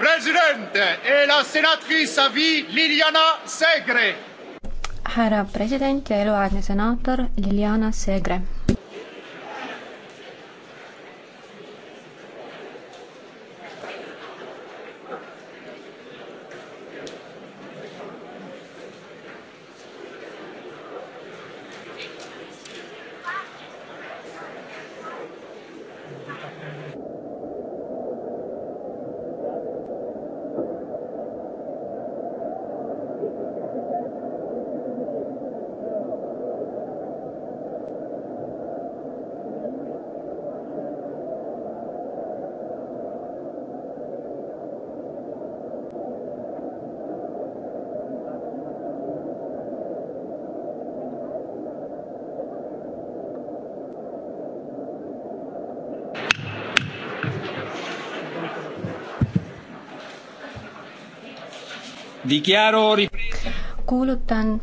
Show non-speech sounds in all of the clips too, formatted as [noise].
E härra president ja eluaegne senaator Liliana Segre. kuulutan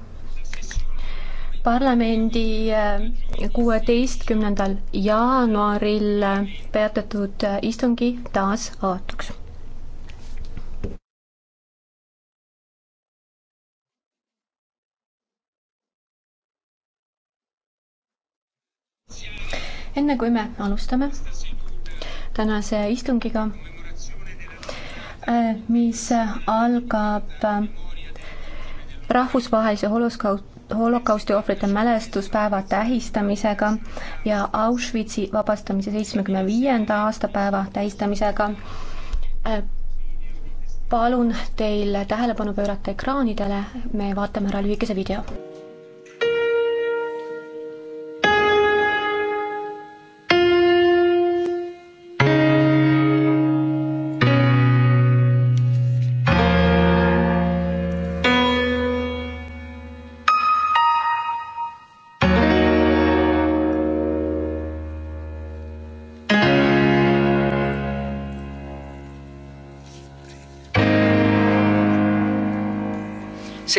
parlamendi eh, kuueteistkümnendal jaanuaril eh, peatatud eh, istungi taas avatuks. enne kui me alustame tänase istungiga, mis algab rahvusvahelise holoskaust holokausti ohvrite mälestuspäeva tähistamisega ja Auschwitzi vabastamise seitsmekümne viienda aastapäeva tähistamisega. palun teil tähelepanu pöörata ekraanidele, me vaatame ära lühikese video.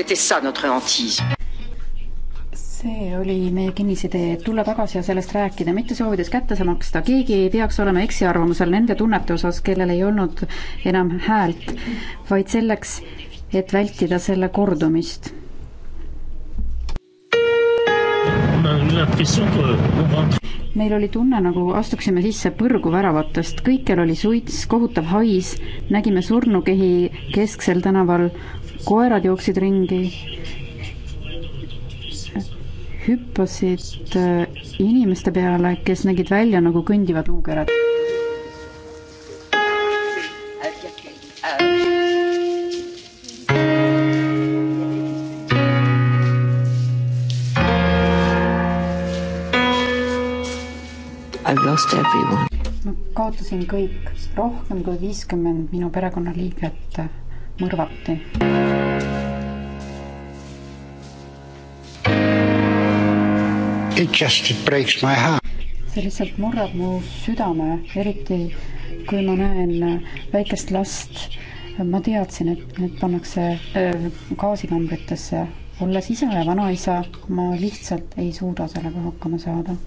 C'était ça notre hantise see oli meie kinnisidee, et tulla tagasi ja sellest rääkida, mitte soovides kätte maksta, keegi ei peaks olema eksiarvamusel nende tunnete osas, kellel ei olnud enam häält, vaid selleks, et vältida selle kordumist. meil oli tunne, nagu astuksime sisse põrgu väravatest, kõikjal oli suits, kohutav hais, nägime surnukehi kesksel tänaval, koerad jooksid ringi, hüppasid äh, inimeste peale, kes nägid välja nagu kõndivad luukerad. ma kaotasin kõik, rohkem kui viiskümmend minu perekonnaliiget mõrvati. It just it breaks my heart. see lihtsalt murrab mu südame, eriti kui ma näen väikest last. ma teadsin, et need pannakse äh, gaasikambritesse. olles isa ja vanaisa, ma lihtsalt ei suuda sellega hakkama saada.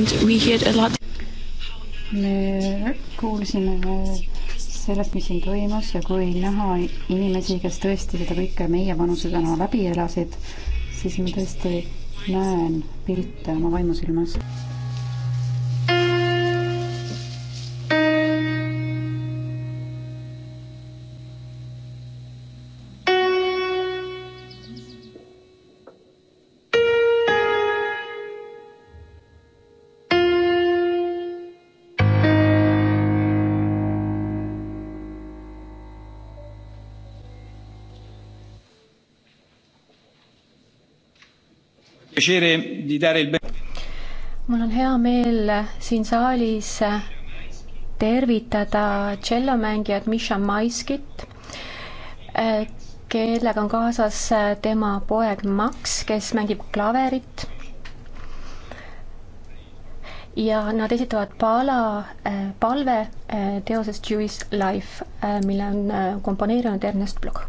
and we heard a lot me kuulsime äh, sellest, mis siin toimus ja kui näha inimesi, kes tõesti seda kõike meie vanusedena läbi elasid, siis ma tõesti näen pilte oma vaimusilmas. mul on hea meel siin saalis tervitada tšellomängijat Miša Maiskit, eh, kellega on kaasas eh, tema poeg Max, kes mängib klaverit. ja nad esitavad pala, eh, palve teoses Jewish Life, mille on komponeerinud Ernest Bloch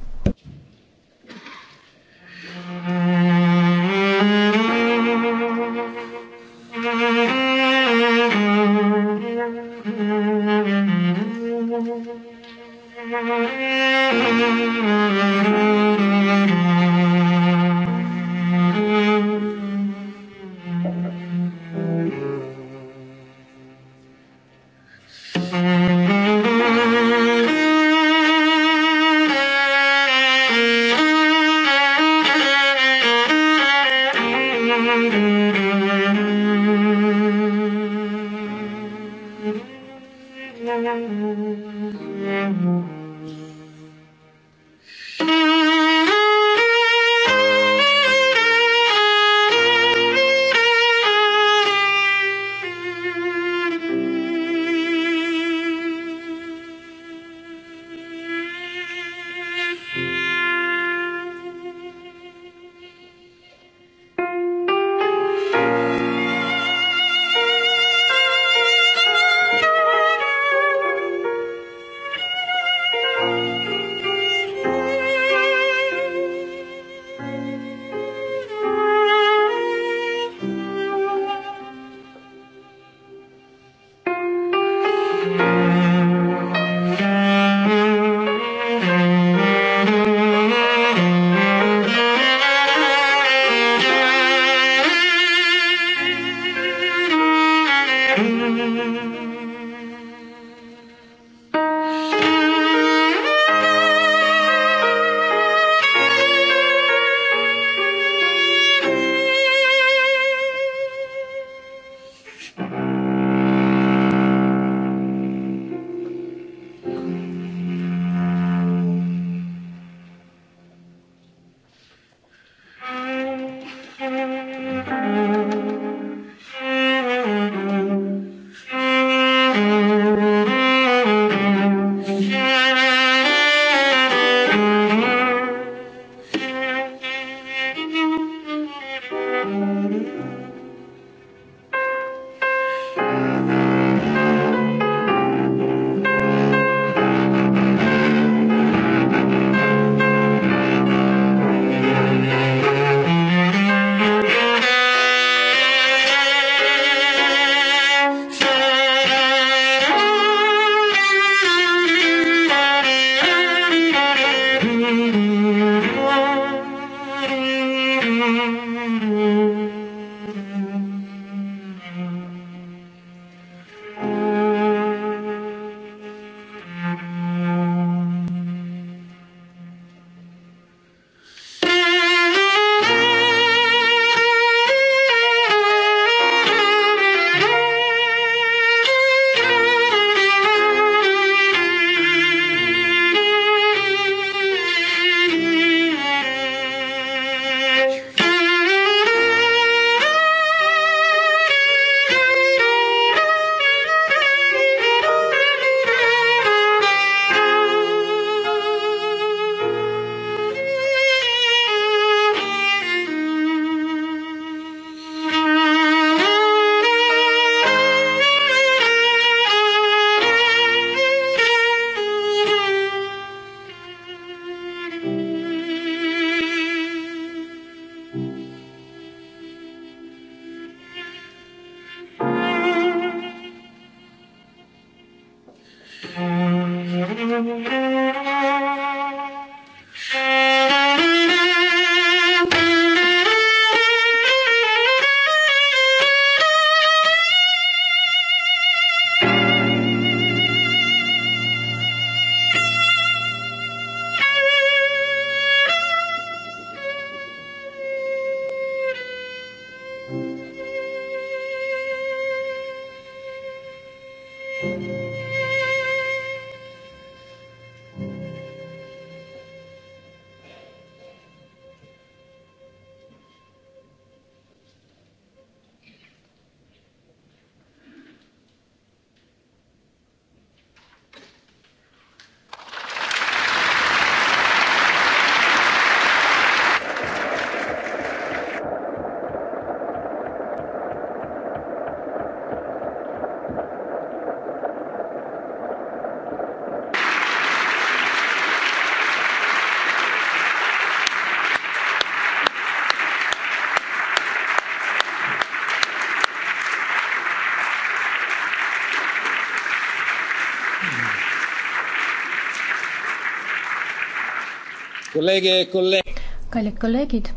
kallid kolleegid,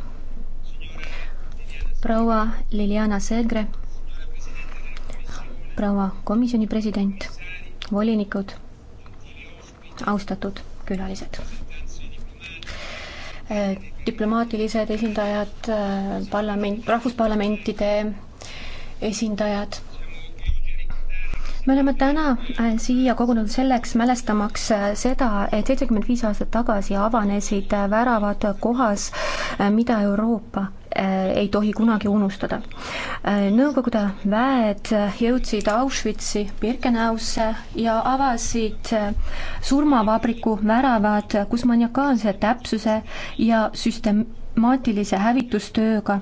proua Liliana Segre, proua komisjoni president, volinikud, austatud külalised äh, diplomaatilised esindajad, äh, parlament, rahvusparlamentide esindajad, me oleme täna äh, siia kogunenud selleks, mälestamaks äh, seda, et seitsekümmend viis aastat tagasi avanesid äh, väravad kohas, mida Euroopa ei tohi kunagi unustada. Nõukogude väed jõudsid Auschwitzi, Birkenausse ja avasid surmavabriku väravad, kus maniakaalse täpsuse ja süstemaatilise hävitustööga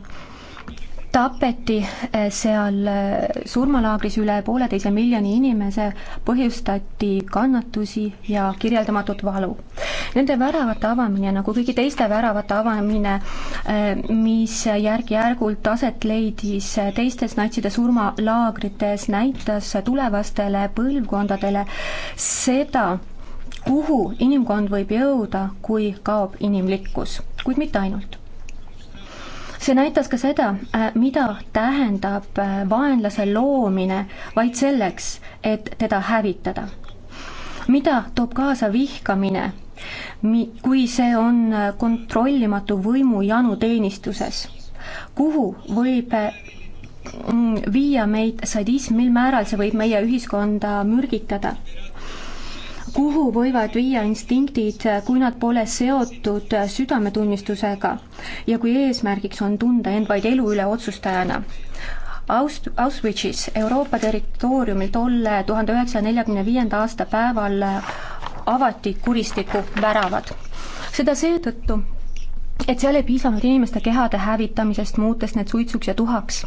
tapeti eh, seal eh, surmalaagris üle pooleteise miljoni inimese, põhjustati kannatusi ja kirjeldamatut valu. Nende väravate avamine, nagu kõigi teiste väravate avamine, eh, mis järk-järgult aset leidis teistes natside surmalaagrites, näitas tulevastele põlvkondadele seda, kuhu inimkond võib jõuda, kui kaob inimlikkus, kuid mitte ainult see näitas ka seda, äh, mida tähendab äh, vaenlase loomine vaid selleks, et teda hävitada. mida toob kaasa vihkamine, kui see on äh, kontrollimatu võimujanu teenistuses? kuhu võib mm, viia meid sadism, mil määral see võib meie ühiskonda mürgitada? kuhu võivad viia instinktid, kui nad pole seotud südametunnistusega ja kui eesmärgiks on tunda end vaid elu üle otsustajana. Aust-, Auschwitzis, Euroopa territooriumil tolle tuhande üheksasaja neljakümne viienda aasta päeval avati kuristiku väravad. seda seetõttu, et seal ei piisanud inimeste kehade hävitamisest, muutes need suitsuks ja tuhaks.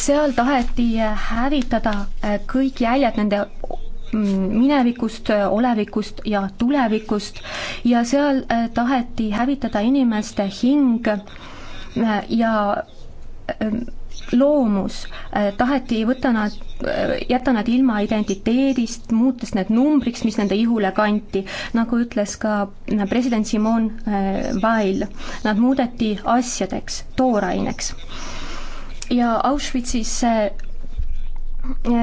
seal taheti hävitada kõik jäljed nende Mm, minevikust, äh, olevikust ja tulevikust ja seal äh, taheti hävitada inimeste hing äh, ja ähm, loomus, taheti võtta nad, jätta nad ilma identiteedist, muutes need numbriks, mis nende ihule kanti, nagu ütles ka president Simon Weil, nad muudeti asjadeks, tooraineks. ja Auschwitzis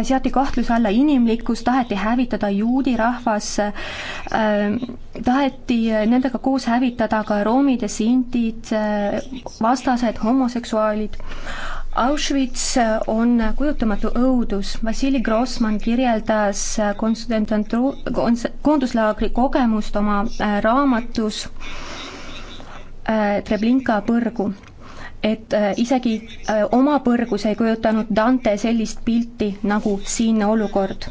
seati kahtluse alla inimlikkus, taheti hävitada juudi rahvas äh,, taheti nendega koos hävitada ka roomid ja sintid äh,, vastased, homoseksuaalid. Auschwitz äh, on kujutamatu õudus, Vassili Grossman kirjeldas äh, konstantantru-, koonduslaagri kogemust oma äh, raamatus äh, Treblinka põrgu et äh, isegi äh, oma põrgus ei kujutanud Dante sellist pilti nagu siinne olukord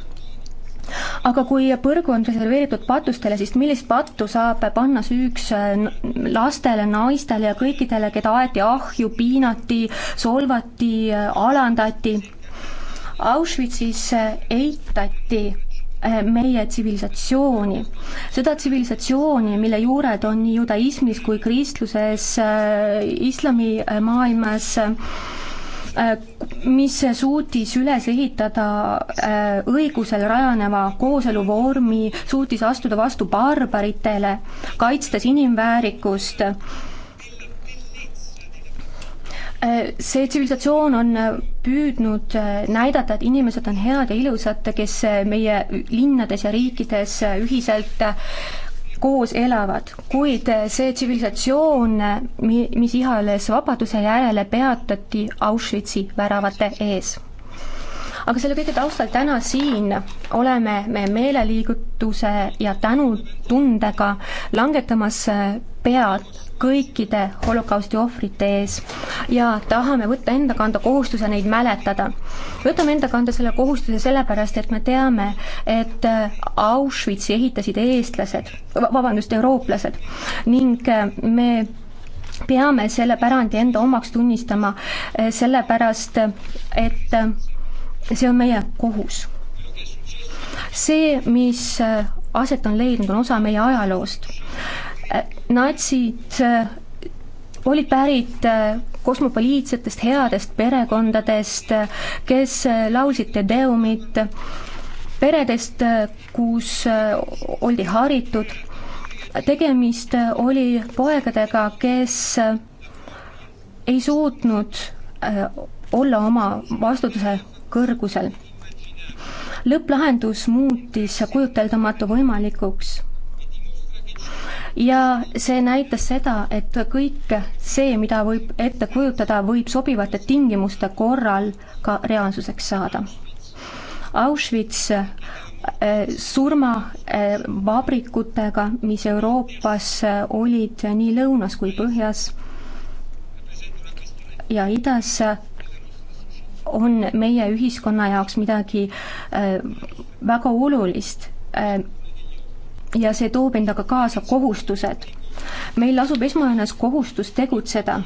aga kui põrgu on reserveeritud patustele, siis millist pattu saab panna süüks äh, lastele, naistele ja kõikidele, keda aeti ahju, piinati, solvati, alandati? Auschwitzis eitati Eh, meie tsivilisatsiooni. seda tsivilisatsiooni, mille juured on nii judaismis kui kristluses, eh, islamimaailmas, eh, mis suutis üles ehitada õigusel rajaneva kooseluvormi, suutis astuda vastu barbaritele, kaitstes inimväärikust Äh, see tsivilisatsioon on äh, püüdnud äh, näidata, et inimesed on head ja ilusad, kes meie linnades ja riikides ühiselt koos elavad, kuid see tsivilisatsioon, mi-, mis ihales vabaduse järele, peatati Auschwitzi väravate ees. aga selle kõige taustal täna siin oleme me meeleliigutuse ja tänutundega langetamas pead kõikide holokausti ohvrite ees ja tahame võtta enda kanda kohustuse neid mäletada. võtame enda kanda selle kohustuse sellepärast, et me teame, et äh, Auschwitzi ehitasid eestlased, vabandust, eurooplased ning äh, me peame selle pärandi enda omaks tunnistama, äh, sellepärast et see on meie kohus. see, mis aset on leidnud, on osa meie ajaloost Äh, natsid äh, olid pärit äh, kosmopoliitsetest headest perekondadest, kes laulsid Te Deumit, peredest, kus oldi haritud. tegemist oli poegadega, kes ei suutnud olla oma vastutuse kõrgusel. lõpplahendus muutis kujuteldamatu võimalikuks ja see näitas seda, et kõik see, mida võib ette kujutada, võib sobivate tingimuste korral ka reaalsuseks saada. Auschwitz äh, surmavabrikutega, äh, mis Euroopas äh, olid nii lõunas kui põhjas ja idas, on meie ühiskonna jaoks midagi väga olulist ja see toob endaga kaasa kohustused. meil lasub esmajoones kohustus tegutseda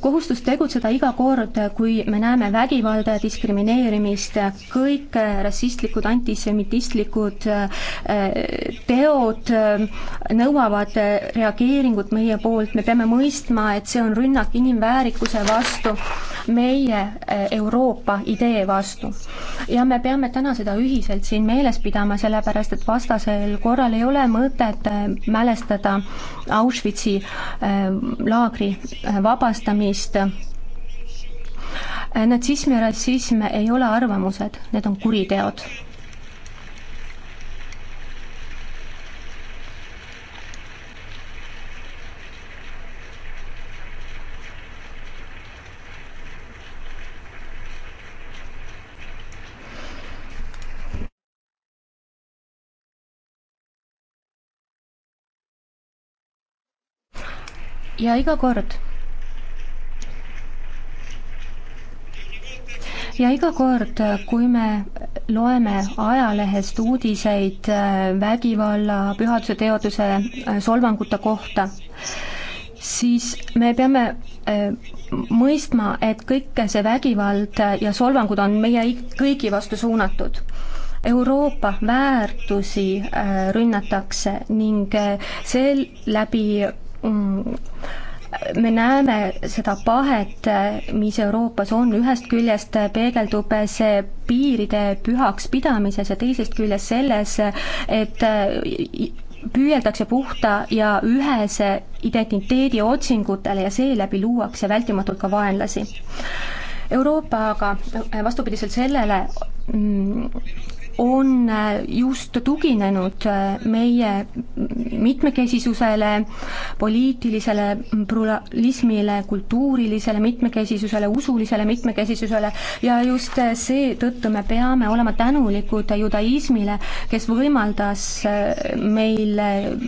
kohustus tegutseda iga kord, kui me näeme vägivalda ja diskrimineerimist, kõik äh, rassistlikud, antisemitistlikud äh, teod äh, nõuavad reageeringut meie poolt, me peame mõistma, et see on rünnak inimväärikuse vastu, meie Euroopa idee vastu. ja me peame täna seda ühiselt siin meeles pidama, sellepärast et vastasel korral ei ole mõtet mälestada Auschwitzi laagri vabastust, sõnastamist. natsism ja rassism ei ole arvamused, need on kuriteod. ja iga kord, ja iga kord, kui me loeme ajalehest uudiseid äh, vägivalla, pühaduse teoduse, äh, solvangute kohta, siis me peame äh, mõistma, et kõik see vägivald ja solvangud on meie kõigi vastu suunatud. Euroopa väärtusi rünnatakse ning seeläbi mm, me näeme seda pahet, mis Euroopas on, ühest küljest peegeldub see piiride pühaks pidamises ja teisest küljest selles, et püüeldakse puhta ja ühese identiteedi otsingutele ja seeläbi luuakse vältimatult ka vaenlasi. Euroopa aga vastupidiselt sellele mm, on äh, just tuginenud äh, meie mitmekesisusele, poliitilisele pluralismile, kultuurilisele mitmekesisusele, usulisele mitmekesisusele ja just äh, seetõttu me peame olema tänulikud judaismile, kes võimaldas meil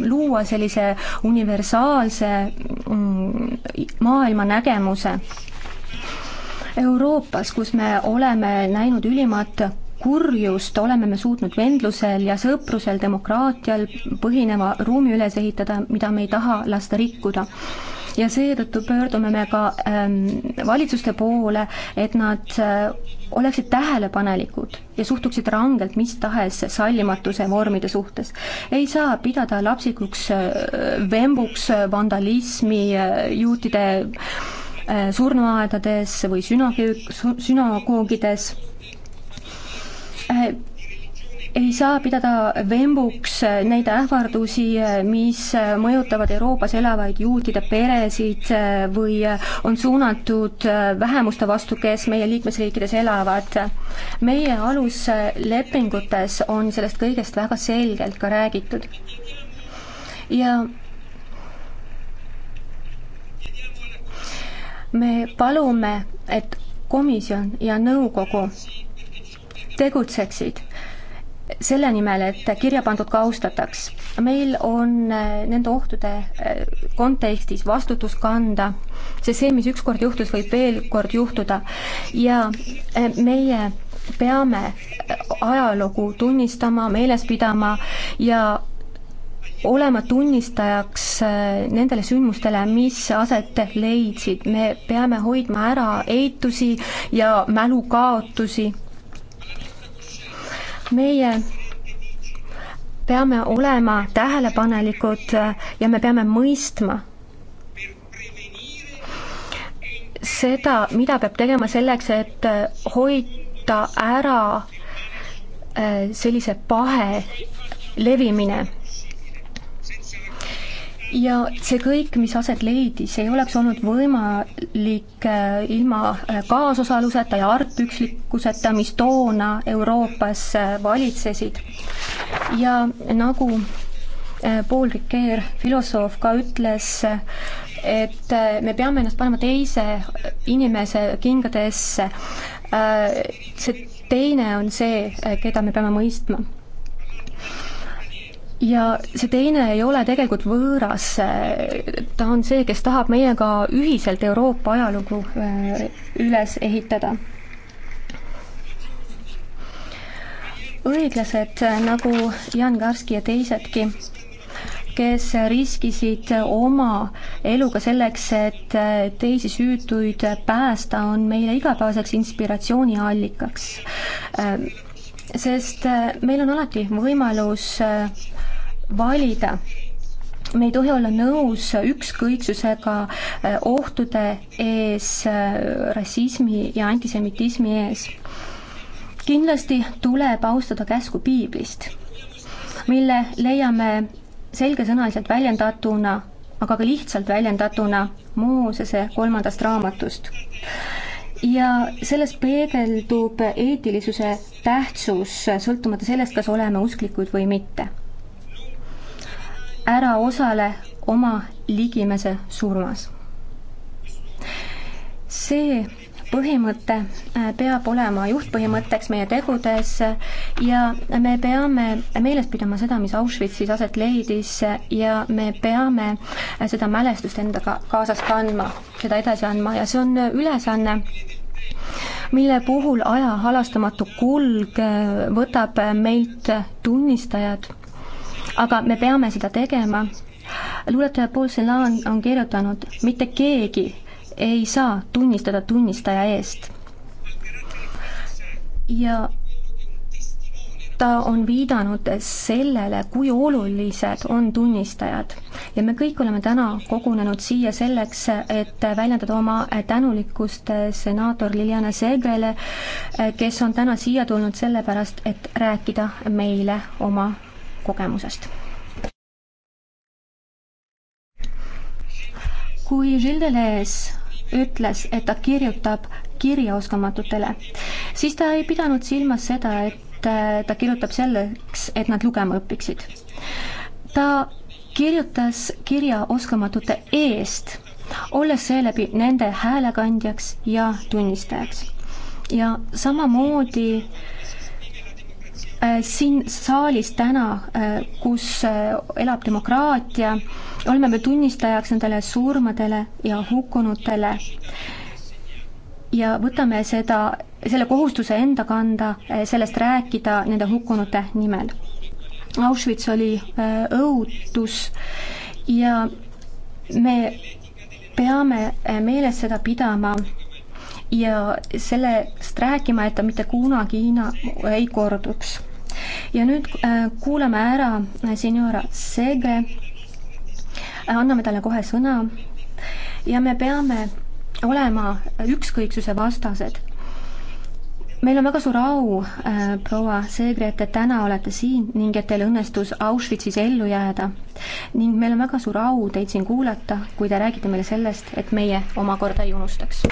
luua sellise universaalse maailmanägemuse Euroopas, kus me oleme näinud ülimat kurjust oleme me suutnud vendlusel ja sõprusel, demokraatial põhineva ruumi üles ehitada, mida me ei taha lasta rikkuda. ja seetõttu pöördume me ka ähm, valitsuste poole, et nad äh, oleksid tähelepanelikud ja suhtuksid rangelt mis tahes sallimatuse vormide suhtes. ei saa pidada lapsikuks äh, vembuks äh, vandalismi äh, juutide äh, surnuaedades või sünagoog, sünagoogides ei saa pidada vembuks neid ähvardusi, mis mõjutavad Euroopas elavaid juutide peresid või on suunatud vähemuste vastu, kes meie liikmesriikides elavad. meie aluslepingutes on sellest kõigest väga selgelt ka räägitud. ja me palume, et komisjon ja nõukogu tegutseksid selle nimel, et kirja pandud ka austataks. meil on äh, nende ohtude äh, kontekstis vastutus kanda, sest see, mis ükskord juhtus, võib veel kord juhtuda ja äh, meie peame ajalugu tunnistama, meeles pidama ja olema tunnistajaks nendele sündmustele, mis aset leidsid, me peame hoidma ära eitusi ja mälukaotusi meie peame olema tähelepanelikud ja me peame mõistma seda, mida peab tegema selleks, et hoida ära äh, sellise pahe levimine ja see kõik, mis aset leidis, ei oleks olnud võimalik äh, ilma äh, kaasosaluseta ja argpükslikkuseta, mis toona Euroopas äh, valitsesid. ja nagu Paul Ricoeur, filosoof, ka ütles, et me peame ennast panema teise inimese kingadesse. see teine on see, keda me peame mõistma ja see teine ei ole tegelikult võõras, ta on see, kes tahab meiega ühiselt Euroopa ajalugu äh, üles ehitada. õiglased äh, nagu Jan Karski ja teisedki, kes riskisid oma eluga selleks, et äh, teisi süütuid päästa, on meile igapäevaseks inspiratsiooniallikaks sest äh, meil on alati võimalus äh, valida. me ei tohi olla nõus ükskõiksusega äh, ohtude ees, rassismi ja antisemitismi ees. kindlasti tuleb austada käsku piiblist, mille leiame selgesõnaliselt väljendatuna, aga ka lihtsalt väljendatuna Moosese kolmandast raamatust ja selles peegeldub eetilisuse tähtsus, sõltumata sellest, kas oleme usklikud või mitte. ära osale oma ligimese surmas. see põhimõte äh, peab olema juhtpõhimõtteks meie tegudes ja me peame meeles pidama seda, mis Auschwitzis aset leidis ja me peame äh, seda mälestust endaga kaasas kandma, seda edasi andma ja see on ülesanne, mille puhul aja halastamatu kulg äh, võtab meilt tunnistajad, aga me peame seda tegema. luuletaja Paul Celan on kirjutanud, mitte keegi ei saa tunnistada tunnistaja eest. ja ta on viidanud sellele, kui olulised on tunnistajad. ja me kõik oleme täna kogunenud siia selleks, et väljendada oma tänulikkust senaator Liliana Segrele, kes on täna siia tulnud sellepärast, et rääkida meile oma kogemusest. kui Gilles Deleuze ütles, et ta kirjutab kirjaoskamatutele, siis ta ei pidanud silmas seda, et äh, ta kirjutab selleks, et nad lugema õpiksid. ta kirjutas kirja oskamatute eest, olles seeläbi nende häälekandjaks ja tunnistajaks. ja samamoodi äh, Äh, siin saalis täna, äh, kus äh, elab demokraatia, oleme me tunnistajaks nendele surmadele ja hukkunutele ja võtame seda, selle kohustuse enda kanda, sellest rääkida nende hukkunute nimel. Auschwitz oli õudus ja me peame meeles seda pidama ja sellest rääkima, et ta mitte kunagi Hiina ei korduks ja nüüd äh, kuulame ära äh, senior Seege, anname talle kohe sõna ja me peame olema ükskõiksuse vastased meil on väga suur au äh,, proua Seegre, et te täna olete siin ning et teil õnnestus Auschwitzis ellu jääda. ning meil on väga suur au teid siin kuulata, kui te räägite meile sellest, et meie omakorda ei unustaks.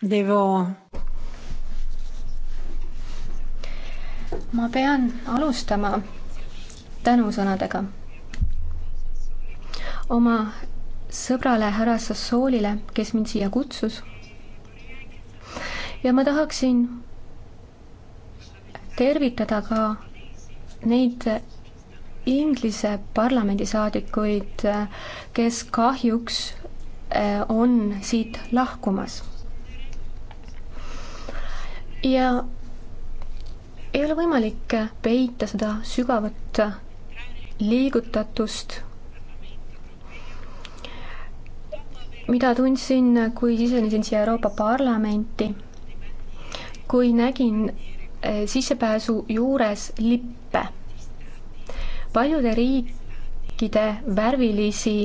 Devo. ma pean alustama tänusõnadega oma sõbrale härra Sassoolile, kes mind siia kutsus. ja ma tahaksin tervitada ka neid Inglise parlamendisaadikuid, kes kahjuks eh, on siit lahkumas ja ei ole võimalik peita seda sügavat liigutatust, mida tundsin, kui sisenesin siia Euroopa Parlamenti, kui nägin eh, sissepääsu juures lippe, paljude riikide värvilisi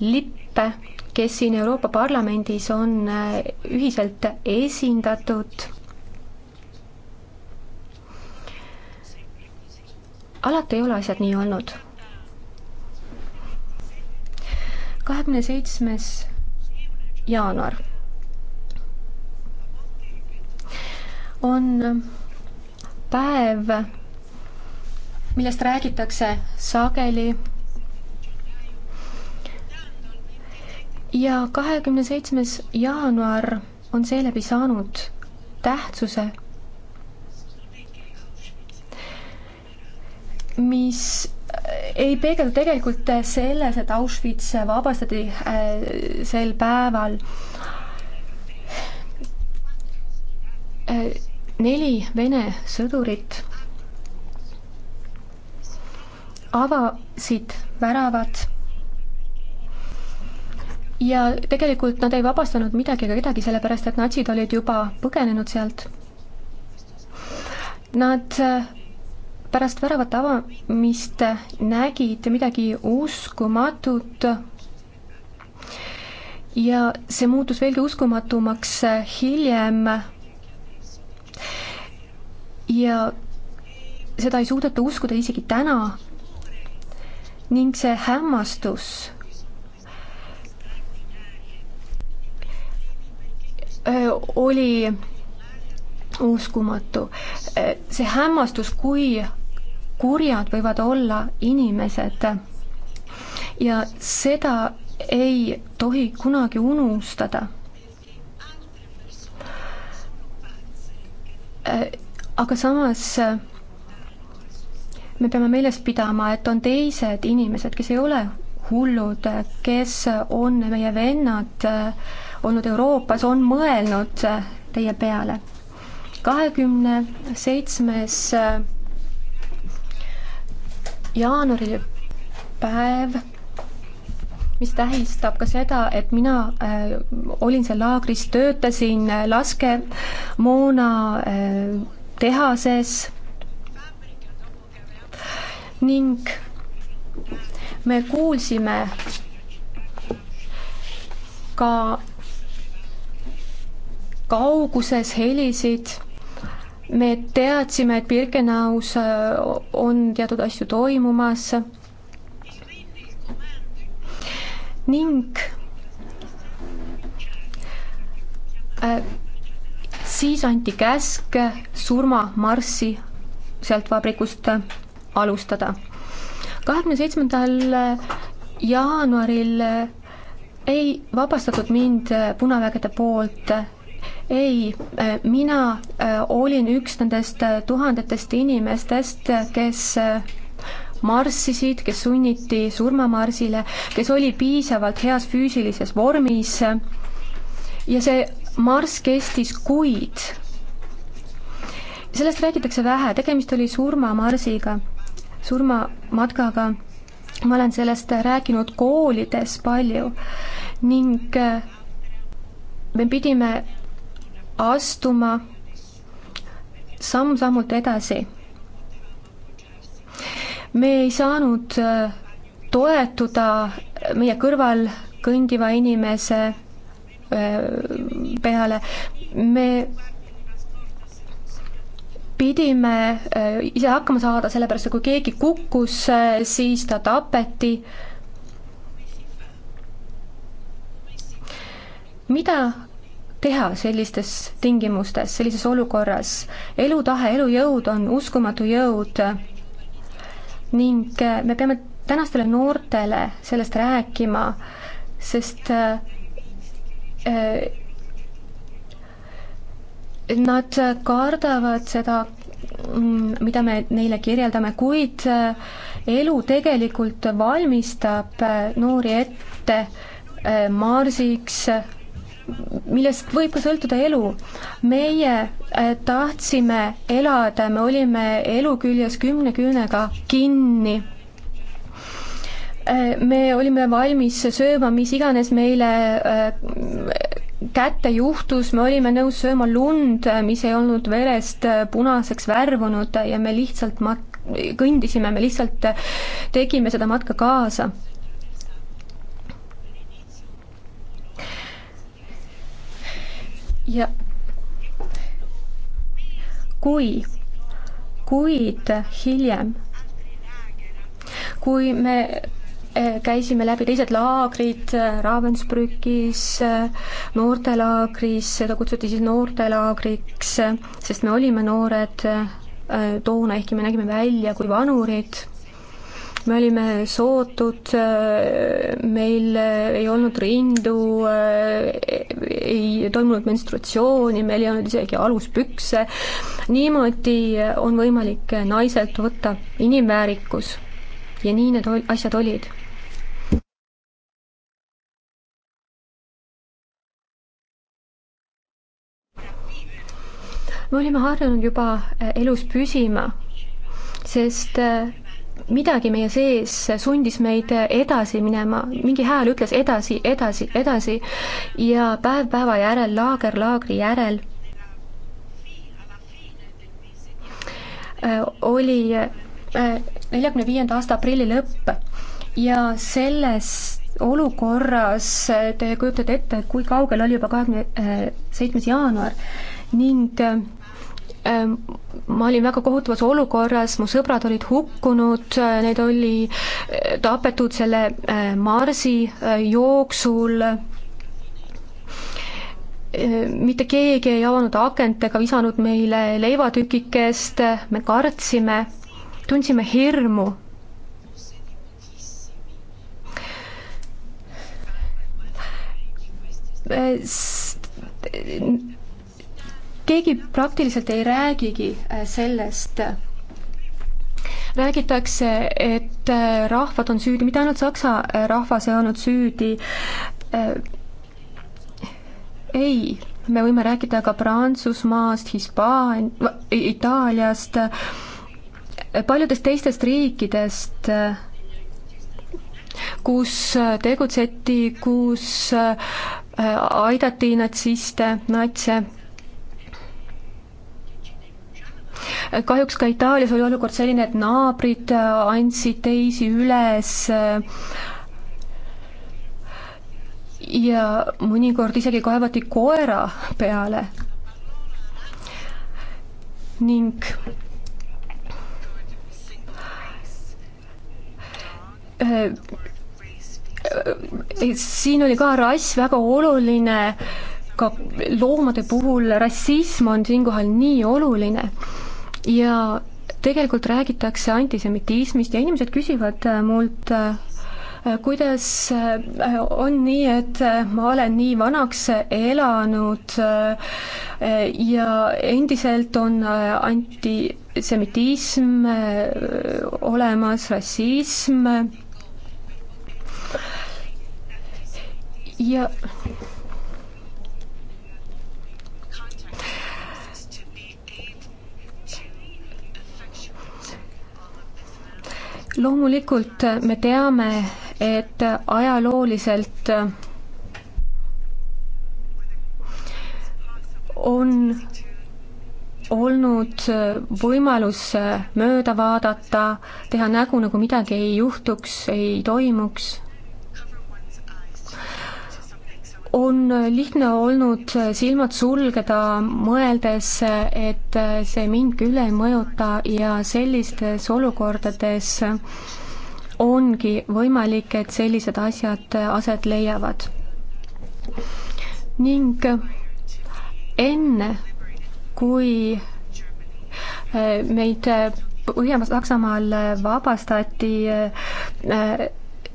lippe, kes siin Euroopa Parlamendis on eh, ühiselt esindatud alati ei ole asjad nii olnud. kahekümne seitsmes jaanuar on päev, millest räägitakse sageli ja kahekümne seitsmes jaanuar on seeläbi saanud tähtsuse mis äh, ei peegeldu tegelikult selles, et Auschwitz vabastati äh, sel päeval äh, neli Vene sõdurit avasid väravad ja tegelikult nad ei vabastanud midagi ega kedagi, sellepärast et natsid olid juba põgenenud sealt. Nad pärast väravate avamist nägid midagi uskumatut ja see muutus veelgi uskumatumaks hiljem. ja seda ei suudeta uskuda isegi täna. ning see hämmastus oli uskumatu. see hämmastus, kui kurjad võivad olla inimesed ja seda ei tohi kunagi unustada. Äh, aga samas äh, me peame meeles pidama, et on teised inimesed, kes ei ole hullud, äh, kes on meie vennad olnud Euroopas, on mõelnud teie peale. kahekümne seitsmes jaanuaripäev, mis tähistab ka seda, et mina äh, olin seal laagris, töötasin äh, laskemoona äh, tehases ning me kuulsime ka kauguses helisid me teadsime, et Birkenaus äh, on teatud asju toimumas ning äh, siis anti käsk surmamarssi sealt vabrikust äh, alustada. kahekümne seitsmendal jaanuaril ei vabastatud mind punavägede poolt ei, äh, mina äh, olin üks nendest äh, tuhandetest inimestest, kes marssisid, kes sunniti surmamarsile, kes oli piisavalt heas füüsilises vormis ja see marss kestis kuid. sellest räägitakse vähe, tegemist oli surmamarsiga, surmamatkaga, ma olen sellest rääkinud koolides palju ning me pidime astuma samm-sammult edasi. me ei saanud äh, toetuda meie kõrval kõndiva inimese äh, peale, me pidime äh, ise hakkama saada, sellepärast et kui keegi kukkus, siis ta tapeti. mida teha sellistes tingimustes, sellises olukorras. elutahe, elujõud on uskumatu jõud ning äh, me peame tänastele noortele sellest rääkima, sest äh, äh, nad kardavad seda, mm, mida me neile kirjeldame, kuid elu tegelikult valmistab noori ette Marsiks, millest võib ka sõltuda elu. meie äh, tahtsime elada, me olime elu küljes kümne küünega kinni. Äh, me olime valmis sööma mis iganes meile äh, kätte juhtus, me olime nõus sööma lund, mis ei olnud verest punaseks värvunud ja me lihtsalt mat-, kõndisime, me lihtsalt tegime seda matka kaasa ja kui kuid hiljem, kui me eh, käisime läbi teised laagrid eh, Ravensbrückis, eh, noortelaagris, seda kutsuti siis noortelaagriks, sest me olime noored toona, ehkki me nägime välja kui vanurid me olime sootud, äh, meil äh, ei olnud rindu, äh, ei toimunud menstruatsiooni, meil ei olnud isegi aluspükse, niimoodi on võimalik naiselt võtta inimväärikus ja nii need ol-, asjad olid me olime harjunud juba elus püsima, sest midagi meie sees sundis meid edasi minema, mingi hääl ütles edasi, edasi, edasi ja päev päeva järel, laager laagri järel äh, oli äh, neljakümne viienda aasta aprilli lõpp ja selles olukorras äh, te kujutate ette, kui kaugel oli juba kahekümne seitsmes jaanuar ning Ehm, ma olin väga kohutavas olukorras, mu sõbrad olid hukkunud, eh, neid oli eh, tapetud selle eh, marsi jooksul, ehm, mitte keegi ei avanud akent ega visanud meile leivatükikest, me kartsime, tundsime hirmu. S keegi praktiliselt ei räägigi äh, sellest. räägitakse, et äh, rahvad on süüdi, mitte ainult saksa äh, rahvas ei olnud süüdi, ei, me võime rääkida ka Prantsusmaast, Hispaan-, Itaaliast, paljudest teistest riikidest, kus tegutseti, kus aidati natsiste, natse kahjuks ka Itaalias oli olukord selline, et naabrid äh, andsid teisi üles äh, ja mõnikord isegi kaevati koera peale. ning äh, siin oli ka rass väga oluline, ka loomade puhul rassism on siinkohal nii oluline ja tegelikult räägitakse antisemitismist ja inimesed küsivad äh, mult, äh, kuidas äh, on nii, et ma olen nii vanaks elanud ja endiselt on antisemitism olemas, rassism ja loomulikult me teame, et ajalooliselt on olnud võimalus mööda vaadata, teha nägu, nagu midagi ei juhtuks, ei toimuks on lihtne olnud silmad sulgeda, mõeldes, et see mind küll ei mõjuta ja sellistes olukordades ongi võimalik, et sellised asjad aset leiavad. ning enne, kui meid Põhja-Saksamaal vabastati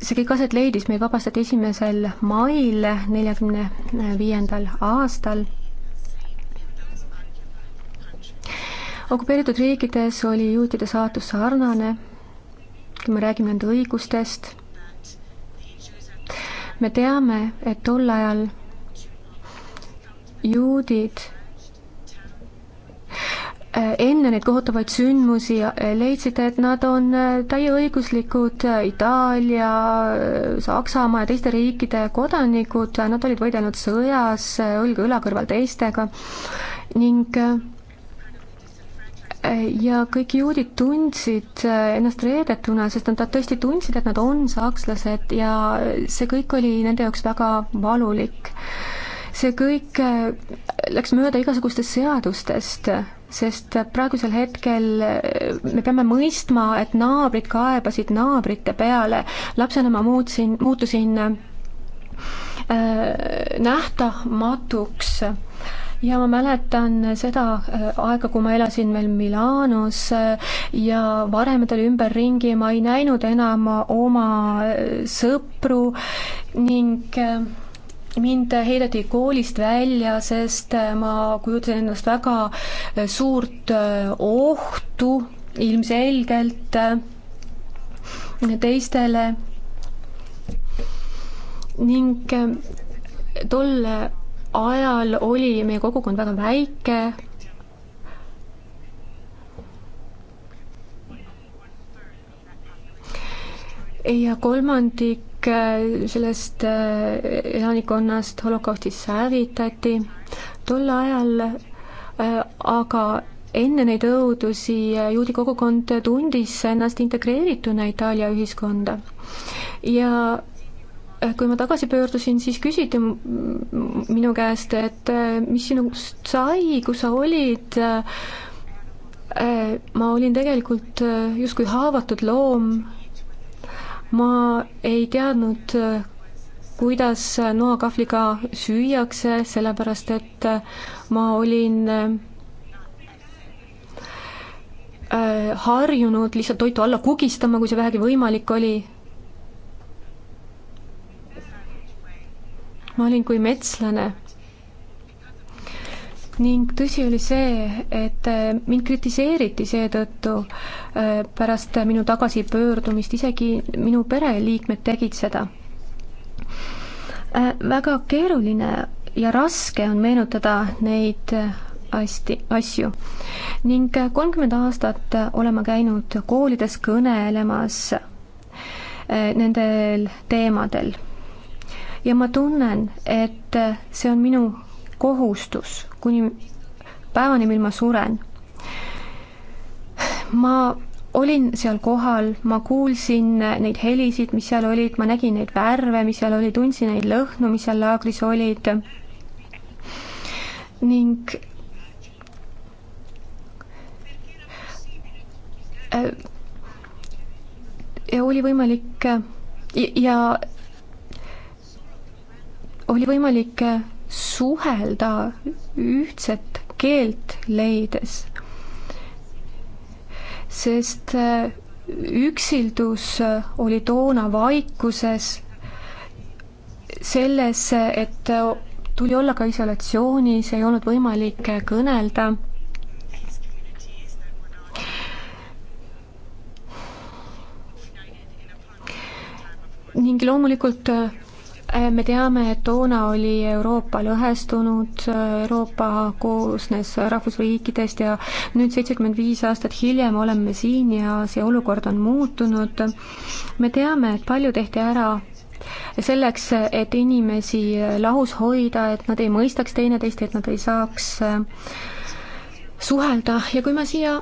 see kõik aset leidis, meid vabastati esimesel mail neljakümne viiendal aastal. okupeeritud riikides oli juutide saatus sarnane, kui me räägime nende õigustest, me teame, et tol ajal juudid Äh, enne neid kohutavaid sündmusi äh, leidsite, et nad on äh, täieõiguslikud Itaalia, Saksamaa ja teiste riikide kodanikud, nad olid võidelnud sõjas õlg õla kõrval teistega ning ja kõik juudid tundsid ennast reedetuna, sest nad tõesti tundsid, et nad on sakslased ja see kõik oli nende jaoks väga valulik. see kõik läks mööda igasugustest seadustest sest praegusel hetkel me peame mõistma, et naabrid kaebasid naabrite peale, lapsena ma muutsin, muutusin äh, nähtamatuks ja ma mäletan seda äh, aega, kui ma elasin veel Milanos äh, ja varemedel ümberringi ma ei näinud enam oma äh, sõpru ning äh, mind heideti koolist välja, sest äh, ma kujutasin endast väga äh, suurt äh, ohtu ilmselgelt teistele ning tol ajal oli meie kogukond väga väike ja kolmandik Äh, sellest äh, elanikkonnast holokaustis sääritati tol ajal, äh, aga enne neid õudusi juudi kogukond tundis ennast integreerituna Itaalia ühiskonda. ja kui ma tagasi pöördusin, siis küsiti minu käest, et mis sinust sai, kus sa olid, ma olin tegelikult justkui haavatud loom ma ei teadnud, kuidas noakahvliga süüakse, sellepärast et ma olin äh, harjunud lihtsalt toitu alla kugistama, kui see vähegi võimalik oli. ma olin kui metslane ning tõsi oli see, et äh, mind kritiseeriti seetõttu äh, pärast minu tagasipöördumist, isegi minu pereliikmed tegid seda. Äh, väga keeruline ja raske on meenutada neid hästi, asju. ning kolmkümmend aastat olema käinud koolides kõnelemas nendel teemadel. ja ma tunnen, et see on minu kohustus kuni päevani, mil ma suren. ma olin seal kohal, ma kuulsin neid helisid, mis seal olid, ma nägin neid värve, mis seal oli, tundsin neid lõhnu, mis seal laagris olid ning äh, ja oli võimalik ja oli võimalik suhelda ühtset keelt leides. sest äh, üksildus äh, oli toona vaikuses, selles, et äh, tuli olla ka isolatsioonis, ei olnud võimalik kõnelda ning loomulikult Äh, me teame, et toona oli Euroopa lõhestunud, äh, Euroopa koosnes rahvusriikidest ja nüüd seitsekümmend viis aastat hiljem oleme siin ja see olukord on muutunud. me teame, et palju tehti ära selleks, et inimesi lahus hoida, et nad ei mõistaks teineteist, et nad ei saaks äh, suhelda ja kui ma siia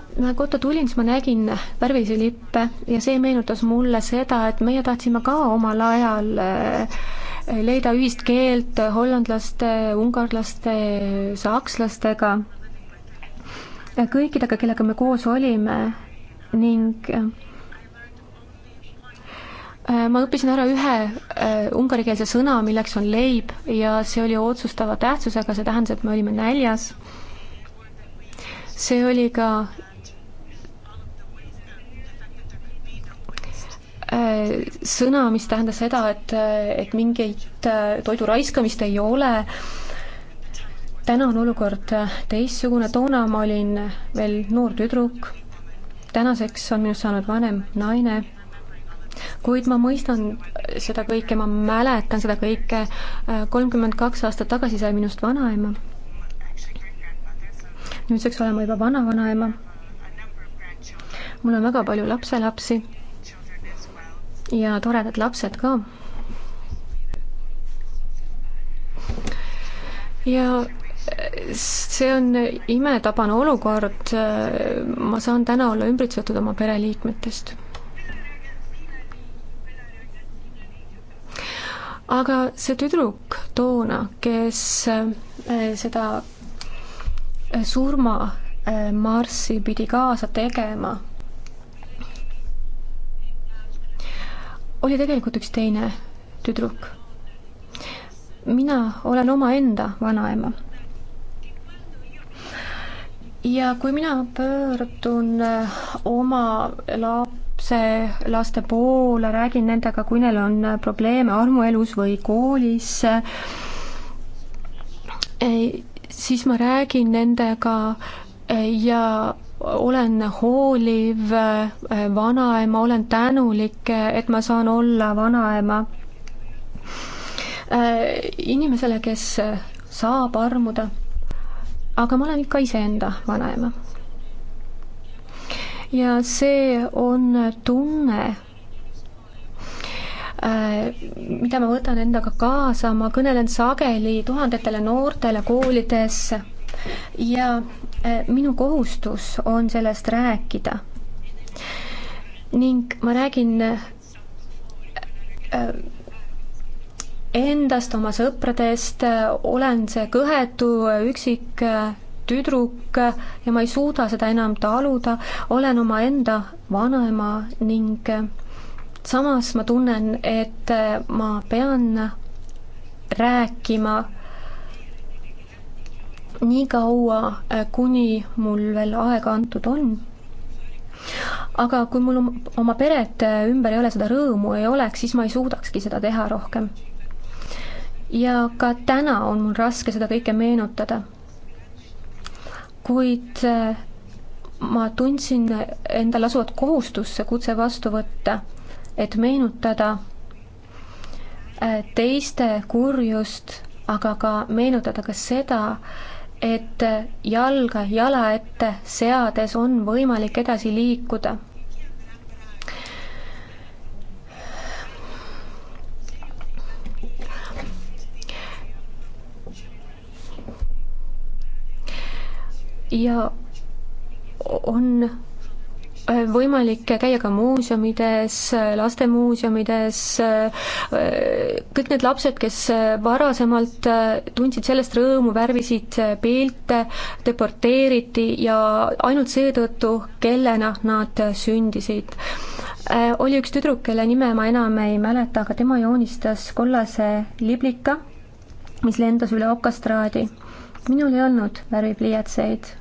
kotta tulin, siis ma nägin värvilisi lippe ja see meenutas mulle seda, et meie tahtsime ka omal ajal äh, leida ühist keelt hollandlaste, ungarlaste, sakslastega, kõikidega, kellega me koos olime ning äh, ma õppisin ära ühe äh, ungarikeelse sõna, milleks on leib ja see oli otsustava tähtsusega, see tähendas, et me olime näljas. see oli ka Äh, sõna, mis tähendas seda, et, äh, et mingit äh, toidu raiskamist ei ole. täna on olukord teistsugune, toona ma olin veel noor tüdruk, tänaseks on minust saanud vanem naine, kuid ma mõistan seda kõike, ma mäletan seda kõike, kolmkümmend kaks aastat tagasi sai minust vanaema. nüüdseks olen ma juba vana-vanaema. mul on väga palju lapselapsi ja toredad lapsed ka. ja see on imetabane olukord, ma saan täna olla ümbritsetud oma pereliikmetest. aga see tüdruk toona, kes eh, seda surmamarsi eh, pidi kaasa tegema oli tegelikult üks teine tüdruk. mina olen omaenda vanaema ja kui mina pöördun äh, oma lapse, laste poole, räägin nendega, kui neil on äh, probleeme armuelus või koolis, äh, siis ma räägin nendega ja olen hooliv eh, vanaema, olen tänulik, eh, et ma saan olla vanaema eh, inimesele, kes saab armuda, aga ma olen ikka iseenda vanaema. ja see on tunne, mida ma võtan endaga kaasa, ma kõnelen sageli tuhandetele noortele koolides ja äh, minu kohustus on sellest rääkida. ning ma räägin äh, äh, endast, oma sõpradest, olen see kõhetu üksik tüdruk ja ma ei suuda seda enam taluda, olen omaenda vanaema ning samas ma tunnen, et ma pean rääkima nii kaua, äh, kuni mul veel aega antud on. aga kui mul oma peret äh, ümber ei ole, seda rõõmu ei oleks, siis ma ei suudakski seda teha rohkem. ja ka täna on mul raske seda kõike meenutada. kuid äh, ma tundsin endal asuvat kohustust see kutse vastu võtta, et meenutada teiste kurjust, aga ka meenutada ka seda, et jalga jala ette seades on võimalik edasi liikuda. ja on Äh, võimalik käia ka muuseumides, lastemuuseumides, äh, kõik need lapsed, kes äh, varasemalt tundsid sellest rõõmu, värvisid pilte, deporteeriti ja ainult seetõttu, kellena nad sündisid. oli üks tüdruk, kelle nime ma enam ei mäleta, aga tema joonistas kollase liblika, mis lendas üle okastraadi. minul ei olnud värvipliiatseid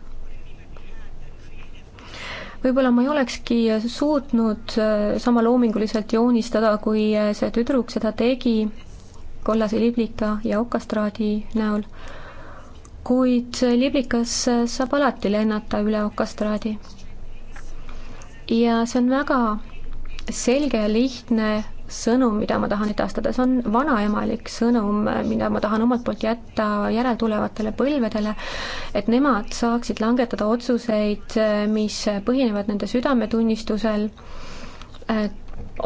võib-olla ma ei olekski suutnud äh, sama loominguliselt joonistada, kui äh, see tüdruk seda tegi kollase liblika ja okastraadi näol, kuid äh, liblikas saab alati lennata üle okastraadi. ja see on väga selge ja lihtne sõnum, mida ma tahan edastada, see on vanaemalik sõnum, mida ma tahan omalt poolt jätta järeltulevatele põlvedele, et nemad saaksid langetada otsuseid, mis põhinevad nende südametunnistusel,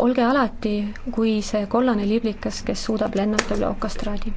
olge alati kui see kollane liblikas, kes suudab lennata üle okastraadi.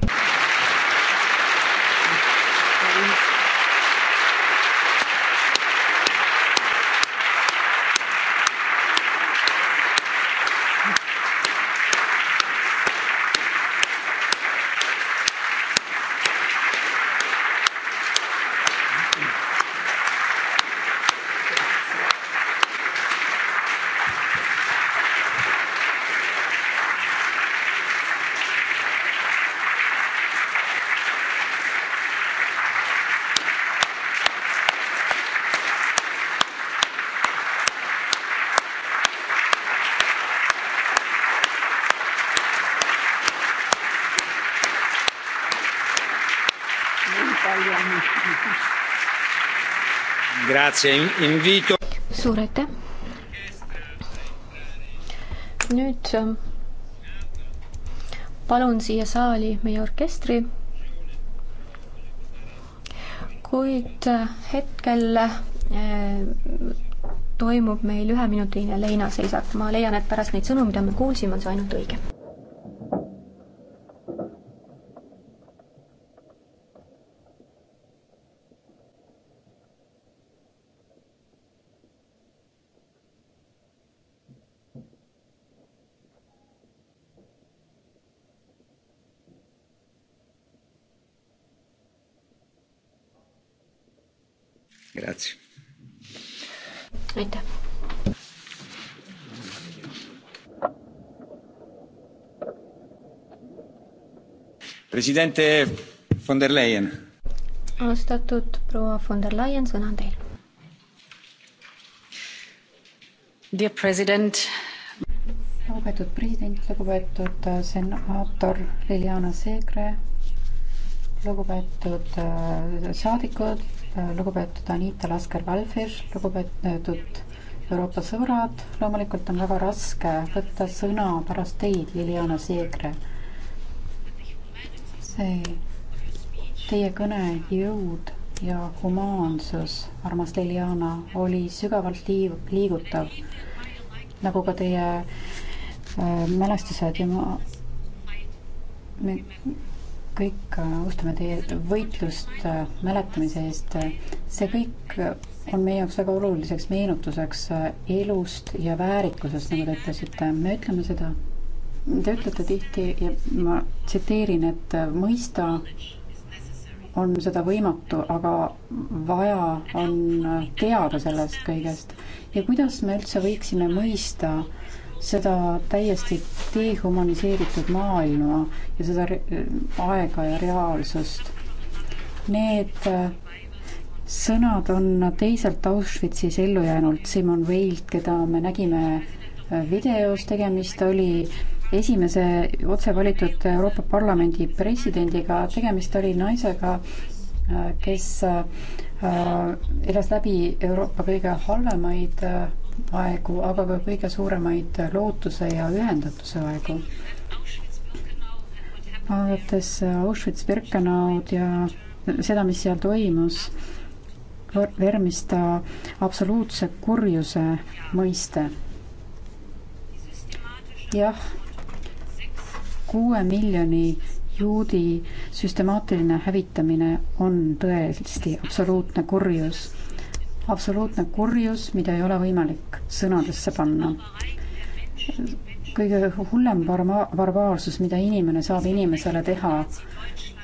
suur aitäh. nüüd ähm, palun siia saali meie orkestri. kuid äh, hetkel äh, toimub meil üheminutiline leinaseisak, ma leian, et pärast neid sõnu, mida me kuulsime, on see ainult õige. Grazie. aitäh. president von der Leyen. austatud proua von der Leyen, sõna on teil. Dear president. lugupeetud president, lugupeetud senaator Liliana Seegre, lugupeetud äh, saadikud lugupeetud Anita Lasker-Valfirš, lugupeetud Euroopa sõbrad, loomulikult on väga raske võtta sõna pärast teid, Liliana Seegre. see teie kõne jõud ja humaansus, armas Liliana, oli sügavalt liiv-, liigutav, nagu ka teie äh, mälestused ja ma me, kõik austame äh, teie võitlust äh, mäletamise eest. see kõik on meie jaoks väga oluliseks meenutuseks äh, elust ja väärikusest, nagu te ütlesite. me ütleme seda, te ütlete tihti ja ma tsiteerin, et mõista on seda võimatu, aga vaja on teada sellest kõigest ja kuidas me üldse võiksime mõista äh, seda täiesti dehumaniseeritud maailma ja seda aega ja reaalsust. Need äh, sõnad on teiselt Auschwitzis ellu jäänult Simon Veilt, keda me nägime äh, videos, tegemist oli esimese otsevalitud Euroopa Parlamendi presidendiga, tegemist oli naisega, äh, kes elas läbi Euroopa kõige halvemaid aegu, aga ka kõige suuremaid lootuse ja ühendatuse aegu. vaadates Auschwitz-Birkenaud ja seda, mis seal toimus, vermista absoluutse kurjuse mõiste. jah, kuue miljoni juudi süstemaatiline hävitamine on tõesti absoluutne kurjus absoluutne kurjus, mida ei ole võimalik sõnadesse panna. kõige hullem barba-, barbaarsus, mida inimene saab inimesele teha,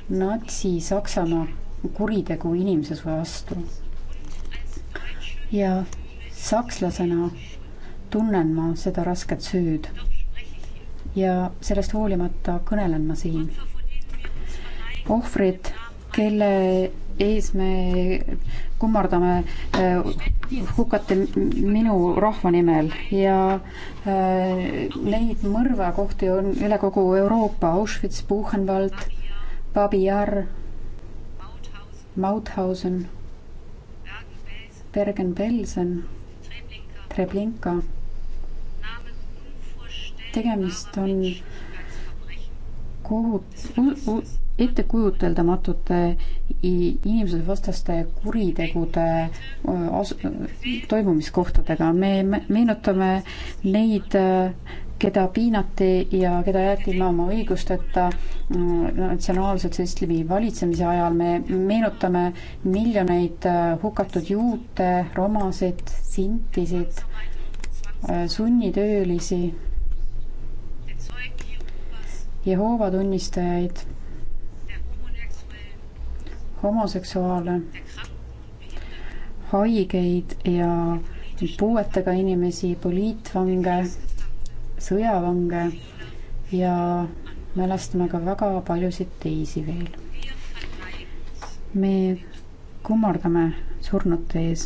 Natsi-Saksamaa kuritegu inimsuse vastu. ja sakslasena tunnen ma seda rasket süüd. ja sellest hoolimata kõnelen ma siin. ohvrid, kelle ees me kummardame eh, hukate minu rahva nimel ja eh, neid mõrvakohti on üle kogu Euroopa, Auschwitz, Buchenwald, Babi Jar, Mauthausen, Bergen-Belsen, Treblinka. tegemist on kohut-, ettekujuteldamatute inimesed vastaste kuritegude as-, toimumiskohtadega. me meenutame neid, keda piinati ja keda jäeti ilma oma õigusteta natsionaalsotsialismi valitsemise ajal. me meenutame miljoneid hukatud juute, romasid, sintisid, sunnitöölisi, Jehoova tunnistajaid homoseksuaale, haigeid ja puuetega inimesi, poliitvange, sõjavange ja mälestame ka väga paljusid teisi veel. me kummardame surnute ees.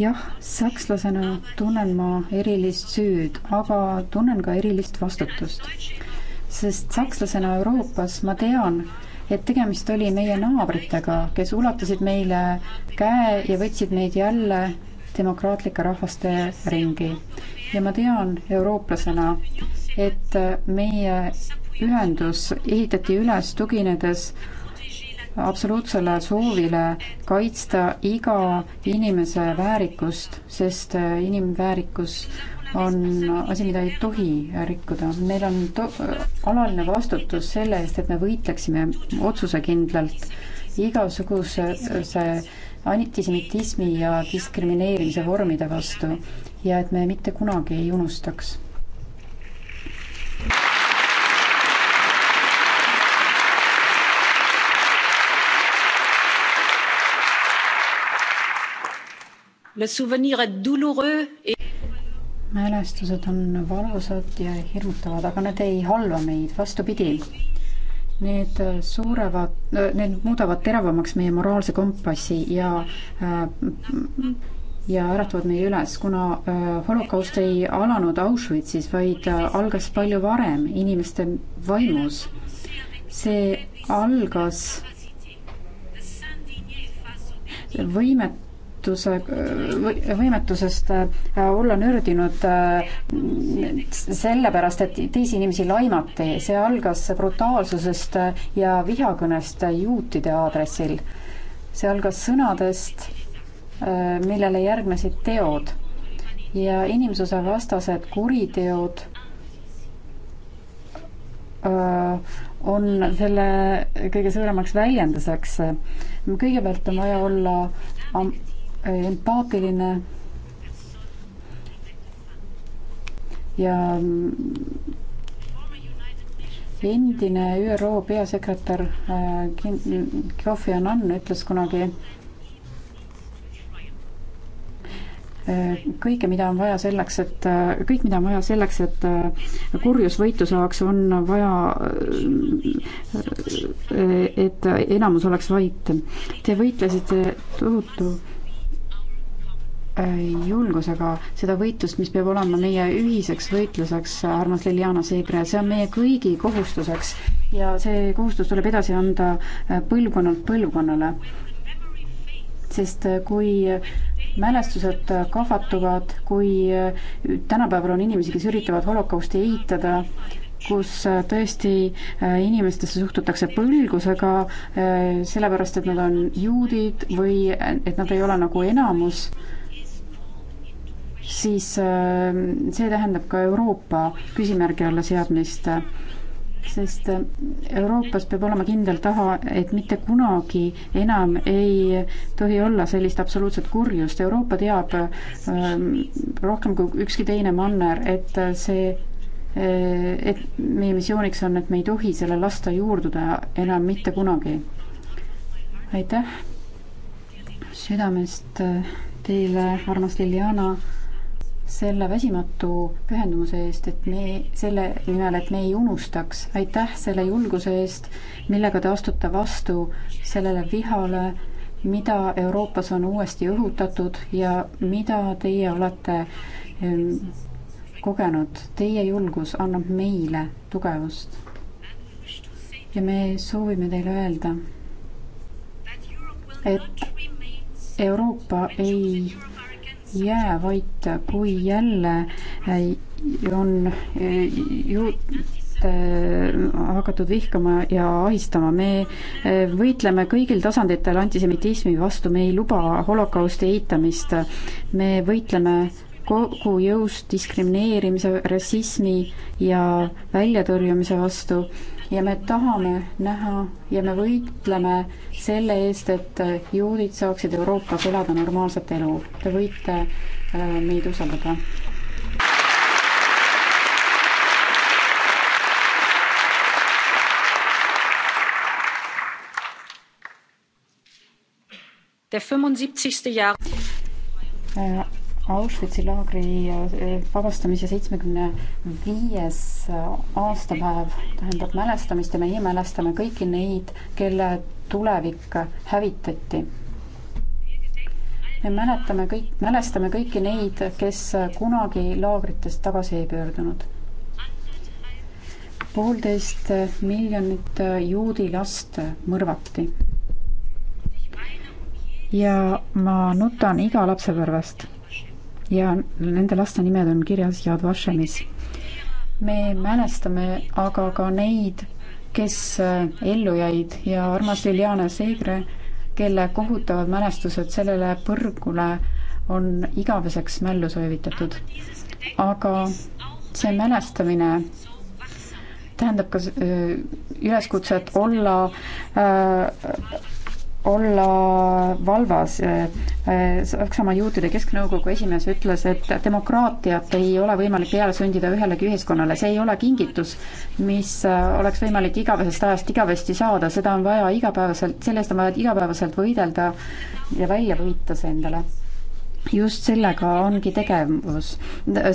jah, sakslasena tunnen ma erilist süüd, aga tunnen ka erilist vastutust sest sakslasena Euroopas ma tean, et tegemist oli meie naabritega, kes ulatasid meile käe ja võtsid meid jälle demokraatlike rahvaste ringi. ja ma tean eurooplasena, et meie ühendus ehitati üles tuginedes absoluutsele soovile kaitsta iga inimese väärikust, sest inimväärikus on asi, mida ei tohi rikkuda. meil on to-, alaline vastutus selle eest, et me võitleksime otsusekindlalt igasuguse antisemitismi ja diskrimineerimise vormide vastu ja et me mitte kunagi ei unustaks le souvenir est douloureux et mälestused on valusad ja hirmutavad, aga need ei halva meid, vastupidi. Need suurevad, need muudavad teravamaks meie moraalse kompassi ja äh, ja äratavad meie üles, kuna äh, holokaust ei alanud Auschwitzis, vaid äh, algas palju varem inimeste vaimus. see algas võimet võimetuse, võimetusest äh, olla nördinud äh, sellepärast, et teisi inimesi laimati, see algas brutaalsusest ja vihakõnest juutide aadressil. see algas sõnadest, äh, millele järgnesid teod ja inimsuse vastased kuriteod on selle kõige suuremaks väljenduseks. kõigepealt on vaja olla empaatiline ja endine ÜRO peasekretär äh, Kofi Annan ütles kunagi, äh, kõike, mida on vaja selleks, et äh, kõik, mida on vaja selleks, et kurjus võitu saaks, on vaja, et enamus oleks vait. Te võitlesite tohutu Äh, julgusega seda võitlust, mis peab olema meie ühiseks võitluseks, armas Liliana Seegre, see on meie kõigi kohustuseks ja see kohustus tuleb edasi anda äh, põlvkonnalt põlvkonnale. sest äh, kui mälestused kahvatuvad, kui tänapäeval on inimesi, kes üritavad holokausti eitada, kus tõesti inimestesse suhtutakse põlgusega, sellepärast et nad on juudid või et nad ei ole nagu enamus siis ähm, see tähendab ka Euroopa küsimärgi alla seadmist, sest äh, Euroopas peab olema kindel taha, et mitte kunagi enam ei tohi olla sellist absoluutset kurjust, Euroopa teab ähm, rohkem kui ükski teine manner, et äh, see äh, et meie missiooniks on, et me ei tohi selle lasta juurduda enam mitte kunagi. aitäh südamest teile, armas Liliana selle väsimatu pühendumuse eest, et me selle nimel, et me ei unustaks, aitäh selle julguse eest, millega te astute vastu sellele vihale, mida Euroopas on uuesti õhutatud ja mida teie olete ehm, kogenud. Teie julgus annab meile tugevust. ja me soovime teile öelda, et Euroopa ei jää vait, kui jälle äh, on äh, juute äh, hakatud vihkama ja ahistama. me võitleme kõigil tasanditel antisemitismi vastu, me ei luba holokausti eitamist. me võitleme kogu jõust diskrimineerimise, rassismi ja väljatõrjumise vastu ja me tahame näha ja me võitleme selle eest, et juudid saaksid Euroopas elada normaalset elu. Te võite äh, meid usaldada. Der 75. Jahr äh, Auschwitzi laagri äh, vabastamise seitsmekümne viies äh, aastapäev tähendab mälestamist ja meie mälestame kõiki neid, kelle tulevik hävitati. me mäletame kõik, mälestame kõiki neid, kes kunagi laagritest tagasi ei pöördunud. poolteist miljonit äh, juudi last mõrvati ja ma nutan iga lapsepõlvest ja nende laste nimed on kirjas Yad Vashemis. me mälestame aga ka neid, kes äh, ellu jäid ja armas Liliana Seegre, kelle kohutavad mälestused sellele põrgule on igaveseks mällu soovitatud. aga see mälestamine tähendab ka äh, üleskutset olla äh, olla valvas. Saksamaa juutide kesknõukogu esimees ütles, et demokraatiat ei ole võimalik peale sundida ühelegi ühiskonnale, see ei ole kingitus, mis oleks võimalik igavesest ajast igavesti saada, seda on vaja igapäevaselt, selle eest on vaja igapäevaselt võidelda ja välja võita see endale just sellega ongi tegevus,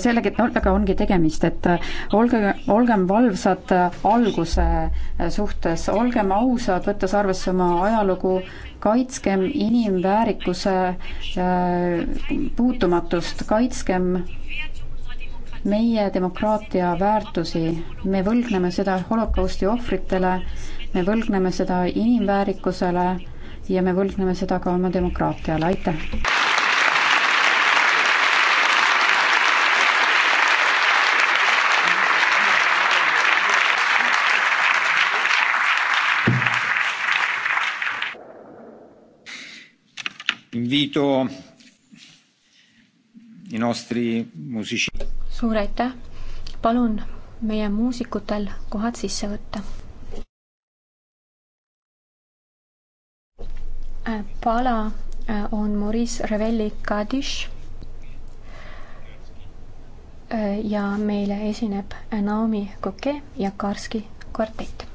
sellega, sellega ongi tegemist, et olge, olgem valvsad alguse suhtes, olgem ausad, võttes arvesse oma ajalugu, kaitskem inimväärikuse äh, puutumatust, kaitskem meie demokraatia väärtusi, me võlgneme seda holokausti ohvritele, me võlgneme seda inimväärikusele ja me võlgneme seda ka oma demokraatiale, aitäh! invito i nostri musici-. suur aitäh, palun meie muusikutel kohad sisse võtta. Äh, pala äh, on Maurice Revelli Kadish äh, ja meile esineb Naomi Koke ja Karski kvartett.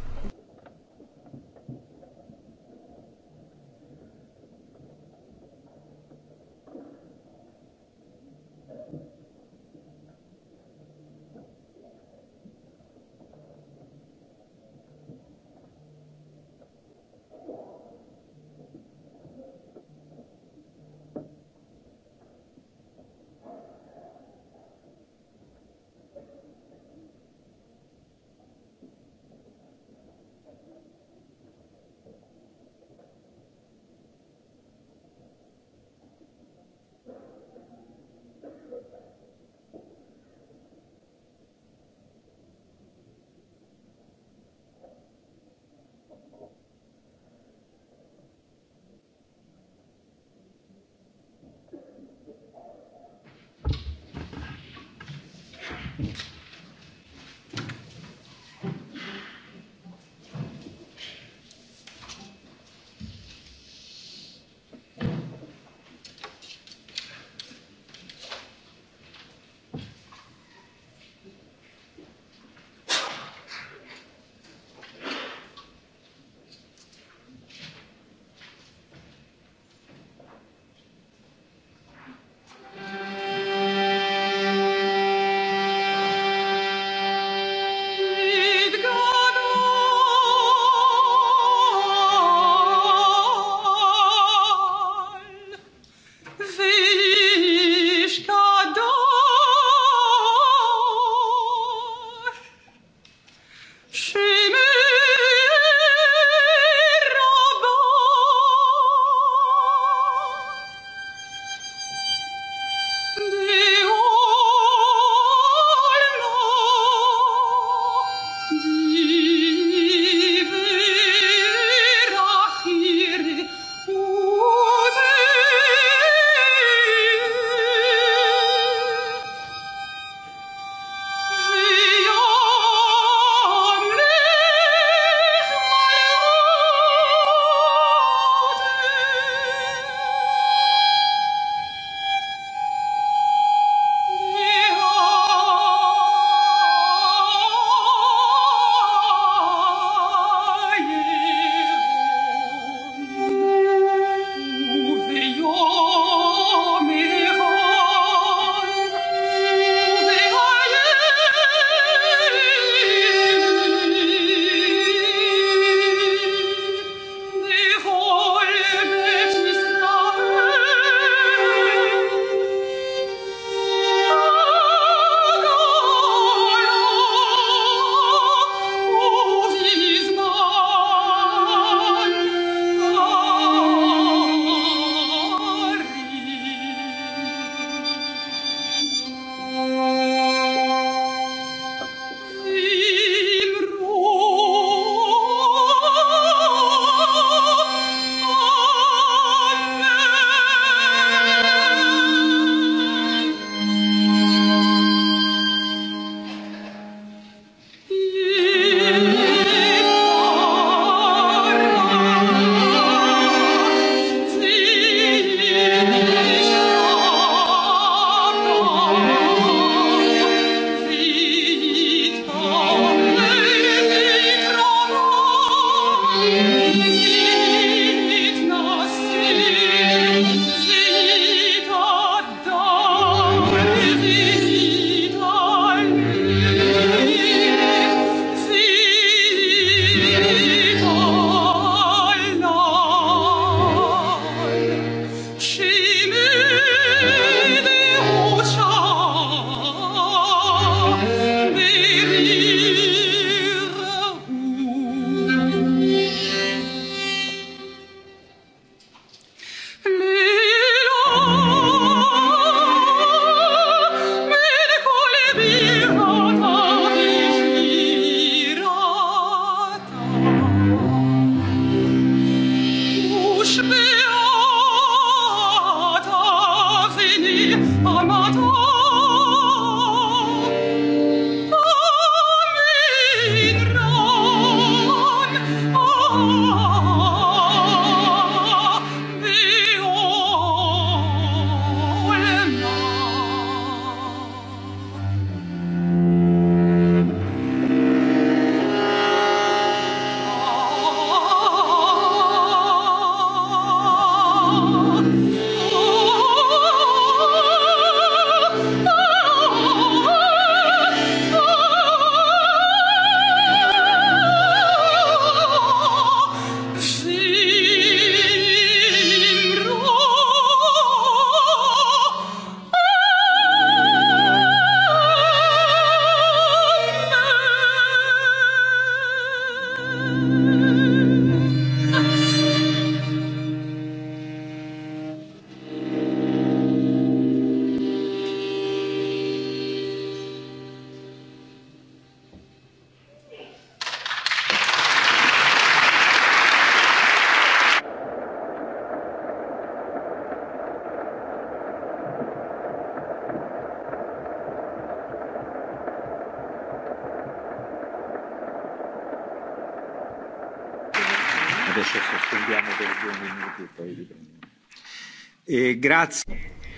Eh,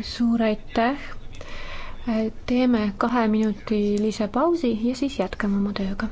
suur aitäh. Eh, teeme kaheminutilise pausi ja siis jätkame oma tööga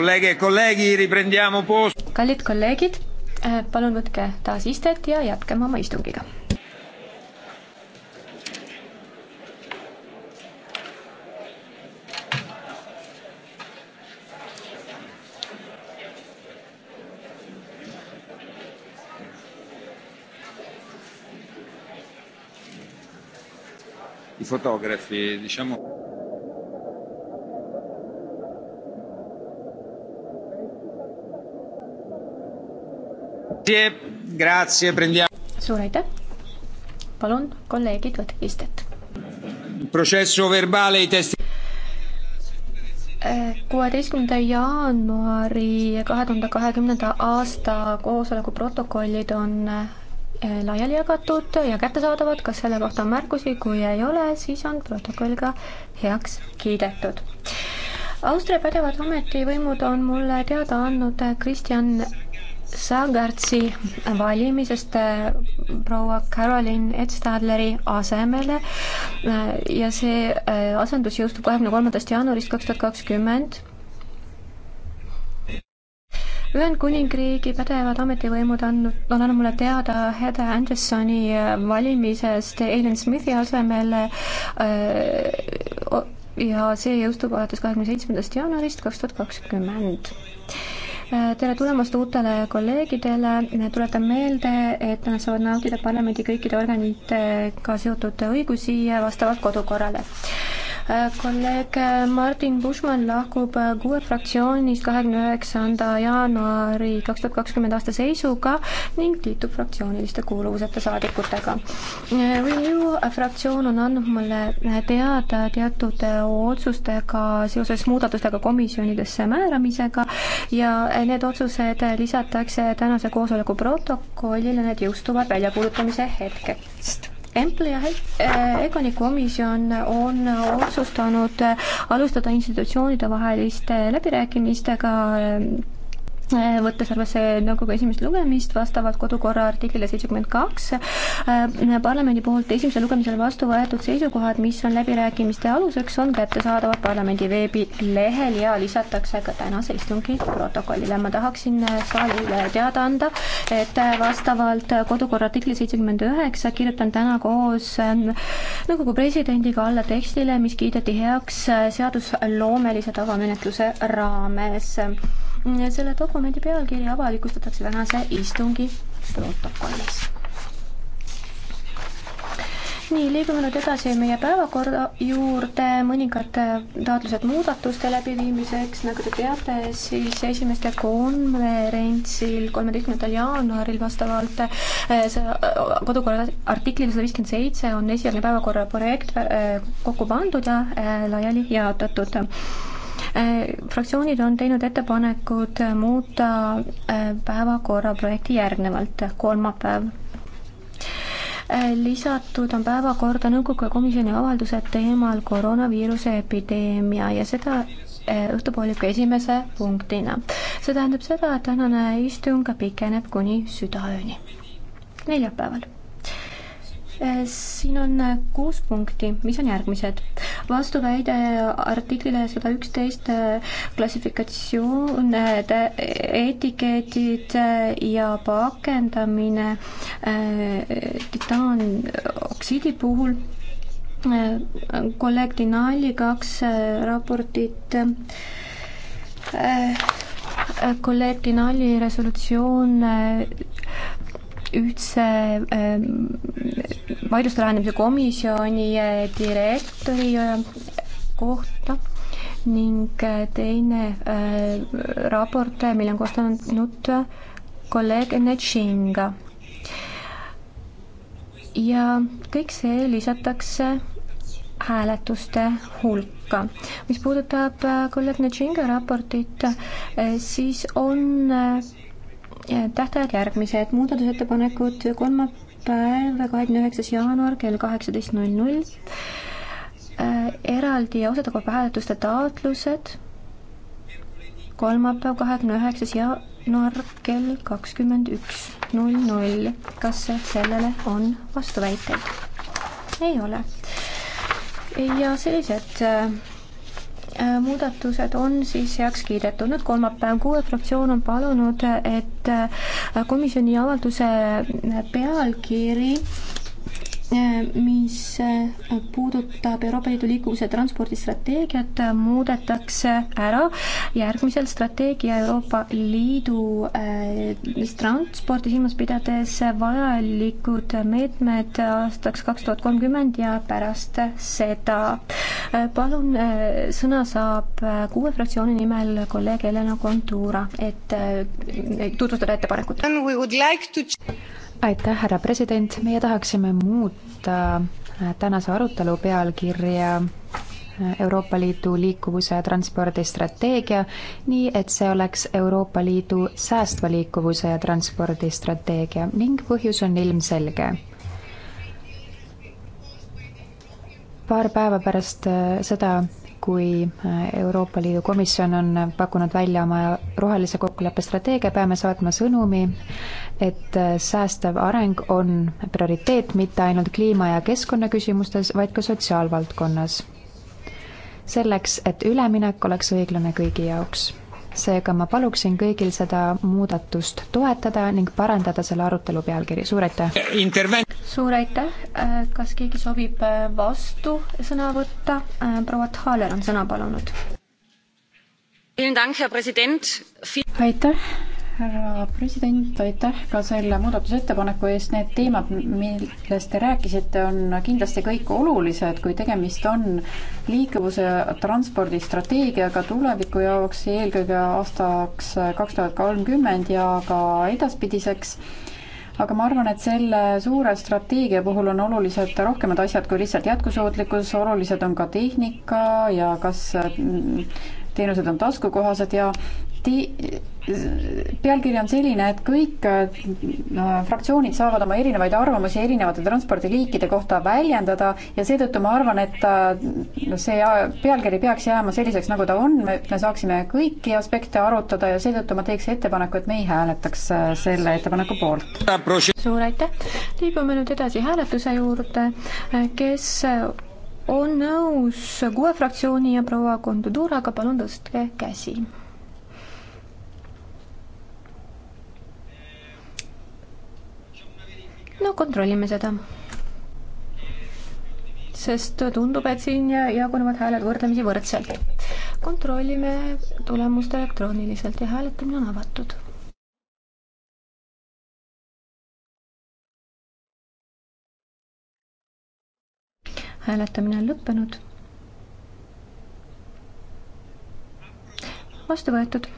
E kallid kolleegid, eh, palun võtke taas istet ja jätkame oma istungiga. I fotografi diciamo suur aitäh. palun, kolleegid, võtke istet. Eh, kuueteistkümnenda jaanuari kahe tuhande kahekümnenda aasta koosoleku protokollid on eh, laiali jagatud ja kättesaadavad, kas selle kohta on märkusi, kui ei ole, siis on protokoll ka heaks kiidetud. Austria pädevad ametivõimud on mulle teada andnud Kristjan eh, Sagartsi valimisest äh, proua Caroline Edstadleri asemele äh, ja see äh, asendus jõustub kahekümne kolmandast jaanuarist kaks tuhat kakskümmend. Ühendkuningriigi pädevad ametivõimud andnud, on andnud mulle teada Heather Andersoni valimisest Aileen Smithi asemele ja see jõustub alates kahekümne seitsmendast jaanuarist kaks tuhat kakskümmend Äh, tere tulemast uutele kolleegidele, tuletan meelde, et nad saavad nautida parlamendi kõikide organitega seotud õigusi vastavalt kodukorrale kolleeg Martin Bushman lahkub kuue fraktsioonist kahekümne üheksanda jaanuari kaks tuhat kakskümmend aasta seisuga ning liitub fraktsiooniliste kuuluvuseta saadikutega. Renew fraktsioon on andnud mulle teada teatud otsustega seoses muudatustega komisjonidesse määramisega ja need otsused lisatakse tänase koosoleku protokollile, need jõustuvad väljakuulutamise hetkest Empli ja äh, Egoni komisjon on otsustanud äh, alustada institutsioonide vaheliste läbirääkimistega ähm, Äh, võttes arvesse nõukogu esimest lugemist vastavalt kodukorra artiklile seitsekümmend kaks, äh, parlamendi poolt esimesel lugemisel vastu võetud seisukohad, mis on läbirääkimiste aluseks, on kättesaadavad parlamendi veebilehel ja lisatakse ka tänase istungi protokollile. ma tahaksin äh, saalile teada anda, et vastavalt kodukorra artikli seitsekümmend üheksa kirjutan täna koos nõukogu presidendiga alla tekstile, mis kiideti heaks seadusloomelise tavamenetluse raames Mm, selle dokumendi pealkiri avalikustatakse tänase istungi protokollis. nii, liigume nüüd edasi meie päevakorra juurde, mõningad äh, taotlused muudatuste läbiviimiseks, nagu te teate, siis esimeste konverentsil kolmeteistkümnendal jaanuaril vastavalt äh, äh, kodukorra artiklile sada viiskümmend seitse on esialgne päevakorra projekt kokku pandud ja laiali jaotatud Äh, fraktsioonid on teinud ettepanekud muuta äh, päevakorra projekti järgnevalt, kolmapäev äh, lisatud on päevakorda nõukogu ja komisjoni avaldused teemal koroonaviiruse epideemia ja seda õhtupooliku esimese punktina. see tähendab seda, et tänane istung pikeneb kuni südaööni, neljapäeval Äh, siin on äh, kuus punkti, mis on järgmised. vastuväide artiklile sada üksteist äh, klassifikatsioon, etiketid ja pakendamine titaanoksiidi puhul kolleeg Dinali kaks raportit, kolleeg Dinali resolutsioon ühtse ähm, vaidluste lahendamise komisjoni äh, direktori äh, kohta ning äh, teine raport, mille on koostanud kolleeg Netšinga. ja kõik see lisatakse hääletuste hulka. mis puudutab kolleeg Netšinga raportit, siis on tähtajad järgmised, muudatusettepanekud kolmapäev, kahekümne üheksas jaanuar kell kaheksateist null null, äh, eraldi ja osade kaupa hääletuste taotlused, kolmapäev, kahekümne üheksas jaanuar kell kakskümmend üks null null. kas sellele on vastuväiteid? ei ole. ja sellised äh, Äh, muudatused on siis heaks kiidetud. nüüd kolmapäev, kuue fraktsioon on palunud, et äh, komisjoni avalduse pealkiri mis äh, puudutab Euroopa Liidu liikuvuse transpordistrateegiat, äh, muudetakse ära järgmisel strateegia Euroopa Liidu äh, transporti silmas pidades vajalikud meetmed aastaks kaks tuhat kolmkümmend ja pärast seda. palun, sõna saab kuue fraktsiooni nimel kolleeg Elena Kontura, et tutvustada ettepanekut aitäh, härra president, meie tahaksime muuta äh, tänase arutelu pealkirja äh, Euroopa Liidu liikuvuse ja transpordistrateegia, nii et see oleks Euroopa Liidu säästva liikuvuse ja transpordistrateegia ning põhjus on ilmselge. paar päeva pärast äh, seda, kui äh, Euroopa Liidu komisjon on pakkunud välja oma rohelise kokkuleppe strateegia, peame saatma sõnumi, et äh, säästev areng on prioriteet mitte ainult kliima- ja keskkonnaküsimustes, vaid ka sotsiaalvaldkonnas. selleks, et üleminek oleks õiglane kõigi jaoks seega ma paluksin kõigil seda muudatust toetada ning parandada selle arutelu pealkiri, suur aitäh! suur aitäh, äh, kas keegi sobib äh, vastu sõna võtta? Äh, proua Thaler on sõna palunud. aitäh, härra president, aitäh ka selle muudatusettepaneku eest, need teemad, millest te rääkisite, on kindlasti kõik olulised, kui tegemist on liikuvuse transpordistrateegiaga tuleviku jaoks, eelkõige aastaks kaks tuhat kolmkümmend ja ka edaspidiseks aga ma arvan, et selle suure strateegia puhul on olulised rohkemad asjad kui lihtsalt jätkusuutlikkus, olulised on ka tehnika ja kas mm, teenused on taskukohased ja ti-, pealkiri on selline, et kõik no, fraktsioonid saavad oma erinevaid arvamusi erinevate transpordiliikide kohta väljendada ja seetõttu ma arvan, et see pealkiri peaks jääma selliseks, nagu ta on, et me saaksime kõiki aspekte arutada ja seetõttu ma teeks ettepaneku, et me ei hääletaks äh, selle ettepaneku poolt. suur aitäh, liigume nüüd edasi hääletuse juurde, kes on nõus kuue fraktsiooni ja proua Konduduraga, palun tõstke käsi no kontrollime seda. sest tundub, et siin jagunevad hääled võrdlemisi võrdselt. kontrollime tulemust elektrooniliselt ja hääletamine on avatud. hääletamine on lõppenud. vastu võetud.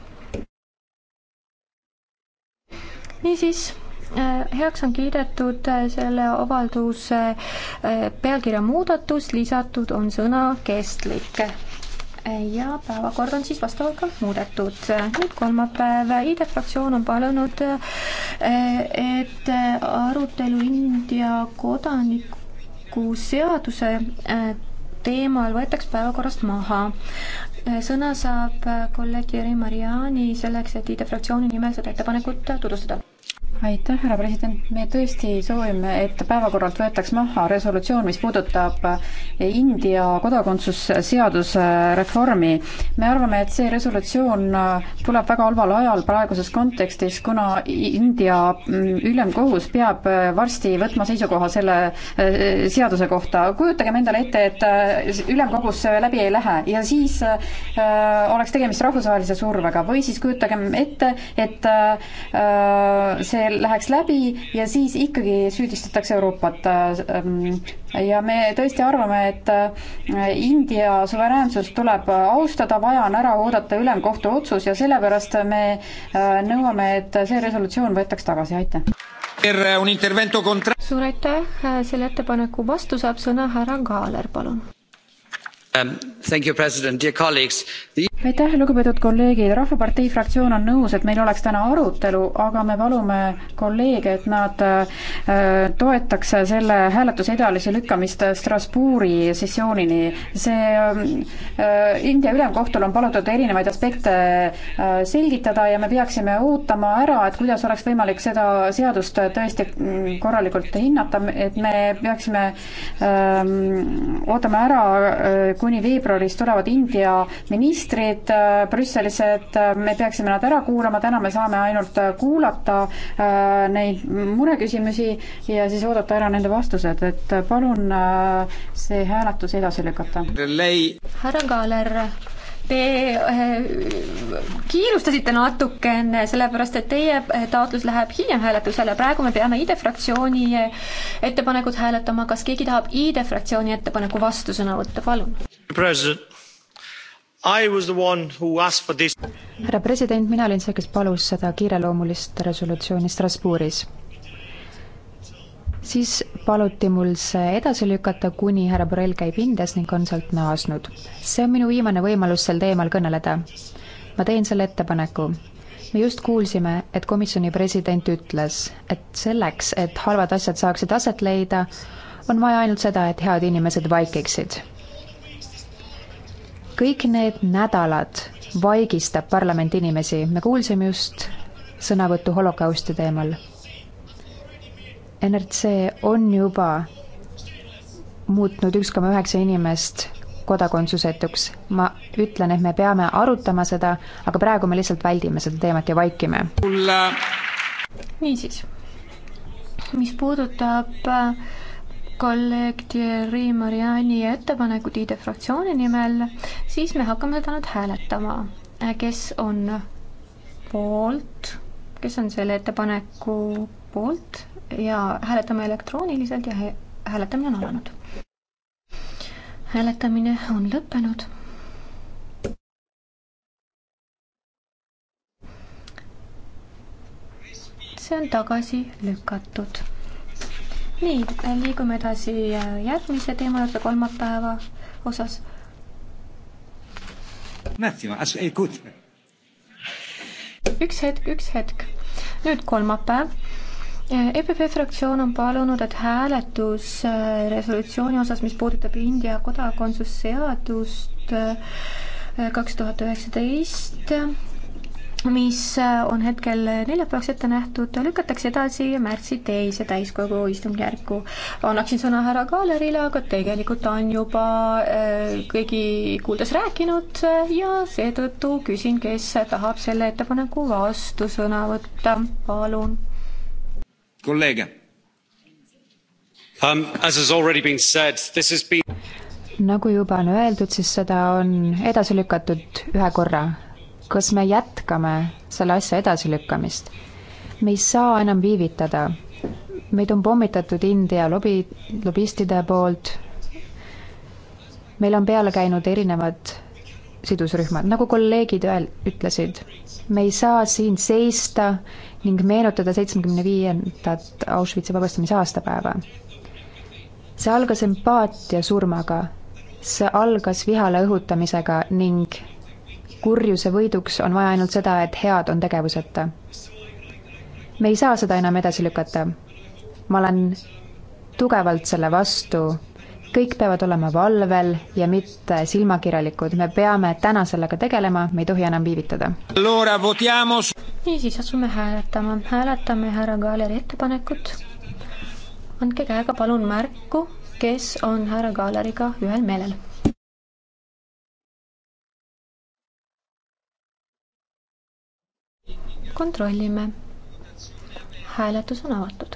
niisiis Äh, heaks on kiidetud äh, selle avalduse äh, pealkirja muudatus, lisatud on sõna kestlik ja päevakord on siis vastavalt ka muudetud. nüüd kolmapäev, ID-fraktsioon e on palunud, et arutelu India kodanikuseaduse teemal võetaks päevakorrast maha. sõna saab kolleeg Jüri Mariani selleks, et ID-fraktsiooni e nimel seda ettepanekut tutvustada aitäh, härra president, me tõesti soovime, et päevakorralt võetaks maha resolutsioon, mis puudutab eh, India kodakondsusseaduse reformi. me arvame, et see resolutsioon eh, tuleb väga halval ajal praeguses kontekstis, kuna India mm, ülemkohus peab eh, varsti võtma seisukoha selle seaduse kohta. kujutagem endale ette, et ülemkogus see läbi ei lähe ja siis oleks tegemist rahvusvahelise survega või siis kujutagem ette, et see läheks läbi ja siis ikkagi süüdistatakse Euroopat. Äh, ja me tõesti arvame, et äh, India suveräänsust tuleb austada, vaja on ära oodata ülemkohtu otsus ja sellepärast me äh, nõuame, et see resolutsioon võetaks tagasi, aitäh. suur aitäh, selle ettepaneku vastu saab sõna härra Kaaler, palun. Um, thank you, president, dear colleagues the aitäh, lugupeetud kolleegid, Rahvapartei fraktsioon on nõus, et meil oleks täna arutelu, aga me palume kolleege, et nad äh, toetaks selle hääletuse edalisi lükkamist Strasbourgi sessioonini. see äh, äh, India ülemkohtul on palutud erinevaid aspekte selgitada ja me peaksime ootama ära, et kuidas oleks võimalik seda seadust tõesti mm, korralikult hinnata, et me peaksime öö, ähm, ootama ära, kuni veebruaris tulevad India ministrid, kolleegid äh, Brüsselis, et äh, me peaksime nad ära kuulama, täna me saame ainult äh, kuulata neid mureküsimusi ja siis oodata ära nende vastused, et palun see hääletus edasi lükata. härra Kaaler, te kiirustasite natukene, sellepärast et teie taotlus läheb hiljem hääletusele, praegu me peame ID e fraktsiooni ettepanekut hääletama, kas keegi tahab ID e fraktsiooni ettepaneku vastusõna võtta, palun? president härra president, mina olin see, kes palus seda kiireloomulist resolutsiooni Strasbourgis. siis paluti mul see edasi lükata, kuni härra Borrell käib Indias ning on sealt naasnud. see on minu viimane võimalus sel teemal kõneleda. ma teen selle ettepaneku me just kuulsime, et komisjoni president ütles, et selleks, et halvad asjad saaksid aset leida, on vaja ainult seda, et head inimesed vaikiksid kõik need nädalad vaigistab parlament inimesi, me kuulsime just sõnavõttu holokausti teemal. NRC on juba muutnud üks koma üheksa inimest kodakondsusetuks. ma ütlen, et me peame arutama seda, aga praegu me lihtsalt väldime seda teemat ja vaikime. niisiis, mis puudutab äh, kolleeg Thierry Mariani ettepanekut ID e fraktsiooni nimel, siis me hakkame seda nüüd hääletama. kes on poolt, kes on selle ettepaneku poolt ja hääletame elektrooniliselt ja hääletamine on alanud. hääletamine on lõppenud see on tagasi lükatud nii, liigume edasi äh, järgmise teema juurde kolmapäeva osas. Ah, üks hetk, üks hetk. nüüd kolmapäev äh, EPP fraktsioon on palunud, et hääletus äh, resolutsiooni osas, mis puudutab India kodakondsusseadust kaks tuhat üheksateist, mis äh, on hetkel neljapäevaks ette nähtud, lükatakse edasi märtsi teise täiskogu istungjärku. annaksin sõna härra Kaalerile, aga tegelikult ta on juba äh, kõigi kuuldes rääkinud äh, ja seetõttu küsin, kes tahab selle ettepaneku vastu sõna võtta, palun. kolleeg um,. As has already been said, this has been nagu juba on öeldud, siis seda on edasi lükatud ühe korra kas me jätkame selle asja edasilükkamist? me ei saa enam viivitada. meid on pommitatud India lobi, lobistide poolt. meil on peale käinud erinevad sidusrühmad, nagu kolleegid öel-, ütlesid. me ei saa siin seista ning meenutada seitsmekümne viiendat Auschwitzi vabastamise aastapäeva. see algas empaatia surmaga, see algas vihale õhutamisega ning kurjuse võiduks on vaja ainult seda, et head on tegevuseta. me ei saa seda enam edasi lükata. ma olen tugevalt selle vastu. kõik peavad olema valvel ja mitte silmakirjalikud, me peame täna sellega tegelema, me ei tohi enam viivitada. niisiis, asume hääletama, hääletame härra Kaaleri ettepanekut. andke käega palun märku, kes on härra Kaaleriga ühel meelel kontrollime. hääletus on avatud.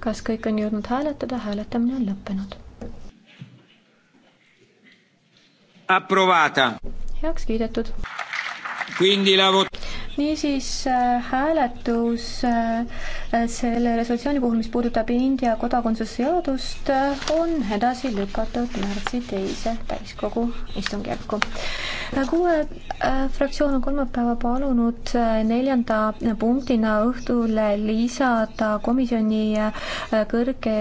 kas kõik on jõudnud hääletada, hääletamine on lõppenud. heaks kiidetud niisiis äh, hääletus äh, selle resolutsiooni puhul, mis puudutab India kodakondsuse seadust, äh, on edasi lükatud märtsi teise täiskogu istungjärku. kuue fraktsioon on kolmapäeva palunud neljanda punktina õhtule lisada komisjoni kõrge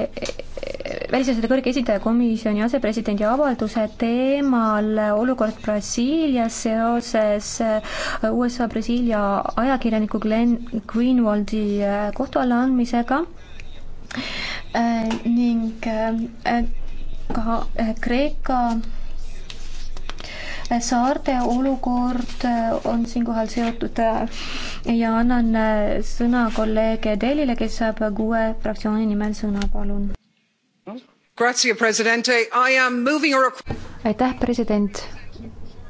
välisasjade kõrge esindaja komisjoni asepresidendi avalduse teemal olukord Brasiilias seoses äh, USA-Brasiilia ajakirjaniku Glenn Greenwaldi äh, kohtu alla andmisega äh, ning ka Kreeka saarte olukord on siinkohal seotud ja annan sõna kolleeg Delile, kes saab kuue fraktsiooni nimel sõna, palun aitäh, president.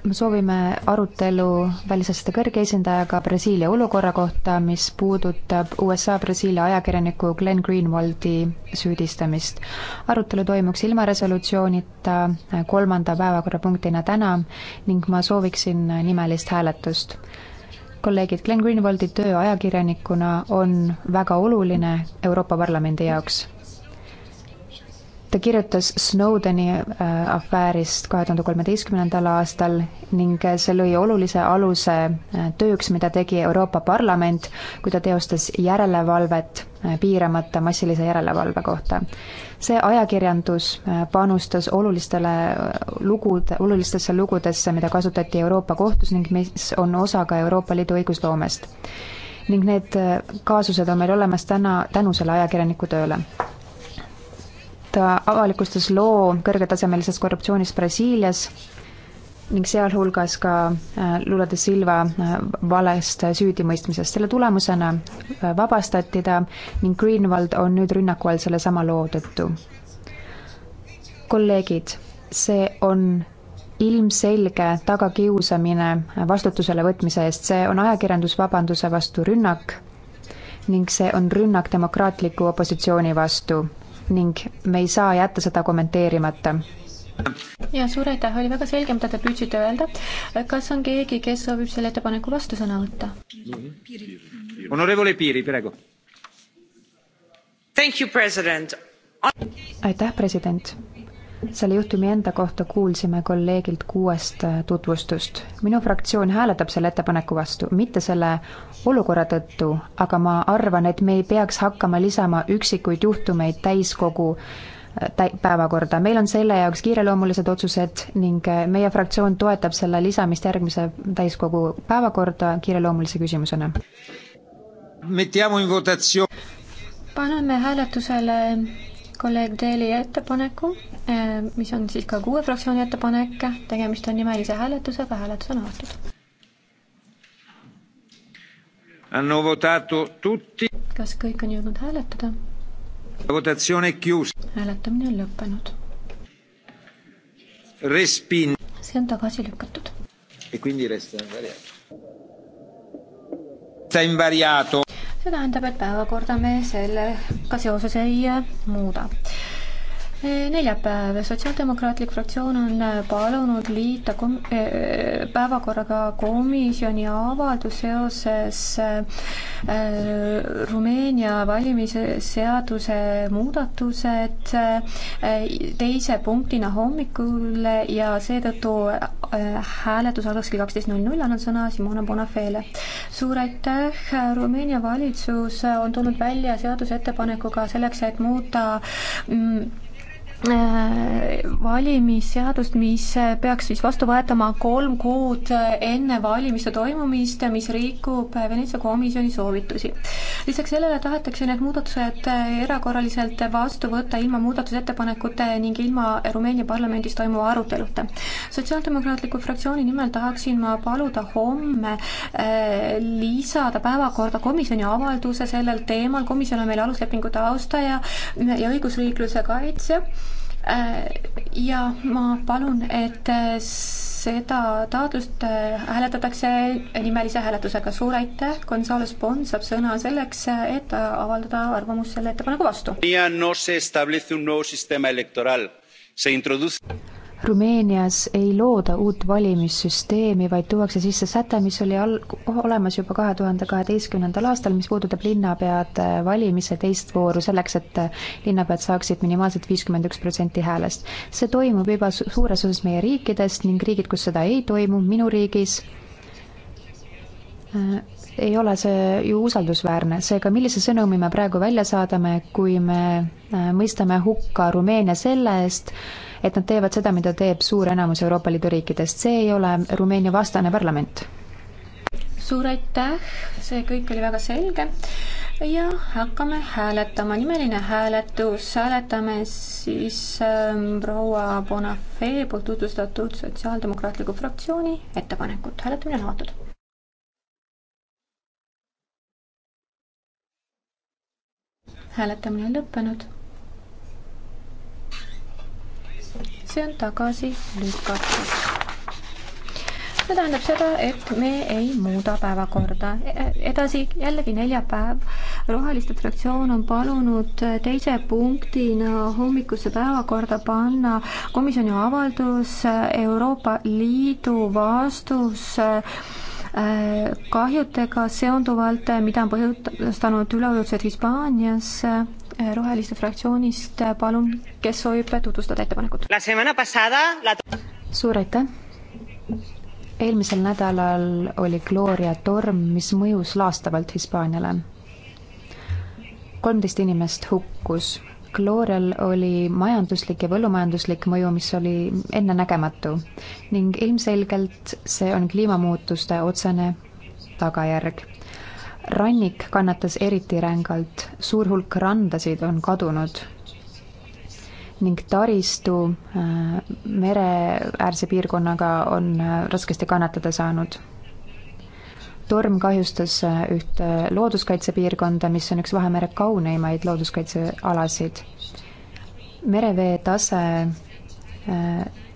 me soovime arutelu välisasjade kõrge esindajaga Brasiilia olukorra kohta, mis puudutab USA-Brasiilia ajakirjaniku Glenn Greenwaldi süüdistamist. arutelu toimuks ilma resolutsioonita kolmanda päevakorrapunktina täna ning ma sooviksin nimelist hääletust kolleegid, Glenn Greenwaldi töö ajakirjanikuna on väga oluline Euroopa Parlamendi jaoks ta kirjutas Snowdeni äh, afäärist kahe tuhande kolmeteistkümnendal aastal ning äh, see lõi olulise aluse äh, tööks, mida tegi Euroopa Parlament, kui ta teostas järelevalvet piiramata massilise järelevalve kohta. see ajakirjandus panustas olulistele lugud, olulistesse lugudesse, mida kasutati Euroopa kohtus ning mis on osa ka Euroopa Liidu õigusloomest. ning need kaasused on meil olemas täna tänu selle ajakirjaniku tööle parlament äh, avalikustas loo kõrgetasemelisest korruptsioonist Brasiilias ning sealhulgas ka äh, Lula de Silva äh, valest süüdimõistmisest. selle tulemusena vabastati ta ning Greenwald on nüüd rünnaku all sellesama loo tõttu. kolleegid, see on ilmselge tagakiusamine vastutusele võtmise eest, see on ajakirjandusvabanduse vastu rünnak ning see on rünnak demokraatliku opositsiooni vastu ning me ei saa jätta seda kommenteerimata ja suur aitäh, oli väga selge, mida te püüdsite öelda. kas on keegi, kes soovib selle ettepaneku vastu sõna võtta? Honorevole Piiri, praegu. aitäh, president selle juhtumi enda kohta kuulsime kolleegilt kuuest äh, tutvustust. minu fraktsioon hääletab selle ettepaneku vastu, mitte selle olukorra tõttu, aga ma arvan, et me ei peaks hakkama lisama üksikuid juhtumeid täiskogu äh, täi-, päevakorda, meil on selle jaoks kiireloomulised otsused ning äh, meie fraktsioon toetab selle lisamist järgmise täiskogu päevakorda kiireloomulise küsimusena. paneme hääletusele kolleeg Deli ettepaneku Äh, mis on siis ka kuue fraktsiooni ettepanek, tegemist on nimelise hääletusega, hääletus on avatud. kas kõik on jõudnud hääletada? hääletamine on lõppenud. see on tagasi lükatud. E see tähendab, et päevakorda me sellega seoses ei muuda neljapäev. sotsiaaldemokraatlik fraktsioon on äh, palunud liita kom-, äh, äh, päevakorraga komisjoni avaldus seoses Rumeenia valimisseaduse muudatused teise punktina hommikul ja seetõttu hääletus algas kell kaksteist null null, annan sõna Simona Bonafeele. suur aitäh, Rumeenia valitsus on tulnud välja seaduseettepanekuga selleks, et muuta mm, Äh, valimisseadust, mis äh, peaks siis vastu võetama kolm kuud äh, enne valimiste toimumist, mis rikub Veneetsia komisjoni soovitusi. lisaks sellele tahetakse need muudatused erakorraliselt vastu võtta ilma muudatusettepanekute ning ilma Rumeenia parlamendis toimuva aruteluta. sotsiaaldemokraatliku fraktsiooni nimel tahaksin ma paluda homme lisada päevakorda komisjoni avalduse sellel teemal, komisjon on meil aluslepingute austaja ja õigusriikluse kaitsja Äh, ja ma palun, et äh, seda taotlust äh, hääletatakse nimelise hääletusega. suur aitäh, Gonzales Pons saab sõna selleks, et avaldada arvamust selle ettepaneku vastu. Rumeenias ei looda uut valimissüsteemi, vaid tuuakse sisse säte, mis oli al-, olemas juba kahe tuhande kaheteistkümnendal aastal, mis puudutab linnapeade valimise teist vooru selleks, et linnapead saaksid minimaalselt viiskümmend üks protsenti häälest. see toimub juba su suures osas meie riikidest ning riigid, kus seda ei toimu, minu riigis äh,, ei ole see ju usaldusväärne, seega millise sõnumi me praegu välja saadame, kui me äh, mõistame hukka Rumeenia selle eest äh,, et nad teevad seda, mida teeb suur enamus Euroopa Liidu riikidest, see ei ole Rumeenia vastane parlament. suur aitäh, see kõik oli väga selge ja hakkame hääletama, nimeline hääletus, hääletame siis äh, proua Bonafé poolt tutvustatud Sotsiaaldemokraatliku fraktsiooni ettepanekut, hääletamine on avatud. hääletamine on lõppenud see on tagasi lükatud. see tähendab seda, et me ei muuda päevakorda. edasi jällegi neljapäev. roheliste fraktsioon on palunud teise punktina hommikusse päevakorda panna komisjoni avaldus Euroopa Liidu vastus äh, kahjudega seonduvalt, mida on põhjustanud üleujutused Hispaanias Eh, roheliste fraktsioonist, eh, palun, kes soovib tutvustada ettepanekut? La... suur aitäh! eelmisel nädalal oli Gloria torm, mis mõjus laastavalt Hispaaniale. kolmteist inimest hukkus. Glorial oli majanduslik ja põllumajanduslik mõju, mis oli ennenägematu ning ilmselgelt see on kliimamuutuste otsene tagajärg rannik kannatas eriti rängalt, suur hulk randasid on kadunud ning taristu äh, mereäärse piirkonnaga on äh, raskesti kannatada saanud. torm kahjustas äh, üht looduskaitsepiirkonda, mis on üks Vahemere kauneimaid looduskaitsealasid. merevee tase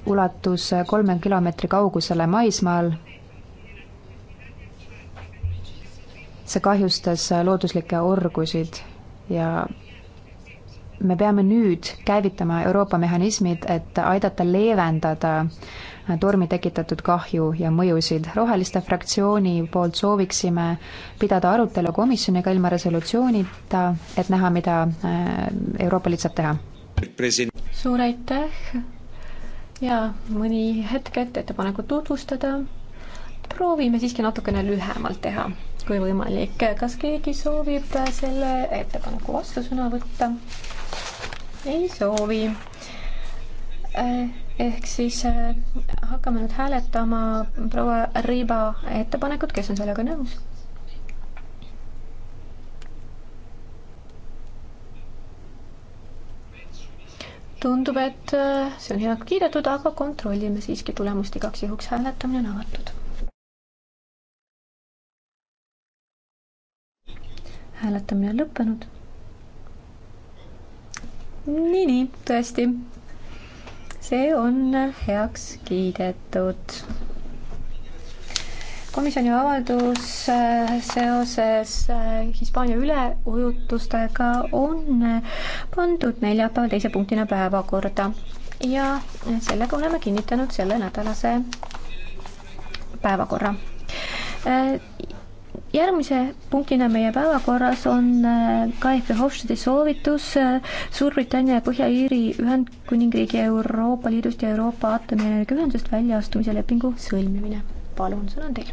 ulatus kolme kilomeetri kaugusele maismaal see kahjustas looduslikke orgusid ja me peame nüüd käivitama Euroopa mehhanismid, et aidata leevendada tormi tekitatud kahju ja mõjusid. roheliste fraktsiooni poolt sooviksime pidada arutelu komisjoniga ilma resolutsioonita, et näha, mida äh, Euroopa Liit saab teha. suur aitäh ja mõni hetk, et ettepanekut tutvustada. proovime siiski natukene lühemalt teha kui võimalik. kas keegi soovib selle ettepaneku vastusõna võtta? ei soovi. ehk siis äh, hakkame nüüd hääletama proua Riiba ettepanekut, kes on sellega nõus? tundub, et äh, see on heaks kiidetud, aga kontrollime siiski tulemust igaks juhuks, hääletamine on avatud. hääletamine lõppenud. nii, nii tõesti. see on heaks kiidetud. komisjoni avaldus äh, seoses äh, Hispaania üleujutustega on äh, pandud neljapäeval teise punktina päevakorda ja sellega oleme kinnitanud selle nädalase päevakorra järgmise punktina meie päevakorras on Guy äh, Verhofstadti soovitus äh, Suurbritannia ja Põhja-Iiri Ühendkuningriigi Euroopa Liidust ja Euroopa Aatomienergia Ühendusest väljaastumise lepingu sõlmimine. palun, sõna on teil.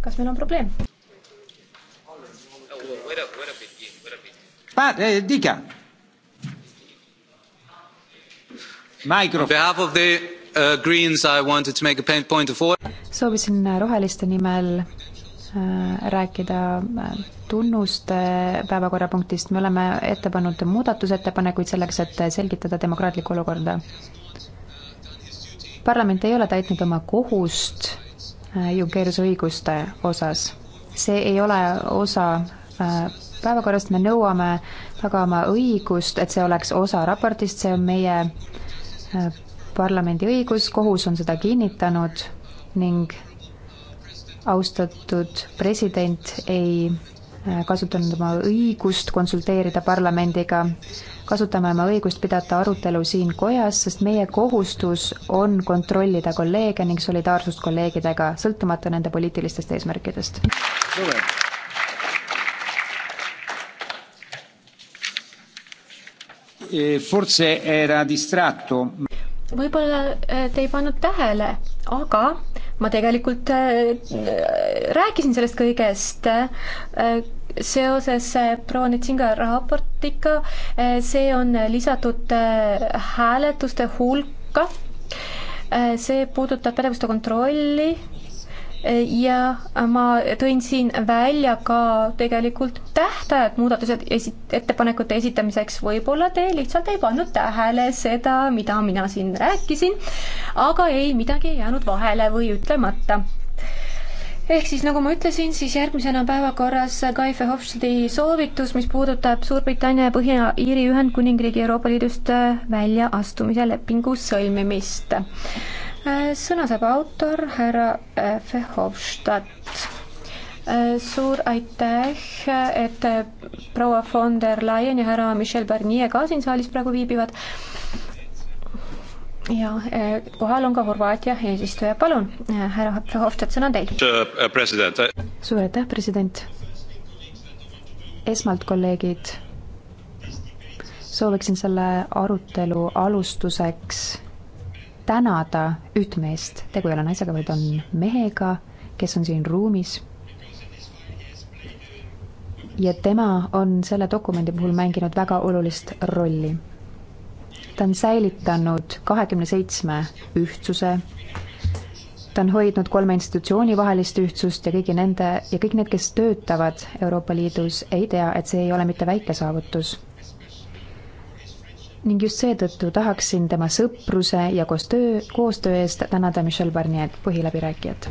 kas meil on probleem? Pat, eh, dica. Microphone. On behalf of the uh, Greens I wanted to make a point of order. soovisin uh, roheliste nimel uh, rääkida uh, tunnuste päevakorrapunktist, me oleme ette pannud muudatusettepanekuid selleks, et selgitada demokraatlikku olukorda. parlament ei ole täitnud oma kohust jõukeerusõiguste osas. see ei ole osa päevakorrast, me nõuame tagama õigust, et see oleks osa raportist, see on meie parlamendi õigus, kohus on seda kinnitanud ning austatud president ei äh, kasutanud oma õigust konsulteerida parlamendiga, kasutame oma õigust pidada arutelu siin kojas, sest meie kohustus on kontrollida kolleege ning solidaarsust kolleegidega, sõltumata nende poliitilistest eesmärkidest. Eh, forse era distratto võib-olla äh, te ei pannud tähele, aga ma tegelikult äh, rääkisin sellest kõigest äh, seoses proua Nitsinga raportiga, see on lisatud hääletuste hulka, see puudutab pädevuste kontrolli ja ma tõin siin välja ka tegelikult tähtajad muudatused esi-, ettepanekute esitamiseks, võib-olla te lihtsalt ei pannud tähele seda, mida mina siin rääkisin, aga ei, midagi ei jäänud vahele või ütlemata ehk siis nagu ma ütlesin, siis järgmisena päevakorras Guy Verhofstadti soovitus, mis puudutab Suurbritannia ja Põhja-Iiri Ühendkuningriigi Euroopa Liidust väljaastumise lepingu sõlmimist. Äh, sõna saab autor härra Fehovstadt äh, äh, suur aitäh, et proua von der Leyen ja härra Michel Barnier ka siin saalis praegu viibivad. ja kohal on ka Horvaatia eesistuja, palun, härra Hofstad, sõna on teil. suur aitäh, president. esmalt, kolleegid, sooviksin selle arutelu alustuseks tänada üht meest, tegu ei ole naisega, vaid on mehega, kes on siin ruumis. ja tema on selle dokumendi puhul mänginud väga olulist rolli. ta on säilitanud kahekümne seitsme ühtsuse, ta on hoidnud kolme institutsiooni vahelist ühtsust ja kõigi nende ja kõik need, kes töötavad Euroopa Liidus, ei tea, et see ei ole mitte väike saavutus ning just seetõttu tahaksin tema sõpruse ja koostöö, koostöö eest tänada Michel Barnier põhiläbirääkijat.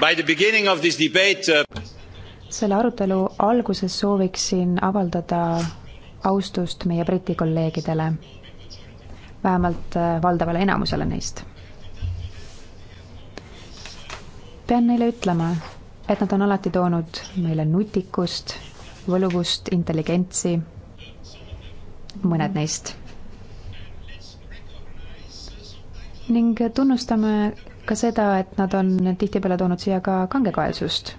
By the beginning of this debate uh selle arutelu alguses sooviksin avaldada austust meie Briti kolleegidele, vähemalt äh, valdavale enamusele neist. pean neile ütlema, et nad on alati toonud meile nutikust, võluvust, intelligentsi, mõned neist. ning tunnustame ka seda, et nad on tihtipeale toonud siia ka kangekaelsust.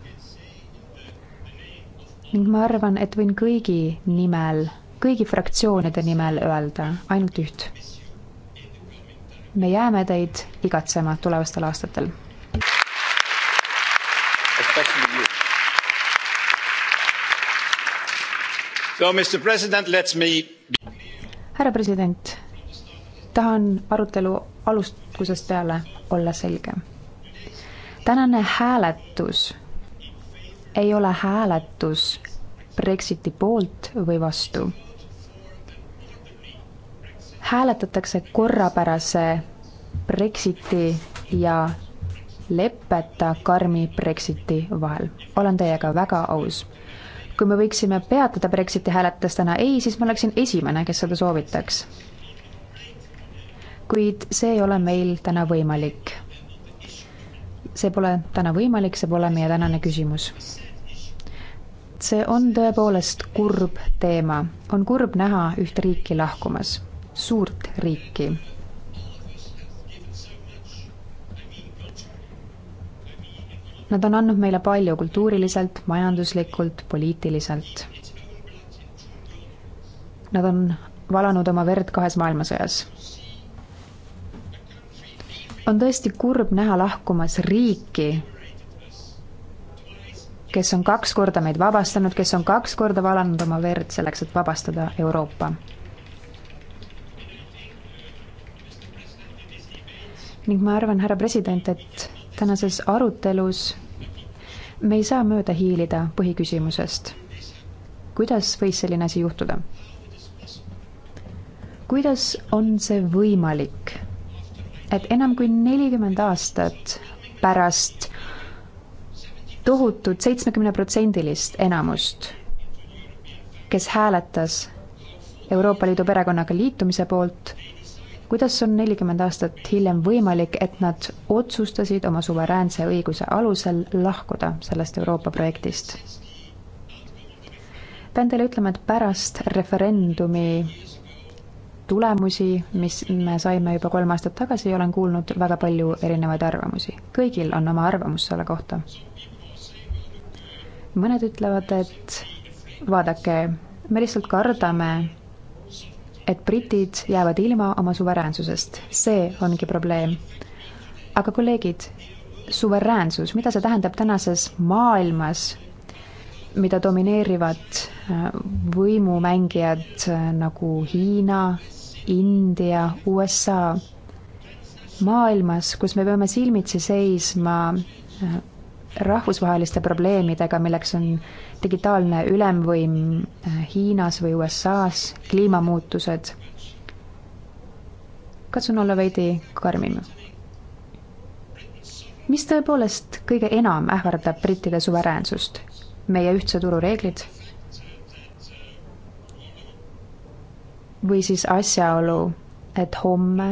ning ma arvan, et võin kõigi nimel, kõigi fraktsioonide nimel öelda ainult üht. me jääme teid igatsema tulevastel aastatel härra president, tahan arutelu alustusest peale olla selge. tänane hääletus ei ole hääletus Brexiti poolt või vastu. hääletatakse korrapärase Brexiti ja leppeta karmi Brexiti vahel. olen teiega väga aus kui me võiksime peatada Brexiti hääletas täna ei, siis ma oleksin esimene, kes seda soovitaks. kuid see ei ole meil täna võimalik. see pole täna võimalik, see pole meie tänane küsimus. see on tõepoolest kurb teema, on kurb näha üht riiki lahkumas, suurt riiki Nad on andnud meile palju kultuuriliselt, majanduslikult, poliitiliselt. Nad on valanud oma verd kahes maailmasõjas. on tõesti kurb näha lahkumas riiki, kes on kaks korda meid vabastanud, kes on kaks korda valanud oma verd selleks, et vabastada Euroopa. ning ma arvan, härra president, et tänases arutelus me ei saa mööda hiilida põhiküsimusest. kuidas võis selline asi juhtuda? kuidas on see võimalik, et enam kui nelikümmend aastat pärast tohutut seitsmekümneprotsendilist enamust, kes hääletas Euroopa Liidu perekonnaga liitumise poolt, kuidas on nelikümmend aastat hiljem võimalik, et nad otsustasid oma suveräänse õiguse alusel lahkuda sellest Euroopa projektist? pean teile ütlema, et pärast referendumi tulemusi, mis me saime juba kolm aastat tagasi, olen kuulnud väga palju erinevaid arvamusi. kõigil on oma arvamus selle kohta. mõned ütlevad, et vaadake, me lihtsalt kardame et britid jäävad ilma oma suveräänsusest, see ongi probleem. aga kolleegid, suveräänsus, mida see tähendab tänases maailmas, mida domineerivad äh, võimumängijad äh, nagu Hiina, India, USA, maailmas, kus me peame silmitsi seisma äh, rahvusvaheliste probleemidega, milleks on digitaalne ülemvõim äh, Hiinas või USA-s, kliimamuutused. katsun olla veidi karmim. mis tõepoolest kõige enam ähvardab brittide suveräänsust? meie ühtse turu reeglid? või siis asjaolu, et homme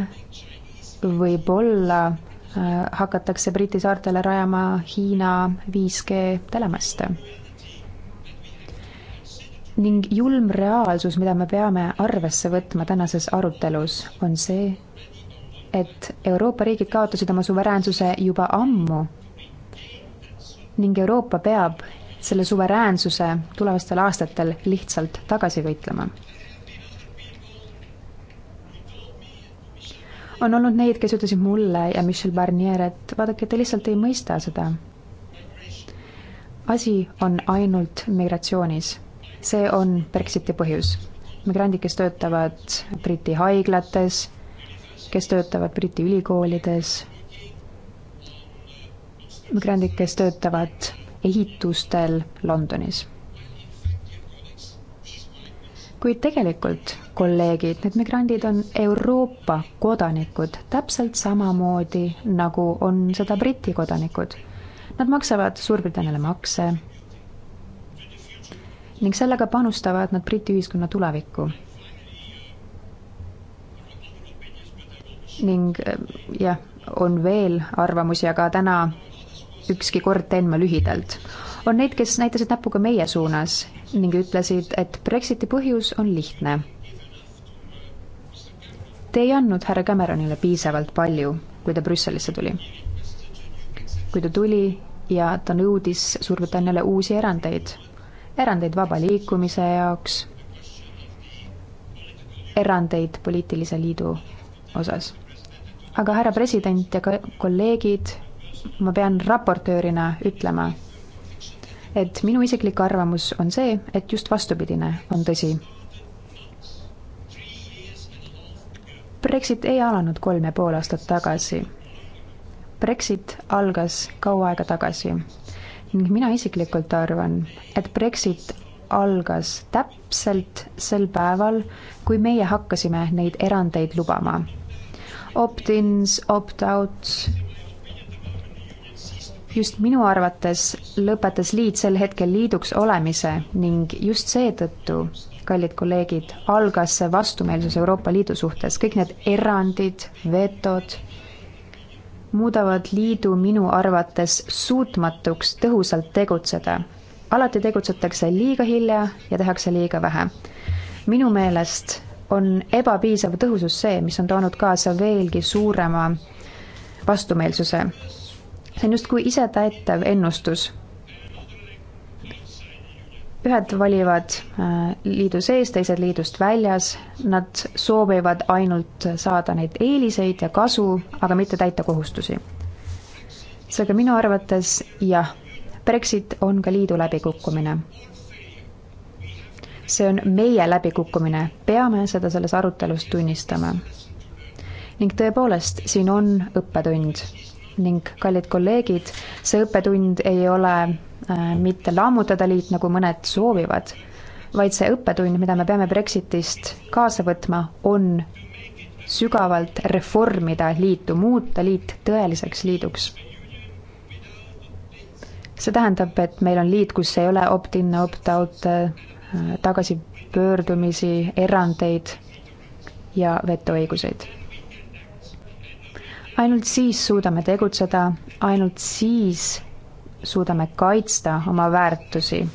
võib-olla äh, hakatakse Briti saartele rajama Hiina 5G telemaste ning julm reaalsus, mida me peame arvesse võtma tänases arutelus, on see, et Euroopa riigid kaotasid oma suveräänsuse juba ammu ning Euroopa peab selle suveräänsuse tulevastel aastatel lihtsalt tagasi võitlema. on olnud neid, kes ütlesid mulle ja Michel Barnier, et vaadake, te lihtsalt ei mõista seda. asi on ainult migratsioonis see on Brexiti põhjus. migrandid, kes töötavad Briti haiglates, kes töötavad Briti ülikoolides, migrandid, kes töötavad ehitustel Londonis. kuid tegelikult, kolleegid, need migrandid on Euroopa kodanikud täpselt samamoodi, nagu on seda Briti kodanikud. Nad maksavad Suurbritanniale makse, ning sellega panustavad nad Briti ühiskonna tulevikku. ning äh, jah, on veel arvamusi, aga täna ükski kord teen ma lühidalt. on neid, kes näitasid näpuga meie suunas ning ütlesid, et Brexiti põhjus on lihtne. Te ei andnud härra Cameronile piisavalt palju, kui ta Brüsselisse tuli. kui ta tuli ja ta nõudis Suurbritanniale uusi erandeid erandeid vaba liikumise jaoks, erandeid poliitilise liidu osas. aga härra president ja ka kolleegid, ma pean raportöörina ütlema, et minu isiklik arvamus on see, et just vastupidine on tõsi. Brexit ei alanud kolm ja pool aastat tagasi. Brexit algas kaua aega tagasi ning mina isiklikult arvan, et Brexit algas täpselt sel päeval, kui meie hakkasime neid erandeid lubama. Opt-ins, opt-outs, just minu arvates lõpetas liit sel hetkel liiduks olemise ning just seetõttu, kallid kolleegid, algas see vastumeelsus Euroopa Liidu suhtes, kõik need erandid, vetod muudavad liidu minu arvates suutmatuks tõhusalt tegutseda. alati tegutsetakse liiga hilja ja tehakse liiga vähe. minu meelest on ebapiisav tõhusus see, mis on toonud kaasa veelgi suurema vastumeelsuse. see on justkui isetäitev ennustus ühed valivad äh, liidu sees, teised liidust väljas, nad soovivad ainult saada neid eeliseid ja kasu, aga mitte täita kohustusi. seega minu arvates jah, Brexit on ka liidu läbikukkumine. see on meie läbikukkumine, peame seda selles arutelus tunnistama. ning tõepoolest, siin on õppetund ning kallid kolleegid, see õppetund ei ole Äh, mitte lammutada liit, nagu mõned soovivad, vaid see õppetund, mida me peame Brexitist kaasa võtma, on sügavalt reformida liitu, muuta liit tõeliseks liiduks. see tähendab, et meil on liit, kus ei ole opt-in, opt-out, äh, tagasipöördumisi, erandeid ja vetoõiguseid. ainult siis suudame tegutseda, ainult siis suudame kaitsta oma väärtusi.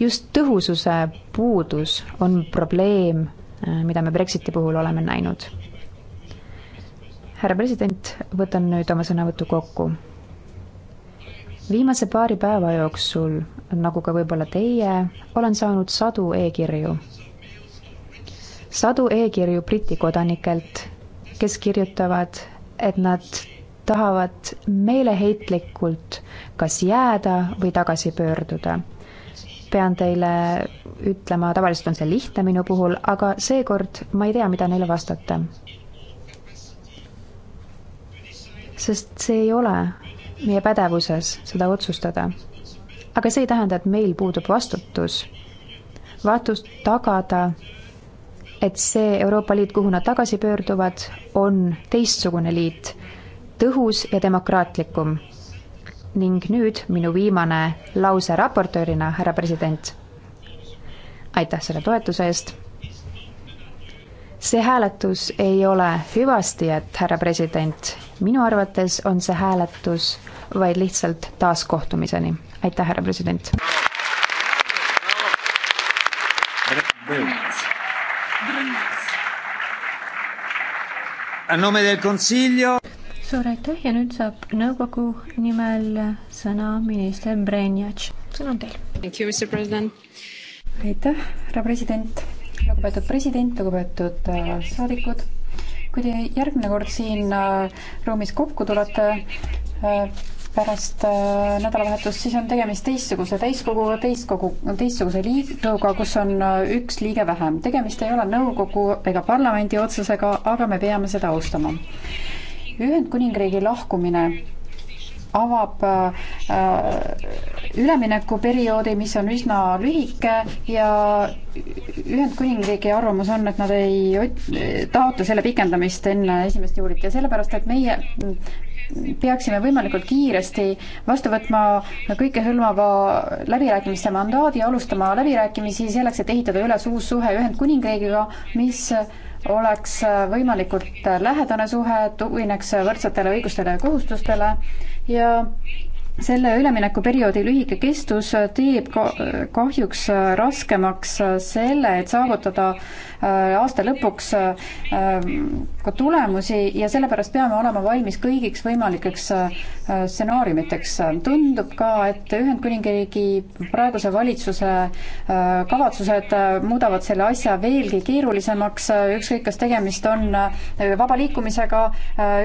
just tõhususe puudus on probleem, mida me Brexiti puhul oleme näinud. härra president, võtan nüüd oma sõnavõtu kokku. viimase paari päeva jooksul, nagu ka võib-olla teie, olen saanud sadu e-kirju. sadu e-kirju Briti kodanikelt, kes kirjutavad, et nad tahavad meeleheitlikult kas jääda või tagasi pöörduda. pean teile ütlema, tavaliselt on see lihtne minu puhul, aga seekord ma ei tea, mida neile vastata. sest see ei ole meie pädevuses seda otsustada. aga see ei tähenda, et meil puudub vastutus. vastutus tagada, et see Euroopa Liit, kuhu nad tagasi pöörduvad, on teistsugune liit tõhus ja demokraatlikum. ning nüüd minu viimane lause raportöörina, härra president. aitäh selle toetuse eest. see hääletus ei ole hüvasti, et härra president, minu arvates on see hääletus vaid lihtsalt taaskohtumiseni. aitäh, härra president. A nome del Consiglio suur aitäh ja nüüd saab nõukogu nimel sõna minister Brenjatš, sõna on teil. aitäh, härra president, lugupeetud president, lugupeetud äh, saadikud. kui te järgmine kord siin äh, ruumis kokku tulete, äh, pärast äh, nädalavahetust, siis on tegemist teistsuguse täiskoguga, täiskogu, teistsuguse liiduga, kus on äh, üks liige vähem. tegemist ei ole nõukogu ega parlamendi otsusega, aga me peame seda austama. Ühendkuningriigi lahkumine avab äh, üleminekuperioodi, mis on üsna lühike ja Ühendkuningriigi arvamus on, et nad ei taotle selle pikendamist enne esimest juulit ja sellepärast, et meie peaksime võimalikult kiiresti vastu võtma kõikehõlmava läbirääkimiste mandaadi, alustama läbirääkimisi selleks, et ehitada üles uus suhe Ühendkuningriigiga, mis oleks võimalikult lähedane suhe, tugineks võrdsetele õigustele ja kohustustele ja selle üleminekuperioodi lühike kestus teeb kahjuks raskemaks selle, et saavutada äh, aasta lõpuks äh, ka tulemusi ja sellepärast peame olema valmis kõigiks võimalikeks äh, stsenaariumiteks. tundub ka, et Ühendkuningriigi praeguse valitsuse äh, kavatsused äh, muudavad selle asja veelgi keerulisemaks, ükskõik, kas tegemist on äh, vaba liikumisega,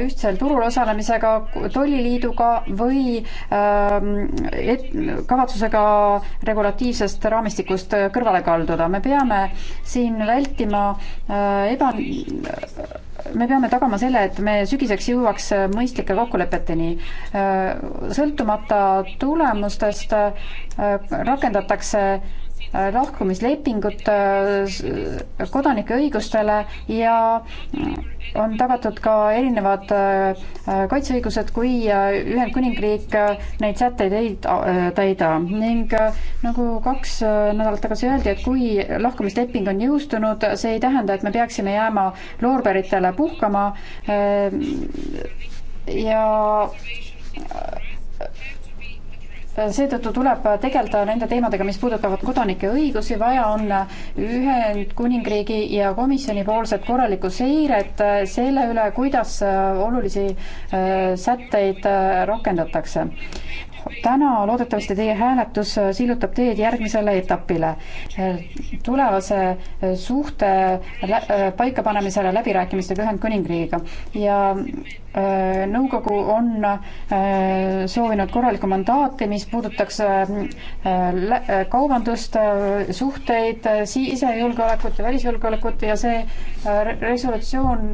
ühtsel turul osalemisega, tolliliiduga või ähm, et, kavatsusega regulatiivsest raamistikust kõrvale kalduda. me peame siin vältima eba, me peame tagama selle, et me sügiseks jõuaks mõistlike kokkulepeteni. Äh, sõltumata tulemustest äh, rakendatakse Äh, lahkumislepingut äh, kodanike õigustele ja äh, on tagatud ka erinevad kaitseõigused, kui Ühendkuningriik neid sätteid ei täida ning nagu kaks nädalat tagasi öeldi, et kui lahkumisleping on jõustunud, see ei tähenda, et me peaksime jääma loorberitele puhkama ja seetõttu tuleb tegeleda nende teemadega, mis puudutavad kodanike õigusi, vaja on Ühendkuningriigi ja komisjoni poolset korralikku seiret selle üle, kuidas olulisi äh, sätteid äh, rakendatakse täna loodetavasti teie hääletus äh, sillutab teed järgmisele etapile, äh, tulevase äh, suhte paikapanemisele läbirääkimistega Ühendkuningriigiga ja nõukogu on soovinud korralikku mandaati, mis puudutaks kaubandust, suhteid, sisejulgeolekut ja välisjulgeolekut ja see resolutsioon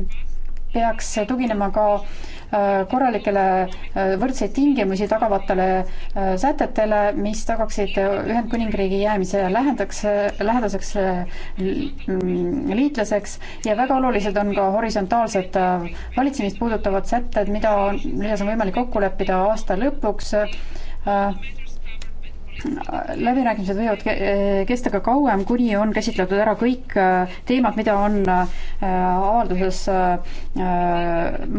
peaks tuginema ka äh, korralikele äh, võrdseid tingimusi tagavatele äh, sätetele, mis tagaksid Ühendkuningriigi jäämise lähendaks, lähedaseks mm, liitlaseks ja väga olulised on ka horisontaalsed valitsemist puudutavad sätted, mida, milles on võimalik kokku leppida aasta lõpuks läbirääkimised võivad eh, kesta ka kauem, kuni on käsitletud ära kõik eh, teemad, mida on eh, avalduses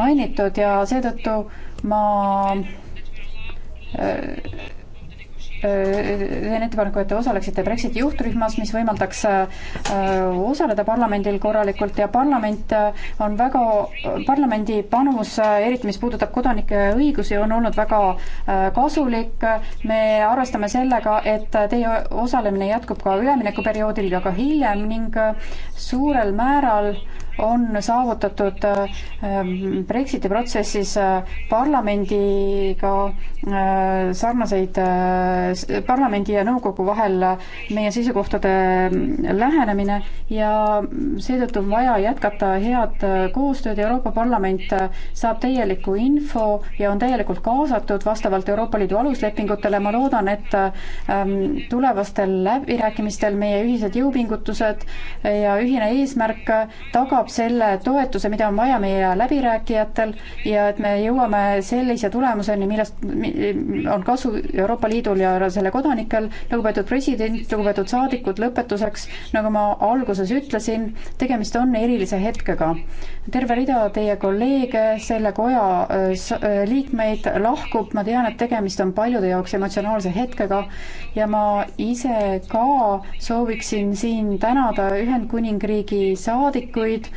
mainitud ja seetõttu ma Äh, teen ettepaneku, et te osaleksite Brexiti juhtrühmas, mis võimaldaks äh, osaleda parlamendil korralikult ja parlament äh, on väga, parlamendi panus, eriti mis puudutab kodanike õigusi, on olnud väga kasulik. me arvestame sellega, et teie osalemine jätkub ka üleminekuperioodil ja ka hiljem ning suurel määral äh, on saavutatud ähm, Brexiti protsessis äh, parlamendiga äh, sarnaseid, äh, parlamendi ja nõukogu vahel meie seisukohtade ähm, lähenemine ja seetõttu on vaja jätkata head koostööd, Euroopa Parlament saab täielikku info ja on täielikult kaasatud vastavalt Euroopa Liidu aluslepingutele, ma loodan, et ähm, tulevastel läbirääkimistel meie ühised jõupingutused ja ühine eesmärk tagab tagab selle toetuse, mida on vaja meie läbirääkijatel ja et me jõuame sellise tulemuseni, millest on kasu Euroopa Liidul ja selle kodanikel. lugupeetud president, lugupeetud saadikud, lõpetuseks, nagu ma alguses ütlesin, tegemist on erilise hetkega. terve rida teie kolleege, selle koja äh, äh, liikmeid lahkub, ma tean, et tegemist on paljude jaoks emotsionaalse hetkega ja ma ise ka sooviksin siin tänada Ühendkuningriigi saadikuid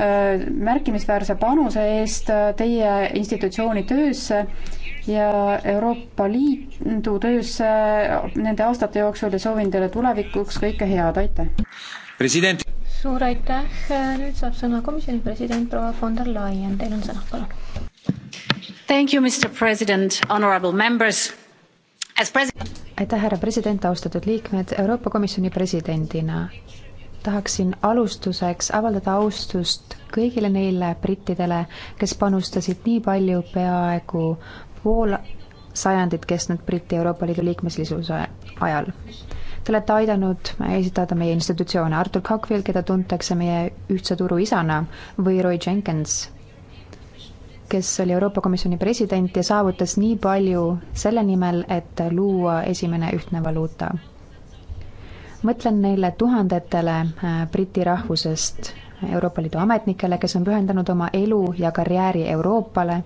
Äh, märkimisväärse panuse eest äh, teie institutsiooni töösse ja Euroopa Liidu töösse nende aastate jooksul ja soovin teile tulevikuks kõike head, aitäh! suur aitäh, nüüd saab sõna komisjoni president proua von der Leyen, teil on sõna, palun. Thank you, Mr President, honorable members. As president aitäh, härra president, austatud liikmed, Euroopa Komisjoni presidendina tahaksin alustuseks avaldada austust kõigile neile brittidele, kes panustasid nii palju peaaegu pool sajandit kestnud Briti Euroopa Liidu liikmelisuse ajal. Te olete aidanud esitada meie institutsioone, Artur Cockfield, keda tuntakse meie ühtse turu isana, või Roy Jenkins, kes oli Euroopa Komisjoni president ja saavutas nii palju selle nimel, et luua esimene ühtne valuuta mõtlen neile tuhandetele äh, Briti rahvusest Euroopa Liidu ametnikele, kes on pühendanud oma elu ja karjääri Euroopale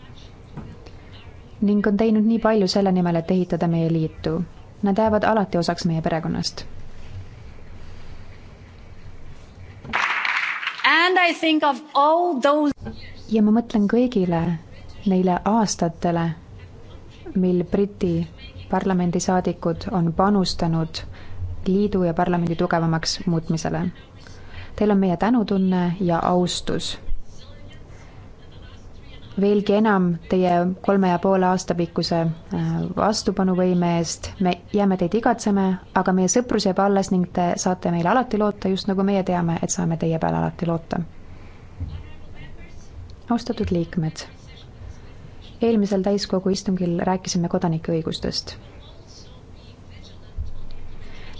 ning on teinud nii palju selle nimel, et ehitada meie liitu. Nad jäävad alati osaks meie perekonnast. Those... ja ma mõtlen kõigile neile aastatele, mil Briti parlamendisaadikud on panustanud liidu ja parlamendi tugevamaks muutmisele. Teil on meie tänutunne ja austus. veelgi enam teie kolme ja poole aasta pikkuse äh, vastupanuvõime eest, me jääme teid igatseme, aga meie sõprus jääb alles ning te saate meile alati loota, just nagu meie teame, et saame teie peale alati loota. austatud liikmed, eelmisel täiskogu istungil rääkisime kodanike õigustest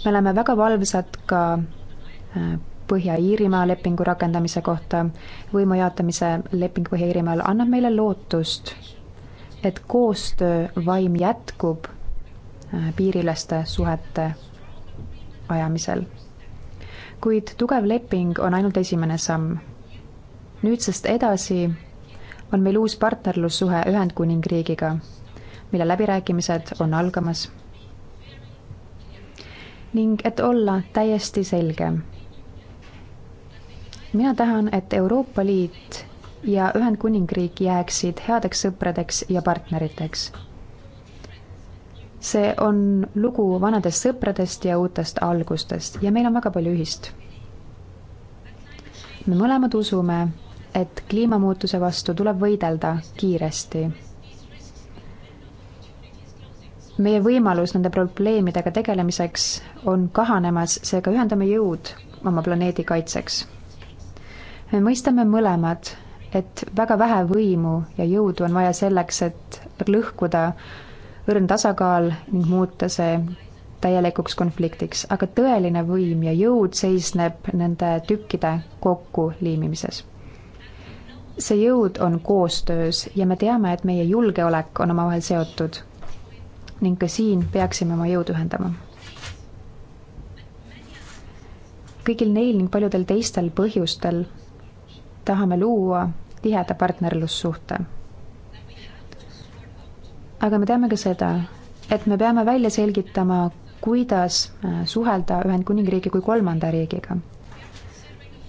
me oleme väga valvsad ka äh, Põhja-Iirimaa lepingu rakendamise kohta. võimu jaotamise leping Põhja-Iirimaal annab meile lootust, et koostöö vaim jätkub äh, piiriüleste suhete ajamisel. kuid tugev leping on ainult esimene samm. nüüdsest edasi on meil uus partnerlussuhe Ühendkuningriigiga, mille läbirääkimised on algamas ning et olla täiesti selge. mina tahan, et Euroopa Liit ja Ühendkuningriik jääksid headeks sõpradeks ja partneriteks. see on lugu vanadest sõpradest ja uutest algustest ja meil on väga palju ühist. me mõlemad usume, et kliimamuutuse vastu tuleb võidelda kiiresti meie võimalus nende probleemidega tegelemiseks on kahanemas, seega ühendame jõud oma planeedi kaitseks. me mõistame mõlemad, et väga vähe võimu ja jõudu on vaja selleks, et lõhkuda õrn tasakaal ning muuta see täielikuks konfliktiks, aga tõeline võim ja jõud seisneb nende tükkide kokkuliimimises. see jõud on koostöös ja me teame, et meie julgeolek on omavahel seotud ning ka siin peaksime oma jõud ühendama. kõigil neil ning paljudel teistel põhjustel tahame luua tiheda partnerlussuhte. aga me teame ka seda, et me peame välja selgitama, kuidas äh, suhelda Ühendkuningriigi kui kolmanda riigiga.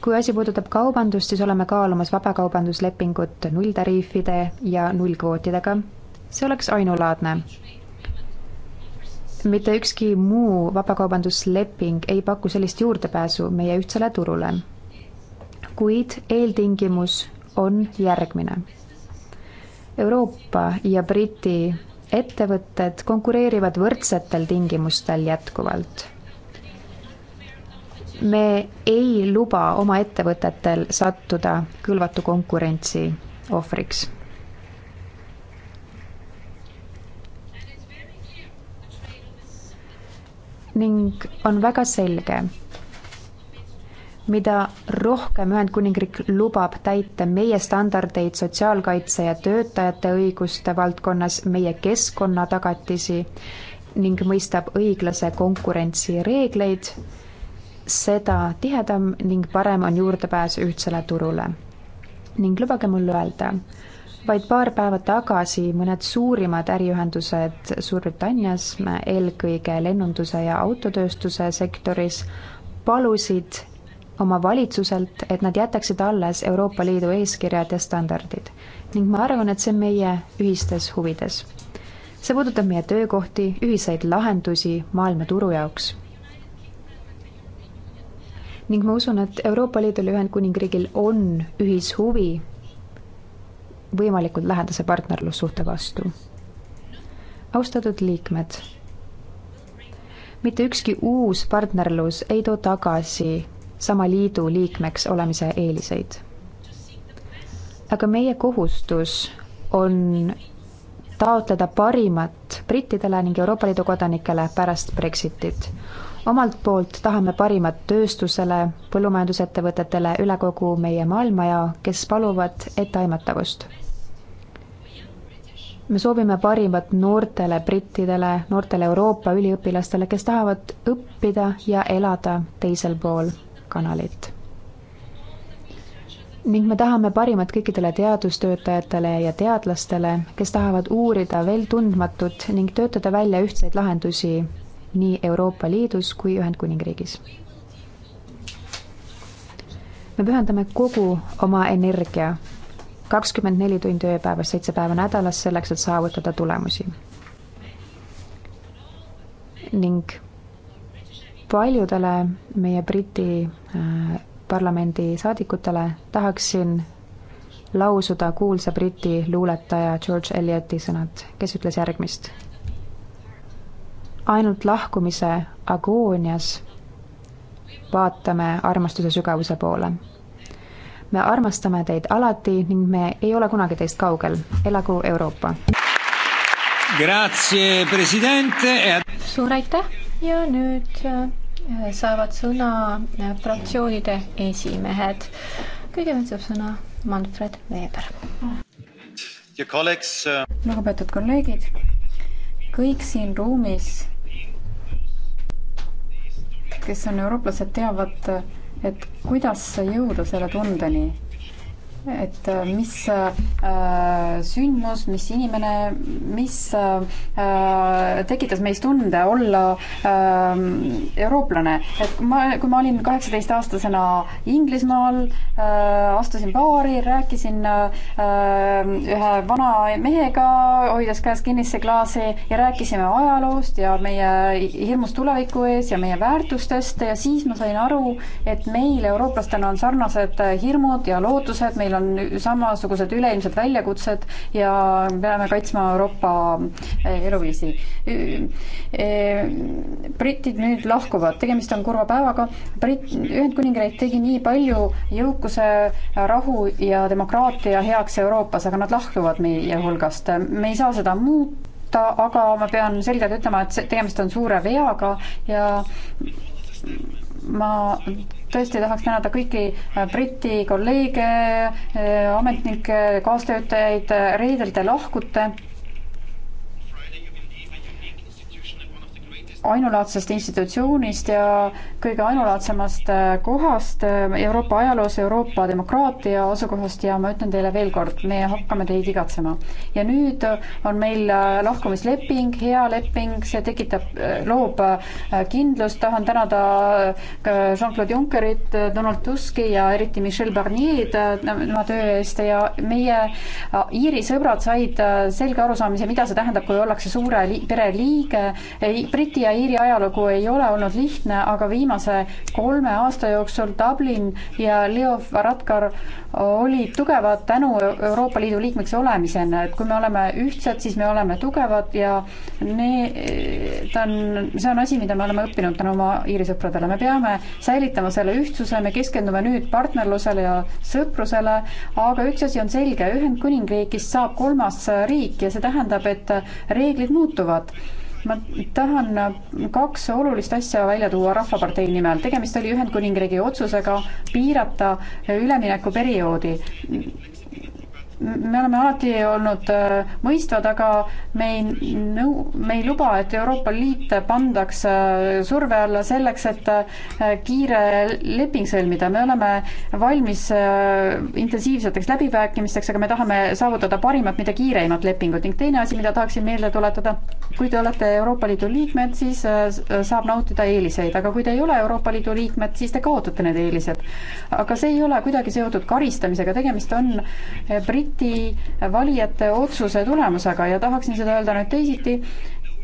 kui asi puudutab kaubandust, siis oleme kaalumas vabakaubanduslepingut nulltariifide ja nullkvootidega. see oleks ainulaadne mitte ükski muu vabakaubandusleping ei paku sellist juurdepääsu meie ühtsele turule. kuid eeltingimus on järgmine. Euroopa ja Briti ettevõtted konkureerivad võrdsetel tingimustel jätkuvalt. me ei luba oma ettevõtetel sattuda külvatu konkurentsi ohvriks ning on väga selge, mida rohkem Ühendkuningriik lubab täita meie standardeid sotsiaalkaitse ja töötajate õiguste valdkonnas, meie keskkonnatagatisi ning mõistab õiglase konkurentsi reegleid, seda tihedam ning parem on juurdepääs ühtsele turule. ning lubage mul öelda, vaid paar päeva tagasi mõned suurimad äriühendused Suurbritannias, eelkõige lennunduse ja autotööstuse sektoris, palusid oma valitsuselt, et nad jätaksid alles Euroopa Liidu eeskirjad ja standardid. ning ma arvan, et see on meie ühistes huvides. see puudutab meie töökohti, ühiseid lahendusi maailmaturu jaoks. ning ma usun, et Euroopa Liidul ja Ühendkuningriigil on ühishuvi võimalikult lähedase partnerlussuhte vastu. austatud liikmed, mitte ükski uus partnerlus ei too tagasi sama liidu liikmeks olemise eeliseid. aga meie kohustus on taotleda parimat brittidele ning Euroopa Liidu kodanikele pärast Brexitit. omalt poolt tahame parimat tööstusele, põllumajandusettevõtetele üle kogu meie maailma ja kes paluvad etteaimatavust me soovime parimat noortele brittidele, noortele Euroopa üliõpilastele, kes tahavad õppida ja elada teisel pool kanalit. ning me tahame parimat kõikidele teadustöötajatele ja teadlastele, kes tahavad uurida veel tundmatut ning töötada välja ühtseid lahendusi nii Euroopa Liidus kui Ühendkuningriigis. me pühendame kogu oma energia kakskümmend neli tundi ööpäevas, seitse päeva nädalas, selleks et saavutada tulemusi. ning paljudele meie Briti äh, parlamendi saadikutele tahaksin lausuda kuulsa Briti luuletaja George Elioti sõnad, kes ütles järgmist. ainult lahkumise agoonias vaatame armastuse sügavuse poole me armastame teid alati ning me ei ole kunagi teist kaugel. elagu Euroopa! E suur aitäh ja nüüd äh, saavad sõna äh, fraktsioonide esimehed. kõigepealt saab sõna Manfred Weber. Äh, lugupeetud kolleegid, kõik siin ruumis, kes on eurooplased, teavad, et kuidas jõuda selle tundeni, et äh, mis äh, sündmus, mis inimene, mis äh, tekitas meis tunde olla äh, eurooplane. et ma, kui ma olin kaheksateistaastasena Inglismaal äh,, astusin baari, rääkisin äh, ühe vana mehega, hoides käes kinnisse klaasi ja rääkisime ajaloost ja meie hirmust tuleviku ees ja meie väärtustest ja siis ma sain aru, et meil, eurooplastena, on sarnased hirmud ja lootused, meil meil on samasugused üleilmsed väljakutsed ja peame kaitsma Euroopa eh, eluviisi. Eh, britid nüüd lahkuvad, tegemist on kurva päevaga, Brit-, Ühendkuningriik tegi nii palju jõukuse, rahu ja demokraatia heaks Euroopas, aga nad lahkuvad meie hulgast, me ei saa seda muuta, aga ma pean selgelt ütlema, et tegemist on suure veaga ja ma tõesti tahaks tänada kõiki äh, Briti kolleege, äh, ametnikke, kaastöötajaid, äh, reedel te lahkute ainulaadsest institutsioonist ja kõige ainulaadsemast äh, kohast äh, Euroopa ajaloos, Euroopa demokraatia asukohast ja ma ütlen teile veel kord, me hakkame teid igatsema. ja nüüd äh, on meil lahkumisleping, hea leping, see tekitab, loob kindlust, tahan tänada Jean-Claude Junckerit, Donald Tuski ja eriti Michel Barnier'd tema töö eest ja meie Iiri sõbrad said selge arusaamise, mida see tähendab, kui ollakse suure li pere liige, Briti ja ja Iiri ajalugu ei ole olnud lihtne, aga viimase kolme aasta jooksul Dublin ja Leo Varadkar olid tugevad tänu Euroopa Liidu liikmeks olemisele, et kui me oleme ühtsed, siis me oleme tugevad ja need on, see on asi, mida me oleme õppinud tänu oma Iiri sõpradele, me peame säilitama selle ühtsuse, me keskendume nüüd partnerlusele ja sõprusele, aga üks asi on selge, Ühendkuningriigist saab kolmas riik ja see tähendab, et reeglid muutuvad ma tahan kaks olulist asja välja tuua Rahvapartei nimel. tegemist oli Ühendkuningriigi otsusega piirata üleminekuperioodi me oleme alati olnud äh, mõistvad, aga me ei nõu, me ei luba, et Euroopa Liit pandaks äh, surve alla selleks, et äh, kiire leping sõlmida. me oleme valmis intensiivseteks läbirääkimisteks, aga me tahame saavutada parimat, mitte kiireimat lepingut ning teine asi, mida tahaksin meelde tuletada, kui te olete Euroopa Liidu liikmed, siis saab nautida eeliseid, aga kui te ei ole Euroopa Liidu liikmed, siis te kaotate need eelised. aga see ei ole kuidagi seotud karistamisega, tegemist on Briti Briti valijate otsuse tulemusega ja tahaksin seda öelda nüüd teisiti,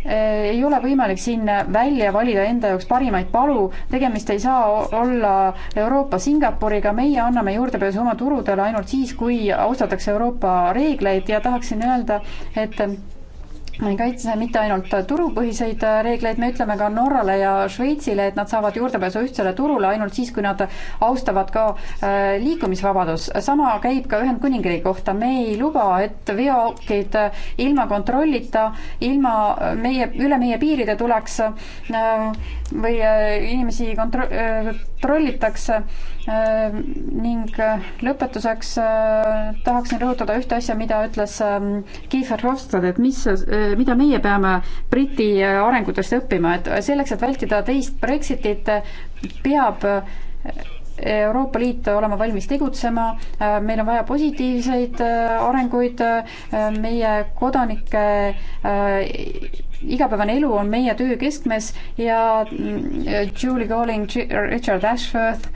eh, ei ole võimalik siin välja valida enda jaoks parimaid palu, tegemist ei saa olla Euroopa Singapuriga, meie anname juurdepääsu oma turudele ainult siis, kui austatakse Euroopa reegleid ja tahaksin öelda, et me ei kaitse mitte ainult turupõhiseid äh, reegleid, me ütleme ka Norrale ja Šveitsile, et nad saavad juurdepääsu ühtsele turule ainult siis, kui nad austavad ka äh, liikumisvabadus. sama käib ka Ühendkuningriigi kohta, me ei luba, et veokeid äh, ilma kontrollita, ilma meie, üle meie piiride tuleks või inimesi kontrollitakse Äh, ning äh, lõpetuseks äh, tahaksin rõhutada ühte asja, mida ütles ähm, Kiefer Hofstad, et mis, mida meie peame Briti arengutest õppima, et selleks, et vältida teist Brexitit, peab Euroopa Liit olema valmis tegutsema, meil on vaja positiivseid arenguid, meie kodanike igapäevane elu on meie töö keskmes ja mm, Julie Colling, Richard Ashworth,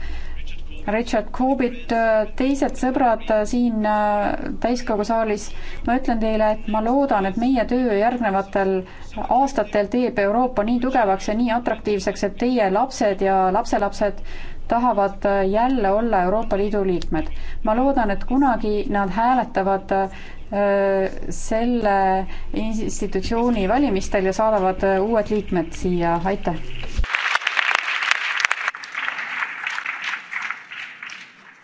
Richard Corbett, äh, teised sõbrad äh, siin äh, täiskogu saalis, ma ütlen teile, et ma loodan, et meie töö järgnevatel aastatel teeb Euroopa nii tugevaks ja nii atraktiivseks, et teie lapsed ja lapselapsed tahavad jälle olla Euroopa Liidu liikmed. ma loodan, et kunagi nad hääletavad selle institutsiooni valimistel ja saadavad uued liikmed siia, aitäh!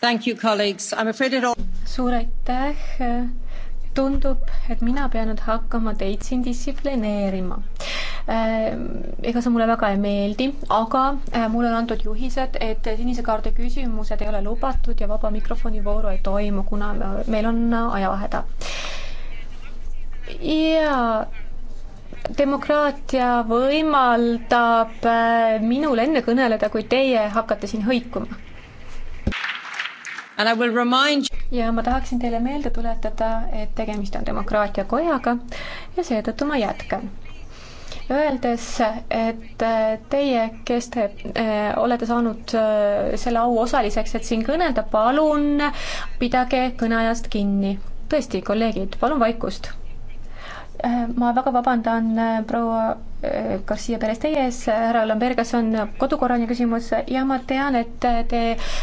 All... suur aitäh. tundub, et mina pean nüüd hakkama teid siin distsiplineerima. Äh, ega see mulle väga ei meeldi, aga äh, mulle on antud juhised, et sinise kaardi küsimused ei ole lubatud ja vaba mikrofoni vooru ei toimu, kuna äh, meil on ajavaheda. jaa demokraatia võimaldab minul enne kõneleda, kui teie hakkate siin hõikuma ja ma tahaksin teile meelde tuletada, et tegemist on demokraatia kojaga ja seetõttu ma jätkan. Öeldes, et teie, kes te eh, olete saanud eh, selle au osaliseks, et siin kõnelda, palun pidage kõneajast kinni. tõesti, kolleegid, palun vaikust. Eh, ma väga vabandan, proua Garcia Perez teie ees, härra Lambergas on kodukorraline küsimus ja ma tean, et te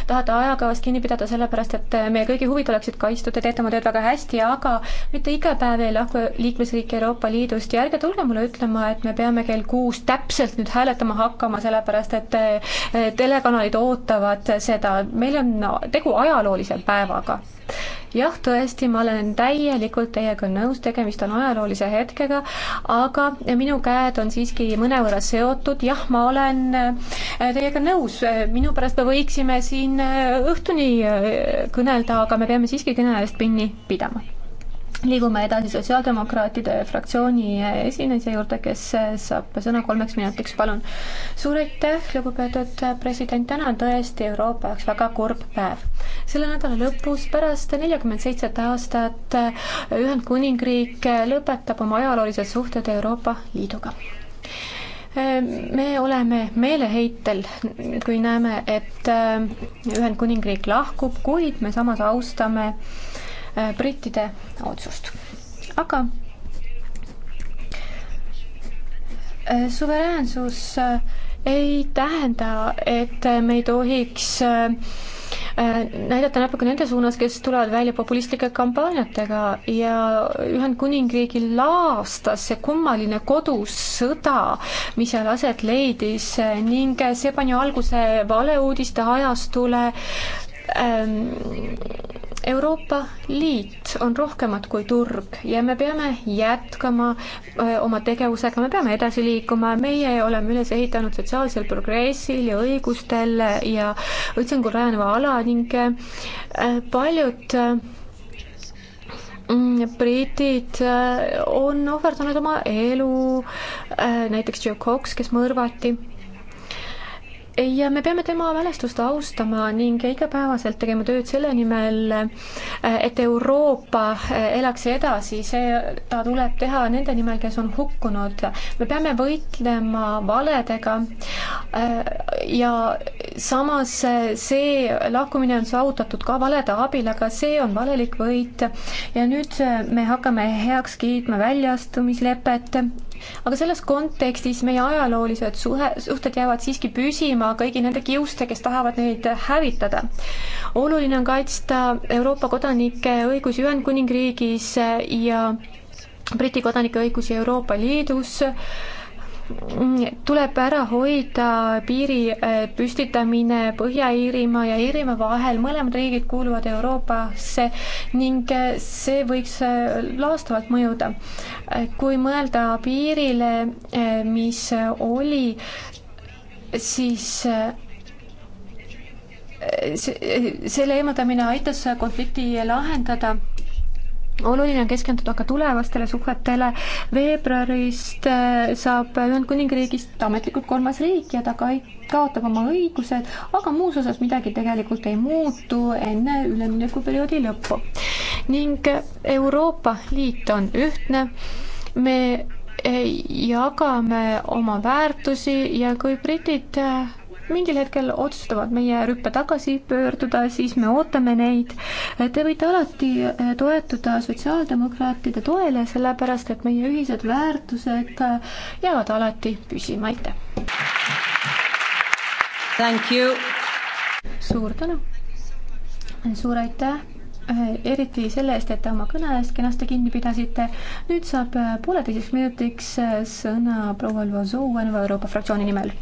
tahate ajakavast kinni pidada, sellepärast et meie kõigi huvid oleksid kaitstud, te teete oma tööd väga hästi, aga mitte iga päev ei lahku liikmesriik Euroopa Liidust ja ärge tulge mulle ütlema, et me peame kell kuus täpselt nüüd hääletama hakkama, sellepärast et eh, telekanalid ootavad seda, meil on tegu ajaloolise päevaga jah, tõesti, ma olen täielikult teiega nõus, tegemist on ajaloolise hetkega, aga minu käed on on siiski mõnevõrra seotud, jah, ma olen äh, teiega nõus, minu pärast me võiksime siin äh, õhtuni äh, kõnelda, aga me peame siiski kõne eest pinni pidama liigume edasi Sotsiaaldemokraatide fraktsiooni esinemise juurde, kes saab sõna kolmeks minutiks, palun. suur aitäh, lugupeetud president, täna on tõesti Euroopa jaoks väga kurb päev. selle nädala lõpus pärast neljakümmet seitset aastat Ühendkuningriik lõpetab oma ajaloolised suhted Euroopa Liiduga me oleme meeleheitel, kui näeme, et Ühendkuningriik lahkub, kuid me samas austame äh, Äh, brittide otsust. aga äh, suveräänsus äh, ei tähenda, et me ei tohiks näidata näpuga nende suunas, kes tulevad välja populistlike kampaaniatega ja Ühendkuningriigil laastas see kummaline kodusõda, mis seal aset leidis ning see pani alguse valeuudiste ajastule ähm, Euroopa Liit on rohkemat kui turg ja me peame jätkama oma tegevusega, me peame edasi liikuma, meie oleme üles ehitanud sotsiaalsel progressil ja õigustel ja õitsengul rajaneva ala ning paljud mm, britid on ohverdanud oma elu, näiteks Joe Cox, kes mõrvati ja me peame tema mälestust austama ning igapäevaselt tegema tööd selle nimel, et Euroopa eh, elaks edasi, seda tuleb teha nende nimel, kes on hukkunud. me peame võitlema valedega eh, ja samas eh, see lahkumine on saavutatud ka valede abil, aga see on valelik võit. ja nüüd me hakkame heaks kiitma väljaastumislepet aga selles kontekstis meie ajaloolised suhe, suhted jäävad siiski püsima kõigi nende kiuste, kes tahavad neid hävitada. oluline on kaitsta Euroopa kodanike õigusi Ühendkuningriigis ja Briti kodanike õigusi Euroopa Liidus äh,, tuleb ära hoida piiri eh, püstitamine Põhja-Iirimaa ja Iirimaa vahel, mõlemad riigid kuuluvad Euroopasse ning eh, see võiks eh, laastavalt mõjuda. kui mõelda piirile, mis oli, siis selle eemaldamine aitas konflikti lahendada oluline on keskenduda ka tulevastele suhetele. veebruarist äh, saab Ühendkuningriigist ametlikult kolmas riik ja ta ka kaotab oma õigused, aga muus osas midagi tegelikult ei muutu enne üleminekuperioodi lõppu. ning äh, Euroopa Liit on ühtne, me äh, jagame oma väärtusi ja kui britid mingil hetkel otsustavad meie rüppe tagasi pöörduda, siis me ootame neid. Te võite alati eh, toetuda sotsiaaldemokraatide toele, sellepärast et meie ühised väärtused eh, jäävad alati püsima, aitäh! suur tänu! suur aitäh! Eh, eriti selle eest, et te oma kõne eest kenasti kinni pidasite. nüüd saab pooleteiseks minutiks sõna proua Lvozo Uueneva Euroopa fraktsiooni nimel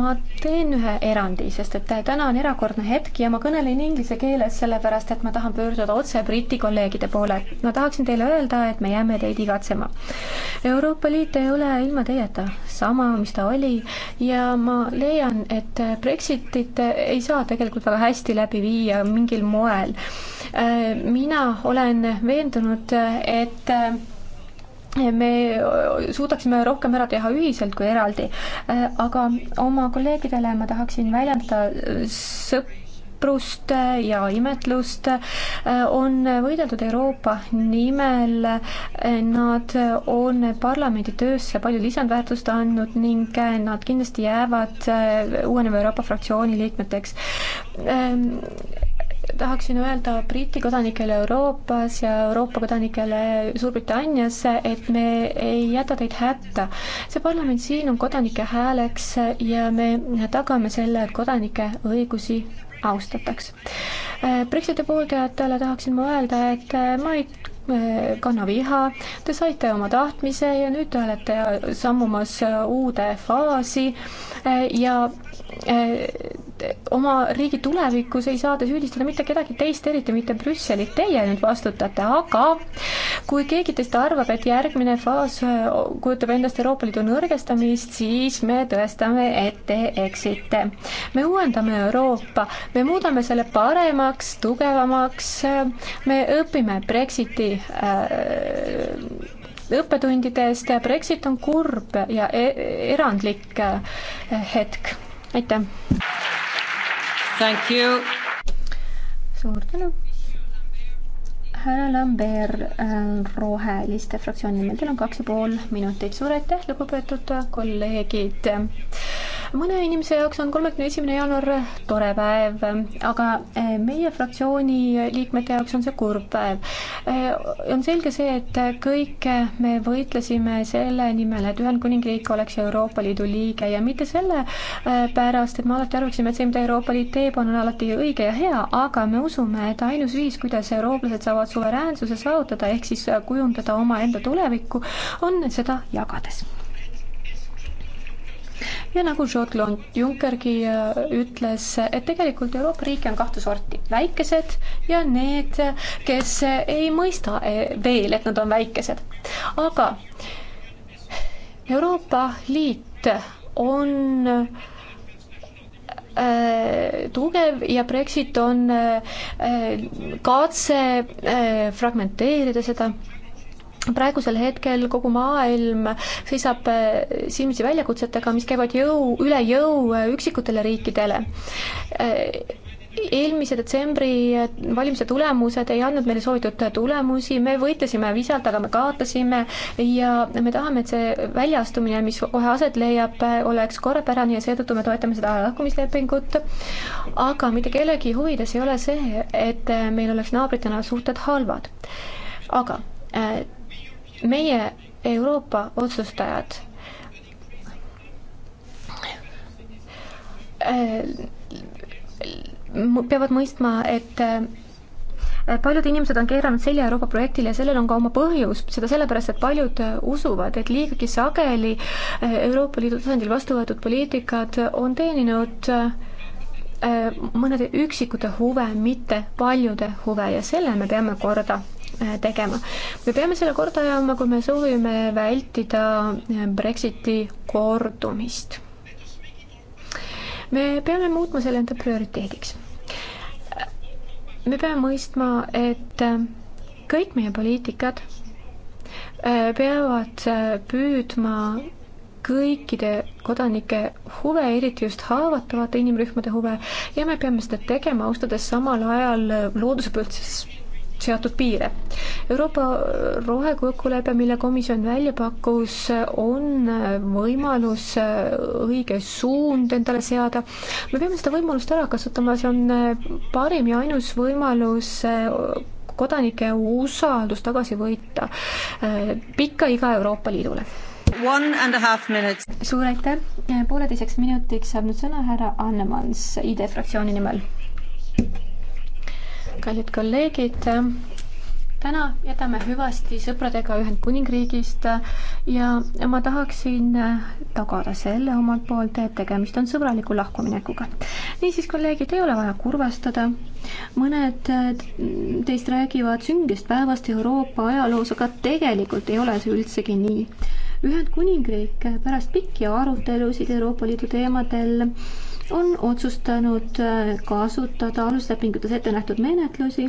ma teen ühe erandi, sest et täna on erakordne hetk ja ma kõnelen inglise keeles, sellepärast et ma tahan pöörduda otse Briti kolleegide poole. ma tahaksin teile öelda, et me jääme teid igatsema. Euroopa Liit ei ole ilma teieta sama, mis ta oli ja ma leian, et Brexitit ei saa tegelikult väga hästi läbi viia mingil moel. Äh, mina olen veendunud, et äh, me suudaksime rohkem ära teha ühiselt kui eraldi. Äh, aga oma kolleegidele ma tahaksin väljendada sõprust äh, ja imetlust. Äh, on võideldud Euroopa nimel, nad on parlamendi töösse palju lisandväärtust andnud ning nad kindlasti jäävad uueneva Euroopa fraktsiooni liikmeteks tahaksin öelda Briti kodanikele Euroopas ja Euroopa kodanikele Suurbritannias, et me ei jäta teid hätta. see parlament siin on kodanike hääleks ja me tagame selle, et kodanike õigusi austataks. Brexiti pooldajatele tahaksin ma öelda, et ma ei kanna viha, te saite oma tahtmise ja nüüd te olete sammumas uude faasi ja Äh, oma riigi tulevikus ei saa te süüdistada mitte kedagi teist, eriti mitte Brüsselit, teie nüüd vastutate, aga kui keegi teist arvab, et järgmine faas äh, kujutab endast Euroopa Liidu nõrgestamist, siis me tõestame, et te eksite. me uuendame Euroopa, me muudame selle paremaks, tugevamaks, äh, me õpime Brexiti äh, õppetundidest, Brexit on kurb ja e erandlik hetk aitäh! suur tänu! härra Lambert äh, Roheliste fraktsiooni nimel, teil on kaks ja pool minutit. suur aitäh, lugupeetud kolleegid. mõne inimese jaoks on kolmekümne esimene jaanuar tore päev, aga äh, meie fraktsiooni liikmete jaoks on see kurb päev. Äh, on selge see, et kõik me võitlesime selle nimel, et Ühendkuningriik oleks Euroopa Liidu liige ja mitte selle pärast, et me alati arvaksime, et see, mida Euroopa Liit teeb, on alati õige ja hea, aga me usume, et ainus viis, kuidas eurooplased saavad suveräänsuse saavutada, ehk siis äh, kujundada omaenda tulevikku, on seda jagades ja nagu Jean-Claude Junckergi äh, ütles, et tegelikult Euroopa riike on kahte sorti, väikesed ja need, kes äh, ei mõista veel, et nad on väikesed. aga Euroopa Liit on äh, Äh, tugev ja Brexit on äh, äh, katse fragmenteerida seda praegusel hetkel kogu maailm seisab silmitsi väljakutsetega, mis käivad jõu, üle jõu üksikutele riikidele eelmise detsembri eh, valimiste tulemused ei andnud meile soovitud tulemusi, me võitlesime visalt, aga me kaotasime ja me tahame, et see väljaastumine, mis kohe aset leiab, eh, oleks korrapärane ja seetõttu me toetame seda lahkumislepingut. aga mitte kellegi huvides ei ole see, et eh, meil oleks naabritena suhted halvad. aga meie Euroopa otsustajad peavad mõistma, et äh, paljud inimesed on keeranud selja Euroopa projektile ja sellel on ka oma põhjus, seda sellepärast, et paljud äh, usuvad, et liigagi sageli äh, Euroopa Liidu tasandil vastu võetud poliitikad on teeninud mõnede üksikute huve, mitte paljude huve ja selle me peame korda tegema. me peame selle korda ajama, kui me soovime vältida Brexiti kordumist. me peame muutma selle enda prioriteediks me peame mõistma, et äh, kõik meie poliitikad äh, peavad äh, püüdma kõikide kodanike huve, eriti just haavatavate inimrühmade huve ja me peame seda tegema, austades samal ajal looduse poolt siis seatud piire. Euroopa rohekokkulepe, mille komisjon välja pakkus, on võimalus õige suund endale seada. me peame seda võimalust ära kasutama, see on parim ja ainus võimalus kodanike usaldus tagasi võita pikka iga Euroopa Liidule. suur aitäh, pooleteiseks minutiks saab nüüd sõna härra Annemans ID e fraktsiooni nimel kallid kolleegid, täna jätame hüvasti sõpradega Ühendkuningriigist ja ma tahaksin tagada selle omalt poolt, et tegemist on sõbraliku lahkuminekuga. niisiis, kolleegid, ei ole vaja kurvastada, mõned teist räägivad süngest päevast Euroopa ajaloos, aga tegelikult ei ole see üldsegi nii. Ühendkuningriik pärast pikki arutelusid Euroopa Liidu teemadel on otsustanud äh, kasutada aluslepingutes ette nähtud menetlusi,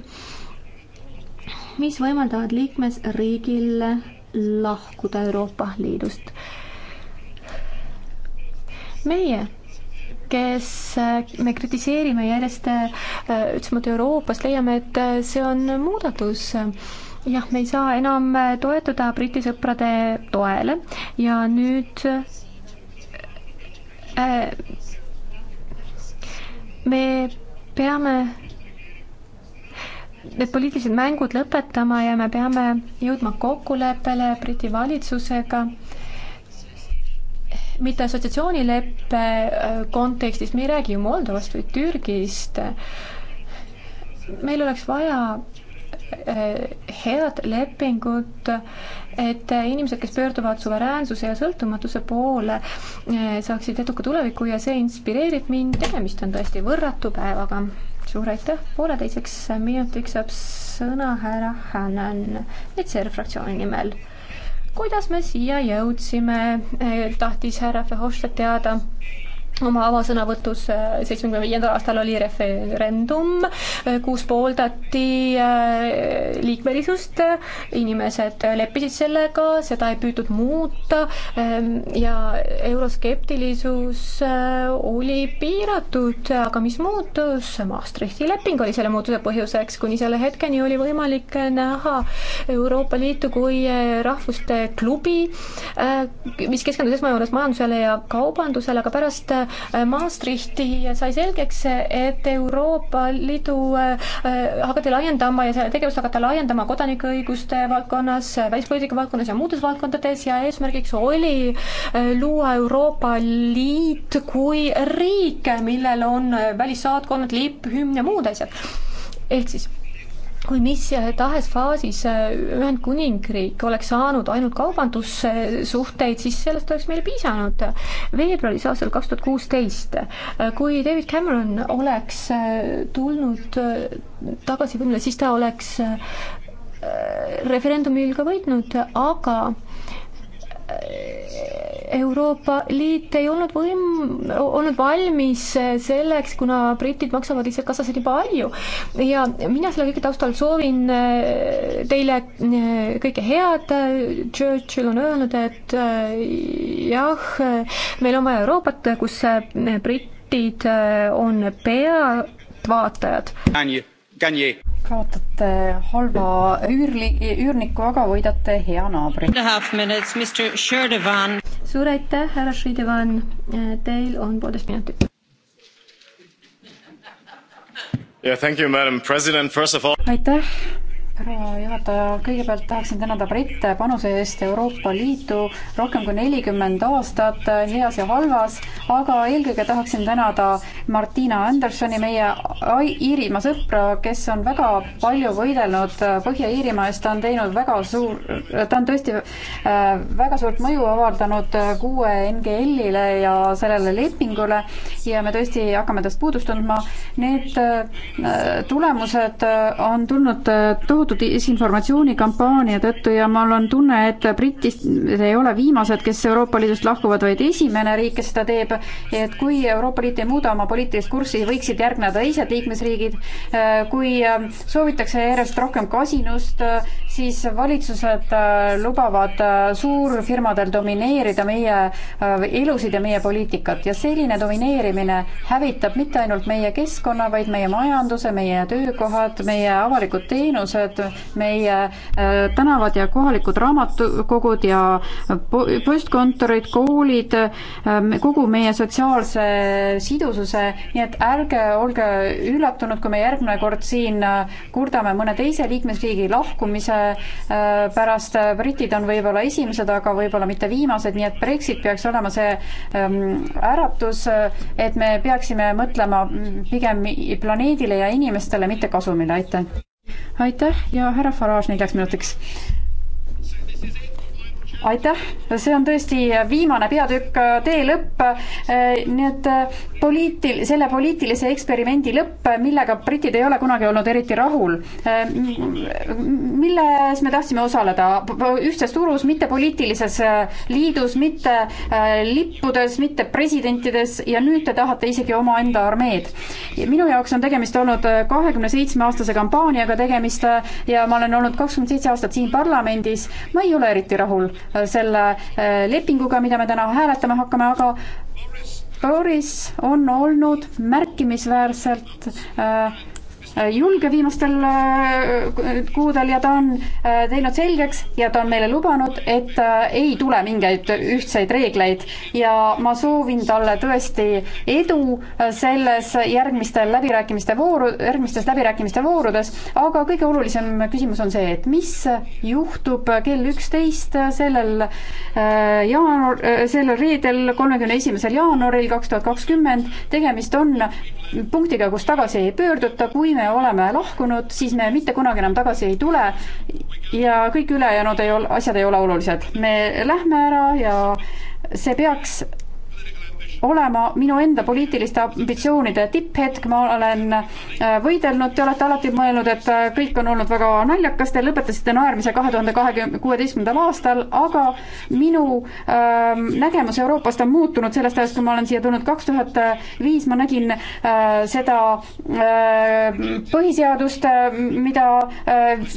mis võimaldavad liikmesriigil lahkuda Euroopa Liidust. meie, kes äh, me kritiseerime järjest äh, ütlesemalt Euroopast, leiame, et see on muudatus jah, me ei saa enam toetuda Briti sõprade toele ja nüüd äh, me peame need poliitilised mängud lõpetama ja me peame jõudma kokkuleppele Briti valitsusega, mitte assotsiatsioonileppe äh, kontekstis, me ei räägi ju Moldovast või Türgist, meil oleks vaja head lepingut, et inimesed, kes pöörduvad suveräänsuse ja sõltumatuse poole, saaksid eduka tuleviku ja see inspireerib mind, tegemist on tõesti võrratu päevaga. suur aitäh, pooleteiseks minutiks saab sõna härra Hannan, ETSR fraktsiooni nimel. kuidas me siia jõudsime, tahtis härra Verhofstadt teada oma avasõnavõtus äh, seitsmekümne viiendal aastal oli referendum, äh, kus pooldati äh, liikmelisust, inimesed leppisid sellega, seda ei püütud muuta ähm, ja euroskeptilisus oli piiratud, aga mis muutus? Maastrichti leping oli selle muutuse põhjuseks, kuni selle hetkeni oli võimalik näha Euroopa Liitu kui rahvuste klubi, mis keskendus esmajoones majandusele ja kaubandusele, aga pärast Äh, Maastrichti sai selgeks, et Euroopa Liidu äh, hakati laiendama ja selle tegevust hakati laiendama kodanikuõiguste valdkonnas, välispoliitika valdkonnas ja muudes valdkondades ja eesmärgiks oli äh, luua Euroopa Liit kui riik, millel on välissaatkonnad, lipp, hümn ja muud asjad. ehk siis kui mis eh, tahes faasis eh, Ühendkuningriik oleks saanud ainult kaubandussuhteid, siis sellest oleks meile piisanud. veebruaris aastal kaks tuhat kuusteist, kui David Cameron oleks eh, tulnud tagasi võimule, siis ta oleks referendumil ka võitnud, aga Euroopa Liit ei olnud võim, olnud valmis selleks, kuna britid maksavad lihtsalt kassasid juba palju ja mina selle kõige taustal soovin äh, teile äh, kõike head, Churchill on öelnud, et äh, jah, meil on vaja Euroopat, kus britid on pealtvaatajad. Kanye, Kanye kaotate halva üürli, üürniku, aga võidate hea naabri. suur aitäh, härra Šridevan, teil on poolteist minutit. Yeah, thank you, Madam President. First of all... aitäh, proua juhataja, kõigepealt tahaksin tänada britte panuse eest Euroopa Liitu rohkem kui nelikümmend aastat heas ja halvas, aga eelkõige tahaksin tänada Martina Andersoni, meie Iirimaa sõpra, kes on väga palju võidelnud Põhja-Iirimaa eest, ta on teinud väga suur, ta on tõesti äh, väga suurt mõju avaldanud kuue NGL-ile ja sellele lepingule ja me tõesti hakkame tast puudust tundma. Need äh, tulemused on tulnud tohutu äh, loodud disinformatsioonikampaania tõttu ja mul on tunne, et britid ei ole viimased, kes Euroopa Liidust lahkuvad, vaid esimene riik, kes seda teeb, et kui Euroopa Liit ei muuda oma poliitilist kurssi, võiksid järgneda teised liikmesriigid, kui soovitakse järjest rohkem kasinust, siis valitsused lubavad suurfirmadel domineerida meie elusid ja meie poliitikat ja selline domineerimine hävitab mitte ainult meie keskkonna, vaid meie majanduse, meie töökohad, meie avalikud teenused, et meie äh, tänavad ja kohalikud raamatukogud ja postkontorid, koolid, ähm, kogu meie sotsiaalse sidususe, nii et ärge olge üllatunud, kui me järgmine kord siin äh, kurdame mõne teise liikmesriigi lahkumise äh, pärast, britid on võib-olla esimesed, aga võib-olla mitte viimased, nii et Brexit peaks olema see ähm, äratus, et me peaksime mõtlema mm, pigem planeedile ja inimestele, mitte kasumile, aitäh! aitäh ja härra Farage neljaks minutiks aitäh, see on tõesti viimane peatükk, tee lõpp, äh, nii et äh, poliitil-, selle poliitilise eksperimendi lõpp, millega britid ei ole kunagi olnud eriti rahul. Äh, milles me tahtsime osaleda, ühtses turus, mitte poliitilises liidus, mitte lippudes, mitte presidentides ja nüüd te tahate isegi omaenda armeed. minu jaoks on tegemist olnud kahekümne seitsme aastase kampaaniaga tegemist ja ma olen olnud kakskümmend seitse aastat siin parlamendis, ma ei ole eriti rahul selle äh, lepinguga, mida me täna hääletama hakkame, aga Boris on olnud märkimisväärselt äh, Äh, julge viimastel äh, kuudel ja ta on äh, teinud selgeks ja ta on meile lubanud, et ei tule mingeid ühtseid reegleid ja ma soovin talle tõesti edu selles järgmistel läbirääkimiste vooru, järgmistes läbirääkimiste voorudes, aga kõige olulisem küsimus on see, et mis juhtub kell üksteist sellel jaanuar, sellel reedel, kolmekümne esimesel jaanuaril kaks tuhat kakskümmend, tegemist on punktiga, kus tagasi ei pöörduta, kui me me oleme lahkunud, siis me mitte kunagi enam tagasi ei tule ja kõik ülejäänud ei ole, asjad ei ole olulised. me lähme ära ja see peaks olema minu enda poliitiliste ambitsioonide tipphetk, ma olen äh, võidelnud, te olete alati mõelnud, et äh, kõik on olnud väga naljakas, te lõpetasite naermise kahe tuhande kahekümne, kuueteistkümnendal aastal, aga minu äh, nägemus Euroopast on muutunud sellest ajast, kui ma olen siia tulnud, kaks tuhat viis ma nägin äh, seda äh, põhiseadust, äh, mida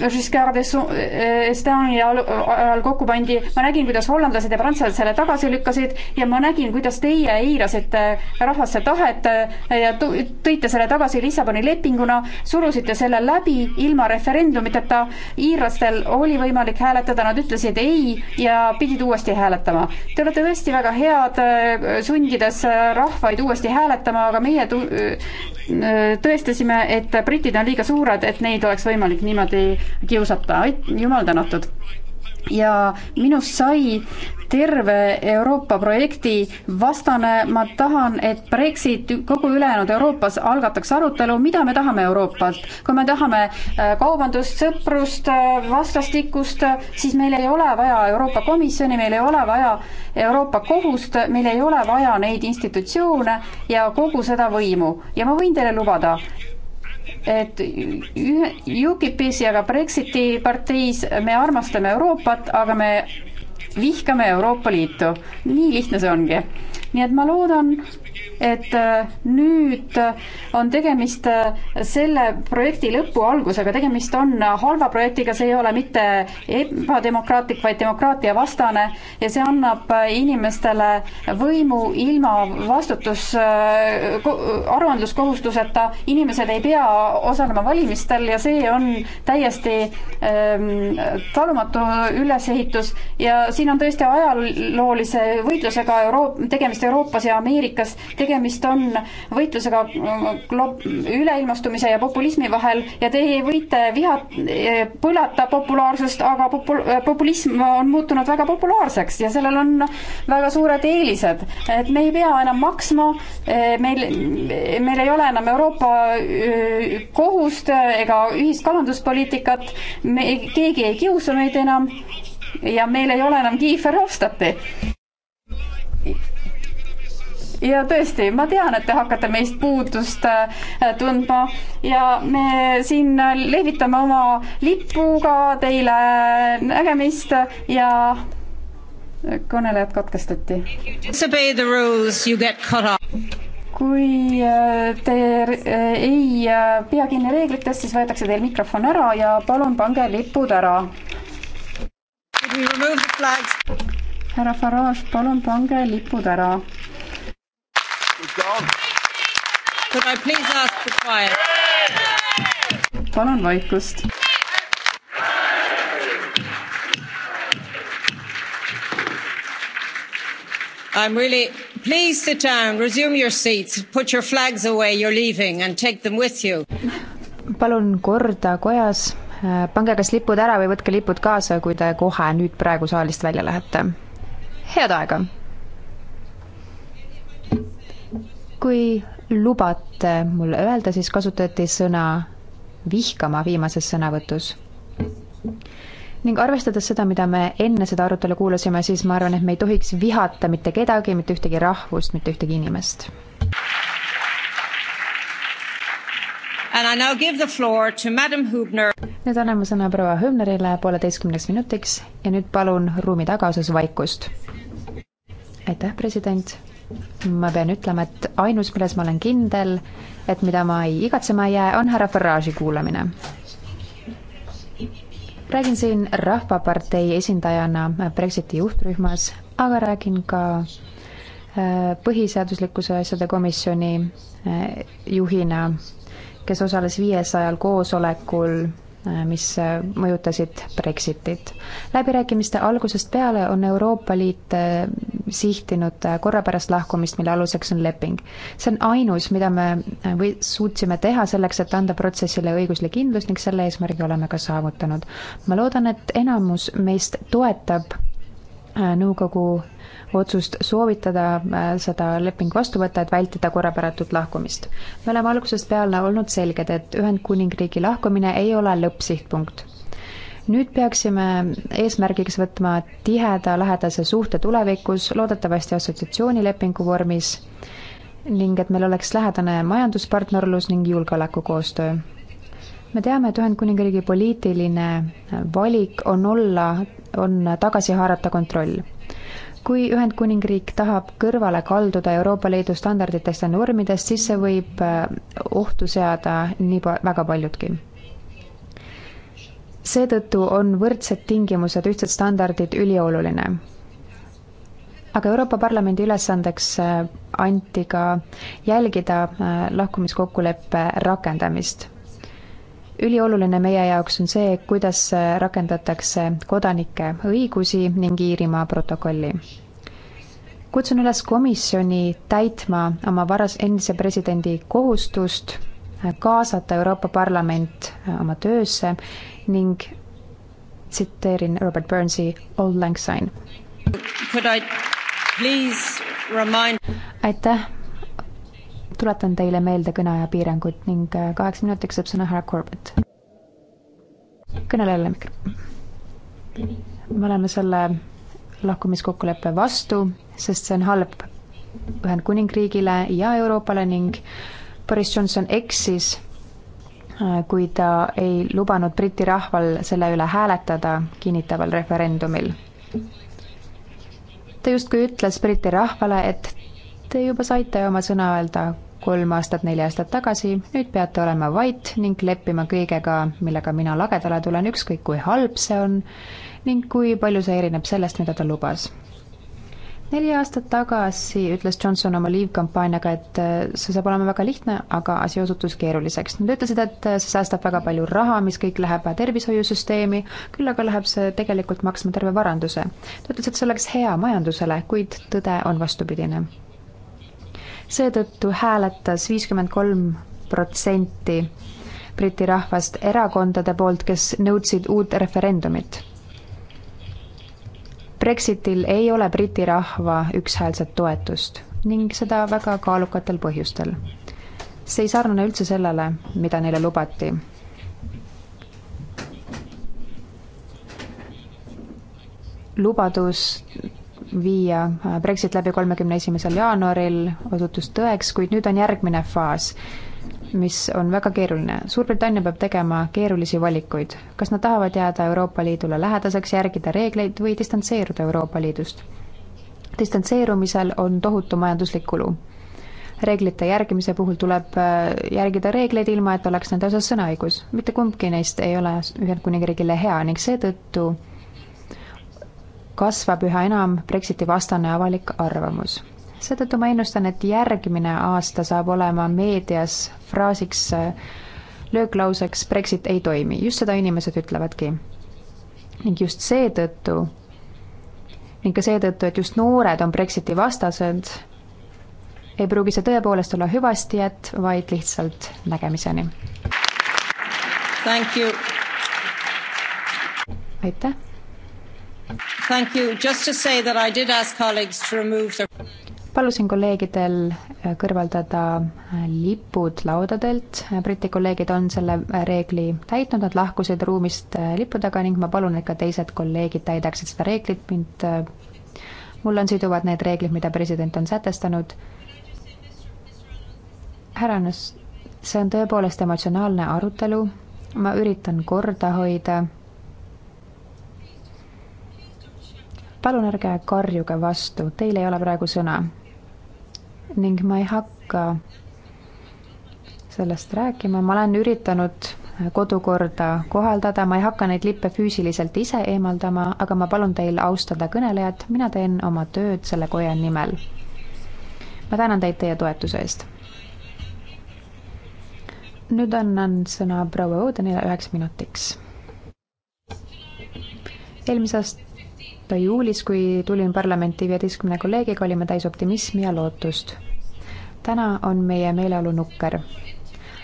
Giscard d'Estaing'i ajal kokku pandi, ma nägin, kuidas hollandlased ja prantslased selle tagasi lükkasid ja ma nägin, kuidas teie ei piirasite rahvasse tahet eh, ja tõite selle tagasi Lissaboni lepinguna, surusite selle läbi ilma referendumiteta, iirlastel oli võimalik hääletada, nad ütlesid ei ja pidid uuesti hääletama. Te olete tõesti väga head eh, sundides eh, rahvaid uuesti hääletama, aga meie tõestasime, et britid on liiga suured, et neid oleks võimalik niimoodi kiusata. jumal tänatud! ja minust sai terve Euroopa projekti vastane, ma tahan, et Brexit kogu ülejäänud Euroopas algataks arutelu, mida me tahame Euroopalt. kui me tahame äh, kaubandust, sõprust, äh, vastastikust, siis meil ei ole vaja Euroopa Komisjoni, meil ei ole vaja Euroopa Kohust, meil ei ole vaja neid institutsioone ja kogu seda võimu ja ma võin teile lubada, et UKIP-is ja ka Brexiti parteis me armastame Euroopat, aga me vihkame Euroopa Liitu. nii lihtne see ongi. nii et ma loodan, et äh, nüüd äh, on tegemist äh, selle projekti lõpu algusega, tegemist on halva projektiga, see ei ole mitte ebademokraatlik, vaid demokraatia vastane ja see annab inimestele võimu ilma vastutus, aruandluskohustuseta, inimesed ei pea osalema valimistel ja see on täiesti ähm, talumatu ülesehitus ja siin on tõesti ajaloolise võitlusega Euroop-, tegemist Euroopas ja Ameerikas tegemist on võitlusega äh, glob-, üleilmastumise ja populismi vahel ja teie võite viha, äh, põlata populaarsust, aga popul-, äh, populism on muutunud väga populaarseks ja sellel on väga suured eelised. et me ei pea enam maksma, meil, meil ei ole enam Euroopa kohust ega ühist kalanduspoliitikat, me, keegi ei kiusa meid enam ja meil ei ole enam Kiefer Hofstadti ja tõesti, ma tean, et te hakkate meist puudust äh, tundma ja me siin lehvitame oma lipuga teile nägemist ja kõnelejad katkestati. kui äh, te äh, ei pea kinni reeglitest, siis võetakse teil mikrofon ära ja palun pange lipud ära. härra Farage, palun pange lipud ära palun vaikust. I am really please sit down, resume your seats, put your flags away, you are leaving and take them with you. palun korda kojas, äh, pange kas lipud ära või võtke lipud kaasa, kui te kohe nüüd praegu saalist välja lähete. head aega kui lubate mulle öelda, siis kasutati sõna vihkama viimases sõnavõtus. ning arvestades seda, mida me enne seda arutelu kuulasime, siis ma arvan, et me ei tohiks vihata mitte kedagi, mitte ühtegi rahvust, mitte ühtegi inimest. nüüd anname sõna proua Hübnerile pooleteistkümneks minutiks ja nüüd palun ruumi tagaosas vaikust. aitäh, president ma pean ütlema, et ainus, milles ma olen kindel, et mida ma ei igatsema ei jää, on härra Farage'i kuulamine. räägin siin Rahvapartei esindajana Brexiti juhtrühmas, aga räägin ka äh, põhiseaduslikkuse asjade komisjoni äh, juhina, kes osales viiesajal koosolekul mis äh, mõjutasid Brexitit. läbirääkimiste algusest peale on Euroopa Liit äh, sihtinud äh, korrapärast lahkumist, mille aluseks on leping. see on ainus, mida me või suutsime teha selleks, et anda protsessile õiguslik kindlus ning selle eesmärgi oleme ka saavutanud. ma loodan, et enamus meist toetab nõukogu otsust soovitada äh, seda leping vastu võtta, et vältida korrapäratut lahkumist. me oleme algusest peale olnud selged, et Ühendkuningriigi lahkumine ei ole lõppsihtpunkt nüüd peaksime eesmärgiks võtma tiheda lähedase suhte tulevikus, loodetavasti assotsiatsioonilepingu vormis ning et meil oleks lähedane majanduspartnerlus ning julgeolekukoostöö. me teame, et Ühendkuningriigi poliitiline valik on olla, on tagasi haarata kontroll kui Ühendkuningriik tahab kõrvale kalduda Euroopa Liidu standarditest ja normidest, siis see võib äh, ohtu seada nii väga paljudki seetõttu on võrdsed tingimused, ühtsed standardid ülioluline. aga Euroopa Parlamendi ülesandeks äh, anti ka jälgida äh, lahkumiskokkuleppe rakendamist ülioluline meie jaoks on see, kuidas rakendatakse kodanike õigusi ning Iirimaa protokolli. kutsun üles komisjoni täitma oma varas-, endise presidendi kohustust kaasata Euroopa Parlament oma töösse ning tsiteerin Robert Burnsi Old Lang Syne. Remind... aitäh, tuletan teile meelde kõneaja piirangut ning äh, kaheks minutiks saab sõna härra Corbett. kõnelejale mikro. me oleme selle lahkumiskokkuleppe vastu, sest see on halb Ühendkuningriigile ja Euroopale ning Boris Johnson eksis, äh, kui ta ei lubanud Briti rahval selle üle hääletada kinnitaval referendumil. ta justkui ütles Briti rahvale, et te juba saite oma sõna öelda, kolm aastat, neli aastat tagasi, nüüd peate olema vait ning leppima kõigega, millega mina lagedale tulen, ükskõik kui halb see on ning kui palju see erineb sellest, mida ta lubas. neli aastat tagasi ütles Johnson oma Leave kampaaniaga, et äh, see saab olema väga lihtne, aga asi osutus keeruliseks. Nad ütlesid, et äh, see säästab väga palju raha, mis kõik läheb tervishoiusüsteemi, küll aga läheb see tegelikult maksma terve varanduse. ta ütles, et see oleks hea majandusele, kuid tõde on vastupidine seetõttu hääletas viiskümmend kolm protsenti Briti rahvast erakondade poolt, kes nõudsid uut referendumit. Brexitil ei ole Briti rahva ükshäälset toetust ning seda väga kaalukatel põhjustel. see ei sarnane üldse sellele, mida neile lubati. lubadus viia äh, Brexit läbi kolmekümne esimesel jaanuaril, osutus tõeks, kuid nüüd on järgmine faas, mis on väga keeruline. Suurbritannia peab tegema keerulisi valikuid. kas nad tahavad jääda Euroopa Liidule lähedaseks, järgida reegleid või distantseeruda Euroopa Liidust? distantseerumisel on tohutu majanduslik kulu. reeglite järgimise puhul tuleb äh, järgida reegleid, ilma et oleks nende osas sõnaõigus. mitte kumbki neist ei ole Ühendkuningriigile hea ning seetõttu kasvab üha enam Brexiti vastane avalik arvamus. seetõttu ma ennustan, et järgmine aasta saab olema meedias fraasiks, äh, lööklauseks Brexit ei toimi, just seda inimesed ütlevadki. ning just seetõttu ning ka seetõttu, et just noored on Brexiti vastased, ei pruugi see tõepoolest olla hüvasti jätt, vaid lihtsalt nägemiseni. aitäh! Thank you. Just to say that I did ask colleagues to remove their palusin kolleegidel äh, kõrvaldada äh, lipud laudadelt. Äh, Briti kolleegid on selle reegli täitnud, nad lahkusid ruumist lippudega ning ma palun, et ka teised kolleegid täidaksid seda reeglit, mind, mul on siduvad need reeglid, mida president on sätestanud. härra Annus, see on tõepoolest emotsionaalne arutelu, ma üritan korda hoida palun ärge karjuge vastu, teil ei ole praegu sõna. ning ma ei hakka sellest rääkima, ma olen üritanud kodukorda kohaldada, ma ei hakka neid lippe füüsiliselt ise eemaldama, aga ma palun teil austada kõnelejat, mina teen oma tööd selle koja nimel. ma tänan teid teie toetuse eest. nüüd annan sõna proua Odenile üheks minutiks. eelmise aasta juulis, kui tulin parlamenti viieteistkümne kolleegiga, olime täis optimismi ja lootust. täna on meie meeleolu nukker.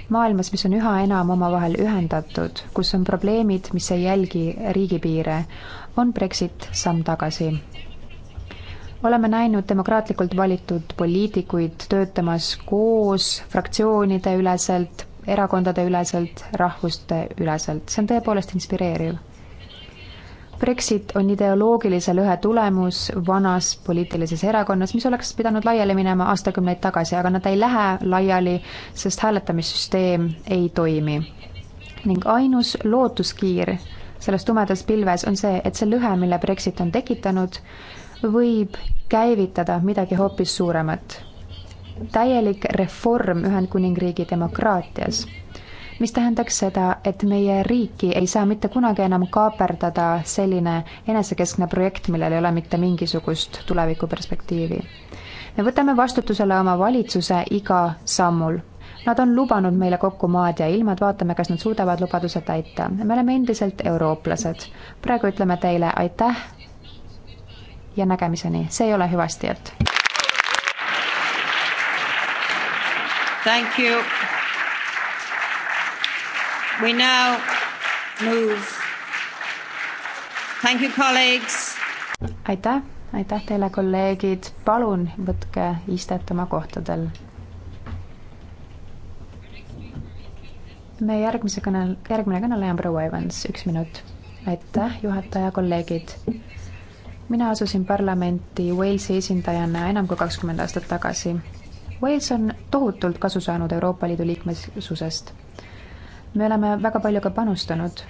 maailmas, mis on üha enam omavahel ühendatud, kus on probleemid, mis ei jälgi riigipiire, on Brexit samm tagasi oleme näinud demokraatlikult valitud poliitikuid töötamas koos fraktsioonide üleselt, erakondade üleselt, rahvuste üleselt, see on tõepoolest inspireeriv Brexit on ideoloogilise lõhe tulemus vanas poliitilises erakonnas, mis oleks pidanud laiali minema aastakümneid tagasi, aga nad ei lähe laiali, sest hääletamissüsteem ei toimi. ning ainus lootuskiir selles tumedas pilves on see, et see lõhe, mille Brexit on tekitanud, võib käivitada midagi hoopis suuremat. täielik reform Ühendkuningriigi demokraatias mis tähendaks seda, et meie riiki ei saa mitte kunagi enam kaaperdada selline enesekeskne projekt, millel ei ole mitte mingisugust tulevikuperspektiivi. me võtame vastutusele oma valitsuse iga sammul Nad on lubanud meile kokku maad ja ilmad, vaatame, kas nad suudavad lubaduse täita. me oleme endiselt eurooplased. praegu ütleme teile aitäh ja nägemiseni, see ei ole hüvasti, et. Thank you. We now move. Thank you, colleagues. aitäh, aitäh teile, kolleegid, palun võtke istet oma kohtadel. meie järgmise kõne, järgmine kõneleja on proua Evans, üks minut. aitäh, juhataja, kolleegid mina asusin parlamenti Walesi esindajana enam kui kakskümmend aastat tagasi. Wales on tohutult kasu saanud Euroopa Liidu liikmesusest me oleme väga palju ka panustanud.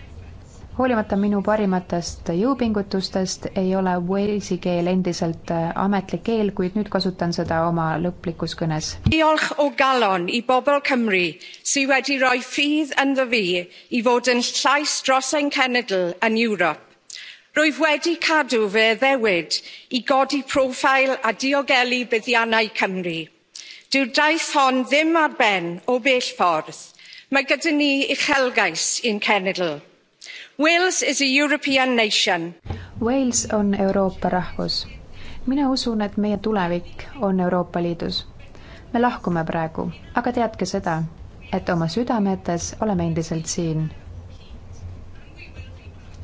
hoolimata minu parimatest jõupingutustest ei ole Walesi keel endiselt äh, ametlik keel, kuid nüüd kasutan seda oma lõplikus kõnes. diolch o galon i bobl Cymru sy wedi rhoi ffydd ynddo fi i fod yn llais dros ein cenedl yn Ewrop. Rwyf wedi cadw fy addewid i godi profil a diogelu buddiannau Cymru. Dyw'r daith hon ddim ar ben o bell ffordd mae gyda ni uchelgais i'n cenedl. Wales is a European nation. Wales on Euroopa rahvus. mina usun, et meie tulevik on Euroopa Liidus. me lahkume praegu, aga teadke seda, et oma südametes oleme endiselt siin.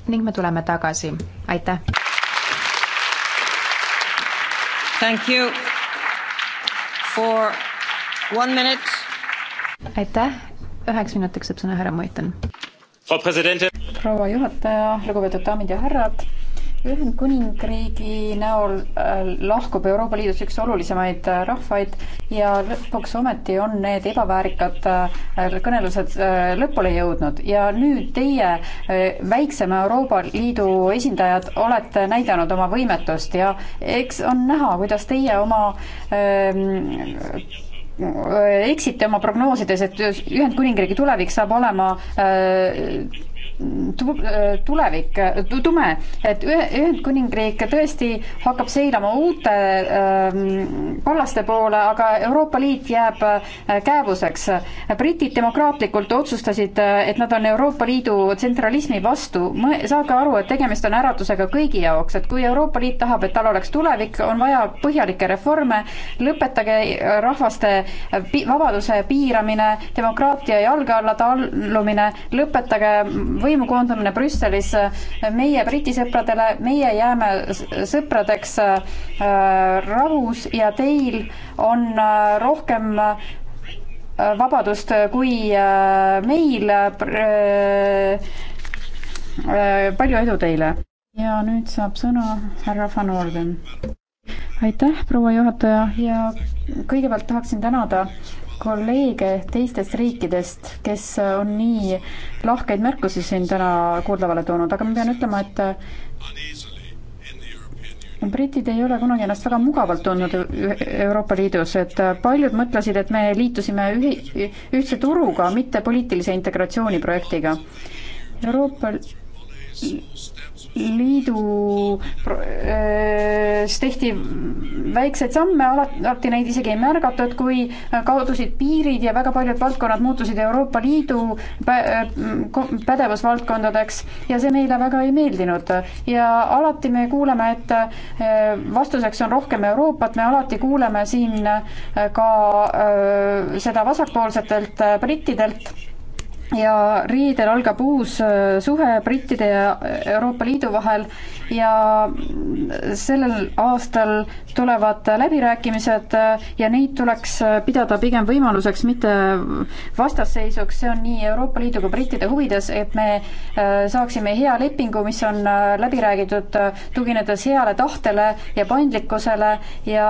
ning me tuleme tagasi, aitäh. Thank you for one minute. aitäh üheks minutiks saab sõna härra Moiten. proua juhataja, lugupeetud daamid ja härrad Ühendkuningriigi näol äh, lahkub Euroopa Liidus üks olulisemaid äh, rahvaid ja lõpuks ometi on need ebaväärikad äh, kõnelused lõpule jõudnud ja nüüd teie väiksema Euroopa Liidu esindajad olete näidanud oma võimetust ja eks on näha, kuidas teie oma öö, ähm, Äh, eksite oma prognoosides, et Ühendkuningriigi tulevik saab olema äh, tulevik, tume, et Ühendkuningriik tõesti hakkab seilama uute ähm, kallaste poole, aga Euroopa Liit jääb äh, kääbuseks. britid demokraatlikult otsustasid, äh, et nad on Euroopa Liidu tsentralismi vastu. saage aru, et tegemist on äratusega kõigi jaoks, et kui Euroopa Liit tahab, et tal oleks tulevik, on vaja põhjalikke reforme, lõpetage äh, rahvaste vabaduse piiramine, demokraatia jalge alla tallumine, lõpetage või võimu koondamine Brüsselis meie Briti sõpradele, meie jääme sõpradeks äh, rahus ja teil on äh, rohkem äh, vabadust kui meil. palju edu teile! ja nüüd saab sõna härra Van Orden. aitäh, proua juhataja ja kõigepealt tahaksin tänada kolleege teistest riikidest, kes on nii lahkeid märkusi siin täna kuuldavale toonud, aga ma pean ütlema, et britid ei ole kunagi ennast väga mugavalt tundnud Euroopa Liidus, et paljud mõtlesid, et me liitusime ühi-, ühtse turuga, mitte poliitilise integratsiooni projektiga. Euroopa Liidus tehti väikseid samme, alati neid isegi ei märgatud, kui kaotasid piirid ja väga paljud valdkonnad muutusid Euroopa Liidu pädevusvaldkondadeks ja see meile väga ei meeldinud. ja alati me kuuleme, et vastuseks on rohkem Euroopat, me alati kuuleme siin äh, ka seda vasakpoolsetelt äh, brittidelt ja reedel algab uus äh, suhe brittide ja Euroopa Liidu vahel ja sellel aastal tulevad läbirääkimised äh, ja neid tuleks äh, pidada pigem võimaluseks, mitte vastasseisuks, see on nii Euroopa Liidu kui brittide huvides, et me äh, saaksime hea lepingu, mis on läbi räägitud tuginedes heale tahtele ja paindlikkusele ja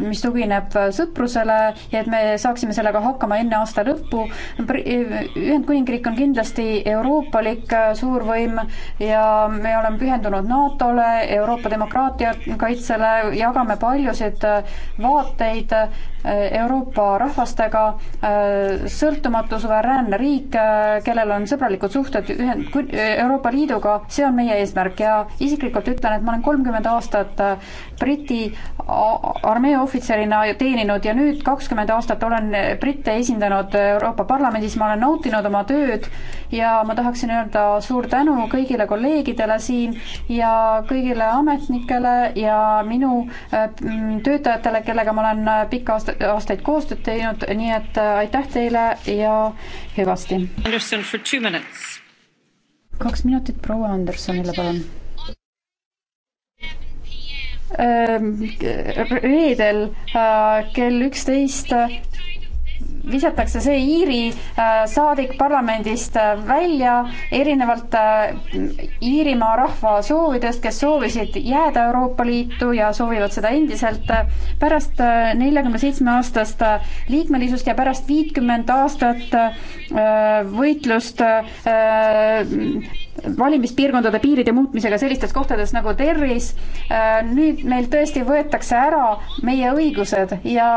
mis tugineb sõprusele ja et me saaksime sellega hakkama enne aasta lõppu. Ühendkuningriik on kindlasti euroopalik suurvõim ja me oleme pühendunud NATO-le, Euroopa demokraatia kaitsele, jagame kuuleme paljusid äh, vaateid Äh, Euroopa rahvastega äh, sõltumatu suveräänne riik, äh, kellel on sõbralikud suhted ühend-, Euroopa Liiduga, see on meie eesmärk ja isiklikult ütlen, et ma olen kolmkümmend aastat Briti armee ohvitserina teeninud ja nüüd kakskümmend aastat olen britte esindanud Euroopa Parlamendis, ma olen nautinud oma tööd ja ma tahaksin öelda suur tänu kõigile kolleegidele siin ja kõigile ametnikele ja minu töötajatele, kellega ma olen pikka aasta, aastaid koostööd teinud, nii et äh, aitäh teile ja hüvasti. kaks minutit proua Andersonile, palun ähm, reedel äh, kell üksteist visatakse see Iiri äh, saadik parlamendist äh, välja, erinevalt äh, Iirimaa rahva soovidest, kes soovisid jääda Euroopa Liitu ja soovivad seda endiselt. pärast neljakümne seitsme aastast liikmelisust ja pärast viitkümmend aastat võitlust valimispiirkondade piiride muutmisega sellistes kohtades nagu Terris, nüüd meil tõesti võetakse ära meie õigused ja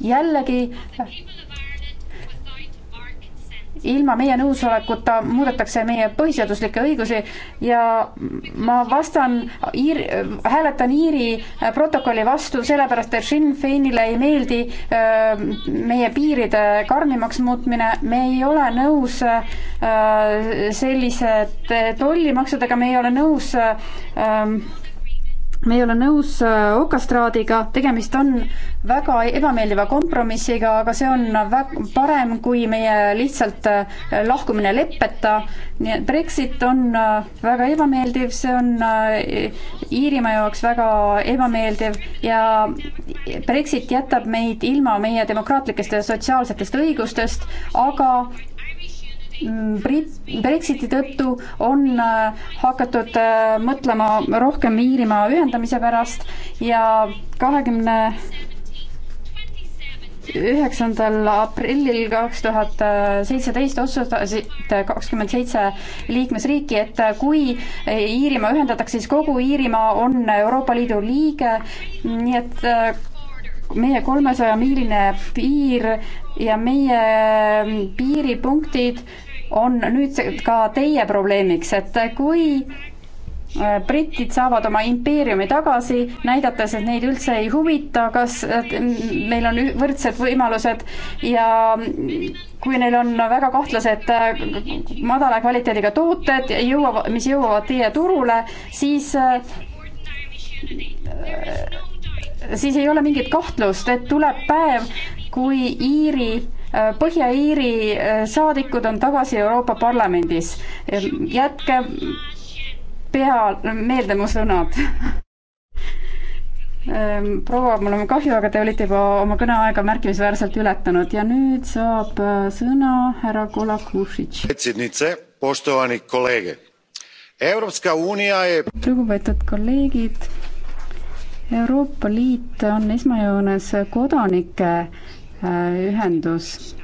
jällegi ilma meie nõusolekuta muudetakse meie põhiseaduslikke õigusi ja ma vastan Iir,, hääletan Iiri protokolli vastu, sellepärast et Sinn Feinile ei meeldi äh, meie piiride karmimaks muutmine, me ei ole nõus äh, sellise tollimaksudega, me ei ole nõus äh, me ei ole nõus äh, okastraadiga, tegemist on väga ebameeldiva kompromissiga, aga see on vä-, parem kui meie lihtsalt äh, lahkumine leppeta, nii et Brexit on äh, väga ebameeldiv, see on Iirimaa jaoks väga ebameeldiv ja Brexit jätab meid ilma meie demokraatlikest ja sotsiaalsetest õigustest, aga Brit-, Brexiti tõttu on äh, hakatud äh, mõtlema rohkem Iirimaa ühendamise pärast ja kahekümne üheksandal aprillil kaks tuhat seitseteist otsustasid kakskümmend seitse liikmesriiki, et kui Iirimaa ühendatakse, siis kogu Iirimaa on Euroopa Liidu liige, nii et äh, meie kolmesaja miiline piir ja meie piiripunktid on nüüd ka teie probleemiks, et kui äh, britid saavad oma impeeriumi tagasi, näidates, et neid üldse ei huvita, kas meil mm, on võrdsed võimalused ja mm, kui neil on väga kahtlased äh, madala kvaliteediga tooted, jõuab, mis jõuavad teie turule, siis äh, siis ei ole mingit kahtlust, et tuleb päev, kui Iiri Põhja-Iiri äh, saadikud on tagasi Euroopa Parlamendis. jätke pea, meelde mu sõnad [laughs] proua, mul on kahju, aga te olite juba oma kõneaega märkimisväärselt ületanud ja nüüd saab äh, sõna härra Kolakušitš. lugupeetud kolleegid, Euroopa Liit on esmajoones kodanike Äh, ühendus.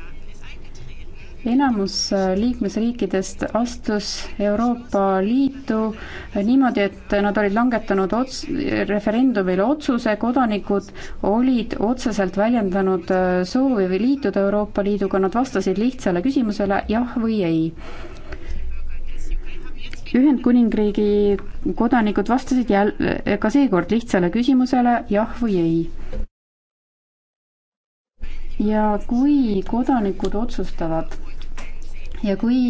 enamus äh, liikmesriikidest astus Euroopa Liitu äh, niimoodi, et nad olid langetanud ots-, referendumil otsuse, kodanikud olid otseselt väljendanud soovi või liituda Euroopa Liiduga, nad vastasid lihtsale küsimusele jah või ei. Ühendkuningriigi kodanikud vastasid jälle ka seekord lihtsale küsimusele jah või ei ja kui kodanikud otsustavad ja kui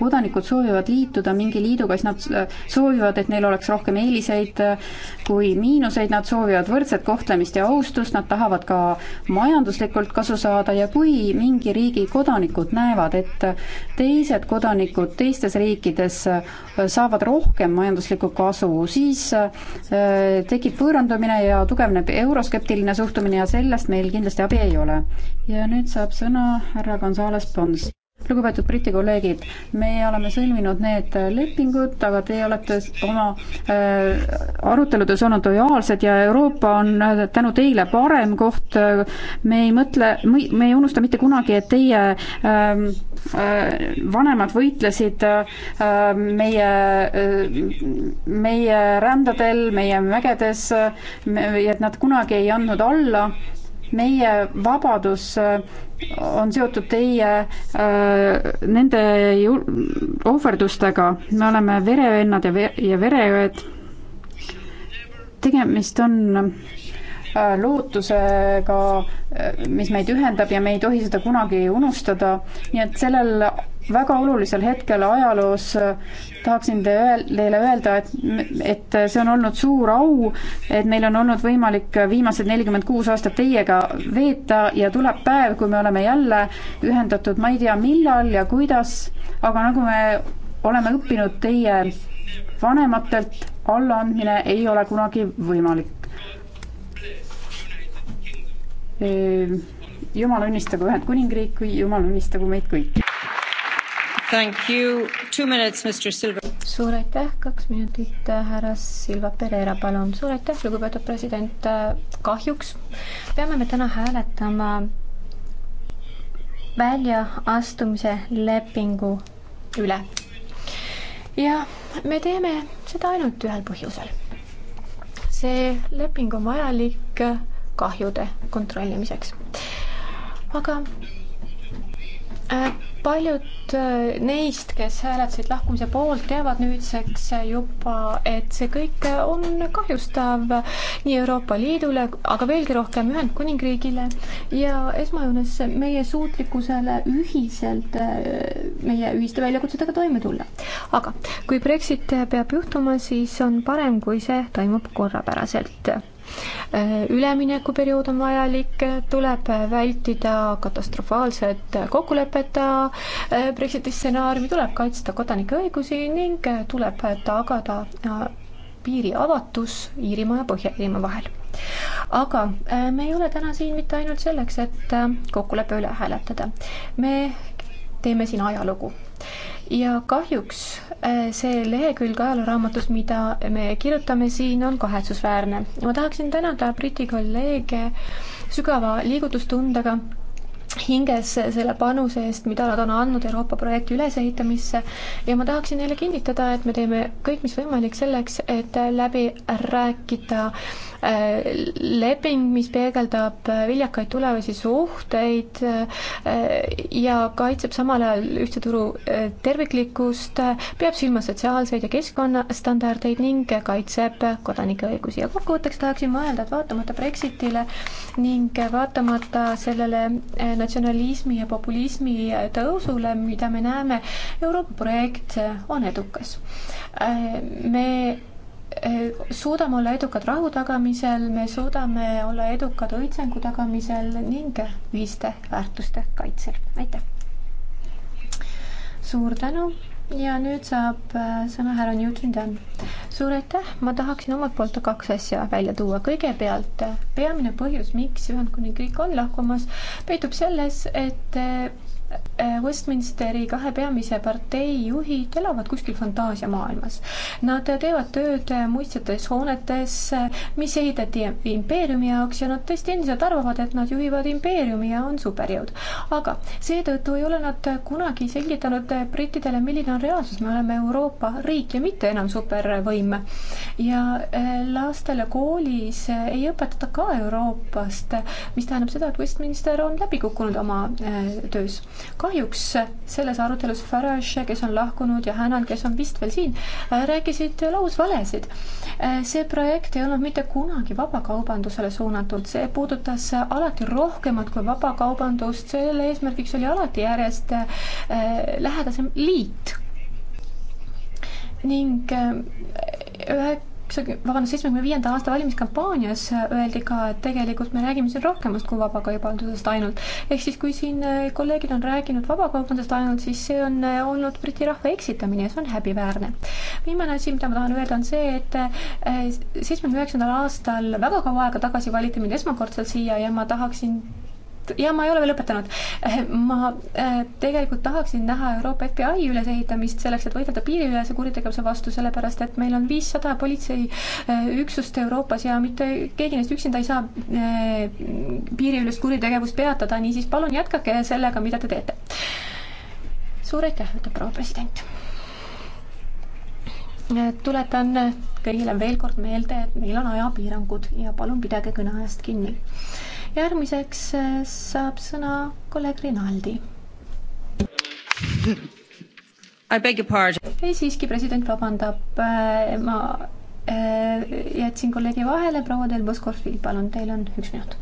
kodanikud soovivad liituda mingi liiduga, siis nad soovivad, et neil oleks rohkem eeliseid äh, kui miinuseid, nad soovivad võrdset kohtlemist ja austust, nad tahavad ka majanduslikult kasu saada ja kui mingi riigi kodanikud näevad, et teised kodanikud teistes riikides äh, saavad rohkem majanduslikku kasu, siis äh, tekib võõrandumine ja tugevneb euroskeptiline suhtumine ja sellest meil kindlasti abi ei ole. ja nüüd saab sõna härra Gonzales Pons lugupeetud Briti kolleegid, me oleme sõlminud need lepingud, aga te olete oma äh, aruteludes olnud lojaalsed ja Euroopa on äh, tänu teile parem koht. me ei mõtle, me ei unusta mitte kunagi, et teie ähm, äh, vanemad võitlesid äh, meie äh,, meie rändadel, meie mägedes äh, me,, et nad kunagi ei andnud alla meie vabadus äh, on seotud teie, äh, nende ohverdustega, me oleme verevennad ja ve-, ja vereõed, tegemist on äh, lootusega, mis meid ühendab ja me ei tohi seda kunagi unustada, nii et sellel väga olulisel hetkel ajaloos äh, tahaksin te öel-, teile öelda, et, et äh, see on olnud suur au, et meil on olnud võimalik äh, viimased nelikümmend kuus aastat teiega veeta ja tuleb päev, kui me oleme jälle ühendatud, ma ei tea, millal ja kuidas, aga nagu me oleme õppinud teie vanematelt, allaandmine ei ole kunagi võimalik. Ehm, jumal õnnistagu Ühendkuningriiki, Jumal õnnistagu meid kõiki suur aitäh, kaks minutit, äh, härra Silva Pereira, palun. suur aitäh, lugupeetud president. Äh, kahjuks peame me täna hääletama väljaastumise lepingu üle. ja me teeme seda ainult ühel põhjusel. see leping on vajalik kahjude kontrollimiseks. aga äh, paljud äh, neist, kes hääletasid lahkumise poolt, teavad nüüdseks juba, et see kõik on kahjustav nii Euroopa Liidule, aga veelgi rohkem Ühendkuningriigile ja esmajoones meie suutlikkusele ühiselt äh, meie ühiste väljakutsetega toime tulla. aga kui Brexit peab juhtuma, siis on parem, kui see toimub korrapäraselt Äh, üleminekuperiood on vajalik, äh, tuleb äh, vältida katastrofaalset kokkulepet Brexiti stsenaariumi, tuleb kaitsta kodanike õigusi ning tuleb tagada piiri avatus Iirimaa ja Põhja-Iirimaa vahel. aga me ei ole täna siin mitte ainult selleks, et kokkuleppe üle hääletada. me teeme siin ajalugu ja kahjuks äh, see lehekülg ajalooraamatust, mida me kirjutame siin, on kahetsusväärne. ma tahaksin tänada Briti kolleege sügava liigutustundega hinges selle panuse eest, mida nad on andnud Euroopa projekti ülesehitamisse ja ma tahaksin neile kinnitada, et me teeme kõik, mis võimalik selleks, et läbi rääkida äh, Äh, leping, mis peegeldab äh, viljakaid tulevasi suhteid äh, ja kaitseb samal ajal ühtse turu terviklikkust, peab silmas sotsiaalseid ja keskkonnastandardeid ning kaitseb kodanike õigusi. ja kokkuvõtteks tahaksin ma öelda, et vaatamata Brexitile ning vaatamata sellele natsionalismi ja populismi tõusule, mida me näeme, Euroopa projekt on edukas. me Eh, suudame olla edukad rahu tagamisel, me suudame olla edukad õitsengu tagamisel ning ühiste väärtuste kaitsel. aitäh! suur tänu ja nüüd saab äh, sõna härra Newton Dunn. suur aitäh, ma tahaksin omalt poolt kaks asja välja tuua. kõigepealt äh, peamine põhjus, miks Ühendkuningriik on lahkumas, peitub selles, et äh, Eh, Westminsteri kahe peamise partei juhid elavad kuskil fantaasiamaailmas. Nad teevad tööd muistsetes hoonetes, mis ehitati impeeriumi jaoks ja nad tõesti endiselt arvavad, et nad juhivad impeeriumi ja on superjõud. aga seetõttu ei ole nad kunagi selgitanud brittidele, milline on reaalsus, me oleme Euroopa riik ja mitte enam supervõim. ja eh, lastele koolis ei õpetata ka Euroopast, mis tähendab seda, et Westminster on läbi kukkunud oma eh, töös kahjuks selles arutelus Farage, kes on lahkunud, ja Hannan, kes on vist veel siin, äh, rääkisid lausvalesid. Äh, see projekt ei olnud mitte kunagi vabakaubandusele suunatud, see puudutas alati rohkemat kui vabakaubandust, selle eesmärgiks oli alati järjest äh, lähedasem liit ning ühe üheksakümne, vabandust, seitsmekümne viienda aasta valimiskampaanias äh, öeldi ka, et tegelikult me räägime siin rohkemast kui vabakaubandusest ainult. ehk siis, kui siin äh, kolleegid on rääkinud vabakaubandusest ainult, siis see on äh, olnud Briti rahva eksitamine ja see on häbiväärne. viimane asi, mida ma tahan öelda, on see, et seitsmekümne üheksandal aastal väga kaua aega tagasi valiti mind esmakordselt siia ja ma tahaksin ja ma ei ole veel lõpetanud. Äh, ma äh, tegelikult tahaksin näha Euroopa FBI ülesehitamist selleks, et võidelda piiriülese kuritegevuse vastu, sellepärast et meil on viissada politseiüksust äh, Euroopas ja mitte keegi neist üksinda ei saa piiriülest kuritegevust peatada, niisiis palun jätkake sellega, mida te teete. suur aitäh, ütleb proua president. tuletan kõigile veel kord meelde, et meil on ajapiirangud ja palun pidage kõne ajast kinni järgmiseks äh, saab sõna kolleeg Rinaldi. ei, siiski president vabandab, äh, ma äh, jätsin kolleegi vahele, proua Del Boscovi, palun, teil on üks minut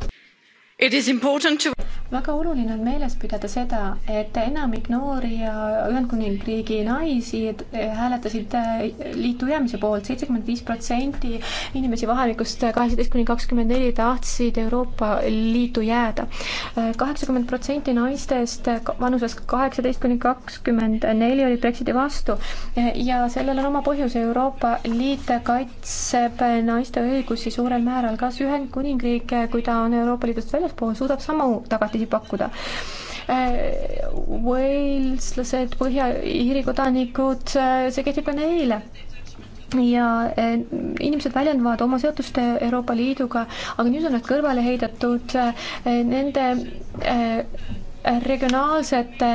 To... väga oluline on meeles pidada seda, et enamik noori ja Ühendkuningriigi naisi eh, hääletasid eh, liitu jäämise poolt, seitsekümmend viis protsenti inimesi vahemikust kaheksateist kuni kakskümmend neli tahtsid Euroopa Liitu jääda. Eh, kaheksakümmend protsenti naistest vanuses kaheksateist kuni kakskümmend neli oli Brexiti vastu ja sellel on oma põhjus, Euroopa Liit kaitseb naiste õigusi suurel määral, kas Ühendkuningriik, kui ta on Euroopa Liidust välja väljaspool suudab samu tagatisi pakkuda äh, Waleslased, Põhja-Iiri kodanikud, äh, see kehtib ka neile ja äh, inimesed väljendavad oma seotust Euroopa Liiduga, aga nüüd on nad kõrvale heidetud nende regionaalsete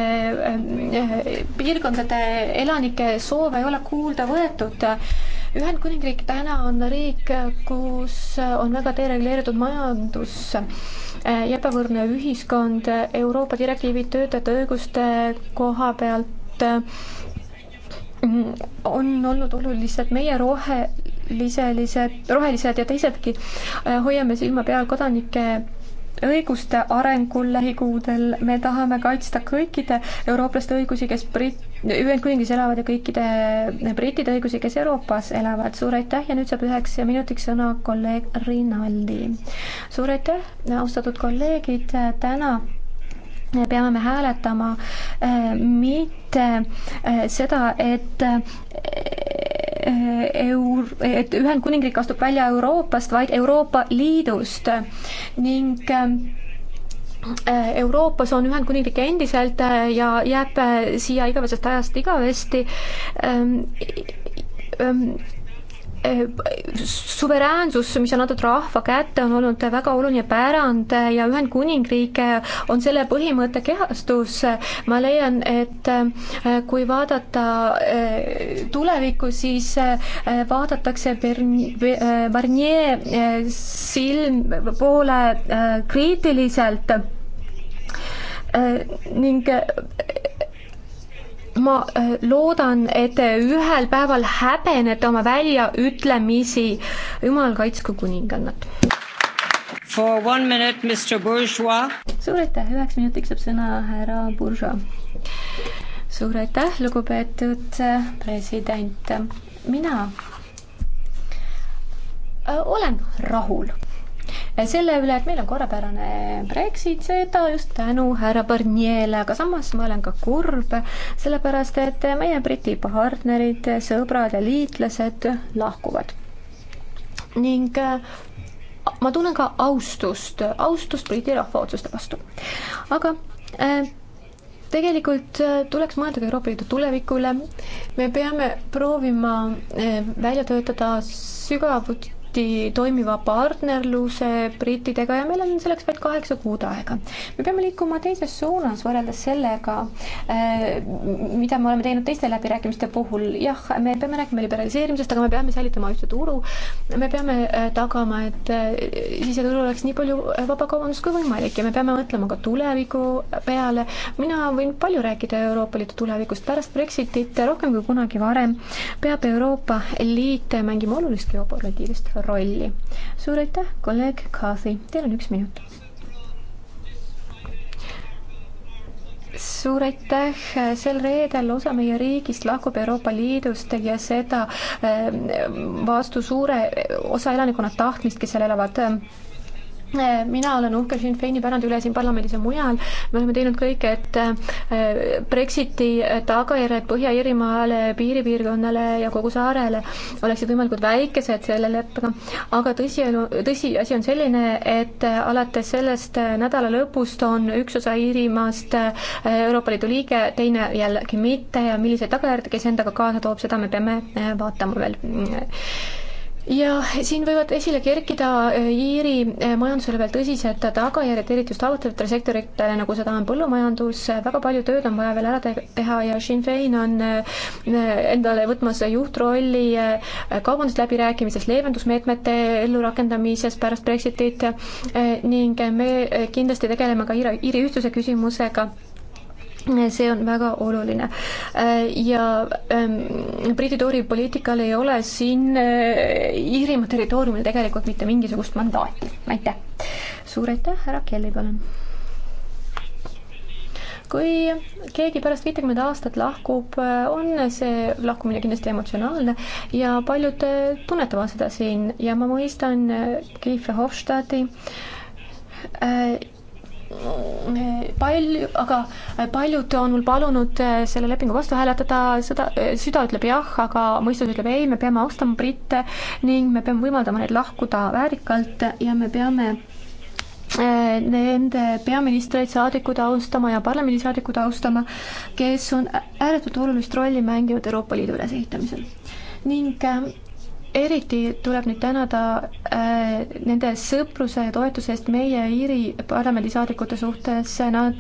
piirkondade elanike soove ei ole kuulda võetud. Ühendkuningriik täna on riik, kus on väga dereguleeritud majandus Äh, ebavõrdne ühiskond, äh, Euroopa direktiivid töötajate õiguste koha pealt äh, on olnud olulised meie rohelised, rohelised ja teisedki, hoiame silma peal kodanike õiguste arengul lähikuudel. me tahame kaitsta kõikide eurooplaste õigusi, kes Brit-, Ühendkuningriigis elavad ja kõikide brittide õigusi, kes Euroopas elavad. suur aitäh ja nüüd saab üheks minutiks sõna kolleeg Rinaldi. suur aitäh, austatud kolleegid, täna peame me hääletama eh, mitte eh, seda, et eh, Eh, eur-, et Ühendkuningriik astub välja Euroopast, vaid Euroopa Liidust ning eh, Euroopas on Ühendkuningriik endiselt eh, ja jääb siia igavesest ajast igavesti ehm, ehm, suveräänsus, mis on antud rahva kätte, on olnud väga oluline pärand ja Ühendkuningriik on selle põhimõtte kehastus. ma leian, et äh, kui vaadata äh, tulevikku, siis äh, vaadatakse Barnier silm poole kriitiliselt ning ma äh, loodan, et te ühel päeval häbenete oma väljaütlemisi. jumal kaitsku kuningannat. For one minute, Mr Bourgeois. suur aitäh, üheks minutiks saab sõna härra Bourgeois. suur aitäh, lugupeetud äh, president. mina äh, olen rahul selle üle, et meil on korrapärane Brexit, seda just tänu härra Barnier'le, aga samas ma olen ka kurb, sellepärast et meie Briti partnerid, sõbrad ja liitlased lahkuvad. ning äh, ma tunnen ka austust, austust Briti rahva otsuste vastu. aga äh, tegelikult äh, tuleks mõelda ka Euroopa Liidu tulevikule. me peame proovima välja töötada sügavut samuti toimiva partnerluse brittidega ja meil on selleks vaid kaheksa kuud aega. me peame liikuma teises suunas võrreldes sellega, äh, mida me oleme teinud teiste läbirääkimiste puhul, jah, me peame rääkima liberaliseerimisest, aga me peame säilitama ühtse turu, me peame äh, tagama, et äh, siseturul oleks nii palju vabakaubandust kui võimalik ja me peame mõtlema ka tuleviku peale, mina võin palju rääkida Euroopa Liidu tulevikust, pärast Brexitit rohkem kui kunagi varem peab Euroopa Liit mängima olulist geopoliitilist rolli. suur aitäh, kolleeg Kathy, teil on üks minut. suur aitäh, sel reedel osa meie riigist lahkub Euroopa Liidust ja seda eh, vastu suure osa elanikkonna tahtmist, kes seal elavad mina olen uhke Sinn Feini pärandi üle siin parlamendis ja mujal, me oleme teinud kõik, et äh, Brexiti tagajärjed Põhja-Iirimaale, piiripiirkonnale ja kogu saarele oleksid võimalikult väikesed selle leppega, aga tõsielu, tõsiasi on selline, et alates sellest nädala lõpust on üks osa Iirimaast äh, Euroopa Liidu liige, teine jällegi mitte ja milliseid tagajärgi see endaga kaasa toob, seda me peame äh, vaatama veel mm, jah, siin võivad esile kerkida äh, Iiri äh, majandusele veel tõsised tagajärjed, eriti just haavatavatele sektoritele, nagu seda on põllumajandus, äh, väga palju tööd on vaja veel ära teha ja Sinn Fein on endale võtmas juhtrolli kaubandusläbirääkimistes, leevendusmeetmete ellurakendamises pärast Brexitit ning me kindlasti tegeleme ka Iiri ühtsuse küsimusega see on väga oluline. Äh, ja ähm, Briti Tory poliitikal ei ole siin äh, Iirimaa territooriumil tegelikult mitte mingisugust mandaati, aitäh. suur aitäh, härra Kelly, palun. kui keegi pärast viitekümmet aastat lahkub, äh, on see lahkumine kindlasti emotsionaalne ja paljud äh, tunnetavad seda siin ja ma mõistan Kiefer Hofstadti äh, palju, aga paljud on mul palunud eh, selle lepingu vastu hääletada, seda, eh, süda ütleb jah, aga mõistus ütleb ei, me peame austama britte ning me peame võimaldama neil lahkuda väärikalt ja me peame eh, nende peaministreid, saadikud austama ja parlamendisaadikud austama, kes on ääretult olulist rolli mänginud Euroopa Liidu ülesehitamisel. ning eriti tuleb nüüd tänada äh, nende sõpruse ja toetuse eest meie Iiri parlamendisaadikute suhtes, nad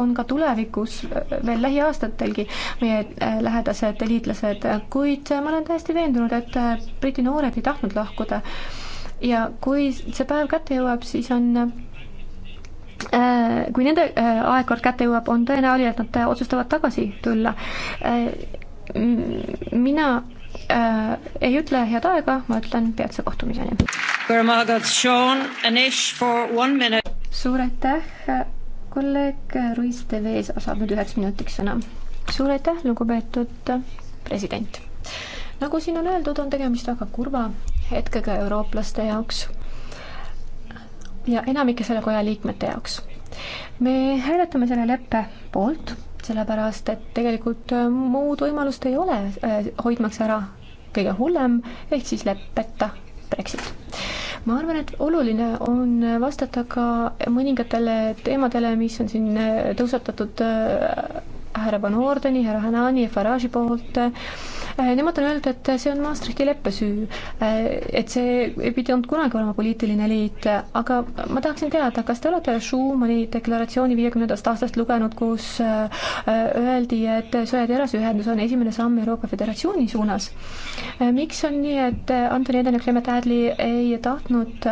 on ka tulevikus veel lähiaastatelgi meie äh, lähedased liitlased, kuid ma olen täiesti veendunud, et äh, Briti noored ei tahtnud lahkuda. ja kui see päev kätte jõuab, siis on äh, kui nende äh, aegkord kätte jõuab, on tõenäoline, et nad otsustavad tagasi tulla äh,. mina äh, ei ütle head aega, ma ütlen peatse kohtumiseni. suur aitäh, kolleeg Ruiz de Veesa saab nüüd üheks minutiks sõna. suur aitäh, lugupeetud president. nagu siin on öeldud, on tegemist väga kurva hetkega eurooplaste jaoks ja enamike selle koja liikmete jaoks. me hääletame selle leppe poolt sellepärast et tegelikult äh, muud võimalust ei ole, äh, hoidmaks ära kõige hullem, ehk siis leppeta Brexit. ma arvan, et oluline on vastata ka mõningatele teemadele, mis on siin äh, tõusetunud härra Van Ordeni, härra Hanani ja Farage'i poolt äh,, Äh, nemad on öelnud, et see on Maastrichti leppe süü. Äh, et see ei pidanud kunagi olema poliitiline liit, aga ma tahaksin teada, kas te olete Schumani deklaratsiooni viiekümnendast aastast lugenud, kus äh, öeldi, et Soe terase ühendus on esimene samm Euroopa Föderatsiooni suunas. miks on nii, et Antoni Eden ja Clement Adli ei tahtnud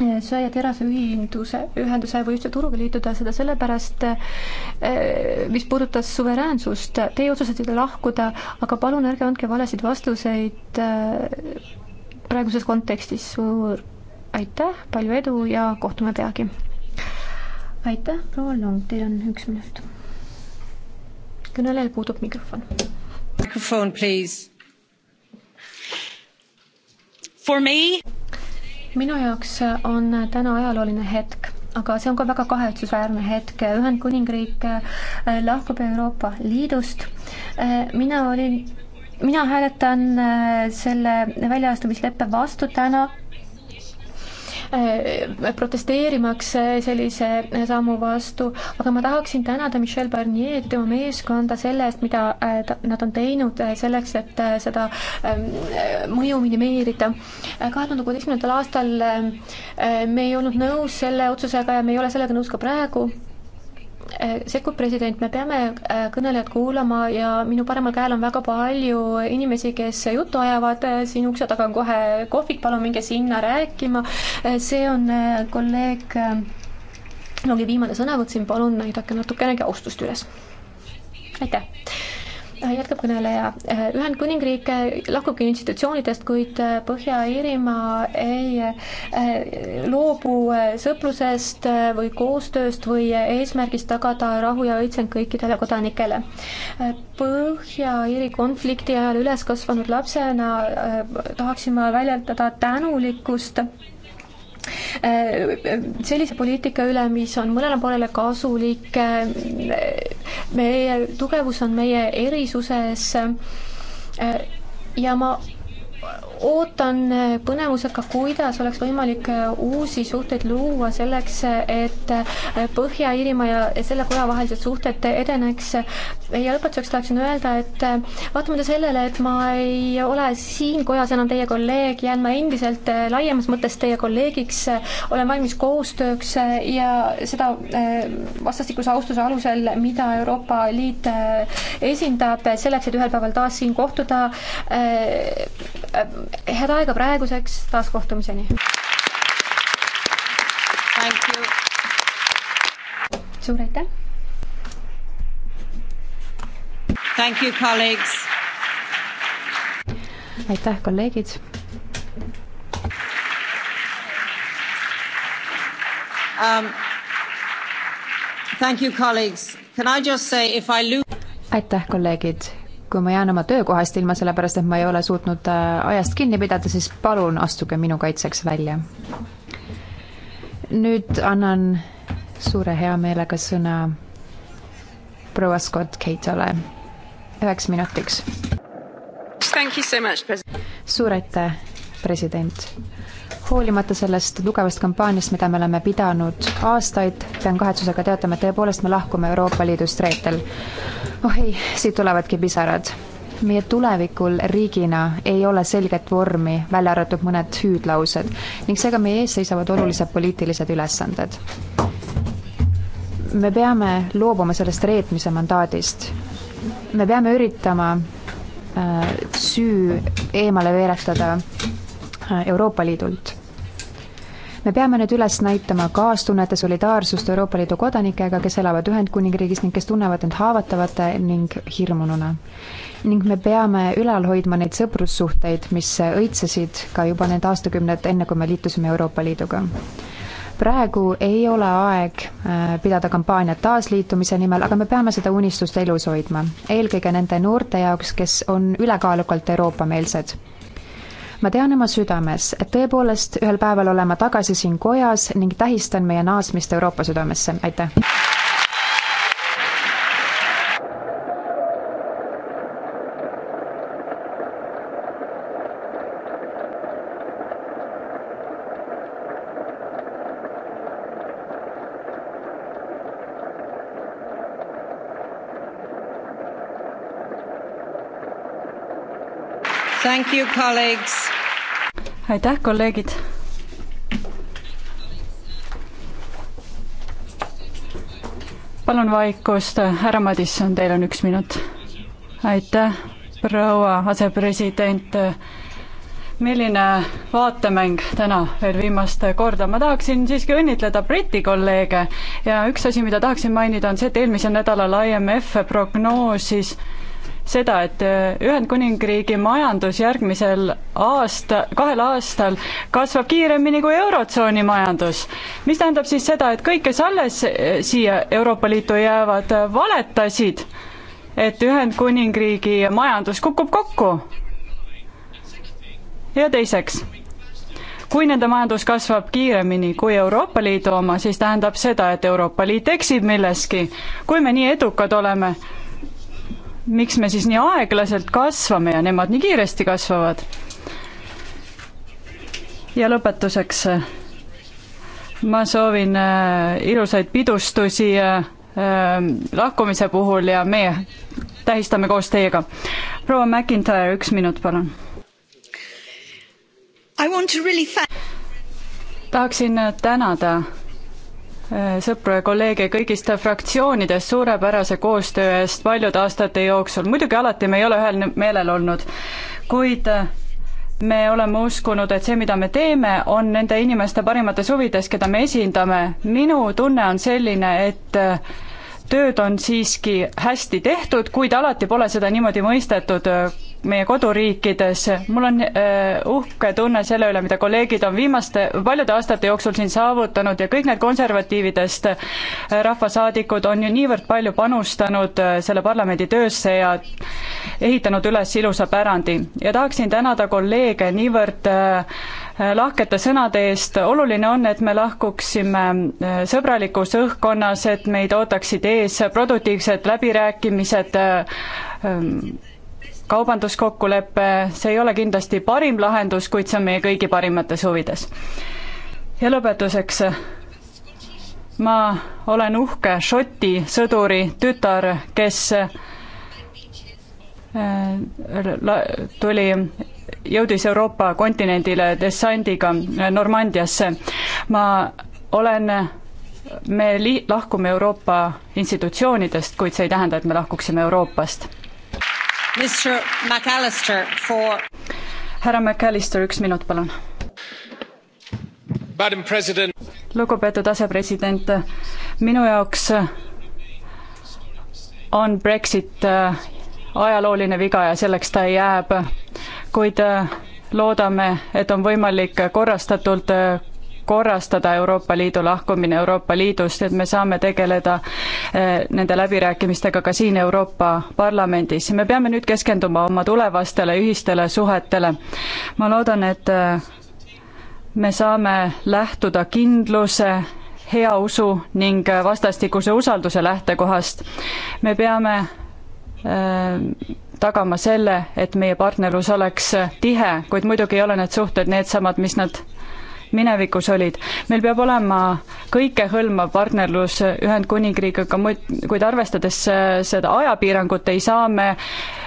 söe- ja teraseühinduse, ühenduse või ühtse turuga liituda, seda sellepärast, eh, mis puudutas suveräänsust, teie otsustasite lahkuda, aga palun ärge andke valesid vastuseid eh, praeguses kontekstis, suur aitäh, palju edu ja kohtume peagi! aitäh, proua Long, teil on üks minut. kõnelejal puudub mikrofon. mikrofon, please. For me minu jaoks on täna ajalooline hetk aga see on ka väga kahetsusväärne hetk, Ühendkuningriik eh, lahkub Euroopa Liidust. Eh, mina olin, mina hääletan eh, selle väljaastumisleppe vastu täna Äh, protesteerimaks sellise sammu vastu, aga ma tahaksin tänada Michel Barnier'd ja tema meeskonda selle eest, mida äh, nad on teinud äh, selleks, et seda ähm, mõju minimeerida. kahe tuhande kuueteistkümnendal aastal me ei olnud nõus selle otsusega ja me ei ole sellega nõus ka praegu Eh, sekkub president, me peame eh, kõnelejad kuulama ja minu paremal käel on väga palju inimesi, kes juttu ajavad, eh, siin ukse taga on kohe kohvik, palun minge sinna rääkima, see on kolleeg Longi viimane sõnavõtt siin, palun näidake natukenegi austust üles. aitäh Äh, jätkab kõneleja. Äh, Ühendkuningriik äh, lahkubki institutsioonidest, kuid Põhja-Iirimaa ei loobu sõprusest või koostööst või eesmärgist tagada rahu ja õitseng kõikidele kodanikele. Põhja-Iiri konflikti ajal üles kasvanud lapsena tahaksin ma väljendada tänulikkust Äh, sellise poliitika üle, mis on mõlele poolele kasulik. Äh, meie tugevus on meie erisuses. Äh, ja ma ootan äh, põnevusega, kuidas oleks võimalik äh, uusi suhteid luua selleks, et äh, Põhja-Iirimaa ja selle koja vahelised suhted edeneks. ja lõpetuseks tahaksin öelda, et vaatamata sellele, et ma ei ole siin kojas enam teie kolleeg, jään ma endiselt laiemas mõttes teie kolleegiks, olen valmis koostööks ja seda vastastikuse austuse alusel, mida Euroopa Liit esindab, selleks, et ühel päeval taas siin kohtuda head aega praeguseks, taas kohtumiseni! suur aitäh! aitäh, kolleegid! Um, thank you, colleagues. Can I just say if I lose aitäh, kolleegid, kui ma jään oma töökohast ilma, sellepärast et ma ei ole suutnud äh, ajast kinni pidada, siis palun astuge minu kaitseks välja. nüüd annan suure heameelega sõna proua Scott Keitole üheks minutiks. suur aitäh, president hoolimata sellest tugevast kampaaniast, mida me oleme pidanud aastaid, pean kahetsusega teatama, et tõepoolest me lahkume Euroopa Liidust reetel. oh ei, siit tulevadki pisarad. meie tulevikul riigina ei ole selget vormi, välja arvatud mõned hüüdlaused ning seega meie ees seisavad olulised poliitilised ülesanded. me peame loobuma sellest reetmise mandaadist. me peame üritama äh, süü eemale veeretada Euroopa Liidult. me peame nüüd üles näitama kaastunnet ja solidaarsust Euroopa Liidu kodanikega, kes elavad Ühendkuningriigis ning kes tunnevad end haavatavate ning hirmununa. ning me peame ülal hoidma neid sõprussuhteid, mis õitsesid ka juba need aastakümned, enne kui me liitusime Euroopa Liiduga praegu ei ole aeg äh, pidada kampaaniat taasliitumise nimel, aga me peame seda unistust elus hoidma, eelkõige nende noorte jaoks, kes on ülekaalukalt Euroopa-meelsed ma tean oma südames, et tõepoolest ühel päeval olen ma tagasi siin kojas ning tähistan meie naasmist Euroopa südamesse, aitäh! You, aitäh, kolleegid. palun vaikust, härra Madisson, teil on üks minut. aitäh, proua asepresident milline vaatemäng täna veel viimast korda, ma tahaksin siiski õnnitleda Briti kolleege ja üks asi, mida tahaksin mainida, on see, et eelmisel nädalal IMF prognoosis seda, et äh, Ühendkuningriigi majandus järgmisel aasta, kahel aastal kasvab kiiremini kui Eurotsooni majandus. mis tähendab siis seda, et kõik, kes alles äh, siia Euroopa Liitu jäävad, äh, valetasid, et Ühendkuningriigi majandus kukub kokku. ja teiseks kui nende majandus kasvab kiiremini kui Euroopa Liidu oma, siis tähendab seda, et Euroopa Liit eksib milleski. kui me nii edukad oleme, miks me siis nii aeglaselt kasvame ja nemad nii kiiresti kasvavad. ja lõpetuseks ma soovin äh, ilusaid pidustusi äh, äh lahkumise puhul ja meie tähistame koos teiega. proua McIntyre, üks minut, palun. Really tahaksin tänada sõpru ja kolleege kõigist fraktsioonidest suurepärase koostöö eest paljude aastate jooksul, muidugi alati me ei ole ühel meelel olnud, kuid me oleme uskunud, et see, mida me teeme, on nende inimeste parimates huvides, keda me esindame. minu tunne on selline, et tööd on siiski hästi tehtud, kuid alati pole seda niimoodi mõistetud meie koduriikides. mul on äh, uhke tunne selle üle, mida kolleegid on viimaste paljude aastate jooksul siin saavutanud ja kõik need konservatiividest äh, rahvasaadikud on ju niivõrd palju panustanud äh, selle parlamendi töösse ja ehitanud üles ilusa pärandi. ja tahaksin tänada kolleege niivõrd lahkete sõnade eest, oluline on, et me lahkuksime sõbralikus õhkkonnas, et meid ootaksid ees produktiivsed läbirääkimised kaubanduskokkulepe, see ei ole kindlasti parim lahendus, kuid see on meie kõigi parimates huvides. ja lõpetuseks, ma olen uhke Šoti sõduri tütar, kes äh, tuli, jõudis Euroopa kontinendile dessandiga Normandiasse. ma olen me li-, lahkume Euroopa institutsioonidest, kuid see ei tähenda, et me lahkuksime Euroopast For... härra McAllister, üks minut, palun. lugupeetud asepresident, minu jaoks äh, on Brexit äh, ajalooline viga ja selleks ta jääb, kuid äh, loodame, et on võimalik korrastatult korrastada Euroopa Liidu lahkumine Euroopa Liidust, et me saame tegeleda eh, nende läbirääkimistega ka siin Euroopa Parlamendis. me peame nüüd keskenduma oma tulevastele ühistele suhetele. ma loodan, et eh, me saame lähtuda kindluse hea usu ning vastastikuse usalduse lähtekohast. me peame äh, tagama selle, et meie partnerlus oleks tihe, kuid muidugi ei ole need suhted needsamad, mis nad minevikus olid. meil peab olema kõikehõlmav partnerlus Ühendkuningriigiga, kuid arvestades äh, seda ajapiirangut, ei saa me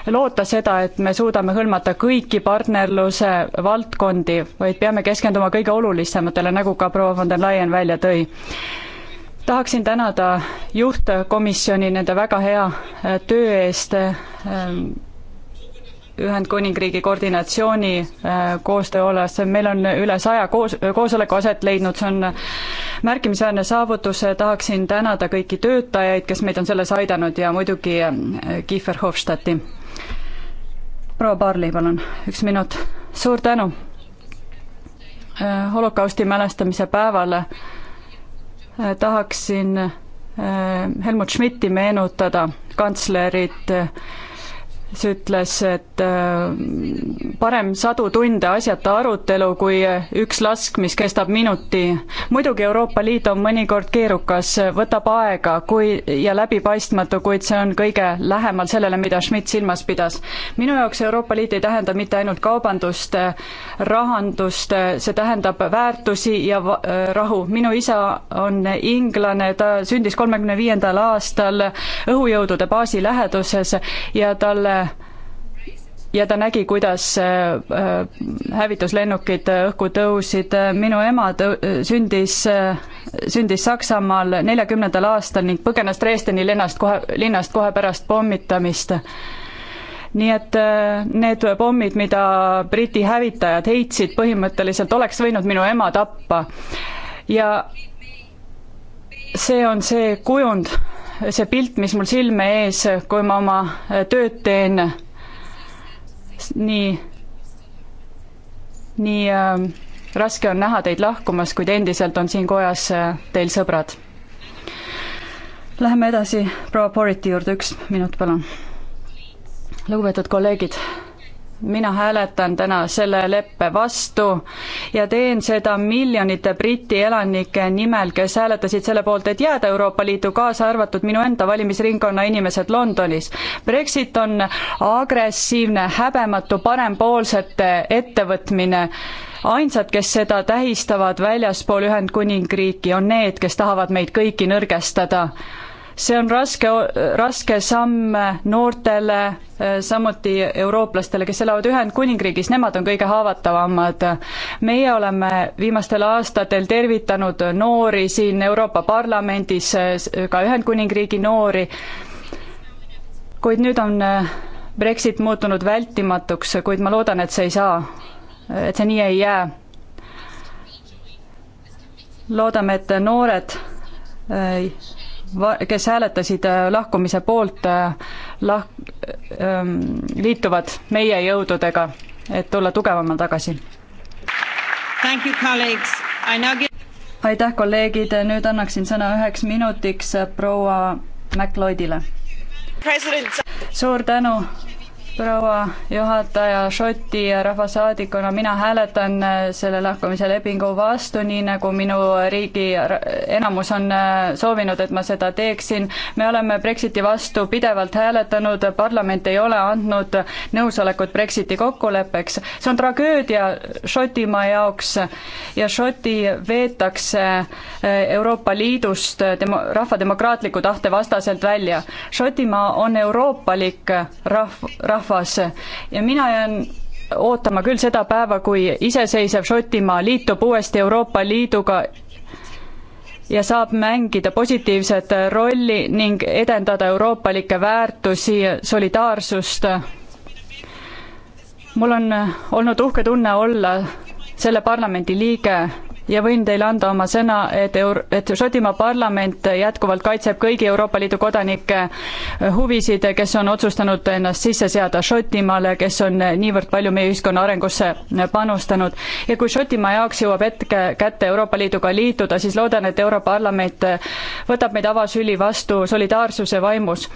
loota seda, et me suudame hõlmata kõiki partnerluse valdkondi, vaid peame keskenduma kõige olulisematele, nagu ka proua von der Leyen välja tõi tahaksin tänada juhtkomisjoni nende väga hea äh, töö eest äh, Ühendkuningriigi koordinatsiooni äh, koostöö olles, meil on üle saja koos, koosoleku aset leidnud, see on märkimisväärne saavutus, tahaksin tänada kõiki töötajaid, kes meid on selles aidanud ja muidugi äh, Kiefer Hofstadti. proua Parli, palun, üks minut. suur tänu! Äh, holokausti mälestamise päeval tahaksin Helmut Schmidti meenutada, kantslerit, kes ütles, et äh, parem sadu tunde asjata arutelu kui üks lask, mis kestab minuti. muidugi Euroopa Liit on mõnikord keerukas, võtab aega, kui ja läbipaistmatu, kuid see on kõige lähemal sellele, mida Schmidt silmas pidas. minu jaoks Euroopa Liit ei tähenda mitte ainult kaubandust, rahandust, see tähendab väärtusi ja rahu. minu isa on inglane, ta sündis kolmekümne viiendal aastal õhujõudude baasi läheduses ja talle ja ta nägi, kuidas äh, äh, hävituslennukid äh, õhku tõusid. minu ema tõ-, sündis, sündis Saksamaal neljakümnendal aastal ning põgenes Dresdeni linnast kohe, linnast kohe pärast pommitamist nii et need pommid, mida Briti hävitajad heitsid, põhimõtteliselt oleks võinud minu ema tappa. ja see on see kujund, see pilt, mis mul silme ees, kui ma oma tööd teen nii, nii äh, raske on näha teid lahkumas, kuid endiselt on siin kojas äh, teil sõbrad. Läheme edasi proua Poriti juurde, üks minut palun. lugupeetud kolleegid mina hääletan täna selle leppe vastu ja teen seda miljonite Briti elanike nimel, kes hääletasid selle poolt, et jääda Euroopa Liitu, kaasa arvatud minu enda valimisringkonna inimesed Londonis. Brexit on agressiivne, häbematu parempoolsete ettevõtmine. ainsad, kes seda tähistavad väljaspool Ühendkuningriiki, on need, kes tahavad meid kõiki nõrgestada see on raske, raske samm noortele, samuti eurooplastele, kes elavad Ühendkuningriigis, nemad on kõige haavatavamad. meie oleme viimastel aastatel tervitanud noori siin Euroopa Parlamendis, ka Ühendkuningriigi noori, kuid nüüd on Brexit muutunud vältimatuks, kuid ma loodan, et see ei saa, et see nii ei jää. loodame, et noored kes hääletasid äh, lahkumise poolt, äh, lah-, ähm, liituvad meie jõududega, et tulla tugevamana tagasi. aitäh, kolleegid, nüüd annaksin sõna üheks minutiks äh, proua MacLeodile. suur tänu proua juhataja, Šoti rahvasaadikuna mina hääletan äh, selle lahkumise lepingu vastu, nii nagu minu riigi enamus on äh, soovinud, et ma seda teeksin. me oleme Brexiti vastu pidevalt hääletanud, parlament ei ole andnud nõusolekut Brexiti kokkuleppeks. see on tragöödia Šotimaa jaoks ja Šoti veetakse äh, Euroopa Liidust demo-, rahva demokraatliku tahte vastaselt välja. Šotimaa on euroopalik rahv-, rahv-, rahvas ja mina jään ootama küll seda päeva, kui iseseisev Šotimaa liitub uuesti Euroopa Liiduga ja saab mängida positiivset rolli ning edendada euroopalikke väärtusi, solidaarsust. mul on olnud uhke tunne olla selle parlamendi liige ja võin teile anda oma sõna, et Euro-, et Šotimaa parlament jätkuvalt kaitseb kõigi Euroopa Liidu kodanike huvisid, kes on otsustanud ennast sisse seada Šotimaale, kes on niivõrd palju meie ühiskonna arengusse panustanud. ja kui Šotimaa jaoks jõuab hetke kätte Euroopa Liiduga liituda, siis loodan, et Europarlament võtab meid avasüli vastu solidaarsuse vaimus.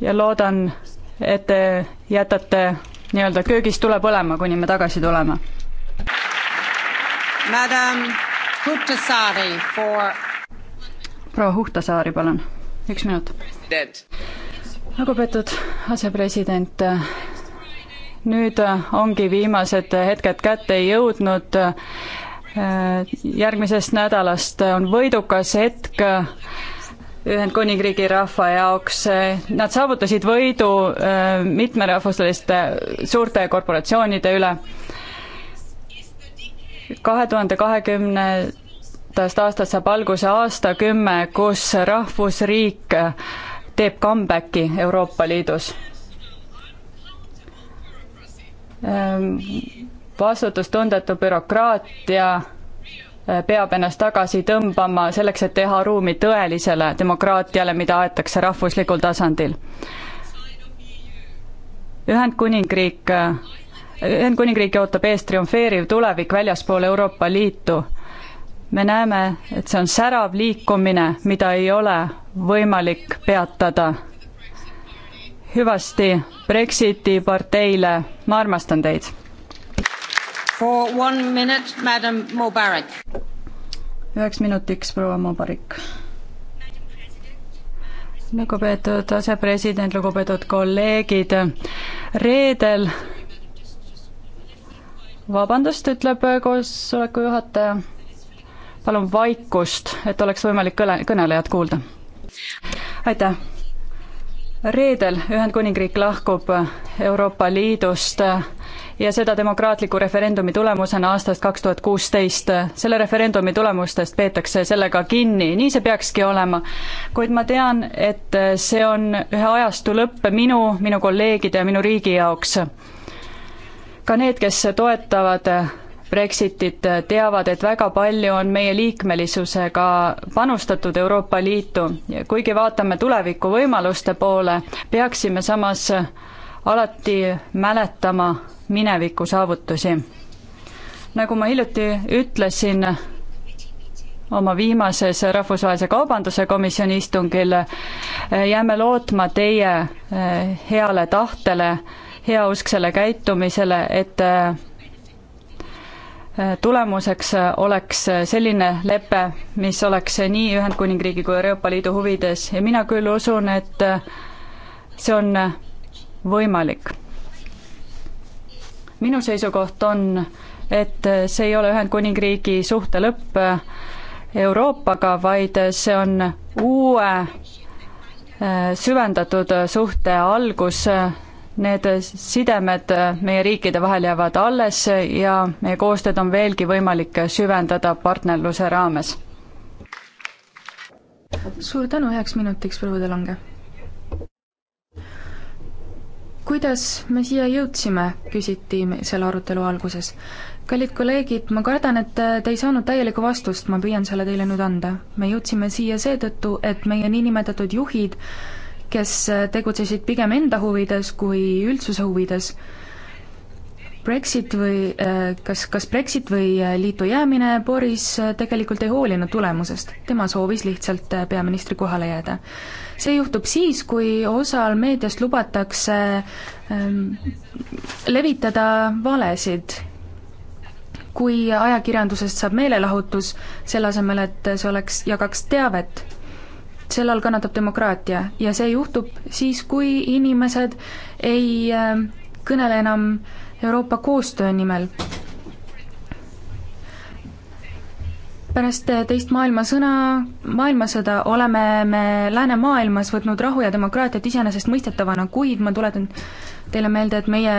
ja loodan, et te jätate nii-öelda köögis tule põlema, kuni me tagasi tuleme. For... proua Huhtasaari, palun, üks minut. lugupeetud asepresident, nüüd ongi viimased hetked kätte jõudnud. järgmisest nädalast on võidukas hetk Ühendkuningriigi rahva jaoks, nad saavutasid võidu äh, mitmerahvuseliste suurte korporatsioonide üle kahe tuhande kahekümnendast aastast saab alguse aastakümme, kus rahvusriik teeb comeback'i Euroopa Liidus. Ehm, vastutustundetu bürokraatia eh, peab ennast tagasi tõmbama selleks, et teha ruumi tõelisele demokraatiale, mida aetakse rahvuslikul tasandil. Ühendkuningriik eh, Ühendkuningriiki ootab ees triumfeeriv tulevik väljaspool Euroopa Liitu. me näeme, et see on särav liikumine, mida ei ole võimalik peatada. hüvasti Brexiti parteile, ma armastan teid. üheks minutiks, proua Mubarak lugupeetud asepresident, lugupeetud kolleegid, reedel vabandust, ütleb koosoleku juhataja. palun vaikust, et oleks võimalik kõne, kõnelejat kuulda. aitäh. reedel Ühendkuningriik lahkub Euroopa Liidust ja seda demokraatliku referendumi tulemusena aastast kaks tuhat kuusteist. selle referendumi tulemustest peetakse sellega kinni, nii see peakski olema. kuid ma tean, et see on ühe ajastu lõpp minu, minu kolleegide ja minu riigi jaoks ka need, kes toetavad Brexitit, teavad, et väga palju on meie liikmelisusega panustatud Euroopa Liitu. kuigi vaatame tuleviku võimaluste poole, peaksime samas alati mäletama mineviku saavutusi. nagu ma hiljuti ütlesin oma viimases Rahvusvahelise Kaubanduse Komisjoni istungil, jääme lootma teie eh, heale tahtele heausksele käitumisele, et äh, tulemuseks oleks selline lepe, mis oleks nii Ühendkuningriigi kui Euroopa Liidu huvides ja mina küll usun, et äh, see on võimalik. minu seisukoht on, et see ei ole Ühendkuningriigi suhte lõpp äh, Euroopaga, vaid see on uue süvendatud suhte algus need sidemed meie riikide vahel jäävad alles ja meie koostööd on veelgi võimalik süvendada partnerluse raames. suur tänu üheks minutiks, proua De Lange. kuidas me siia jõudsime, küsiti selle arutelu alguses. kallid kolleegid, ma kardan, et te ei saanud täielikku vastust, ma püüan selle teile nüüd anda. me jõudsime siia seetõttu, et meie niinimetatud juhid kes tegutsesid pigem enda huvides kui üldsuse huvides. Brexit või äh, kas, kas Brexit või äh, liitu jäämine, Boris äh, tegelikult ei hoolinud tulemusest, tema soovis lihtsalt peaministri kohale jääda. see juhtub siis, kui osal meediast lubatakse ähm, levitada valesid kui ajakirjandusest saab meelelahutus, selle asemel, et see oleks, jagaks teavet selle all kannatab demokraatia ja see juhtub siis, kui inimesed ei äh, kõnele enam Euroopa koostöö nimel. pärast teist maailmasõna, maailmasõda oleme me läänemaailmas võtnud rahu ja demokraatiat iseenesestmõistetavana, kuid ma tuletan teile meelde, et meie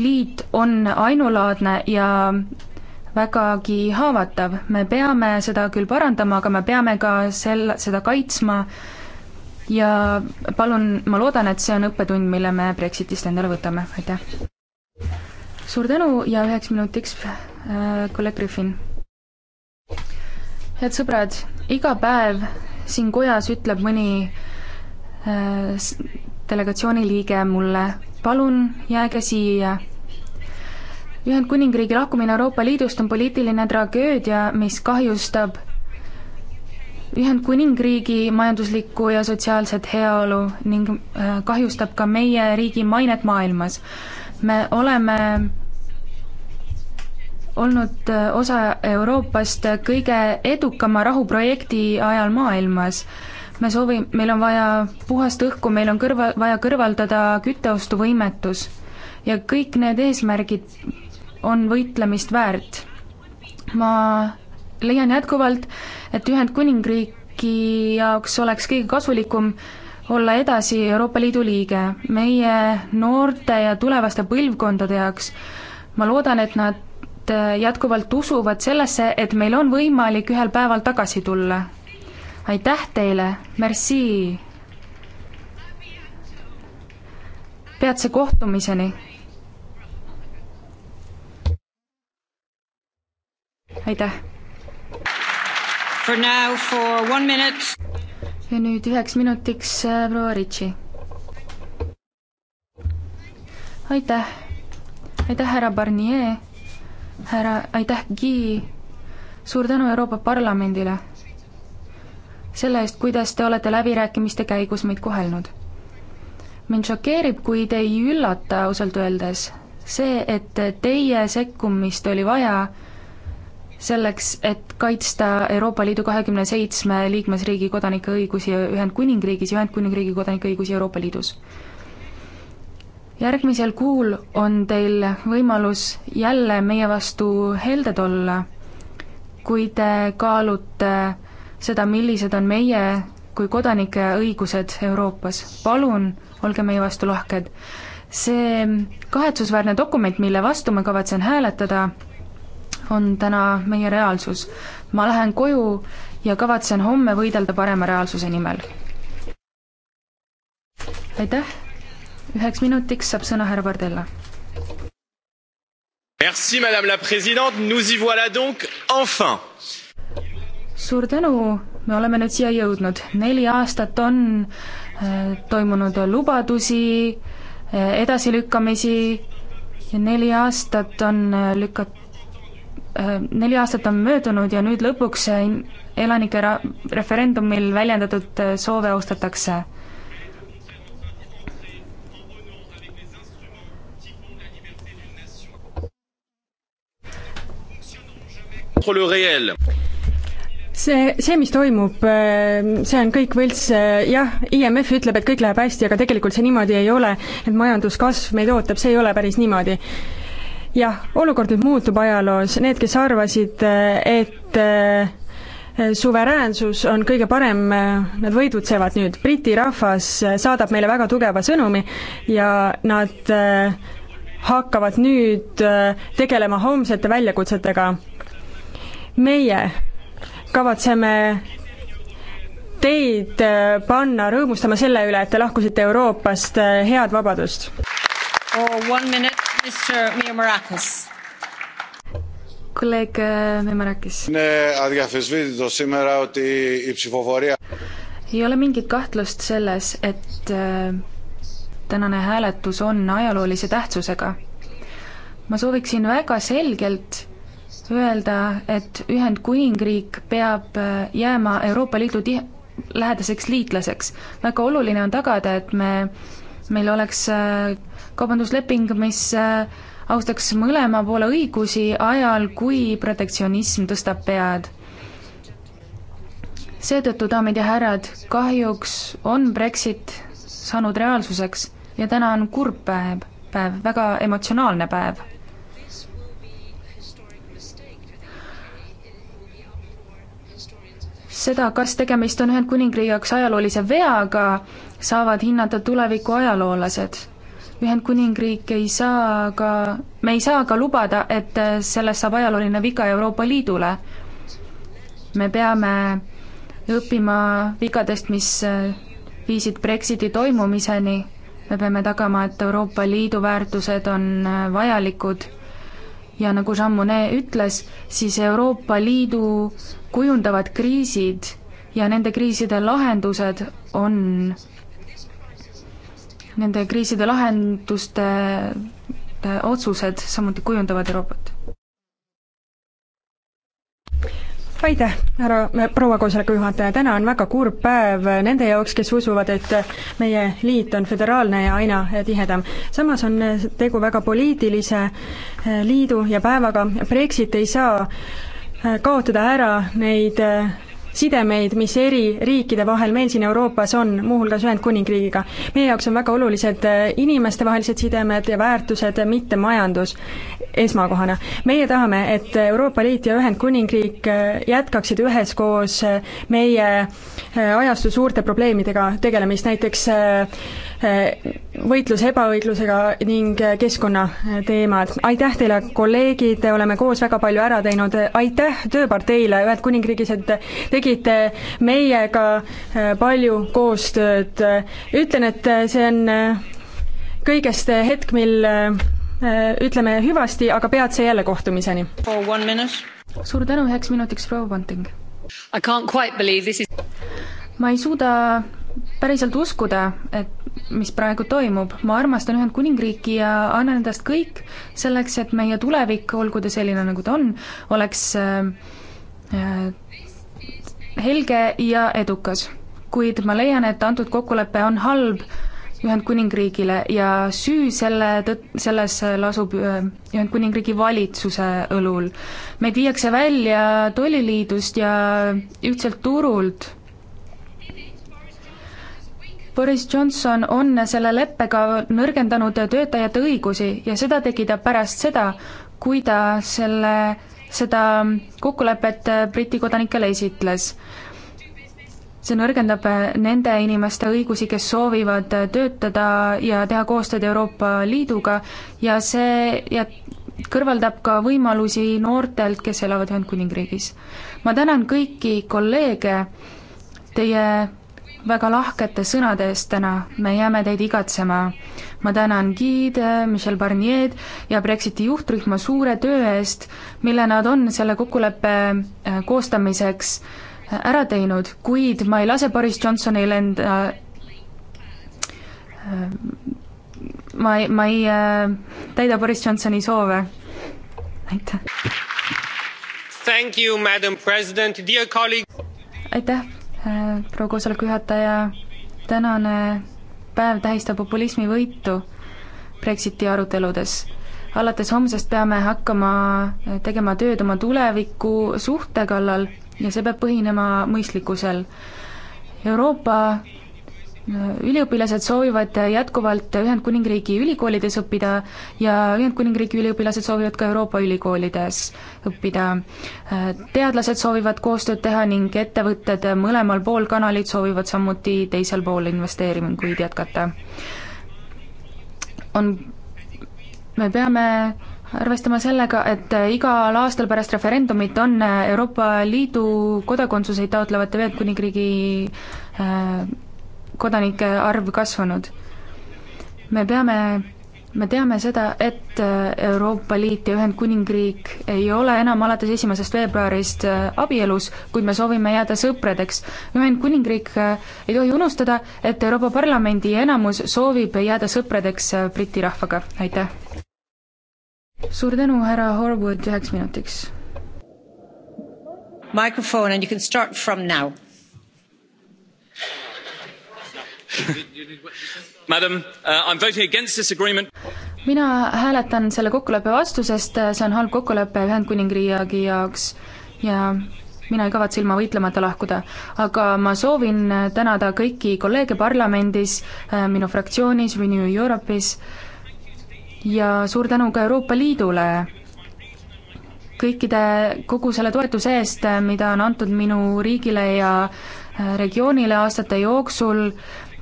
liit on ainulaadne ja vägagi haavatav, me peame seda küll parandama, aga me peame ka sel-, seda kaitsma ja palun, ma loodan, et see on õppetund, mille me Brexitist endale võtame, aitäh. suur tänu ja üheks minutiks äh, kolleeg Griffin. head sõbrad, iga päev siin kojas ütleb mõni äh, delegatsiooni liige mulle, palun jääge siia Ühendkuningriigi lahkumine Euroopa Liidust on poliitiline tragöödia, mis kahjustab Ühendkuningriigi majanduslikku ja sotsiaalset heaolu ning äh, kahjustab ka meie riigi mainet maailmas. me oleme olnud äh, osa Euroopast kõige edukama rahuprojekti ajal maailmas. me soovi-, meil on vaja puhast õhku, meil on kõrva, vaja kõrvaldada kütteostuvõimetus ja kõik need eesmärgid on võitlemist väärt. ma leian jätkuvalt, et Ühendkuningriigi jaoks oleks kõige kasulikum olla edasi Euroopa Liidu liige. meie noorte ja tulevaste põlvkondade jaoks ma loodan, et nad jätkuvalt usuvad sellesse, et meil on võimalik ühel päeval tagasi tulla. aitäh teile, merci! peatse kohtumiseni! aitäh! ja nüüd üheks minutiks äh, proua Ritši. aitäh, aitäh, härra Barnier, härra, aitäh, Guy, suur tänu Euroopa Parlamendile selle eest, kuidas te olete läbirääkimiste käigus meid kohelnud. mind šokeerib, kuid ei üllata ausalt öeldes see, et teie sekkumist oli vaja selleks, et kaitsta Euroopa Liidu kahekümne seitsme liikmesriigi kodanike õigusi Ühendkuningriigis ja Ühendkuningriigi kodanike õigusi Euroopa Liidus. järgmisel kuul on teil võimalus jälle meie vastu helded olla, kui te kaalute seda, millised on meie kui kodanike õigused Euroopas. palun olge meie vastu lahked. see kahetsusväärne dokument, mille vastu ma kavatsen hääletada, on täna meie reaalsus. ma lähen koju ja kavatsen homme võidelda parema reaalsuse nimel. aitäh, üheks minutiks saab sõna härra Bardella. Merci madame la présidente, nous y voilà donc enfin. suur tänu, me oleme nüüd siia jõudnud, neli aastat on äh, toimunud lubadusi äh,, edasilükkamisi ja neli aastat on äh, lükat-, neli aastat on möödunud ja nüüd lõpuks elanike ra-, referendumil väljendatud soove austatakse. see, see, mis toimub, see on kõik võlts, jah, IMF ütleb, et kõik läheb hästi, aga tegelikult see niimoodi ei ole, et majanduskasv meid ootab, see ei ole päris niimoodi jah, olukord nüüd muutub ajaloos, need, kes arvasid, eh, et eh, suveräänsus on kõige parem, eh, nad võidutsevad nüüd, Briti rahvas saadab meile väga tugeva sõnumi ja nad hakkavad nüüd tegelema homsete väljakutsetega. meie kavatseme teid panna rõõmustama selle üle, et te lahkusite Euroopast, head vabadust! Oh, Kolleeg äh, Memarakis. ei ole mingit kahtlust selles, et äh, tänane hääletus on ajaloolise tähtsusega. ma sooviksin väga selgelt öelda, et Ühendkuningriik peab äh, jääma Euroopa Liidu tih-, lähedaseks liitlaseks. väga oluline on tagada, et me, meil oleks kaubandusleping, mis äh, austaks mõlema poole õigusi ajal, kui protektsionism tõstab pead seetõttu, daamid ja härrad, kahjuks on Brexit saanud reaalsuseks ja täna on kurb päev, päev, väga emotsionaalne päev. seda, kas tegemist on Ühendkuningriigi jaoks ajaloolise veaga, saavad hinnata tuleviku ajaloolased. Ühendkuningriik ei saa ka, me ei saa ka lubada, et sellest saab ajalooline viga Euroopa Liidule. me peame õppima vigadest, mis viisid Brexiti toimumiseni, me peame tagama, et Euroopa Liidu väärtused on vajalikud ja nagu Jean Monnet ütles, siis Euroopa Liidu kujundavad kriisid ja nende kriiside lahendused on nende kriiside lahenduste äh, otsused samuti kujundavad Euroopat. aitäh, härra, äh, proua koosoleku juhataja, täna on väga kurb päev nende jaoks, kes usuvad, et äh, meie liit on föderaalne ja aina tihedam. samas on tegu väga poliitilise liidu ja päevaga, Brexit ei saa kaotada ära neid sidemeid, mis eri riikide vahel meil siin Euroopas on, muuhulgas Ühendkuningriigiga. meie jaoks on väga olulised äh, inimestevahelised sidemed ja väärtused, mitte majandus esmakohana. meie tahame, et Euroopa Liit ja Ühendkuningriik äh, jätkaksid üheskoos äh, meie ajastu suurte probleemidega tegelemist, näiteks võitlus ebaõiglusega ning keskkonnateemad. aitäh teile, kolleegid, oleme koos väga palju ära teinud, aitäh Tööparteile Ühendkuningriigis, et tegite meiega äh, palju koostööd. ütlen, et see on äh, kõigest hetk, mil äh, ütleme hüvasti, aga peatse jälle kohtumiseni. suur tänu, üheks minutiks proua Ponting. Is... ma ei suuda päriselt uskuda, et mis praegu toimub. ma armastan Ühendkuningriiki ja annan endast kõik selleks, et meie tulevik, olgu ta selline, nagu ta on, oleks äh, äh, helge ja edukas. kuid ma leian, et antud kokkulepe on halb Ühendkuningriigile ja süü selle tõtt-, selles lasub äh, Ühendkuningriigi valitsuse õlul. meid viiakse välja tolliliidust ja ühtselt turult Boris Johnson on selle leppega nõrgendanud töötajate õigusi ja seda tegi ta pärast seda, kui ta selle, seda kokkulepet Briti kodanikele esitles. see nõrgendab nende inimeste õigusi, kes soovivad töötada ja teha koostööd Euroopa Liiduga ja see ja kõrvaldab ka võimalusi noortelt, kes elavad Ühendkuningriigis. ma tänan kõiki kolleege teie väga lahkete sõnade eest täna, me jääme teid igatsema. ma tänan giide, Michel Barnier'd ja Brexiti juhtrühma suure töö eest, mille nad on selle kokkuleppe äh, koostamiseks äh, ära teinud, kuid ma ei lase Boris Johnsonil enda äh, ma ei, ma ei täida Boris Johnsoni soove. aitäh. aitäh proua koosoleku juhataja, tänane päev tähistab populismi võitu Brexiti aruteludes. alates homsest peame hakkama tegema tööd oma tuleviku suhte kallal ja see peab põhinema mõistlikkusel. Euroopa üliõpilased soovivad jätkuvalt Ühendkuningriigi ülikoolides õppida ja Ühendkuningriigi üliõpilased soovivad ka Euroopa ülikoolides õppida. teadlased soovivad koostööd teha ning ettevõtted mõlemal pool kanalit soovivad samuti teisel pool investeeringuid jätkata. on, me peame arvestama sellega, et igal aastal pärast referendumit on Euroopa Liidu kodakondsuseid taotlevate Ühendkuningriigi äh, kodanike arv kasvanud. me peame, me teame seda, et äh, Euroopa Liit ja Ühendkuningriik ei ole enam alates esimesest veebruarist äh, abielus, kuid me soovime jääda sõpradeks. Ühendkuningriik äh, ei tohi unustada, et Euroopa Parlamendi enamus soovib jääda sõpradeks Briti rahvaga, aitäh! suur tänu, härra Horwood, üheks minutiks. Microphone and you can start from now Madam, uh, I am voting against this agreement mina hääletan selle kokkuleppe vastu, sest uh, see on halb kokkulepe Ühendkuningriigi jaoks ja mina ei kavatse ilma võitlemata lahkuda. aga ma soovin uh, tänada kõiki kolleege parlamendis, minu fraktsioonis, Renew Europe'is ja suur tänu ka Euroopa Liidule kõikide, kogu selle toetuse eest, mida on antud minu riigile ja regioonile aastate jooksul,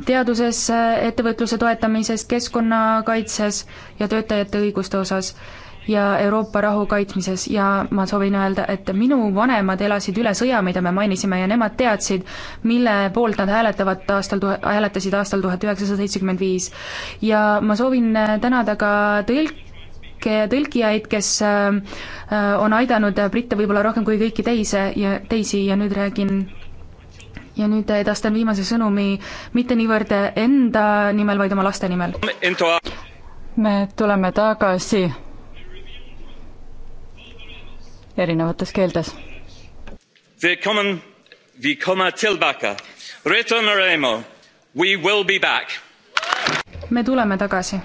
teaduses, ettevõtluse toetamises, keskkonnakaitses ja töötajate õiguste osas ja Euroopa rahu kaitsmises ja ma soovin öelda, et minu vanemad elasid üle sõja, mida me mainisime, ja nemad teadsid, mille poolt nad hääletavad aastal, hääletasid aastal tuhat üheksasada seitsekümmend viis. ja ma soovin tänada ka tõlke, tõlkijaid, kes äh, on aidanud britte võib-olla rohkem kui kõiki teise ja teisi ja nüüd räägin ja nüüd edastan viimase sõnumi mitte niivõrd enda nimel, vaid oma laste nimel. me tuleme tagasi erinevates keeltes. Willkommen, willkommen tilbaka, retornaremo, we will be back. me tuleme tagasi.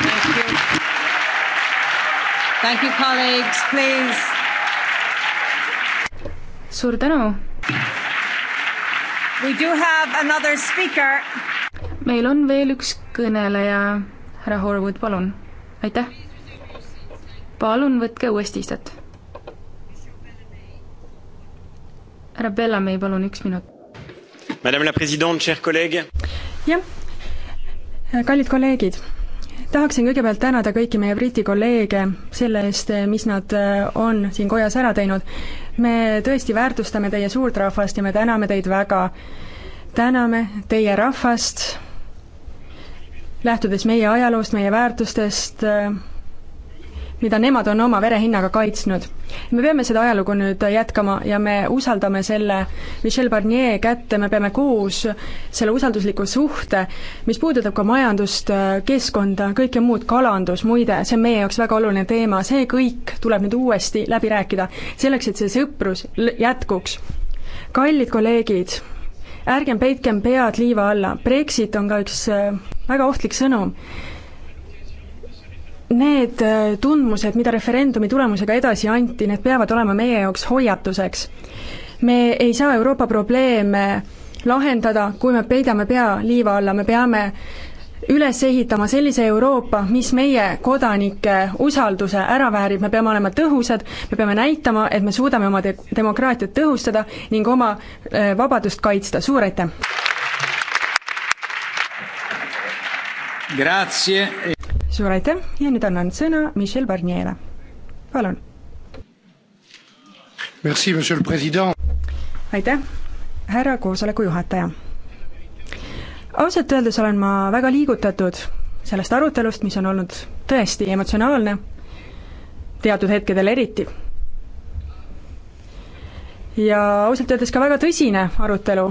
Thank you. Thank you, colleagues, please. suur tänu meil on veel üks kõneleja, härra Horwood, palun, aitäh. palun võtke uuesti istet. härra Bellamy, palun, üks minut. jah, kallid kolleegid tahaksin kõigepealt tänada kõiki meie Briti kolleege selle eest, mis nad äh, on siin kojas ära teinud me tõesti väärtustame teie suurt rahvast ja me täname teid väga. täname teie rahvast, lähtudes meie ajaloost, meie väärtustest, mida nemad on oma verehinnaga kaitsnud. me peame seda ajalugu nüüd jätkama ja me usaldame selle Michel Barnier kätte, me peame koos selle usaldusliku suhte, mis puudutab ka majandust, keskkonda, kõike muud, kalandus muide, see on meie jaoks väga oluline teema, see kõik tuleb nüüd uuesti läbi rääkida, selleks, et see sõprus jätkuks. kallid kolleegid, ärgem peitkem pead liiva alla, Brexit on ka üks äh, väga ohtlik sõnum need äh, tundmused, mida referendumi tulemusega edasi anti, need peavad olema meie jaoks hoiatuseks. me ei saa Euroopa probleeme lahendada, kui me peidame pea liiva alla, me peame üles ehitama sellise Euroopa, mis meie kodanike usalduse ära väärib, me peame olema tõhusad, me peame näitama, et me suudame oma de-, demokraatiat tõhustada ning oma äh, vabadust kaitsta, suur aitäh! suur aitäh ja nüüd annan sõna Michel Barnier'le, palun. aitäh, härra koosoleku juhataja. ausalt öeldes olen ma väga liigutatud sellest arutelust, mis on olnud tõesti emotsionaalne, teatud hetkedel eriti. ja ausalt öeldes ka väga tõsine arutelu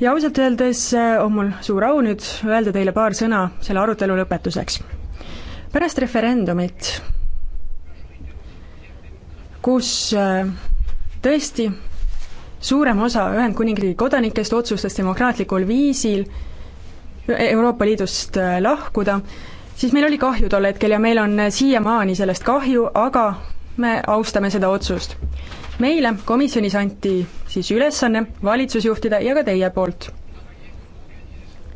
ja ausalt öeldes äh, on mul suur au nüüd öelda teile paar sõna selle arutelu lõpetuseks. pärast referendumit, kus äh, tõesti suurem osa Ühendkuningriigi kodanikest otsustas demokraatlikul viisil Euroopa Liidust äh, lahkuda, siis meil oli kahju tol hetkel ja meil on siiamaani sellest kahju, aga me austame seda otsust meile komisjonis anti siis ülesanne valitsusjuhtide ja ka teie poolt.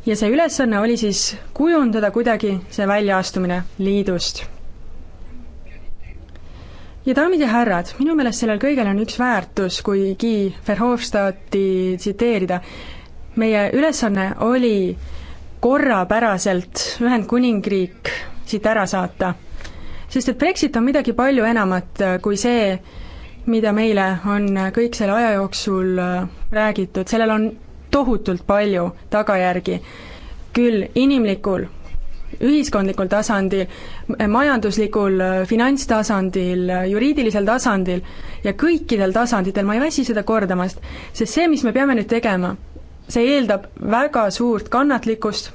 ja see ülesanne oli siis kujundada kuidagi see väljaastumine liidust. ja daamid ja härrad, minu meelest sellel kõigel on üks väärtus, kui Guy Verhofstadti tsiteerida, meie ülesanne oli korrapäraselt Ühendkuningriik siit ära saata. sest et Brexit on midagi palju enamat kui see, mida meile on kõik selle aja jooksul äh, räägitud, sellel on tohutult palju tagajärgi. küll inimlikul, ühiskondlikul tasandil, majanduslikul, äh, finantstasandil, äh, juriidilisel tasandil ja kõikidel tasanditel, ma ei väsi seda kordamast, sest see, mis me peame nüüd tegema, see eeldab väga suurt kannatlikkust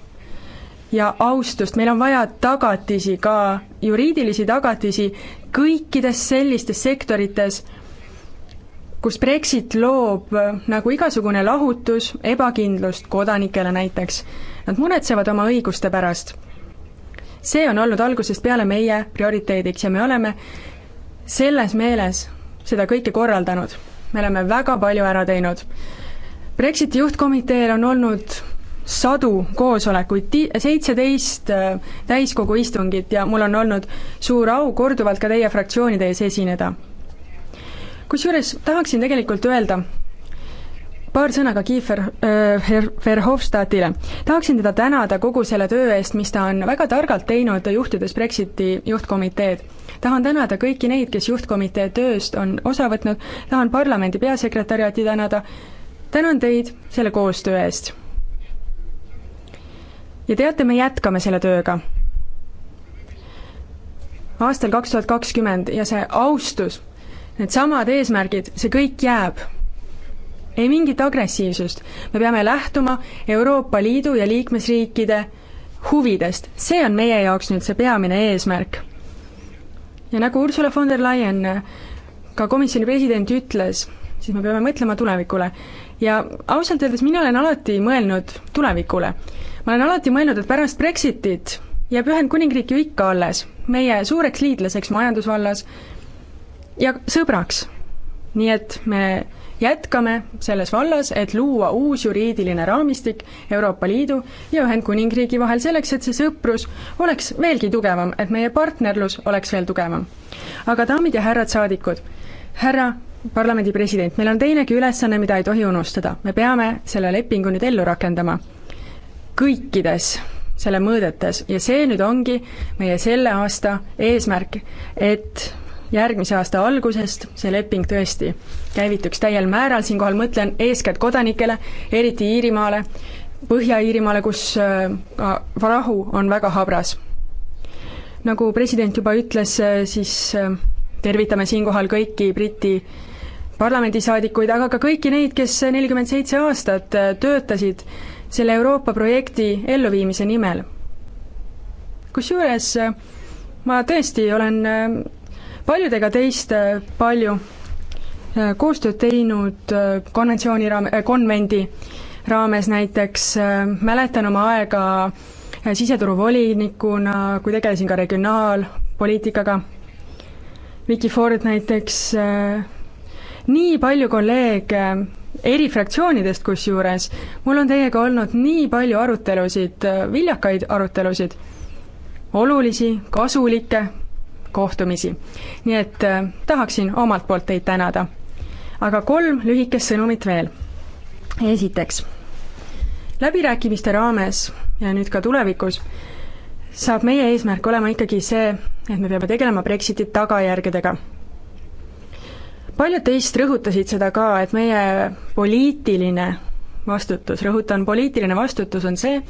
ja austust, meil on vaja tagatisi, ka juriidilisi tagatisi kõikides sellistes sektorites, kus Brexit loob äh, nagu igasugune lahutus ebakindlust kodanikele näiteks. Nad muretsevad oma õiguste pärast. see on olnud algusest peale meie prioriteediks ja me oleme selles meeles seda kõike korraldanud. me oleme väga palju ära teinud. Brexiti juhtkomiteel on olnud sadu koosolekuid, seitseteist äh, täiskogu istungit ja mul on olnud suur au korduvalt ka teie fraktsioonide ees esineda kusjuures tahaksin tegelikult öelda paar sõna ka Kiefer äh, Verhofstadtile. tahaksin teda tänada kogu selle töö eest, mis ta on väga targalt teinud, juhtides Brexiti juhtkomiteed. tahan tänada kõiki neid, kes juhtkomitee tööst on osa võtnud, tahan parlamendi peasekretäriati tänada, tänan teid selle koostöö eest. ja teate, me jätkame selle tööga aastal kaks tuhat kakskümmend ja see austus needsamad eesmärgid, see kõik jääb. ei mingit agressiivsust, me peame lähtuma Euroopa Liidu ja liikmesriikide huvidest, see on meie jaoks nüüd see peamine eesmärk. ja nagu Ursula von der Leyen, äh, ka komisjoni president ütles, siis me peame mõtlema tulevikule. ja ausalt öeldes mina olen alati mõelnud tulevikule. ma olen alati mõelnud, et pärast Brexitit jääb Ühendkuningriik ju ikka alles, meie suureks liitlaseks majandusvallas, ja sõbraks. nii et me jätkame selles vallas, et luua uus juriidiline raamistik Euroopa Liidu ja Ühendkuningriigi vahel selleks, et see sõprus oleks veelgi tugevam, et meie partnerlus oleks veel tugevam. aga daamid ja härrad saadikud, härra parlamendi president, meil on teinegi ülesanne, mida ei tohi unustada, me peame selle lepingu nüüd ellu rakendama. kõikides selle mõõdetes ja see nüüd ongi meie selle aasta eesmärk, et järgmise aasta algusest see leping tõesti käivituks täiel määral, siinkohal mõtlen eeskätt kodanikele, eriti Iirimaale, Põhja-Iirimaale, kus äh, ka rahu on väga habras. nagu president juba ütles, äh, siis äh, tervitame siinkohal kõiki Briti parlamendisaadikuid, aga ka kõiki neid, kes nelikümmend seitse aastat töötasid selle Euroopa projekti elluviimise nimel. kusjuures ma tõesti olen paljudega teist äh, palju äh, koostööd teinud äh, konventsiooni raam-, konvendi raames näiteks, mäletan oma aega siseturuvolinikuna, kui tegelesin ka regionaalpoliitikaga, Vicky Ford näiteks, nii palju kolleege eri fraktsioonidest kusjuures, mul on teiega olnud nii palju arutelusid, viljakaid arutelusid, olulisi, kasulikke kohtumisi. nii et äh, tahaksin omalt poolt teid tänada. aga kolm lühikest sõnumit veel. esiteks, läbirääkimiste raames ja nüüd ka tulevikus saab meie eesmärk olema ikkagi see, et me peame tegelema Brexiti tagajärgedega paljud teist rõhutasid seda ka, et meie poliitiline vastutus, rõhutan, poliitiline vastutus on see,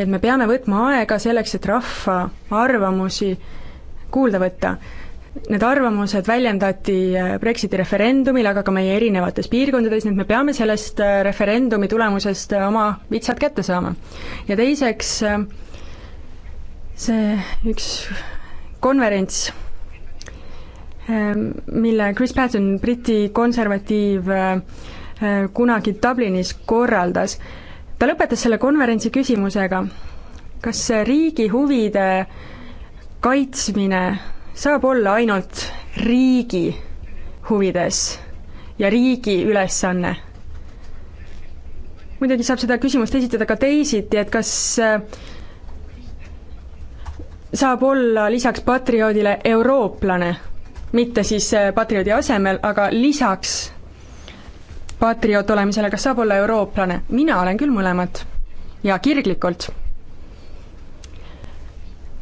et me peame võtma aega selleks, et rahva arvamusi kuulda võtta. Need arvamused väljendati äh, Brexiti referendumil, aga ka meie erinevates piirkondades, nii et me peame sellest äh, referendumi tulemusest äh, oma vitsad kätte saama. ja teiseks, see üks konverents, mille Chris Patten, Briti konservatiiv, kunagi Dublinis korraldas, ta lõpetas selle konverentsi küsimusega, kas riigi huvide kaitsmine saab olla ainult riigi huvides ja riigi ülesanne. muidugi saab seda küsimust esitada ka teisiti, et kas äh, saab olla lisaks patrioodile eurooplane, mitte siis äh, patrioodi asemel, aga lisaks patrioot olemisele, kas saab olla eurooplane? mina olen küll mõlemat ja kirglikult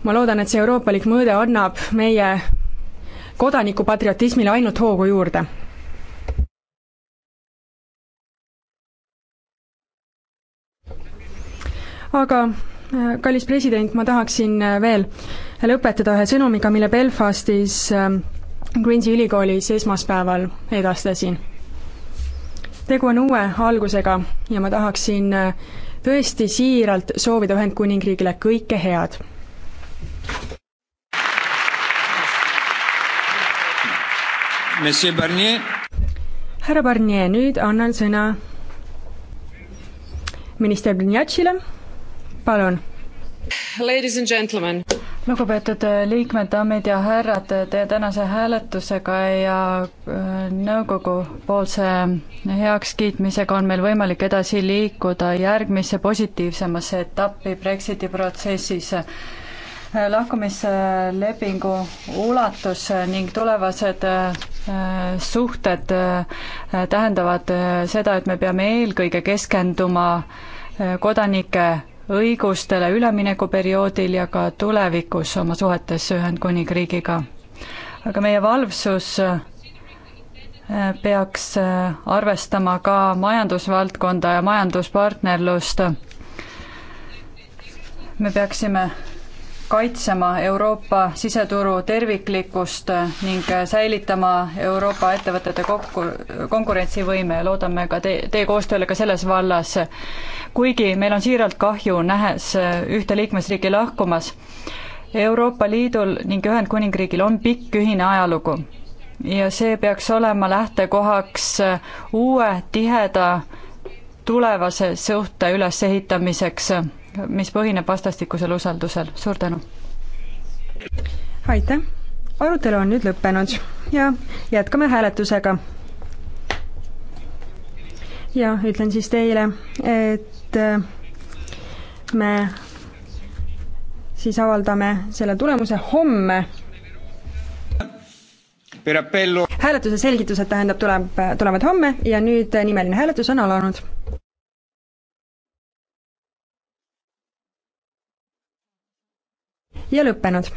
ma loodan, et see euroopalik mõõde annab meie kodanikupatriotismile ainult hoogu juurde. aga äh, kallis president, ma tahaksin äh, veel lõpetada ühe sõnumiga, mille Belfastis ähm, Greensi ülikoolis esmaspäeval edastasin. tegu on uue algusega ja ma tahaksin äh, tõesti siiralt soovida Ühendkuningriigile kõike head härra Barnier, nüüd annan sõna minister Brnjatšile, palun. lugupeetud äh, liikmed, daamid ja härrad, teie tänase hääletusega ja äh, nõukogu poolse heakskiitmisega on meil võimalik edasi liikuda järgmisse positiivsemasse etappi Brexiti protsessis lahkumislepingu ulatus ning tulevased äh, suhted äh, tähendavad äh, seda, et me peame eelkõige keskenduma kodanike õigustele üleminekuperioodil ja ka tulevikus oma suhetes Ühendkuningriigiga. aga meie valvsus peaks arvestama ka majandusvaldkonda ja majanduspartnerlust. me peaksime kaitsema Euroopa siseturu terviklikkust ning säilitama Euroopa ettevõtete kokku, konkurentsivõime ja loodame ka te, teie koostööle ka selles vallas. kuigi meil on siiralt kahju, nähes ühte liikmesriiki lahkumas, Euroopa Liidul ning Ühendkuningriigil on pikk ühine ajalugu ja see peaks olema lähtekohaks uue tiheda tulevase suhte ülesehitamiseks mis põhineb vastastikusel usaldusel, suur tänu! aitäh, arutelu on nüüd lõppenud ja jätkame hääletusega. ja ütlen siis teile, et äh, me siis avaldame selle tulemuse homme. hääletuse selgitused tähendab, tuleb, tulevad homme ja nüüd nimeline hääletus on alanud ja lõppenud.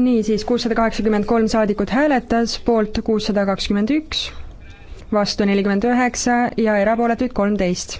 niisiis, kuussada kaheksakümmend kolm saadikut hääletas, poolt kuussada kakskümmend üks, vastu nelikümmend üheksa ja erapooletuid kolmteist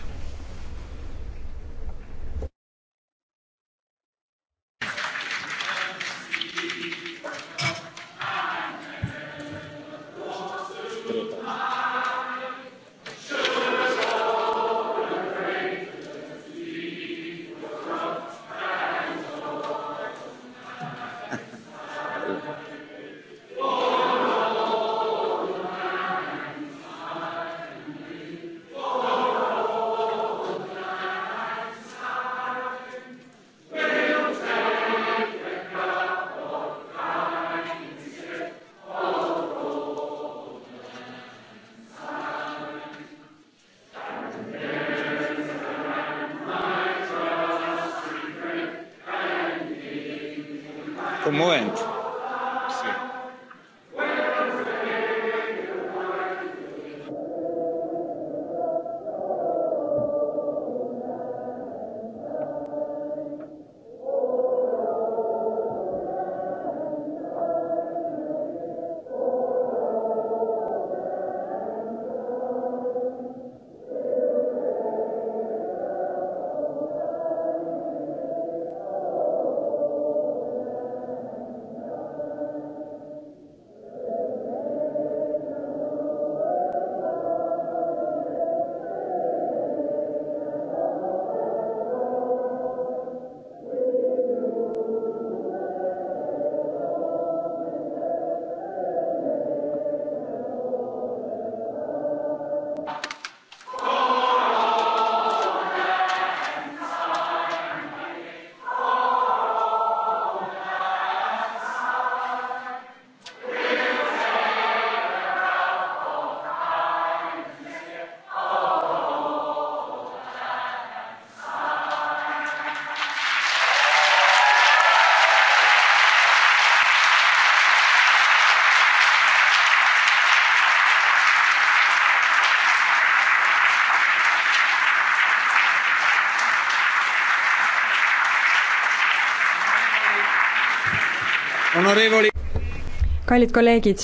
kallid kolleegid.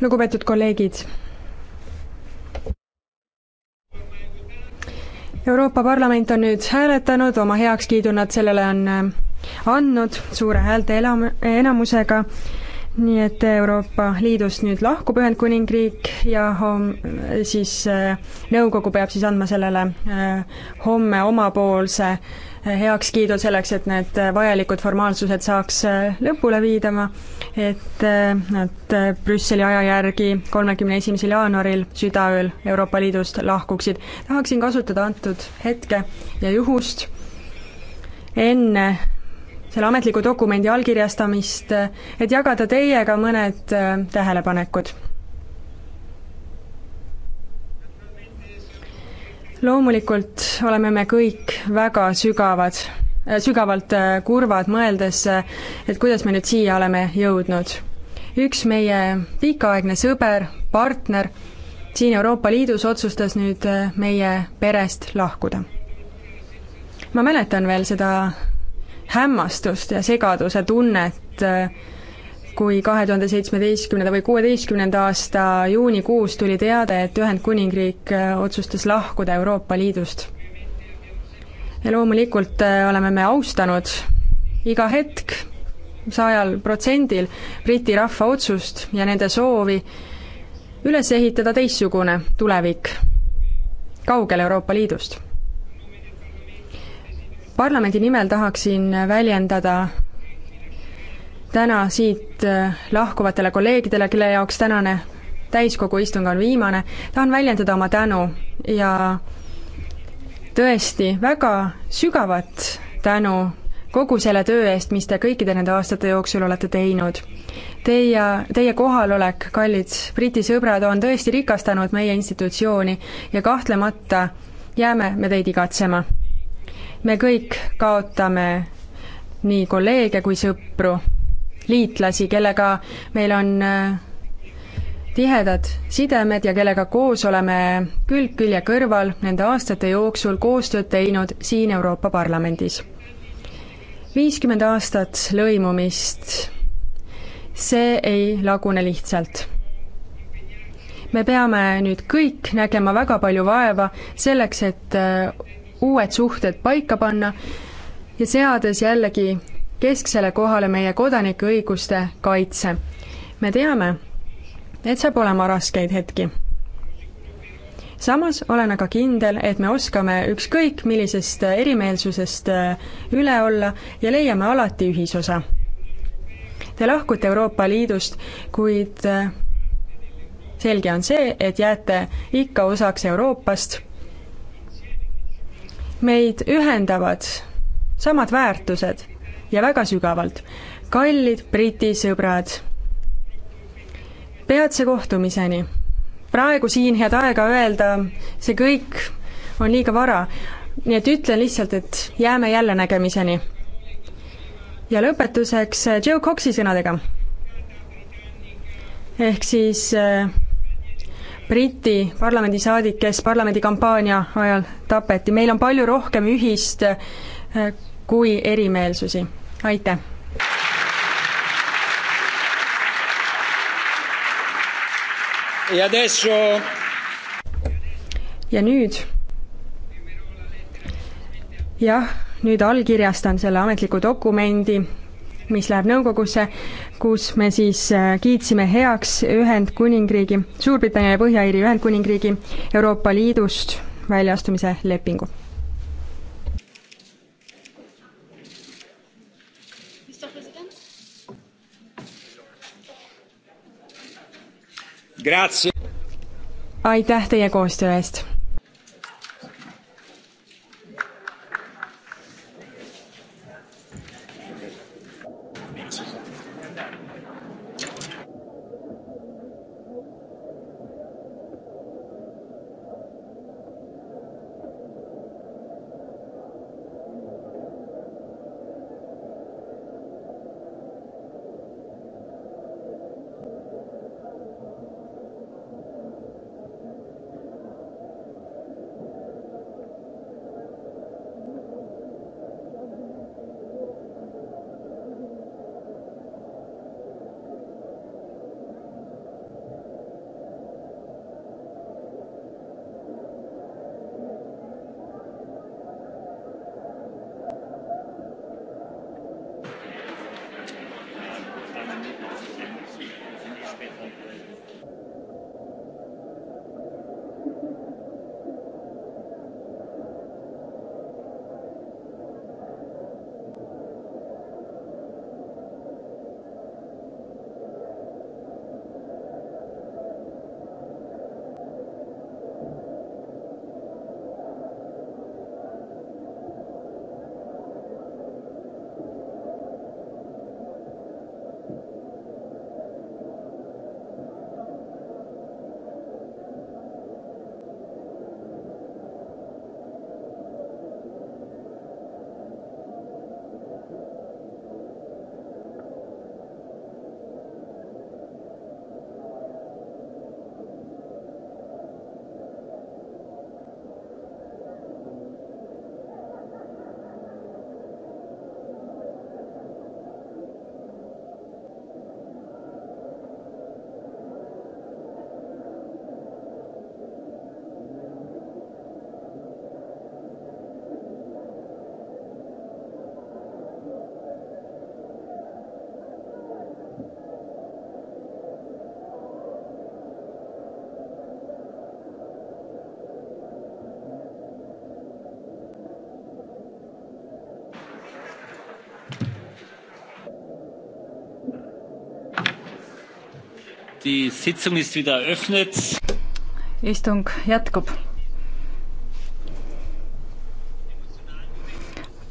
lugupeetud kolleegid Euroopa Parlament on nüüd hääletanud, oma heakskiidu nad sellele on äh, andnud suure häälte elam-, enamusega, nii et Euroopa Liidust nüüd lahkub Ühendkuningriik ja hom-, siis äh, nõukogu peab siis andma sellele äh, homme omapoolse äh, heakskiidu selleks, et need vajalikud formaalsused saaks lõpule viidama, et nad Brüsseli aja järgi kolmekümne esimesel jaanuaril südaööl Euroopa Liidust lahkuksid. tahaksin kasutada antud hetke ja juhust enne selle ametliku dokumendi allkirjastamist, et jagada teiega mõned äh, tähelepanekud. loomulikult oleme me kõik väga sügavad, äh, sügavalt äh, kurvad, mõeldes, et kuidas me nüüd siia oleme jõudnud. üks meie pikaaegne sõber, partner siin Euroopa Liidus otsustas nüüd meie perest lahkuda ma mäletan veel seda hämmastust ja segaduse tunnet, äh, kui kahe tuhande seitsmeteistkümnenda või kuueteistkümnenda aasta juunikuus tuli teade, et Ühendkuningriik äh, otsustas lahkuda Euroopa Liidust. ja loomulikult äh, oleme me austanud iga hetk sajal protsendil Briti rahva otsust ja nende soovi üles ehitada teistsugune tulevik, kaugel Euroopa Liidust parlamendi nimel tahaksin väljendada täna siit äh, lahkuvatele kolleegidele, kelle jaoks tänane täiskogu istung on viimane, tahan väljendada oma tänu ja tõesti väga sügavat tänu kogu selle töö eest, mis te kõikide nende aastate jooksul olete teinud. Teie, teie kohalolek, kallid Briti sõbrad, on tõesti rikastanud meie institutsiooni ja kahtlemata jääme me teid igatsema me kõik kaotame nii kolleege kui sõpru, liitlasi, kellega meil on äh, tihedad sidemed ja kellega koos oleme külg külje kõrval nende aastate jooksul koostööd teinud siin Euroopa Parlamendis. viiskümmend aastat lõimumist, see ei lagune lihtsalt. me peame nüüd kõik nägema väga palju vaeva selleks, et äh, uued suhted paika panna ja seades jällegi kesksele kohale meie kodanike õiguste kaitse. me teame, et saab olema raskeid hetki. samas olen aga kindel, et me oskame ükskõik millisest erimeelsusest äh, üle olla ja leiame alati ühisosa. Te lahkute Euroopa Liidust, kuid äh, selge on see, et jääte ikka osaks Euroopast meid ühendavad samad väärtused ja väga sügavalt. kallid Briti sõbrad, peatse kohtumiseni. praegu siin head aega öelda, see kõik on liiga vara, nii et ütlen lihtsalt, et jääme jälle nägemiseni. ja lõpetuseks eh, Joe Coxi sõnadega. ehk siis äh, Briti parlamendisaadik, kes parlamendikampaania ajal tapeti. meil on palju rohkem ühist äh, kui erimeelsusi. aitäh! ja nüüd? jah, nüüd allkirjastan selle ametliku dokumendi mis läheb nõukogusse, kus me siis äh, kiitsime heaks Ühendkuningriigi, Suurbritannia ja Põhja-Iiri Ühendkuningriigi Euroopa Liidust väljaastumise lepingu aitäh teie koostöö eest! Die Sitzung ist wieder eröffnet. istung jätkub.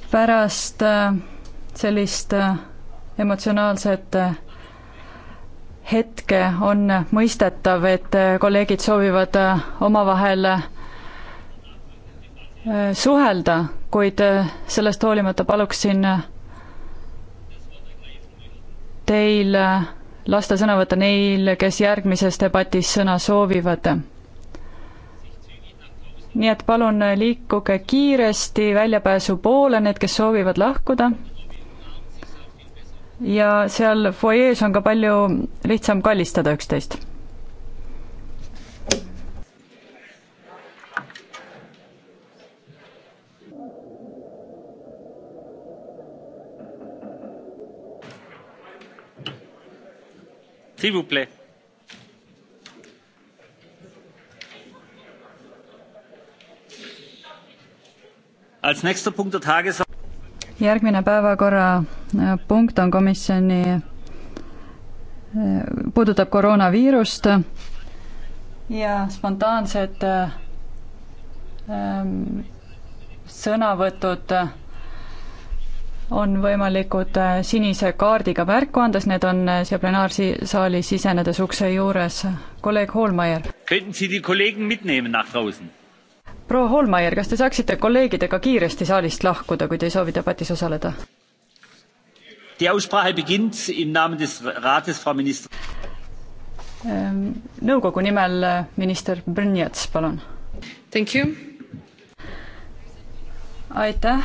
pärast äh, sellist äh, emotsionaalset äh, hetke on mõistetav, et kolleegid soovivad omavahel suhelda, kuid sellest hoolimata paluksin teil lasta sõna võtta neil, kes järgmises debatis sõna soovivad. nii et palun liikuge kiiresti väljapääsu poole, need, kes soovivad lahkuda. ja seal fuajees on ka palju lihtsam kallistada üksteist s'il vous plaît. järgmine päevakorrapunkt äh, on komisjoni, äh, puudutab koroonaviirust ja spontaanset äh, ähm, sõnavõtud äh, on võimalikud äh, sinise kaardiga märku andes, need on äh, siia plenaarsaali sisenedes ukse juures. kolleeg Hoolmeier. proua Hoolmeier, kas te saaksite kolleegidega kiiresti saalist lahkuda, kui te ei soovi debatis osaleda? Ähm, nõukogu nimel äh, minister Brnjats, palun. aitäh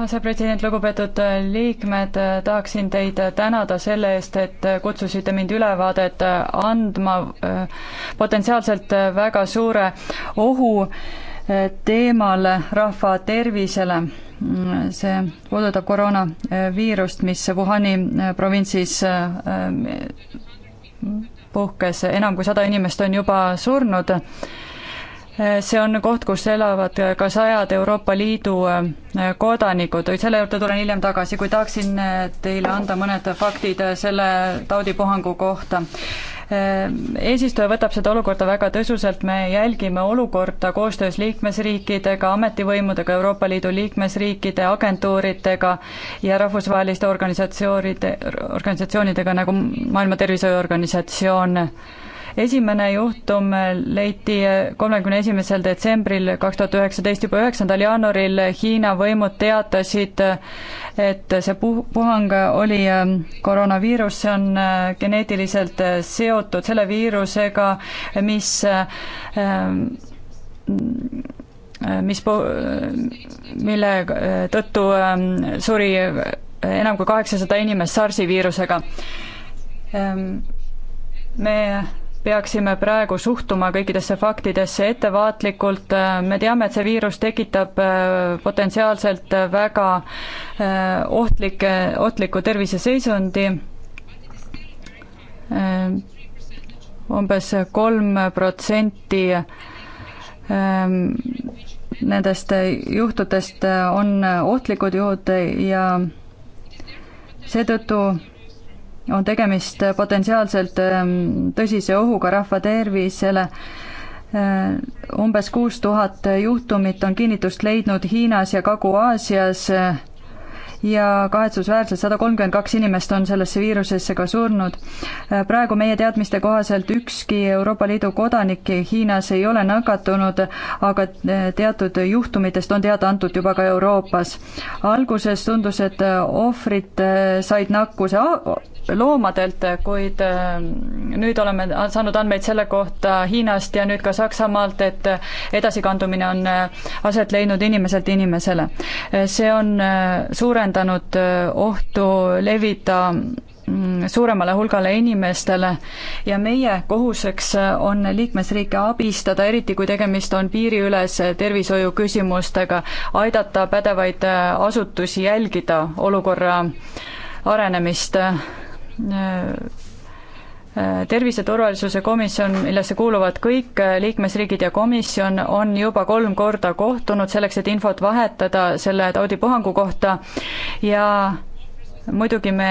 asepresident, lugupeetud äh, liikmed, äh, tahaksin teid äh, tänada selle eest, et kutsusite mind ülevaadet andma potentsiaalselt väga suure ohu teemal rahva tervisele. Mm, see puudutab koroonaviirust, mis Wuhani provintsis puhkes, enam kui sada inimest on juba surnud see on koht, kus elavad ka sajad Euroopa Liidu äh, kodanikud, selle juurde tulen hiljem tagasi, kui tahaksin äh, teile anda mõned faktid äh, selle taudipuhangu kohta. eesistuja võtab seda olukorda väga tõsuselt, me jälgime olukorda koostöös liikmesriikidega, ametivõimudega, Euroopa Liidu liikmesriikide agentuuridega ja rahvusvaheliste organisatsioonide, organisatsioonidega nagu Maailma Terviseorganisatsioon esimene juhtum leiti kolmekümne esimesel detsembril kaks tuhat üheksateist, juba üheksandal jaanuaril Hiina võimud teatasid, et see puh-, puhang oli ähm, koroonaviirus, see on äh, geneetiliselt seotud selle viirusega, mis ähm, mis po-, mille äh, tõttu ähm, suri äh, enam kui kaheksasada inimest SARS-i viirusega. me peaksime praegu suhtuma kõikidesse faktidesse ettevaatlikult, äh, me teame, et see viirus tekitab äh, potentsiaalselt väga äh, ohtlikke, ohtliku terviseseisundi, umbes kolm protsenti ähm, nendest juhtudest on ohtlikud juhud ja seetõttu on tegemist potentsiaalselt ehm, tõsise ohuga rahva tervisele. Ehm, umbes kuus tuhat juhtumit on kinnitust leidnud Hiinas ja Kagu-Aasias ja kahetsusväärselt sada kolmkümmend kaks inimest on sellesse viirusesse ka surnud. praegu meie teadmiste kohaselt ükski Euroopa Liidu kodanik Hiinas ei ole nakatunud, aga eh, teatud juhtumitest on teada antud juba ka Euroopas. alguses tundus, et ohvrid eh, said nakkuse loomadelt, kuid eh, nüüd oleme saanud andmeid selle kohta Hiinast ja nüüd ka Saksamaalt, et edasikandumine on aset leidnud inimeselt inimesele. see on suurenenud vähendanud äh, ohtu levida mm, suuremale hulgale inimestele ja meie kohuseks äh, on liikmesriike abistada, eriti kui tegemist on piiriülese tervishoiu küsimustega, aidata pädevaid äh, asutusi jälgida olukorra arenemist terviseturvalisuse komisjon, millesse kuuluvad kõik äh, liikmesriigid ja komisjon, on juba kolm korda kohtunud selleks, et infot vahetada selle taudipuhangu kohta ja muidugi me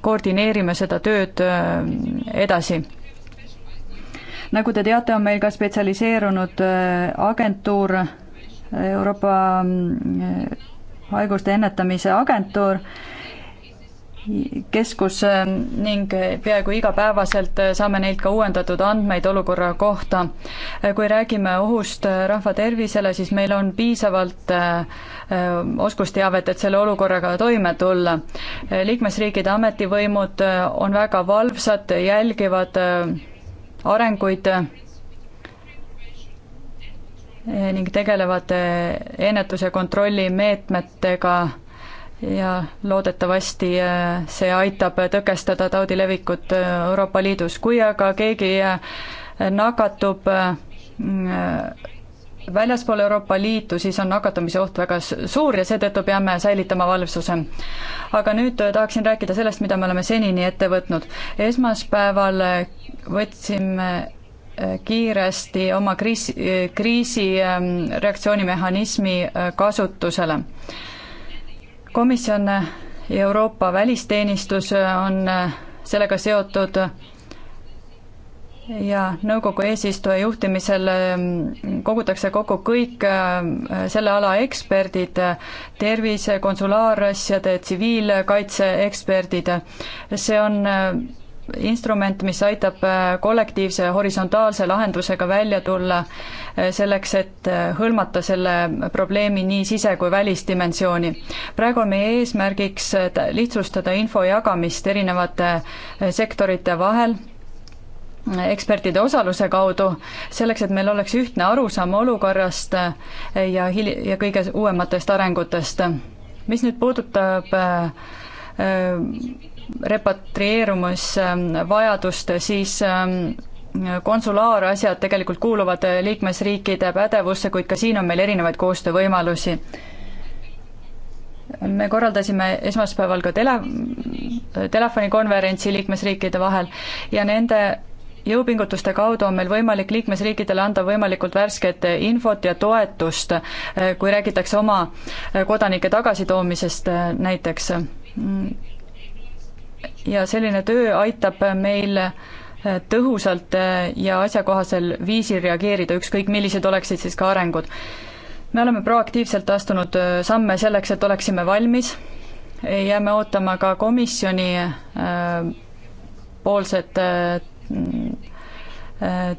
koordineerime seda tööd äh, edasi nagu te teate, on meil ka spetsialiseerunud äh, agentuur, Euroopa mm, Haiguste Ennetamise Agentuur keskus ähm, ning äh, peaaegu igapäevaselt äh, saame neilt ka uuendatud andmeid olukorra kohta. Äh, kui räägime ohust rahva tervisele, siis meil on piisavalt oskusteavet, et selle olukorraga toime tulla. liikmesriikide ametivõimud on väga valvsad, jälgivad arenguid ning tegelevad ennetuse kontrolli meetmetega ja loodetavasti äh, see aitab tõkestada taudi levikut äh, Euroopa Liidus, kui aga keegi äh, nakatub mm, väljaspool Euroopa Liitu, siis on nakatumise oht väga suur ja seetõttu peame säilitama valvsuse. aga nüüd tahaksin rääkida sellest, mida me oleme senini ette võtnud. esmaspäeval võtsime kiiresti oma kriisi, kriisireaktsioonimehhanismi ähm, kasutusele komisjon ja Euroopa välisteenistus on sellega seotud ja nõukogu eesistuja juhtimisel mm, kogutakse kokku kõik äh, selle ala eksperdid, tervise, konsulaarasjade, tsiviilkaitse eksperdid. see on äh, instrument, mis aitab äh, kollektiivse horisontaalse lahendusega välja tulla äh, selleks, et äh, hõlmata selle probleemi nii sise- kui välisdimensiooni. praegu on meie eesmärgiks lihtsustada info jagamist erinevate sektorite vahel, ekspertide osaluse kaudu, selleks et meil oleks ühtne arusaam olukorrast ja hil-, ja kõige uuematest arengutest. mis nüüd puudutab äh, äh, repatrieerumisvajadust, ähm, siis ähm, konsulaarasjad tegelikult kuuluvad äh, liikmesriikide pädevusse, kuid ka siin on meil erinevaid koostöövõimalusi. me korraldasime esmaspäeval ka tele, telefonikonverentsi liikmesriikide vahel ja nende jõupingutuste kaudu on meil võimalik liikmesriikidele anda võimalikult värsket infot ja toetust, äh, kui räägitakse oma äh, kodanike tagasitoomisest näiteks mm ja selline töö aitab meil tõhusalt ja asjakohasel viisil reageerida, ükskõik millised oleksid siis ka arengud. me oleme proaktiivselt astunud samme selleks, et oleksime valmis, jääme ootama ka komisjoni äh, poolset äh,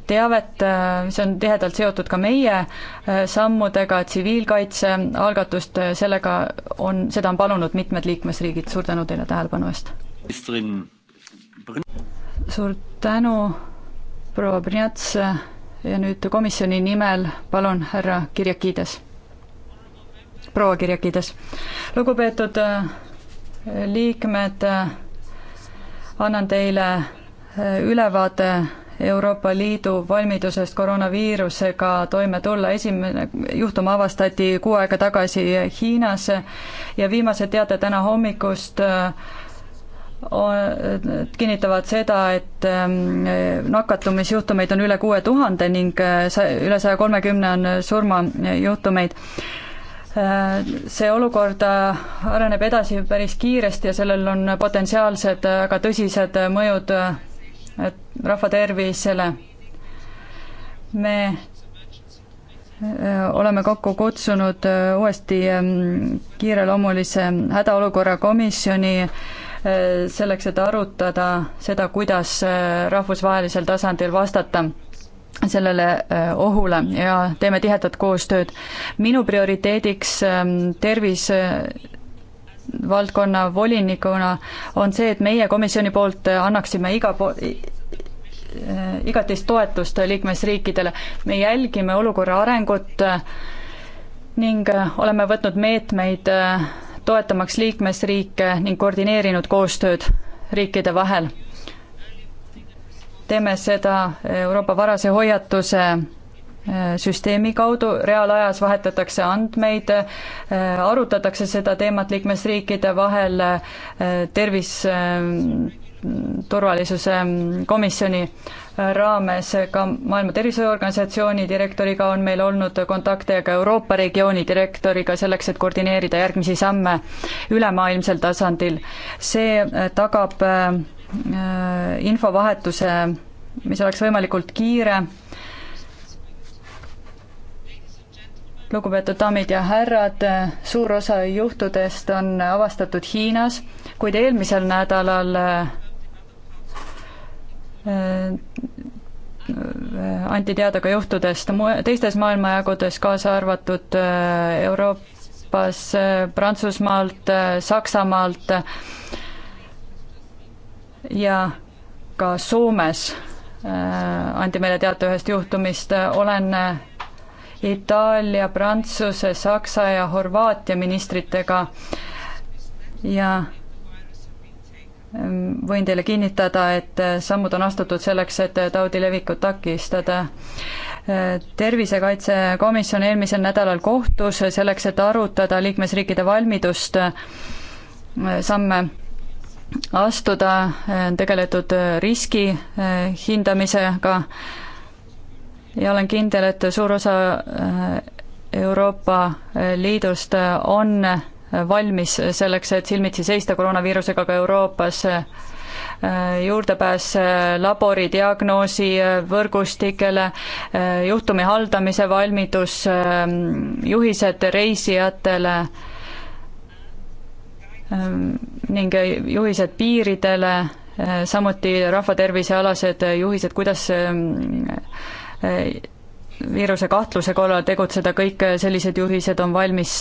teavet, mis äh, on tihedalt seotud ka meie sammudega, tsiviilkaitse algatust, sellega on, seda on palunud mitmed liikmesriigid, suur tänu teile tähelepanu eest! suur tänu, proua Brnjats ja nüüd komisjoni nimel palun härra Kirjakiides, proua Kirjakiides. lugupeetud äh, liikmed, äh, annan teile äh, ülevaate Euroopa Liidu valmidusest koroonaviirusega toime tulla. esimene juhtum avastati kuu aega tagasi Hiinas ja viimased teated täna hommikust äh, kinnitavad seda, et ähm, nakatumisjuhtumeid on üle kuue tuhande ning äh, üle saja kolmekümne on surmajuhtumeid. Äh, see olukord äh, areneb edasi päris kiiresti ja sellel on potentsiaalsed väga tõsised mõjud rahva tervisele. me oleme kokku kutsunud uuesti ähm, kiireloomulise hädaolukorra komisjoni selleks, et arutada seda, kuidas äh, rahvusvahelisel tasandil vastata sellele äh, ohule ja teeme tihedat koostööd. minu prioriteediks ähm, tervis äh, valdkonna volinikuna on see, et meie komisjoni poolt annaksime iga po-, igatist toetust liikmesriikidele. me jälgime olukorra arengut ning oleme võtnud meetmeid toetamaks liikmesriike ning koordineerinud koostööd riikide vahel. teeme seda Euroopa varase hoiatuse äh, süsteemi kaudu, reaalajas vahetatakse andmeid, äh, arutatakse seda teemat liikmesriikide vahel, äh, tervis turvalisuse komisjoni raames ka Maailma Terviseorganisatsiooni direktoriga on meil olnud kontakte ja ka Euroopa regiooni direktoriga selleks, et koordineerida järgmisi samme ülemaailmsel tasandil. see tagab äh, infovahetuse, mis oleks võimalikult kiire, lugupeetud daamid ja härrad, suur osa juhtudest on avastatud Hiinas, kuid eelmisel nädalal äh, Äh, anti teada ka juhtudest teistes maailmajagudes, kaasa arvatud äh, Euroopas, äh, Prantsusmaalt, Saksamaalt ja ka Soomes anti meile teate ühest juhtumist, olen Itaalia, Prantsuse, Saksa ja Horvaatia ministritega ja võin teile kinnitada, et sammud on astutud selleks, et taudi levikut takistada. tervisekaitsekomisjon eelmisel nädalal kohtus selleks, et arutada liikmesriikide valmidust samme astuda, on tegeletud riski hindamisega ja olen kindel, et suur osa äh, Euroopa Liidust on valmis selleks, et silmitsi seista koroonaviirusega ka Euroopas juurdepääs labori diagnoosi võrgustikele, juhtumi haldamise valmidus, juhised reisijatele ning juhised piiridele, samuti rahvatervise alased juhised, kuidas viiruse kahtluse korral tegutseda, kõik sellised juhised on valmis,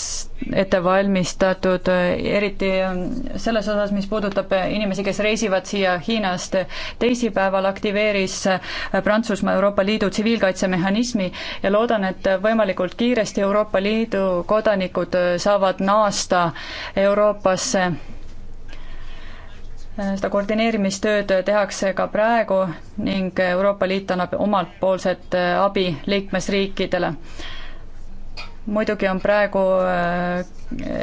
ette valmistatud, eriti ähm, selles osas, mis puudutab inimesi, kes reisivad siia Hiinast. teisipäeval aktiveeris äh, Prantsusmaa Euroopa Liidu tsiviilkaitsemehhanismi ja loodan, et võimalikult kiiresti Euroopa Liidu kodanikud äh, saavad naasta Euroopasse seda koordineerimistööd tehakse ka praegu ning Euroopa Liit annab omalt poolset äh, abi liikmesriikidele. muidugi on praegu äh,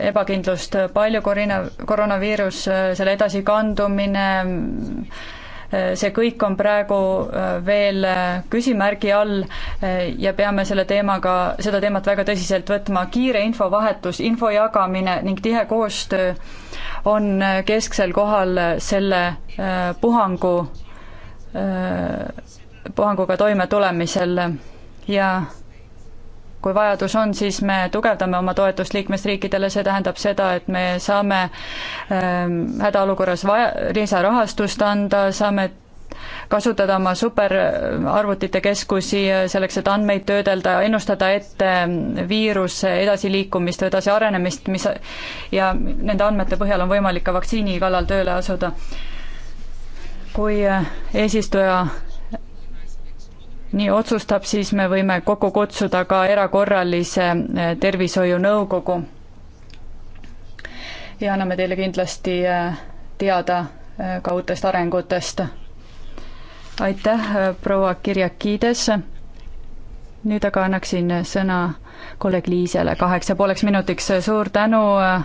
ebakindlust palju, korina-, koroonaviirus, äh, selle edasikandumine, see kõik on praegu veel küsimärgi all ja peame selle teemaga, seda teemat väga tõsiselt võtma, kiire infovahetus, info jagamine ning tihe koostöö on kesksel kohal selle äh, puhangu, äh, puhanguga toimetulemisel ja kui vajadus on, siis me tugevdame oma toetust liikmesriikidele, see tähendab seda, et me saame ähm, hädaolukorras vaja, lisarahastust anda, saame kasutada oma superarvutite keskusi selleks, et andmeid töödelda, ennustada ette viiruse edasiliikumist või edasiarenemist, mis ja nende andmete põhjal on võimalik ka vaktsiini kallal tööle asuda. kui eesistuja nii otsustab, siis me võime kokku kutsuda ka erakorralise tervishoiunõukogu. ja anname teile kindlasti eh, teada eh, ka uutest arengutest aitäh, äh, proua Kirjakides. nüüd aga annaksin sõna kolleeg Liisele kaheks ja pooleks minutiks. suur tänu, äh,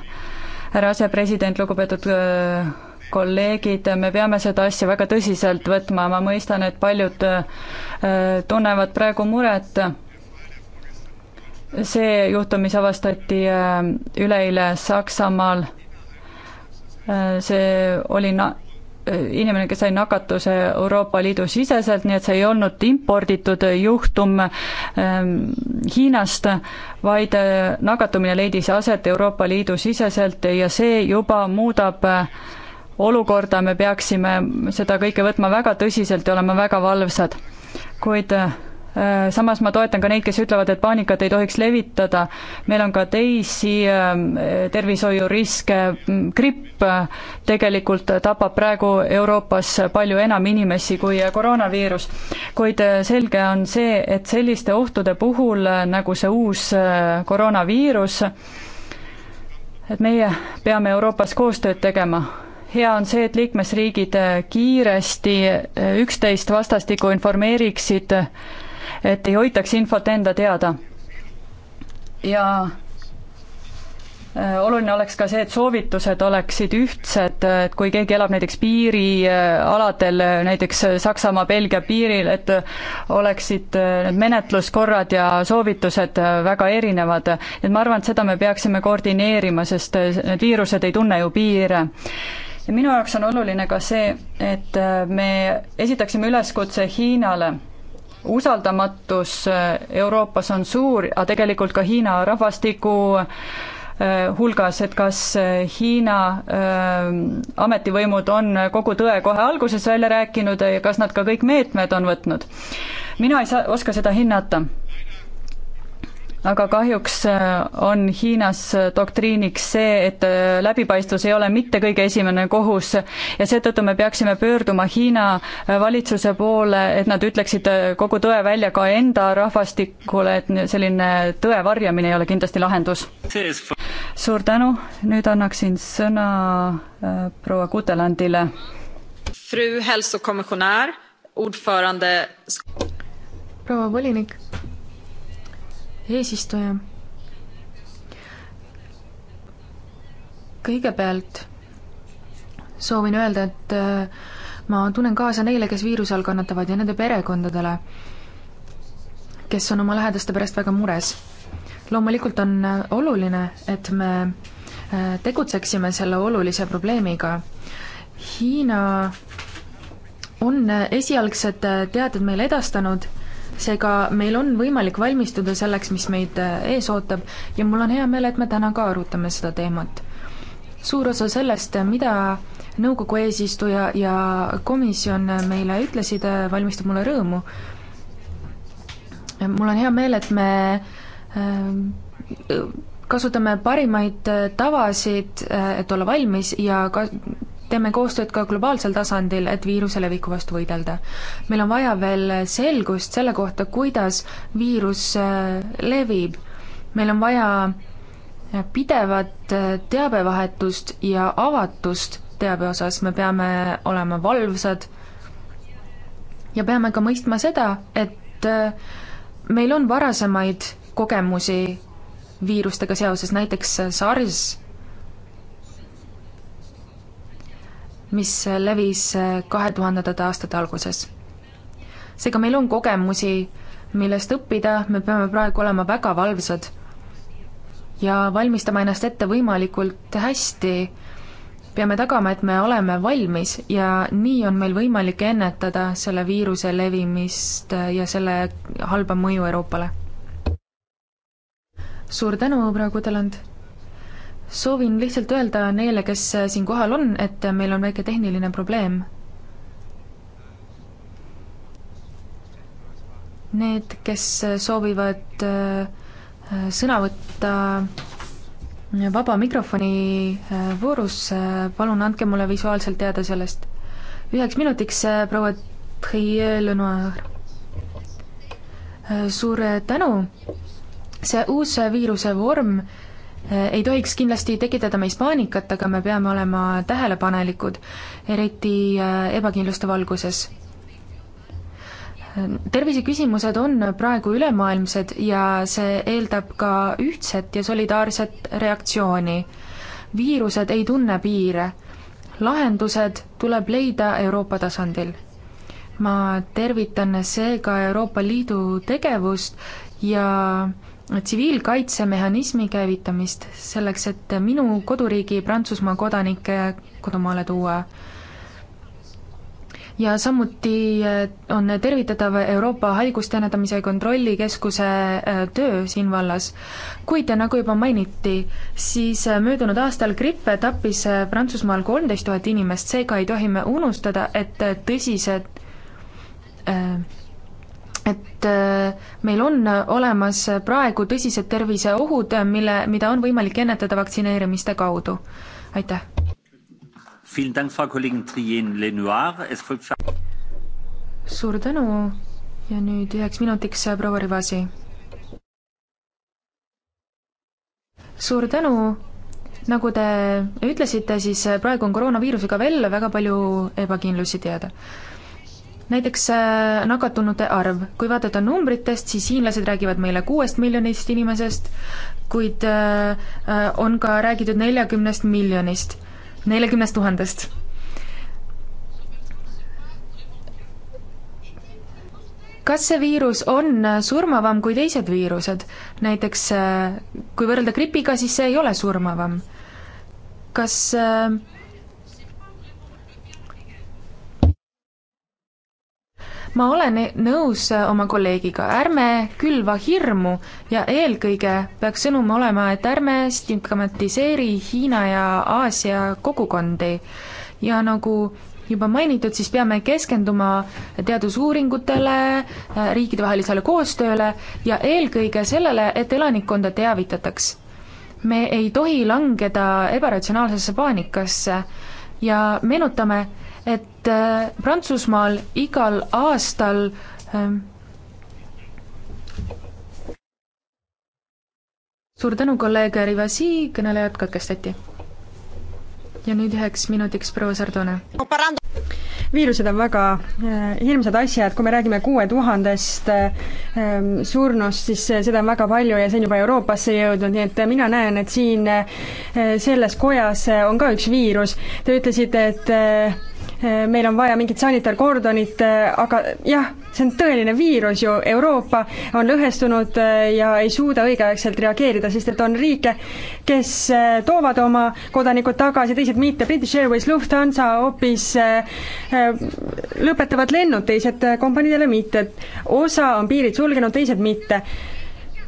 härra asepresident, lugupeetud äh, kolleegid, me peame seda asja väga tõsiselt võtma, ma mõistan, et paljud tunnevad praegu muret. see juhtum, mis avastati üleeile Saksamaal, see oli na-, inimene, kes sai nakatuse Euroopa Liidu siseselt, nii et see ei olnud imporditud juhtum ähm, Hiinast, vaid äh, nakatumine leidis aset Euroopa Liidu siseselt ja see juba muudab äh, olukorda, me peaksime seda kõike võtma väga tõsiselt ja olema väga valvsad. kuid äh, Äh, samas ma toetan ka neid, kes ütlevad, et paanikat ei tohiks levitada, meil on ka teisi ähm, tervishoiuriske, mm, gripp äh, tegelikult tapab praegu Euroopas palju enam inimesi kui äh, koroonaviirus. kuid selge on see, et selliste ohtude puhul, nagu see uus koroonaviirus, et meie peame Euroopas koostööd tegema hea on see, et liikmesriigid kiiresti üksteist vastastikku informeeriksid et ei hoitaks infot enda teada. ja äh, oluline oleks ka see, et soovitused oleksid ühtsed, et kui keegi elab näiteks piirialadel, näiteks Saksamaa-Belgia piiril, et oleksid äh, need menetluskorrad ja soovitused äh, väga erinevad. et ma arvan, et seda me peaksime koordineerima, sest need viirused ei tunne ju piire ja minu jaoks on oluline ka see, et me esitaksime üleskutse Hiinale usaldamatus äh, Euroopas on suur, aga tegelikult ka Hiina rahvastiku äh, hulgas, et kas äh, Hiina äh, ametivõimud on kogu tõe kohe alguses välja rääkinud ja kas nad ka kõik meetmed on võtnud. mina ei saa, oska seda hinnata aga kahjuks äh, on Hiinas äh, doktriiniks see, et äh, läbipaistvus ei ole mitte kõige esimene kohus ja seetõttu me peaksime pöörduma Hiina valitsuse poole, et nad ütleksid kogu tõe välja ka enda rahvastikule, et selline tõe varjamine ei ole kindlasti lahendus. suur tänu, nüüd annaksin sõna proua Kutelandile. proua volinik eesistuja. kõigepealt soovin öelda, et äh, ma tunnen kaasa neile, kes viiruse all kannatavad ja nende perekondadele, kes on oma lähedaste pärast väga mures. loomulikult on äh, oluline, et me äh, tegutseksime selle olulise probleemiga. Hiina on esialgsed teaded meile edastanud seega meil on võimalik valmistuda selleks, mis meid äh, ees ootab ja mul on hea meel, et me täna ka arutame seda teemat. suur osa sellest, äh, mida nõukogu eesistuja ja komisjon äh, meile ütlesid, valmistab mulle rõõmu. mul on hea meel, et me kasutame parimaid tavasid, et olla valmis ja ka teeme koostööd ka globaalsel tasandil, et viiruse leviku vastu võidelda. meil on vaja veel selgust selle kohta, kuidas viirus äh, levib. meil on vaja äh, pidevat äh, teabevahetust ja avatust teabe osas, me peame olema valvsad ja peame ka mõistma seda, et meil on varasemaid kogemusi viirustega seoses, näiteks SARS mis levis äh, kahe tuhandendate aastate alguses. seega meil on kogemusi, millest õppida, me peame praegu olema väga valvsad ja valmistama ennast ette võimalikult hästi, peame tagama, et me oleme valmis ja nii on meil võimalik ennetada selle viiruse levimist äh, ja selle halba mõju Euroopale. suur tänu, proua Kudeland! soovin lihtsalt öelda neile, kes siin kohal on, et meil on väike tehniline probleem. Need, kes soovivad äh, sõna võtta vaba mikrofoni äh, voorus, äh, palun andke mulle visuaalselt teada sellest. üheks minutiks proua Trier-Lenoir. suur tänu, see uus viiruse vorm ei tohiks kindlasti tekitada meis paanikat, aga me peame olema tähelepanelikud, eriti äh, ebakindluste valguses. terviseküsimused on praegu ülemaailmsed ja see eeldab ka ühtset ja solidaarset reaktsiooni. viirused ei tunne piire, lahendused tuleb leida Euroopa tasandil. ma tervitan seega Euroopa Liidu tegevust ja tsiviilkaitsemehhanismi käivitamist selleks, et minu koduriigi Prantsusmaa kodanikke kodumaale tuua. ja samuti eh, on tervitatav Euroopa Haiguste Ennetamise Kontrollikeskuse eh, töö siin vallas. kuid nagu juba mainiti, siis eh, möödunud aastal grippe tappis Prantsusmaal kolmteist tuhat inimest, seega ei tohi me unustada, et tõsised äh, et äh, meil on äh, olemas äh, praegu tõsised terviseohud, mille, mida on võimalik ennetada vaktsineerimiste kaudu. aitäh! suur tänu ja nüüd üheks minutiks proua Rivasi. suur tänu nagu te ütlesite, siis praegu on koroonaviirusega veel väga palju ebakindlusi teada näiteks äh, nakatunute arv, kui vaadata numbritest, siis hiinlased räägivad meile kuuest miljonist inimesest, kuid äh, äh, on ka räägitud neljakümnest miljonist, neljakümnest tuhandest. kas see viirus on surmavam kui teised viirused? näiteks kui võrrelda gripiga, siis see ei ole surmavam. kas äh, ma olen e- nõus äh, oma kolleegiga, ärme külva hirmu ja eelkõige peaks sõnum olema, et ärme stigmatiseeri Hiina ja Aasia kogukondi. ja nagu juba mainitud, siis peame keskenduma teadusuuringutele, äh, riikidevahelisele koostööle ja eelkõige sellele, et elanikkonda teavitataks. me ei tohi langeda ebaratsionaalsesse paanikasse ja meenutame, et äh, Prantsusmaal igal aastal ähm, suur tänu, kolleeg Rivasi, kõnelejad katkestati. ja nüüd üheks minutiks proua Sardone viirused on väga äh, hirmsad asjad, kui me räägime kuue tuhandest ähm, surnust, siis äh, seda on väga palju ja see on juba Euroopasse jõudnud, nii et mina näen, et siin selles kojas on ka üks viirus. Te ütlesite, et Äh, meil on vaja mingit sanitaarkordonit, äh, aga jah, see on tõeline viirus ju, Euroopa on lõhestunud äh, ja ei suuda õigeaegselt reageerida, sest et on riike, kes toovad oma kodanikud tagasi, teised mitte, British Airways, Lufthansa hoopis lõpetavad lennud, teised kompaniidele mitte, osa on piirid sulgenud, teised mitte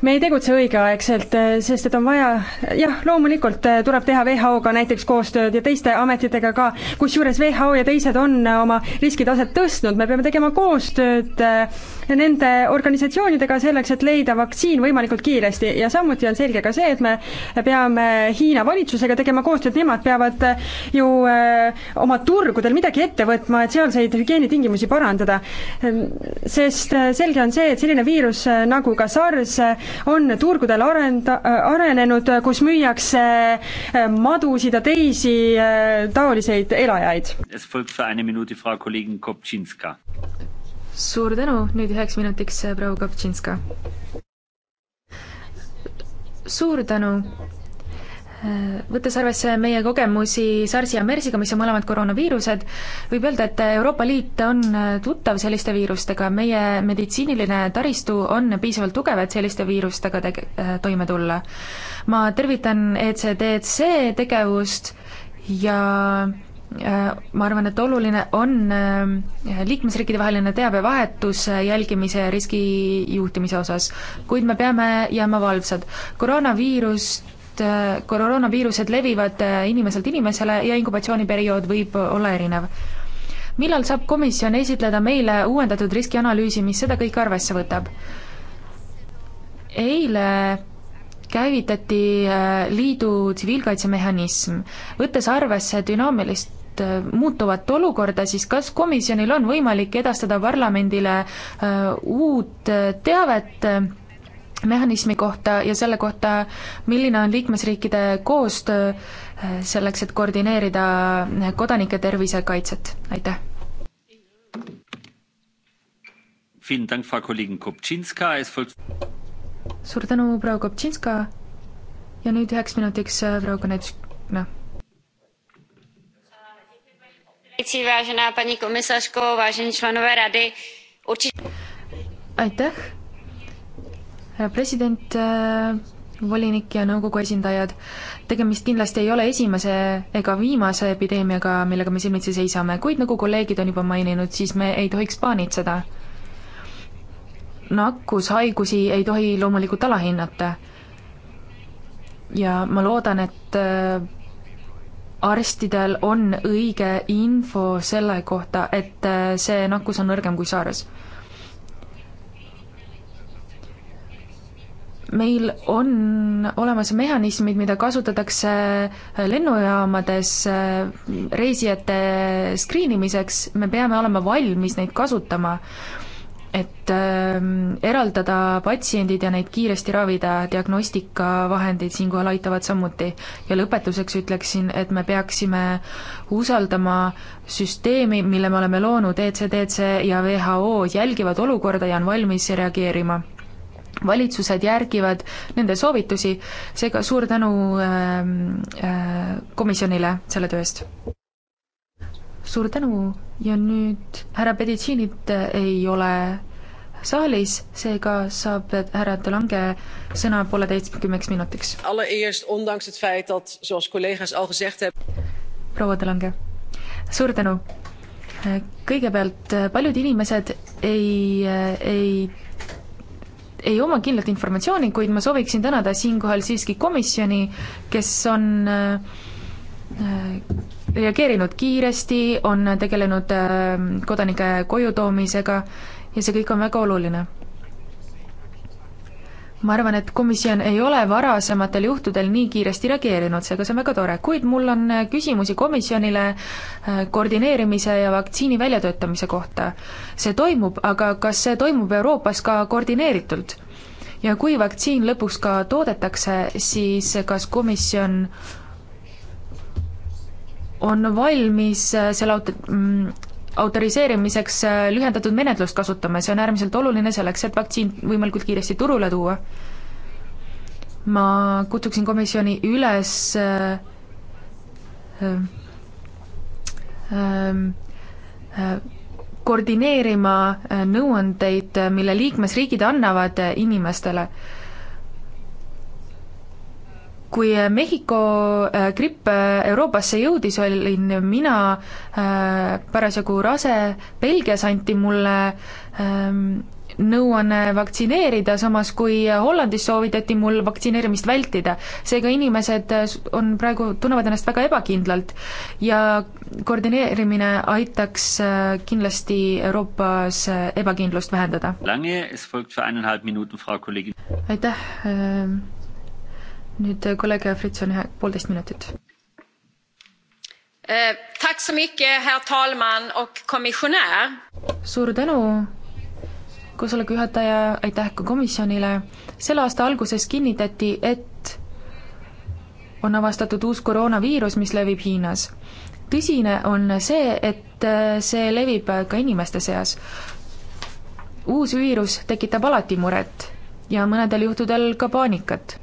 me ei tegutse õigeaegselt, eh, sest et on vaja, jah, loomulikult eh, tuleb teha WHO-ga näiteks koostööd ja teiste ametitega ka, kusjuures WHO ja teised on eh, oma riskitaset tõstnud, me peame tegema koostööd äh, nende organisatsioonidega selleks, et leida vaktsiin võimalikult kiiresti ja samuti on selge ka see, et me peame Hiina valitsusega tegema koostööd, nemad peavad ju äh, oma turgudel midagi ette võtma, et sealseid hügieenitingimusi parandada. Ähm, sest äh, selge on see, et selline viirus äh, nagu ka SARS on turgudel arend-, arenenud, kus müüakse madusid ja teisi taoliseid elajaid suur tänu, nüüd üheks minutiks äh, proua Koptšinska. suur tänu äh, võttes arvesse meie kogemusi SARS-i ja MERS-iga, mis on mõlemad koroonaviirused, võib öelda, et äh, Euroopa Liit on tuttav selliste viirustega, meie meditsiiniline taristu on piisavalt tugev, et selliste viirustega tege-, toime tulla. ma tervitan ECDC tegevust ja Äh, ma arvan, et oluline on äh, liikmesriikide vaheline teabevahetus äh, jälgimise ja riskijuhtimise osas, kuid me peame jääma valvsad. koroonaviirust koroonaviirused levivad inimeselt inimesele ja inkubatsiooniperiood võib olla erinev. millal saab komisjon esitleda meile uuendatud riskianalüüsi, mis seda kõike arvesse võtab? eile käivitati liidu tsiviilkaitsemehhanism, võttes arvesse dünaamilist pidevalt äh, muutuvat olukorda, siis kas komisjonil on võimalik edastada parlamendile äh, uut äh, teavet mehhanismi kohta ja selle kohta, milline on liikmesriikide koostöö selleks, et koordineerida kodanike tervisekaitset, aitäh! suur tänu, proua Koptšinska ja nüüd üheks minutiks proua Konetšna. Noh předsedající vážená paní komisařko vážení členové rady určitě. aitäh härra president äh, volinik ja nõukogu esindajad tegemist kindlasti ei ole esimese ega viimase epideemiaga millega me silmitsi seisame kuid nagu kolleegid on juba maininud siis me ei tohiks paanitseda nakkushaigusi ei tohi loomulikult alahinnata ja ma loodan et äh, arstidel on õige info selle kohta, et äh, see nakkus on nõrgem kui SARS. meil on olemas mehhanismid, mida kasutatakse äh, lennujaamades äh, reisijate skriinimiseks, me peame olema valmis neid kasutama et ähm, eraldada patsiendid ja neid kiiresti ravida, diagnostikavahendid siinkohal aitavad samuti. ja lõpetuseks ütleksin, et me peaksime usaldama süsteemi, mille me oleme loonud, ECDC ja WHO jälgivad olukorda ja on valmis reageerima valitsused järgivad nende soovitusi, seega suur tänu äh, äh, komisjonile selle töö eest. suur tänu ja nüüd härra Peditsiinit äh, ei ole saalis, seega saab härra Delange sõna pooleteistkümneks minutiks. proua Delange, suur tänu. Äh, kõigepealt äh, paljud inimesed ei, ei ei oma kindlat informatsiooni, kuid ma sooviksin tänada siinkohal siiski komisjoni, kes on äh, reageerinud kiiresti, on tegelenud äh, kodanike koju toomisega ja see kõik on väga oluline. ma arvan, et komisjon ei ole varasematel juhtudel nii kiiresti reageerinud, seega see on väga tore, kuid mul on äh, küsimusi komisjonile äh, koordineerimise ja vaktsiini väljatöötamise kohta. see toimub, aga kas see toimub Euroopas ka koordineeritult? ja kui vaktsiin lõpuks ka toodetakse, siis kas komisjon äh, on valmis äh, selle aut-, mm, autoriseerimiseks äh, lühendatud menetlust kasutama ja see on äärmiselt oluline selleks, et vaktsiin võimalikult kiiresti turule tuua. ma kutsuksin komisjoni üles äh, äh, ähm, äh, koordineerima äh, nõuandeid, mille liikmesriigid annavad inimestele kui eh, Mehhiko eh, gripp eh, Euroopasse jõudis, olin mina parasjagu rase, Belgias anti mulle ehm, nõuanne vaktsineerida, samas kui Hollandis soovitati mul vaktsineerimist vältida. seega inimesed on praegu, tunnevad ennast väga ebakindlalt ja koordineerimine aitaks kindlasti Euroopas ebakindlust vähendada. aitäh ehm, nüüd äh, kolleeg Frits on ühe, poolteist minutit. Äh, suur tänu, koosoleku juhataja, aitäh ka komisjonile. selle aasta alguses kinnitati, et on avastatud uus koroonaviirus, mis levib Hiinas. tõsine on see, et äh, see levib ka inimeste seas. uus viirus tekitab alati muret ja mõnedel juhtudel ka paanikat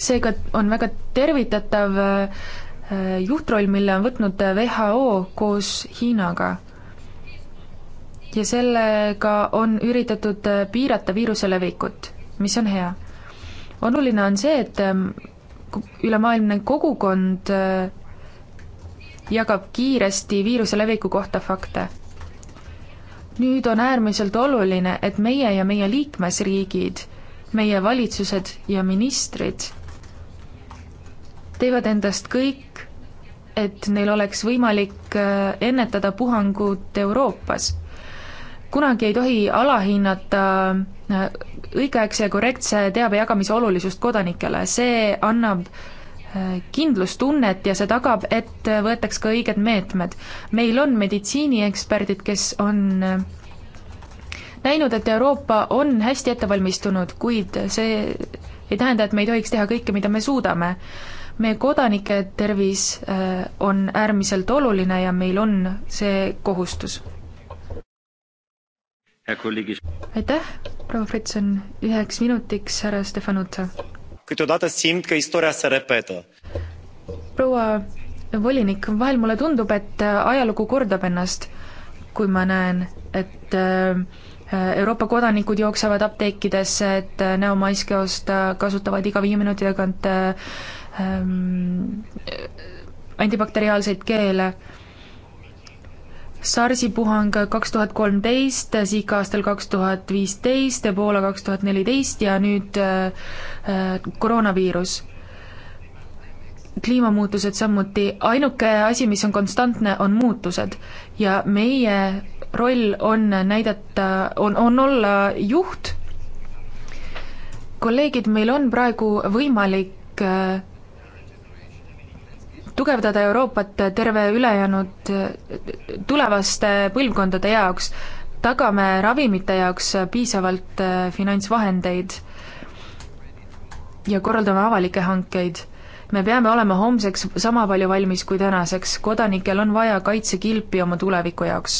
seega on väga tervitatav äh, juhtroll, mille on võtnud WHO äh, koos Hiinaga. ja sellega on üritatud äh, piirata viiruse levikut, mis on hea. oluline on see, et ähm, ülemaailmne kogukond jagab kiiresti viiruse leviku kohta fakte. nüüd on äärmiselt oluline, et meie ja meie liikmesriigid, meie valitsused ja ministrid teevad endast kõik, et neil oleks võimalik äh, ennetada puhangut Euroopas. kunagi ei tohi alahinnata äh, õigeaegse ja korrektse teabe jagamise olulisust kodanikele, see annab äh, kindlustunnet ja see tagab, et võetaks ka õiged meetmed. meil on meditsiinieksperdid, kes on näinud, et Euroopa on hästi ette valmistunud, kuid see ei tähenda, et me ei tohiks teha kõike, mida me suudame meie kodanike tervis äh, on äärmiselt oluline ja meil on see kohustus. aitäh, proua Fritson, üheks minutiks härra Stefanuta. proua volinik, vahel mulle tundub, et äh, ajalugu kordab ennast, kui ma näen, et äh, Euroopa kodanikud jooksevad apteekidesse, et äh, näomaske osta, kasutavad iga viie minuti tagant ähm, antibakteriaalseid keele. SARS-i puhang kaks tuhat kolmteist, Zika aastal kaks tuhat viisteist, Ebola kaks tuhat neliteist ja nüüd äh, äh, koroonaviirus. kliimamuutused samuti, ainuke asi, mis on konstantne, on muutused ja meie roll on näidata, on, on olla juht kolleegid, meil on praegu võimalik äh, tugevdada Euroopat terve ülejäänud tulevaste põlvkondade jaoks, tagame ravimite jaoks piisavalt äh, finantsvahendeid ja korraldame avalikke hankeid. me peame olema homseks sama palju valmis kui tänaseks, kodanikel on vaja kaitsekilpi oma tuleviku jaoks.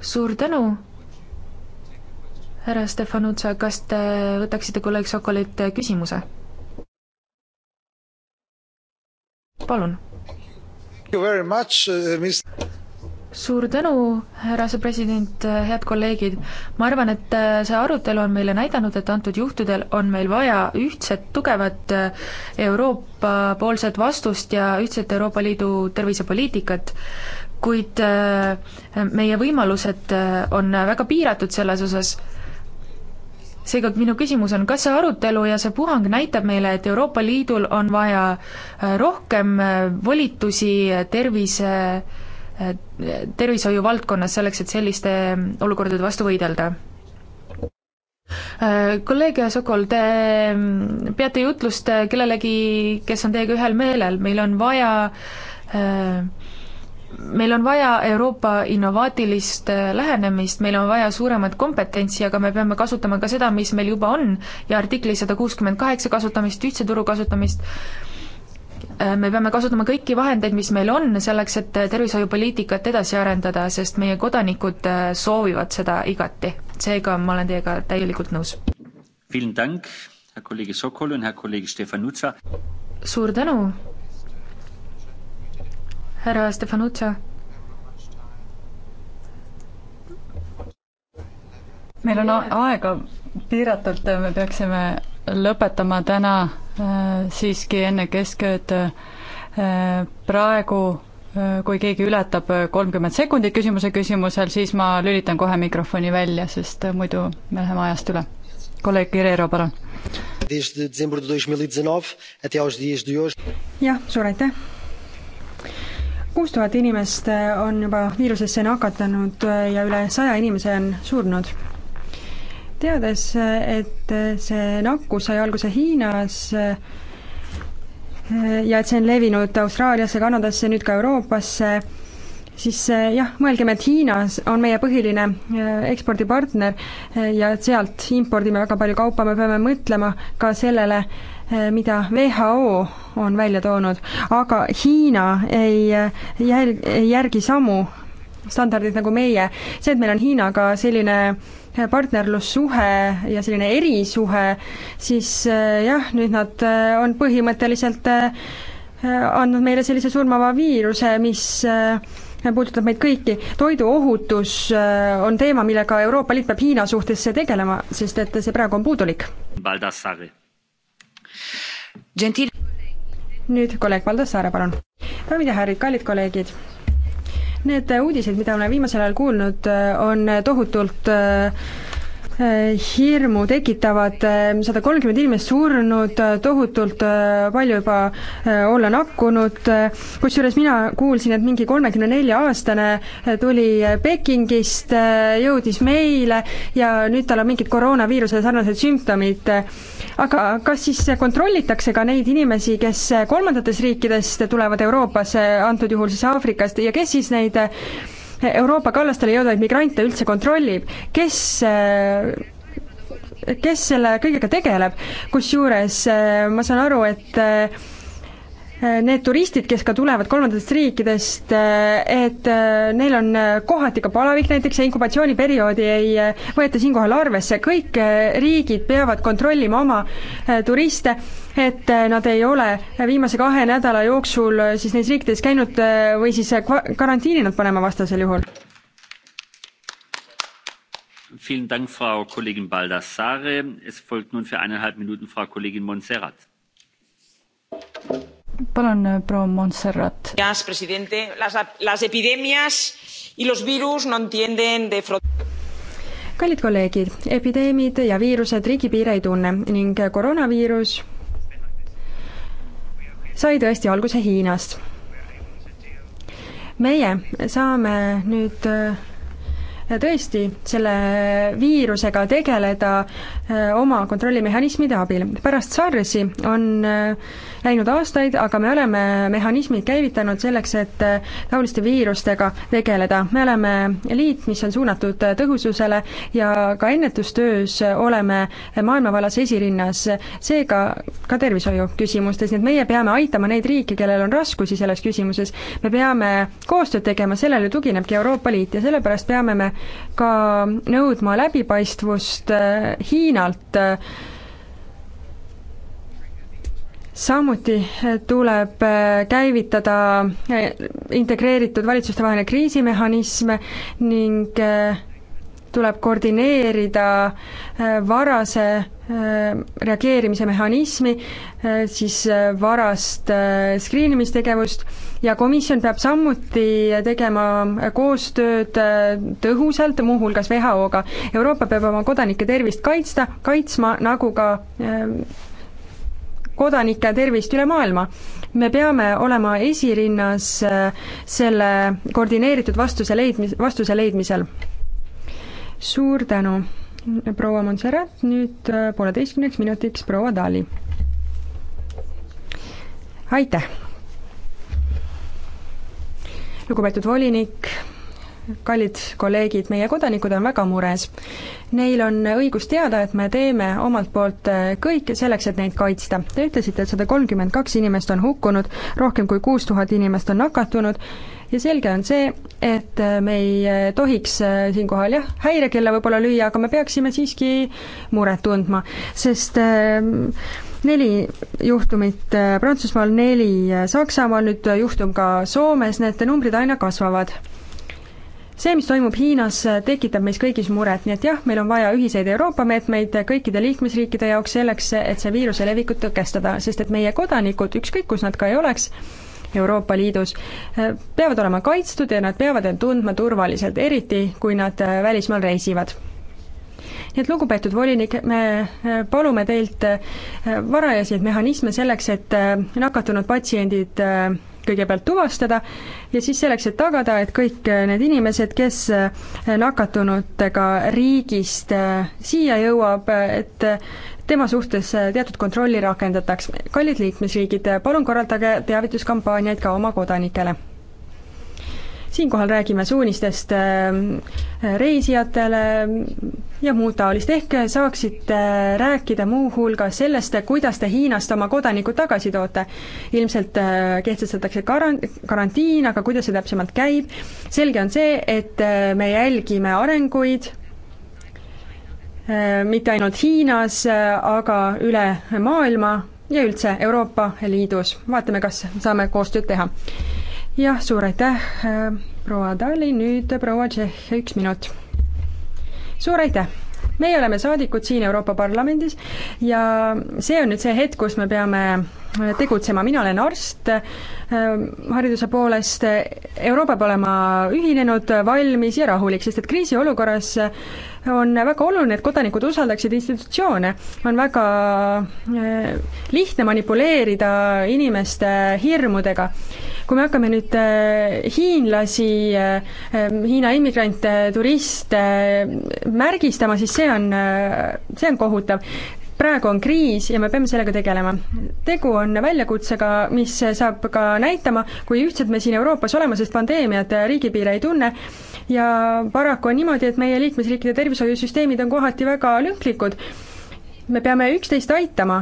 suur tänu, härra Stefanutsa, kas te võtaksite kolleeg Sokolit küsimuse? palun. Uh, suur tänu, härra asepresident, uh, head kolleegid. ma arvan, et uh, see arutelu on meile näidanud, et antud juhtudel on meil vaja ühtset tugevat Euroopa-poolset vastust ja ühtset Euroopa Liidu tervisepoliitikat kuid meie võimalused on väga piiratud selles osas seega minu küsimus on, kas see arutelu ja see puhang näitab meile, et Euroopa Liidul on vaja äh, rohkem äh, volitusi äh, tervise, tervishoiu valdkonnas selleks, et selliste mm, olukordade vastu võidelda? kolleeg Sokol, te mm, peate jutlust kellelegi, kes on teiega ühel meelel, meil on vaja äh, meil on vaja Euroopa innovaatilist äh, lähenemist, meil on vaja suuremat kompetentsi, aga me peame kasutama ka seda, mis meil juba on ja artikli sada kuuskümmend kaheksa kasutamist, ühtse turu kasutamist, äh, me peame kasutama kõiki vahendeid, mis meil on, selleks, et äh, tervishoiupoliitikat edasi arendada, sest meie kodanikud soovivad seda igati. seega ma olen teiega täielikult nõus. suur tänu härra Stefanutsa. meil on aega piiratult, me peaksime lõpetama täna äh, siiski enne keskööd. Äh, praegu, äh, kui keegi ületab kolmkümmend sekundit küsimuse küsimusel, siis ma lülitan kohe mikrofoni välja, sest muidu me läheme ajast üle. kolleeg Irero, palun. E jah, suur aitäh kuus tuhat inimest eh, on juba viirusesse nakatunud eh, ja üle saja inimese on surnud. teades, eh, et see nakkus sai alguse Hiinas ja et see on levinud Austraaliasse, Kanadasse, nüüd ka Euroopasse, siis jah, mõelgem, et Hiinas on meie põhiline ekspordipartner ja sealt impordime väga palju kaupa, me peame mõtlema ka sellele, Eh, mida WHO on välja toonud, aga Hiina ei eh, jälg-, ei järgi samu standardid nagu meie. see, et meil on Hiinaga selline eh, partnerlussuhe ja selline erisuhe, siis jah, nüüd nad on põhimõtteliselt andnud meile sellise surmava viiruse, mis puudutab meid kõiki. toiduohutus on teema, millega Euroopa Liit peab Hiina suhtes tegelema, sest et see praegu on puudulik. Baldassari Gentil-. nüüd kolleeg Valdo Saare, palun. daamid ja härrid, kallid kolleegid Need uudised, mida me viimasel ajal kuulnud, on tohutult äh, Eh, hirmu tekitavad, eh, sada kolmkümmend inimest surnud, eh, tohutult palju juba olla nakkunud, kusjuures mina kuulsin, et mingi kolmekümne nelja aastane tuli Pekingist, jõudis meile ja nüüd tal on mingid koroonaviiruse sarnased sümptomid. aga kas siis kontrollitakse ka neid inimesi, kes kolmandatest riikidest tulevad Euroopasse, antud juhul siis Aafrikast, ja kes siis neid Euroopa kallastele jõudvaid migrante üldse kontrollib, kes äh, kes selle kõigega tegeleb, kusjuures äh, ma saan aru, et äh, Äh, need turistid, kes ka tulevad kolmandatest riikidest, äh, et äh, neil on kohati ka palavik näiteks ja inkubatsiooniperioodi ei võeta siinkohal arvesse, kõik riigid peavad kontrollima oma turiste, et nad ei ole viimase kahe nädala jooksul siis neis riikides käinud või siis karantiini nad panema vastasel juhul. Vielen Dank, Frau Kollegin Baldassare. Es folgt nun für eineinhalb Minuten Frau Kollegin Montserrat palun, äh, proua Montserrat. kallid kolleegid, epideemid ja viirused riigipiire ei tunne ning koroonaviirus sai tõesti alguse Hiinast. meie saame nüüd äh, tõesti selle viirusega tegeleda äh, oma kontrollimehhanismide abil. pärast SARS-i on äh, läinud aastaid, aga me oleme mehhanismid käivitanud selleks, et äh, taoliste viirustega tegeleda. me oleme liit, mis on suunatud tõhususele ja ka ennetustöös oleme maailma vallas esirinnas, seega ka tervishoiu küsimustes, nii et meie peame aitama neid riike, kellel on raskusi selles küsimuses, me peame koostööd tegema, sellele tuginebki Euroopa Liit ja sellepärast peame me ka nõudma läbipaistvust äh, Hiinalt, äh, samuti tuleb äh, käivitada äh, integreeritud valitsustevaheline kriisimehhanism ning äh, tuleb koordineerida varase reageerimise mehhanismi, siis varast screen imistegevust ja komisjon peab samuti tegema koostööd tõhusalt, muuhulgas WHO-ga. Euroopa peab oma kodanike tervist kaitsta, kaitsma nagu ka kodanike tervist üle maailma. me peame olema esirinnas äh, selle koordineeritud vastuse leidmis, vastuse leidmisel. suur tänu, proua Montserrat, nüüd äh, pooleteistkümneks minutiks proua Dali. aitäh! lugupeetud volinik kallid kolleegid, meie kodanikud on väga mures. Neil on õigus teada, et me teeme omalt poolt äh, kõik selleks, et neid kaitsta. Te ütlesite, et sada kolmkümmend kaks inimest on hukkunud, rohkem kui kuus tuhat inimest on nakatunud ja selge on see, et äh, me ei äh, tohiks siinkohal jah, häirekella võib-olla lüüa, aga me peaksime siiski muret tundma, sest neli juhtumit Prantsusmaal, neli Saksamaal, nüüd juhtum ka Soomes, need numbrid aina kasvavad see, mis toimub Hiinas, tekitab meis kõigis muret, nii et jah, meil on vaja ühiseid Euroopa meetmeid kõikide liikmesriikide jaoks selleks, et see viiruse levikut tõkestada, sest et meie kodanikud, ükskõik kus nad ka ei oleks, Euroopa Liidus, peavad olema kaitstud ja nad peavad end tundma turvaliselt, eriti kui nad välismaal reisivad. nii et lugupeetud volinik, me palume teilt varajaseid mehhanisme selleks, et nakatunud patsiendid kõigepealt tuvastada ja siis selleks, et tagada, et kõik need inimesed, kes eh, nakatunutega riigist eh, siia jõuab, et tema suhtes eh, teatud kontrolli rakendataks. kallid liikmesriigid, palun korraldage teavituskampaaniaid ka oma kodanikele siinkohal räägime suunistest äh, reisijatele ja muud taolist, ehk saaksite rääkida muuhulgas sellest, kuidas te Hiinast oma kodanikud tagasi toote. ilmselt äh, kehtestatakse karan-, karantiin, aga kuidas see täpsemalt käib, selge on see, et äh, me jälgime arenguid, mitte ainult Hiinas, aga üle maailma ja üldse Euroopa Liidus, vaatame, kas saame koostööd teha jah, suur aitäh, äh, proua Dali, nüüd äh, proua Tšehh, üks minut. suur aitäh! meie oleme saadikud siin Euroopa Parlamendis ja see on nüüd see hetk, kus me peame tegutsema, mina olen arst äh, hariduse poolest, Euroopa peab olema ühinenud, valmis ja rahulik, sest et kriisiolukorras on väga oluline, et kodanikud usaldaksid institutsioone. on väga äh, lihtne manipuleerida inimeste hirmudega. kui me hakkame nüüd äh, hiinlasi, Hiina immigrante, turiste märgistama, siis see on, see on kohutav praegu on kriis ja me peame sellega tegelema. tegu on väljakutsega, mis saab ka näitama, kui ühtsed me siin Euroopas oleme, sest pandeemiad riigipiire ei tunne ja paraku on niimoodi, et meie liikmesriikide tervishoiusüsteemid on kohati väga lünklikud. me peame üksteist aitama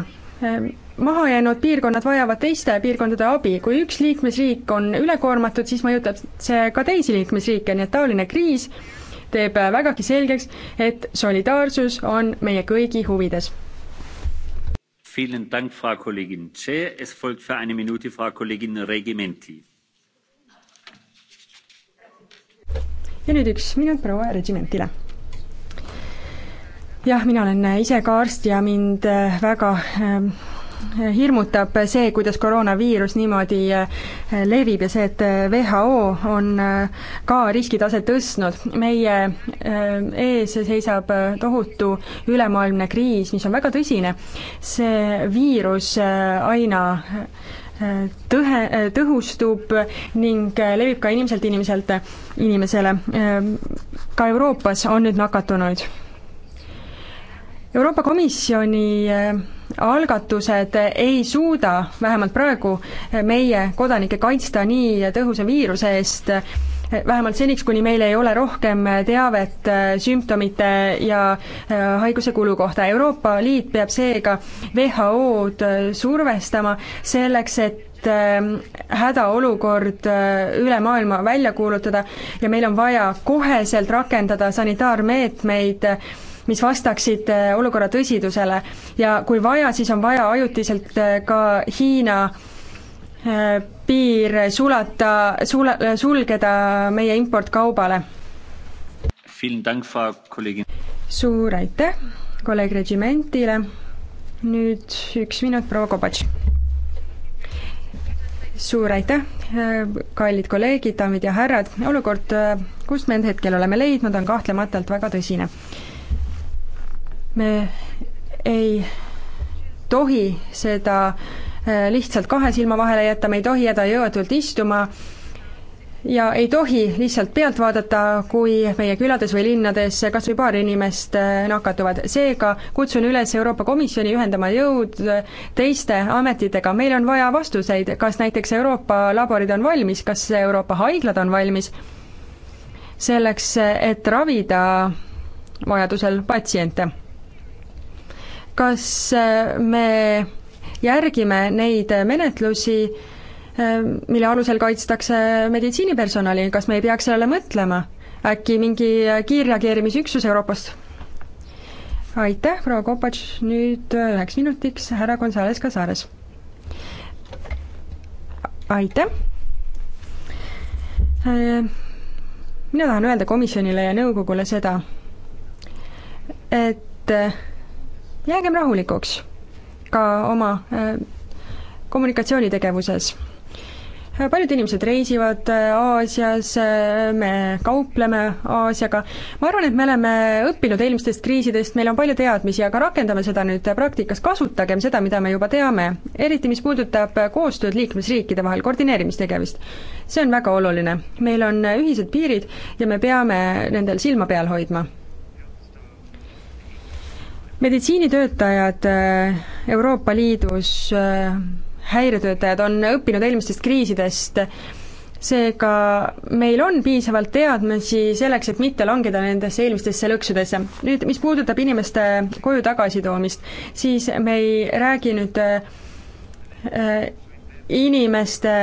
mahajäänud piirkonnad vajavad teiste piirkondade abi, kui üks liikmesriik on ülekoormatud, siis mõjutab see ka teisi liikmesriike, nii et taoline kriis teeb vägagi selgeks, et solidaarsus on meie kõigi huvides vielen dank frau kollegin zeh. es folgt für eine minute frau kollegin regimenti. ja nüüd üks minut proua Regimentile. jah, mina olen ise ka arst ja mind äh, väga äh, hirmutab see, kuidas koroonaviirus niimoodi eh, levib ja see, et WHO eh, on eh, ka riskitase tõstnud. meie ees seisab tohutu ülemaailmne kriis, mis on väga tõsine. see viirus aina tõhe, tõhustub ning levib ka inimeselt inimeselt inimesele. ka Euroopas on nüüd nakatunuid. Euroopa Komisjoni algatused ei suuda, vähemalt praegu, meie kodanikke kaitsta nii tõhusa viiruse eest, vähemalt seniks, kuni meil ei ole rohkem teavet sümptomite ja äh, haiguse kulu kohta. Euroopa Liit peab seega WHO-d survestama selleks, et äh, hädaolukord äh, üle maailma välja kuulutada ja meil on vaja koheselt rakendada sanitaarmeetmeid, mis vastaksid äh, olukorra tõsidusele. ja kui vaja, siis on vaja ajutiselt äh, ka Hiina äh, piir sulata, sule, sulgeda meie importkaubale. suur aitäh kolleeg Regimentile, nüüd üks minut, proua Kobatš. suur aitäh, kallid kolleegid, daamid ja härrad, olukord, kust me hetkel oleme leidnud, on kahtlematult väga tõsine me ei tohi seda äh, lihtsalt kahe silma vahele jätta, me ei tohi jääda jõetult istuma ja ei tohi lihtsalt pealt vaadata, kui meie külades või linnades kas või paar inimest äh, nakatuvad. seega kutsun üles Euroopa Komisjoni ühendama jõud äh, teiste ametitega, meil on vaja vastuseid, kas näiteks Euroopa laborid on valmis, kas Euroopa haiglad on valmis, selleks, et ravida vajadusel patsiente kas äh, me järgime neid menetlusi, äh, mille alusel kaitstakse meditsiinipersonali, kas me ei peaks sellele mõtlema? äkki mingi kiirreageerimisüksus Euroopast? aitäh, proua Kopatš, nüüd äh, üheks minutiks härra Gonzales Casares. aitäh! mina tahan öelda komisjonile ja nõukogule seda, et jäägem rahulikuks ka oma äh, kommunikatsioonitegevuses äh, paljud inimesed reisivad äh, Aasias, me kaupleme Aasiaga, ma arvan, et me oleme õppinud eelmistest kriisidest, meil on palju teadmisi, aga rakendame seda nüüd praktikas, kasutagem seda, mida me juba teame, eriti mis puudutab koostööd liikmesriikide vahel, koordineerimistegevust. see on väga oluline, meil on ühised piirid ja me peame nendel silma peal hoidma meditsiinitöötajad äh, Euroopa Liidus, äh, häiretöötajad on õppinud eelmistest kriisidest, seega meil on piisavalt teadmisi selleks, et mitte langeda nendesse eelmistesse lõksudesse. nüüd, mis puudutab inimeste koju tagasitoomist, siis me ei räägi nüüd äh, inimeste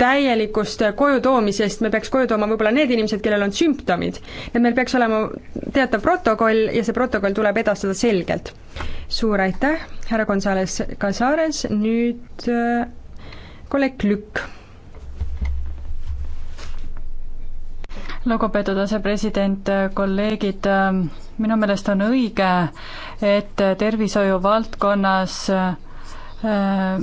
täielikust koju toomisest, me peaks koju tooma võib-olla need inimesed, kellel on sümptomid. et meil peaks olema teatav protokoll ja see protokoll tuleb edastada selgelt. suur aitäh, härra Gonzales Casares, nüüd äh, kolleeg Lükk. lugupeetud asepresident, äh, kolleegid, äh, minu meelest on õige, et tervishoiu valdkonnas Äh,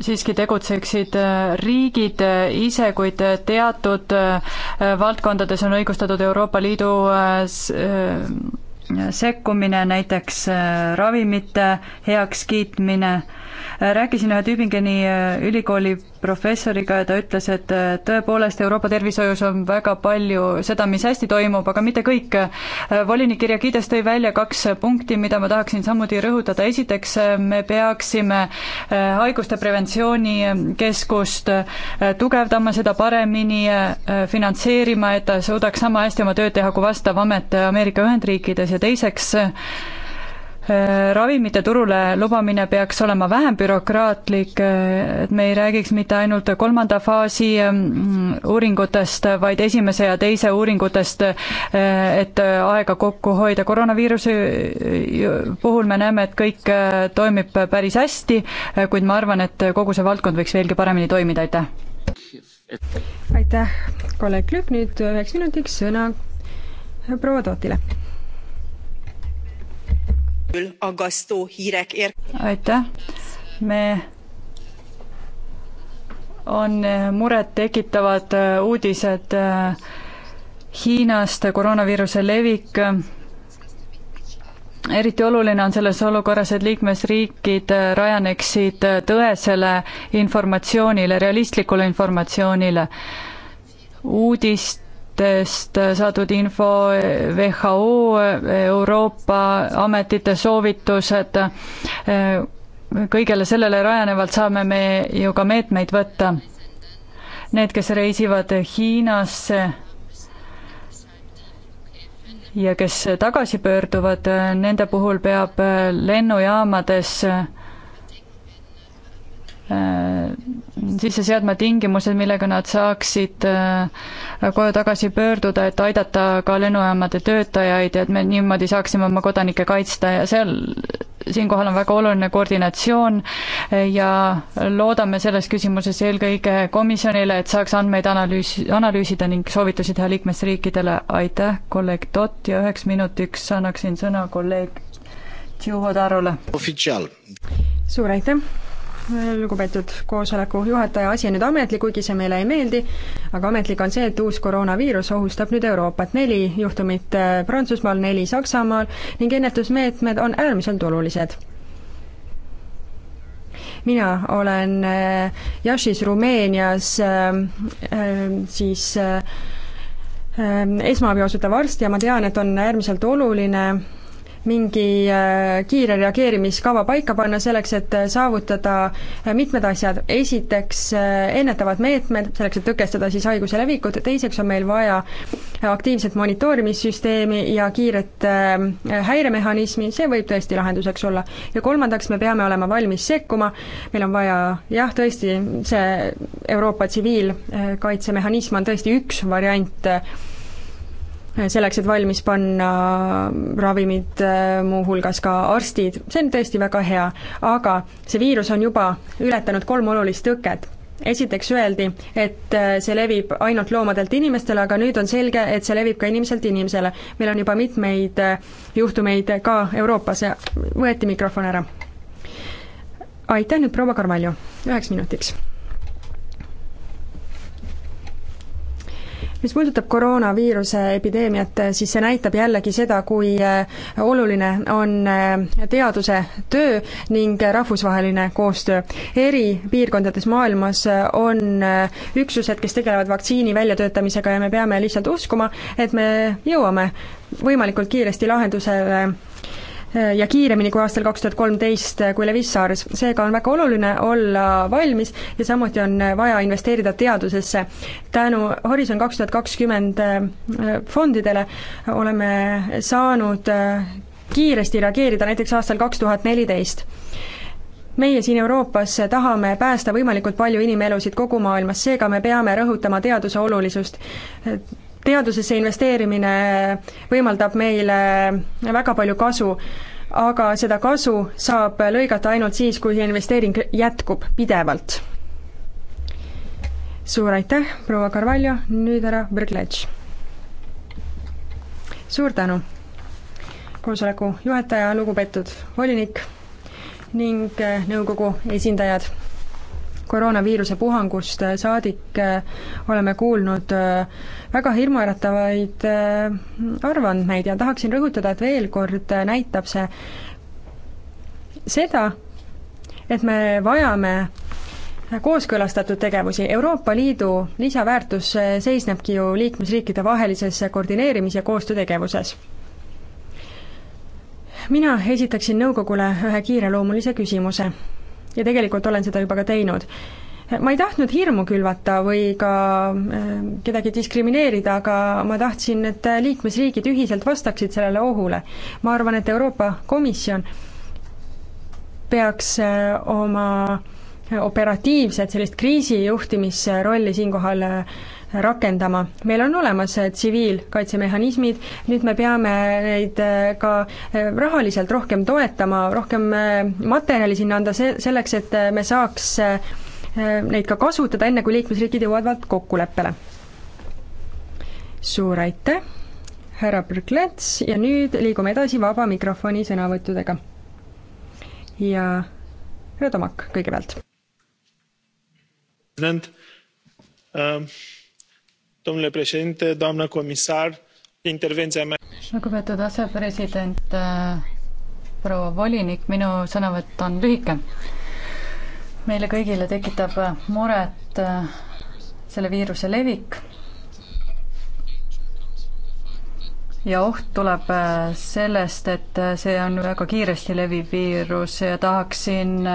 siiski tegutseksid äh, riigid äh, ise, kuid teatud valdkondades on õigustatud Euroopa Liidu sekkumine, näiteks ravimite heakskiitmine rääkisin ühe Tübingeni äh, ülikooli professoriga ja ta ütles, et äh, tõepoolest Euroopa tervishoius on väga palju seda, mis hästi toimub, aga mitte kõik. Äh, volinik Irja Kiides tõi välja kaks punkti, mida ma tahaksin samuti rõhutada, esiteks me peaksime haiguste preventsioonikeskust tugevdama, seda paremini finantseerima, et ta suudaks sama hästi oma tööd teha kui vastav amet Ameerika Ühendriikides ja teiseks Äh, ravimite turule lubamine peaks olema vähem bürokraatlik, äh, et me ei räägiks mitte ainult kolmanda faasi ähm, uuringutest, vaid esimese ja teise uuringutest, äh, et aega kokku hoida. koroonaviiruse puhul me näeme, et kõik toimib päris hästi, kuid ma arvan, et kogu see valdkond võiks veelgi paremini toimida, aitäh! aitäh, kolleeg Lükk, nüüd üheks minutiks sõna proua Tootile aitäh, me on eh, murettekitavad eh, uudised eh, Hiinast, koroonaviiruse levik. eriti oluline on selles olukorras, et liikmesriigid rajaneksid tõesele informatsioonile, realistlikule informatsioonile. uudist ametitest saadud info, WHO, Euroopa ametite soovitused, kõigele sellele rajanevalt saame me ju ka meetmeid võtta. Need, kes reisivad Hiinasse ja kes tagasi pöörduvad, nende puhul peab lennujaamades Äh, sisse seadma tingimused, millega nad saaksid äh, koju tagasi pöörduda, et aidata ka lennujaamade töötajaid ja et me niimoodi saaksime oma kodanikke kaitsta ja seal, siinkohal on väga oluline koordinatsioon ja loodame selles küsimuses eelkõige komisjonile, et saaks andmeid analüüs, analüüsida ning soovitusi teha liikmesriikidele. aitäh, kolleeg Tott ja üheks minutiks annaksin sõna kolleeg Tšuhodarule. suur aitäh! lugupeetud koosoleku juhataja, asi on nüüd ametlik, kuigi see meile ei meeldi, aga ametlik on see, et uus koroonaviirus ohustab nüüd Euroopat. neli juhtumit äh, Prantsusmaal, neli Saksamaal ning ennetusmeetmed on äärmiselt olulised mina olen äh, Jašis Rumeenias äh, äh, siis äh, äh, esmaabi osutav arst ja ma tean, et on äärmiselt oluline mingi äh, kiire reageerimiskava paika panna selleks, et äh, saavutada äh, mitmed asjad. esiteks ennetavad meetmed selleks, et tõkestada siis haiguse levikut, teiseks on meil vaja aktiivset monitoorimissüsteemi ja kiiret häiremehhanismi, see võib tõesti lahenduseks olla. ja kolmandaks, me peame olema valmis sekkuma, meil on vaja jah, tõesti, see Euroopa tsiviilkaitsemehhanism on tõesti üks variant selleks, et valmis panna ravimid, äh, muuhulgas ka arstid, see on tõesti väga hea, aga see viirus on juba ületanud kolm olulist tõket esiteks öeldi, et äh, see levib ainult loomadelt inimestele, aga nüüd on selge, et see levib ka inimeselt inimesele. meil on juba mitmeid äh, juhtumeid ka Euroopas ja võeti mikrofon ära. aitäh nüüd, proua Carvalho, üheks minutiks mis puudutab koroonaviiruse epideemiat, siis see näitab jällegi seda, kui äh, oluline on äh, teaduse töö ning rahvusvaheline koostöö. eri piirkondades maailmas äh, on üksused, kes tegelevad vaktsiini väljatöötamisega ja me peame lihtsalt uskuma, et me jõuame võimalikult kiiresti lahendusele ja kiiremini kui aastal kaks tuhat kolmteist, kui levis SARS. seega on väga oluline olla valmis ja samuti on vaja investeerida teadusesse. tänu Horisont kaks tuhat kakskümmend äh, fondidele oleme saanud äh, kiiresti reageerida näiteks aastal kaks tuhat neliteist meie siin Euroopas tahame päästa võimalikult palju inimelusid kogu maailmas, seega me peame rõhutama teaduse olulisust teadusesse investeerimine võimaldab meile väga palju kasu, aga seda kasu saab lõigata ainult siis, kui investeering jätkub pidevalt. suur aitäh, proua Carvalho, nüüd härra Brgletš. suur tänu, koosoleku juhataja, lugupeetud volinik ning nõukogu esindajad koroonaviiruse puhangust äh, saadik äh, oleme kuulnud äh, väga hirmuäratavaid arvandmeid ja tahaksin rõhutada, et veel kord näitab see seda, et me vajame kooskõlastatud tegevusi, Euroopa Liidu lisaväärtus seisnebki ju liikmesriikide vahelises koordineerimis- ja koostöötegevuses. mina esitaksin nõukogule ühe kiireloomulise küsimuse ja tegelikult olen seda juba ka teinud. ma ei tahtnud hirmu külvata või ka äh, kedagi diskrimineerida, aga ma tahtsin, et liikmesriigid ühiselt vastaksid sellele ohule. ma arvan, et Euroopa Komisjon peaks äh, oma operatiivset sellist kriisijuhtimisrolli siinkohal äh, rakendama. meil on olemas äh, tsiviilkaitsemehhanismid, nüüd me peame neid äh, ka äh, rahaliselt rohkem toetama, rohkem materjali sinna anda se-, selleks, et me saaks neid ka kasutada, enne kui liikmesriigid jõuavad kokkuleppele. suur aitäh, härra Brüklets, ja nüüd liigume edasi vaba mikrofoni sõnavõttudega. ja härra Tomak kõigepealt. president um... Ähm domnule președinte, doamnă comisar, intervenția mea. lugupeetud asepresident, äh, proua volinik, minu sõnavõtt on lühike. meile kõigile tekitab äh, muret äh, selle viiruse levik. ja oht tuleb sellest, et see on väga kiiresti leviv viirus ja tahaksin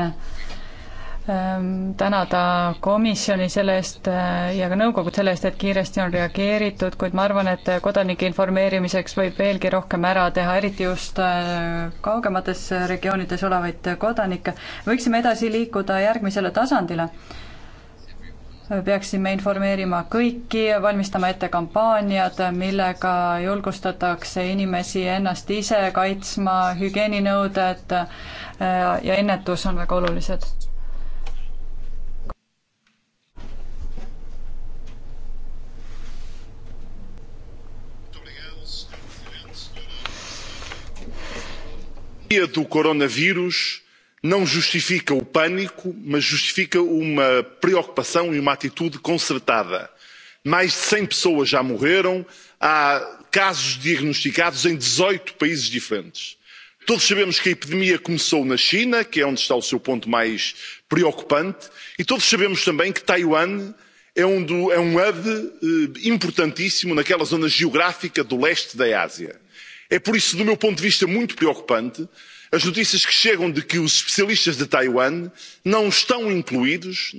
Ehm, tänada komisjoni selle eest eh, ja ka nõukogud selle eest, et kiiresti on reageeritud, kuid ma arvan, et eh, kodanike informeerimiseks võib veelgi rohkem ära teha, eriti just eh, kaugemates regioonides olevaid kodanikke. võiksime edasi liikuda järgmisele tasandile. peaksime informeerima kõiki, valmistama ette kampaaniad, millega julgustatakse inimesi ennast ise kaitsma, hügieeninõuded ja ennetus on väga olulised pandemia do coronavírus não justifica o pânico mas justifica uma preocupação e uma atitude concertada. mais de cem pessoas já morreram há casos diagnosticados em dezoito países diferentes. todos sabemos que a epidemia começou na china que é onde está o seu ponto mais preocupante e todos sabemos também que taiwan é um, um hub eh, importantíssimo naquela zona geográfica do leste da ásia é por isso do meu ponto de vista muito preocupante as notícias que chegam de que os especialistas de taiwan não estão incluídos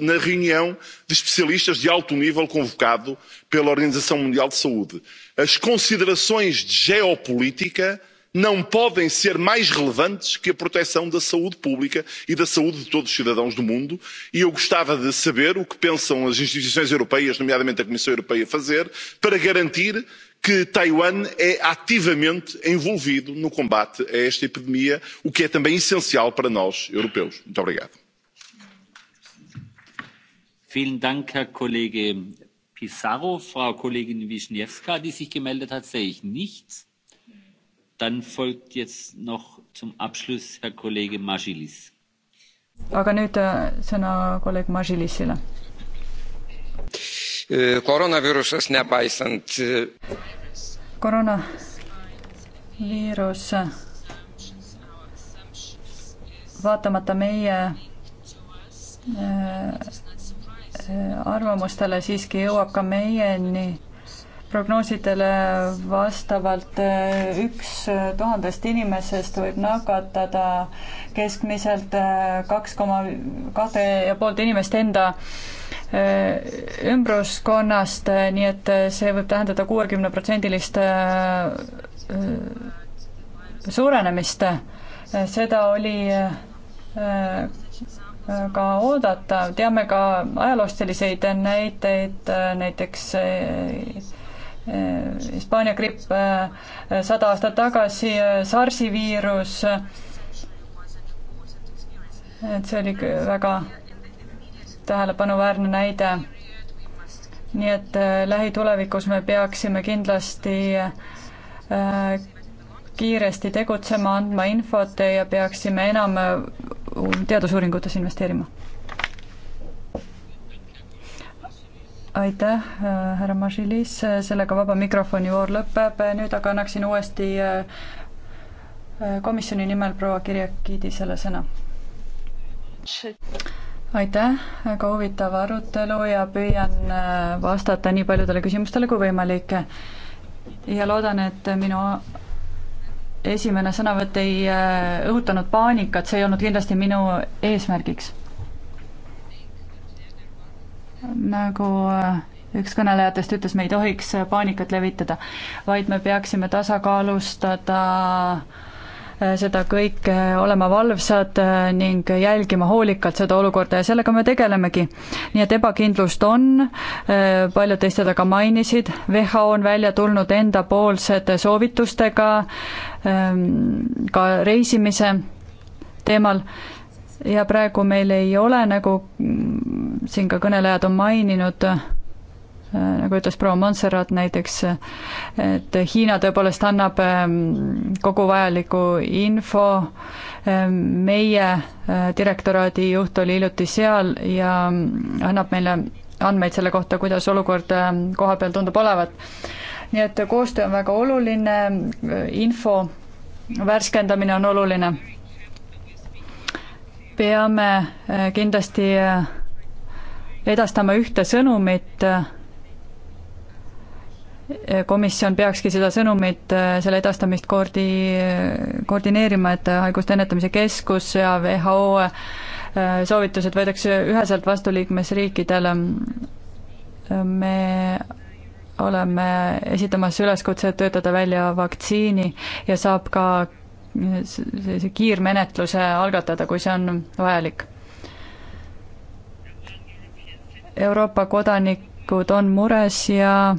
na reunião de especialistas de alto nível convocada pela organização mundial da saúde. as considerações de geopolítica não podem ser mais relevantes que a proteção da saúde pública e da saúde de todos os cidadãos do mundo e eu gostava de saber o que pensam as instituições europeias nomeadamente a comissão europeia fazer para garantir que taiwan é ativamente envolvido no combate a esta epidemia o que é também essencial para nós europeus. muito obrigado. vielen dank herr kollege pizarro. frau kollegin wiśniewska die sich gemeldet hat sehe ich nicht. dann folgt jetzt noch zum abschluss herr kollege margilis. aga nüüd äh, sõna kolleeg margilisile koroonaviirusest nepaisant. E, koroonaviirus vaatamata meie e, e, arvamustele siiski jõuab ka meieni prognoosidele vastavalt üks tuhandest inimesest võib nakatada keskmiselt kaks koma kahte ja poolt inimest enda Äh, ümbruskonnast, äh, nii et äh, see võib tähendada kuuekümneprotsendilist suurenemist. seda oli ka oodata, teame ka ajaloost selliseid näiteid, näiteks Hispaania gripp sada aastat tagasi, SARS-i viirus, et see oli väga tähelepanuväärne näide. nii et äh, lähitulevikus me peaksime kindlasti äh, kiiresti tegutsema, andma infot ja peaksime enam äh, teadusuuringutes investeerima. aitäh, härra Mažilis, sellega vaba mikrofoni voor lõpeb, nüüd aga annaksin uuesti komisjoni nimel proua Kirjakidisele sõna aitäh, väga huvitav arutelu ja püüan äh, vastata nii paljudele küsimustele kui võimalik. ja loodan, et minu esimene sõnavõtt ei äh, õhutanud paanikat, see ei olnud kindlasti minu eesmärgiks. nagu äh, üks kõnelejatest ütles, me ei tohiks paanikat levitada, vaid me peaksime tasakaalustada äh, Äh, seda kõike, äh, olema valvsad äh, ning jälgima hoolikalt seda olukorda ja sellega me tegelemegi. nii et ebakindlust on, paljud teist seda ka mainisid, WHO on välja tulnud endapoolsete soovitustega ähm, ka reisimise teemal ja praegu meil ei ole, nagu mm, siin ka kõnelejad on maininud, Äh, nagu ütles proua Montserrat näiteks, et Hiina tõepoolest annab ähm, kogu vajaliku info, ähm, meie äh, direktoraadi juht oli hiljuti seal ja mm, annab meile andmeid selle kohta, kuidas olukord ähm, koha peal tundub olevat. nii et koostöö on väga oluline, äh, info värskendamine on oluline. peame kindlasti edastama ühte sõnumit komisjon peakski seda sõnumit, äh, selle edastamist koordi-, koordineerima, et äh, Haiguste Ennetamise Keskus ja WHO äh, soovitused võetakse üheselt vastu liikmesriikidele. me oleme esitamas üleskutse, et töötada välja vaktsiini ja saab ka sellise kiirmenetluse algatada, kui see on vajalik. Euroopa kodanikud on mures ja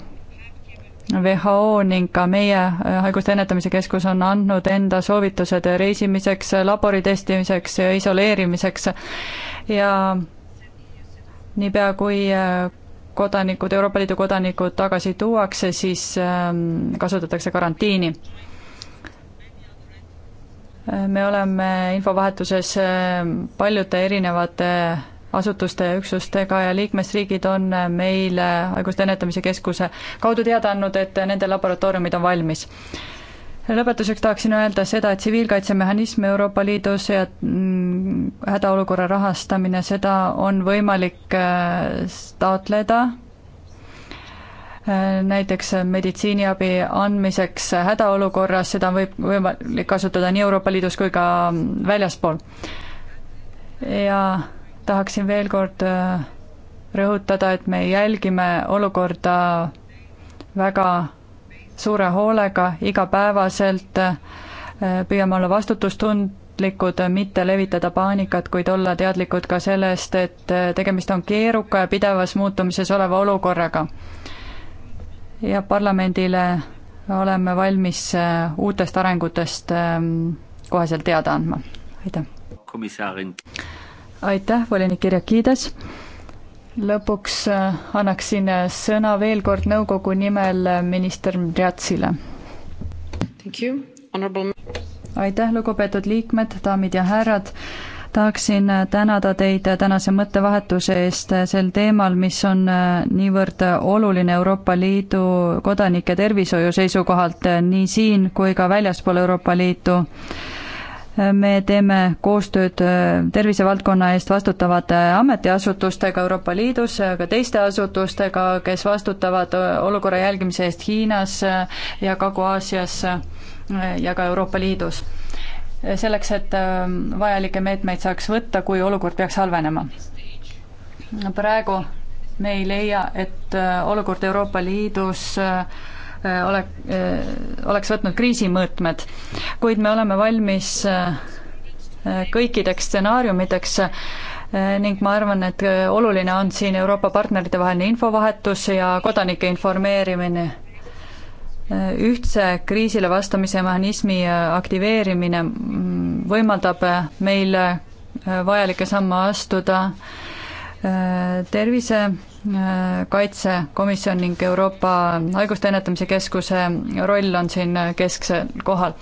WHO ning ka meie äh, Haiguste Ennetamise Keskus on andnud enda soovitused reisimiseks, labori testimiseks ja isoleerimiseks ja niipea, kui äh, kodanikud, Euroopa Liidu kodanikud tagasi tuuakse, siis ähm, kasutatakse karantiini äh, me oleme infovahetuses paljude erinevate asutuste ja üksustega ja liikmesriigid on äh, meile Haiguste Ennetamise Keskuse kaudu teada andnud, et äh, nende laboratooriumid on valmis. lõpetuseks tahaksin öelda seda, et tsiviilkaitsemehhanism Euroopa Liidus ja mm, hädaolukorra rahastamine, seda on võimalik äh, taotleda näiteks meditsiiniabi andmiseks hädaolukorras, seda võib, võimalik kasutada nii Euroopa Liidus kui ka mm, väljaspool. ja tahaksin veel kord äh, rõhutada, et me jälgime olukorda väga suure hoolega, igapäevaselt äh, püüame olla vastutustundlikud, mitte levitada paanikat, kuid olla teadlikud ka sellest, et äh, tegemist on keeruka ja pidevas muutumises oleva olukorraga. ja parlamendile oleme valmis uutest arengutest ähm, koheselt teada andma, aitäh. komissarin aitäh, volinik Irja Kiides. lõpuks äh, annaksin äh, sõna veel kord nõukogu nimel äh, minister Mriatsile. aitäh, lugupeetud liikmed, daamid ja härrad tahaksin tänada teid tänase mõttevahetuse eest sel teemal, mis on niivõrd oluline Euroopa Liidu kodanike tervishoiu seisukohalt nii siin kui ka väljaspool Euroopa Liitu me teeme koostööd äh, tervisevaldkonna eest vastutavate äh, ametiasutustega Euroopa Liidus, äh, ka teiste asutustega, kes vastutavad olukorra jälgimise eest Hiinas ja Kagu-Aasias ja ka Euroopa Liidus. selleks, et vajalikke meetmeid saaks võtta, kui olukord peaks halvenema. praegu me ei leia, et olukord Euroopa Liidus äh, Äh, ole, äh, oleks võtnud kriisimõõtmed, kuid me oleme valmis äh, kõikideks stsenaariumideks ning ma arvan, et oluline on siin Euroopa partnerite vaheline infovahetus ja kodanike informeerimine. ühtse kriisile vastamise mehhanismi aktiveerimine mm, võimaldab meil vajalikke samme astuda tervise kaitsekomisjon ning Euroopa Haiguste Ennetamise Keskuse roll on siin kesksel kohal.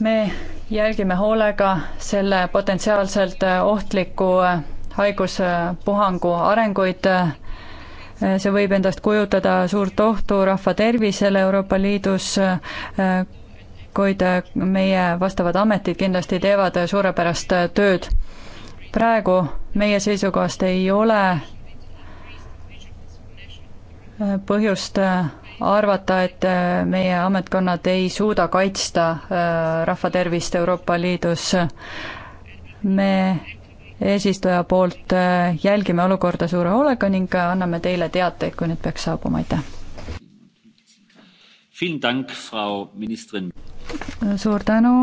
me jälgime hoolega selle potentsiaalselt ohtliku haiguspuhangu arenguid. see võib endast kujutada suurt ohtu rahva tervisele Euroopa Liidus, kuid meie vastavad ametid kindlasti teevad suurepärast tööd. praegu meie seisukohast ei ole põhjust äh, arvata, et äh, meie ametkonnad ei suuda kaitsta äh, rahva tervist Euroopa Liidus. me eesistuja poolt jälgime olukorda suure hoolega ning anname teile teateid, kui need peaks saabuma, aitäh. suur tänu,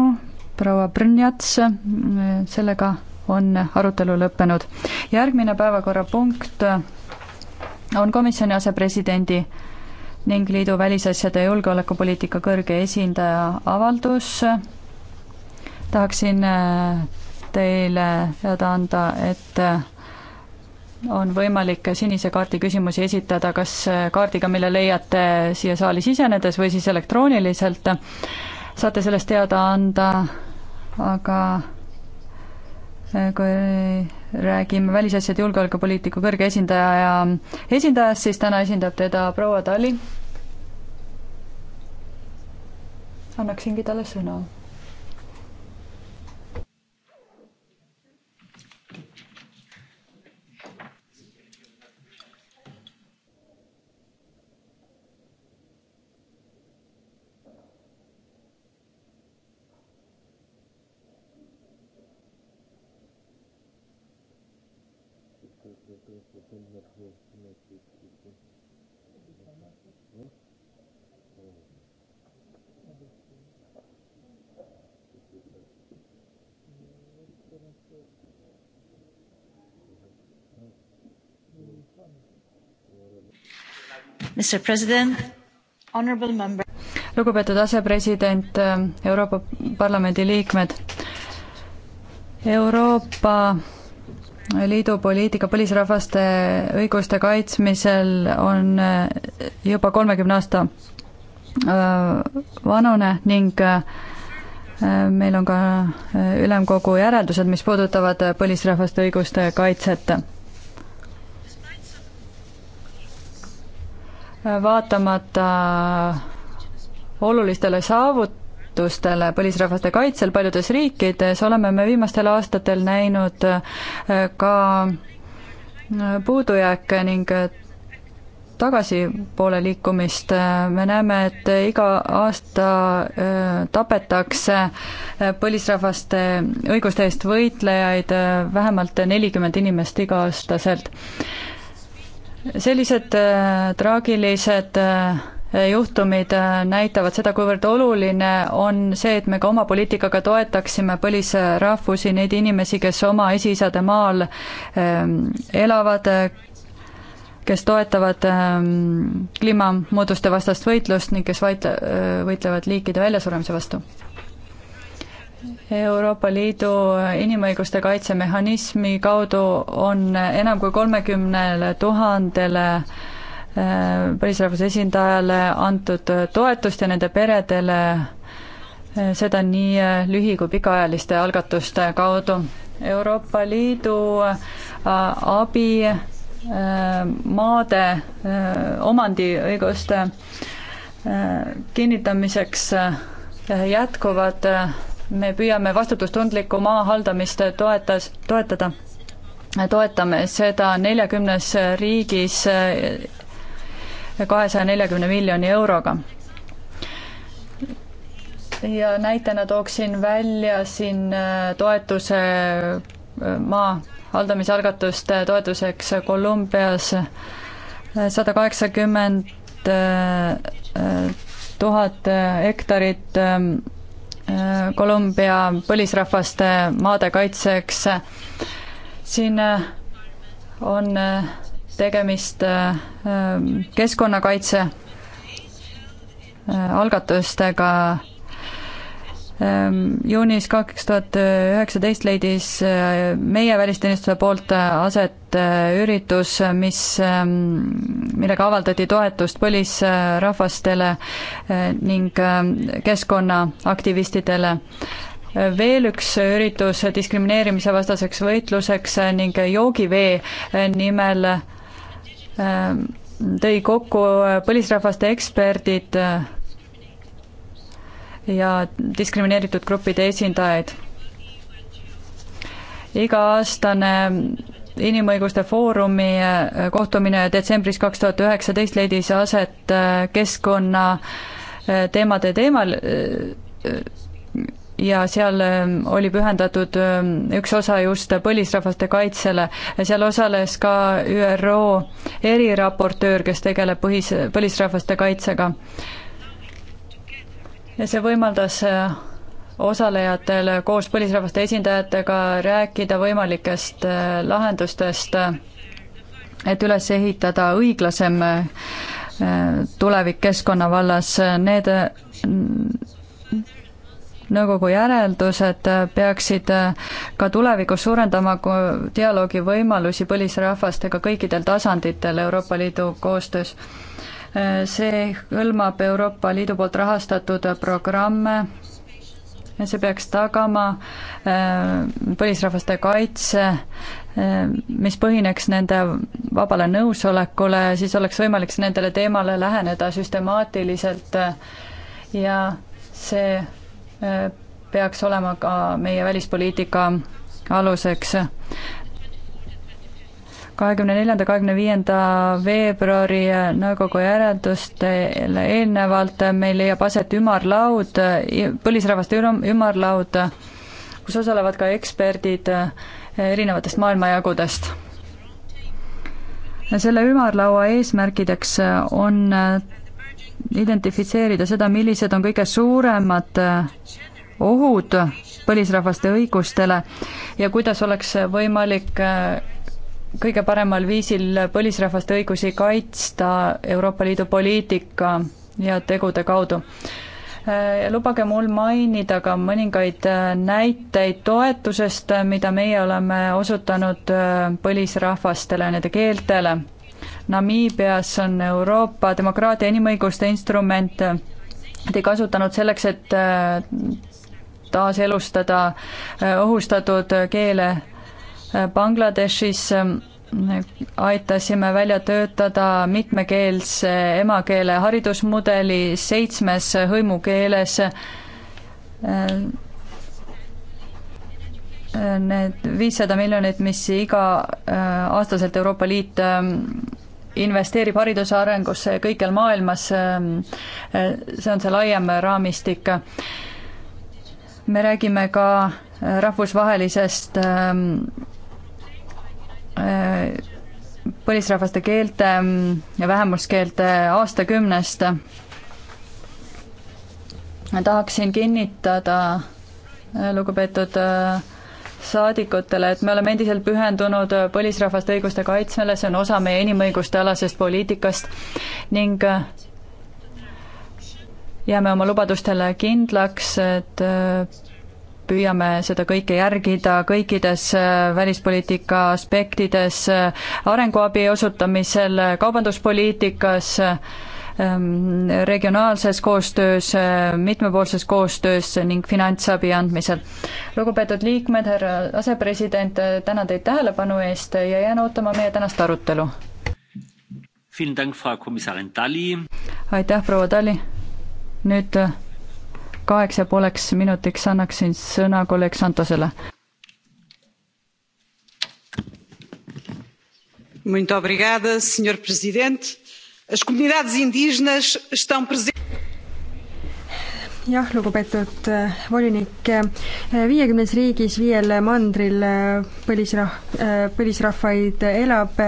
proua Brnjats, sellega on arutelu lõppenud. järgmine päevakorrapunkt on komisjoni asepresidendi ning liidu välisasjade ja julgeolekupoliitika kõrge esindaja avaldus. tahaksin äh, teile teada anda, et äh, on võimalik sinise kaardi küsimusi esitada kas äh, kaardiga, mille leiate siia saali sisenedes või siis elektrooniliselt. saate sellest teada anda, aga kui räägime välisasjade julgeolekupoliitika kõrge esindaja ja esindajast, siis täna esindab teda proua Tali. annaksingi talle sõna Mr President, honorable member. lugupeetud asepresident, äh, Euroopa Parlamendi liikmed. Euroopa Liidu poliitika põlisrahvaste õiguste kaitsmisel on äh, juba kolmekümne aasta äh, vanune ning meil on ka ülemkogu järeldused, mis puudutavad põlisrahvaste õiguste kaitset vaatamata olulistele saavutustele põlisrahvaste kaitsel paljudes riikides, oleme me viimastel aastatel näinud äh, ka äh, puudujääke ning äh, tagasipoole liikumist, me näeme, et iga aasta tapetakse põlisrahvaste õiguste eest võitlejaid vähemalt nelikümmend inimest iga-aastaselt sellised äh, traagilised äh, juhtumid äh, näitavad seda, kuivõrd oluline on see, et me ka oma poliitikaga toetaksime põlisrahvusi, neid inimesi, kes oma esiisade maal ähm, elavad, kes toetavad ähm, kliimamuutuste vastast võitlust ning kes vaid-, võitlevad liikide väljasuremise vastu Euroopa Liidu inimõiguste kaitsemehhanismi kaudu on enam kui kolmekümnele tuhandele eh, põlisrahvuse esindajale antud toetust ja nende peredele eh, seda nii lühi- kui pikaajaliste algatuste kaudu. Euroopa Liidu eh, abi maade omandiõiguste kinnitamiseks jätkuvad me püüame vastutustundlikku maa haldamist toetas, toetada, toetame seda neljakümnes riigis kahesaja neljakümne miljoni euroga. ja näitena tooksin välja siin äh, toetuse äh, maa haldamisalgatuste äh, toetuseks Kolumbias sada kaheksakümmend tuhat hektarit ähm, Kolumbia põlisrahvaste maade kaitseks. siin äh, on äh, tegemist äh, keskkonnakaitse algatustega Ehm, juunis kaks tuhat üheksateist leidis ehm, meie välisteenistuse poolt äh, aset äh, üritus, mis, ehm, millega avaldati toetust põlisrahvastele äh, ning keskkonnaaktivistidele veel üks üritus diskrimineerimise vastaseks võitluseks ning joogivee nimel tõi kokku põlisrahvaste eksperdid ja diskrimineeritud gruppide esindajaid. iga-aastane inimõiguste foorumi eh, kohtumine detsembris kaks tuhat üheksateist leidis aset eh, keskkonna eh, teemade teemal ja seal oli pühendatud üks osa just põlisrahvaste kaitsele. seal osales ka ÜRO eriraportöör, kes tegeleb põhis, põlisrahvaste kaitsega ja see võimaldas äh, osalejatel koos põlisrahvaste esindajatega rääkida võimalikest äh, lahendustest, et üles ehitada õiglasem äh, tulevik keskkonna vallas, need nõukogu järeldused peaksid ka tulevikus suurendama dialoogi võimalusi põlisrahvastega kõikidel tasanditel Euroopa Liidu koostöös see hõlmab Euroopa Liidu poolt rahastatud programme, see peaks tagama äh, põlisrahvaste kaitse, äh, mis põhineks nende vabale nõusolekule, siis oleks võimalik nendele teemale läheneda süstemaatiliselt ja see äh, peaks olema ka meie välispoliitika aluseks kahekümne neljanda, kahekümne viienda veebruari nõukogu järeldustele eelnevalt meil leiab aset ümarlaud, põlisrahvaste ümarlaud, kus osalevad ka eksperdid erinevatest maailmajagudest. selle ümarlaua eesmärkideks on identifitseerida seda, millised on kõige suuremad ohud põlisrahvaste õigustele ja kuidas oleks võimalik kõige paremal viisil põlisrahvaste õigusi kaitsta Euroopa Liidu poliitika ja tegude kaudu. Äh, lubage mul mainida ka mõningaid äh, näiteid toetusest, mida meie oleme osutanud äh, põlisrahvastele, nende keeltele. Namiibias on Euroopa demokraatia inimõiguste instrument kasutanud selleks, et taaselustada ohustatud keele Bangladeshis ähm, aitasime välja töötada mitmekeelse emakeele haridusmudeli seitsmes hõimukeeles. Äh, need viissada miljonit, mis iga-aastaselt äh, Euroopa Liit ähm, investeerib hariduse arengusse kõikjal maailmas, ähm, äh, see on see laiem raamistik. me räägime ka rahvusvahelisest põlisrahvaste keelte ähm, ja vähemuskeelte aastakümnest. tahaksin kinnitada äh, lugupeetud äh, saadikutele, et me oleme endiselt pühendunud äh, põlisrahvaste õiguste kaitsmele, see on osa meie inimõiguste alasest poliitikast ning jääme oma lubadustele kindlaks, et püüame seda kõike järgida kõikides äh, välispoliitika aspektides, äh, arenguabi osutamisel, äh, kaubanduspoliitikas, ähm, regionaalses koostöös, mitmepoolses koostöös ning finantsabi andmisel. lugupeetud liikmed, härra asepresident, tänan teid tähelepanu eest ja jään ootama meie tänast arutelu. aitäh, proua Tali. nüüd kaheks ja pooleks minutiks annaksin sõna kolleeg Santosele. Muito obrigada, senhor president. As comunidades indígenas estão presentes jah, lugupeetud äh, volinik, äh, viiekümnes riigis viiel mandril äh, põlisrah-, põlisrahvaid elab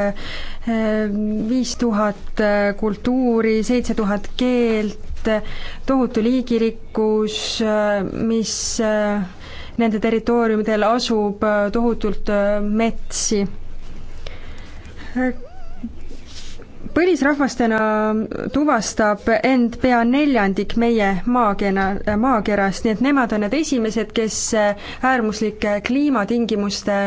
viis tuhat kultuuri, seitse tuhat keelt, tohutu liigirikkus, mis äh, nende territooriumidel asub, äh, tohutult äh, metsi põlisrahvastena tuvastab end pea neljandik meie maakena, maakerast, nii et nemad on need esimesed, kes äärmuslike kliimatingimuste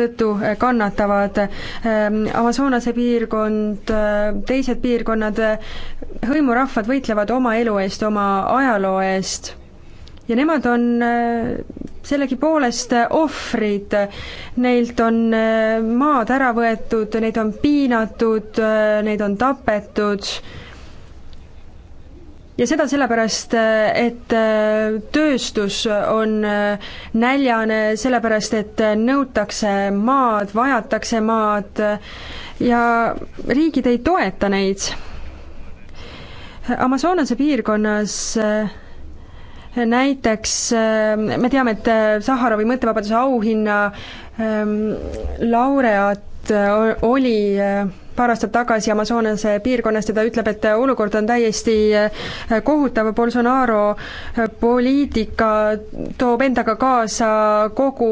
tõttu kannatavad. Ähm, Amazonase piirkond, äh, teised piirkonnad, äh, hõimurahvad võitlevad oma elu eest, oma ajaloo eest ja nemad on äh, sellegipoolest äh, ohvrid, neilt on äh, maad ära võetud, neid on piinatud, neid on tapetud ja seda sellepärast, et tööstus on näljane, sellepärast et nõutakse maad, vajatakse maad ja riigid ei toeta neid. Amazonase piirkonnas näiteks äh, me teame, et äh, Saharovi mõttevabaduse auhinna ähm, laureaat äh, oli paar aastat tagasi Amazonase piirkonnas, teda ütleb, et olukord on täiesti kohutav, Bolsonaro poliitika toob endaga kaasa kogu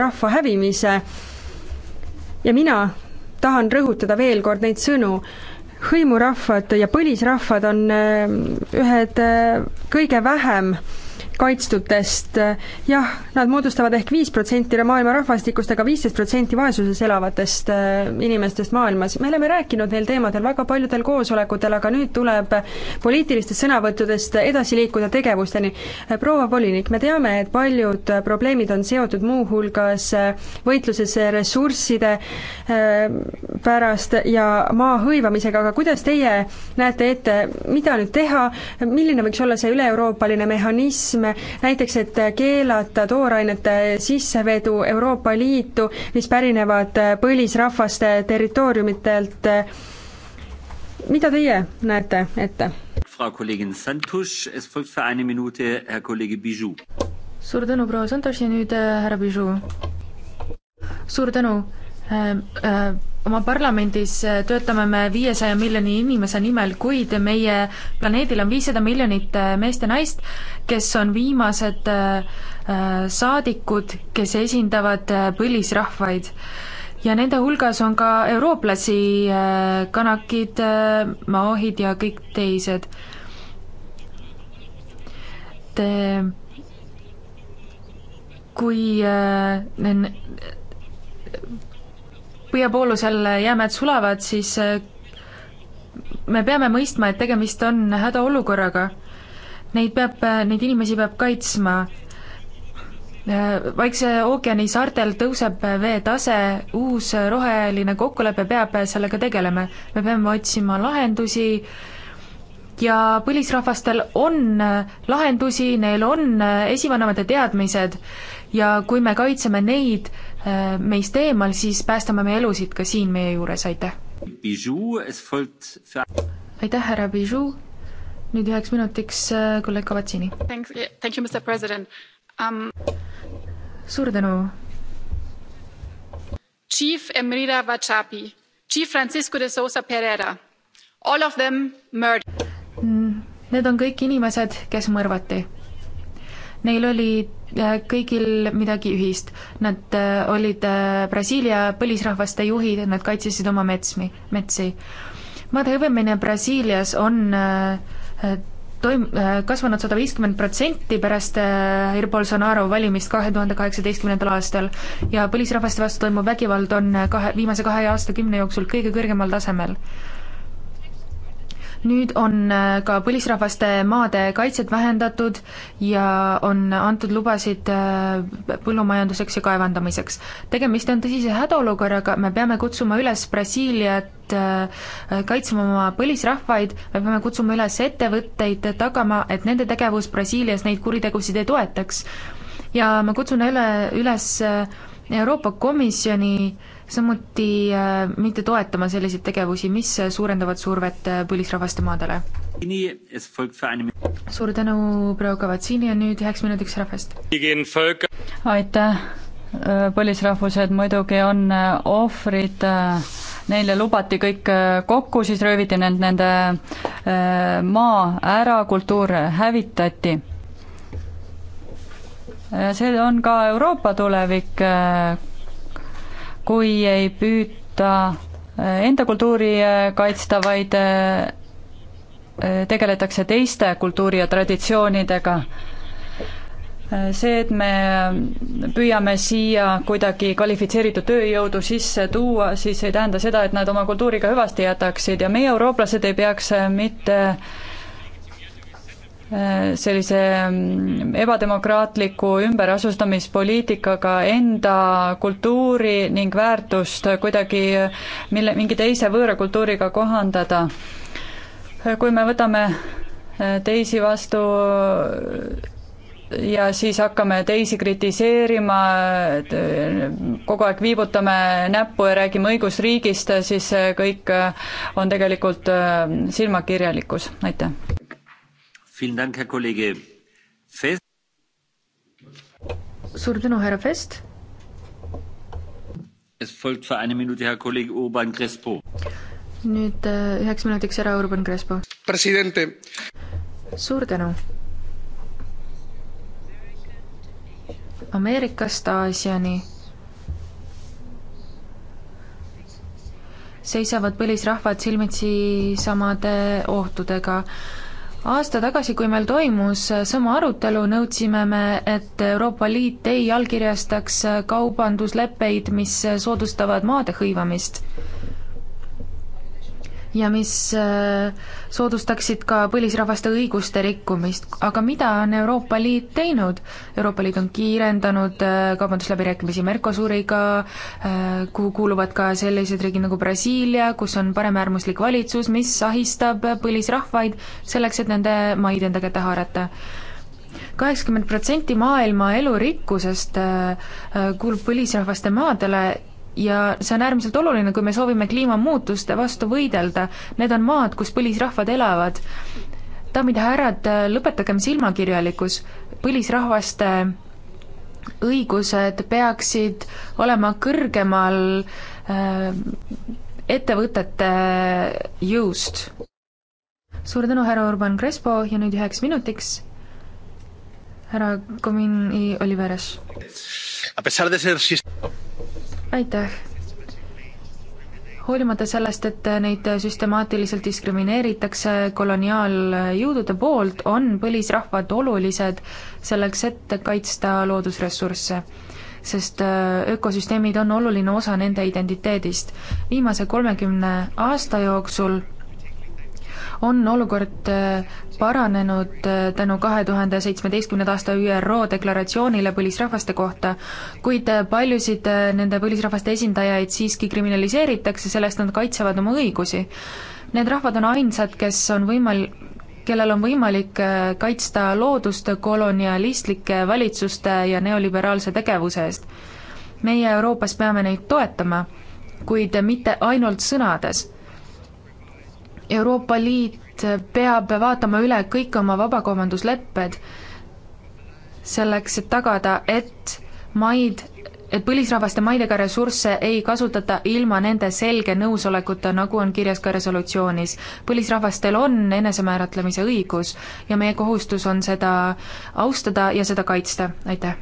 rahva hävimise. ja mina tahan rõhutada veel kord neid sõnu, hõimurahvad ja põlisrahvad on ühed kõige vähem kaitstutest. jah, nad moodustavad ehk viis protsenti maailma rahvastikust aga, aga viisteist protsenti vaesuses elavatest äh, inimestest maailmas. me oleme rääkinud neil teemadel väga paljudel koosolekutel, aga nüüd tuleb poliitilistest sõnavõttudest edasi liikuda tegevusteni. Äh, proua volinik, me teame, et paljud äh, probleemid on seotud muuhulgas võitluses ressursside pärast ja maa hõivamisega, aga kuidas teie näete ette, mida nüüd teha, milline võiks olla see üle-euroopaline mehhanism, näiteks et keelata toorainete sissevedu Euroopa Liitu, mis pärinevad põlisrahvaste territooriumitelt. mida teie näete ette? suur tänu, proua Santos ja nüüd äh, härra Bijou. suur tänu äh,. Äh, oma parlamendis äh, töötame me viiesaja miljoni inimese nimel, kuid meie planeedil on viissada miljonit äh, meest ja naist, kes on viimased äh, saadikud, kes esindavad põlisrahvaid. ja nende hulgas on ka eurooplasi, kanakid, maohid ja kõik teised. Te kui äh, põhjapoolusel jäämäed sulavad, siis äh, me peame mõistma, et tegemist on hädaolukorraga. Neid peab, äh, neid inimesi peab kaitsma. Äh, vaikse ookeani saartel tõuseb veetase, uus roheline kokkulepe peab sellega tegelema. me peame otsima lahendusi ja põlisrahvastel on lahendusi, neil on esivanemate teadmised ja kui me kaitseme neid äh, meist eemal, siis päästame me elusid ka siin meie juures, aitäh! aitäh, härra Bijou! nüüd üheks minutiks äh, kolleeg Kavatsini. Um... suur tänu! Chief Emrida Vachapi, Chief Francisco de Sousa Pereira, all of them murdered. Need on kõik inimesed, kes mõrvati. Neil olid Äh, kõigil midagi ühist. Nad äh, olid äh, Brasiilia põlisrahvaste juhid, nad kaitsesid oma metsmi, metsi. maade hõbemine Brasiilias on toim-, kasvanud sada viiskümmend protsenti pärast Jair Bolsonaro valimist kahe tuhande kaheksateistkümnendal aastal ja põlisrahvaste vastu toimuv vägivald on kahe, viimase kahe aastakümne jooksul kõige kõrgemal tasemel nüüd on äh, ka põlisrahvaste maade kaitset vähendatud ja on antud lubasid äh, põllumajanduseks ja kaevandamiseks. tegemist on tõsise hädaolukorraga, me peame kutsuma üles Brasiiliat äh, kaitsma oma põlisrahvaid, me peame kutsuma üles ettevõtteid tagama, et nende tegevus Brasiilias neid kuritegusid ei toetaks. ja ma kutsun üle, üles Euroopa Komisjoni äh, samuti äh, mitte toetama selliseid tegevusi, mis suurendavad survet äh, põlisrahvaste maadele. suur tänu, proua Kavatsini ja nüüd üheks minutiks rahvast. aitäh, äh, põlisrahvused muidugi on ohvrid, neile lubati kõik kokku, siis rööviti nend-, nende maa ära, kultuur hävitati see on ka Euroopa tulevik, kui ei püüta äh, enda kultuuri äh, kaitsta, vaid äh, tegeletakse teiste kultuuri ja traditsioonidega. see, et me püüame siia kuidagi kvalifitseeritud tööjõudu sisse tuua, siis ei tähenda seda, et nad oma kultuuriga hüvasti jätaksid ja meie, eurooplased, ei peaks mitte sellise mm, ebademokraatliku ümberasustamispoliitikaga enda kultuuri ning väärtust kuidagi mille, mingi teise võõra kultuuriga kohandada. kui me võtame äh, teisi vastu äh, ja siis hakkame teisi kritiseerima, äh, kogu aeg viibutame näppu ja räägime õigusriigist, siis see kõik on tegelikult silmakirjalikkus, aitäh suur tänu, härra Fest. nüüd äh, üheks minutiks härra Urban Crespo. suur tänu. Ameerikast Aasiani seisavad põlisrahvad silmitsi samade ohtudega aasta tagasi, kui meil toimus sama arutelu, nõudsime me, et Euroopa Liit ei allkirjastaks kaubandusleppeid, mis soodustavad maade hõivamist ja mis äh, soodustaksid ka põlisrahvaste õiguste rikkumist, aga mida on Euroopa Liit teinud? Euroopa Liit on kiirendanud äh, kaubandusläbirääkimisi Mercosuriga, äh, kuhu kuuluvad ka sellised riigid nagu Brasiilia, kus on paremäärmuslik valitsus, mis ahistab põlisrahvaid selleks, et nende maid enda kätte haarata kaheksakümmend protsenti maailma elurikkusest kuulub põlisrahvaste maadele ja see on äärmiselt oluline, kui me soovime kliimamuutuste vastu võidelda. Need on maad, kus põlisrahvad elavad. daamid ja härrad, lõpetagem silmakirjalikkus. põlisrahvaste õigused peaksid olema kõrgemal äh, ettevõtete jõust. suur tänu, härra Urban Crespo ja nüüd üheks minutiks härra Comini Oliveres aitäh! hoolimata sellest, et neid süstemaatiliselt diskrimineeritakse koloniaaljõudude poolt, on põlisrahvad olulised selleks, et kaitsta loodusressursse sest äh, ökosüsteemid on oluline osa nende identiteedist. viimase kolmekümne aasta jooksul on olukord äh, paranenud äh, tänu kahe tuhande seitsmeteistkümnenda aasta ÜRO deklaratsioonile põlisrahvaste kohta, kuid äh, paljusid nende põlisrahvaste esindajaid siiski kriminaliseeritakse, sellest nad kaitsevad oma õigusi. Need rahvad on ainsad, kes on võimal-, kellel on võimalik kaitsta loodust kolonialistlike valitsuste ja neoliberaalse tegevuse eest. meie Euroopas peame neid toetama, kuid mitte ainult sõnades Euroopa Liit peab vaatama üle kõik oma vabakaubanduslepped selleks, et tagada, et maid, et põlisrahvaste maid ega ressursse ei kasutata ilma nende selge nõusolekuta, nagu on kirjas ka resolutsioonis. põlisrahvastel on enesemääratlemise õigus ja meie kohustus on seda austada ja seda kaitsta, aitäh!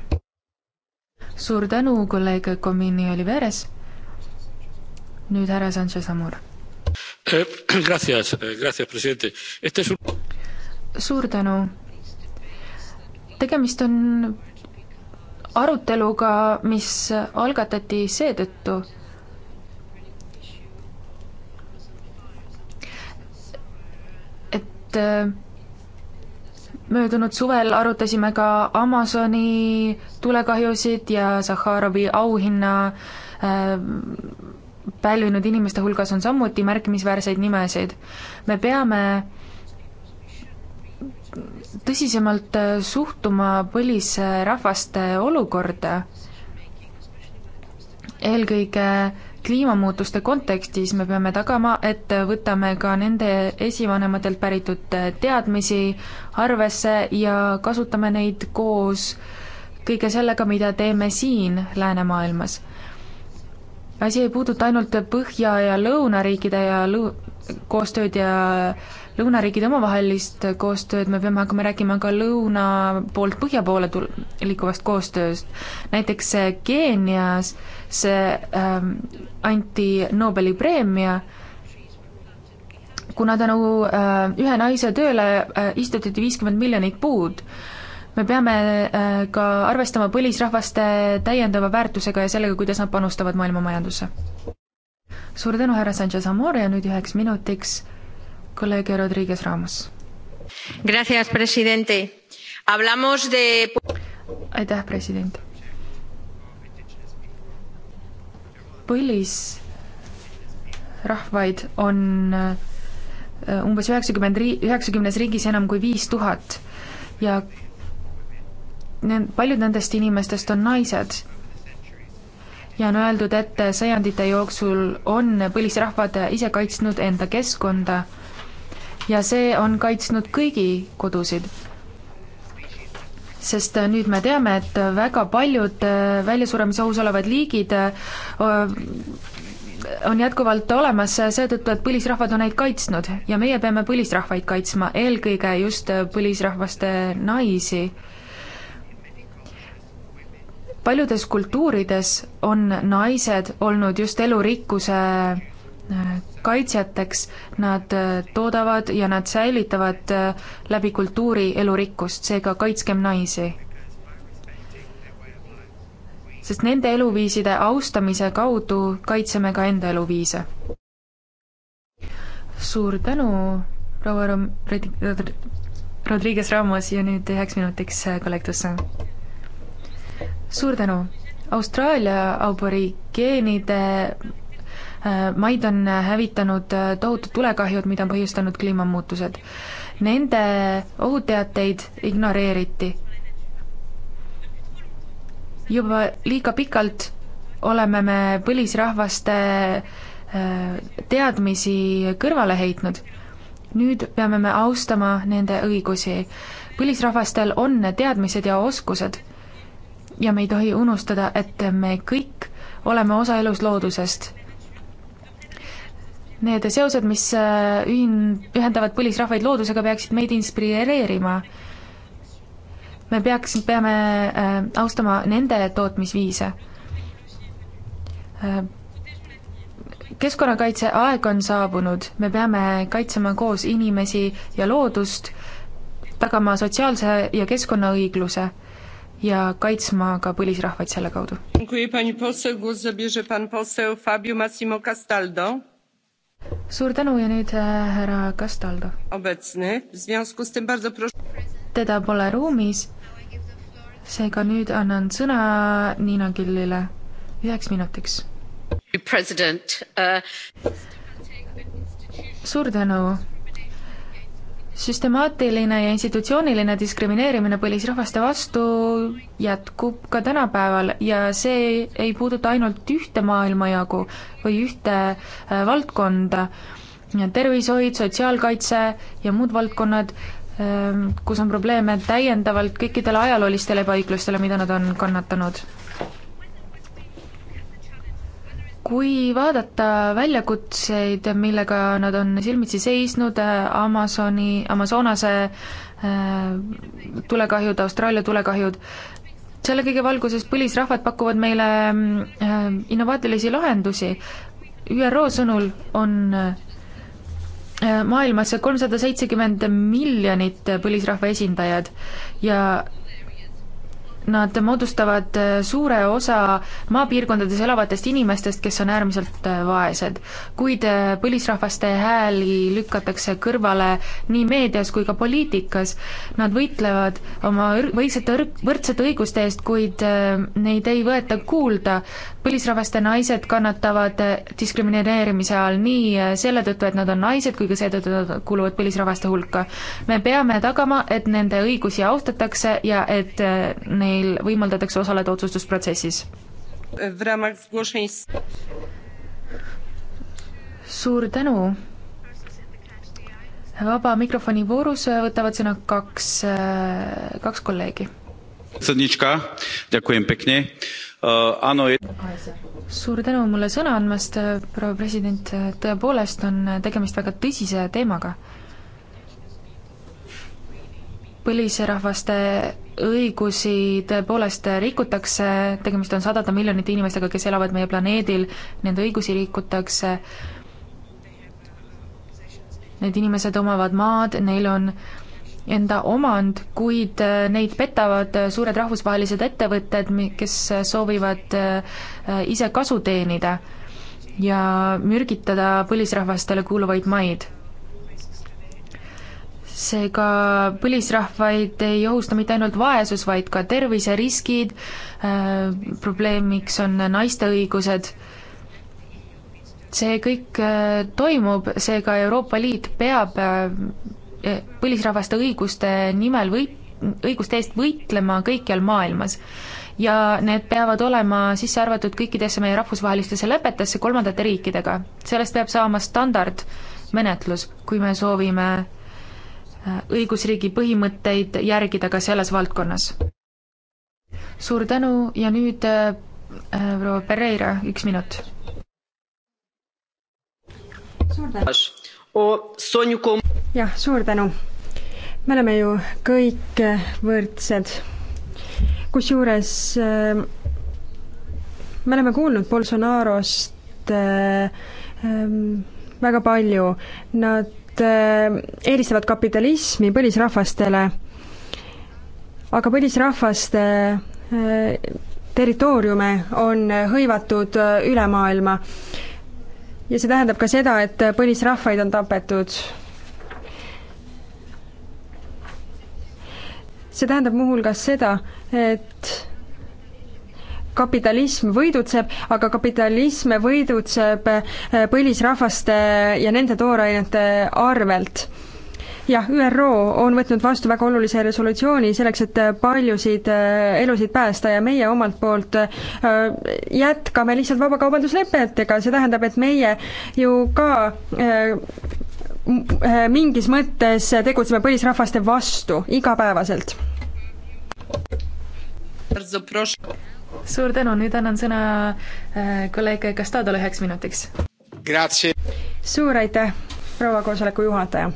suur tänu, kolleeg Comini Oliveres, nüüd härra Sanchez Amor Eh, [clears throat] eh, suur tänu. tegemist on aruteluga, mis algatati seetõttu, et eh, möödunud suvel arutasime ka Amazoni tulekahjusid ja Sahharovi auhinna äh, pälvinud inimeste hulgas on samuti märkimisväärseid nimesid. me peame tõsisemalt suhtuma põlisrahvaste olukorda, eelkõige kliimamuutuste kontekstis me peame tagama, et võtame ka nende esivanematelt päritud teadmisi arvesse ja kasutame neid koos kõige sellega, mida teeme siin läänemaailmas asi ei puuduta ainult Põhja- ja Lõunariikide ja lõu-, koostööd ja lõunariikide omavahelist koostööd, me peame hakkama rääkima ka lõuna poolt põhja poole tul-, liikuvast koostööst. näiteks Keenias see ähm, anti Nobeli preemia, kuna tänu äh, ühe naise tööle äh, istutati viiskümmend miljonit puud äh, me peame äh, ka arvestama põlisrahvaste täiendava väärtusega ja sellega, kuidas nad panustavad maailma majandusse. suur tänu, härra Sanchez Amore ja nüüd üheks minutiks kolleeg Rodriguez Ramos. Gracias, presidente. Hablamos de aitäh, president. põlisrahvaid on äh, umbes üheksakümmend ri-, üheksakümnes riigis enam kui viis tuhat ja paljud nendest inimestest on naised ja on öeldud, et sajandite jooksul on põlisrahvad ise kaitsnud enda keskkonda ja see on kaitsnud kõigi kodusid. sest nüüd me teame, et väga paljud väljasuremise ohus olevad liigid on jätkuvalt olemas seetõttu, et põlisrahvad on neid kaitsnud ja meie peame põlisrahvaid kaitsma, eelkõige just põlisrahvaste naisi paljudes kultuurides on naised olnud just elurikkuse äh, kaitsjateks, nad äh, toodavad ja nad säilitavad äh, läbi kultuuri elurikkust, seega kaitskem naisi. sest nende eluviiside austamise kaudu kaitseme ka enda eluviise. suur tänu, proua Rodriguez Ramos ja nüüd üheks minutiks kollektusse suur tänu. Austraalia aborigeenide äh, maid on hävitanud äh, tohutud tulekahjud, mida on põhjustanud kliimamuutused. Nende ohuteateid ignoreeriti. juba liiga pikalt oleme me põlisrahvaste äh, teadmisi kõrvale heitnud. nüüd peame me austama nende õigusi. põlisrahvastel on teadmised ja oskused ja me ei tohi unustada, et me kõik oleme osa elus loodusest. Need seosed, mis äh, ühin-, ühendavad põlisrahvaid loodusega, peaksid meid inspireerima. me peaks, peame äh, austama nende tootmisviise. Äh, keskkonnakaitse aeg on saabunud, me peame kaitsema koos inimesi ja loodust, tagama sotsiaalse ja keskkonnaõigluse ja kaitsma ka põlisrahvaid selle kaudu. suur tänu ja nüüd äh, härra Castaldo. teda pole ruumis, seega nüüd annan sõna Niina Killile üheks minutiks. Uh... suur tänu süstemaatiline ja institutsiooniline diskrimineerimine põlisrahvaste vastu jätkub ka tänapäeval ja see ei puuduta ainult ühte maailmajagu või ühte äh, valdkonda, tervishoid, sotsiaalkaitse ja muud valdkonnad, ähm, kus on probleeme täiendavalt kõikidele ajaloolistele ebaõiglustele, mida nad on kannatanud kui vaadata väljakutseid, millega nad on silmitsi seisnud, äh, Amazoni, Amazonase äh, tulekahjud, Austraalia tulekahjud, selle kõige valguses põlisrahvad pakuvad meile äh, innovaatilisi lahendusi. ÜRO sõnul on maailmas kolmsada seitsekümmend miljonit põlisrahva esindajad ja Nad moodustavad äh, suure osa maapiirkondades elavatest inimestest, kes on äärmiselt äh, vaesed. kuid äh, põlisrahvaste hääli lükatakse kõrvale nii meedias kui ka poliitikas. Nad võitlevad oma võisete võrdsete õiguste eest, kuid neid ei võeta kuulda. põlisrahvaste naised kannatavad diskrimineerimise all nii selle tõttu, et nad on naised, kui ka seetõttu, et nad kuuluvad põlisrahvaste hulka. me peame tagama, et nende õigusi austatakse ja et neid neil võimaldatakse osaleda otsustusprotsessis. suur tänu. vaba mikrofoni voorus võtavad sõna kaks, äh, kaks kolleegi. Äh, suur tänu mulle sõna andmast, äh, proua president, tõepoolest on tegemist väga tõsise teemaga põlisrahvaste õigusi tõepoolest rikutakse, tegemist on sadade miljonite inimestega, kes elavad meie planeedil, nende õigusi rikutakse, need inimesed omavad maad, neil on enda omand, kuid neid petavad suured rahvusvahelised ettevõtted, kes soovivad äh, ise kasu teenida ja mürgitada põlisrahvastele kuuluvaid maid seega põlisrahvaid ei ohusta mitte ainult vaesus, vaid ka terviseriskid, äh, probleemiks on naiste õigused, see kõik äh, toimub, seega Euroopa Liit peab äh, põlisrahvaste õiguste nimel või-, õiguste eest võitlema kõikjal maailmas ja need peavad olema sisse arvatud kõikidesse meie rahvusvahelistesse lepetesse kolmandate riikidega. sellest peab saama standardmenetlus, kui me soovime õigusriigi põhimõtteid järgida ka selles valdkonnas. suur tänu ja nüüd äh, äh, proua Pereira, üks minut. suur tänu. jah, suur tänu. me oleme ju kõik äh, võrdsed, kusjuures me oleme kuulnud Bolsonarost äh, ähm, väga palju, nad Äh, eelistavad kapitalismi põlisrahvastele, aga põlisrahvaste äh, territooriume on hõivatud äh, üle maailma. ja see tähendab ka seda, et põlisrahvaid on tapetud see tähendab muuhulgas seda, et kapitalism võidutseb, aga kapitalism võidutseb äh, põlisrahvaste ja nende toorainete arvelt jah, ÜRO on võtnud vastu väga olulise resolutsiooni selleks, et paljusid äh, elusid päästa ja meie omalt poolt äh, jätkame lihtsalt vabakaubanduslepetega, see tähendab, et meie ju ka mingis mõttes tegutseme põlisrahvaste vastu igapäevaselt suur tänu, nüüd annan sõna äh, kolleeg Kastadole üheks minutiks. suur aitäh, proua koosoleku juhataja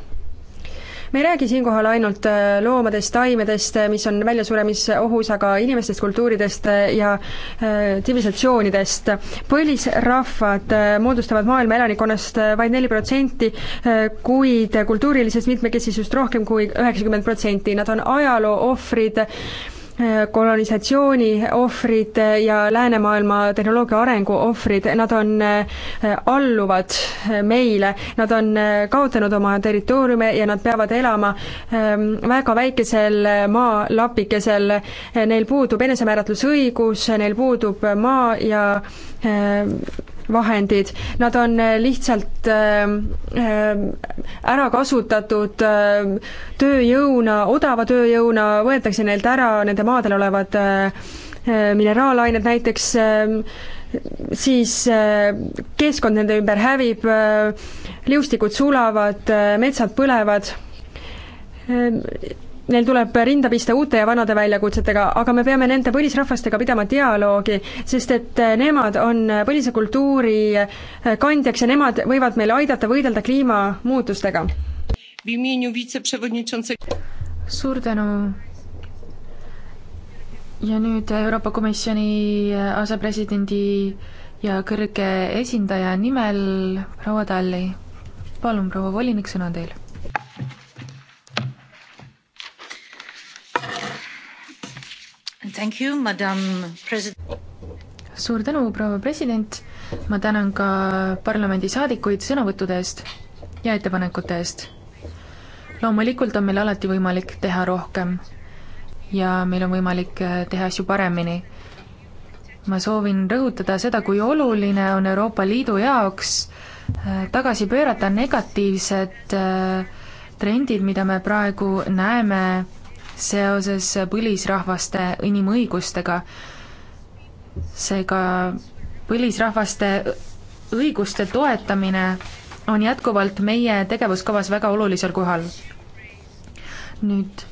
me ei räägi siinkohal ainult äh, loomadest, taimedest, äh, mis on väljasuremisohus, aga inimestest, kultuuridest ja tsivilisatsioonidest. põlisrahvad moodustavad maailma elanikkonnast vaid neli protsenti, kuid kultuurilisest mitmekesisust rohkem kui üheksakümmend protsenti, nad on ajaloo ohvrid kolonisatsiooni ohvrid ja läänemaailma tehnoloogia arengu ohvrid, nad on äh, alluvad äh, meile, nad on äh, kaotanud oma territooriume ja nad peavad elama ähm, väga väikesel maalapikesel, neil puudub enesemääratlusõigus, neil puudub maa ja vahendid, nad on äh, lihtsalt ähm, ähm, ära kasutatud ähm, tööjõuna, odava tööjõuna, võetakse neilt ära nende maadel olevad äh, äh, mineraalained näiteks, siis keskkond nende ümber hävib, liustikud sulavad, metsad põlevad, neil tuleb rinda pista uute ja vanade väljakutsetega, aga me peame nende põlisrahvastega pidama dialoogi, sest et eh, nemad on põlise kultuuri eh, kandjaks ja nemad võivad meil aidata võidelda kliimamuutustega. suur tänu. ja nüüd Euroopa Komisjoni eh, asepresidendi ja kõrge esindaja nimel proua Talli. palun, proua volinik, sõna on teil Thank you, madam president. suur tänu, proua president, ma tänan ka parlamendisaadikuid sõnavõttude eest ja ettepanekute eest. loomulikult on meil alati võimalik teha rohkem ja meil on võimalik eh, teha asju paremini. ma soovin rõhutada seda, kui oluline on Euroopa Liidu jaoks eh, tagasi pöörata negatiivsed eh, trendid, mida me praegu näeme seoses põlisrahvaste inimõigustega. seega põlisrahvaste õiguste toetamine on jätkuvalt meie tegevuskavas väga olulisel kohal. nüüd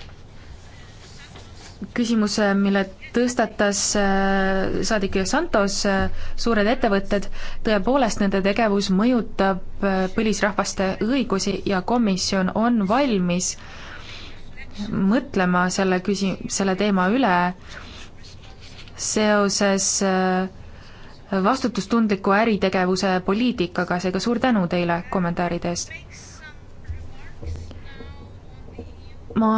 küsimus, mille tõstatas äh, saadik Santos, äh, suured ettevõtted, tõepoolest nende tegevus mõjutab äh, põlisrahvaste õigusi ja komisjon on valmis äh, mõtlema selle küsi-, selle teema üle seoses äh, vastutustundliku äritegevuse poliitikaga, seega suur tänu teile kommentaaride eest. ma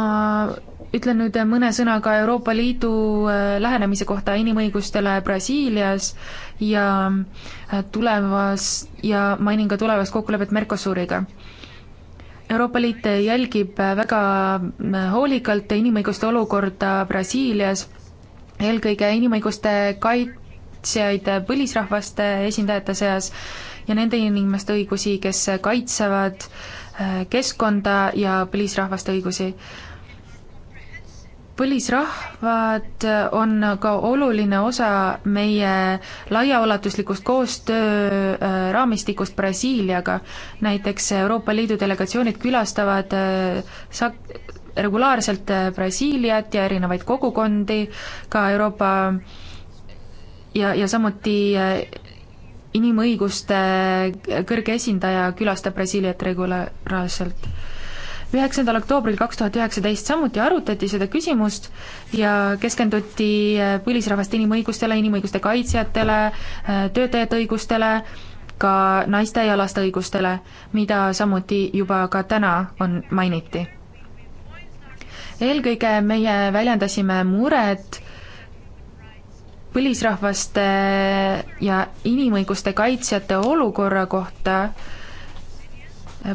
ütlen nüüd mõne sõnaga Euroopa Liidu äh, lähenemise kohta inimõigustele Brasiilias ja äh, tulevas ja mainin ka tulevast kokkulepet Mercosuriga. Euroopa Liit jälgib väga hoolikalt inimõiguste olukorda Brasiilias, eelkõige inimõiguste kaitsjaid põlisrahvaste esindajate seas ja nende inimeste õigusi, kes kaitsevad eh, keskkonda ja põlisrahvaste õigusi põlisrahvad on ka oluline osa meie laiaulatuslikust koostööraamistikust Brasiiliaga. näiteks Euroopa Liidu delegatsioonid külastavad äh, sak-, regulaarselt äh, Brasiiliat ja erinevaid kogukondi, ka Euroopa ja, ja samuti äh, inimõiguste kõrge esindaja külastab Brasiiliat regulaarselt üheksandal oktoobril kaks tuhat üheksateist samuti arutati seda küsimust ja keskenduti äh, põlisrahvaste inimõigustele, inimõiguste kaitsjatele, äh, töötajate õigustele, ka naiste ja laste õigustele, mida samuti juba ka täna on, mainiti. eelkõige meie väljendasime muret põlisrahvaste ja inimõiguste kaitsjate olukorra kohta,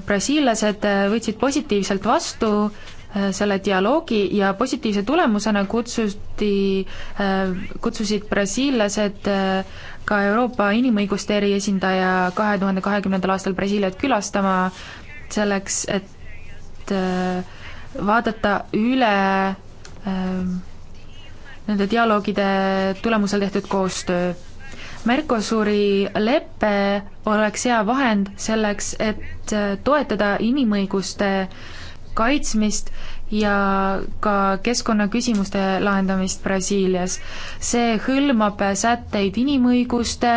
brasiillased äh, võtsid positiivselt vastu äh, selle dialoogi ja positiivse tulemusena kutsuti, äh, kutsusid brasiillased ka Euroopa inimõiguste eriesindaja kahe tuhande kahekümnendal aastal Brasiiliat külastama selleks, et vaadata üle nende dialoogide tulemusel tehtud koostöö Mercosuri lepe oleks hea vahend selleks, et äh, toetada inimõiguste kaitsmist ja ka keskkonnaküsimuste lahendamist Brasiilias. see hõlmab sätteid inimõiguste,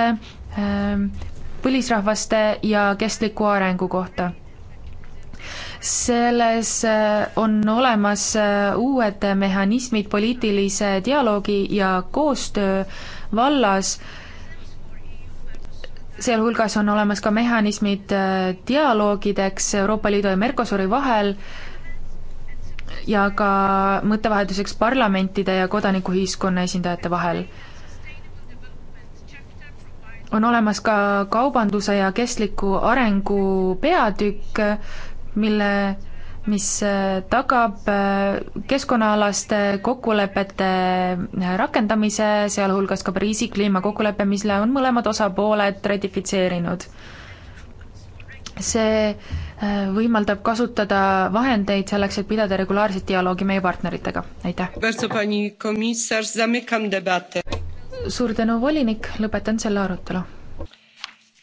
ähm, põlisrahvaste ja kestliku arengu kohta. selles äh, on olemas äh, uued mehhanismid poliitilise dialoogi ja koostöö vallas sealhulgas on olemas ka mehhanismid äh, dialoogideks Euroopa Liidu ja Mercosuri vahel ja ka mõttevahetuseks parlamentide ja kodanikuühiskonna esindajate vahel. on olemas ka kaubanduse ja kestliku arengu peatükk, mille mis äh, tagab äh, keskkonnaalaste äh, kokkulepete rakendamise, sealhulgas ka Pariisi kliimakokkulepe, mille on mõlemad osapooled ratifitseerinud. see võimaldab kasutada vahendeid selleks, et pidada regulaarset dialoogi meie partneritega, aitäh. suur tänu, volinik, lõpetan selle arutelu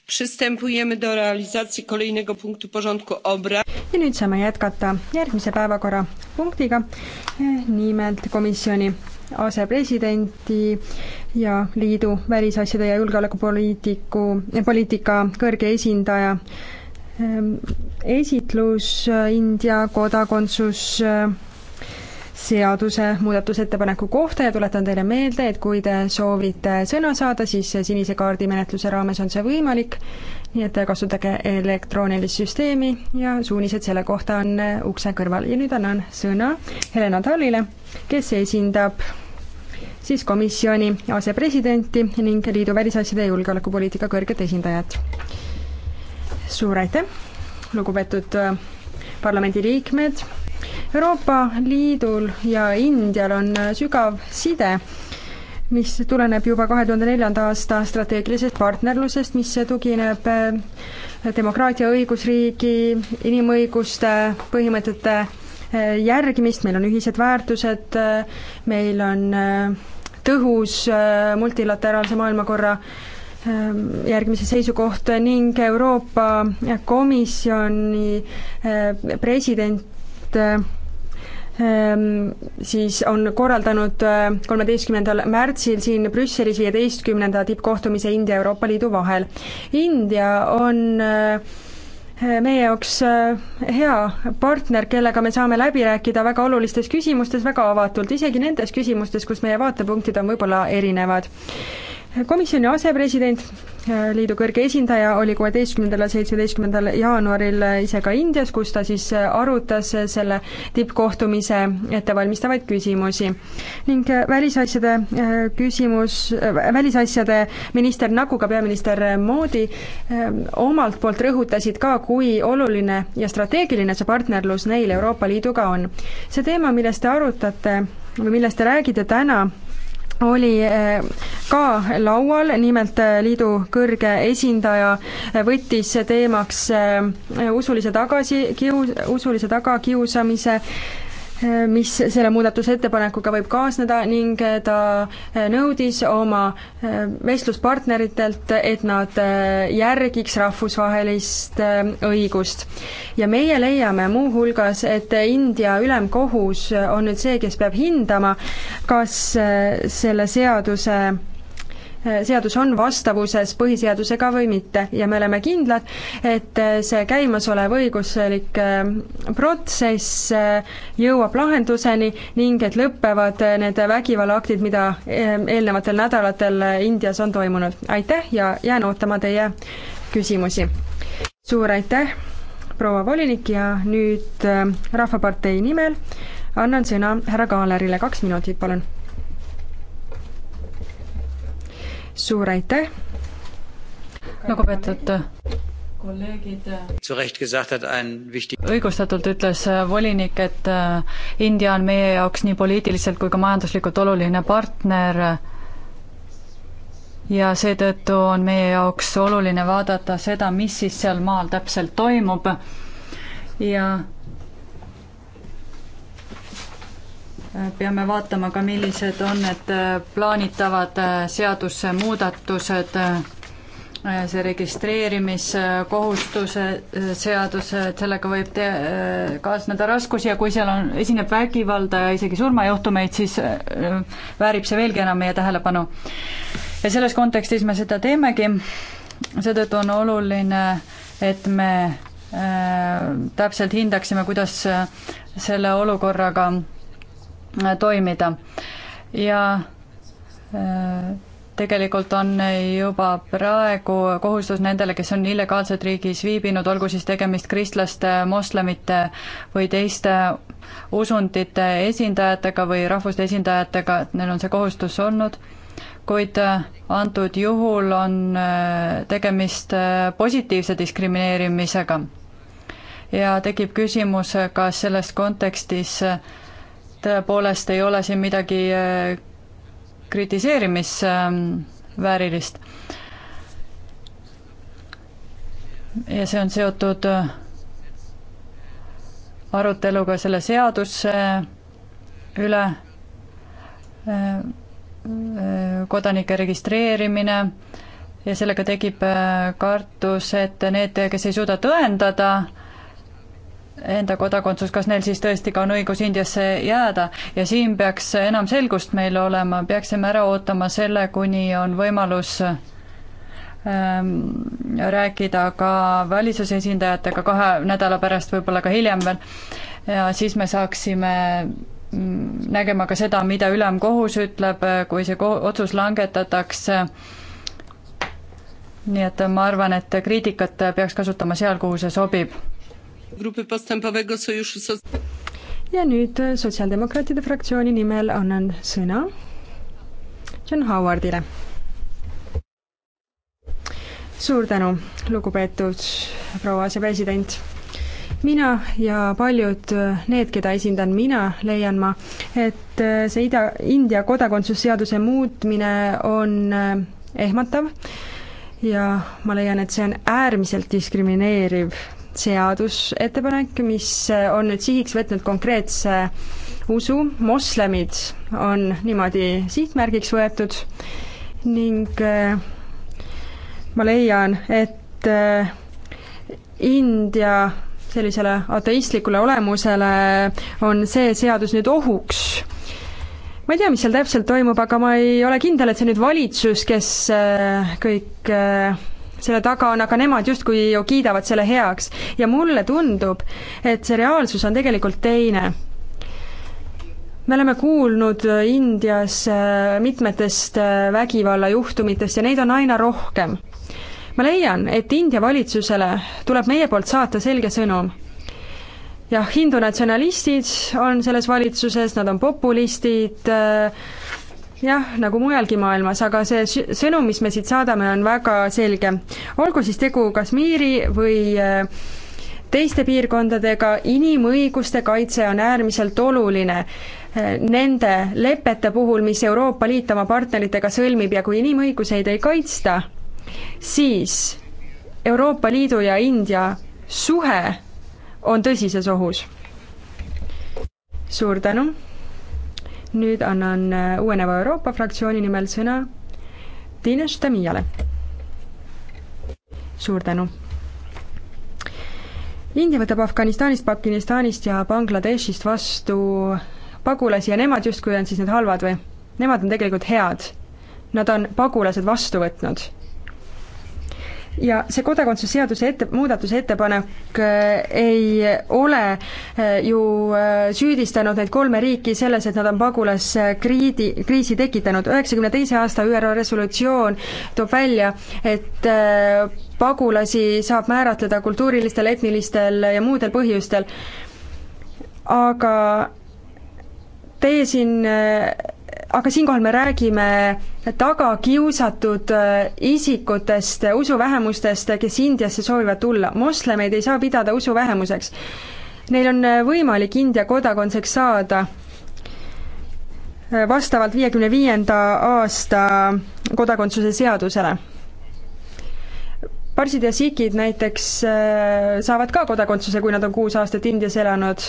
Przystępujemy do realizacji kolejnego punktu porządku obrad. ja nüüd saame jätkata järgmise päevakorrapunktiga, nimelt komisjoni asepresidenti ja liidu välisasjade ja julgeolekupoliitiku, poliitika kõrge esindaja ehm, esitlus India kodakondsus seaduse muudatusettepaneku kohta ja tuletan teile meelde, et kui te soovite sõna saada, siis sinise kaardi menetluse raames on see võimalik, nii et kasutage elektroonilist süsteemi ja suunised selle kohta on ukse kõrval. ja nüüd annan sõna Helena Tallile, kes esindab siis komisjoni asepresidenti ning liidu välisasjade ja julgeolekupoliitika kõrget esindajat. suur aitäh, lugupeetud äh, parlamendiliikmed Euroopa Liidul ja Indial on sügav side, mis tuleneb juba kahe tuhande neljanda aasta strateegilisest partnerlusest, mis tugineb eh, demokraatia, õigusriigi, inimõiguste põhimõtete eh, järgimist, meil on ühised väärtused, eh, meil on tõhus multilateraalse maailmakorra järgmise seisukoht ning Euroopa Komisjoni president et ähm, siis on korraldanud äh, kolmeteistkümnendal märtsil siin Brüsselis viieteistkümnenda tippkohtumise India ja Euroopa Liidu vahel. India on äh, meie jaoks äh, hea partner, kellega me saame läbi rääkida väga olulistes küsimustes väga avatult, isegi nendes küsimustes, kus meie vaatepunktid on võib-olla erinevad komisjoni asepresident, äh, liidu kõrge esindaja oli kuueteistkümnendal ja seitsmeteistkümnendal jaanuaril äh, ise ka Indias, kus ta siis äh, arutas selle tippkohtumise ettevalmistavaid küsimusi. ning välisasjade küsimus, välisasjade minister Nagu ka peaminister Moodi omalt poolt rõhutasid ka, kui oluline ja strateegiline see partnerlus neil Euroopa Liiduga on. see teema, millest te arutate või millest te räägite täna, oli eh, ka laual, nimelt eh, liidu kõrge esindaja eh, võttis teemaks usulise tagasi, kius-, usulise tagakiusamise mis selle muudatusettepanekuga võib kaasneda ning ta nõudis oma äh, vestluspartneritelt, et nad äh, järgiks rahvusvahelist äh, õigust. ja meie leiame muuhulgas, et India ülemkohus on nüüd see, kes peab hindama, kas selle seaduse seadus on vastavuses põhiseadusega või mitte ja me oleme kindlad, et äh, see käimasolev õiguslik äh, protsess äh, jõuab lahenduseni ning et lõpevad need vägivallaaktid, mida eelnevatel nädalatel Indias on toimunud. aitäh ja jään ootama teie küsimusi. suur aitäh, proua volinik ja nüüd Rahvapartei nimel annan sõna härra Kaalerile, kaks minutit, palun suur aitäh, lugupeetud kolleegid. Äh, õigustatult ütles äh, volinik, et äh, India on meie jaoks nii poliitiliselt kui ka majanduslikult oluline partner ja seetõttu on meie jaoks oluline vaadata seda, mis siis seal maal täpselt toimub ja peame vaatama ka, millised on need äh, plaanitavad äh, seadusemuudatused, äh, see registreerimiskohustuse seadus, et sellega võib te-, kaasneda raskusi ja kui seal on, esineb vägivalda ja isegi surmajuhtumeid, siis väärib see veelgi enam meie tähelepanu. ja selles kontekstis me seda teemegi, seetõttu on oluline, et me täpselt hindaksime, kuidas selle olukorraga toimida ja äh, tegelikult on juba praegu kohustus nendele, kes on illegaalselt riigis viibinud, olgu siis tegemist kristlaste, moslemite või teiste usundite esindajatega või rahvuste esindajatega, et neil on see kohustus olnud, kuid äh, antud juhul on äh, tegemist positiivse diskrimineerimisega. ja tekib küsimus, kas selles kontekstis äh, tõepoolest ei ole siin midagi äh, kritiseerimisväärilist. ja see on seotud äh, aruteluga selle seaduse äh, üle, kodanike registreerimine ja sellega tekib kartus, et need, kes ei suuda tõendada, enda kodakondsus, kas neil siis tõesti ka on õigus Indiasse jääda ja siin peaks enam selgust meil olema, peaksime ära ootama selle, kuni on võimalus ähm, rääkida ka valitsuse esindajatega kahe nädala pärast, võib-olla ka hiljem veel, ja siis me saaksime mm, nägema ka seda, mida ülemkohus ütleb, kui see ko-, otsus langetatakse, nii et ma arvan, et kriitikat peaks kasutama seal, kuhu see sobib ja nüüd Sotsiaaldemokraatide fraktsiooni nimel annan sõna John Howardile. suur tänu, lugupeetud proua asepresident mina ja paljud need, keda esindan mina, leian ma, et see Ida, India kodakondsusseaduse muutmine on ehmatav ja ma leian, et see on äärmiselt diskrimineeriv seadusettepanek, mis on nüüd sihiks võtnud konkreetse usu, moslemid on niimoodi sihtmärgiks võetud ning äh, ma leian, et äh, India sellisele ateistlikule olemusele on see seadus nüüd ohuks. ma ei tea, mis seal täpselt toimub, aga ma ei ole kindel, et see nüüd valitsus, kes äh, kõik selle taga on, aga nemad justkui ju kiidavad selle heaks. ja mulle tundub, et see reaalsus on tegelikult teine. me oleme kuulnud Indias äh, mitmetest äh, vägivallajuhtumitest ja neid on aina rohkem. ma leian, et India valitsusele tuleb meie poolt saata selge sõnum jah, hindunatsionalistid on selles valitsuses, nad on populistid äh,, jah, nagu mujalgi maailmas, aga see sõnum, mis me siit saadame, on väga selge. olgu siis tegu Kashmiri või äh, teiste piirkondadega, inimõiguste kaitse on äärmiselt oluline äh, nende lepete puhul, mis Euroopa Liit oma partneritega sõlmib ja kui inimõiguseid ei kaitsta, siis Euroopa Liidu ja India suhe on tõsises ohus. suur tänu! nüüd annan äh, Uueneva Euroopa fraktsiooni nimel sõna Tiina Štamijale. suur tänu! India võtab Afganistanist, Pakistanist ja Bangladeshist vastu pagulasi ja nemad justkui on siis need halvad või? Nemad on tegelikult head. Nad on pagulased vastu võtnud ja see kodakondsuse seaduse ette, muudatusettepanek äh, ei ole äh, ju äh, süüdistanud neid kolme riiki selles, et nad on pagulaskriidi, kriisi tekitanud. üheksakümne teise aasta ÜRO resolutsioon toob välja, et pagulasi saab määratleda kultuurilistel, etnilistel ja muudel põhjustel, aga teie siin aga siinkohal me räägime tagakiusatud äh, isikutest, äh, usuvähemustest, äh, kes Indiasse soovivad tulla. moslemeid ei saa pidada usuvähemuseks. Neil on võimalik India kodakondseks saada vastavalt viiekümne viienda aasta kodakondsuse seadusele parsid ja sikid näiteks saavad ka kodakondsuse, kui nad on kuus aastat Indias elanud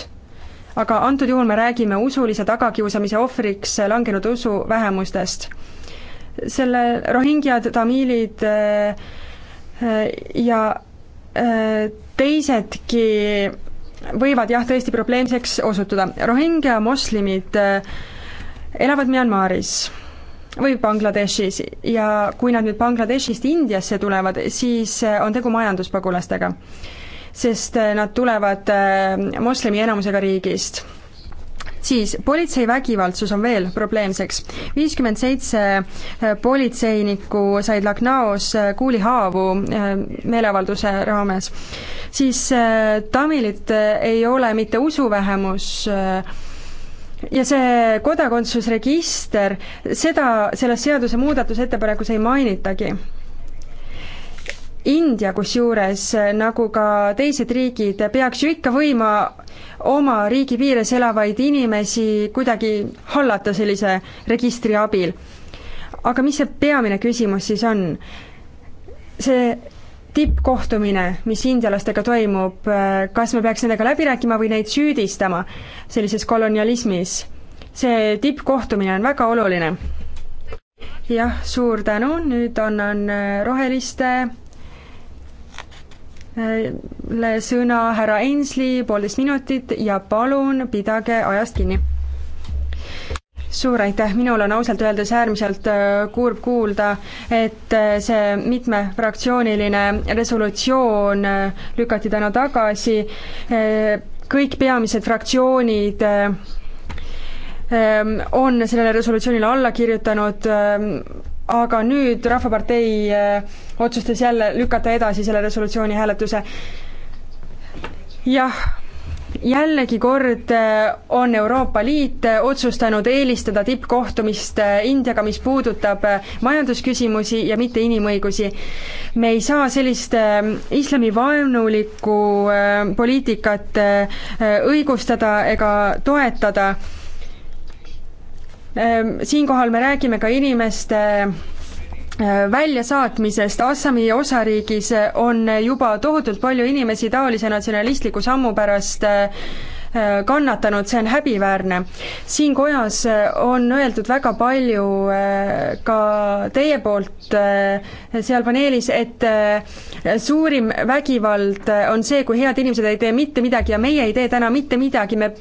aga antud juhul me räägime usulise tagakiusamise ohvriks langenud usuvähemustest. selle rohingjad, tamiilid äh, ja äh, teisedki võivad jah, tõesti probleemseks osutuda. Rohingja moslemid äh, elavad Myanmaris või Bangladeshis ja kui nad nüüd Bangladeshist Indiasse tulevad, siis on tegu majanduspagulastega sest äh, nad tulevad äh, moslemi enamusega riigist siis politsei vägivaldsus on veel probleemseks. viiskümmend seitse äh, politseinikku said Lagnaos kuulihaavu meeleavalduse raames. siis tamilid ei ole mitte usuvähemus, ja see kodakondsusregister, seda selles seaduse muudatusettepanekus ei mainitagi India kusjuures, nagu ka teised riigid, peaks ju ikka võima oma riigi piires elavaid inimesi kuidagi hallata sellise registri abil. aga mis see peamine küsimus siis on? see tippkohtumine, mis indialastega toimub, kas me peaks nendega läbi rääkima või neid süüdistama sellises kolonialismis? see tippkohtumine on väga oluline. jah, suur tänu, nüüd annan Roheliste Äh, sõna härra Ainsli, poolteist minutit ja palun pidage ajast kinni suur aitäh, minul on ausalt öeldes äärmiselt äh, kurb kuulda, et äh, see mitmefraktsiooniline resolutsioon lükati täna tagasi, kõik peamised fraktsioonid ähm, on sellele resolutsioonile alla kirjutanud ähm, aga nüüd Rahvapartei äh, otsustas jälle lükata edasi selle resolutsiooni hääletuse. jah, jällegi kord äh, on Euroopa Liit äh, otsustanud eelistada tippkohtumist Indiaga, mis puudutab majandusküsimusi ja mitte inimõigusi. me ei saa sellist islamivaenulikku poliitikat õigustada ega toetada Ehm, siinkohal me räägime ka inimeste ehm, väljasaatmisest, Assami osariigis eh, on juba tohutult palju inimesi taolise natsionalistliku sammu pärast eh, eh, kannatanud, see on häbiväärne. siin kojas on öeldud väga palju ka teie poolt seal paneelis, et suurim vägivald on see, kui head inimesed ei tee mitte midagi ja meie ei tee täna mitte midagi, me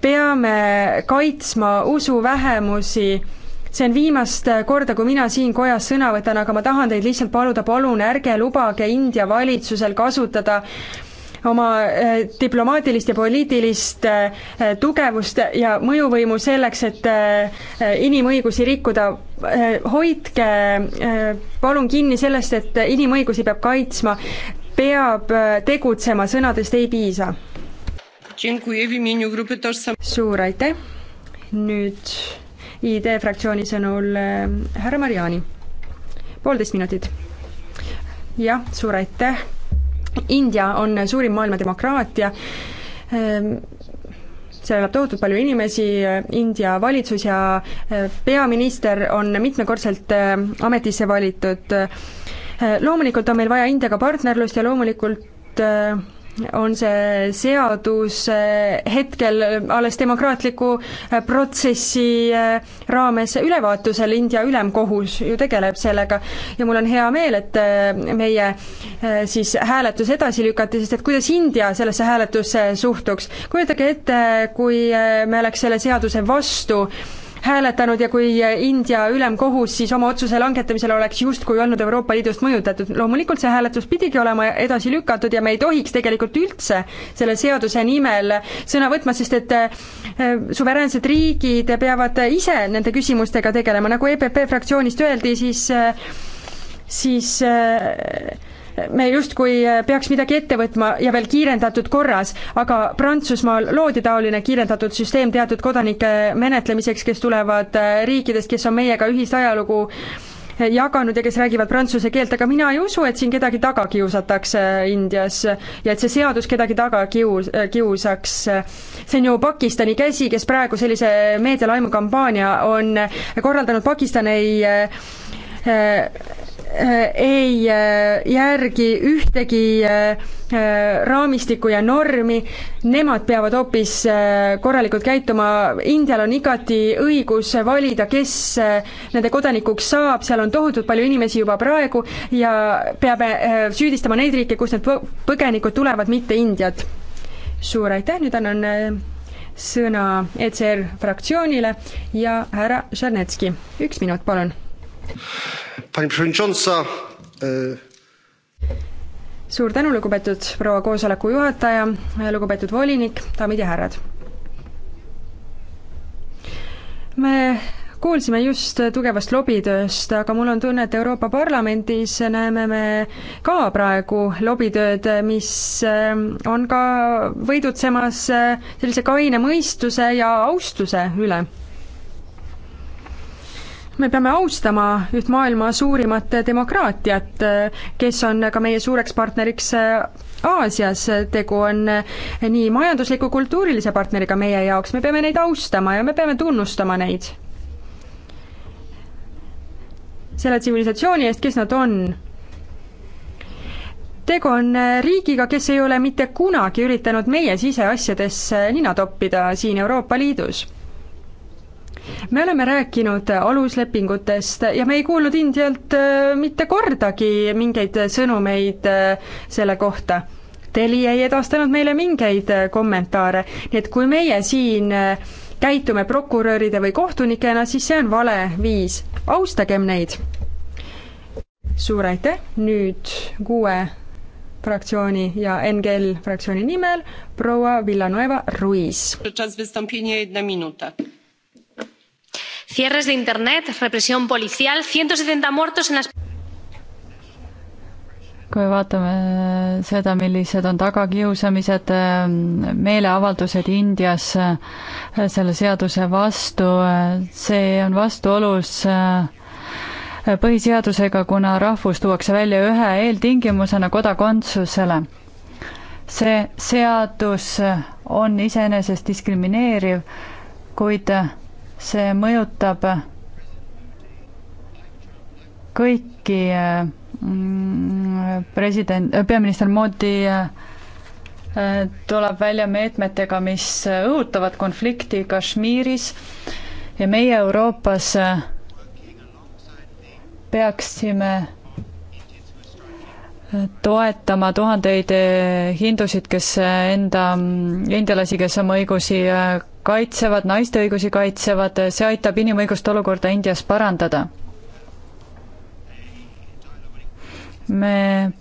peame kaitsma usuvähemusi, see on viimast korda, kui mina siin kojas sõna võtan, aga ma tahan teid lihtsalt paluda, palun ärge lubage India valitsusel kasutada oma eh, diplomaatilist ja poliitilist eh, tugevust ja mõjuvõimu selleks, et eh, inimõigusi rikkuda. hoidke palun kinni sellest, et inimõigusi peab kaitsma, peab tegutsema, sõnadest ei piisa suur aitäh, nüüd ID fraktsiooni sõnul eh, härra Mariani, poolteist minutit. jah, suur aitäh, India on suurim maailma demokraatia, ehm, seal elab tohutult palju inimesi, India valitsus ja eh, peaminister on mitmekordselt eh, ametisse valitud. loomulikult on meil vaja Indiaga partnerlust ja loomulikult on see seadus eh, hetkel alles demokraatliku eh, protsessi eh, raames ülevaatusel, India ülemkohus ju tegeleb sellega. ja mul on hea meel, et meie siis hääletus edasi lükati, sest et kuidas India sellesse hääletusse suhtuks. kujutage ette, kui me oleks selle seaduse vastu hääletanud ja kui India ülemkohus siis oma otsuse langetamisel oleks justkui olnud Euroopa Liidust mõjutatud. loomulikult see hääletus pidigi olema edasi lükatud ja me ei tohiks tegelikult üldse selle seaduse nimel sõna võtma, sest et eh, suveräänsed riigid peavad ise nende küsimustega tegelema, nagu EPP fraktsioonist öeldi, siis eh, siis äh, me justkui äh, peaks midagi ette võtma ja veel kiirendatud korras, aga Prantsusmaal loodi taoline kiirendatud süsteem teatud kodanike menetlemiseks, kes tulevad äh, riikidest, kes on meiega ühist ajalugu äh, jaganud ja kes räägivad prantsuse keelt, aga mina ei usu, et siin kedagi taga kiusatakse Indias ja et see seadus kedagi taga kius-, kiusaks. see on ju Pakistani käsi, kes praegu sellise meedialaimukampaania on korraldanud, Pakistan ei Äh, ei äh, järgi ühtegi äh, raamistikku ja normi, nemad peavad hoopis korralikult käituma, Indial on igati õigus valida, kes nende kodanikuks saab, seal on tohutult palju inimesi juba praegu ja peame süüdistama neid riike, kust need põgenikud tulevad, mitte Indiat. suur aitäh, nüüd annan sõna ECR fraktsioonile ja härra Žernetski, üks minut, palun E, suur tänu, lugupeetud proua koosoleku juhataja, lugupeetud volinik, daamid ja härrad. me kuulsime just tugevast lobitööst, aga mul on tunne, et Euroopa Parlamendis näeme me ka praegu lobitööd, mis eh, on ka võidutsemas eh, sellise kaine mõistuse ja austuse üle me peame austama üht maailma suurimat demokraatiat, kes on ka meie suureks partneriks Aasias, tegu on nii majandusliku, kultuurilise partneriga meie jaoks, me peame neid austama ja me peame tunnustama neid. selle tsivilisatsiooni eest, kes nad on tegu on riigiga, kes ei ole mitte kunagi üritanud meie siseasjadesse nina toppida siin Euroopa Liidus me oleme rääkinud aluslepingutest ja me ei kuulnud Indialt äh, mitte kordagi mingeid sõnumeid äh, selle kohta. Teli ei edastanud meile mingeid äh, kommentaare, nii et kui meie siin käitume prokuröride või kohtunikena, siis see on vale viis, austagem neid. suur aitäh, nüüd kuue fraktsiooni ja NGL fraktsiooni nimel proua Villanueva Ruiz cierres de internet represión policial ciento setenta muertos en las kui me vaatame äh, seda, millised on tagakiusamised, ähm, meeleavaldused Indias äh, selle seaduse vastu, äh, see on vastuolus põhiseadusega, kuna rahvus tuuakse välja ühe eeltingimusena kodakondsusele. see seadus on iseenesest diskrimineeriv, kuid see mõjutab kõiki mm, president, peaminister Modi tuleb välja meetmetega, mis õhutavad konflikti Kashmiris ja meie Euroopas peaksime toetama tuhandeid eh, hindusid, kes eh, enda, mm, indialasi, kes oma õigusi eh, kaitsevad, naiste õigusi kaitsevad, see aitab inimõiguste olukorda Indias parandada. me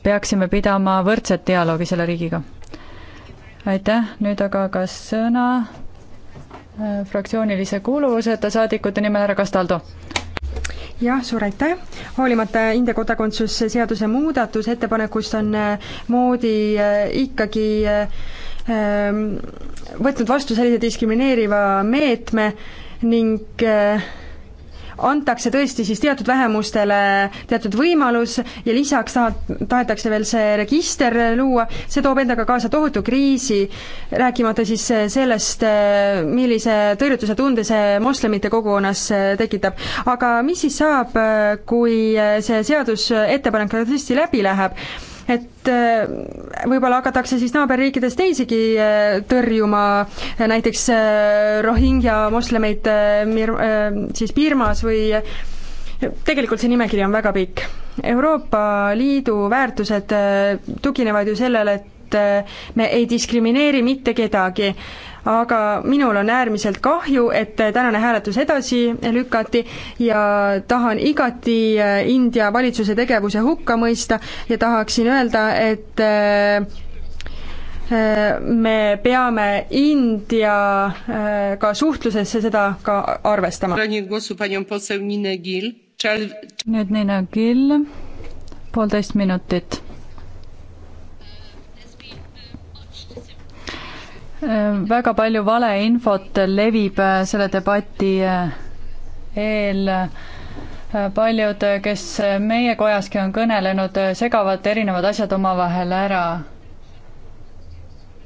peaksime pidama võrdset dialoogi selle riigiga. aitäh, nüüd aga kas sõna Äh, fraktsioonilise kuuluvuseta saadikute nimel härra Castaldo jah, suur aitäh! hoolimata India kodakondsuse seaduse muudatusettepanekust on äh, moodi äh, ikkagi ähm, võtnud vastu sellise diskrimineeriva meetme ning äh, antakse tõesti siis teatud vähemustele teatud võimalus ja lisaks taha, tahetakse veel see register luua, see toob endaga kaasa tohutu kriisi, rääkimata siis sellest, millise tõrjutuse tunde see moslemite kogukonnas tekitab. aga mis siis saab, kui see seaduseettepanek tõesti läbi läheb? et äh, võib-olla hakatakse siis naaberriikides teisigi äh, tõrjuma, äh, näiteks Rohingja moslemeid Mir-, siis Birmas või tegelikult see nimekiri on väga pikk. Euroopa Liidu väärtused tuginevad ju sellele, et me ei diskrimineeri mitte kedagi aga minul on äärmiselt kahju, et tänane hääletus edasi lükati ja tahan igati äh, India valitsuse tegevuse hukka mõista ja tahaksin öelda, et äh, äh, me peame Indiaga suhtlusesse seda ka arvestama. nüüd Nina Gill, poolteist minutit väga palju valeinfot levib äh, selle debati äh, eel. Äh, paljud, kes meie kojaski on kõnelenud, segavad erinevad asjad omavahel ära.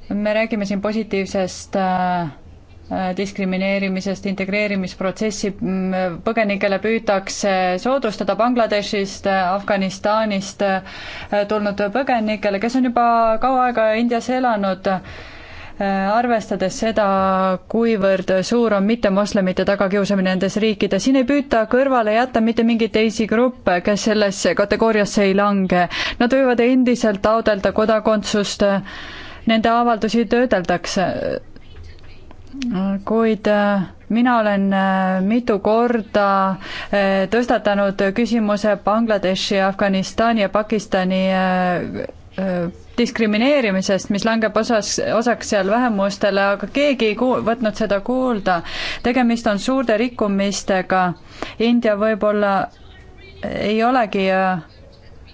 me räägime siin positiivsest diskrimineerimisest, integreerimisprotsessi mm, põgenikele püütakse soodustada Bangladeshist, Afganistanist tulnud põgenikele, kes on juba kaua aega Indias elanud Äh, arvestades seda, kuivõrd suur on mittemoslemite tagakiusamine nendes riikides, siin ei püüta kõrvale jätta mitte mingeid teisi gruppe, kes sellesse kategooriasse ei lange. Nad võivad endiselt taotleda kodakondsust, nende avaldusi töödeldakse. kuid äh, mina olen äh, mitu korda tõstatanud küsimuse Bangladeshi, Afganistani ja Pakistani diskrimineerimisest, mis langeb osas, osaks seal vähemustele, aga keegi ei kuul-, võtnud seda kuulda. tegemist on suurte rikkumistega. India võib-olla ei olegi äh,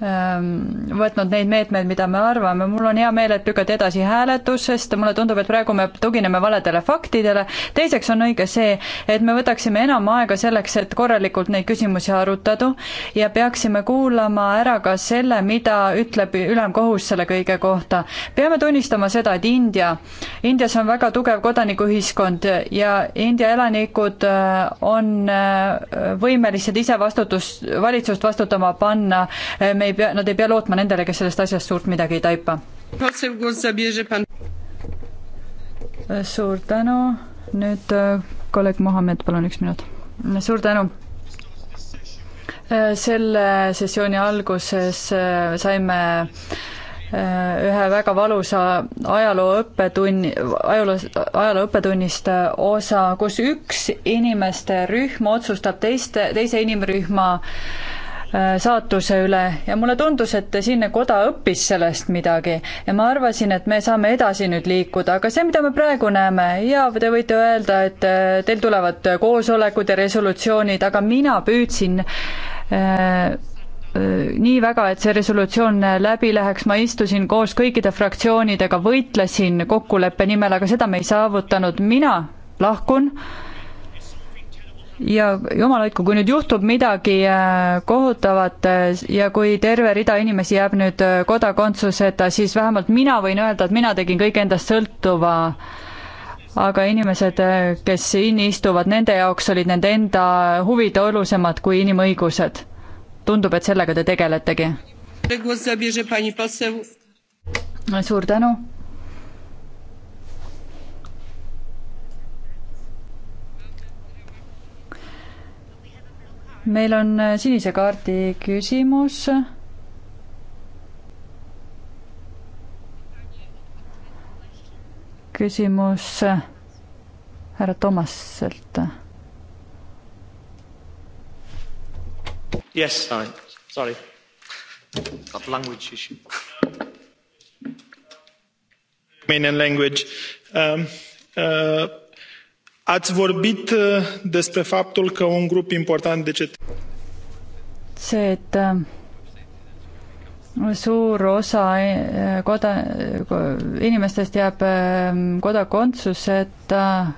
Ehm, võtnud neid meetmeid, mida me arvame, mul on hea meel, et lükati edasi hääletus, sest mulle tundub, et praegu me tugineme valedele faktidele, teiseks on õige see, et me võtaksime enam aega selleks, et korralikult neid küsimusi arutada ja peaksime kuulama ära ka selle, mida ütleb ülemkohus selle kõige kohta. peame tunnistama seda, et India, Indias on väga tugev kodanikuühiskond ja India elanikud äh, on äh, võimelised ise vastutust, valitsust vastutama panna äh, me me ei pea, nad ei pea lootma nendele, kes sellest asjast suurt midagi ei taipa. suur tänu, nüüd äh, kolleeg Mohammed, palun üks minut. suur tänu äh, selle sessiooni alguses äh, saime ühe väga valusa ajaloo õppetunni, ajaloo, ajaloo õppetunnist osa, kus üks inimeste rühm otsustab teiste, teise inimrühma äh, Äh, saatuse üle ja mulle tundus, et siinne nagu koda õppis sellest midagi ja ma arvasin, et me saame edasi nüüd liikuda, aga see, mida me praegu näeme, jaa, te võite öelda, et äh, teil tulevad koosolekud ja resolutsioonid, aga mina püüdsin äh, äh, nii väga, et see resolutsioon läbi läheks, ma istusin koos kõikide fraktsioonidega, võitlesin kokkuleppe nimel, aga seda me ei saavutanud, mina lahkun äh, ja jumal hoidku, kui nüüd juhtub midagi äh, kohutavat äh, ja kui terve rida inimesi jääb nüüd äh, kodakondsuseta, siis vähemalt mina võin öelda, et mina tegin kõik endast sõltuva aga inimesed, kes siin istuvad, nende jaoks olid nende enda huvid olulisemad kui inimõigused. tundub, et sellega te tegeletegi. suur tänu meil on äh, sinise kaardi küsimus. küsimus äh, härra Tomaselt. Yes, sorry, sorry, got language issue. Romanian language um,. Uh, ați vorbit uh, despre faptul că un grup important de cetățeni see, et uh, suur osa uh, koda-, inimestest jääb um, kodakondsuseta,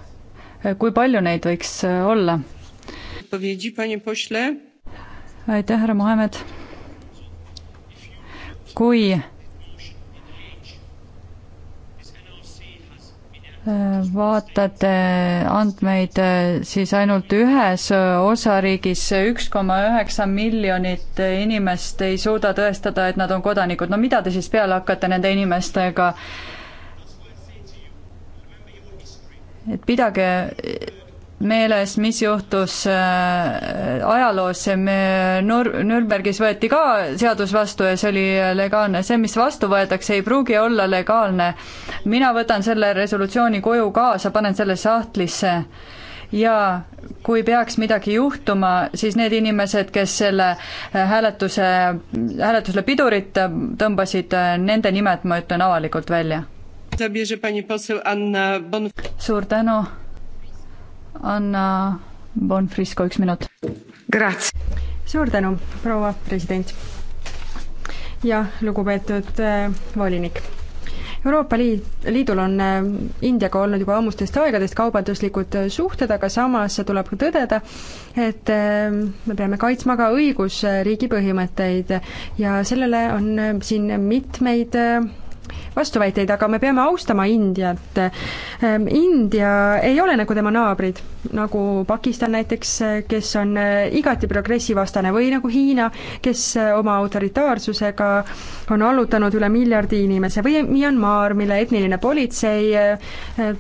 kui palju neid võiks olla? aitäh, härra Mohamed. kui vaatate andmeid siis ainult ühes osariigis, üks koma üheksa miljonit inimest ei suuda tõestada, et nad on kodanikud, no mida te siis peale hakkate nende inimestega? et pidage meeles, mis juhtus äh, ajaloos, me Nür-, Nürnbergis võeti ka seadus vastu ja see oli legaalne, see, mis vastu võetakse, ei pruugi olla legaalne. mina võtan selle resolutsiooni koju kaasa, panen selle sahtlisse ja kui peaks midagi juhtuma, siis need inimesed, kes selle äh, hääletuse, hääletusele pidurit tõmbasid, äh, nende nimed ma ütlen avalikult välja. suur tänu Anna Bonfrisco, üks minut. suur tänu, proua president. ja lugupeetud äh, volinik Euroopa Liit, Liidul on äh, Indiaga olnud juba ammustest aegadest kaubanduslikud äh, suhted, aga samas tuleb ka tõdeda, et me peame kaitsma ka õigusriigi põhimõtteid ja sellele on siin mitmeid vastuväiteid, aga me peame austama Indiat. Ehm, India ei ole nagu tema naabrid, nagu Pakistan näiteks, kes on eh, igati progressivastane, või nagu Hiina, kes eh, oma autoritaarsusega on allutanud üle miljardi inimese, või Myanmar, mille etniline politsei eh,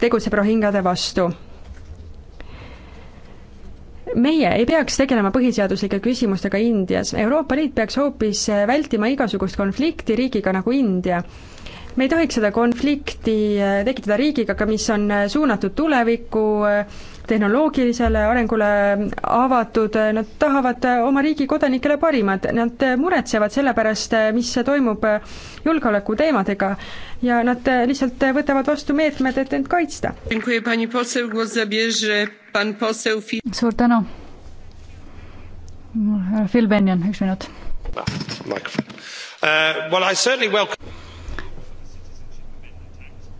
tegutseb rohingade vastu meie ei peaks tegelema põhiseaduslike küsimustega Indias, Euroopa Liit peaks hoopis vältima igasugust konflikti riigiga nagu India me ei tohiks seda konflikti äh, tekitada riigiga, aga mis on äh, suunatud tulevikku, äh, tehnoloogilisele arengule avatud, nad tahavad oma riigi kodanikele parimat, nad muretsevad selle pärast, mis toimub julgeoleku teemadega ja nad lihtsalt võtavad vastu meetmed, et end kaitsta. suur tänu. Phil Benjon, üks minut. Ah, Mikrofon. Uh, well, I certainly welcome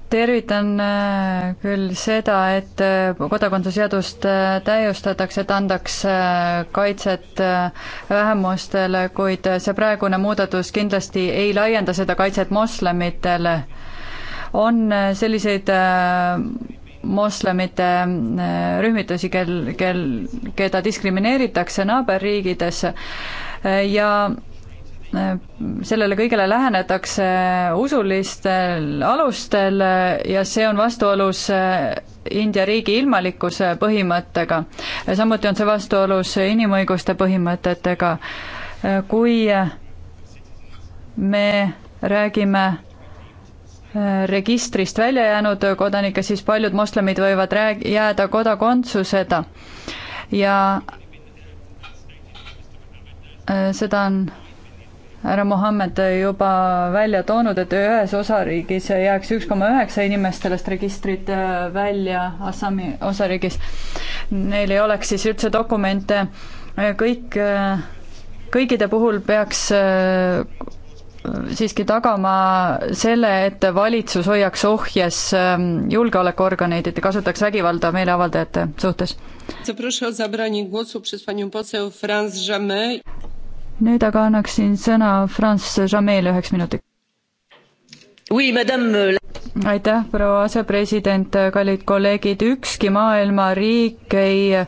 tervitan äh, küll seda, et äh, kodakondsuse seadust äh, täiustatakse, et andaks kaitset vähemustele, kuid see praegune muudatus kindlasti ei laienda seda kaitset moslemitele. on selliseid moslemite rühmitusi, kel, kel, keda diskrimineeritakse naaberriigides ja sellele kõigele lähenetakse usulistel alustel ja see on vastuolus äh, India riigi ilmalikkuse põhimõttega. samuti on see vastuolus inimõiguste põhimõtetega. Äh, kui äh, me räägime registrist välja jäänud kodanikke, siis paljud moslemid võivad rääg-, jääda kodakondsuseta ja seda on härra Mohammed juba välja toonud, et ühes osariigis jääks üks koma üheksa inimest sellest registrit äh, välja Assami osariigis. Neil ei oleks siis üldse dokumente, kõik, äh, kõikide puhul peaks äh, siiski tagama selle, et valitsus hoiaks ohjes ähm, julgeolekuorganeid, et ei kasutaks vägivalda meeleavaldajate suhtes nüüd aga annaksin sõna Franz Jamele üheks minutiks. Oui, madame aitäh, proua asepresident, kallid kolleegid, ükski maailma riik ei äh,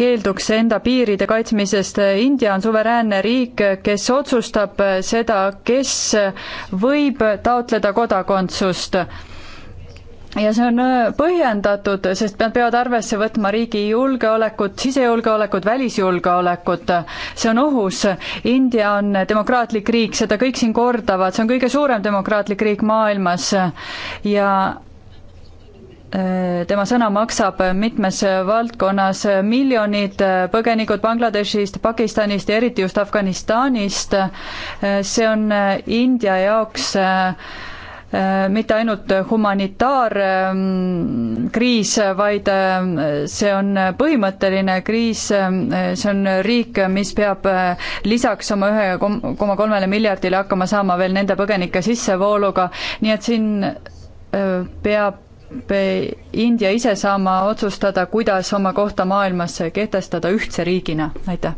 keelduks enda piiride kaitsmisest. India on suveräänne riik, kes otsustab seda, kes võib taotleda kodakondsust ja see on äh, põhjendatud, sest nad peavad arvesse võtma riigi julgeolekut, sisejulgeolekut, välisjulgeolekut. see on ohus. India on demokraatlik riik, seda kõik siin kordavad, see on kõige suurem demokraatlik riik maailmas ja äh, tema sõna maksab mitmes valdkonnas miljonid äh, põgenikud Bangladeshist, Pakistanist ja eriti just Afganistanist. see on India jaoks Äh, mitte ainult humanitaarkriis, vaid äh, see on põhimõtteline kriis, äh, see on riik, mis peab lisaks oma ühe koma kolmele miljardile hakkama saama veel nende põgenike sissevooluga, nii et siin peab India ise saama otsustada, kuidas oma kohta maailmas kehtestada ühtse riigina, aitäh.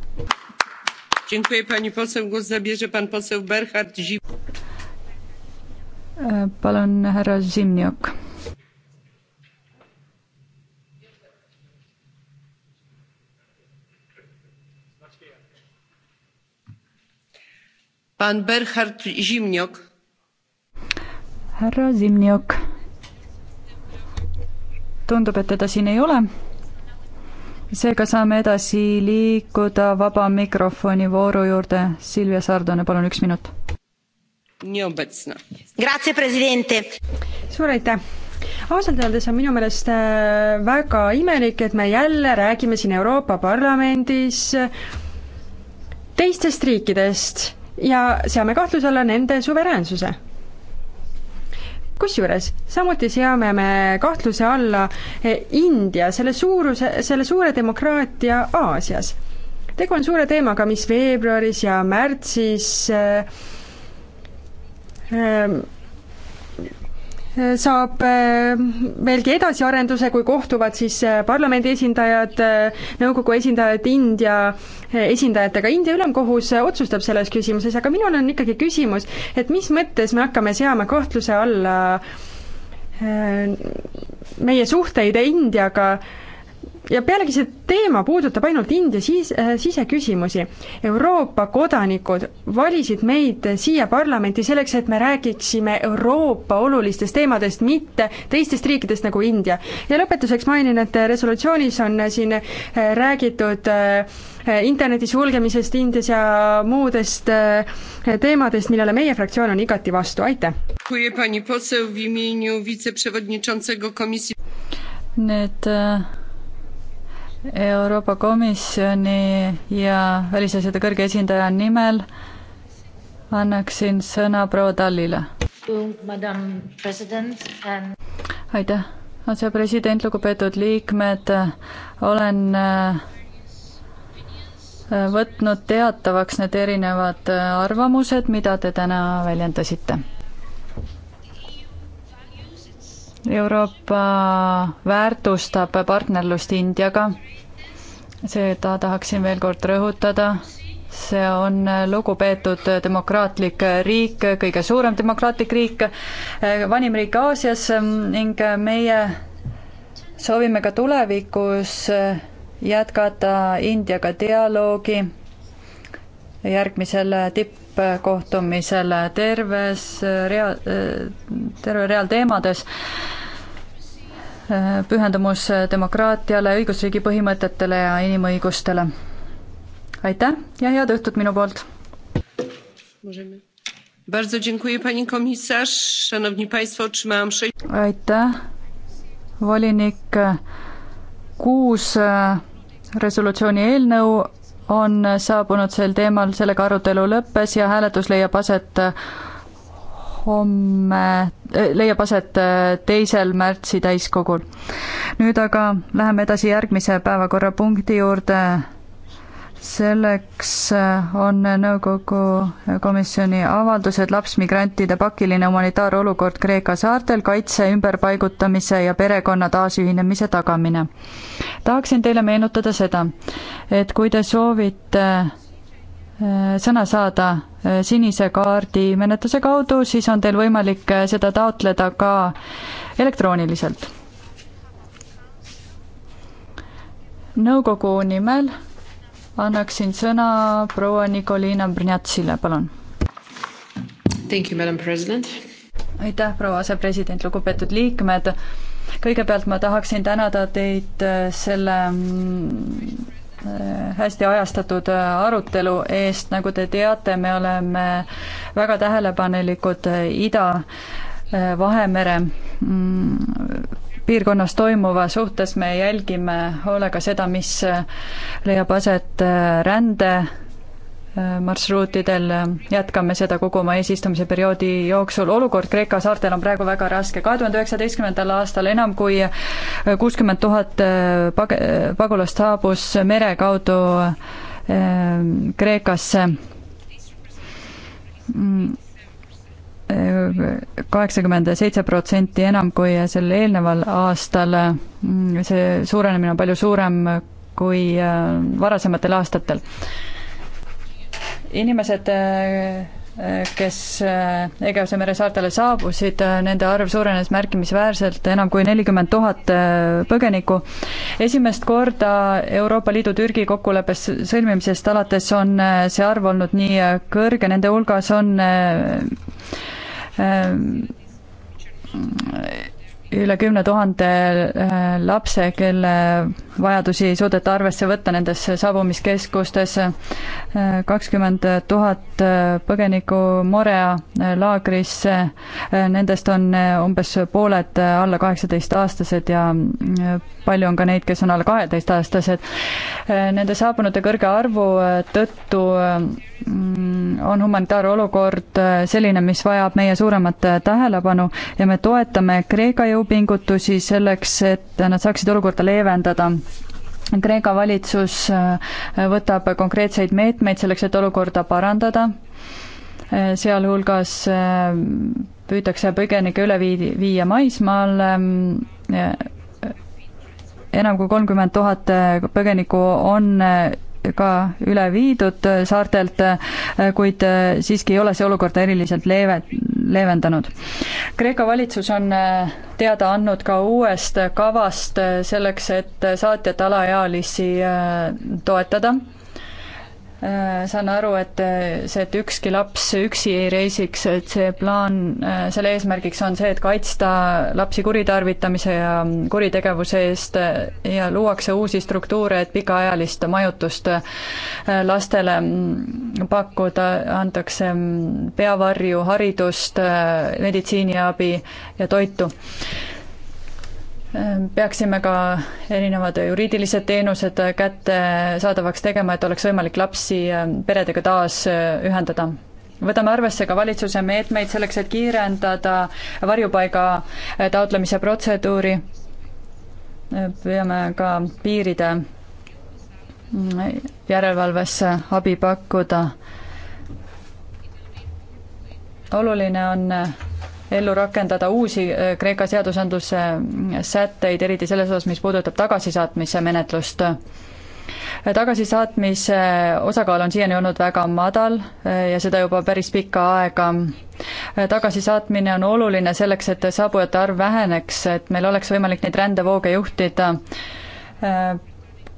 Äh, palun, härra Zimniok. pan Berhard Zimniok. härra Zimniok. tundub, et teda siin ei ole. seega saame edasi liikuda vaba mikrofoni vooru juurde. Silvia Sardone, palun üks minut suur aitäh! ausalt öeldes on minu meelest äh, väga imelik, et me jälle räägime siin Euroopa Parlamendis teistest riikidest ja seame kahtluse alla nende suveräänsuse. kusjuures samuti seame me kahtluse alla eh, India, selle suuruse, selle suure demokraatia Aasias. tegu on suure teemaga, mis veebruaris ja märtsis äh, Ehm, saab ehm, veelgi edasiarenduse, kui kohtuvad siis eh, parlamendi esindajad, eh, nõukogu esindajad, India eh, esindajatega, India ülemkohus otsustab selles küsimuses, aga minul on ikkagi küsimus, et mis mõttes me hakkame seama kahtluse alla meie suhteid Indiaga, ja pealegi see teema puudutab ainult India sis-, äh, siseküsimusi. Euroopa kodanikud valisid meid siia parlamenti selleks, et me räägiksime Euroopa olulistest teemadest, mitte teistest riikidest nagu India. ja lõpetuseks mainin, et resolutsioonis on siin äh, räägitud äh, interneti sulgemisest Indias ja muudest teemadest, millele meie fraktsioon on igati vastu, aitäh! Need Euroopa Komisjoni ja välisasjade kõrge esindaja nimel annaksin sõna proua Tallile. aitäh, asepresident, lugupeetud liikmed, olen äh, võtnud teatavaks need erinevad äh, arvamused, mida te täna väljendasite Euroopa väärtustab partnerlust Indiaga. seda tahaksin veel kord rõhutada. see on lugupeetud demokraatlik riik, kõige suurem demokraatlik riik, vanim riik Aasias ning meie soovime ka tulevikus jätkata Indiaga dialoogi järgmisel tipp-, tippkohtumisel terves rea-, terve real teemades, pühendumus demokraatiale, õigusriigi põhimõtetele ja inimõigustele. aitäh ja head õhtut minu poolt! aitäh, volinik, kuus e, resolutsiooni eelnõu on saabunud sel teemal, sellega arutelu lõppes ja hääletus leiab aset homme, eh, leiab aset eh, teisel märtsi täiskogul. nüüd aga läheme edasi järgmise päevakorrapunkti juurde selleks äh, on nõukogu komisjoni avaldus, et lapsmigrantide pakiline humanitaarolukord Kreeka saartel, kaitse, ümberpaigutamise ja perekonna taasühinemise tagamine. tahaksin teile meenutada seda, et kui te soovite äh, sõna saada äh, sinise kaardi menetluse kaudu, siis on teil võimalik seda taotleda ka elektrooniliselt. nõukogu nimel annaksin sõna proua Nikolina Brnjatsile, palun. Thank you, madam president. aitäh, proua asepresident, lugupeetud liikmed. kõigepealt ma tahaksin tänada teid äh, selle äh, hästi ajastatud äh, arutelu eest, nagu te teate, me oleme väga tähelepanelikud Ida Vahemere mm, piirkonnas toimuva suhtes me jälgime hoolega seda, mis äh, leiab aset äh, rände äh, marsruutidel, jätkame seda kogu oma eesistumise perioodi jooksul, olukord Kreeka saartel on praegu väga raske, kahe tuhande üheksateistkümnendal aastal enam kui kuuskümmend tuhat pag-, pagulast saabus mere kaudu Kreekasse mm kaheksakümmend seitse protsenti enam kui sel eelneval aastal. see suurenemine on palju suurem kui äh, varasematel aastatel. inimesed, äh, kes äh, Egeuse mere saartele saabusid, nende arv suurenes märkimisväärselt, enam kui nelikümmend tuhat põgenikku. esimest korda Euroopa Liidu-Türgi kokkuleppe sõlmimisest alates on see arv olnud nii kõrge, nende hulgas on ähm, üle kümne tuhande äh, lapse, kelle vajadusi ei suudeta arvesse võtta nendes saabumiskeskustes. Äh, kakskümmend tuhat äh, põgenikku Morea laagrisse, nendest on umbes pooled alla kaheksateistaastased ja palju on ka neid, kes on alla kaheteistaastased. Nende saabunute kõrge arvu tõttu on humanitaarolukord selline, mis vajab meie suuremat tähelepanu ja me toetame Kreeka jõudu, jõupingutusi selleks, et nad saaksid olukorda leevendada. Kreeka valitsus äh, võtab konkreetseid meetmeid selleks, et olukorda parandada, äh, sealhulgas äh, püütakse põgenikke üle vii-, viia maismaale, enam kui kolmkümmend tuhat põgenikku on ka üle viidud saartelt, kuid siiski ei ole see olukorda eriliselt leeve, leevendanud. Kreeka valitsus on teada andnud ka uuest kavast selleks, et saatjate alaealisi toetada Äh, saan aru, et äh, see, et ükski laps üksi ei reisiks, et see plaan, äh, selle eesmärgiks on see, et kaitsta lapsi kuritarvitamise ja mm, kuritegevuse eest ja luuakse uusi struktuure, et pikaajalist majutust lastele mm, pakkuda, antakse mm, peavarju, haridust, meditsiiniabi ja toitu Ehm, peaksime ka erinevad juriidilised teenused kättesaadavaks tegema, et oleks võimalik lapsi ehm, peredega taas ehm, ühendada võtame arvesse ka valitsuse meetmeid selleks, et kiirendada varjupaiga eh, taotlemise protseduuri. püüame ka piiride mm, järelevalvesse abi pakkuda. oluline on eh, ellu rakendada uusi äh, Kreeka seadusandluse äh, sätteid, eriti selles osas, mis puudutab tagasisaatmise menetlust. Äh, tagasisaatmise osakaal on siiani olnud väga madal ja seda juba päris pikka aega. tagasisaatmine on oluline selleks, et saabujate arv väheneks, et meil oleks võimalik neid rändevooge juhtida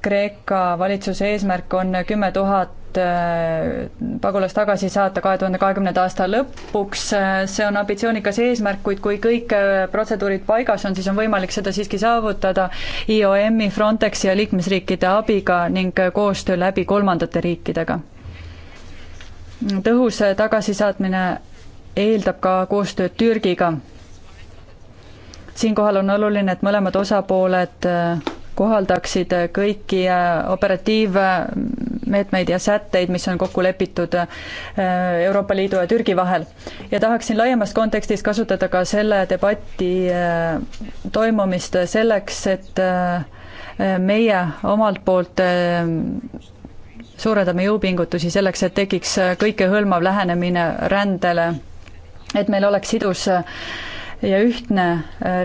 Kreeka valitsuse eesmärk on kümme tuhat tuhat äh, pagulast tagasi saata kahe tuhande kahekümnenda aasta lõpuks, äh, see on ambitsioonikas eesmärk, kuid kui kõik äh, protseduurid paigas on, siis on võimalik seda siiski saavutada IOM-i, Frontexi ja liikmesriikide abiga ning koostöö läbi kolmandate riikidega. tõhus tagasisaatmine eeldab ka koostööd Türgiga. siinkohal on oluline, et mõlemad osapooled kohaldaksid kõiki operatiiv- meetmeid ja sätteid, mis on kokku lepitud äh, Euroopa Liidu ja Türgi vahel. ja tahaksin laiemas kontekstis kasutada ka selle debati äh, toimumist selleks, et äh, meie omalt poolt suurendame jõupingutusi selleks, et tekiks kõikehõlmav lähenemine rändele, et meil oleks sidus ja ühtne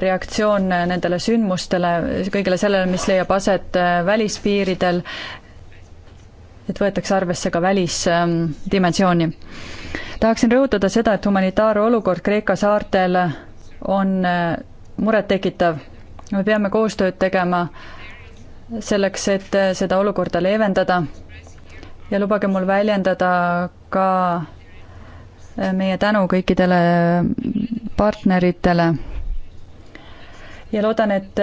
reaktsioon nendele sündmustele, kõigele sellele, mis leiab aset välispiiridel, et võetakse arvesse ka välisdimensiooni. tahaksin rõhutada seda, et humanitaarolukord Kreeka saartel on äh, murettekitav. me peame koostööd tegema selleks, et äh, seda olukorda leevendada ja lubage mul väljendada ka äh, meie tänu kõikidele partneritele. ja loodan, et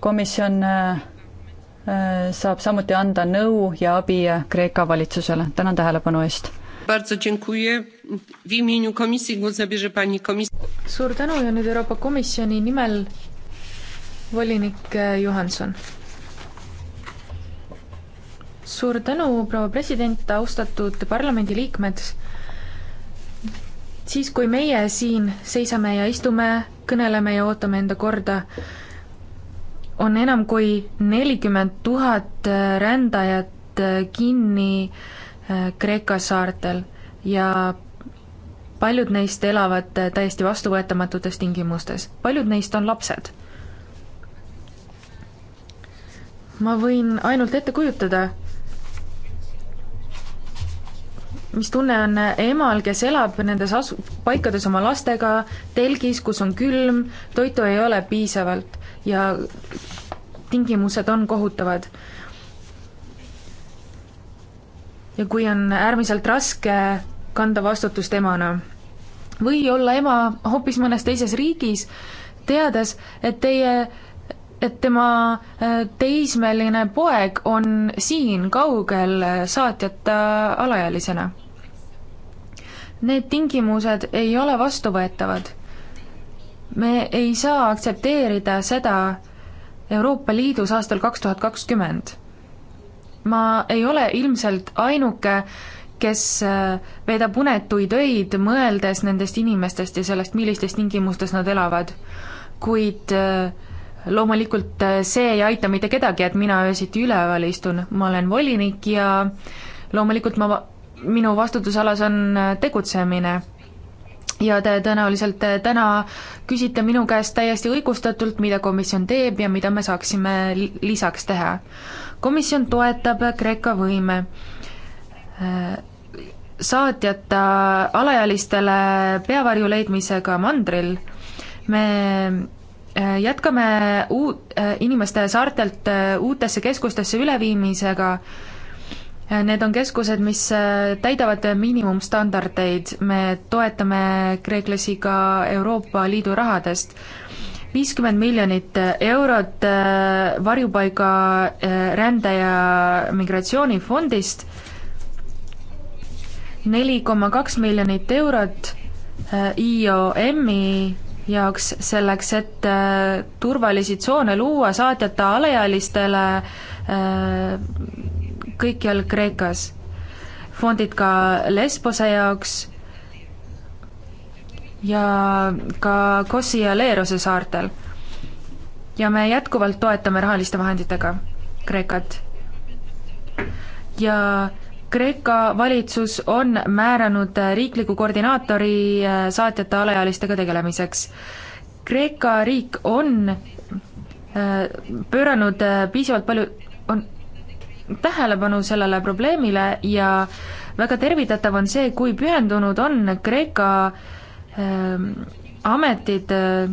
komisjon Äh, saab samuti anda nõu ja abi Kreeka valitsusele. tänan tähelepanu eest. suur tänu ja nüüd Euroopa Komisjoni nimel volinik äh, Johanson. suur tänu, proua president, austatud parlamendiliikmed. siis, kui meie siin seisame ja istume, kõneleme ja ootame enda korda, on enam kui nelikümmend tuhat äh, rändajat äh, kinni äh, Kreeka saartel ja paljud neist elavad täiesti vastuvõetamatutes tingimustes, paljud neist on lapsed. ma võin ainult ette kujutada, mis tunne on emal, kes elab nendes asu-, paikades oma lastega, telgis, kus on külm, toitu ei ole piisavalt ja tingimused on kohutavad. ja kui on äärmiselt raske kanda vastutust emana või olla ema hoopis mõnes teises riigis, teades, et teie, et tema äh, teismeline poeg on siin kaugel saatjata alaealisena. Need tingimused ei ole vastuvõetavad. me ei saa aktsepteerida seda Euroopa Liidus aastal kaks tuhat kakskümmend. ma ei ole ilmselt ainuke, kes äh, veedab unetuid öid, mõeldes nendest inimestest ja sellest, millistes tingimustes nad elavad. kuid äh, loomulikult äh, see ei aita mitte kedagi, et mina öösiti üleval istun, ma olen volinik ja loomulikult ma minu vastutusalas on äh, tegutsemine ja te tõenäoliselt äh, täna küsite minu käest täiesti õigustatult, mida komisjon teeb ja mida me saaksime lisaks teha. komisjon toetab Kreeka võime äh, saatjata alaealistele peavarju leidmisega mandril. me jätkame uut, inimeste saartelt uutesse keskustesse üleviimisega Need on keskused, mis äh, täidavad miinimumstandardeid, me toetame kreeklasi ka Euroopa Liidu rahadest viiskümmend miljonit eurot äh, varjupaiga äh, rände- ja migratsioonifondist, neli koma kaks miljonit eurot IOM-i jaoks selleks, et turvalisi tsoone luua, saatjata alaealistele kõikjal Kreekas. fondid ka Lesbose jaoks ja ka Kossi ja Leerose saartel. ja me jätkuvalt toetame rahaliste vahenditega Kreekat. ja Kreeka valitsus on määranud riikliku koordinaatori äh, saatjate alaealistega tegelemiseks. Kreeka riik on äh, pööranud äh, piisavalt palju tähelepanu sellele probleemile ja väga tervitatav on see, kui pühendunud on Kreeka ähm, ametid äh,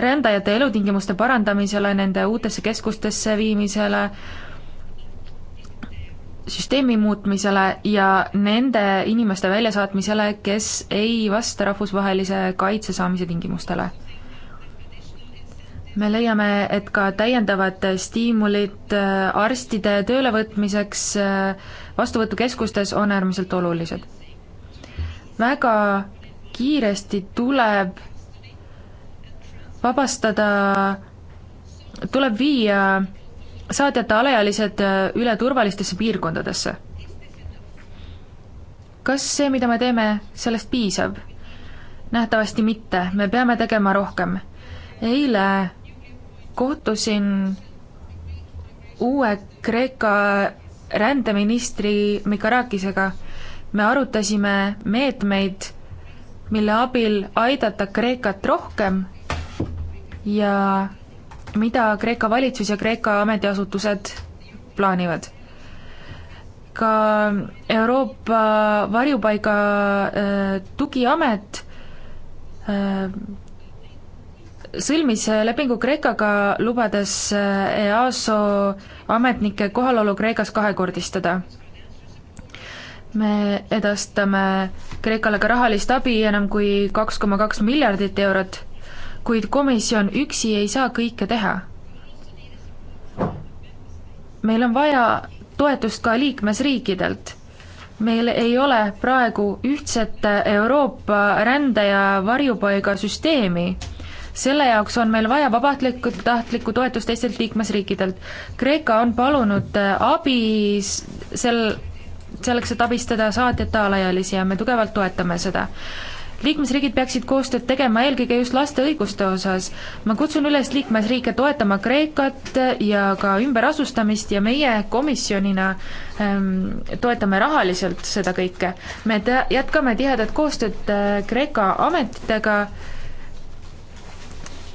rändajate elutingimuste parandamisele, nende uutesse keskustesse viimisele, süsteemi muutmisele ja nende inimeste väljasaatmisele, kes ei vasta rahvusvahelise kaitse saamise tingimustele me leiame, et ka täiendavad stiimulid äh, arstide töölevõtmiseks äh, vastuvõtukeskustes on äärmiselt olulised. väga kiiresti tuleb vabastada, tuleb viia saatjate alaealised äh, üle turvalistesse piirkondadesse. kas see, mida me teeme, sellest piisab? nähtavasti mitte, me peame tegema rohkem. eile kohtusin uue Kreeka rändeministri Mikarakisega. me arutasime meetmeid, mille abil aidata Kreekat rohkem ja mida Kreeka valitsus ja Kreeka ametiasutused plaanivad. ka Euroopa Varjupaiga äh, Tugiamet äh, sõlmis lepingu Kreekaga, lubades äh, EASO ametnike kohalolu Kreekas kahekordistada. me edastame Kreekale ka rahalist abi enam kui kaks koma kaks miljardit eurot, kuid komisjon üksi ei saa kõike teha. meil on vaja toetust ka liikmesriikidelt meil ei ole praegu ühtset Euroopa rände- ja varjupaigasüsteemi selle jaoks on meil vaja vabatahtlikku, tahtlikku toetust teistelt liikmesriikidelt. Kreeka on palunud äh, abi sel, selleks, et abistada saatjata alaealisi ja me tugevalt toetame seda liikmesriigid peaksid koostööd tegema eelkõige just laste õiguste osas. ma kutsun üles liikmesriike toetama Kreekat ja ka ümberasustamist ja meie komisjonina ähm, toetame rahaliselt seda kõike. me te-, jätkame tihedat koostööd äh, Kreeka ametitega äh,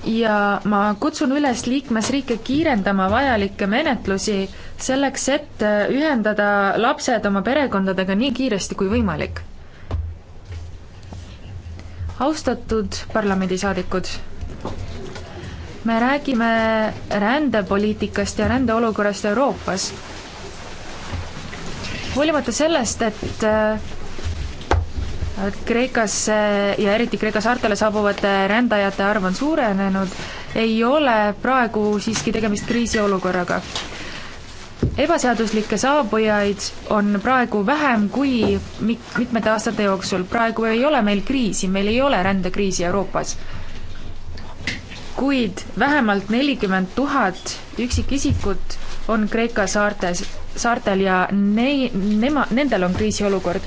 ja ma kutsun üles liikmesriike kiirendama vajalikke menetlusi selleks, et äh, ühendada lapsed oma perekondadega nii kiiresti kui võimalik. austatud parlamendisaadikud, me räägime rändepoliitikast ja rändeolukorrast Euroopas. hoolimata sellest, et äh, Kreekasse ja eriti Kreeka saartele saabuvate eh, rändajate arv on suurenenud, ei ole praegu siiski tegemist kriisiolukorraga. ebaseaduslikke saabujaid on praegu vähem kui mit-, mitmete aastate jooksul. praegu ei ole meil kriisi, meil ei ole rändekriisi Euroopas. kuid vähemalt nelikümmend tuhat üksikisikut on Kreeka saartes saartel ja nei-, nema, nendel on kriisiolukord.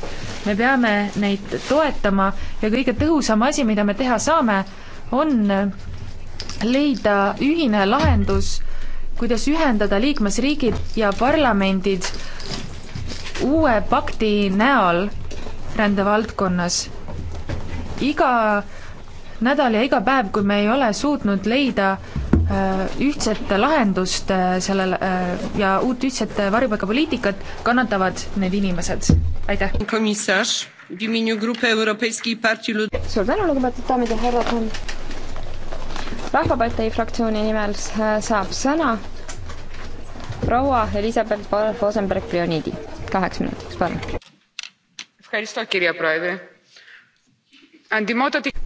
me peame neid toetama ja kõige tõhusam asi, mida me teha saame, on leida ühine lahendus, kuidas ühendada liikmesriigid ja parlamendid uue pakti näol rändevaldkonnas. iga nädal ja iga päev, kui me ei ole suutnud leida Äh, ühtset lahendust äh, sellele äh, ja uut ühtset varjupaigapoliitikat kannatavad need inimesed. aitäh! suur tänu, lugupeetud daamid ja härrad! rahvapartei fraktsiooni nimel saab sõna proua Elizabeth Rosenberg-Leonidi. kaheks minutiks, palun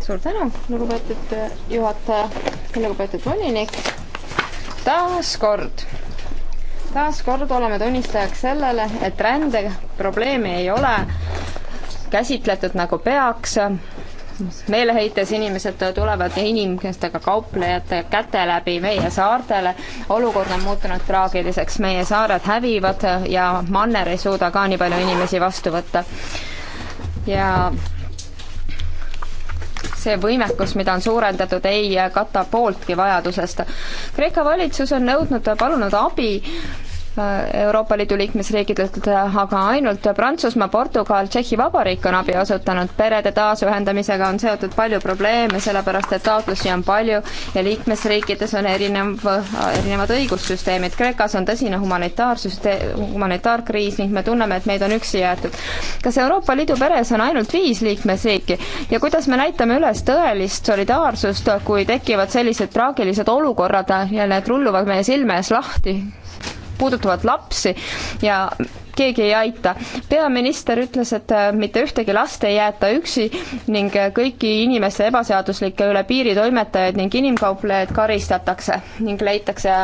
suur tänu, lugupeetud eh, juhataja, lugupeetud volinik. taas kord, taas kord oleme tunnistajaks sellele, et rändeprobleemi ei ole käsitletud nagu peaks meeleheites inimesed tulevad inimestega kauplejate käte läbi meie saartele, olukord on muutunud traagiliseks, meie saared hävivad ja manner ei suuda ka nii palju inimesi vastu võtta. ja see võimekus, mida on suurendatud, ei kata pooltki vajadusest. Kreeka valitsus on nõudnud, palunud abi Euroopa Liidu liikmesriikidelt, aga ainult Prantsusmaa, Portugal, Tšehhi Vabariik on abi osutanud. perede taasühendamisega on seotud palju probleeme, sellepärast et taotlusi on palju ja liikmesriikides on erinev, erinevad õigussüsteemid. Kreekas on tõsine humanitaarsüsteem, humanitaarkriis ning me tunneme, et meid on üksi jäetud. kas Euroopa Liidu peres on ainult viis liikmesriiki ja kuidas me näitame üles tõelist solidaarsust, kui tekivad sellised traagilised olukorrad ja need rulluvad meie silme ees lahti? puudutavad lapsi ja keegi ei aita. peaminister ütles, et äh, mitte ühtegi last ei jäeta üksi ning äh, kõiki inimeste ebaseaduslikke üle piiri toimetajaid ning inimkauplejaid karistatakse ning leitakse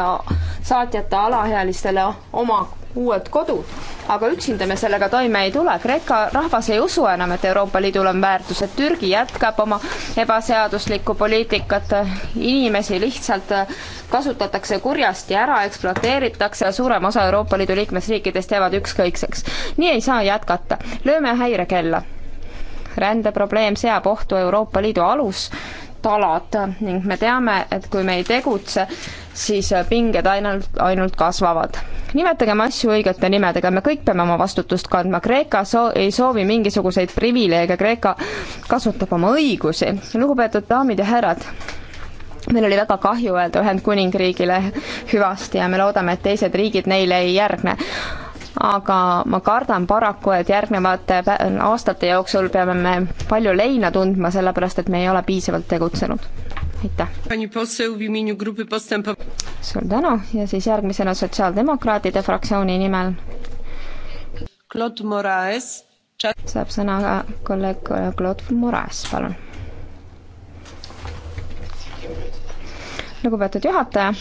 saatjate alaealistele oma uued kodud. aga üksinda me sellega toime ei tule, Kreeka rahvas ei usu enam, et Euroopa Liidul on väärtused, Türgi jätkab oma ebaseaduslikku poliitikat, inimesi lihtsalt äh, kasutatakse kurjasti ära, ekspluateeritakse ja suurem osa Euroopa Liidu liikmesriikidest jäävad ükskõikseks. nii ei saa jätkata, lööme häirekella rändeprobleem seab ohtu Euroopa Liidu alus, talad ning me teame, et kui me ei tegutse, siis pinged ainult, ainult kasvavad. nimetagem asju õigete nimedega, me kõik peame oma vastutust kandma, Kreeka soo-, ei soovi mingisuguseid privileege, Kreeka kasutab oma õigusi. lugupeetud daamid ja härrad, meil oli väga kahju öelda Ühendkuningriigile hüvasti ja me loodame, et teised riigid neile ei järgne aga ma kardan paraku, et järgnevate aastate jooksul peame me palju leina tundma, sellepärast et me ei ole piisavalt tegutsenud. aitäh! suur tänu ja siis järgmisena Sotsiaaldemokraatide fraktsiooni nimel Claude Moraes saab sõna ka kolleeg Claude Moraes, palun. lugupeetud juhataja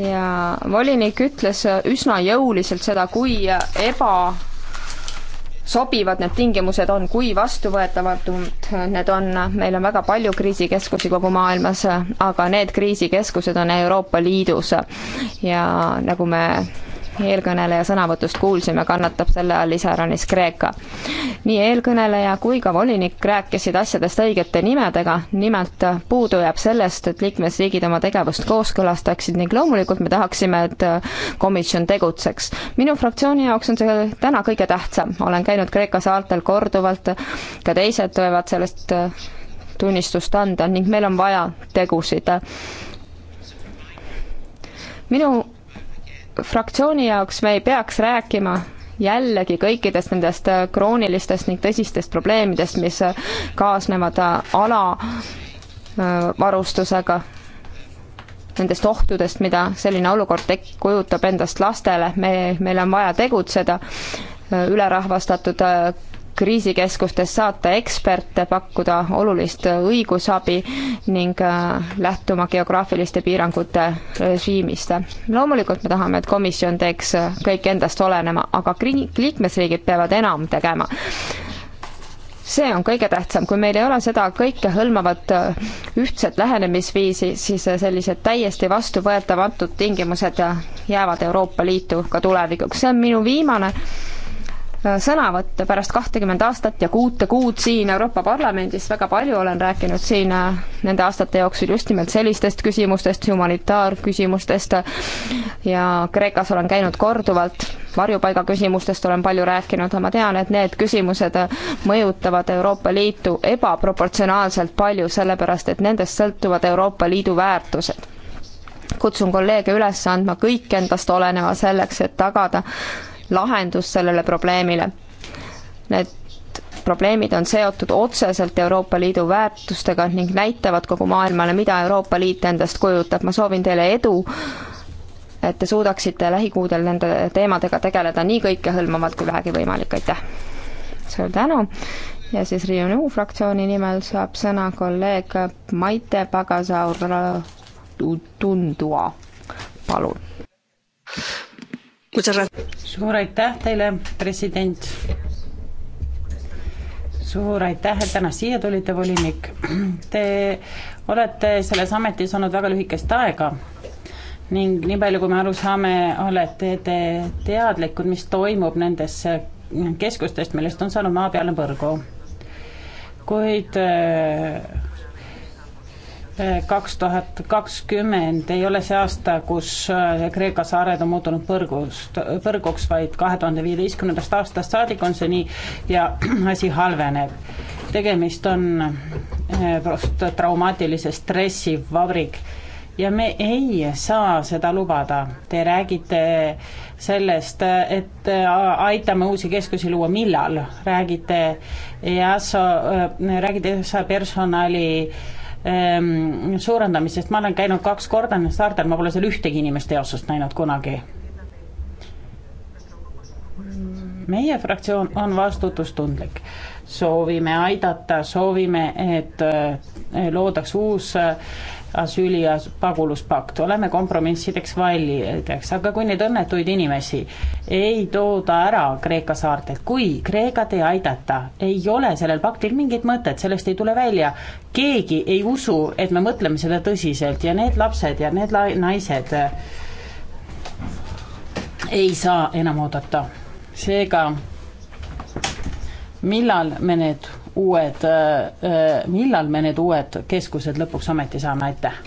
ja volinik ütles üsna jõuliselt seda, kui eba sobivad need tingimused on, kui vastuvõetamatud need on, meil on väga palju kriisikeskusi kogu maailmas, aga need kriisikeskused on Euroopa Liidus. ja nagu me eelkõneleja sõnavõtust kuulsime, kannatab selle all iseäranis Kreeka. nii eelkõneleja kui ka volinik rääkisid asjadest õigete nimedega, nimelt puudu jääb sellest, et liikmesriigid oma tegevust kooskõlastaksid ning loomulikult me tahaksime, et komisjon tegutseks. minu fraktsiooni jaoks on see täna kõige tähtsam, olen käinud Kreeka saartel korduvalt, ka teised võivad sellest tunnistust anda ning meil on vaja tegusid minu fraktsiooni jaoks me ei peaks rääkima jällegi kõikidest nendest äh, kroonilistest ning tõsistest probleemidest, mis äh, kaasnevad äh, alavarustusega, nendest ohtudest, mida selline olukord tek-, kujutab endast lastele, me, meil on vaja tegutseda, ülerahvastatud kriisikeskustes saata eksperte, pakkuda olulist õigusabi ning äh, lähtuma geograafiliste piirangute režiimist. loomulikult me tahame, et komisjon teeks äh, kõik endast olenema, aga liikmesriigid peavad enam tegema see on kõige tähtsam, kui meil ei ole seda kõikehõlmavat äh, ühtset lähenemisviisi, siis sellised täiesti vastuvõetamatud tingimused jäävad Euroopa Liitu ka tulevikuks, see on minu viimane Äh, sõnavõtte pärast kahtekümmend aastat ja kuute kuud siin Euroopa Parlamendis, väga palju olen rääkinud siin äh, nende aastate jooksul just nimelt sellistest küsimustest, humanitaarküsimustest ja Kreekas olen käinud korduvalt, varjupaiga küsimustest olen palju rääkinud, ma tean, et need küsimused äh, mõjutavad Euroopa Liitu ebaproportsionaalselt palju, sellepärast et nendest sõltuvad Euroopa Liidu väärtused kutsun kolleege üles andma kõik endast oleneva selleks, et tagada lahendus sellele probleemile. Need probleemid on seotud otseselt Euroopa Liidu väärtustega ning näitavad kogu maailmale, mida Euroopa Liit endast kujutab, ma soovin teile edu, et te suudaksite lähikuudel nende teemadega tegeleda nii kõikehõlmavalt kui vähegi võimalik, aitäh! suur tänu! ja siis Renew fraktsiooni nimel saab sõna kolleeg Maite Pagasaur-Tundua, palun! suur aitäh teile, president. suur aitäh, et täna siia tulite, volinik. Te olete selles ametis olnud väga lühikest aega ning nii palju, kui me aru saame, olete te teadlikud, mis toimub nendes keskustest, millest on saanud maa peale põrgu. kuid kaks tuhat kakskümmend ei ole see aasta, kus äh, Kreeka saared on muutunud põrgust, põrguks, vaid kahe tuhande viieteistkümnendast aastast saadik on see nii ja [clears throat] asi halveneb. tegemist on äh, traumaatilise stressivabrik ja me ei saa seda lubada. Te räägite sellest, et äh, aitame uusi keskusi luua, millal? räägite EASO, räägite EASO personali äh, Ehm, suurendamisest, ma olen käinud kaks korda nendel saartel, ma pole seal ühtegi inimest eosust näinud kunagi. meie fraktsioon on vastutustundlik, soovime aidata, soovime, et eh, loodaks uus asüüli- ja paguluspakt, oleme kompromissideks valmis, aga kui neid õnnetuid inimesi ei tooda ära Kreeka saartelt, kui Kreekat ei aidata, ei ole sellel paktil mingit mõtet, sellest ei tule välja. keegi ei usu, et me mõtleme seda tõsiselt ja need lapsed ja need la-, naised äh, ei saa enam oodata. seega millal me need uued, äh, millal me need uued keskused lõpuks ameti saame, aitäh.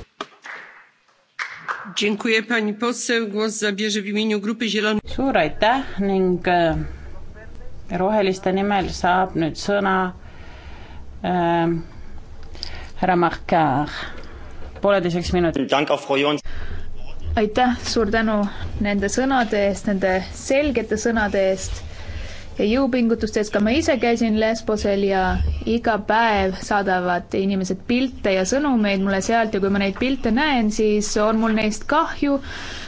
suur aitäh ning äh, roheliste nimel saab nüüd sõna äh, härra Markar, pooleteiseks minutiks aitäh, suur tänu nende sõnade eest, nende selgete sõnade eest ja jõupingutustes ka ma ise käisin Lesbosel ja iga päev saadavad inimesed pilte ja sõnumeid mulle sealt ja kui ma neid pilte näen, siis on mul neist kahju.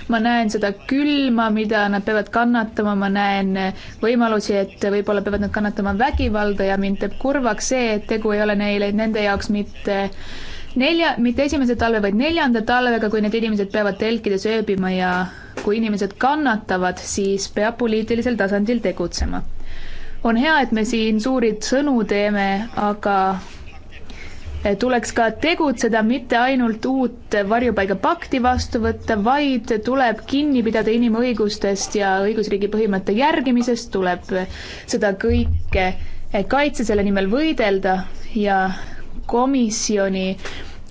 ma näen seda külma, mida nad peavad kannatama, ma näen võimalusi, et võib-olla peavad nad kannatama vägivalda ja mind teeb kurvaks see, et tegu ei ole neile, nende jaoks mitte nelja, mitte esimese talve, vaid neljanda talvega, kui need inimesed peavad telkides ööbima ja kui inimesed kannatavad, siis peab poliitilisel tasandil tegutsema on hea, et me siin suuri sõnu teeme, aga eh, tuleks ka tegutseda, mitte ainult uut varjupaigapakti vastu võtta, vaid tuleb kinni pidada inimõigustest ja õigusriigi põhimõtte järgimisest, tuleb seda kõike eh, kaitse, selle nimel võidelda ja komisjoni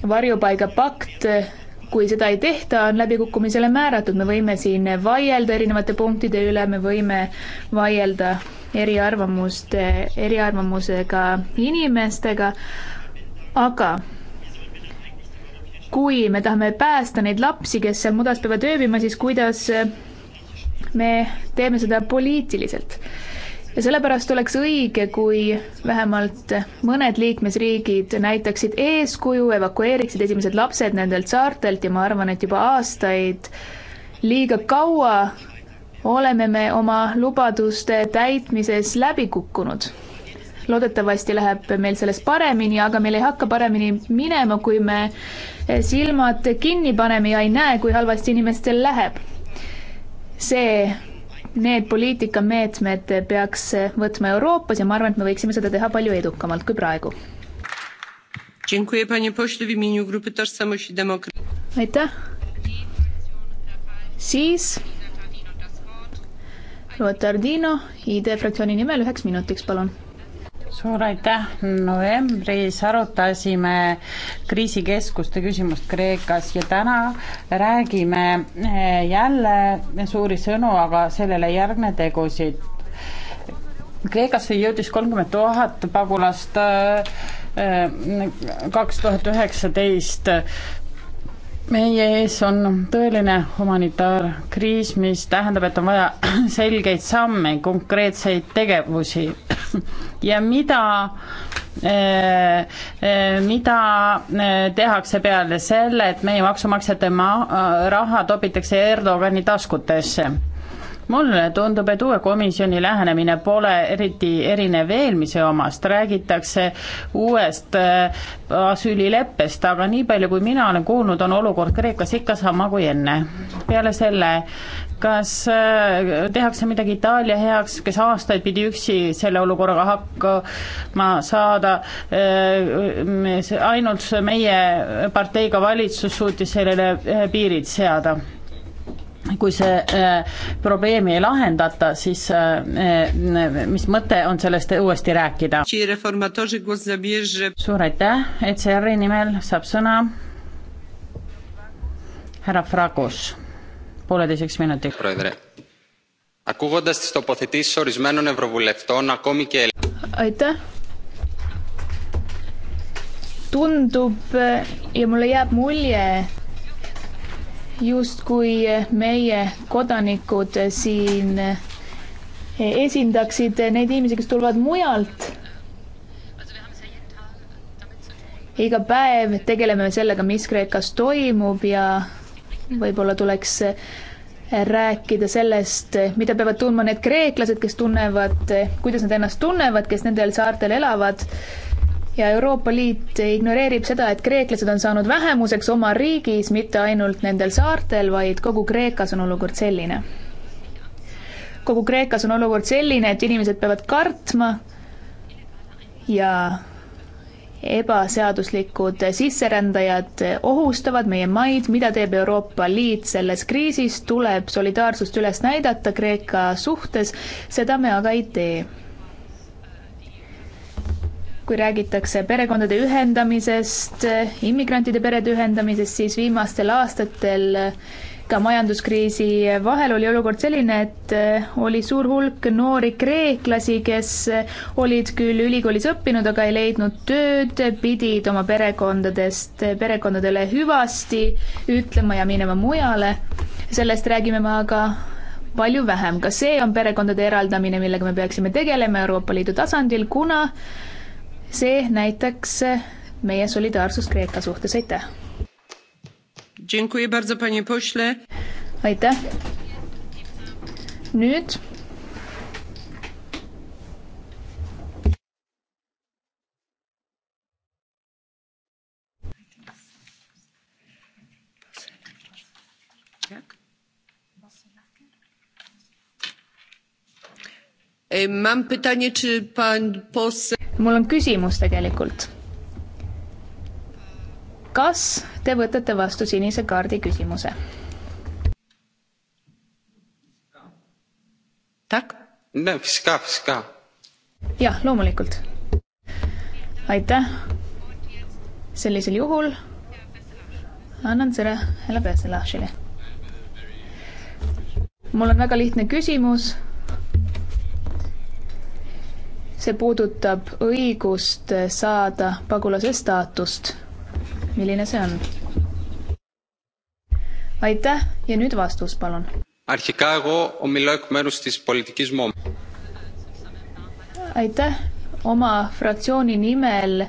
varjupaigapakt kui seda ei tehta, on läbikukkumisele määratud, me võime siin vaielda erinevate punktide üle, me võime vaielda eriarvamuste, eriarvamusega inimestega, aga kui me tahame päästa neid lapsi, kes seal mudas peavad ööbima, siis kuidas me teeme seda poliitiliselt? ja sellepärast oleks õige, kui vähemalt mõned liikmesriigid näitaksid eeskuju, evakueeriksid esimesed lapsed nendelt saartelt ja ma arvan, et juba aastaid liiga kaua oleme me oma lubaduste täitmises läbi kukkunud. loodetavasti läheb meil selles paremini, aga meil ei hakka paremini minema, kui me silmad kinni paneme ja ei näe, kui halvasti inimestel läheb. see, need poliitikameetmed peaks võtma Euroopas ja ma arvan, et me võiksime seda teha palju edukamalt kui praegu. aitäh. siis Tardino ID fraktsiooni nimel üheks minutiks, palun suur aitäh, novembris arutasime kriisikeskuste küsimust Kreekas ja täna räägime eh, jälle suuri sõnu, aga sellele ei järgne tegusid. Kreekasse jõudis kolmkümmend tuhat pagulast eh, eh, kaks tuhat üheksateist meie ees on tõeline humanitaarkriis, mis tähendab, et on vaja [clears throat] selgeid samme, konkreetseid tegevusi [clears throat] ja mida eh,, eh, mida eh, tehakse peale selle, et meie maksumaksjate ma-, raha topitakse Erdogani taskutesse mulle tundub, et uue komisjoni lähenemine pole eriti erinev eelmise omast, räägitakse uuest äh, asüülileppest, aga nii palju, kui mina olen kuulnud, on olukord Kreekas ikka sama kui enne. peale selle, kas äh, tehakse midagi Itaalia heaks, kes aastaid pidi üksi selle olukorraga hakkama saada, äh, ainult meie parteiga valitsus suutis sellele piirid seada kui see äh, probleemi ei lahendata, siis äh, äh mis mõte on sellest uuesti rääkida? suur aitäh, ECR-i nimel saab sõna härra Fragos, pooleteiseks minutiks. aitäh. tundub äh, ja mulle jääb mulje, justkui meie kodanikud siin esindaksid neid inimesi, kes tulevad mujalt. iga päev tegeleme sellega, mis Kreekas toimub ja võib-olla tuleks rääkida sellest, mida peavad tundma need kreeklased, kes tunnevad, kuidas nad ennast tunnevad, kes nendel saartel elavad ja Euroopa Liit ignoreerib seda, et kreeklased on saanud vähemuseks oma riigis, mitte ainult nendel saartel, vaid kogu Kreekas on olukord selline. kogu Kreekas on olukord selline, et inimesed peavad kartma ja ebaseaduslikud sisserändajad ohustavad meie maid, mida teeb Euroopa Liit selles kriisis, tuleb solidaarsust üles näidata Kreeka suhtes, seda me aga ei tee kui räägitakse perekondade ühendamisest, immigrantide perede ühendamisest, siis viimastel aastatel ka majanduskriisi vahel oli olukord selline, et eh, oli suur hulk noori kreeklasi, kes olid küll ülikoolis õppinud, aga ei leidnud tööd, pidid oma perekondadest, perekondadele hüvasti ütlema ja minema mujale. sellest räägime me aga palju vähem, ka see on perekondade eraldamine, millega me peaksime tegelema Euroopa Liidu tasandil, kuna see näitaks meie solidaarsust Kreeka suhtes, aitäh! aitäh! nüüd mam pytanie czy pan poseł mul on küsimus tegelikult. kas te võtate vastu sinise kaardi küsimuse? jah, loomulikult. aitäh. sellisel juhul annan sõna Helle Pääselašile. mul on väga lihtne küsimus see puudutab õigust saada pagulase staatust. milline see on? aitäh ja nüüd vastus, palun. aitäh, oma fraktsiooni nimel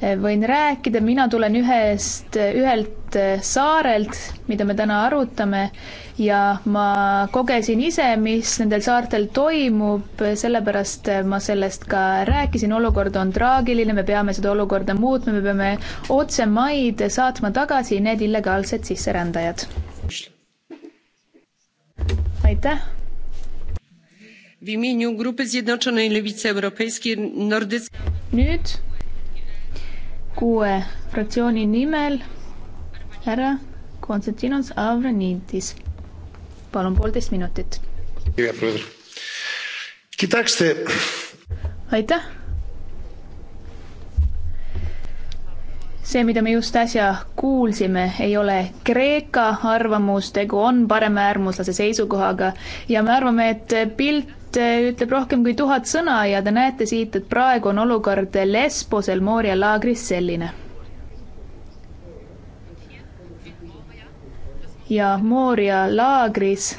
võin rääkida, mina tulen ühest, ühelt saarelt, mida me täna arutame ja ma kogesin ise, mis nendel saartel toimub, sellepärast ma sellest ka rääkisin, olukord on traagiline, me peame seda olukorda muutma, me peame otse maid saatma tagasi need illegaalsed sisserändajad. aitäh w imieniu Grupy Zjednoczonej Lewicy Europejskiej Nordyckiej. Nüüd kuue fraktsiooni nimel härra Konstantinos Avranidis. palun, poolteist minutit. aitäh. see, mida me just äsja kuulsime, ei ole Kreeka arvamus, tegu on paremäärmuslase seisukohaga ja me arvame, et pilt Eh, ütleb rohkem kui tuhat sõna ja te näete siit, et praegu on olukord Lesbosel Moria laagris selline. ja Moria laagris,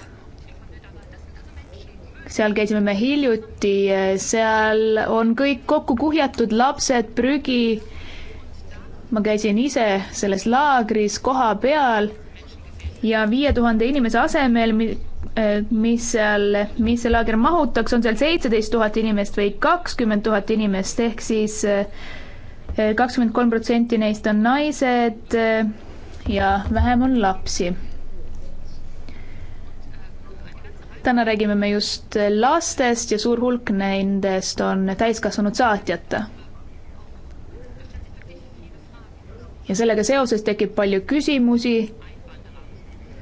seal käisime me hiljuti, seal on kõik kokku kuhjatud, lapsed, prügi. ma käisin ise selles laagris koha peal ja viie tuhande inimese asemel, mis seal, mis see laager mahutaks, on seal seitseteist tuhat inimest või kakskümmend tuhat inimest, ehk siis eh, kakskümmend kolm protsenti neist on naised eh, ja vähem on lapsi. täna räägime me just lastest ja suur hulk nendest on täiskasvanud saatjata ja sellega seoses tekib palju küsimusi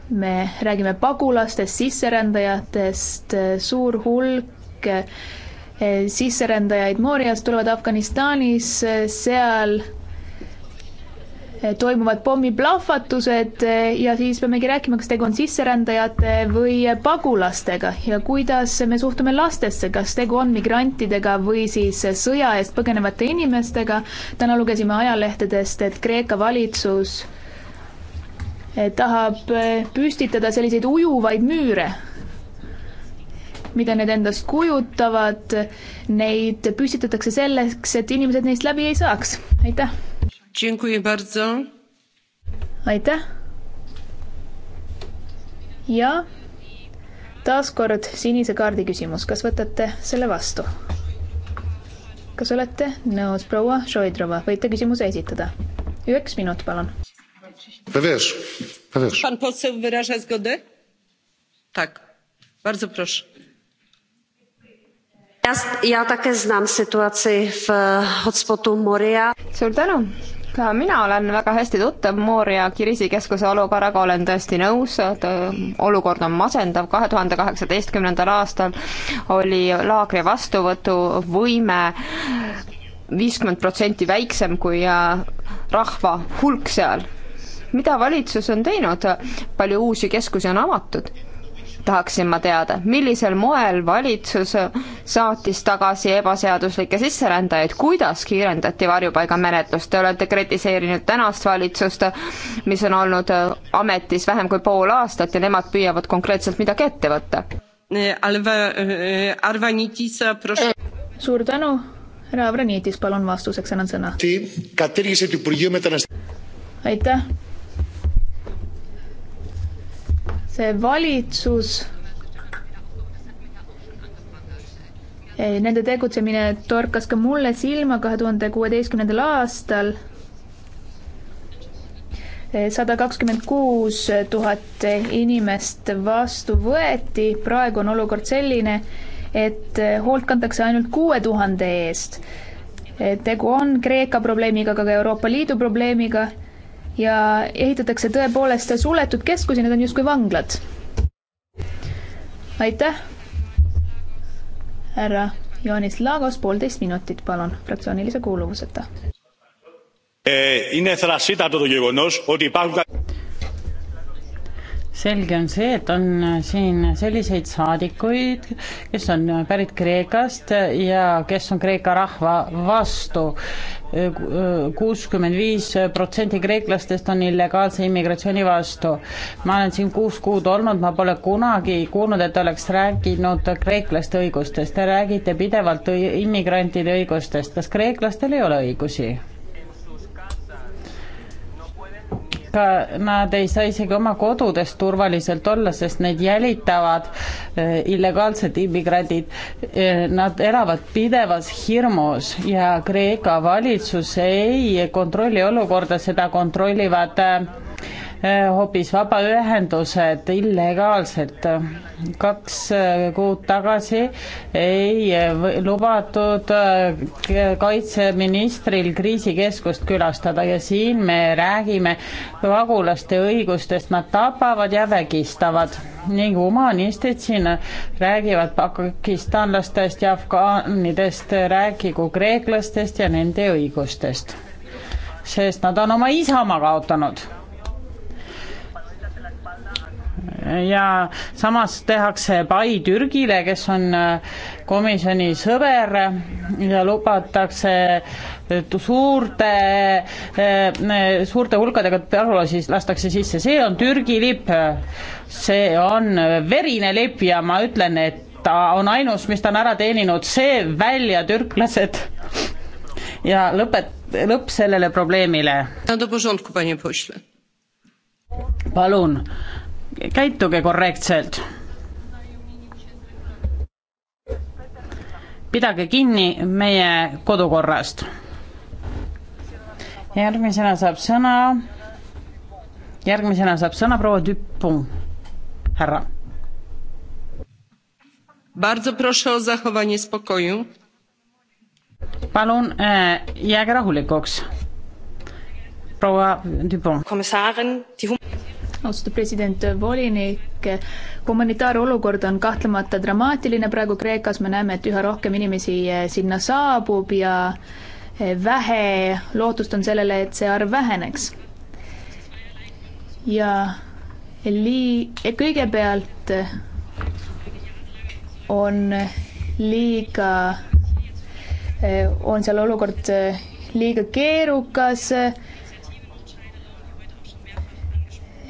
me räägime pagulastest, sisserändajatest, suur hulk eh, sisserändajaid Mooriast tulevad Afganistanis, eh, seal eh, toimuvad pommiplahvatused ja siis peamegi rääkima, kas tegu on sisserändajate või pagulastega ja kuidas me suhtume lastesse, kas tegu on migrantidega või siis sõja eest põgenevate inimestega. täna lugesime ajalehtedest, et Kreeka valitsus tahab eh, püstitada selliseid ujuvaid müüre, mida need endast kujutavad, neid püstitatakse selleks, et inimesed neist läbi ei saaks. aitäh! aitäh! ja taaskord sinise kaardi küsimus, kas võtate selle vastu? kas olete nõus, proua Šoidrova, võite küsimuse esitada. üks minut, palun pan poseł wyraża zgodę? tak. bardzo proszę. já také znám situaci v hotspotu Moria. suur tänu. ka mina olen väga hästi tuttav Moria kriisikeskuse olukorraga, olen tõesti nõus, et äh, olukord on masendav. kahe tuhande kaheksateistkümnendal aastal oli laagri vastuvõtuvõime viiskümmend protsenti väiksem kui äh, rahva hulk seal mida valitsus on teinud, palju uusi keskusi on avatud? tahaksin ma teada, millisel moel valitsus saatis tagasi ebaseaduslikke sisserändajaid, kuidas kiirendati varjupaigamenetlust, te olete kritiseerinud tänast valitsust, mis on olnud ametis vähem kui pool aastat ja nemad püüavad konkreetselt midagi ette võtta. Eh, suur tänu, härra Avranitis, palun vastuseks annan sõna. aitäh see valitsus, eh, nende tegutsemine torkas ka mulle silma kahe tuhande kuueteistkümnendal aastal eh, sada kakskümmend kuus tuhat inimest vastu võeti, praegu on olukord selline, et eh, hoolt kantakse ainult kuue tuhande eest. tegu on Kreeka probleemiga, aga ka Euroopa Liidu probleemiga ja ehitatakse tõepoolest suletud keskusi, need on justkui vanglad. aitäh, härra Joonis Laagos, poolteist minutit, palun, fraktsioonilise kuuluvuseta. selge on see, et on siin selliseid saadikuid, kes on pärit Kreekast ja kes on Kreeka rahva vastu kuuskümmend viis protsenti kreeklastest on illegaalse immigratsiooni vastu. ma olen siin kuus kuud olnud, ma pole kunagi kuulnud, et oleks rääkinud kreeklaste õigustest. Te räägite pidevalt immigrantide õigustest, kas kreeklastel ei ole õigusi? ka nad ei saa isegi oma kodudes turvaliselt olla, sest neid jälitavad eh, illegaalsed immigrandid. Eh, nad elavad pidevas hirmus ja Kreeka valitsus ei kontrolli olukorda, seda kontrollivad eh, Eh, hoopis vabaühendused illegaalselt. kaks eh, kuud tagasi ei eh, lubatud kaitseministril kriisikeskust külastada ja siin me räägime pagulaste õigustest, nad tapavad ja vägistavad ning humanistid siin räägivad pakistanlastest ja afgaanidest, rääkigu kreeklastest ja nende õigustest, sest nad on oma isamaa kaotanud ja samas tehakse pai Türgile, kes on äh, komisjoni sõber ja lubatakse suurte, äh, äh, suurte hulkadega pagulasi lastakse sisse, see on Türgi lipp. see on verine lipp ja ma ütlen, et ta on ainus, mis ta on ära teeninud, see välja, türklased. ja lõpet-, lõpp sellele probleemile. palun käituge korrektselt. pidage kinni meie kodukorrast. järgmisena saab sõna, järgmisena saab sõna proua Tüppu, härra. palun äh, jääge rahulikuks. proua Tüppu austatud president, volinik, humanitaarolukord on kahtlemata dramaatiline praegu Kreekas, me näeme, et üha rohkem inimesi eh, sinna saabub ja eh, vähe lootust on sellele, et see arv väheneks. ja lii-, kõigepealt on liiga, eh, on seal olukord liiga keerukas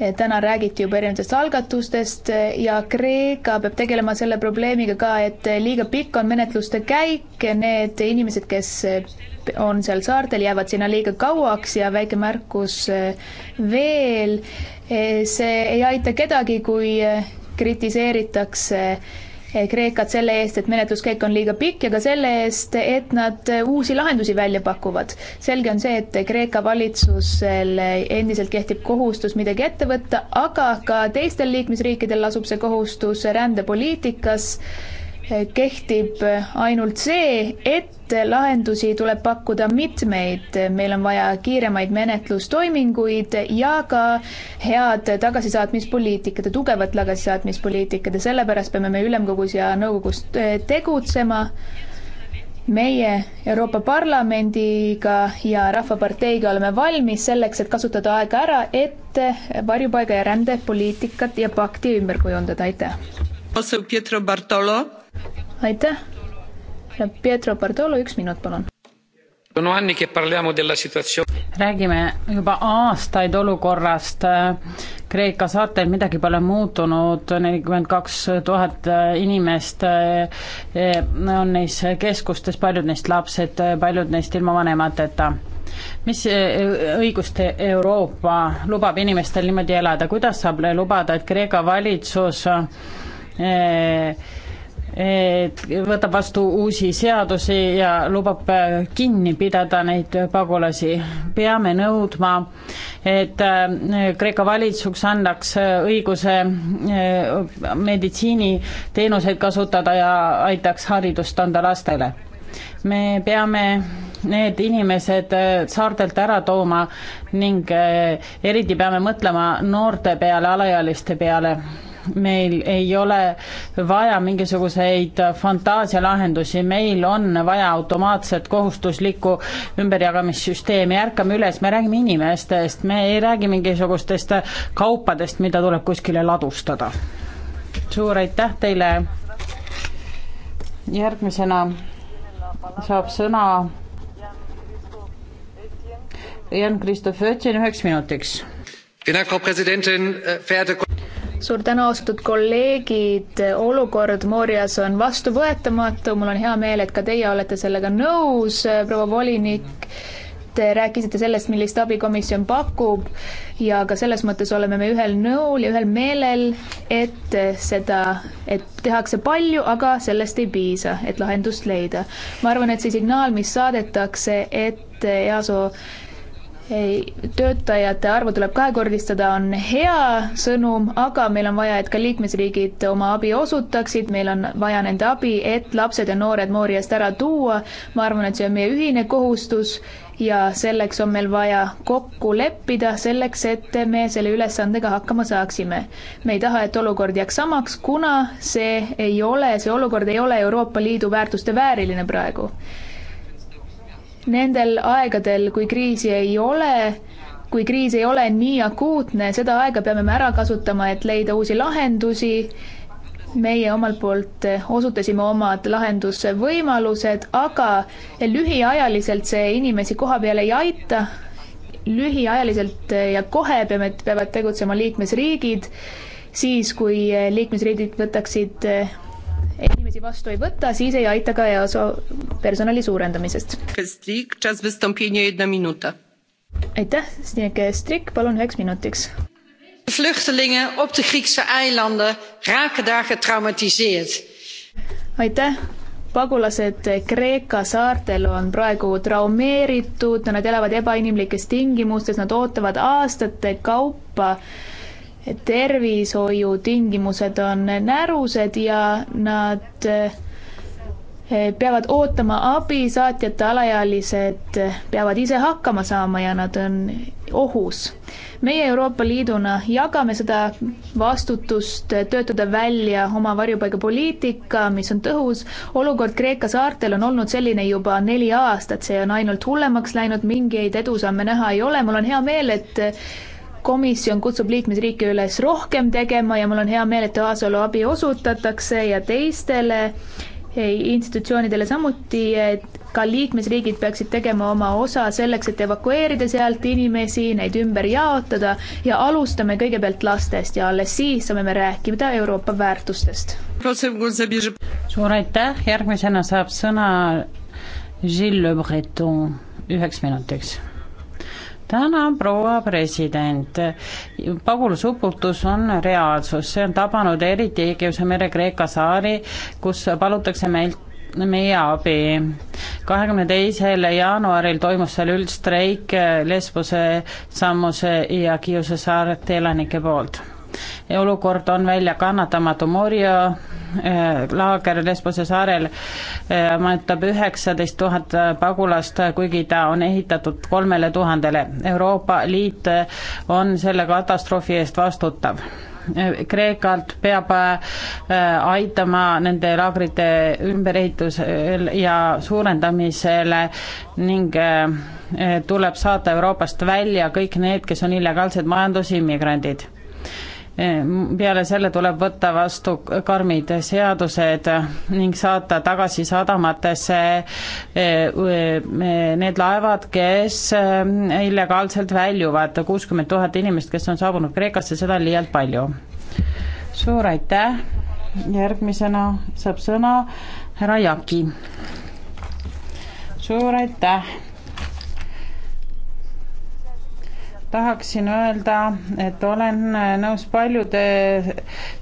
Eh, täna räägiti juba erinevatest algatustest eh, ja Kreeka peab tegelema selle probleemiga ka, et eh, liiga pikk on menetluste käik, need inimesed, kes on seal saartel, jäävad sinna liiga kauaks ja väike märkus veel, see ei aita kedagi, kui kritiseeritakse Eh, Kreekat selle eest, et menetluskäik on liiga pikk ja ka selle eest, et nad eh, uusi lahendusi välja pakuvad. selge on see, et Kreeka valitsusel endiselt kehtib kohustus midagi ette võtta, aga ka teistel liikmesriikidel lasub see kohustus rändepoliitikas kehtib ainult see, et lahendusi tuleb pakkuda mitmeid, meil on vaja kiiremaid menetlustoiminguid ja ka head tagasisaatmispoliitikat ja tugevat tagasisaatmispoliitikat ja sellepärast peame me ülemkogus ja nõukogus tegutsema meie Euroopa Parlamendiga ja Rahvaparteiga oleme valmis selleks, et kasutada aega ära, et varjupaiga ja rändepoliitikat ja pakti ümber kujundada, aitäh aitäh. Pietro Bartolo, üks minut, palun. räägime juba aastaid olukorrast Kreeka saartel, midagi pole muutunud, nelikümmend kaks tuhat inimest eh, on neis keskustes, paljud neist lapsed, paljud neist ilma vanemateta mis eh, õiguste Euroopa lubab inimestel niimoodi elada, kuidas saab lubada, et Kreeka valitsus eh, et võtab vastu uusi seadusi ja lubab äh, kinni pidada neid pagulasi. peame nõudma, et äh, Kreeka valitsus annaks äh, õiguse meditsiiniteenuseid kasutada ja aitaks haridust anda lastele me peame need inimesed saartelt ära tooma ning eriti peame mõtlema noorte peale, alaealiste peale meil ei ole vaja mingisuguseid fantaasialahendusi, meil on vaja automaatset kohustuslikku ümberjagamissüsteemi, ärkame üles, me räägime inimestest, me ei räägi mingisugustest kaupadest, mida tuleb kuskile ladustada. suur aitäh teile, järgmisena saab sõna Jan-Christoph Oetjen üheks minutiks suur tänu, austatud kolleegid, olukord Moorias on vastuvõetamatu, mul on hea meel, et ka teie olete sellega nõus, proua volinik te rääkisite sellest, millist abi komisjon pakub ja ka selles mõttes oleme me ühel nõul ja ühel meelel, et seda, et tehakse palju, aga sellest ei piisa, et lahendust leida. ma arvan, et see signaal, mis saadetakse, et EASO töötajate arvu tuleb kahekordistada, on hea sõnum, aga meil on vaja, et ka liikmesriigid oma abi osutaksid, meil on vaja nende abi, et lapsed ja noored Mooriast ära tuua. ma arvan, et see on meie ühine kohustus ja selleks on meil vaja kokku leppida, selleks et me selle ülesandega hakkama saaksime. me ei taha, et olukord jääks samaks, kuna see ei ole, see olukord ei ole Euroopa Liidu väärtuste vääriline praegu nendel aegadel, kui kriisi ei ole, kui kriis ei ole nii akuutne, seda aega peame me ära kasutama, et leida uusi lahendusi. meie omalt poolt osutasime omad lahendusvõimalused, aga lühiajaliselt see inimesi koha peal ei aita. lühiajaliselt ja kohe peame, peavad tegutsema liikmesriigid, siis kui liikmesriigid võtaksid inimesi vastu ei võta, siis ei aita ka EASO personali suurendamisest. aitäh, Stineke Strik, palun üheks minutiks. Vluchtelingen op de Griekse eilanden raken daar getraumatiseerd. aitäh, pagulased Kreeka saartel on praegu traumeeritud, nad elavad ebainimlikes tingimustes, nad ootavad aastate kaupa tervishoiutingimused on närused ja nad eh, peavad ootama abi, saatjate alaealised peavad ise hakkama saama ja nad on ohus. meie Euroopa Liiduna jagame seda vastutust töötada välja oma varjupaigapoliitika, mis on tõhus. olukord Kreeka saartel on olnud selline juba neli aastat, see on ainult hullemaks läinud, mingeid edusamme näha ei ole, mul on hea meel, et komisjon kutsub liikmesriike üles rohkem tegema ja mul on hea meel, et Aasolu abi osutatakse ja teistele eh, institutsioonidele samuti, et ka liikmesriigid peaksid tegema oma osa selleks, et evakueerida sealt inimesi, neid ümber jaotada ja alustame kõigepealt lastest ja alles siis saame me rääkida Euroopa väärtustest. suur aitäh, järgmisena saab sõna Gilles Le Breton üheks minutiks tänan, proua president. pagulasuputus on reaalsus, see on tabanud eriti Egeuse mere Kreeka saari, kus palutakse meilt meie abi. kahekümne teisel jaanuaril toimus seal üldstreik Lesbose, Sammuse ja Kiuse saarete elanike poolt. olukord on väljakannatamatu, Moria Äh, laager Lesbose saarel äh, mõjutab üheksateist tuhat pagulast, kuigi ta on ehitatud kolmele tuhandele. Euroopa Liit äh, on selle katastroofi eest vastutav. Kreekalt peab aitama nende laagrite ümberehitusel ja suurendamisele ning tuleb saata Euroopast välja kõik need, kes on illegaalsed majandusimmigrandid peale selle tuleb võtta vastu karmid seadused ning saata tagasi sadamatesse e, e, e, need laevad, kes illegaalselt väljuvad, kuuskümmend tuhat inimest, kes on saabunud Kreekasse, seda on liialt palju. suur aitäh, järgmisena saab sõna härra Jaki. suur aitäh tahaksin öelda, et olen nõus paljude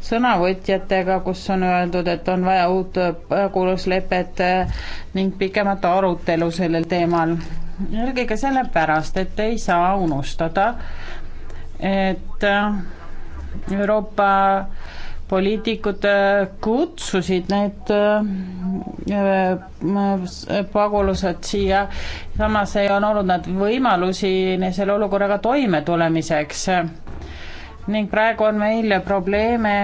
sõnavõtjatega, kus on öeldud, et on vaja uut pagulaslepet ning pikemat arutelu sellel teemal. eelkõige sellepärast, et ei saa unustada, et Euroopa poliitikud äh, kutsusid need äh, äh, pagulased siia, samas ei on olnud nad võimalusi selle olukorraga toimetulemiseks. ning praegu on meil probleeme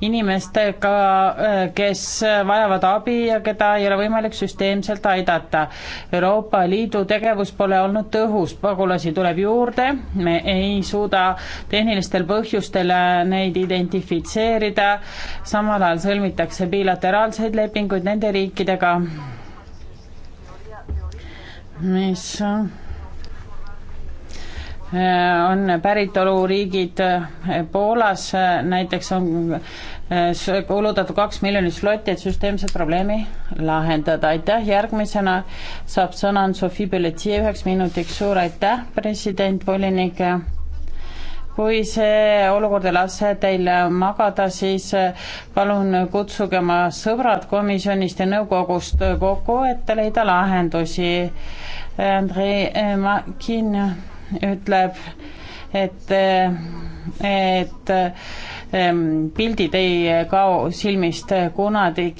inimestega, äh, kes vajavad abi ja keda ei ole võimalik süsteemselt aidata. Euroopa Liidu tegevus pole olnud tõhus, pagulasi tuleb juurde, me ei suuda tehnilistel põhjustel äh, neid identifitseerida, samal ajal sõlmitakse bilateraalseid lepinguid nende riikidega, mis Äh, on päritoluriigid äh, Poolas äh, näiteks on kulutatud kaks miljonit slotti, et süsteemset probleemi lahendada. aitäh, järgmisena saab sõna on Sofi Belletsi üheks minutiks, suur aitäh, president, volinik. kui see olukord ei lase teil magada, siis palun kutsuge oma sõbrad komisjonist ja nõukogust kokku, et leida lahendusi. Andrei Makin ütleb, et, et ehm, pildid ei kao silmist kunagi.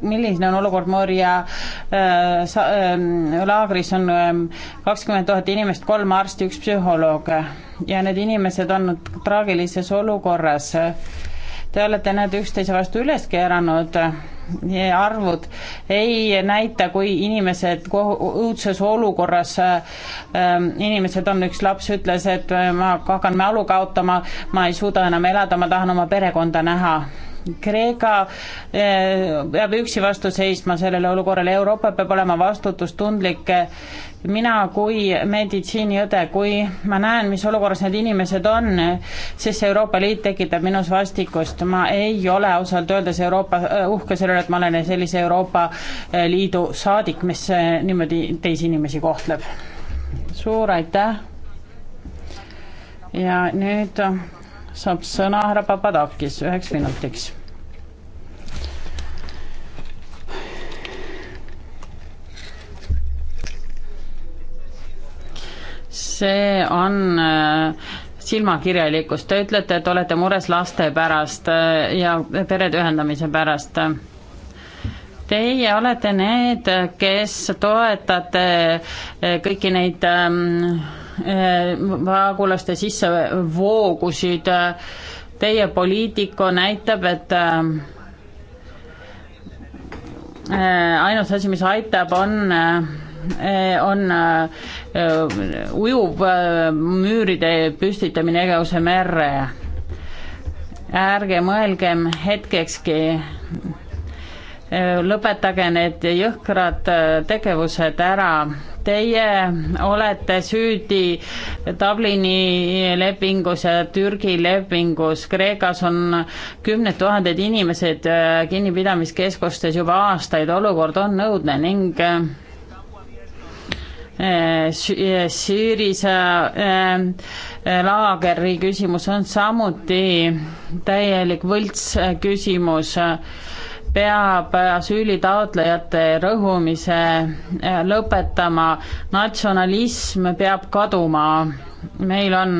milline on olukord Moria äh, ehm, laagris on ehm, kakskümmend tuhat inimest, kolm arsti, üks psühholoog ja need inimesed on traagilises olukorras Te olete need üksteise vastu üles keeranud arvud ei näita, kui inimesed õudses olukorras ähm,, inimesed on, üks laps ütles, et ma hakkan mälu kaotama, ma ei suuda enam elada, ma tahan oma perekonda näha Kreeka eh, peab üksi vastu seisma sellele olukorrale, Euroopa peab olema vastutustundlik. mina kui meditsiiniõde, kui ma näen, mis olukorras need inimesed on, siis Euroopa Liit tekitab minus vastikust, ma ei ole ausalt öeldes Euroopa, eh, uhke selle üle, et ma olen sellise Euroopa eh, Liidu saadik, mis niimoodi teisi inimesi kohtleb. suur aitäh! ja nüüd saab sõna härra Papadakis üheks minutiks. see on äh, silmakirjalikkus, te ütlete, et olete mures laste pärast äh, ja perede ühendamise pärast. Teie olete need, kes toetate äh, kõiki neid ähm, pagulaste sissevoogusid. Teie poliitika näitab, et ähm, ainus asi, mis aitab, on Eh, on eh, ujuvmüüride eh, püstitamine Egeuse merre. ärge mõelgem hetkekski lõpetage need jõhkrad tegevused ära. Teie olete süüdi Dublini lepingus ja Türgi lepingus. Kreekas on kümned tuhanded inimesed kinnipidamiskeskustes juba aastaid, olukord on õudne ning Äh, äh, Süüris äh, laageri küsimus on samuti täielik võltsküsimus peab asüülitaotlejate rõhumise lõpetama, natsionalism peab kaduma. meil on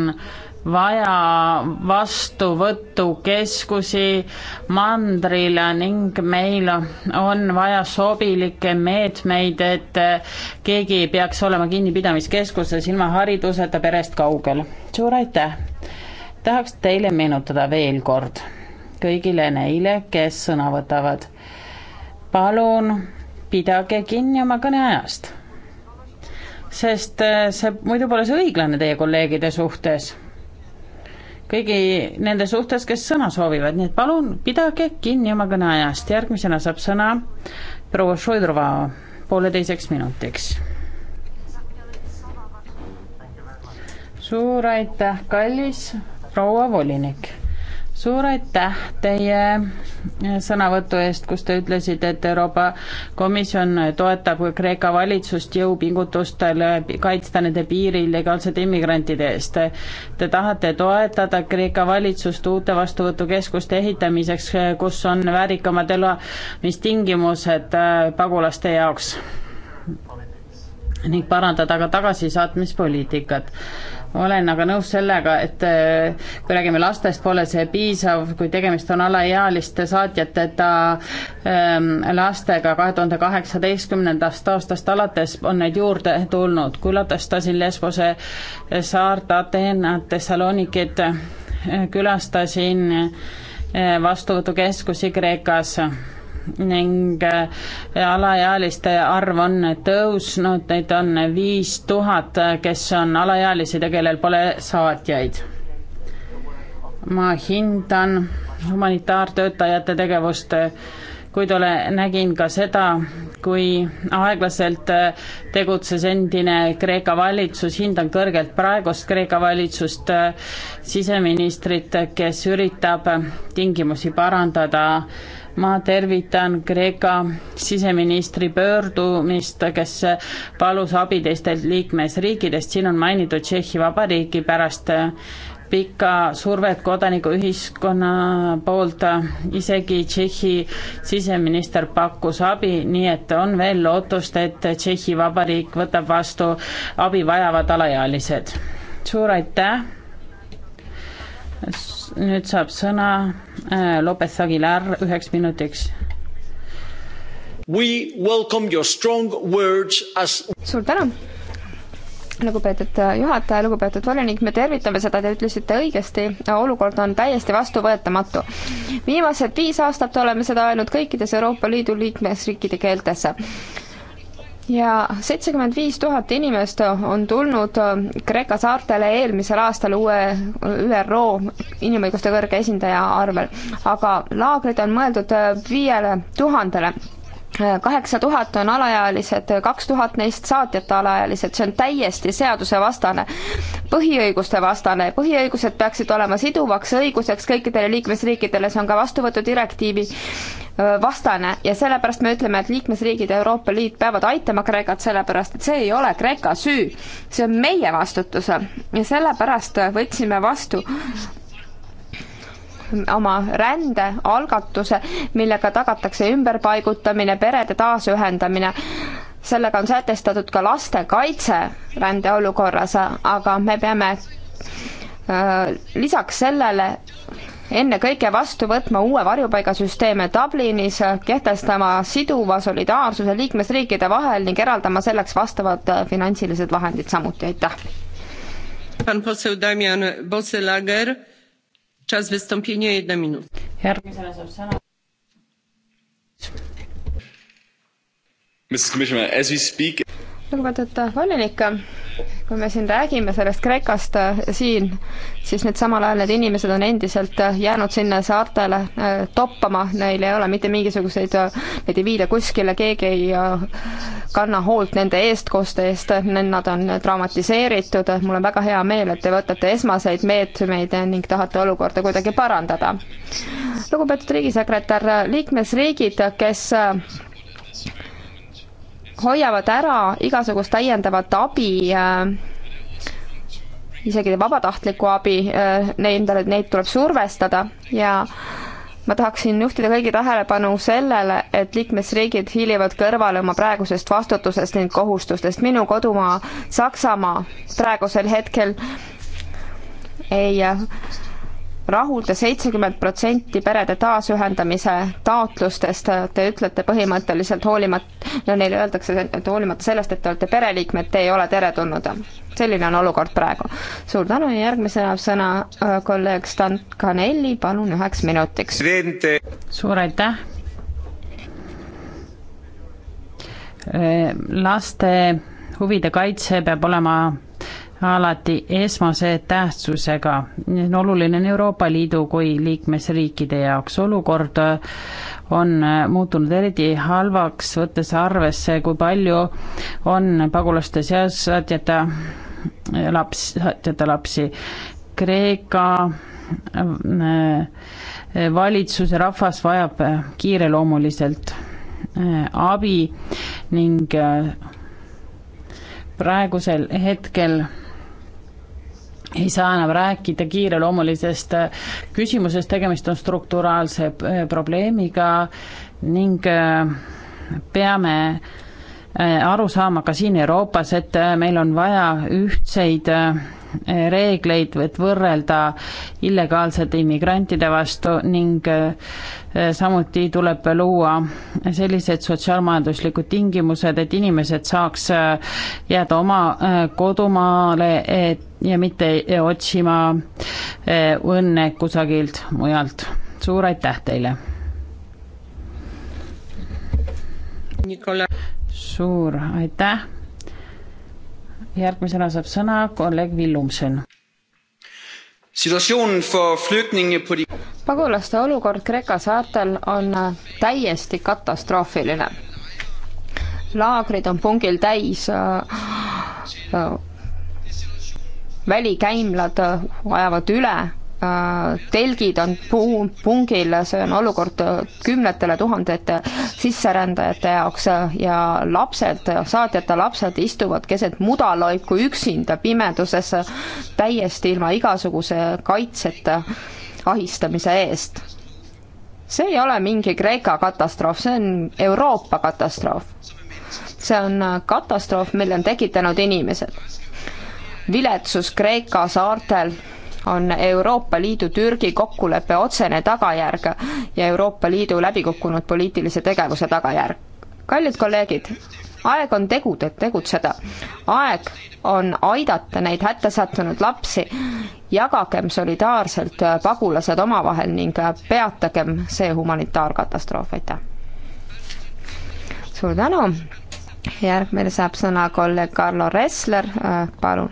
vaja vastuvõtukeskusi mandrile ning meil on vaja sobilikke meetmeid, et keegi ei peaks olema kinnipidamiskeskuses ilma hariduseta perest kaugel. suur aitäh! tahaks teile meenutada veel kord kõigile neile, kes sõna võtavad. palun pidage kinni oma kõneajast, sest see muidu pole see õiglane teie kolleegide suhtes kõigi nende suhtes, kes sõna soovivad, nii et palun pidage kinni oma kõneajast, järgmisena saab sõna proua Šoidrova pooleteiseks minutiks. suur aitäh, kallis proua volinik suur aitäh teie sõnavõtu eest, kus te ütlesite, et Euroopa Komisjon toetab Kreeka valitsust jõupingutustel kaitsta nende piiri illegaalsete immigrantide eest. Te tahate toetada Kreeka valitsust uute vastuvõtukeskuste ehitamiseks, kus on väärikamad elamistingimused äh, pagulaste jaoks ning parandada ka tagasisaatmispoliitikat olen aga nõus sellega, et äh, kui räägime lastest, pole see piisav, kui tegemist on alaealiste saatjateta ähm, lastega kahe tuhande kaheksateistkümnendast aastast alates on neid juurde tulnud. külastasin Lesbose saart, Ateenat, Thessalonikit, äh, külastasin äh, vastuvõtukeskusi Kreekas ning äh, alaealiste arv on tõusnud, neid on viis tuhat, kes on alaealised ja kellel pole saatjaid. ma hindan humanitaartöötajate tegevust, kuid ole, nägin ka seda, kui aeglaselt tegutses endine Kreeka valitsus, hindan kõrgelt praegust Kreeka valitsust, siseministrit, kes üritab tingimusi parandada ma tervitan Kreeka siseministri pöördumist, kes palus abi teistelt liikmesriikidest, siin on mainitud Tšehhi Vabariiki pärast pikka survet kodanikuühiskonna poolt, isegi Tšehhi siseminister pakkus abi, nii et on veel lootust, et Tšehhi Vabariik võtab vastu abi vajavad alaealised. suur aitäh! nüüd saab sõna äh, Lopez Aguilar üheks minutiks. We welcome your strong words as suur tänu, lugupeetud äh, juhataja, lugupeetud volinik, me tervitame seda, te ütlesite õigesti, olukord on täiesti vastuvõetamatu. viimased viis aastat oleme seda öelnud kõikides Euroopa Liidu liikmesriikide keeltes ja seitsekümmend viis tuhat inimest on tulnud äh, Kreeka saartele eelmisel aastal uue ÜRO inimõiguste kõrge esindaja arvel, aga laagrid on mõeldud äh, viiele tuhandele kaheksa tuhat on alaealised, kaks tuhat neist saatjata alaealised, see on täiesti seadusevastane, põhiõiguste vastane, põhiõigused peaksid olema siduvaks õiguseks kõikidele liikmesriikidele, see on ka vastuvõtudirektiivi vastane ja sellepärast me ütleme, et liikmesriigid ja Euroopa Liit peavad aitama Kreekat, sellepärast et see ei ole Kreeka süü, see on meie vastutus ja sellepärast võtsime vastu oma rändealgatuse, millega tagatakse ümberpaigutamine, perede taasühendamine sellega on sätestatud ka laste kaitse rändeolukorras, aga me peame lisaks sellele ennekõike vastu võtma uue varjupaigasüsteeme Dublinis, kehtestama siduva solidaarsuse liikmesriikide vahel ning eraldama selleks vastavad finantsilised vahendid samuti, aitäh. Czas wystąpienia jedna minut. järgmisena saab sõna. lugupeetud volinik kui me siin räägime sellest Kreekast äh, siin, siis nüüd samal ajal need inimesed on endiselt äh, jäänud sinna saartele äh, toppama, neil ei ole mitte mingisuguseid, neid ei viida kuskile, keegi ei kanna hoolt nende eestkoste eest, nad on traumatiseeritud, mul on väga hea meel, et te võtate esmaseid meetmeid ning tahate olukorda kuidagi parandada. lugupeetud riigisekretär, liikmesriigid, kes hoiavad ära igasugust täiendavat abi äh, isegi vabatahtlikku abi, äh, nendele, neid tuleb survestada ja ma tahaksin juhtida kõigi tähelepanu sellele, et liikmesriigid hiilivad kõrvale oma praegusest vastutusest ning kohustustest. minu kodumaa Saksamaa praegusel hetkel ei äh, rahulda seitsekümmend protsenti perede taasühendamise taotlustest, te ütlete põhimõtteliselt hoolimata, no neile öeldakse, et hoolimata sellest, et te olete pereliikmed, te ei ole teretulnud. selline on olukord praegu. suur tänu ja järgmisena sõna äh, kolleeg Stan Canelli, palun üheks minutiks. suur aitäh. Äh, laste huvide kaitse peab olema alati esmase tähtsusega. oluline on Euroopa Liidu kui liikmesriikide jaoks. olukord on muutunud eriti halvaks, võttes arvesse, kui palju on pagulaste seas saatjata laps, saatjata lapsi. Kreeka äh, valitsus ja rahvas vajab kiireloomuliselt äh, abi ning äh, praegusel hetkel ei saa enam rääkida kiireloomulisest küsimusest, tegemist on strukturaalse äh, probleemiga ning äh, peame äh, aru saama ka siin Euroopas, et meil on vaja ühtseid reegleid, et võrrelda illegaalsete immigrantide vastu ning samuti tuleb luua sellised sotsiaalmajanduslikud tingimused, et inimesed saaks jääda oma kodumaale, et ja mitte otsima eh, õnne kusagilt mujalt. suur aitäh teile! suur aitäh! järgmisena saab sõna kolleeg Villumsen. pagulaste olukord Kreeka saartel on täiesti katastroofiline. laagrid on pungil täis äh, äh, välikäimlad äh, ajavad üle, äh, telgid on puu, pungil, see on olukord äh, kümnetele tuhandete sisserändajate jaoks ja lapsed, saatjate lapsed istuvad keset mudaloiku üksinda pimeduses, täiesti ilma igasuguse kaitseta ahistamise eest. see ei ole mingi Kreeka katastroof, see on Euroopa katastroof. see on katastroof, mille on tekitanud inimesed viletsus Kreeka saartel on Euroopa Liidu Türgi kokkuleppe otsene tagajärg ja Euroopa Liidu läbikukkunud poliitilise tegevuse tagajärg. kallid kolleegid, aeg on tegud, et tegutseda. aeg on aidata neid hätta sattunud lapsi, jagagem solidaarselt pagulased omavahel ning peatagem see humanitaarkatastroof, aitäh! suur tänu, järgmine saab sõna kolleeg Carlo Ressler, palun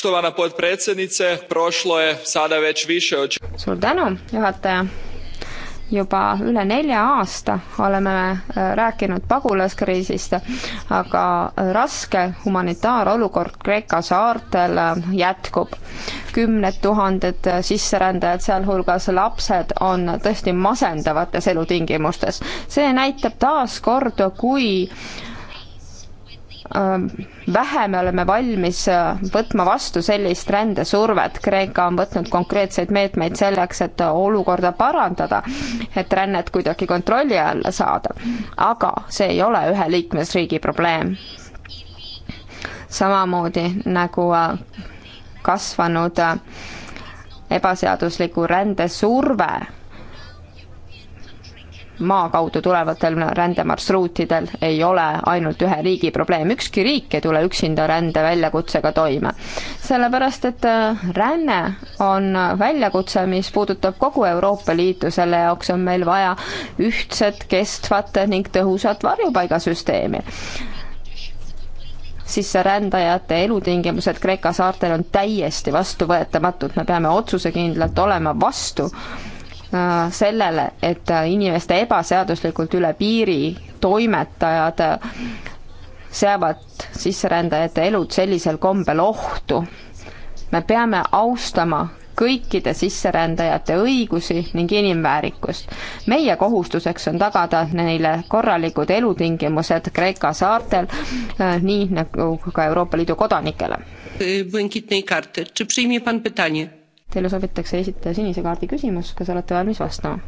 poštovana potpredsjednice prošlo je sada već više od suur tänu juhataja juba üle nelja aasta oleme äh, rääkinud pagulaskriisist, aga äh, raske humanitaarolukord Kreeka saartel äh, jätkub. kümned tuhanded sisserändajad, sealhulgas lapsed, on tõesti masendavates elutingimustes. see näitab taas kord, kui Ähm, vähe me oleme valmis äh, võtma vastu sellist rändesurvet. Kreeka on võtnud konkreetseid meetmeid selleks, et olukorda parandada, et rännet kuidagi kontrolli alla saada. aga see ei ole ühe liikmesriigi probleem. samamoodi nagu äh, kasvanud äh, ebaseadusliku rände surve maa kaudu tulevatel rändemarsruutidel ei ole ainult ühe riigi probleem, ükski riik ei tule üksinda rände väljakutsega toime. sellepärast, et äh, ränne on väljakutse, mis puudutab kogu Euroopa Liitu, selle jaoks on meil vaja ühtset, kestvat ning tõhusat varjupaigasüsteemi sisserändajate elutingimused Kreeka saartel on täiesti vastuvõetamatud, me peame otsusekindlalt olema vastu Äh, sellele, et äh, inimeste ebaseaduslikult üle piiri toimetajad äh, seavad sisserändajate elud sellisel kombel ohtu. me peame austama kõikide sisserändajate õigusi ning inimväärikust. meie kohustuseks on tagada neile korralikud elutingimused Kreeka saartel, nii nagu ka Euroopa Liidu kodanikele. Teile soovitakse esitada sinise kaardi küsimus, kas olete valmis vastama?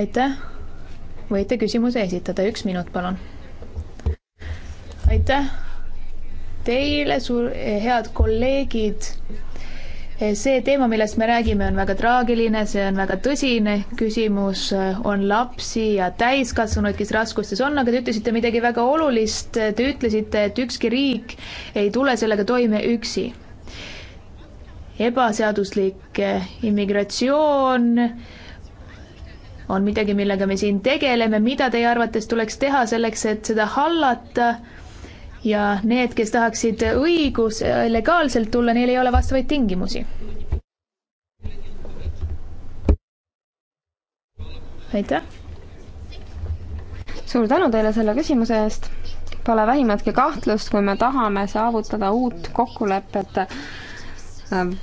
aitäh, võite küsimuse esitada, üks minut, palun. aitäh teile, suur, eh, head kolleegid see teema, millest me räägime, on väga traagiline, see on väga tõsine küsimus, on lapsi ja täiskasvanuid, kes raskustes on, aga te ütlesite midagi väga olulist, te ütlesite, et ükski riik ei tule sellega toime üksi. ebaseaduslik eh, immigratsioon on midagi, millega me siin tegeleme, mida teie arvates tuleks teha selleks, et seda hallata ja need, kes tahaksid õigus legaalselt tulla, neil ei ole vastavaid tingimusi. aitäh! suur tänu teile selle küsimuse eest. Pole vähimatki kahtlust, kui me tahame saavutada uut kokkulepet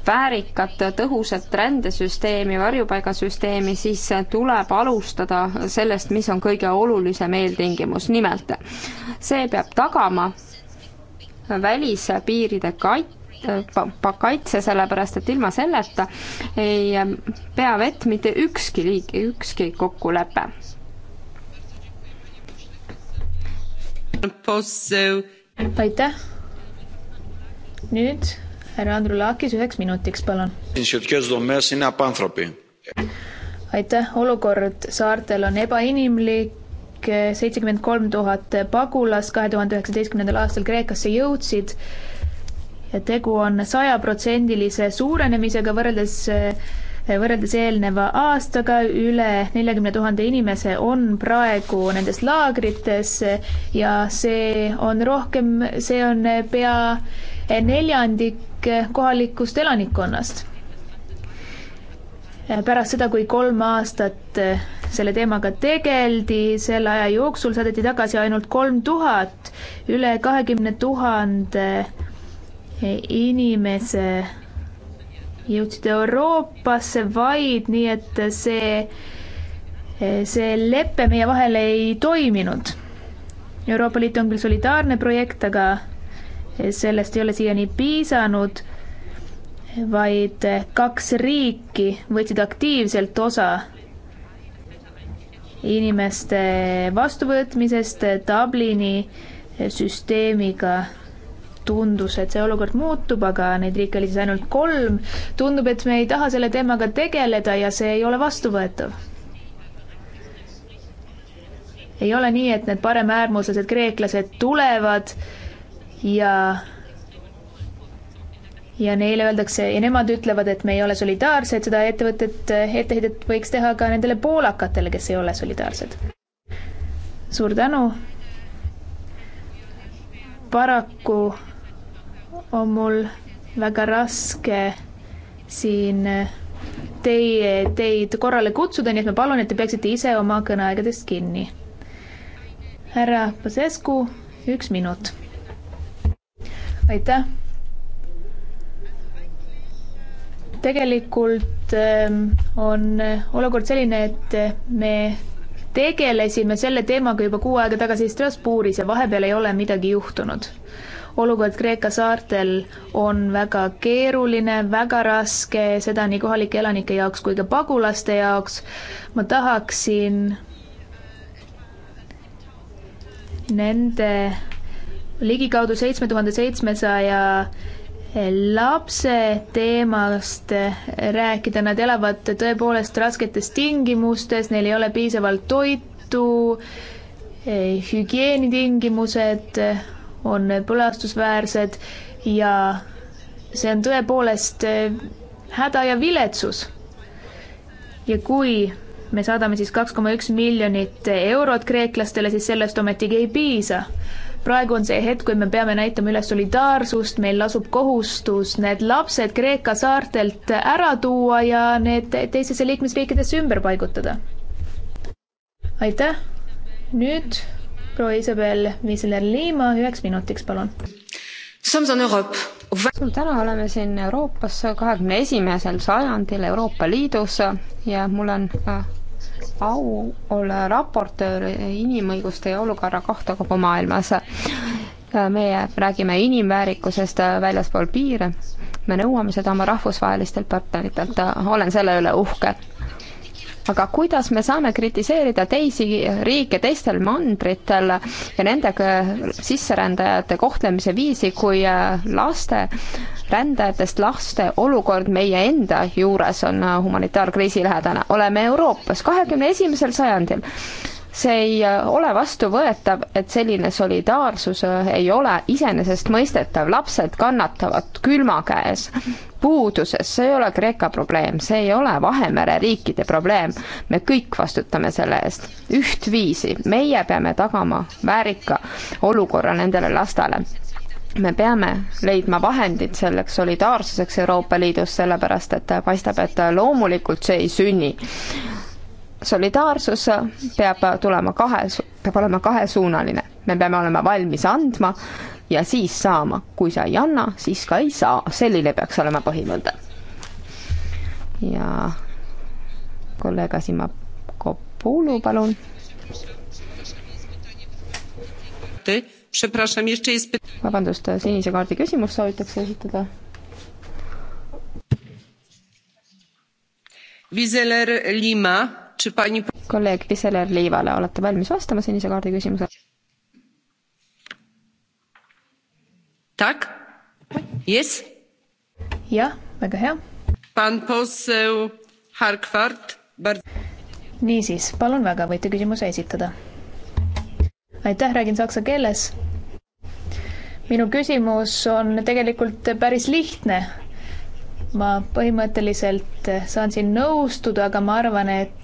väärikat tõhusat rändesüsteemi, varjupaigasüsteemi, siis tuleb alustada sellest, mis on kõige olulisem eeltingimus, nimelt see peab tagama välispiiride kait-, kaitse, sellepärast et ilma selleta ei pea vett mitte ükski liik, ükski kokkulepe. aitäh! nüüd härra Andrulakis üheks minutiks, palun. aitäh, olukord saartel on ebainimlik, seitsekümmend kolm tuhat pagulast kahe tuhande üheksateistkümnendal aastal Kreekasse jõudsid ja tegu on sajaprotsendilise suurenemisega võrreldes võrreldes eelneva aastaga üle neljakümne tuhande inimese on praegu nendes laagrites ja see on rohkem, see on pea neljandik kohalikust elanikkonnast. pärast seda, kui kolm aastat selle teemaga tegeldi, selle aja jooksul saadeti tagasi ainult kolm tuhat, üle kahekümne tuhande inimese jõudsid Euroopasse vaid, nii et see, see lepe meie vahel ei toiminud. Euroopa Liit on küll solidaarne projekt, aga sellest ei ole siiani piisanud, vaid kaks riiki võtsid aktiivselt osa inimeste vastuvõtmisest Dublini süsteemiga tundus, et see olukord muutub, aga neid riike oli siis ainult kolm. tundub, et me ei taha selle teemaga tegeleda ja see ei ole vastuvõetav. ei ole nii, et need paremäärmuslased kreeklased tulevad ja ja neile öeldakse ja nemad ütlevad, et me ei ole solidaarsed, seda ettevõtet, äh, etteheidet võiks teha ka nendele poolakatele, kes ei ole solidaarsed. suur tänu. paraku on mul väga raske siin äh, teie, teid korrale kutsuda, nii et ma palun, et te peaksite ise oma kõneaegadest kinni. härra Pasescu, üks minut aitäh. tegelikult ähm, on äh, olukord selline, et äh, me tegelesime selle teemaga juba kuu aega tagasi Strasbourgis ja vahepeal ei ole midagi juhtunud. olukord Kreeka saartel on väga keeruline, väga raske, seda nii kohalike elanike jaoks kui ka pagulaste jaoks. ma tahaksin nende ligikaudu seitsme tuhande seitsmesaja lapse teemast rääkida, nad elavad tõepoolest rasketes tingimustes, neil ei ole piisavalt toitu, hügieenitingimused on põlastusväärsed ja see on tõepoolest häda ja viletsus. ja kui me saadame siis kaks koma üks miljonit eurot kreeklastele, siis sellest ometigi ei piisa praegu on see hetk, kui me peame näitama üles solidaarsust, meil lasub kohustus need lapsed Kreeka saartelt ära tuua ja need teistesse liikmesriikidesse ümber paigutada. aitäh, nüüd proua Isabel Miisler-Liima üheks minutiks, palun. suur tänu, oleme siin Euroopas kahekümne esimesel sajandil Euroopa Liidus ja mul on äh, au olla raportöör inimõiguste ja olukorra kohta kogu maailmas. meie räägime inimväärikusest väljaspool piire, me nõuame seda oma rahvusvahelistelt partneritelt, olen selle üle uhke aga kuidas me saame kritiseerida teisi riike teistel mandritel ja nende sisserändajate kohtlemise viisi, kui äh, laste, rändajatest laste olukord meie enda juures on äh, humanitaarkriisi lähedane. oleme Euroopas kahekümne esimesel sajandil see ei äh, ole vastuvõetav, et selline solidaarsus ei ole iseenesestmõistetav, lapsed kannatavad külma käes puuduses, see ei ole Kreeka probleem, see ei ole Vahemere riikide probleem. me kõik vastutame selle eest ühtviisi, meie peame tagama väärika olukorra nendele lastele me peame leidma vahendid selleks solidaarsuseks Euroopa Liidus, sellepärast et paistab, et loomulikult see ei sünni. solidaarsus peab tulema kahe, peab olema kahesuunaline, me peame olema valmis andma ja siis saama. kui sa ei anna, siis ka ei saa. selline peaks olema põhimõte. ja kolleeg Asima Kopulu, palun. vabandust, sinise kaardi küsimus soovitakse esitada Viseler Lima, czy pani... kolleeg Viseler Liivale, olete valmis vastama sinise kaardi küsimusele? Tak? Yes? jah, väga hea. niisiis, palun väga, võite küsimuse esitada. aitäh, räägin saksa keeles. minu küsimus on tegelikult päris lihtne ma põhimõtteliselt saan siin nõustuda, aga ma arvan, et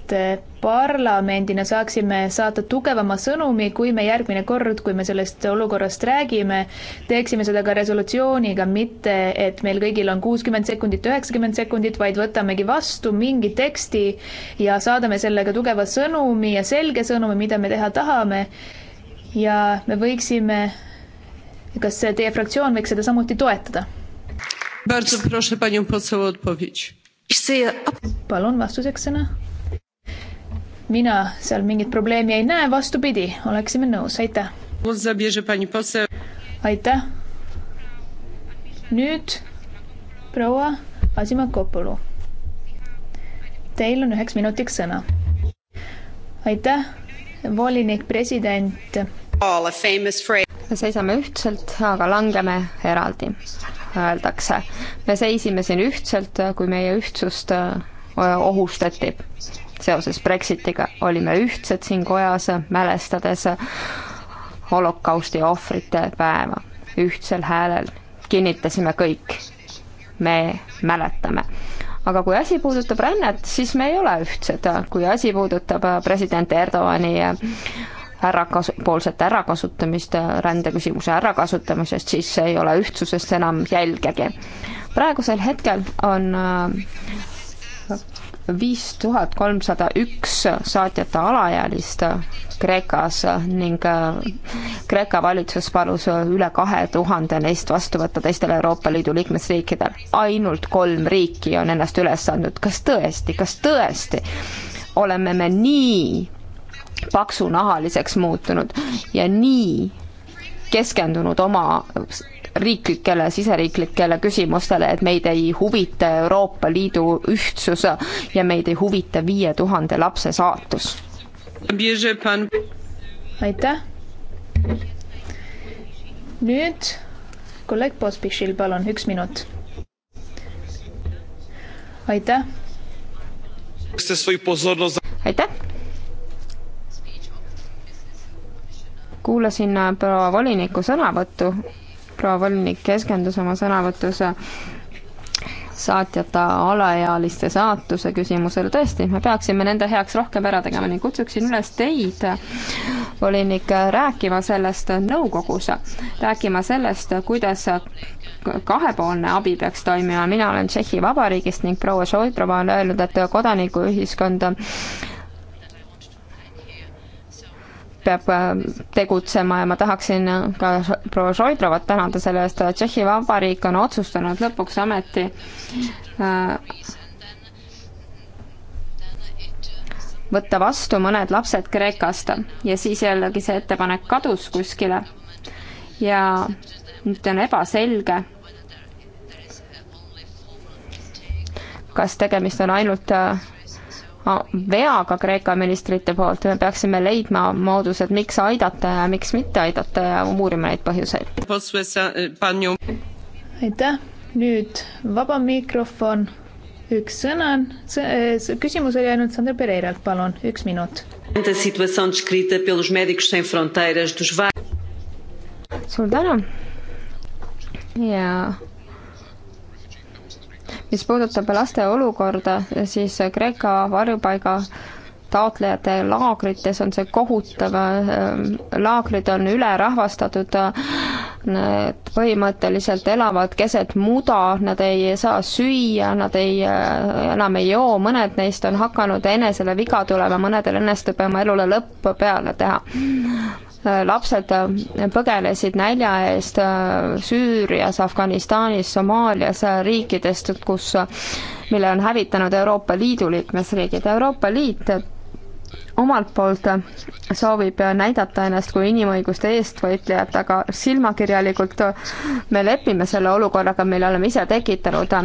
parlamendina saaksime saata tugevama sõnumi, kui me järgmine kord, kui me sellest olukorrast räägime, teeksime seda ka resolutsiooniga, mitte et meil kõigil on kuuskümmend sekundit, üheksakümmend sekundit, vaid võtamegi vastu mingi teksti ja saadame sellega tugeva sõnumi ja selge sõnumi, mida me teha tahame. ja me võiksime, kas teie fraktsioon võiks seda samuti toetada? palun vastuseks sõna. mina seal mingit probleemi ei näe, vastupidi, oleksime nõus, aitäh. aitäh. nüüd proua Asimakopulu. Teil on üheks minutiks sõna. aitäh, volinik, president. seisame ühtselt, aga langeme eraldi öeldakse. me seisime siin ühtselt, kui meie ühtsust ohustati seoses Brexitiga, olime ühtsed siin kojas, mälestades holokausti ohvrite päeva. ühtsel häälel kinnitasime kõik, me mäletame aga kui asi puudutab rännet, siis me ei ole ühtsed, kui asi puudutab äh, president Erdogani ärakas-, poolset ärakasutamist, rändeküsimuse ärakasutamisest, siis ei ole ühtsusest enam jälgegi. praegusel hetkel on äh, viis tuhat kolmsada üks saatjata alaealist äh, Kreekas ning äh, Kreeka valitsus palus üle kahe tuhande neist vastu võtta teistel Euroopa Liidu liikmesriikidel. ainult kolm riiki on ennast üles andnud. kas tõesti, kas tõesti oleme me nii paksunahaliseks muutunud ja nii keskendunud oma riiklikele, siseriiklikele küsimustele, et meid ei huvita Euroopa Liidu ühtsus ja meid ei huvita viie tuhande lapse saatus. aitäh. nüüd kolleeg Pospišil, palun, üks minut. aitäh. aitäh kuulasin äh, proua voliniku sõnavõttu, proua volinik keskendus oma sõnavõtus äh, saatjate alaealiste saatuse küsimusele, tõesti, me peaksime nende heaks rohkem ära tegema ning kutsuksin üles teid, äh, volinik, rääkima sellest nõukogus, rääkima sellest, kuidas kahepoolne abi peaks toimima, mina olen Tšehhi Vabariigist ning proua Šoidrova on öelnud, et kodanikuühiskond peab äh, tegutsema ja ma tahaksin ka proua Šoidrovat tänada selle eest, Tšehhi Vabariik on otsustanud lõpuks ometi äh, võtta vastu mõned lapsed Kreekast ja siis jällegi see ettepanek kadus kuskile ja nüüd on ebaselge, kas tegemist on ainult äh, veaga Kreeka ministrite poolt, me peaksime leidma moodused, miks aidata ja miks mitte aidata ja uurima neid põhjuseid. aitäh, nüüd vaba mikrofon, üks sõna on, küsimus oli ainult Sander Pereiralt, palun, üks minut. suur tänu ja yeah mis puudutab laste olukorda, siis Kreeka varjupaiga taotlejate laagrites on see kohutav, ehm, laagrid on ülerahvastatud, nad põhimõtteliselt elavad keset muda, nad ei saa süüa, nad ei, eh, enam ei joo, mõned neist on hakanud enesele viga tulema, mõnedel õnnestub oma elule lõpp peale teha lapsed äh, põgelesid nälja eest äh, Süürias, Afganistanis, Somaalias, äh, riikidest, kus, mille on hävitanud Euroopa Liidu liikmesriigid. Euroopa Liit omalt poolt soovib näidata ennast kui inimõiguste eestvõitlejat, aga silmakirjalikult me lepime selle olukorraga, mille oleme ise tekitanud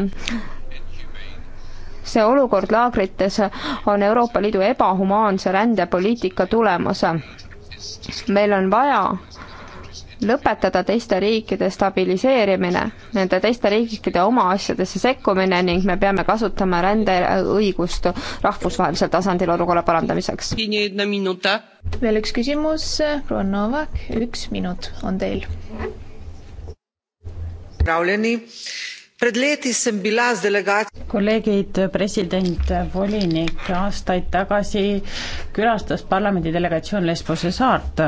see olukord laagrites on Euroopa Liidu ebahumaanse rändepoliitika tulemus meil on vaja lõpetada teiste riikide stabiliseerimine, nende teiste riikide oma asjadesse sekkumine ning me peame kasutama rändeõigust rahvusvahelisel tasandil olukorra parandamiseks. veel üks küsimus, proua Novak, üks minut on teil kolleegid, president, volinik aastaid tagasi külastas parlamendi delegatsioon Lesbose saart.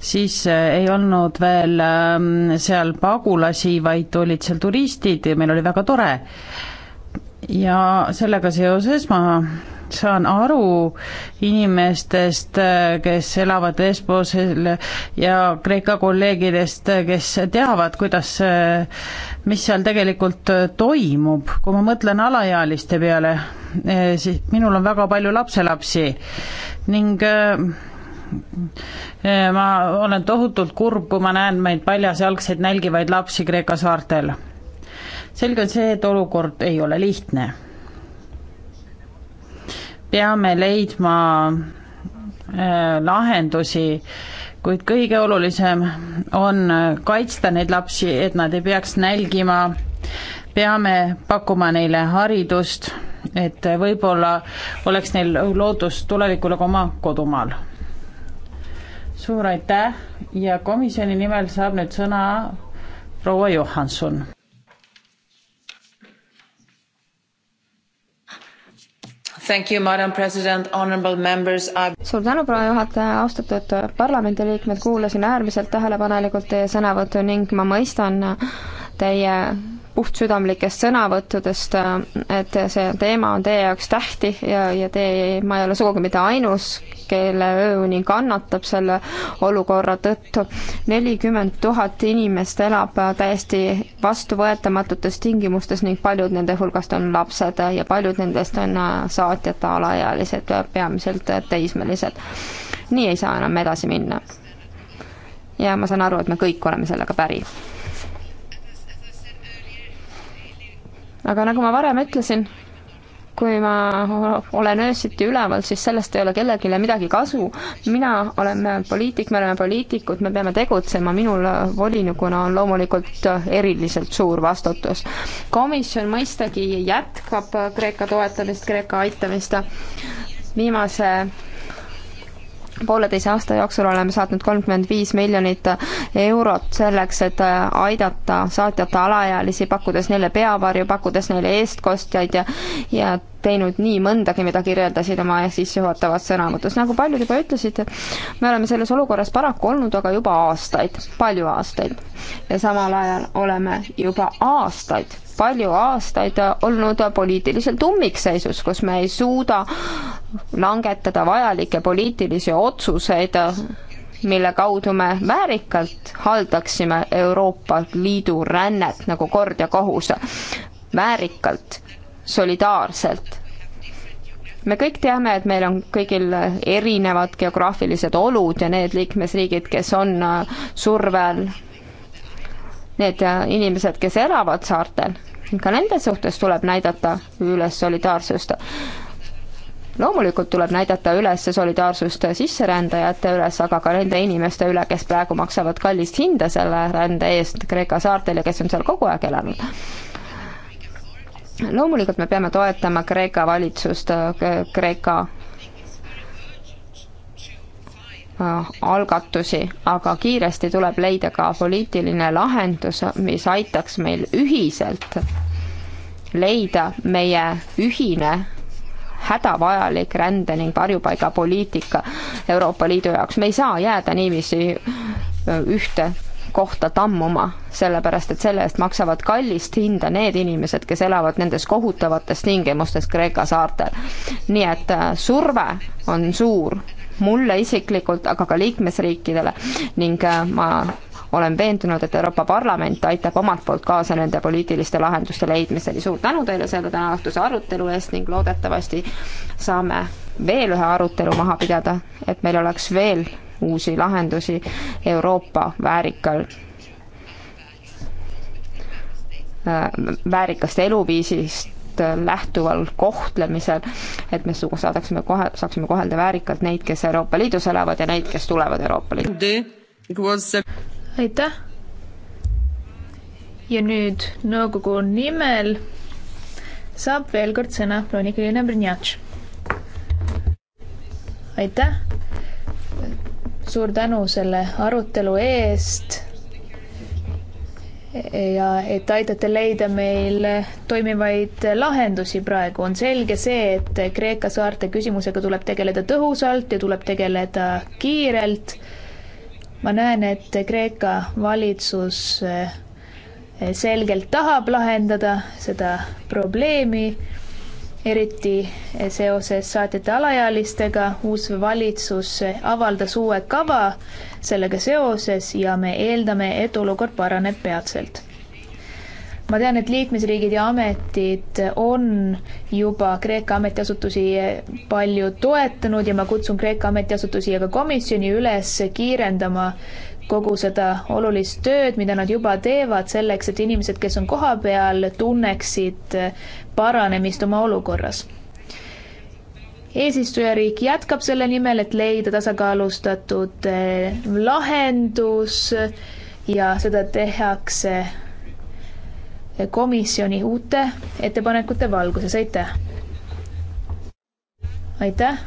siis eh, ei olnud veel ehm, seal pagulasi, vaid olid seal turistid ja meil oli väga tore ja sellega seoses ma saan aru inimestest, kes elavad Esposel ja Kreeka kolleegidest, kes teavad, kuidas, mis seal tegelikult toimub. kui ma mõtlen alaealiste peale, siis minul on väga palju lapselapsi ning ma olen tohutult kurb, kui ma näen neid paljasjalgseid nälgivaid lapsi Kreeka saartel selge on see, et olukord ei ole lihtne. peame leidma äh, lahendusi, kuid kõige olulisem on kaitsta neid lapsi, et nad ei peaks nälgima, peame pakkuma neile haridust, et võib-olla oleks neil lootust tulevikule ka oma kodumaal. suur aitäh ja komisjoni nimel saab nüüd sõna proua Johanson. You, I... suur tänu, proua juhataja, austatud parlamendiliikmed, kuulasin äärmiselt tähelepanelikult teie sõnavõttu ning ma mõistan teie puhtsüdamlikest sõnavõttudest, et see teema on teie jaoks tähti ja, ja te, ma ei ole sugugi mitte ainus, kelle ööuni kannatab selle olukorra tõttu. nelikümmend tuhat inimest elab täiesti vastuvõetamatutes tingimustes ning paljud nende hulgast on lapsed ja paljud nendest on saatjate alaealised, peamiselt teismelised. nii ei saa enam edasi minna. ja ma saan aru, et me kõik oleme sellega päri aga nagu ma varem ütlesin, kui ma olen öösiti üleval, siis sellest ei ole kellelegi midagi kasu. mina olen poliitik, me oleme poliitikud, me peame tegutsema, minul volinikuna on loomulikult eriliselt suur vastutus. komisjon mõistagi jätkab Kreeka toetamist, Kreeka aitamist. viimase pooleteise aasta jooksul oleme saatnud kolmkümmend viis miljonit eurot selleks, et äh, aidata saatjate alaealisi, pakkudes neile peavarju, pakkudes neile eestkostjaid ja, ja teinud nii mõndagi, mida kirjeldasid oma sissejuhatavas sõnavõtus. nagu paljud juba ütlesid, me oleme selles olukorras paraku olnud aga juba aastaid, palju aastaid. ja samal ajal oleme juba aastaid palju aastaid olnud poliitiliselt ummikseisus, kus me ei suuda langetada vajalikke poliitilisi otsuseid, mille kaudu me väärikalt haldaksime Euroopa Liidu rännet nagu kord ja kohus. väärikalt, solidaarselt me kõik teame, et meil on kõigil erinevad geograafilised olud ja need liikmesriigid, kes on surve all, need äh, inimesed, kes elavad saartel, ka nende suhtes tuleb näidata üles solidaarsust. loomulikult tuleb näidata üles solidaarsust sisserändajate üles, aga ka nende inimeste üle, kes praegu maksavad kallist hinda selle rände eest Kreeka saartel ja kes on seal kogu aeg elanud loomulikult me peame toetama Kreeka valitsust Kreeka Äh, algatusi, aga kiiresti tuleb leida ka poliitiline lahendus, mis aitaks meil ühiselt leida meie ühine hädavajalik rände- ning varjupaigapoliitika Euroopa Liidu jaoks. me ei saa jääda niiviisi äh, ühte kohta tammuma, sellepärast et selle eest maksavad kallist hinda need inimesed, kes elavad nendes kohutavates tingimustes Kreeka saartel. nii et äh, surve on suur mulle isiklikult, aga ka liikmesriikidele ning äh, ma olen veendunud, et Euroopa Parlament aitab omalt poolt kaasa nende poliitiliste lahenduste leidmiseni. suur tänu teile selle tänaõhtuse arutelu eest ning loodetavasti saame veel ühe arutelu maha pidada, et meil oleks veel uusi lahendusi Euroopa väärikal äh, väärikast eluviisist õigusest äh, lähtuval kohtlemisel, et me saadaksime kohe, saaksime kohelda väärikalt neid, kes Euroopa Liidus elavad ja neid, kes tulevad Euroopa Liidu. aitäh! ja nüüd nõukogu nimel saab veel kord sõna Veronika Linna-Brnjatš. aitäh! suur tänu selle arutelu eest ja et aitate leida meil toimivaid lahendusi praegu. on selge see, et Kreeka saarte küsimusega tuleb tegeleda tõhusalt ja tuleb tegeleda kiirelt. ma näen, et Kreeka valitsus eh, selgelt tahab lahendada seda probleemi eriti seoses saatjate alaealistega. uus valitsus avaldas uue kava sellega seoses ja me eeldame, et olukord paraneb peatselt ma tean, et liikmesriigid ja ametid on juba Kreeka ametiasutusi palju toetanud ja ma kutsun Kreeka ametiasutusi ja ka komisjoni üles kiirendama kogu seda olulist tööd, mida nad juba teevad selleks, et inimesed, kes on kohapeal, tunneksid paranemist oma olukorras eesistujariik jätkab selle nimel, et leida tasakaalustatud eh, lahendus ja seda tehakse komisjoni uute ettepanekute valguses, aitäh! aitäh!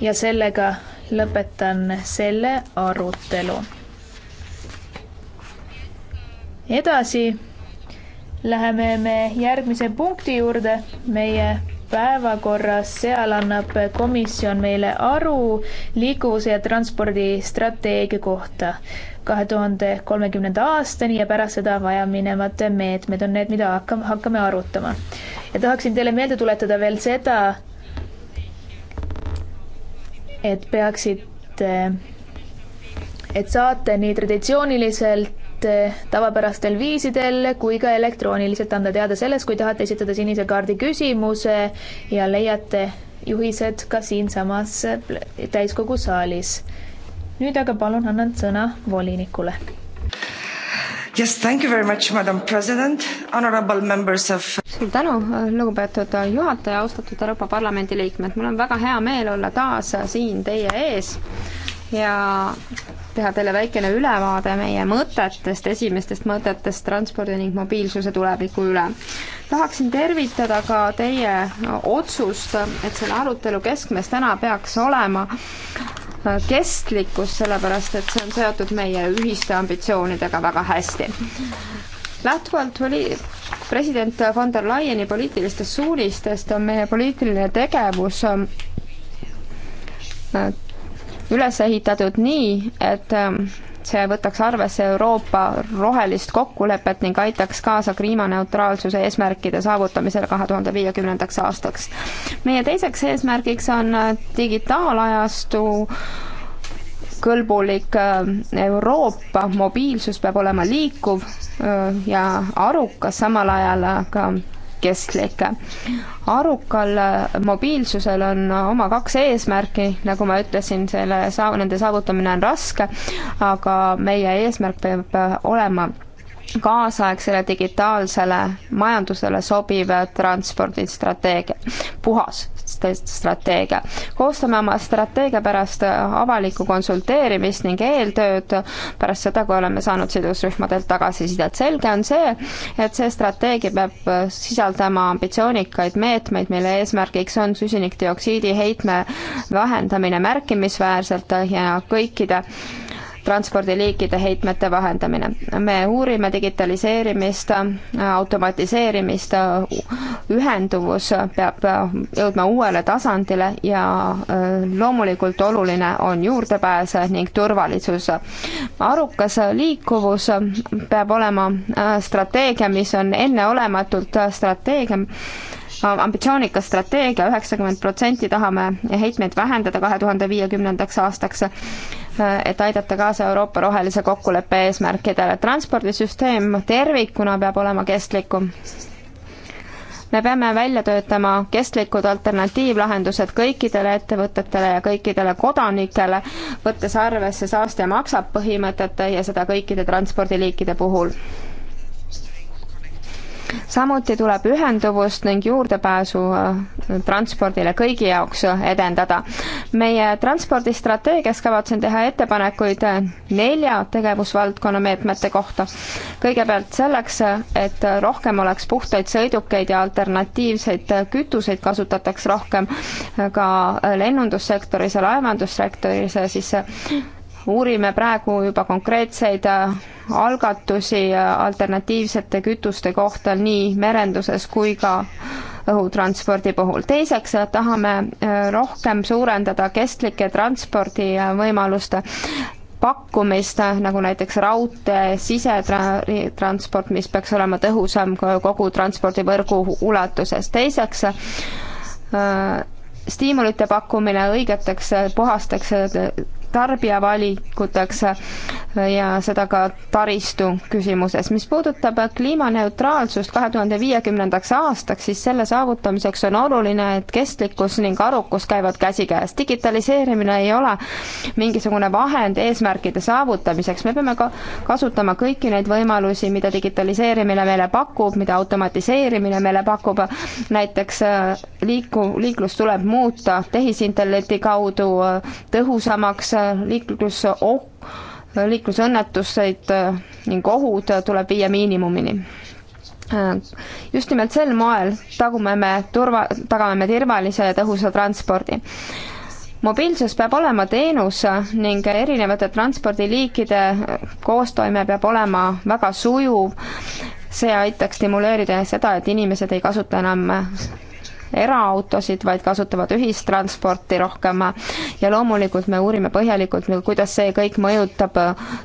ja sellega lõpetan selle arutelu. edasi läheme me järgmise punkti juurde meie päevakorras, seal annab komisjon meile aru liikuvuse ja transpordi strateegia kohta kahe tuhande kolmekümnenda aastani ja pärast seda vajaminevad meetmed on need, mida hakkame, hakkame arutama. ja tahaksin teile meelde tuletada veel seda, et peaksite, et saate nii traditsiooniliselt eh, tavapärastel viisidel kui ka elektrooniliselt anda teada sellest, kui tahate esitada sinise kaardi küsimuse ja leiate juhised ka siinsamas eh, täiskogu saalis. nüüd aga palun annan sõna volinikule. Yes, thank you very much, madam president, honorable members of. suur tänu, lugupeetud juhataja, austatud Euroopa Parlamendi liikmed, mul on väga hea meel olla taas siin teie ees ja teha teile väikene ülevaade meie mõtetest, esimestest mõtetest transpordi ning mobiilsuse tuleviku üle. tahaksin tervitada ka teie otsust, et selle arutelu keskmes täna peaks olema kestlikkus, sellepärast et see on seotud meie ühiste ambitsioonidega väga hästi. lähtuvalt oli president von der Leyeni poliitilistest suunistest on meie poliitiline tegevus äh, üles ehitatud nii, et äh, see võtaks arvesse Euroopa rohelist kokkulepet ning aitaks kaasa kliimaneutraalsuse eesmärkide saavutamisele kahe tuhande viiekümnendaks aastaks. meie teiseks eesmärgiks on digitaalajastu kõlbulik äh, Euroopa, mobiilsus peab olema liikuv äh, ja arukas, samal ajal ka kestlik. arukal mobiilsusel on oma kaks eesmärki, nagu ma ütlesin, selle saa-, nende saavutamine on raske, aga meie eesmärk peab olema kaasaegsele digitaalsele majandusele sobiv transpordistrateegia, puhas strateegia. koostame oma strateegia pärast avalikku konsulteerimist ning eeltööd pärast seda, kui oleme saanud sidusrühmadelt tagasisidet. selge on see, et see strateegia peab sisaldama ambitsioonikaid meetmeid, mille eesmärgiks on süsinikdioksiidi heitme vähendamine märkimisväärselt ja kõikide transpordiliikide heitmete vahendamine. me uurime digitaliseerimist, automatiseerimist, ühenduvus peab jõudma uuele tasandile ja äh, loomulikult oluline on juurdepääs ning turvalisus. arukas liikuvus peab olema äh, strateegia, mis on enneolematult strateegia, ambitsioonikas strateegia, üheksakümmend protsenti tahame heitmeid vähendada kahe tuhande viiekümnendaks aastaks et aidata kaasa Euroopa rohelise kokkuleppe eesmärkidele. transpordisüsteem tervikuna peab olema kestlikum. me peame välja töötama kestlikud alternatiivlahendused kõikidele ettevõtetele ja kõikidele kodanikele, võttes arvesse saaste maksab põhimõtet ja seda kõikide transpordiliikide puhul samuti tuleb ühenduvust ning juurdepääsu äh, transpordile kõigi jaoks äh, edendada. meie transpordistrateegias kavatsen teha ettepanekuid äh, nelja tegevusvaldkonna meetmete kohta. kõigepealt selleks, et rohkem oleks puhtaid sõidukeid ja alternatiivseid kütuseid kasutataks rohkem ka lennundussektoris ja laevandussektoris, siis uurime praegu juba konkreetseid äh, algatusi äh, alternatiivsete kütuste kohta nii merenduses kui ka õhutranspordi puhul. teiseks äh, tahame rohkem suurendada kestlike transpordivõimaluste pakkumist, nagu näiteks raudtee, sisetransport, mis peaks olema tõhusam kogu transpordivõrgu ulatuses. teiseks stiimulite pakkumine õigeteks puhasteks tarbijavalikuteks ja seda ka taristu küsimuses. mis puudutab kliimaneutraalsust kahe tuhande viiekümnendaks aastaks, siis selle saavutamiseks on oluline, et kestlikkus ning arukus käivad käsikäes. digitaliseerimine ei ole mingisugune vahend eesmärkide saavutamiseks, me peame ka kasutama kõiki neid võimalusi, mida digitaliseerimine meile pakub, mida automatiseerimine meile pakub, näiteks äh, liiku, liiklus tuleb muuta tehisintellekti kaudu äh, tõhusamaks, liiklus oh,, liiklusõnnetuseid äh, ning ohud tuleb viia miinimumini. Äh, just nimelt sel moel tagume me turva, tagame me turvalise ja tõhusa transpordi mobiilsus peab olema teenus ning erinevate transpordiliikide äh, koostoime peab olema väga sujuv. see aitaks stimuleerida seda, et inimesed ei kasuta enam eraautosid, vaid kasutavad ühistransporti rohkem ja loomulikult me uurime põhjalikult, kuidas see kõik mõjutab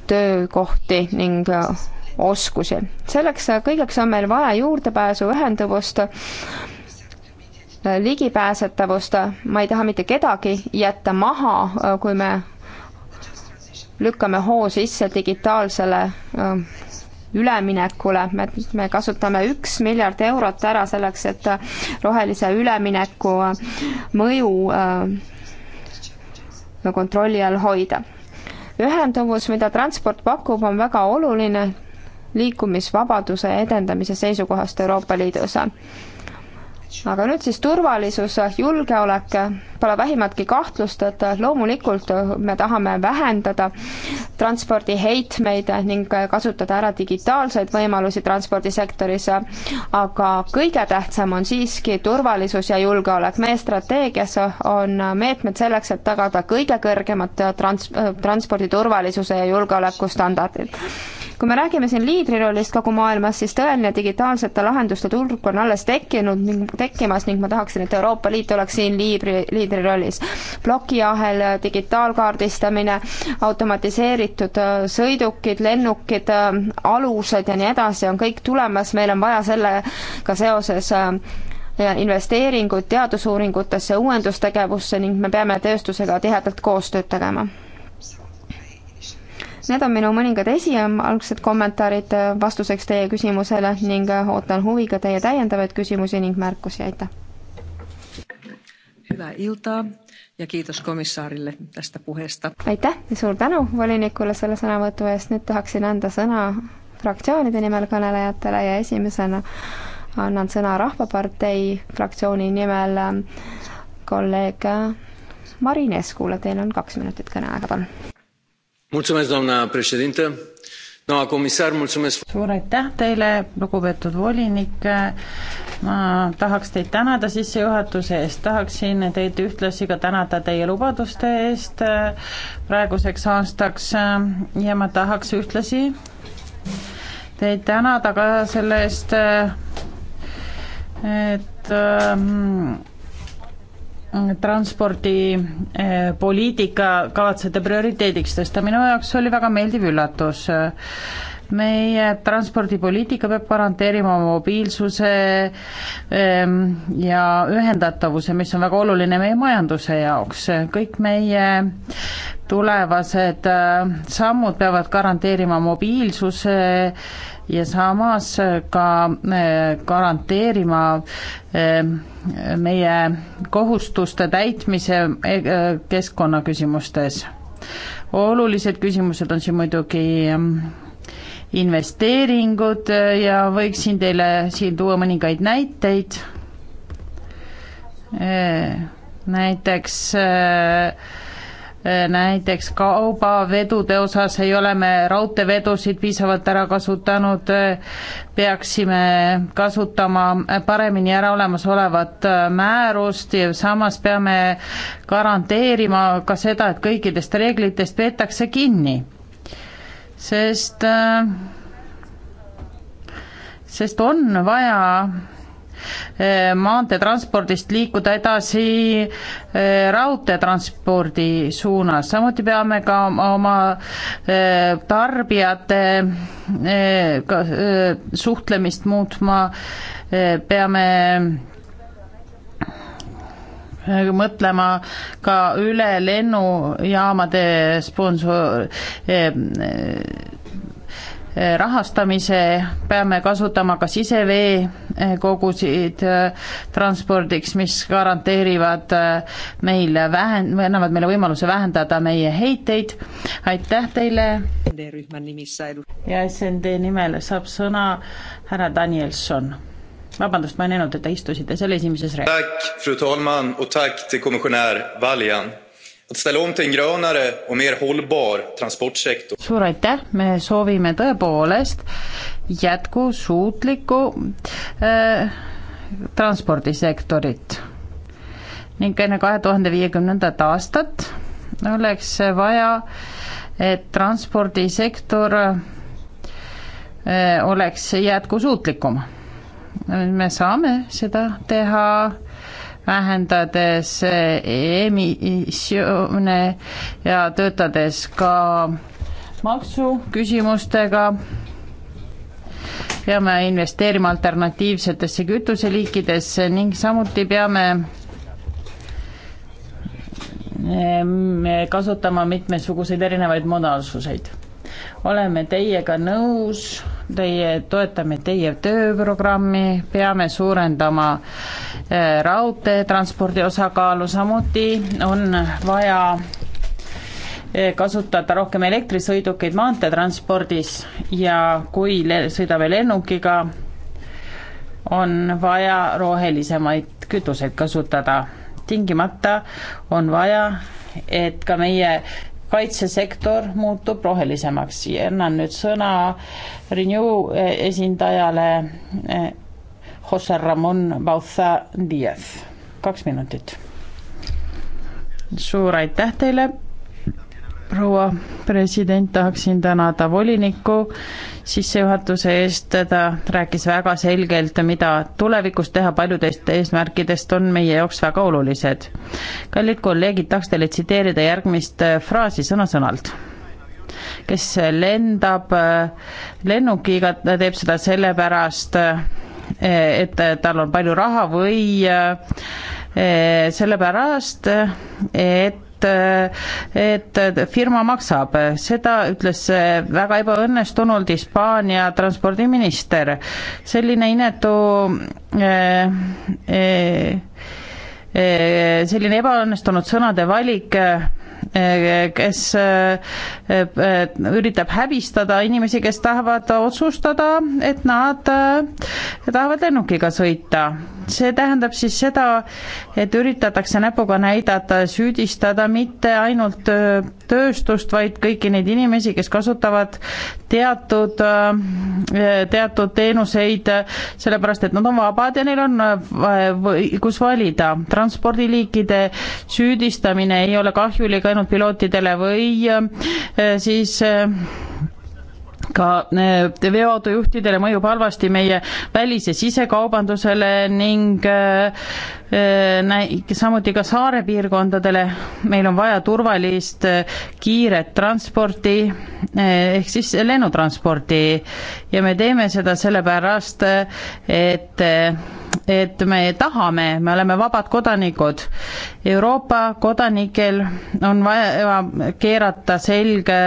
töökohti ning oskusi. selleks kõigeks on meil vaja juurdepääsu, ühenduvust, ligipääsetavust, ma ei taha mitte kedagi jätta maha, kui me lükkame hoo sisse digitaalsele üleminekule, et me kasutame üks miljard eurot ära selleks, et rohelise ülemineku mõju äh, kontrolli all hoida. ühenduvus, mida transport pakub, on väga oluline liikumisvabaduse edendamise seisukohast Euroopa Liidus aga nüüd siis turvalisus, julgeolek, pole vähimatki kahtlust, et loomulikult me tahame vähendada transpordiheitmeid ning kasutada ära digitaalseid võimalusi transpordisektoris, aga kõige tähtsam on siiski turvalisus ja julgeolek. meie strateegias on meetmed selleks, et tagada kõige kõrgemad trans-, transpordi turvalisuse ja julgeoleku standardid kui me räägime siin liidri rollist kogu maailmas, siis tõeline digitaalsete lahenduste turg on alles tekkinud ning tekkimas ning ma tahaksin, et Euroopa Liit oleks siin liidri, liidri rollis. plokiahel, digitaalkaardistamine, automatiseeritud äh, sõidukid, lennukid, äh, alused ja nii edasi on kõik tulemas, meil on vaja sellega seoses äh, investeeringud teadusuuringutesse, uuendustegevusse ning me peame tööstusega tihedalt koostööd tegema Need on minu mõningad esialgsed kommentaarid äh, vastuseks teie küsimusele ning äh, ootan huviga teie täiendavaid küsimusi ning märkusi, aitäh! Hyvää iltaa ja kiitos komissaarille tästä puheesta. aitäh ja suur tänu volinikule selle sõnavõtu eest, nüüd tahaksin anda sõna fraktsioonide nimel kõnelejatele ja esimesena annan sõna Rahvapartei fraktsiooni nimel ähm, kolleeg äh, Marin Eskule, teil on kaks minutit kõneaega, palun doamnă președintă doamnă comisar mulțumesc. suur aitäh teile lugupeetud volinik ma tahaks teid tänada sissejuhatuse eest tahaksin teid ühtlasi ka tänada teie lubaduste eest praeguseks aastaks ja ma tahaks ühtlasi teid tänada ka selle eest et ähm, Mm, transpordipoliitika eh, kavatsete prioriteediks tõsta, minu jaoks oli väga meeldiv üllatus. meie transpordipoliitika peab garanteerima mobiilsuse ehm, ja ühendatavuse, mis on väga oluline meie majanduse jaoks, kõik meie tulevased eh, sammud peavad garanteerima mobiilsuse ja samas ka eh, garanteerima eh, meie kohustuste täitmise eh, keskkonnaküsimustes. olulised küsimused on siin muidugi mm, investeeringud ja võiksin teile siin tuua mõningaid näiteid, näiteks äh, näiteks kaubavedude osas ei ole me raudteevedusid piisavalt ära kasutanud, peaksime kasutama paremini ära olemasolevat määrust ja samas peame garanteerima ka seda, et kõikidest reeglitest peetakse kinni. sest, äh, sest on vaja Eh, maanteetranspordist liikuda edasi eh, raudteetranspordi suunas, samuti peame ka oma eh, tarbijate suhtlemist muutma, peame mõtlema ka üle lennujaamade sponsor- rahastamise, peame kasutama ka siseveekogusid äh, transpordiks, mis garanteerivad äh, meil vähen-, annavad meile võimaluse vähendada meie heiteid, aitäh teile! ja SND nimel saab sõna härra Danielson. vabandust, ma ei näinud, et te istusite seal esimeses reas suur aitäh, me soovime tõepoolest jätkusuutlikku äh, transpordisektorit ning enne kahe tuhande viiekümnendat aastat oleks vaja, et transpordisektor äh, oleks jätkusuutlikum. me saame seda teha vähendades emissioone ja töötades ka maksuküsimustega peame investeerima alternatiivsetesse kütuseliikidesse ning samuti peame eh, kasutama mitmesuguseid erinevaid modaalsuseid. oleme teiega nõus, teie, toetame teie tööprogrammi, peame suurendama Eh, raudteetranspordi osakaalu, samuti on vaja eh, kasutada rohkem elektrisõidukeid maanteetranspordis ja kui sõidame lennukiga, on vaja rohelisemaid kütuseid kasutada. tingimata on vaja, et ka meie kaitsesektor muutub rohelisemaks ja annan nüüd sõna Renew eh, esindajale Jose Ramon Bauza Diaz, kaks minutit. suur aitäh teile, proua president, tahaksin tänada volinikku sissejuhatuse eest, ta rääkis väga selgelt, mida tulevikus teha, paljud eesmärkidest on meie jaoks väga olulised. kallid kolleegid, tahaks teile tsiteerida järgmist äh, fraasi sõna-sõnalt kes lendab äh, lennukiga, ta teeb seda sellepärast, äh, Eh, et tal on palju raha või eh, sellepärast, et et, et firma maksab, seda ütles väga ebaõnnestunult Hispaania transpordiminister. selline inetu äh, äh, selline ebaõnnestunud sõnade valik äh, kes eh, üritab häbistada inimesi, kes tahavad otsustada, et nad eh, tahavad lennukiga sõita see tähendab siis seda, et üritatakse näpuga näidata, süüdistada mitte ainult tööstust, vaid kõiki neid inimesi, kes kasutavad teatud, teatud teenuseid, sellepärast et nad on vabad ja neil on õigus valida. transpordiliikide süüdistamine ei ole kahjulik ainult pilootidele või siis ka eh, veoautojuhtidele mõjub halvasti meie välis- ja sisekaubandusele ning eh, eh, samuti ka saare piirkondadele. meil on vaja turvalist kiiret transporti ehk siis lennutransporti ja me teeme seda sellepärast, et et me tahame, me oleme vabad kodanikud. Euroopa kodanikel on vaja keerata selge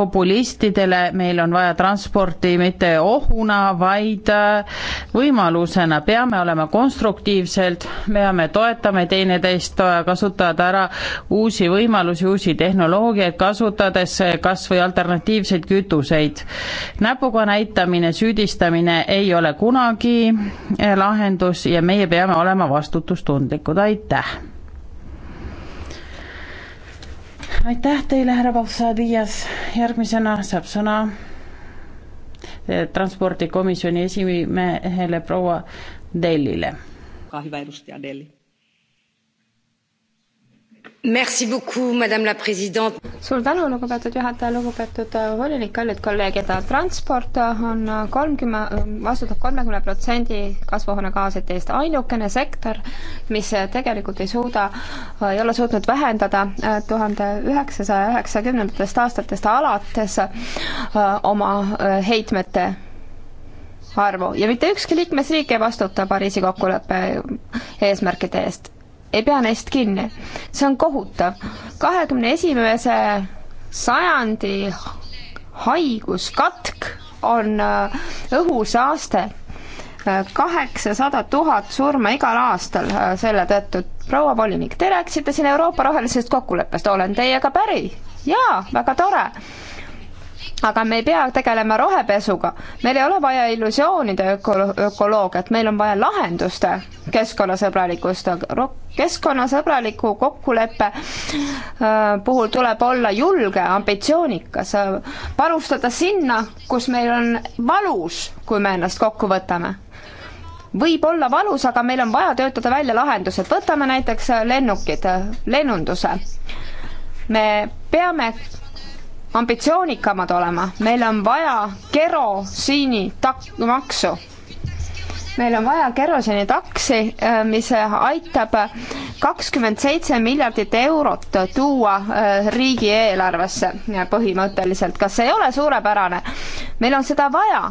populistidele, meil on vaja transporti mitte ohuna, vaid äh, võimalusena, peame olema konstruktiivselt, peame toetama teineteist, kasutavad ära uusi võimalusi, uusi tehnoloogiaid, kasutades äh, kas või alternatiivseid kütuseid. näpuga näitamine, süüdistamine ei ole kunagi äh, lahendus ja meie peame olema vastutustundlikud, aitäh! aitäh teile, härra Pausadias, järgmisena saab sõna eh, transpordikomisjoni esimehele proua Dellile. ka hüva edustaja Delli suur tänu, lugupeetud juhataja, lugupeetud äh, volinik, kallid kolleegid. transport äh, on äh, kolmkümmend, vastutab kolmekümne protsendi kasvuhoonegaaside eest. ainukene sektor, mis tegelikult ei suuda, ei ole suutnud vähendada tuhande üheksasaja üheksakümnendatest aastatest alates oma heitmete arvu ja mitte ükski liikmesriik ei vastuta Pariisi kokkuleppe eesmärkide eest ei pea neist kinni. see on kohutav. kahekümne esimese sajandi haiguskatk on äh, õhusaaste. Äh, kaheksasada tuhat surma igal aastal äh, selle tõttu. proua volinik, te rääkisite siin Euroopa rohelisest kokkuleppest, olen teiega päri. jaa, väga tore aga me ei pea tegelema rohepesuga. meil ei ole vaja illusioonide öko-, ökoloogiat, meil on vaja lahenduste keskkonnasõbralikust, keskkonnasõbraliku kokkuleppe äh, puhul tuleb olla julge, ambitsioonikas, äh, panustada sinna, kus meil on valus, kui me ennast kokku võtame võib olla valus, aga meil on vaja töötada välja lahendused, võtame näiteks äh, lennukid, lennunduse. me peame ambitsioonikamad olema, meil on vaja kerosiini tak-, maksu. meil on vaja kerosiinitaksi, äh, mis aitab kakskümmend seitse miljardit eurot tuua äh, riigieelarvesse põhimõtteliselt, kas ei ole suurepärane? meil on seda vaja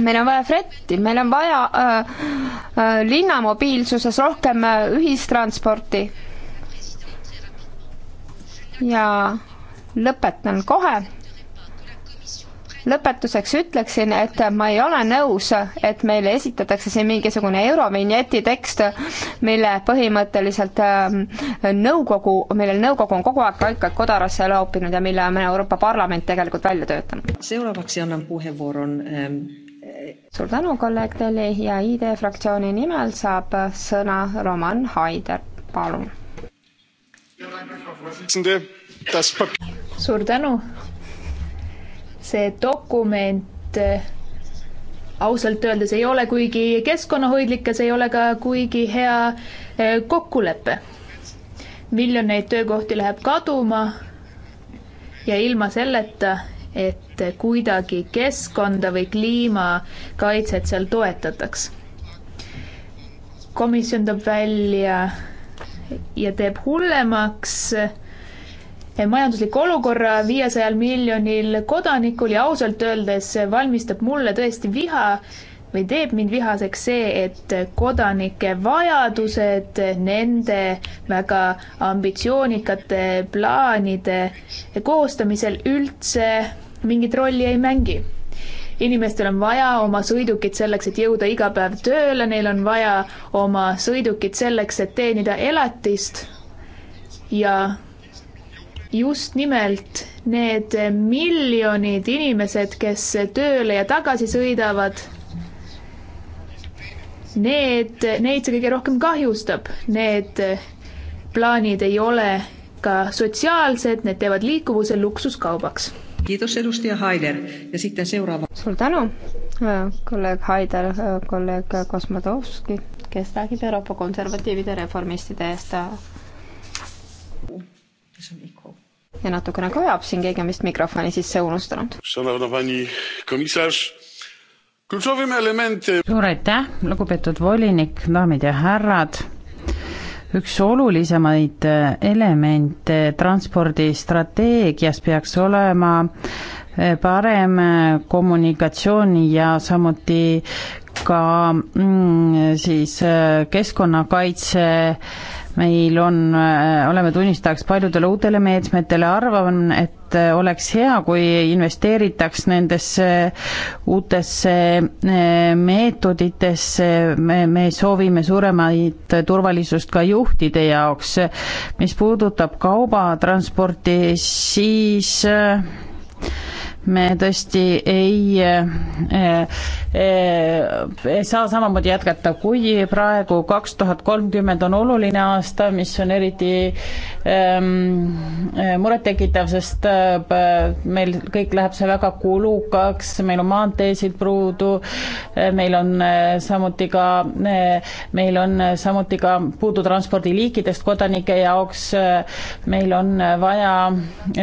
meil on vaja fretti, meil on vaja äh, äh, linnamobiilsuses rohkem äh, ühistransporti ja lõpetan kohe. lõpetuseks ütleksin, et ma ei ole nõus, et meile esitatakse siin mingisugune Eurovinjeti tekst, mille põhimõtteliselt ähm, nõukogu, millel nõukogu on kogu aeg kaikaid kodarasse loopinud ja mille on Euroopa Parlament tegelikult välja töötanud. seuraavaks annan puhevooron ähm suur tänu, kolleeg Telli ja ID fraktsiooni nimel saab sõna Roman Haider, palun suur tänu. see dokument eh, ausalt öeldes ei ole kuigi keskkonnahoidlik ja see ei ole ka kuigi hea eh, kokkulepe. miljoneid töökohti läheb kaduma ja ilma selleta, et kuidagi keskkonda või kliimakaitset seal toetataks. komisjon toob välja ja teeb hullemaks eh, majandusliku olukorra viiesajal miljonil kodanikul ja ausalt öeldes valmistab mulle tõesti viha või teeb mind vihaseks see, et kodanike vajadused, nende väga ambitsioonikate plaanide koostamisel üldse mingit rolli ei mängi inimestel on vaja oma sõidukit selleks, et jõuda iga päev tööle, neil on vaja oma sõidukit selleks, et teenida elatist ja just nimelt need miljonid inimesed, kes tööle ja tagasi sõidavad, need, neid see kõige rohkem kahjustab, need plaanid ei ole ka sotsiaalsed, need teevad liikuvuse luksuskaubaks Kiitos edustaja Haider ja sitten seuraava. suur tänu, äh, kolleeg Haider, äh, kolleeg Kosmadovski, kes räägib Euroopa konservatiivide reformistide eest. Äh. ja natukene kajab siin, keegi on vist mikrofoni sisse unustanud. suur aitäh, lugupeetud volinik, daamid ja härrad üks olulisemaid äh, elemente transpordistrateegias peaks olema äh, parem äh, kommunikatsioon ja samuti ka mm, siis keskkonnakaitse meil on, äh, oleme tunnistajaks paljudele uutele meetmetele, arvan, et äh, oleks hea, kui investeeritaks nendesse äh, uutesse meetoditesse, me, me soovime suuremaid turvalisust ka juhtide jaoks. mis puudutab kaubatransporti, siis me tõesti ei, eh, eh, ei saa samamoodi jätkata, kui praegu kaks tuhat kolmkümmend on oluline aasta, mis on eriti ehm, eh, murettekitav, sest meil kõik läheb see väga kulukaks, meil on maanteesid puudu, meil on samuti ka, meil on samuti ka puudu transpordiliikidest kodanike jaoks, meil on vaja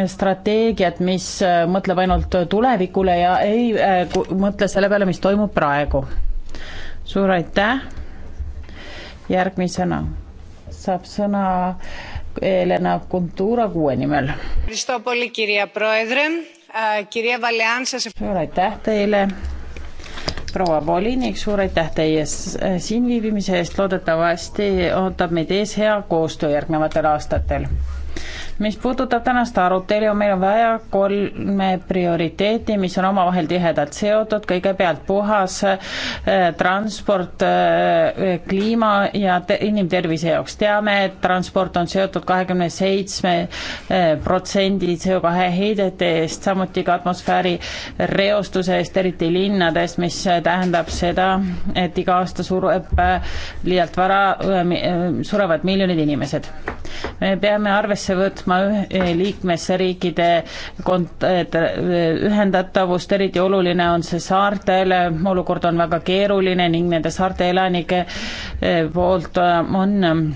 strateegiat, mis mõtleb ainult ainult tulevikule ja ei äh, mõtle selle peale, mis toimub praegu. suur aitäh. järgmisena saab sõna Elena Kuntura kuue nimel. suur aitäh teile proua volinik, suur aitäh teie äh, siinviibimise eest, loodetavasti ootab meid ees hea koostöö järgnevatel aastatel mis puudutab tänast arutelu, meil on vaja kolme prioriteeti, mis on omavahel tihedalt seotud, kõigepealt puhas äh, transport äh,, kliima ja inimtervise jaoks. teame, et transport on seotud kahekümne seitsme eh, protsendi CO2 heidete eest, samuti ka atmosfääri reostuse eest, eriti linnades, mis tähendab seda, et iga aasta sureb liialt vara, surevad miljonid inimesed. me peame arvesse võtma tõstma liikmesriikide kont-, äh, ühendatavust, eriti oluline on see saartel, olukord on väga keeruline ning nende saarte elanike äh, poolt äh, on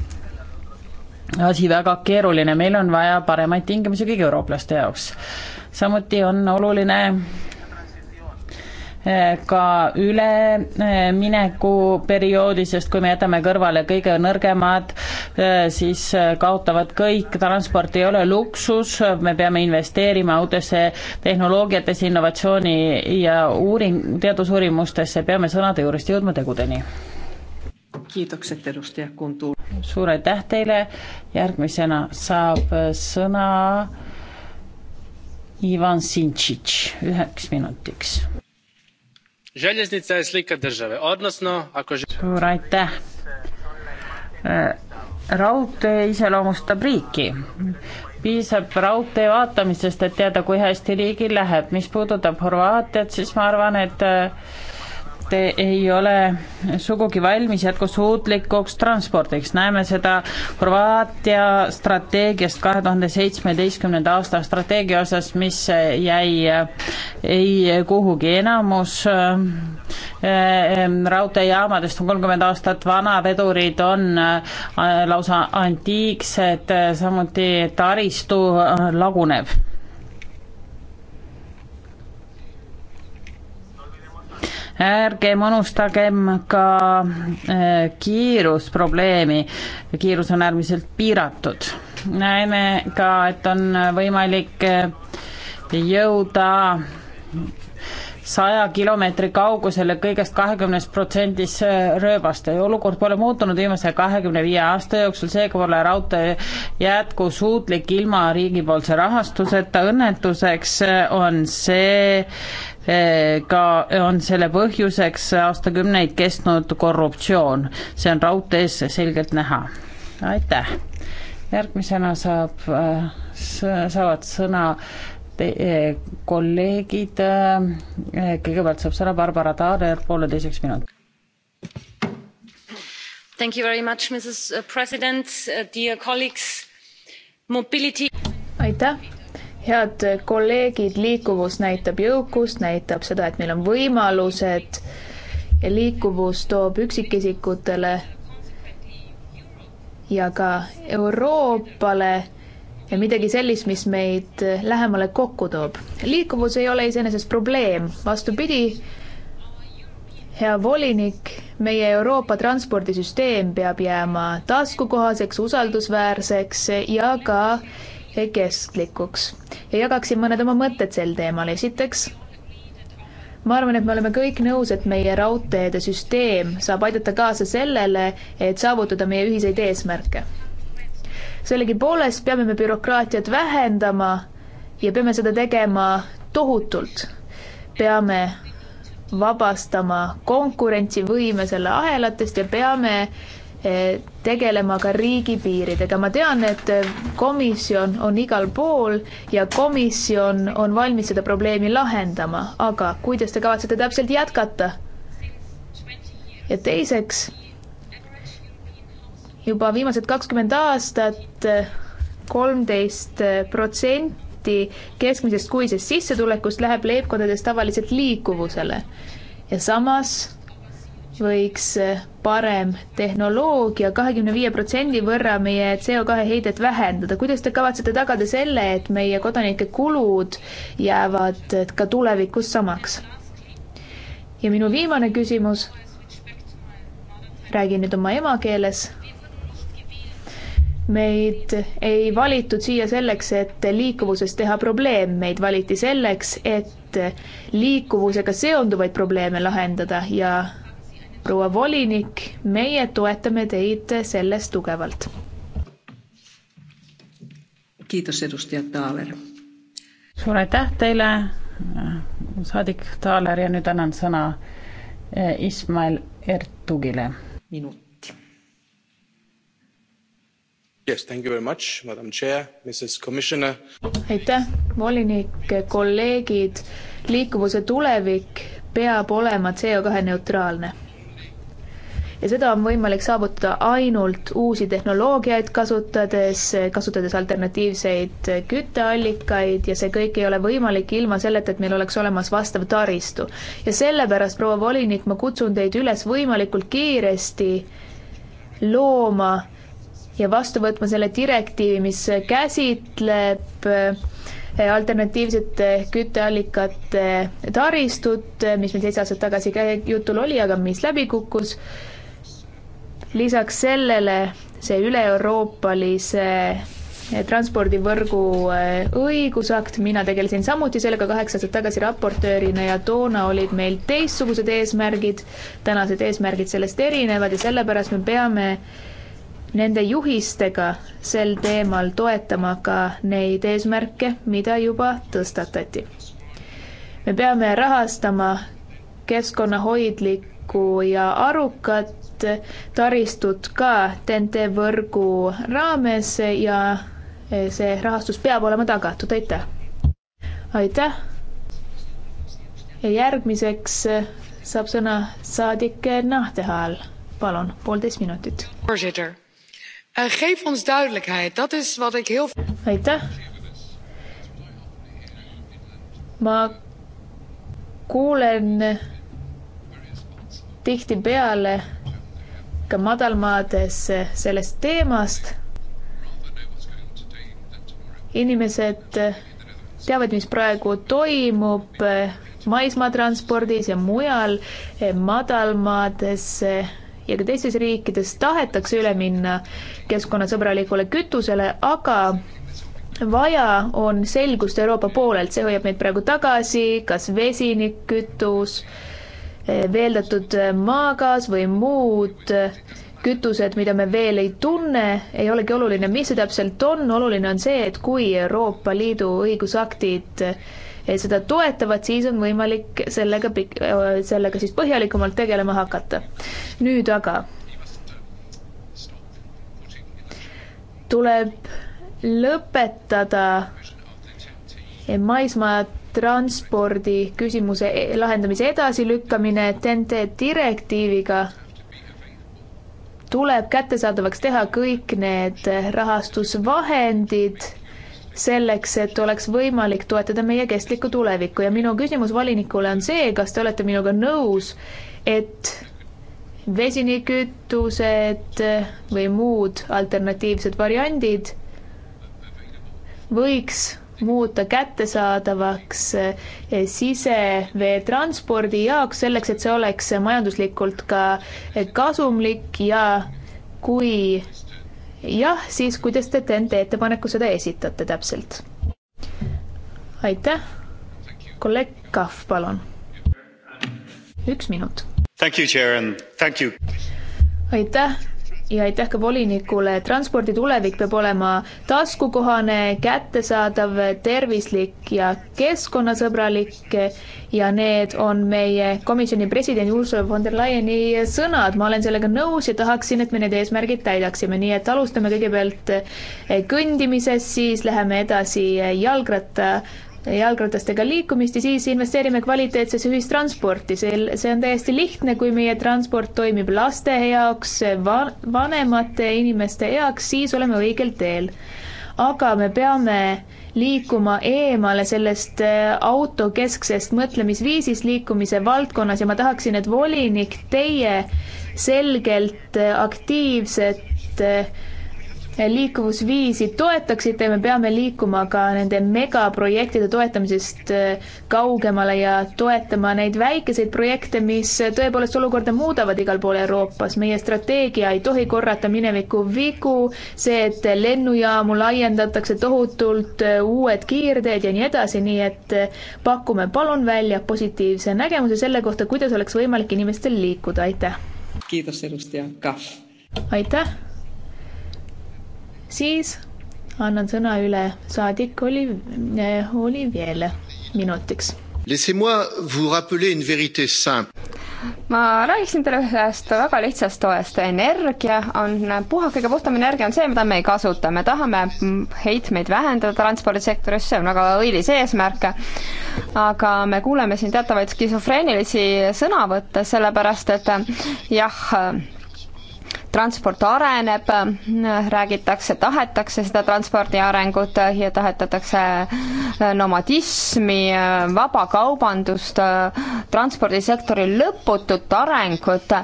asi väga keeruline, meil on vaja paremaid tingimusi kõigi eurooplaste jaoks. samuti on oluline ka üleminekuperioodi, sest kui me jätame kõrvale kõige nõrgemad, eh, siis eh, kaotavad kõik, transport ei ole luksus, me peame investeerima uutesse tehnoloogiatesse, innovatsiooni ja uuring, teadusuurimustesse, peame sõnade juurest jõudma tegudeni. kiitokset, edustaja Kundu. suur aitäh teile, järgmisena saab eh, sõna Ivan Sintšitš üheks minutiks željeznica je slika države, odnosno ako suur aitäh! Äh, raudtee iseloomustab riiki. piisab raudtee vaatamisest, et teada, kui hästi riigil läheb. mis puudutab Horvaatiat, siis ma arvan, et äh, transport ei ole sugugi valmis jätkusuutlikuks transpordiks. näeme seda Horvaatia strateegiast kahe tuhande seitsmeteistkümnenda aasta strateegia osas, mis jäi ei kuhugi, enamus eh, raudteejaamadest on kolmkümmend aastat vana, vedurid on eh, lausa antiiksed, eh, samuti taristu laguneb ärgem unustagem ka äh, kiirusprobleemi, kiirus on äärmiselt piiratud. näeme ka, et on võimalik äh, jõuda saja kilomeetri kaugusele kõigest kahekümnest protsendis äh, rööbast. olukord pole muutunud viimase kahekümne viie aasta jooksul, seega pole raudtee jätkusuutlik ilma riigipoolse rahastuseta. õnnetuseks on see Eh, ka on selle põhjuseks aastakümneid kestnud korruptsioon. see on raudtees selgelt näha. aitäh. järgmisena saab, äh, saavad sõna teie eh, kolleegid. Eh, kõigepealt saab sõna Barbara Taaler pooleteiseks minutiks. Thank you very much, Mrs President, dear colleagues. Mobility. aitäh head kolleegid, liikuvus näitab jõukust, näitab seda, et meil on võimalused ja liikuvus toob üksikisikutele ja ka Euroopale ja midagi sellist, mis meid lähemale kokku toob. liikuvus ei ole iseenesest probleem, vastupidi, hea volinik, meie Euroopa transpordisüsteem peab jääma taskukohaseks, usaldusväärseks ja ka kestlikuks ja jagaksin mõned oma mõtted sel teemal. esiteks, ma arvan, et me oleme kõik nõus, et meie raudteede süsteem saab aidata kaasa sellele, et saavutada meie ühiseid eesmärke. sellegipoolest peame me bürokraatiat vähendama ja peame seda tegema tohutult. peame vabastama konkurentsivõime selle ahelatest ja peame Eh, tegelema ka riigipiiridega. ma tean, et komisjon on igal pool ja komisjon on valmis seda probleemi lahendama, aga kuidas te kavatsete täpselt jätkata? ja teiseks, juba viimased kakskümmend aastat eh, kolmteist eh, protsenti keskmisest kuisest sissetulekust läheb leibkondadest tavaliselt liikuvusele ja samas võiks parem tehnoloogia kahekümne viie protsendi võrra meie CO2 heidet vähendada. kuidas te kavatsete tagada selle, et meie kodanike kulud jäävad ka tulevikus samaks? ja minu viimane küsimus. räägin nüüd oma emakeeles. meid ei valitud siia selleks, et liikuvusest teha probleem, meid valiti selleks, et liikuvusega seonduvaid probleeme lahendada ja proua volinik, meie toetame teid selles tugevalt. kiitos, edustaja Taaler. suur aitäh teile, saadik Taaler ja nüüd annan sõna eh, Ismail Ertugile. minuti. Yes, thank you very much, madam chair, Mrs Commissioner. aitäh, volinik, kolleegid. liikuvuse tulevik peab olema CO2 neutraalne ja seda on võimalik saavutada ainult uusi tehnoloogiaid kasutades, kasutades alternatiivseid kütteallikaid ja see kõik ei ole võimalik ilma selleta, et meil oleks olemas vastav taristu. ja sellepärast, proua volinik, ma kutsun teid üles võimalikult kiiresti looma ja vastu võtma selle direktiivi, mis käsitleb eh, alternatiivsete kütteallikate taristut, eh, mis meil seitse aastat tagasi jutul oli, aga mis läbi kukkus lisaks sellele see üle-euroopalise eh, transpordivõrgu eh, õigusakt, mina tegelesin samuti sellega kaheksa aastat tagasi raportöörina ja toona olid meil teistsugused eesmärgid, tänased eesmärgid sellest erinevad ja sellepärast me peame nende juhistega sel teemal toetama ka neid eesmärke, mida juba tõstatati. me peame rahastama keskkonnahoidlikku ja arukat ühtset taristut ka TNT võrgu raames ja eh, see rahastus peab olema tagatud, aitäh! aitäh! ja järgmiseks eh, saab sõna saadik Nahtehal, palun, poolteist minutit. Eh, geef ons duidelijkheid, dat is wat ik heel. aitäh. ma kuulen tihtipeale ka madalmaadesse sellest teemast. inimesed teavad, mis praegu toimub maismaatranspordis ja mujal madalmaadesse ja ka teistes riikides tahetakse üle minna keskkonnasõbralikule kütusele, aga vaja on selgust Euroopa poolelt, see hoiab meid praegu tagasi, kas vesinikkütus äh,, Eh, veeldatud eh, maagaas või muud eh, kütused, mida me veel ei tunne, ei olegi oluline, mis see täpselt on, oluline on see, et kui Euroopa Liidu õigusaktid seda toetavad, siis on võimalik sellega, sellega siis põhjalikumalt tegelema hakata. nüüd aga tuleb lõpetada maismaa transpordi küsimuse e-, lahendamise edasilükkamine TNT direktiiviga tuleb kättesaadavaks teha kõik need rahastusvahendid selleks, et oleks võimalik toetada meie kestlikku tulevikku ja minu küsimus volinikule on see, kas te olete minuga nõus, et vesinikkütused või muud alternatiivsed variandid võiks muuta kättesaadavaks eh, siseveetranspordi jaoks, selleks et see oleks majanduslikult ka eh, kasumlik ja kui jah, siis kuidas te TNT ettepaneku seda esitate täpselt? aitäh, kolleeg Kahv, palun. üks minut. aitäh ja aitäh ka volinikule, transpordi tulevik peab olema taskukohane, kättesaadav, tervislik ja keskkonnasõbralik ja need on meie komisjoni presidendi Ursula von der Leyeni sõnad, ma olen sellega nõus ja tahaksin, et me need eesmärgid täidaksime, nii et alustame kõigepealt kõndimisest, siis läheme edasi jalgratta jalgratastega liikumist ja siis investeerime kvaliteetsesse ühistransporti. sel, see on täiesti lihtne, kui meie transport toimib laste jaoks va, vanemate inimeste heaks, siis oleme õigel teel. aga me peame liikuma eemale sellest äh, autokesksest mõtlemisviisist liikumise valdkonnas ja ma tahaksin, et volinik, teie selgelt äh, aktiivset äh, liikuvusviisi toetaksite ja me peame liikuma ka nende megaprojektide toetamisest äh, kaugemale ja toetama neid väikeseid projekte, mis tõepoolest olukorda muudavad igal pool Euroopas. meie strateegia ei tohi korrata mineviku vigu, see, et lennujaamu laiendatakse tohutult, äh, uued kiirteed ja nii edasi, nii et äh, pakume palun välja positiivse nägemuse selle kohta, kuidas oleks võimalik inimestel liikuda, aitäh! Kiitos edustaja Kahv. Aitäh! siis annan sõna üle saadik Oli-, eh, Oliviele minutiks. ma räägiksin teile ühest väga lihtsast toest. energia on puha, kõige puhtam energia on see, mida me ei kasuta. me tahame heitmeid vähendada transpordisektoris, see on väga õilis eesmärk, aga me kuuleme siin teatavaid skisofreenilisi sõnavõtte, sellepärast et jah, transport areneb, räägitakse, tahetakse seda transpordi arengut ja tahetatakse nomadismi, vabakaubandust, transpordisektori lõputut arengut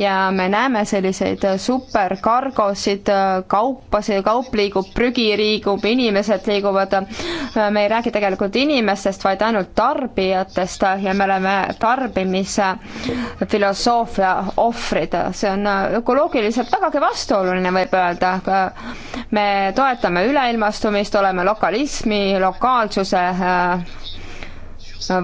ja me näeme selliseid superkargosid, kaupa, see kaup liigub, prügi liigub, inimesed liiguvad, me ei räägi tegelikult inimestest, vaid ainult tarbijatest ja me oleme tarbimise filosoofia ohvrid, see on ökoloogiline poliitiliselt vägagi vastuoluline, võib öelda. me toetame üleilmastumist, oleme lokalismi, lokaalsuse äh,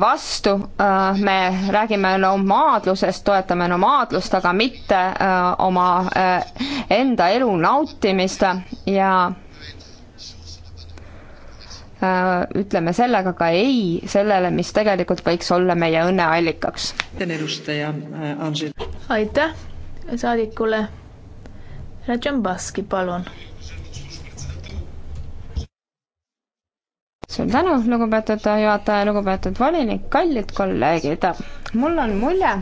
vastu, äh, me räägime nomaadlusest, toetame nomaadlust, aga mitte äh, oma enda elu nautimist ja ütleme sellega ka ei sellele, mis tegelikult võiks olla meie õnneallikaks. aitäh saadikule härra Džambaski, palun. suur tänu, lugupeetud juhataja, lugupeetud volinik, kallid kolleegid. mul on mulje,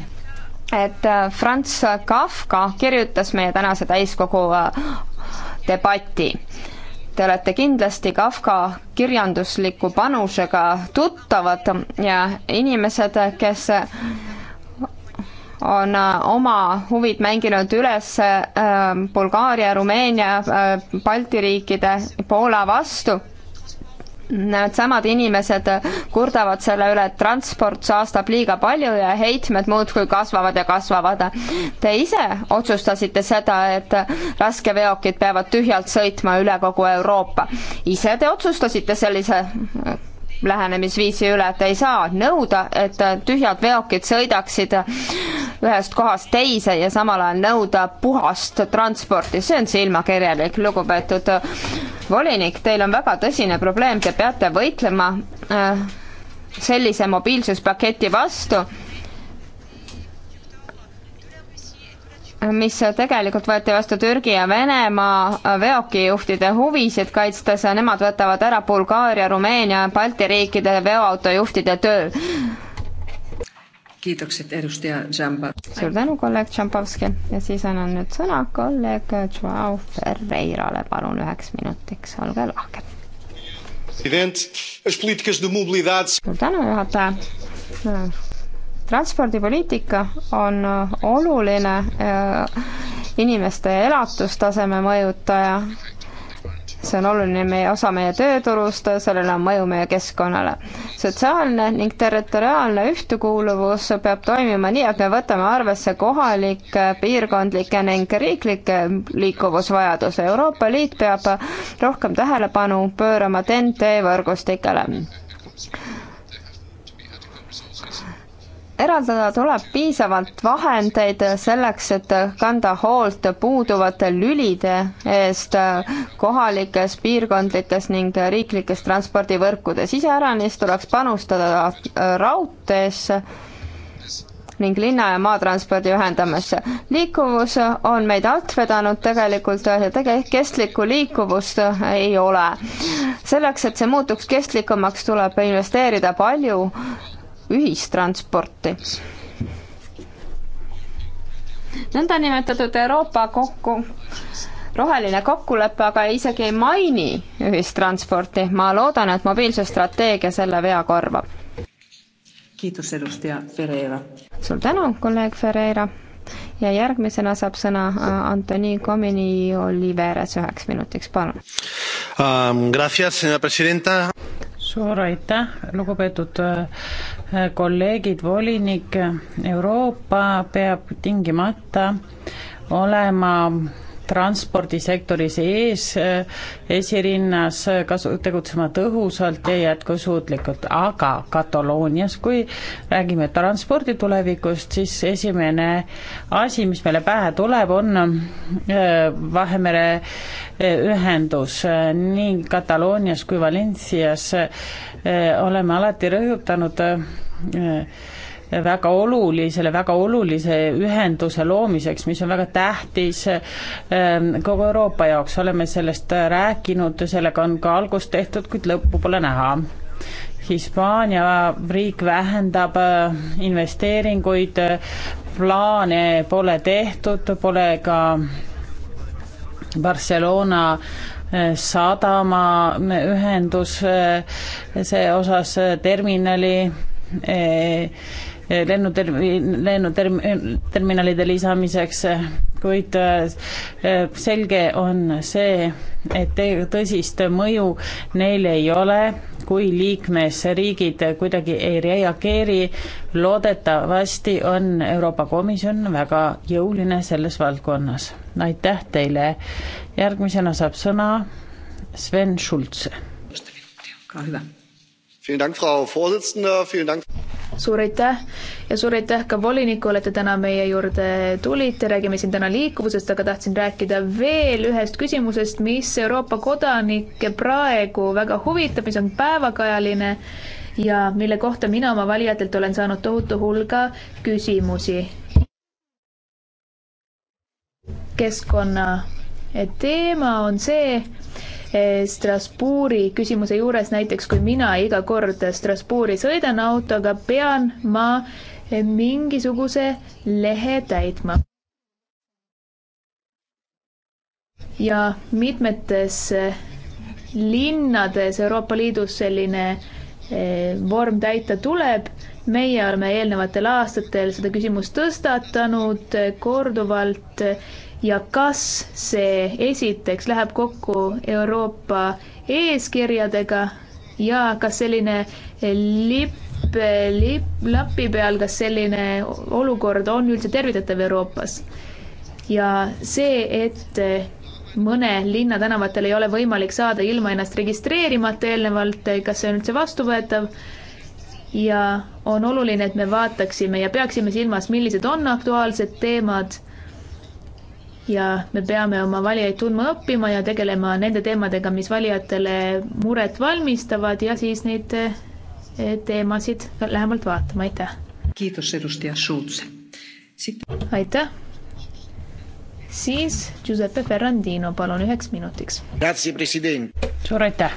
et äh, Franz Kafka kirjutas meie tänase täiskogu äh, debati te olete kindlasti Kafka kirjandusliku panusega tuttavad ja inimesed, kes on äh, oma huvid mänginud üles ähm, Bulgaaria, Rumeenia, äh, Balti riikide, Poola vastu. Needsamad inimesed äh, kurdavad selle üle, et transport saastab liiga palju ja heitmed muudkui kasvavad ja kasvavad. Te ise otsustasite seda, et raskeveokid peavad tühjalt sõitma üle kogu Euroopa. ise te otsustasite sellise lähenemisviisi üle, et ei saa nõuda, et tühjad veokid sõidaksid ühest kohast teise ja samal ajal nõuda puhast transporti, see on silmakirjalik, lugupeetud volinik, teil on väga tõsine probleem, te peate võitlema äh, sellise mobiilsuspaketi vastu mis tegelikult võeti vastu Türgi ja Venemaa veokijuhtide huvisid kaitstes, nemad võtavad ära Bulgaaria, Rumeenia ja Balti riikide veoautojuhtide töö. kiitokset, edustaja Džamba. suur tänu, kolleeg Džambovski ja siis annan nüüd sõna kolleeg Joao Ferreirale, palun üheks minutiks, olge lahked. suur tänu, juhataja transpordipoliitika on äh, oluline äh, inimeste elatustaseme mõjutaja, see on oluline meie, osa meie tööturust, sellel on mõju meie keskkonnale. sotsiaalne ning territoriaalne ühtekuuluvus peab toimima nii, et me võtame arvesse kohalikke, piirkondlikke ning riiklikke liikuvusvajaduse. Euroopa Liit peab rohkem tähelepanu pöörama TNT võrgustikele eraldada tuleb piisavalt vahendeid selleks, et kanda hoolt puuduvate lülide eest kohalikes, piirkondlikes ning riiklikes transpordivõrkudes. iseäranis tuleks panustada äh, raudteesse ning linna- ja maatranspordi ühendamisse. liikuvus on meid alt vedanud tegelikult ja tege-, kestlikku liikuvust ei ole. selleks, et see muutuks kestlikumaks, tuleb investeerida palju ühistransporti. nõndanimetatud Euroopa kokku roheline kokkulepe aga isegi ei maini ühistransporti, ma loodan, et mobiilsusstrateegia selle vea korvab. kiitus, edustaja Ferreira. suur tänu, kolleeg Ferreira. ja järgmisena saab sõna äh, Antoni Komini Oliveres üheks minutiks, palun um,. Gracias, senora presidenta. suur aitäh, lugupeetud äh, kolleegid, volinik, Euroopa peab tingimata olema transpordisektoris ees, esirinnas, kasu, tegutsema tõhusalt ja jätkusuutlikult, aga Kataloonias, kui räägime transpordi tulevikust, siis esimene asi, mis meile pähe tuleb, on äh, Vahemere äh, ühendus nii Kataloonias kui Valencias äh, oleme alati rõhutanud väga olulisele, väga olulise ühenduse loomiseks, mis on väga tähtis ähm, kogu Euroopa jaoks, oleme sellest rääkinud, sellega on ka algust tehtud, kuid lõppu pole näha. Hispaania riik vähendab äh, investeeringuid, plaane pole tehtud, pole ka Barcelona äh, sadama ühenduse äh, osas terminali Eh, lennutermi-, lennuterminalide lisamiseks, eh, kuid eh, selge on see, et tõsist mõju neil ei ole, kui liikmesriigid kuidagi ei reageeri. loodetavasti on Euroopa Komisjon väga jõuline selles valdkonnas. aitäh teile. järgmisena saab sõna Sven Schulze. ka hüve suur aitäh ja suur aitäh ka volinikule, et te täna meie juurde tulite, räägime siin täna liikuvusest, aga tahtsin rääkida veel ühest küsimusest, mis Euroopa kodanikke praegu väga huvitab, mis on päevakajaline ja mille kohta mina oma valijatelt olen saanud tohutu hulga küsimusi. keskkonna teema on see, Eh, Strasbourgi küsimuse juures, näiteks kui mina iga kord Strasbourgi sõidan autoga, pean ma eh, mingisuguse lehe täitma. ja mitmetes eh, linnades Euroopa Liidus selline vorm täita tuleb. meie oleme eelnevatel aastatel seda küsimust tõstatanud korduvalt ja kas see esiteks läheb kokku Euroopa eeskirjadega ja kas selline lipp, lipp, lapi peal, kas selline olukord on üldse tervitatav Euroopas? ja see, et mõne linna tänavatel ei ole võimalik saada ilma ennast registreerimata eelnevalt, kas see on üldse vastuvõetav? ja on oluline, et me vaataksime ja peaksime silmas, millised on aktuaalsed teemad ja me peame oma valijaid tundma õppima ja tegelema nende teemadega, mis valijatele muret valmistavad ja siis neid eh, teemasid lähemalt vaatama, aitäh. aitäh. siis Giuseppe Ferrandino, palun üheks minutiks. suur aitäh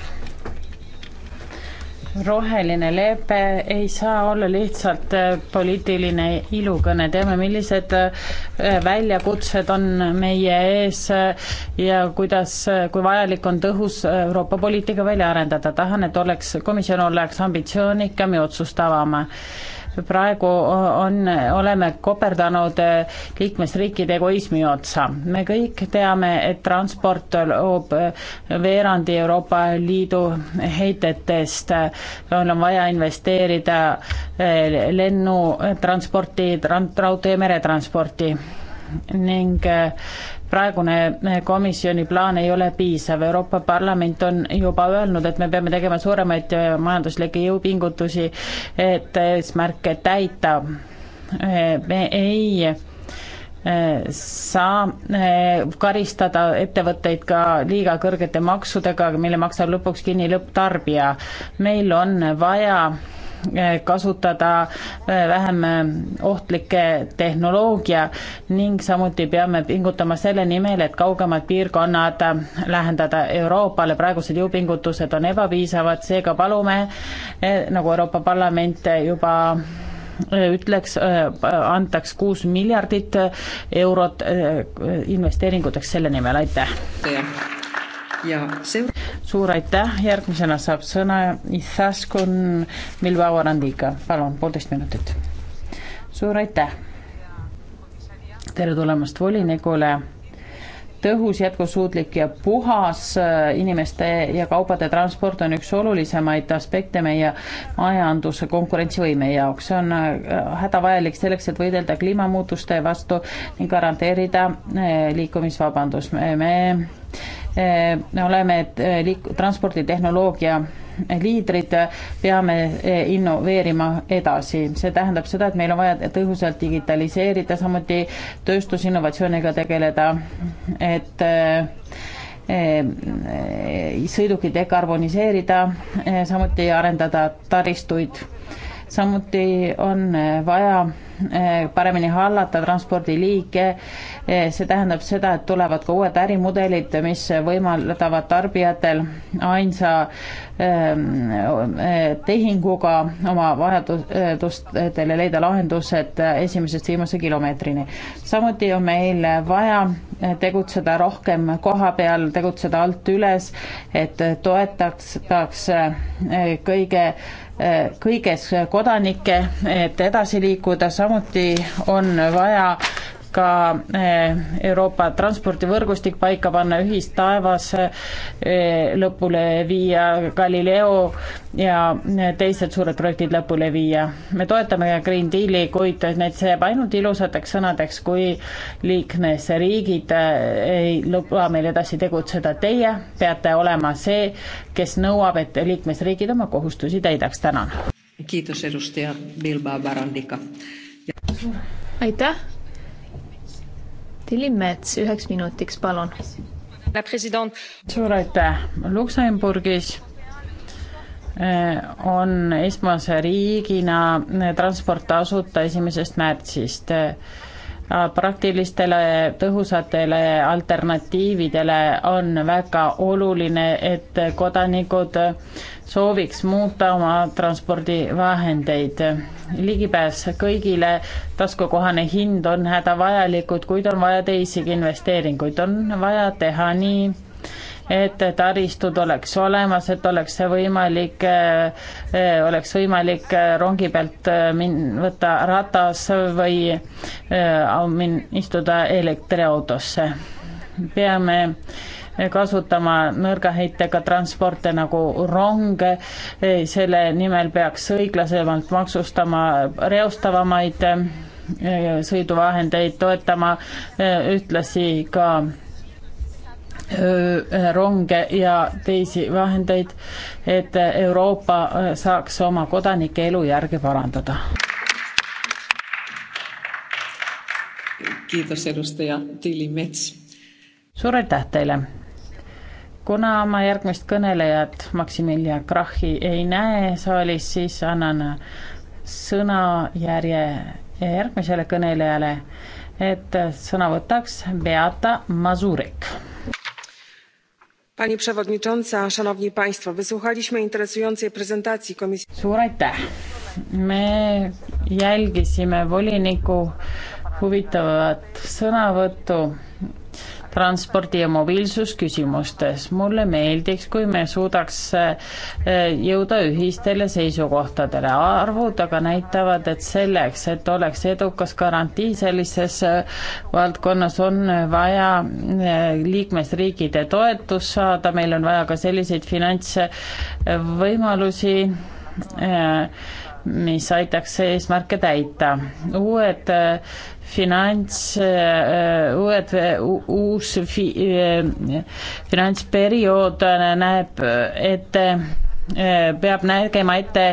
roheline lepe ei saa olla lihtsalt äh, poliitiline ilukõne, teame, millised äh, väljakutsed on meie ees äh, ja kuidas, kui vajalik on tõhus Euroopa poliitika välja arendada, tahan, et oleks, komisjon oleks ambitsioonikam ja otsustavam praegu on, oleme koperdanud eh, liikmesriikide egoismi otsa. me kõik teame, et transport loob eh, veerandi Euroopa Liidu heitetest, meil on vaja investeerida eh, lennutransporti, raudtee, meretransporti ning praegune eh, komisjoni plaan ei ole piisav, Euroopa Parlament on juba öelnud, et me peame tegema suuremaid eh, majanduslikke jõupingutusi, et eesmärke täita. Eh, me ei saa karistada ettevõtteid ka liiga kõrgete maksudega, mille maksab lõpuks kinni lõpptarbija. meil on vaja Eh, kasutada eh, vähem eh, ohtlikke tehnoloogia ning samuti peame pingutama selle nimel, et kaugemad piirkonnad lähendada Euroopale, praegused jõupingutused on ebapiisavad, seega palume, nagu Euroopa Parlament juba ütleks, antaks kuus miljardit eurot investeeringuteks selle nimel, aitäh! ja see. suur aitäh, järgmisena saab sõna Izaskun Milbao Arandiga, palun, poolteist minutit. suur aitäh. tere tulemast volinikule. tõhus, jätkusuutlik ja puhas äh, inimeste ja kaubade transport on üks olulisemaid aspekte meie majanduse konkurentsivõime jaoks. see on äh, hädavajalik selleks, et võidelda kliimamuutuste vastu ning garanteerida äh, liikumisvabandust. me, me me äh, oleme äh, transporditehnoloogia liidrid, äh, peame innoveerima edasi. see tähendab seda, et meil on vaja tõhusalt digitaliseerida, samuti tööstusinnovatsiooniga tegeleda, et sõiduki dekarboniseerida, samuti arendada taristuid samuti on eh, vaja eh, paremini hallata transpordiliike, eh, see tähendab seda, et tulevad ka uued ärimudelid, mis võimaldavad tarbijatel ainsa ehm, tehinguga oma vajadustele leida lahendused esimesest viimase kilomeetrini. samuti on meil vaja tegutseda rohkem koha peal, tegutseda alt üles, et toetaks kõige kõiges kodanikke, et edasi liikuda, samuti on vaja ka eh, Euroopa transpordivõrgustik paika panna, ühistaevas eh, lõpule viia, Galileo ja eh, teised suured projektid lõpule viia. me toetame Green Deali, kuid need jääb ainult ilusateks sõnadeks, kui liikmesriigid ei luba meil edasi tegutseda. Teie peate olema see, kes nõuab, et liikmesriigid oma kohustusi täidaks. tänan. kiitos, edustaja Bilba Barandika. aitäh Tilli Mets üheks minutiks, palun. suur aitäh, Luksemburgis eh, on esmase riigina eh, transport tasuta esimesest märtsist eh, praktilistele tõhusatele alternatiividele on väga oluline, et kodanikud sooviks muuta oma transpordivahendeid. ligipääs kõigile, taskukohane hind on hädavajalikud, kuid on vaja teisigi investeeringuid, on vaja teha nii, et taristud oleks olemas, et oleks võimalik, eh, oleks võimalik eh, rongi pealt eh, min-, võtta ratas või min-, istuda elektriautosse. peame kasutama nõrgaheitega transporte nagu ronge, selle nimel peaks õiglasemalt maksustama reostavamaid sõiduvahendeid, toetama ühtlasi ka ronge ja teisi vahendeid, et Euroopa saaks oma kodanike elujärge parandada. kiitos, edustaja Tiili Mets. suur aitäh teile. kuna ma järgmist kõnelejat, Maximilian Krahhi, ei näe saalis, siis annan sõnajärje järgmisele kõnelejale, et sõna võtaks Beata Mazurek pani przewodnicząca! szanowni państwo! wysłuchaliśmy interesującej prezentacji komisji. suur aitäh! me jälgisime voliniku huvitavat sõnavõttu transpordi ja mobiilsusküsimustes. mulle meeldiks, kui me suudaks eh, jõuda ühistele seisukohtadele. arvud aga näitavad, et selleks, et oleks edukas garantii sellises eh, valdkonnas, on vaja eh, liikmesriikide toetust saada, meil on vaja ka selliseid finantsvõimalusi, mis aitaks eesmärke täita. uued finants, eh, uued, eh, uus fi, eh, finantsperiood näeb ette peab nägema ette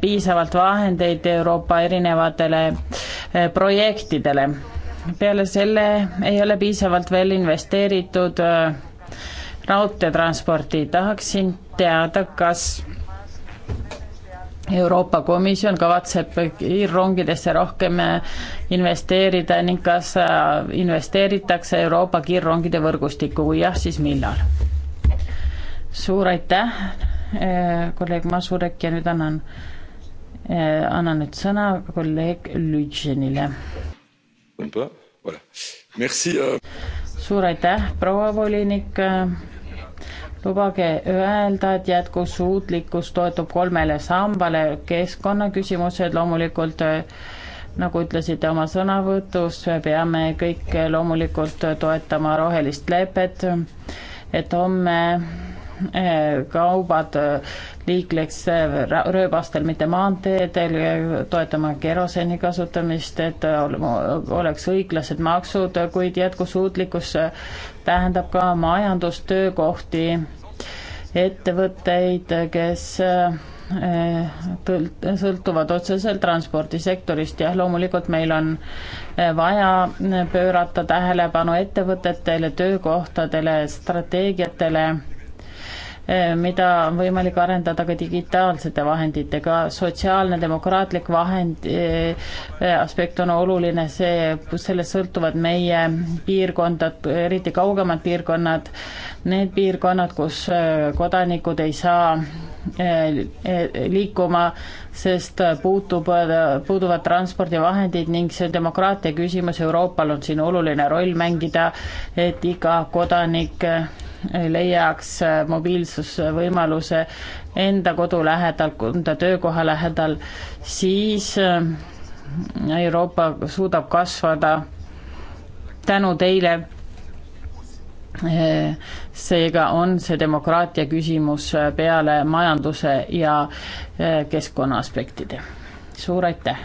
piisavalt vahendeid Euroopa erinevatele projektidele. peale selle ei ole piisavalt veel investeeritud raudteetransporti, tahaksin teada, kas Euroopa Komisjon kavatseb kiirrongidesse rohkem äh, investeerida ning kas äh, investeeritakse Euroopa kiirrongide võrgustikku, kui jah, siis millal? suur aitäh, äh, kolleeg Masurek ja nüüd annan, annan nüüd sõna kolleeg Lütšenile. Euh. suur aitäh, proua volinik lubage öelda, et jätkusuutlikkus toetub kolmele sambale, keskkonnaküsimused loomulikult äh, nagu ütlesite oma sõnavõtus, peame kõik loomulikult toetama rohelist lepet, et homme äh, kaubad liikleks äh, rööbastel, mitte maanteedel, toetama keroseni kasutamist, et oleks õiglased maksud, kuid jätkusuutlikkus äh, tähendab ka majandustöökohti, ettevõtteid, kes äh, sõltuvad otseselt transpordisektorist, jah, loomulikult meil on vaja pöörata tähelepanu ettevõtetele, töökohtadele, strateegiatele Eh, mida on võimalik arendada ka digitaalsete vahenditega. sotsiaalne demokraatlik vahend eh, eh, aspekt on oluline, see, sellest sõltuvad meie piirkondad, eriti kaugemad piirkonnad, need piirkonnad, kus kodanikud ei saa liikuma, sest puutub, puuduvad transpordivahendid ning see demokraatia küsimus, Euroopal on siin oluline roll mängida, et iga kodanik leiaks äh, mobiilsusvõimaluse enda kodu lähedal, enda töökoha lähedal, siis äh, Euroopa suudab kasvada tänu teile. Äh, seega on see demokraatia küsimus peale majanduse ja keskkonna aspektide. suur aitäh!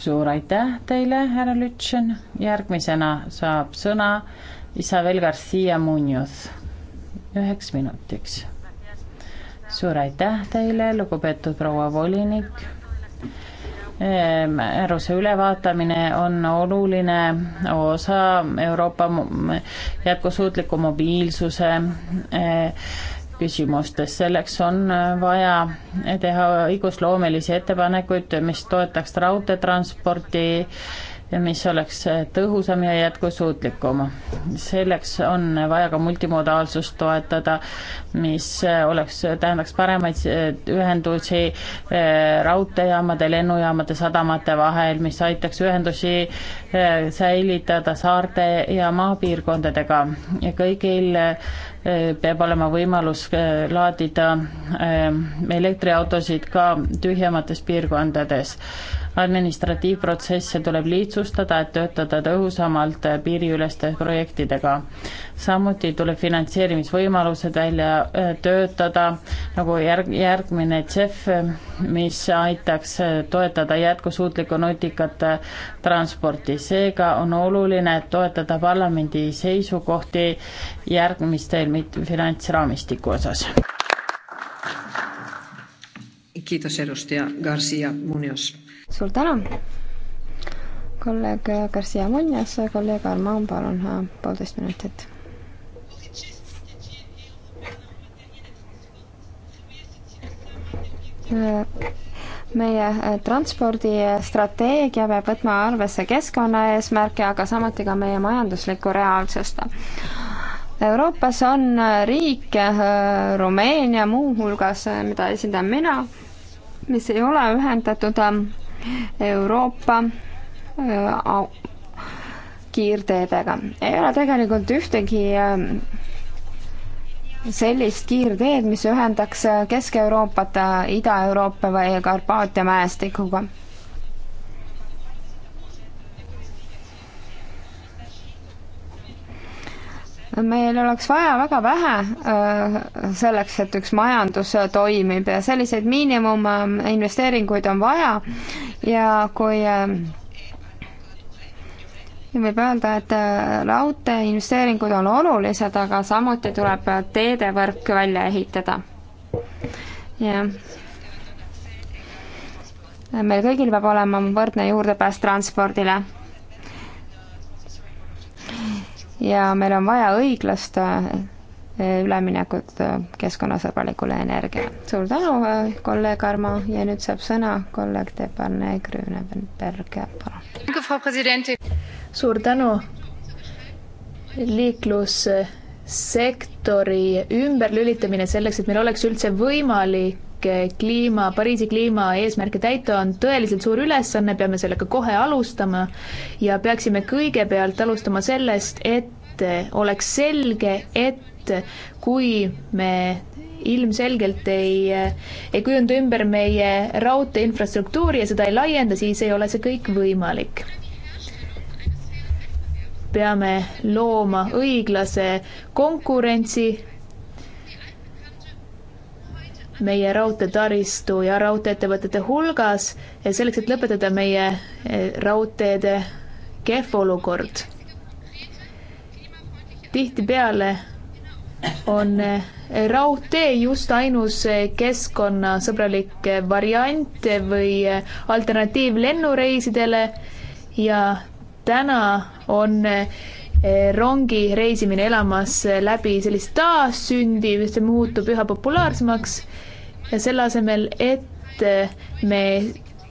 suur aitäh teile, härra Lütšen, järgmisena saab sõna Isabel Garcia Munoz üheks minutiks. suur aitäh teile, lugupeetud proua volinik. määruse ehm, ülevaatamine on oluline osa Euroopa jätkusuutliku mobiilsuse eh, küsimustes, selleks on äh, vaja äh, teha õigusloomelisi ettepanekuid, mis toetaks raudteetransporti, mis oleks äh, tõhusam ja jätkusuutlikum. selleks on vaja ka multimodaalsust toetada, mis oleks, tähendaks paremaid ühendusi raudteejaamade, lennujaamade, sadamate vahel, mis aitaks ühendusi säilitada saarte ja maapiirkondadega ja kõigil peab olema võimalus äh, laadida äh, elektriautosid ka tühjemates piirkondades administratiivprotsesse tuleb lihtsustada, et töötada tõhusamalt piiriüleste projektidega. samuti tuleb finantseerimisvõimalused välja äh, töötada, nagu järg, järgmine CEF, mis aitaks toetada jätkusuutlikku nutikat äh, transporti. seega on oluline toetada parlamendi seisukohti järgmistel finantsraamistiku osas. Kiitos edustaja Garcia Munoz suur tänu! kolleeg Garcia Munoz, kolleeg Armand, palun äh, poolteist minutit. Äh, meie äh, transpordistrateegia peab võtma arvesse keskkonnaeesmärke, aga samuti ka meie majanduslikku reaalsust. Euroopas on riike, Rumeenia muuhulgas, mida esindan mina, mis ei ole ühendatud Euroopa äh, kiirteedega. ei ole tegelikult ühtegi äh, sellist kiirteed, mis ühendaks Kesk-Euroopat Ida-Euroopa või Karpaatia mäestikuga meil oleks vaja väga vähe äh, selleks, et üks majandus äh, toimib ja selliseid miinimuminvesteeringuid ähm, on vaja ja kui ähm, võib öelda, et äh, raudtee investeeringud on olulised, aga samuti tuleb teedevõrk välja ehitada. jah. meil kõigil peab olema võrdne juurdepääs transpordile ja meil on vaja õiglast eh, üleminekut eh, keskkonnasõbralikule energiale. suur tänu, eh, kolleeg Armo ja nüüd saab sõna kolleeg Debarne Grünenberg, palun. suur tänu. liiklus sektori ümberlülitamine selleks, et meil oleks üldse võimalik Eh, kliima, Pariisi kliimaeesmärke täita on tõeliselt suur ülesanne, peame sellega kohe alustama ja peaksime kõigepealt alustama sellest, et oleks selge, et kui me ilmselgelt ei, ei kujunda ümber meie raudteeinfrastruktuuri ja seda ei laienda, siis ei ole see kõik võimalik. peame looma õiglase konkurentsi meie raudteetaristu ja raudteeettevõtete hulgas ja selleks, et lõpetada meie eh, raudteede kehv olukord. tihtipeale on eh, raudtee just ainus eh, keskkonnasõbralik variant või alternatiiv lennureisidele ja täna on rongi reisimine elamas läbi sellist taassündi, mis muutub üha populaarsemaks ja selle asemel, et eh, me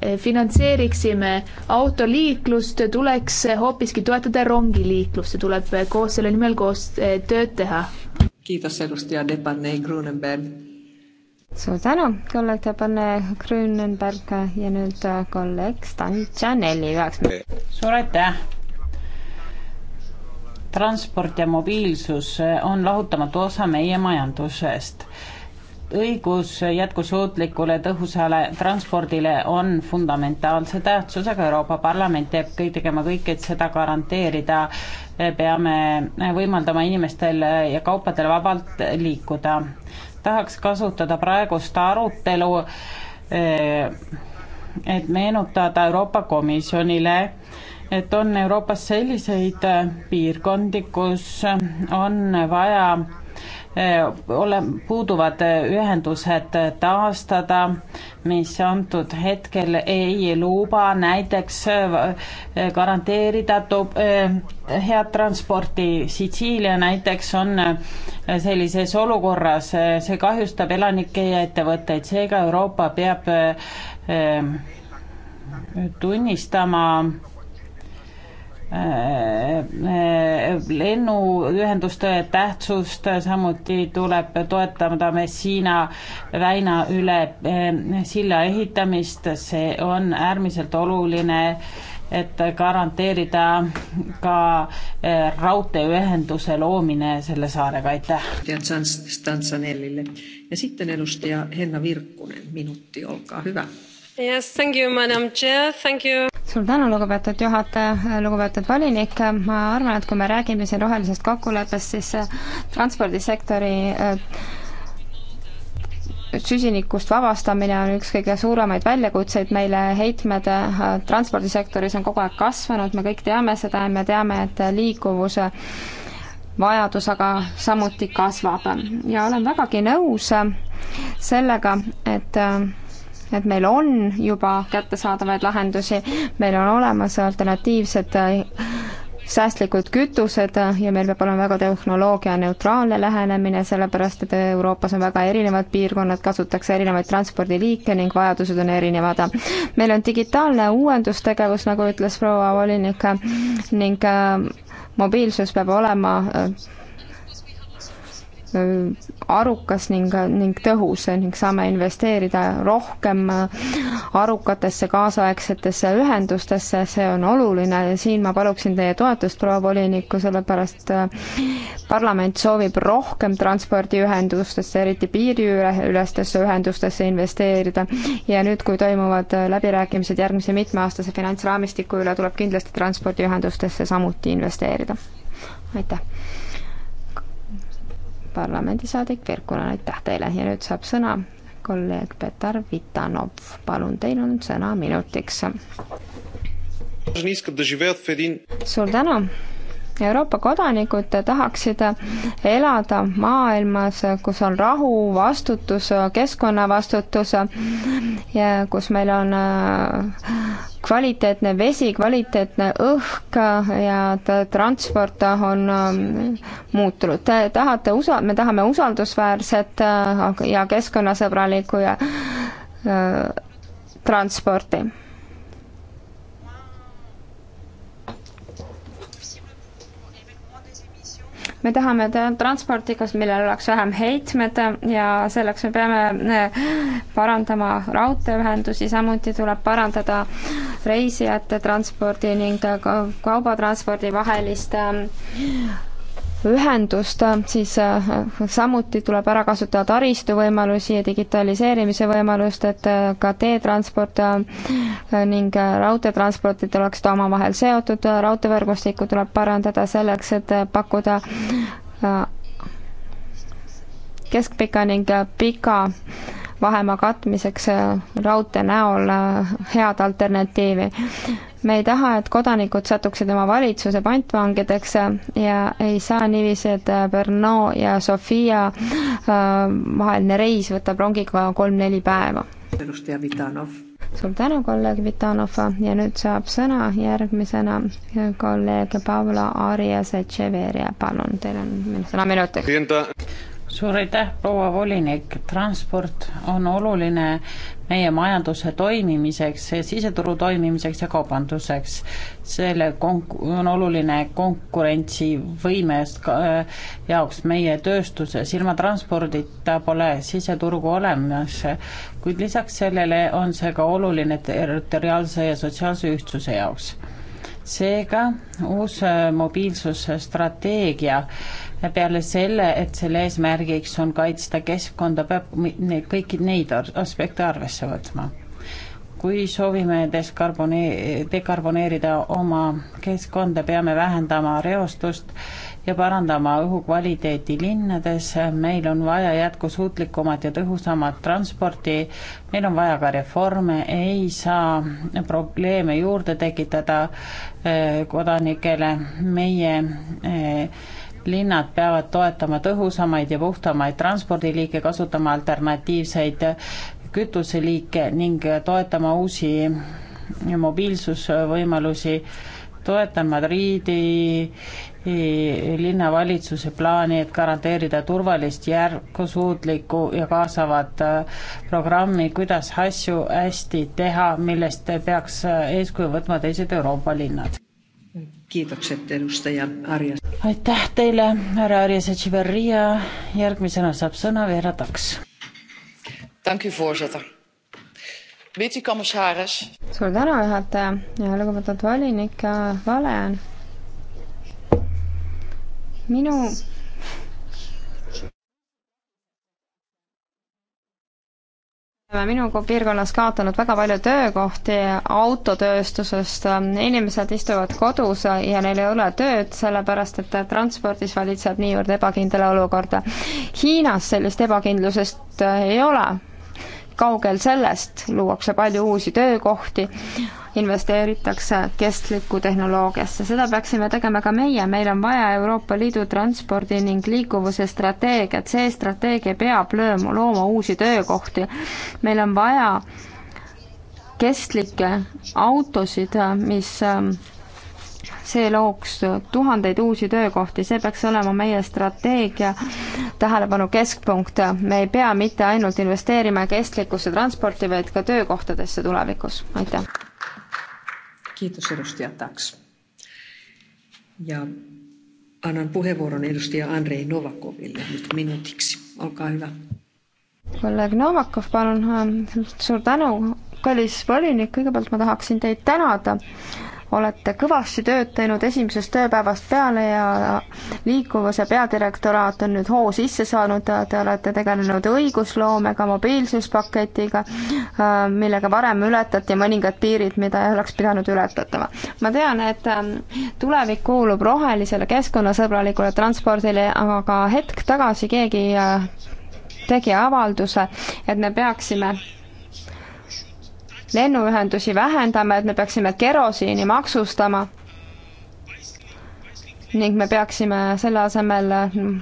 eh, finantseeriksime autoliiklust, tuleks hoopiski toetada rongiliiklust ja tuleb eh, koos selle nimel koos tööd teha. kiitos, edustaja Depanne Grünenberg. suur tänu, kolleeg Depanne Grünenberg ja nüüd kolleeg Stan Tšanelli üheks. suur aitäh transport ja mobiilsus on lahutamatu osa meie majandusest õigus jätkusuutlikule tõhusale transpordile on fundamentaalse tähtsusega, Euroopa Parlament peab kõik tegema kõik, et seda garanteerida, peame võimaldama inimestel ja kaupadel vabalt liikuda. tahaks kasutada praegust arutelu, eh, et meenutada Euroopa Komisjonile, et on Euroopas selliseid piirkondi, kus on vaja ole, puuduvad ühendused taastada, mis antud hetkel ei luba näiteks garanteerida toob, head transporti. Sitsiilia näiteks on sellises olukorras, see kahjustab elanikke ja ettevõtteid, seega Euroopa peab tunnistama lennuühenduste tähtsust, samuti tuleb toetada Messina väina üle eh, silla ehitamist, see on äärmiselt oluline, et garanteerida ka eh, raudteeühenduse loomine selle saarega, aitäh. ja sitten edustaja Henna Virkkunen, minuutti, olkaa hyvä Yes, thank you, madam chair, thank you suur tänu, lugupeetud juhataja, lugupeetud volinik, ma arvan, et kui me räägime siin rohelisest kokkuleppest, siis äh, transpordisektori äh, süsinikust vabastamine on üks kõige suuremaid väljakutseid meile, heitmed äh, transpordisektoris on kogu aeg kasvanud, me kõik teame seda ja me teame, et liikuvuse vajadus aga samuti kasvab ja olen vägagi nõus sellega, et et meil on juba kättesaadavaid lahendusi, meil on olemas alternatiivsed äh, säästlikud kütused äh, ja meil peab olema väga tehnoloogianeutraalne lähenemine, sellepärast et äh, Euroopas on väga erinevad piirkonnad, kasutatakse erinevaid transpordiliike ning vajadused on erinevad. meil on digitaalne uuendustegevus, nagu ütles proua volinik, ning mobiilsus peab olema Äh, arukas ning, ning tõhus ning saame investeerida rohkem arukatesse kaasaegsetesse ühendustesse, see on oluline ja siin ma paluksin teie toetust, proua volinikku, sellepärast äh, parlament soovib rohkem transpordiühendustesse, eriti piiriülestesse ühendustesse investeerida ja nüüd, kui toimuvad äh, läbirääkimised järgmise mitmeaastase finantsraamistiku üle, tuleb kindlasti transpordiühendustesse samuti investeerida. aitäh! parlamendisaadik Virkunen, aitäh teile ja nüüd saab sõna kolleeg Petar Vitanov, palun, teil on sõna minutiks. suur tänu, Euroopa kodanikud tahaksid elada maailmas, kus on rahu, vastutus, keskkonnavastutus ja kus meil on äh, kvaliteetne vesi, kvaliteetne õhk ja transport on äh, muutunud. Te tahate usa-, me tahame usaldusväärset äh, ja keskkonnasõbralikku ja transporti me tahame transporti, kas, millel oleks vähem heitmed ja selleks me peame eh, parandama raudteeühendusi, samuti tuleb parandada reisijate transpordi ning kaubatranspordi vahelist eh, ühendust, siis äh, samuti tuleb ära kasutada taristuvõimalusi ja digitaliseerimise võimalust, et äh, ka teetransport äh, ning raudteetransportid oleksid omavahel seotud, raudteevõrgustikku tuleb parandada selleks, et pakkuda keskpika ning pika vahemaa katmiseks raudtee näol head alternatiivi me ei taha, et kodanikud satuksid oma valitsuse pantvangideks ja ei saa niiviisi, et Brno äh, ja Sofia äh, vaheline reis võtab rongiga kolm-neli päeva. suur tänu, kolleeg Vitanov ja nüüd saab sõna järgmisena äh, kolleeg Pavlo Arias Echeveria, palun, teil on sõna minutiks suur aitäh, proua volinik, transport on oluline meie majanduse toimimiseks, siseturu toimimiseks ja kaubanduseks. selle konk-, on oluline konkurentsivõime äh, jaoks meie tööstuses, ilma transpordita pole siseturgu olemas, kuid lisaks sellele on see ka oluline territoriaalse ja sotsiaalse ühtsuse jaoks. seega uus mobiilsusstrateegia äh, peale selle, et selle eesmärgiks on kaitsta keskkonda, peab neid, kõiki neid aspekte arvesse võtma. kui soovime deskarbone-, dekarboneerida oma keskkonda, peame vähendama reostust ja parandama õhukvaliteeti linnades, meil on vaja jätkusuutlikumat ja tõhusamat transporti, meil on vaja ka reforme, ei saa probleeme juurde tekitada eh, kodanikele, meie eh, linnad peavad toetama tõhusamaid ja puhtamaid transpordiliike, kasutama alternatiivseid kütuseliike ning toetama uusi mobiilsusvõimalusi, toetama riidi e, linnavalitsuse plaani, et garanteerida turvalist, jätkusuutlikku ja kaasavat e, programmi, kuidas asju hästi teha, millest peaks eeskuju võtma teised Euroopa linnad. Kiitokset edustaja Arja. aitäh teile, härra Arja Setsiveria. järgmisena saab sõna Veera Taks. suur tänu, juhataja ja lugupeetud volinik, vale on minu oleme minu piirkonnas kaotanud väga palju töökohti autotööstusest, inimesed istuvad kodus ja neil ei ole tööd, sellepärast et transpordis valitseb niivõrd ebakindel olukord. Hiinas sellist ebakindlusest ei ole, kaugel sellest, luuakse palju uusi töökohti, investeeritakse kestlikku tehnoloogiasse, seda peaksime tegema ka meie, meil on vaja Euroopa Liidu transpordi ning liikuvuse strateegiat, see strateegia peab lööma, looma uusi töökohti, meil on vaja kestlikke autosid, mis ähm, see looks tuhandeid uusi töökohti, see peaks olema meie strateegia tähelepanu keskpunkt. me ei pea mitte ainult investeerima kestlikkusse transporti, vaid ka töökohtadesse tulevikus, aitäh. kiitus, edustaja Taks. ja annan puheenvuoron edustaja Andrei Novakoville nyt minuutiksi, olkaa hyvä. kolleeg Novakov, palun, ähm, suur tänu, kallis volinik, kõigepealt ma tahaksin teid tänada olete kõvasti tööd teinud esimesest tööpäevast peale ja liikuvuse peadirektoraat on nüüd hoo sisse saanud, te olete tegelenud õigusloomega, mobiilsuspaketiga, äh, millega varem ületati mõningad piirid, mida ei oleks pidanud ületatama. ma tean, et ähm, tulevik kuulub rohelisele, keskkonnasõbralikule transpordile, aga hetk tagasi keegi äh, tegi avalduse, et me peaksime lennuühendusi vähendame, et me peaksime kerosiini maksustama ning me peaksime selle asemel,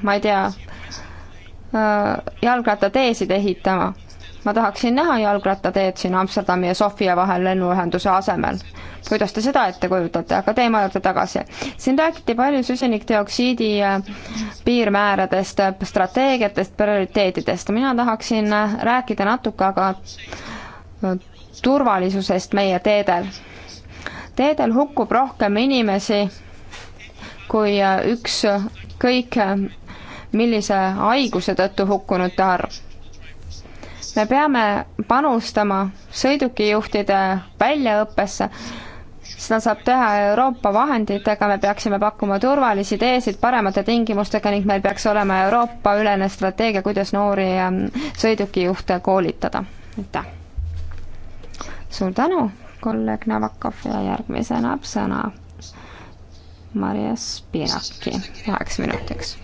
ma ei tea, äh, jalgrattateesid ehitama. ma tahaksin näha jalgrattateed siin Amsterdami ja Sofia vahel lennuühenduse asemel. kuidas te seda ette kujutate, aga teema juurde tagasi. siin räägiti palju süsinikdioksiidi äh, piirmääradest, strateegiatest, prioriteetidest. mina tahaksin äh, rääkida natuke aga turvalisusest meie teedel. teedel hukkub rohkem inimesi kui äh, ükskõik äh, millise haiguse tõttu hukkunute arv. me peame panustama sõidukijuhtide väljaõppesse, seda saab teha Euroopa vahenditega, me peaksime pakkuma turvalisi teesid paremate tingimustega ning meil peaks olema Euroopa-ülene strateegia, kuidas noori ähm, sõidukijuhte koolitada. aitäh! suur tänu, kolleeg Navakov ja järgmisena saab sõna Maria Spiraki üheks minutiks.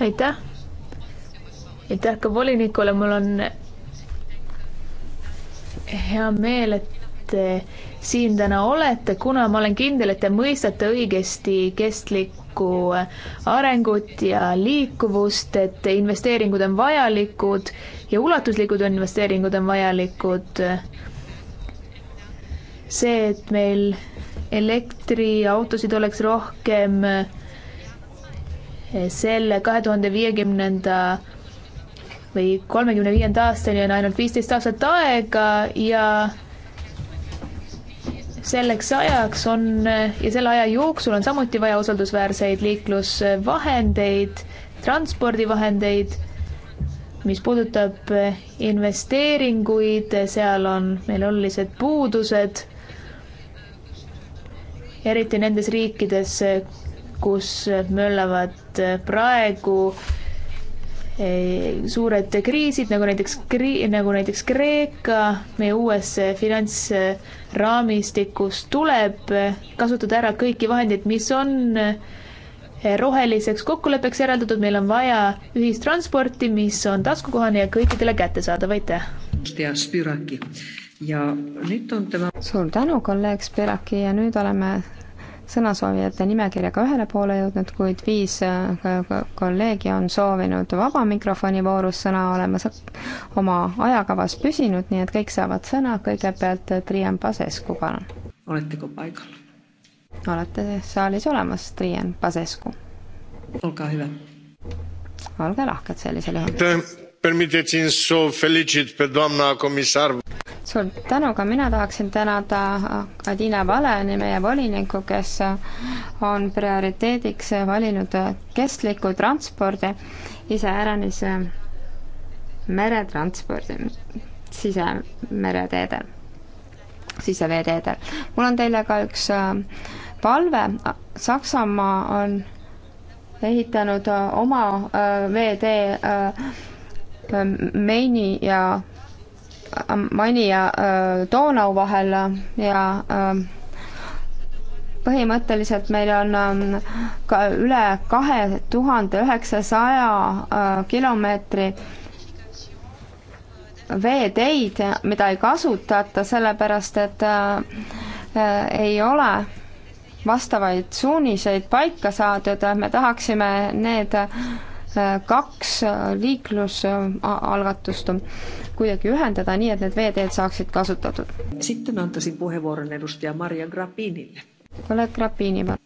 aitäh, aitäh ka volinikule, mul on hea meel, et siin täna olete, kuna ma olen kindel, et te mõistate õigesti kestlikku arengut ja liikuvust, et investeeringud on vajalikud ja ulatuslikud investeeringud on vajalikud. see, et meil elektriautosid oleks rohkem selle kahe tuhande viiekümnenda või kolmekümne viienda aastani on ainult viisteist aastat aega ja selleks ajaks on ja selle aja jooksul on samuti vaja usaldusväärseid liiklusvahendeid, transpordivahendeid, mis puudutab investeeringuid, seal on meil olulised puudused, eriti nendes riikides, kus möllavad praegu äh, suured kriisid nagu näiteks kri-, nagu näiteks Kreeka meie uues äh, finantsraamistikus tuleb äh, kasutada ära kõiki vahendeid, mis on äh, roheliseks kokkuleppeks eraldatud, meil on vaja ühistransporti, mis on taskukohane ja kõikidele kättesaadav, aitäh! ja nüüd on tema suur tänu, kolleeg Spiraki ja nüüd oleme sõnasoovijate nimekirjaga ühele poole jõudnud, kuid viis äh, kolleegi on soovinud vaba mikrofoni voorus sõna, oleme oma ajakavas püsinud, nii et kõik saavad sõna, kõigepealt Trian Pasescu, palun. oletegi paigal? olete saalis olemas, Trian Pasescu? olge hüve. olge lahked sellisel juhul permiteți mi să o felicit pe doamna comisar. suur tänu, ka mina tahaksin tänada Adina Valeni, meie volinikku, kes on prioriteediks valinud kestliku transpordi, iseäranis meretranspordi, sisemereteedel, siseveeteedel. mul on teile ka üks äh, palve, Saksamaa on ehitanud äh, oma äh, veetee Ähm, Meini ja ähm, Maini ja äh, Donau vahel ja ähm, põhimõtteliselt meil on ka üle kahe tuhande üheksasaja äh, kilomeetri veeteid, mida ei kasutata, sellepärast et äh, ei ole vastavaid suuniseid paika saadud, me tahaksime need kaks liiklusalgatust kuidagi ühendada, nii et need veeteed saaksid kasutatud. sitten antaisin puheenvuoron edustaja Maria Grappinille. kolleeg Grappini, palun.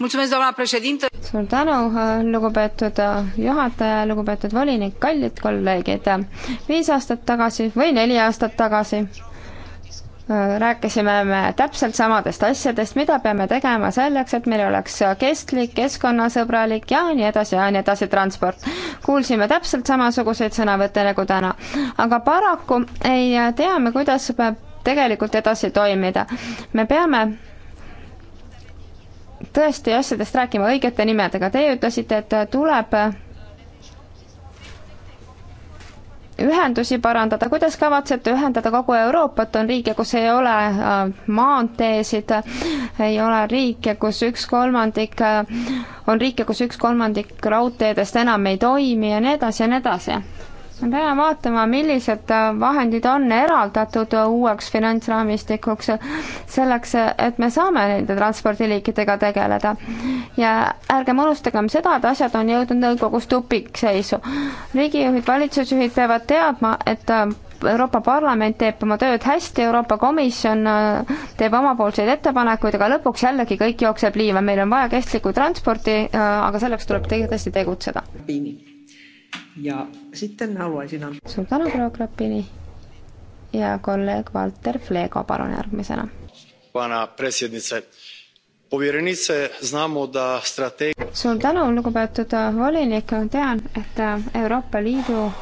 Mulțumesc, doamna președintă. Suur tänu, lugupeetud juhataja, lugupeetud volinik, kallid kolleegid. viis aastat tagasi või neli aastat tagasi Äh, rääkisime me täpselt samadest asjadest, mida peame tegema selleks, et meil oleks kestlik, keskkonnasõbralik ja nii edasi ja nii edasi transport. kuulsime täpselt samasuguseid sõnavõtte nagu täna. aga paraku ei tea me, kuidas peab tegelikult edasi toimida. me peame tõesti asjadest rääkima õigete nimedega, teie ütlesite, et tuleb ühendusi parandada, kuidas kavatsete ühendada kogu Euroopat, on riike, kus ei ole äh, maanteesid, ei ole riike, kus üks kolmandik, äh, on riike, kus üks kolmandik raudteedest enam ei toimi ja nii edasi ja nii edasi me peame vaatama, millised vahendid on eraldatud uueks finantsraamistikuks, selleks et me saame nende transpordiliikidega tegeleda. ja ärgem unustagem seda, et asjad on jõudnud nõukogus tupikseisu. riigijuhid, valitsusjuhid peavad teadma, et Euroopa Parlament teeb oma tööd hästi, Euroopa Komisjon äh, teeb omapoolseid ettepanekuid, aga lõpuks jällegi kõik jookseb liiva, meil on vaja kestlikku transporti, äh, aga selleks tuleb tõesti tegutseda. Ja sitten haluaisin antaa... Suur tänu, proua Krapini ja kolleeg Valter Flego, palun järgmisena. vana presidentse, povjerenice, znamo da strateegia... suur tänu, lugupeetud volinik, tean, et Euroopa Liidu äh,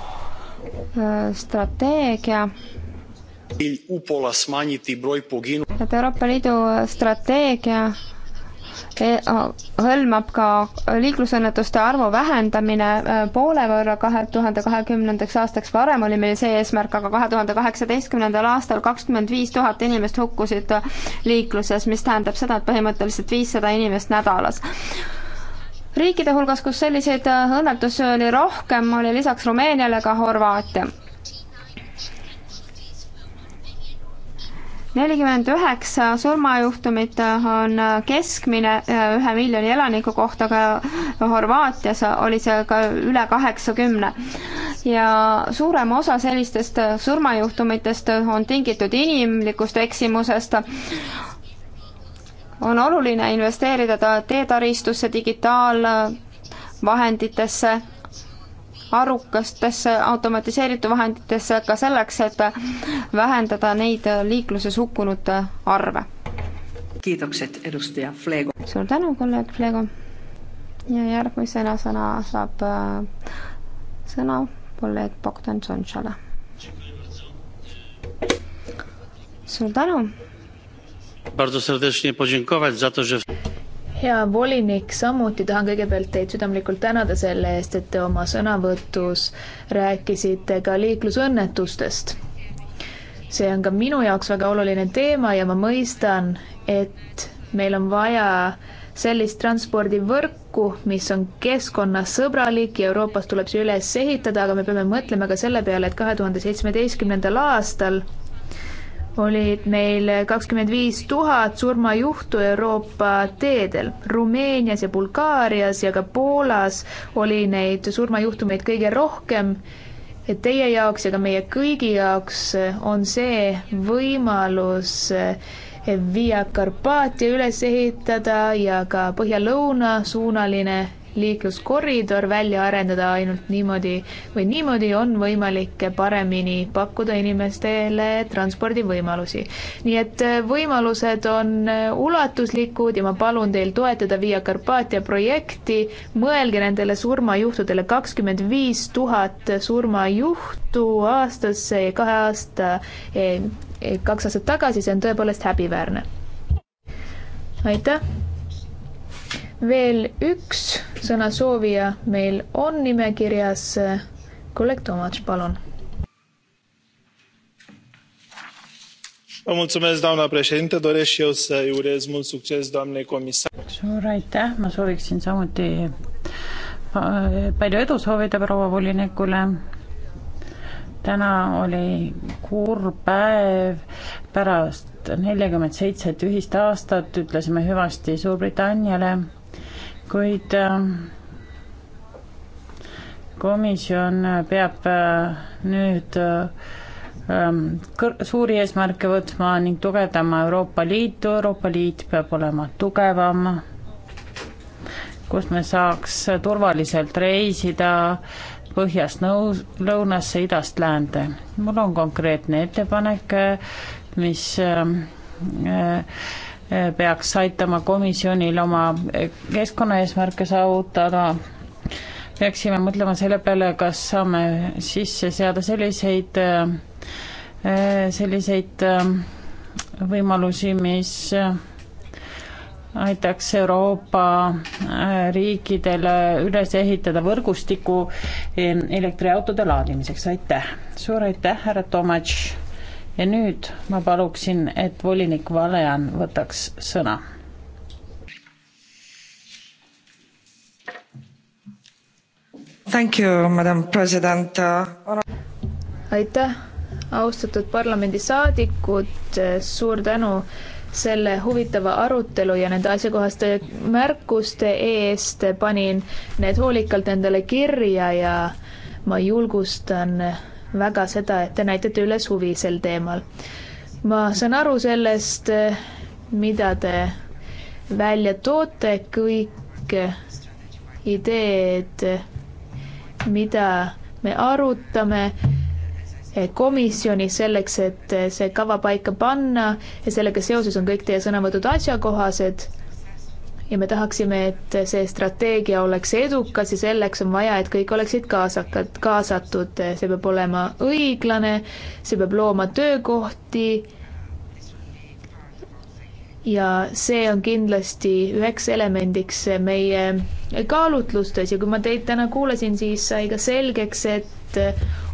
strateegia et Euroopa Liidu äh, strateegia E, hõlmab ka liiklusõnnetuste arvu vähendamine e, poole võrra kahe tuhande kahekümnendaks aastaks, varem oli meil see eesmärk, aga kahe tuhande kaheksateistkümnendal aastal kakskümmend viis tuhat inimest hukkusid liikluses, mis tähendab seda, et põhimõtteliselt viissada inimest nädalas riikide hulgas, kus selliseid õnnetusi oli rohkem, oli lisaks Rumeeniale ka Horvaatia nelikümmend üheksa surmajuhtumit on keskmine äh, ühe miljoni elaniku kohta, aga Horvaatias oli see ka üle kaheksakümne. ja suurem osa sellistest surmajuhtumitest on tingitud inimlikust eksimusest, on oluline investeerida teetaristusse, digitaalvahenditesse arukastesse automatiseeritud vahenditesse ka selleks, et vähendada neid liikluses hukkunute arve. kiitokset, edustaja Flego. suur tänu, kolleeg Flego. ja järgmisena sõna saab äh, sõna kolleeg Bogdan Tsontšale. suur tänu. Bardzo serdecznie podziękować za to, że hea volinik, samuti tahan kõigepealt teid südamlikult tänada selle eest, et te oma sõnavõtus rääkisite ka liiklusõnnetustest. see on ka minu jaoks väga oluline teema ja ma mõistan, et meil on vaja sellist transpordivõrku, mis on keskkonnasõbralik ja Euroopas tuleb see üles ehitada, aga me peame mõtlema ka selle peale, et kahe tuhande seitsmeteistkümnendal aastal olid meil kakskümmend viis tuhat surmajuhtu Euroopa teedel. Rumeenias ja Bulgaarias ja ka Poolas oli neid surmajuhtumeid kõige rohkem. et teie jaoks ja ka meie kõigi jaoks on see võimalus eh, Via Carpatia üles ehitada ja ka põhja-lõuna suunaline liikluskoridor välja arendada, ainult niimoodi või niimoodi on võimalik paremini pakkuda inimestele transpordivõimalusi. nii et äh, võimalused on äh, ulatuslikud ja ma palun teil toetada Via Carpatia projekti, mõelge nendele surmajuhtudele, kakskümmend viis tuhat surmajuhtu aastas kahe aasta, eh, eh, kaks aastat tagasi, see on tõepoolest häbiväärne. aitäh! veel üks sõnasoovija meil on nimekirjas. kolleeg Tomatš, palun. Vă mulțumesc, doamna președinte. Doresc și eu să-i urez mult succes, doamnei comisar. Suur aitäh, ma sooviksin samuti äh, palju edu soovida proua volinikule. täna oli kurb päev pärast neljakümmet seitset ühist aastat, ütlesime hüvasti Suurbritanniale kuid äh, komisjon peab äh, nüüd äh, ähm, suuri eesmärke võtma ning tugevdama Euroopa Liitu, Euroopa Liit peab olema tugevam, kus me saaks turvaliselt reisida põhjast nõu-, lõunasse, idast läände. mul on konkreetne ettepanek, mis äh, peaks aitama komisjonil oma keskkonnaeesmärke saavutada, peaksime mõtlema selle peale, kas saame sisse seada selliseid, selliseid võimalusi, mis aitaks Euroopa riikidele üles ehitada võrgustiku elektriautode laadimiseks, aitäh. suur aitäh, härra Tomatš ja nüüd ma paluksin, et volinik Valean võtaks sõna. Thank you, madam president uh,. aitäh, austatud parlamendisaadikud, suur tänu selle huvitava arutelu ja nende asjakohaste märkuste eest. panin need hoolikalt endale kirja ja ma julgustan väga seda, et te näitate üles huvi sel teemal. ma saan aru sellest, mida te välja toote, kõik ideed, mida me arutame eh, komisjonis selleks, et see kava paika panna ja sellega seoses on kõik teie sõnavõtud asjakohased ja me tahaksime, et see strateegia oleks edukas ja selleks on vaja, et kõik oleksid kaasakad, kaasatud, see peab olema õiglane, see peab looma töökohti ja see on kindlasti üheks elemendiks meie kaalutlustes ja kui ma teid täna kuulasin, siis sai ka selgeks, et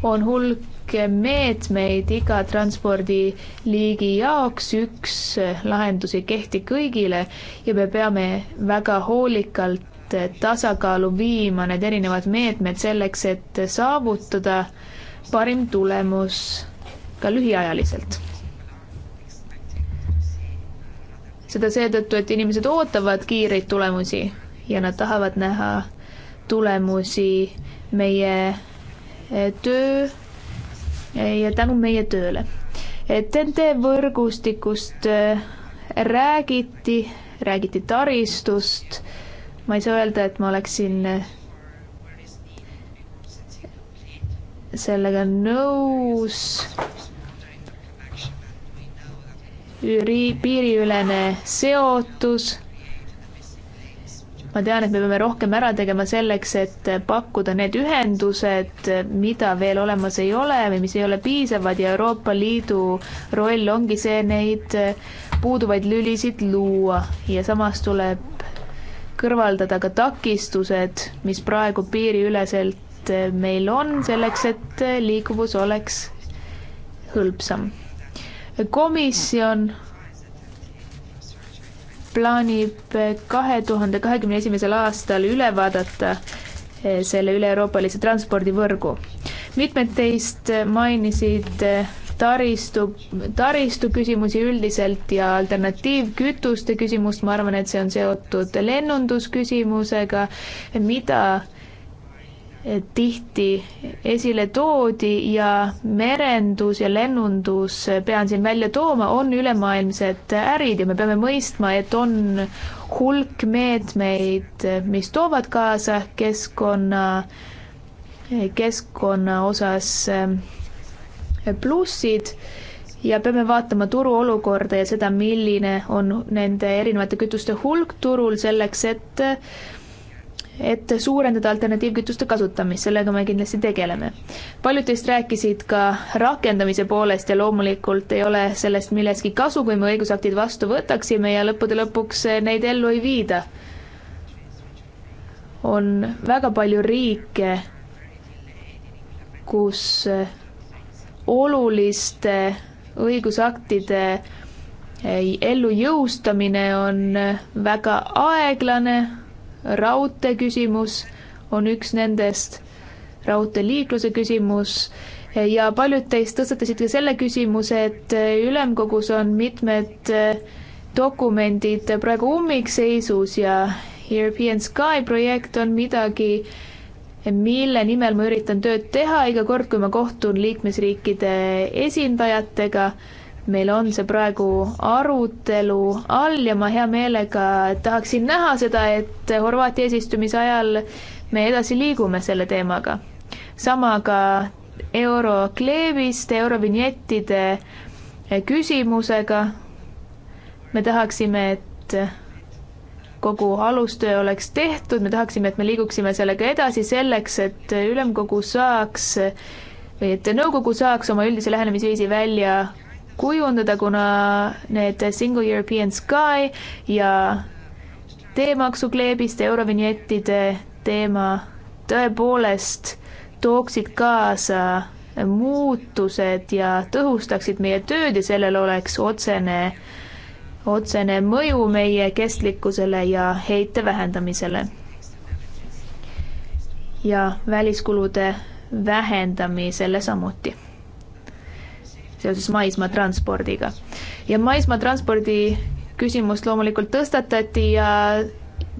on hulk kõiki meetmeid iga transpordiliigi jaoks, üks lahendus ei kehti kõigile ja me peame väga hoolikalt tasakaalu viima need erinevad meetmed selleks, et saavutada parim tulemus ka lühiajaliselt. seda seetõttu, et inimesed ootavad kiireid tulemusi ja nad tahavad näha tulemusi meie eh, töö ja tänu meie tööle. TNT võrgustikust äh, räägiti, räägiti taristust, ma ei saa öelda, et ma oleksin äh, sellega nõus. piiriülene seotus ma tean, et me peame rohkem ära tegema selleks, et pakkuda need ühendused, mida veel olemas ei ole või mis ei ole piisavad ja Euroopa Liidu roll ongi see, neid puuduvaid lülisid luua ja samas tuleb kõrvaldada ka takistused, mis praegu piiriüleselt meil on, selleks et liikuvus oleks hõlpsam. komisjon plaanib kahe tuhande kahekümne esimesel aastal üle vaadata eh, selle üle-euroopalise transpordivõrgu. mitmed teist mainisid eh, taristu, taristu küsimusi üldiselt ja alternatiivkütuste küsimust, ma arvan, et see on seotud lennundusküsimusega, mida tihti esile toodi ja merendus ja lennundus, pean siin välja tooma, on ülemaailmsed ärid ja me peame mõistma, et on hulk meetmeid, mis toovad kaasa keskkonna, keskkonna osas eh, plussid ja peame vaatama turu olukorda ja seda, milline on nende erinevate kütuste hulk turul selleks, et et suurendada alternatiivkütuste kasutamist, sellega me kindlasti tegeleme. paljud teist rääkisid ka rakendamise poolest ja loomulikult ei ole sellest millestki kasu, kui me õigusaktid vastu võtaksime ja lõppude lõpuks neid ellu ei viida. on väga palju riike, kus oluliste õigusaktide ellujõustamine on väga aeglane raudtee küsimus on üks nendest, raudteeliikluse küsimus ja paljud teist tõstatasid ka selle küsimuse, et ülemkogus on mitmed dokumendid praegu ummikseisus ja European Sky projekt on midagi, mille nimel ma üritan tööd teha iga kord, kui ma kohtun liikmesriikide esindajatega meil on see praegu arutelu all ja ma hea meelega tahaksin näha seda, et Horvaatia eesistumise ajal me edasi liigume selle teemaga. sama ka eurokleebist, eurovinjettide küsimusega. me tahaksime, et kogu alustöö oleks tehtud, me tahaksime, et me liiguksime sellega edasi selleks, et ülemkogu saaks või et nõukogu saaks oma üldise lähenemisviisi välja kujundada, kuna need Single European Sky ja teemaksukleebist ja eurovinjettide teema tõepoolest tooksid kaasa muutused ja tõhustaksid meie tööd ja sellel oleks otsene, otsene mõju meie kestlikkusele ja heite vähendamisele. ja väliskulude vähendamisele samuti seoses maismaatranspordiga. ja maismaatranspordi küsimust loomulikult tõstatati ja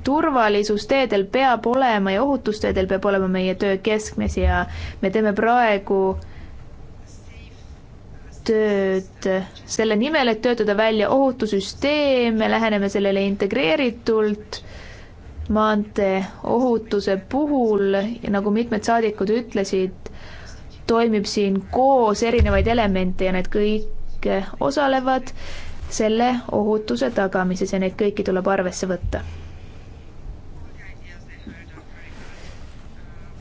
turvalisus teedel peab olema ja ohutus teedel peab olema meie töö keskmes ja me teeme praegu tööd selle nimel, et töötada välja ohutussüsteem, me läheneme sellele integreeritult maantee ohutuse puhul ja nagu mitmed saadikud ütlesid, toimib siin koos erinevaid elemente ja need kõik osalevad selle ohutuse tagamises ja neid kõiki tuleb arvesse võtta.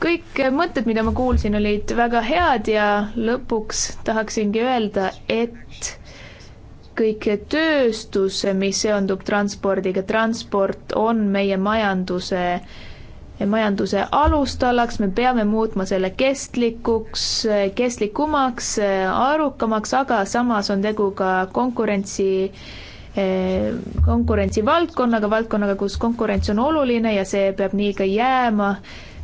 kõik mõtted, mida ma kuulsin, olid väga head ja lõpuks tahaksingi öelda, et kõik tööstus, mis seondub transpordiga, transport on meie majanduse äh, majanduse alustalaks, me peame muutma selle kestlikuks, kestlikumaks, arukamaks, aga samas on tegu ka konkurentsi eh, konkurentsivaldkonnaga, valdkonnaga, kus konkurents on oluline ja see peab nii ka jääma.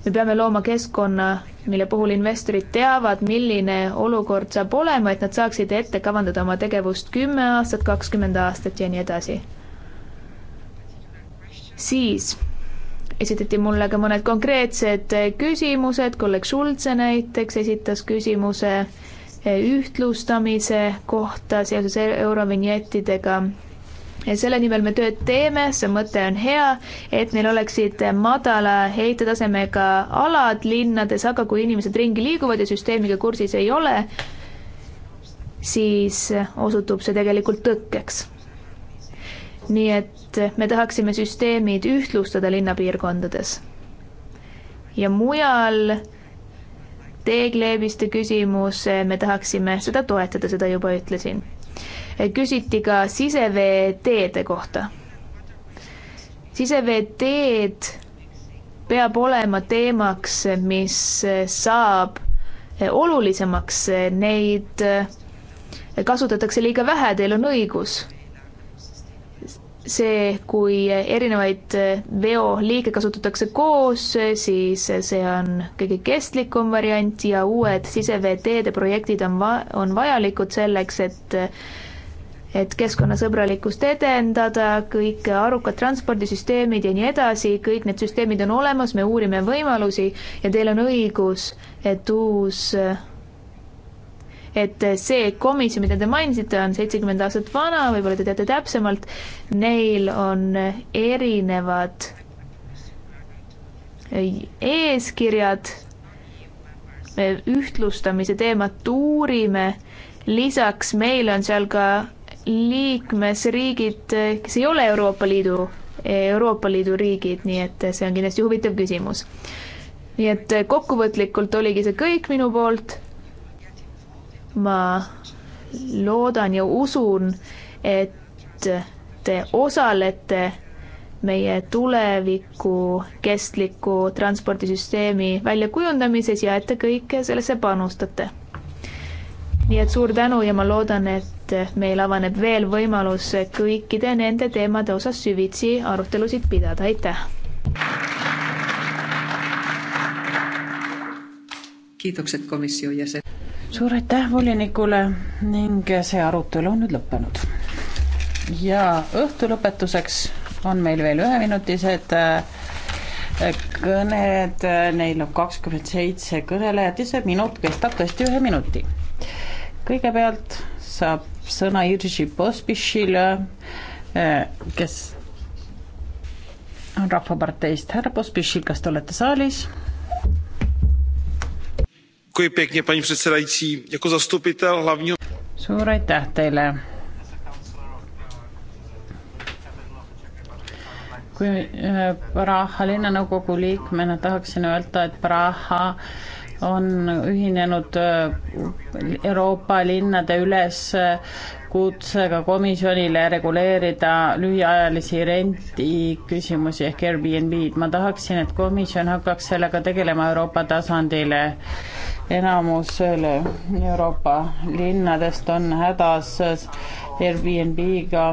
me peame looma keskkonna, mille puhul investorid teavad, milline olukord saab olema, et nad saaksid ette kavandada oma tegevust kümme aastat, kakskümmend aastat ja nii edasi. siis esitati mulle ka mõned konkreetsed küsimused, kolleeg Schulze näiteks esitas küsimuse eh, ühtlustamise kohta seoses e-, eurovinjettidega. selle nimel me tööd teeme, see mõte on hea, et meil oleksid madala heitetasemega alad linnades, aga kui inimesed ringi liiguvad ja süsteemiga kursis ei ole, siis osutub see tegelikult tõkkeks nii et me tahaksime süsteemid ühtlustada linnapiirkondades. ja mujal teekleebiste küsimus, me tahaksime seda toetada, seda juba ütlesin. küsiti ka siseveeteede kohta. siseveeteed peab olema teemaks, mis saab olulisemaks, neid kasutatakse liiga vähe, teil on õigus see, kui erinevaid eh, veoliike kasutatakse koos, siis see on kõige kestlikum variant ja uued siseveeteede projektid on va-, on vajalikud selleks, et et keskkonnasõbralikkust edendada, kõik arukad transpordisüsteemid ja nii edasi, kõik need süsteemid on olemas, me uurime võimalusi ja teil on õigus, et uus et see komisjon, mida te mainisite, on seitsekümmend aastat vana, võib-olla te teate täpsemalt, neil on erinevad eeskirjad, ühtlustamise teemat uurime, lisaks meil on seal ka liikmesriigid, kes ei ole Euroopa Liidu, Euroopa Liidu riigid, nii et see on kindlasti huvitav küsimus. nii et kokkuvõtlikult oligi see kõik minu poolt ma loodan ja usun, et te osalete meie tuleviku kestliku transpordisüsteemi väljakujundamises ja et te kõike sellesse panustate. nii et suur tänu ja ma loodan, et meil avaneb veel võimalus kõikide nende teemade osas süvitsi arutelusid pidada, aitäh! Kiitokset komission jäsen suur aitäh volinikule ning see arutelu on nüüd lõppenud. ja õhtu lõpetuseks on meil veel üheminutised kõned, neil on kakskümmend seitse kõnelejat ja see minut kestab tõesti ühe minuti. kõigepealt saab sõna Irži Pospišile, kes on Rahvaparteist. härra Pospišil, kas te olete saalis? paní předsedající jako zastupitel hlavního. suur aitäh teile. kui eh, Praha linnanõukogu liikmena tahaksin öelda, et Praha on ühinenud eh, Euroopa linnade üleskutsega komisjonile reguleerida lühiajalisi rentiküsimusi ehk Airbnb-d. ma tahaksin, et komisjon hakkaks sellega tegelema Euroopa tasandil enamusel Euroopa linnadest on hädas Airbnb-ga.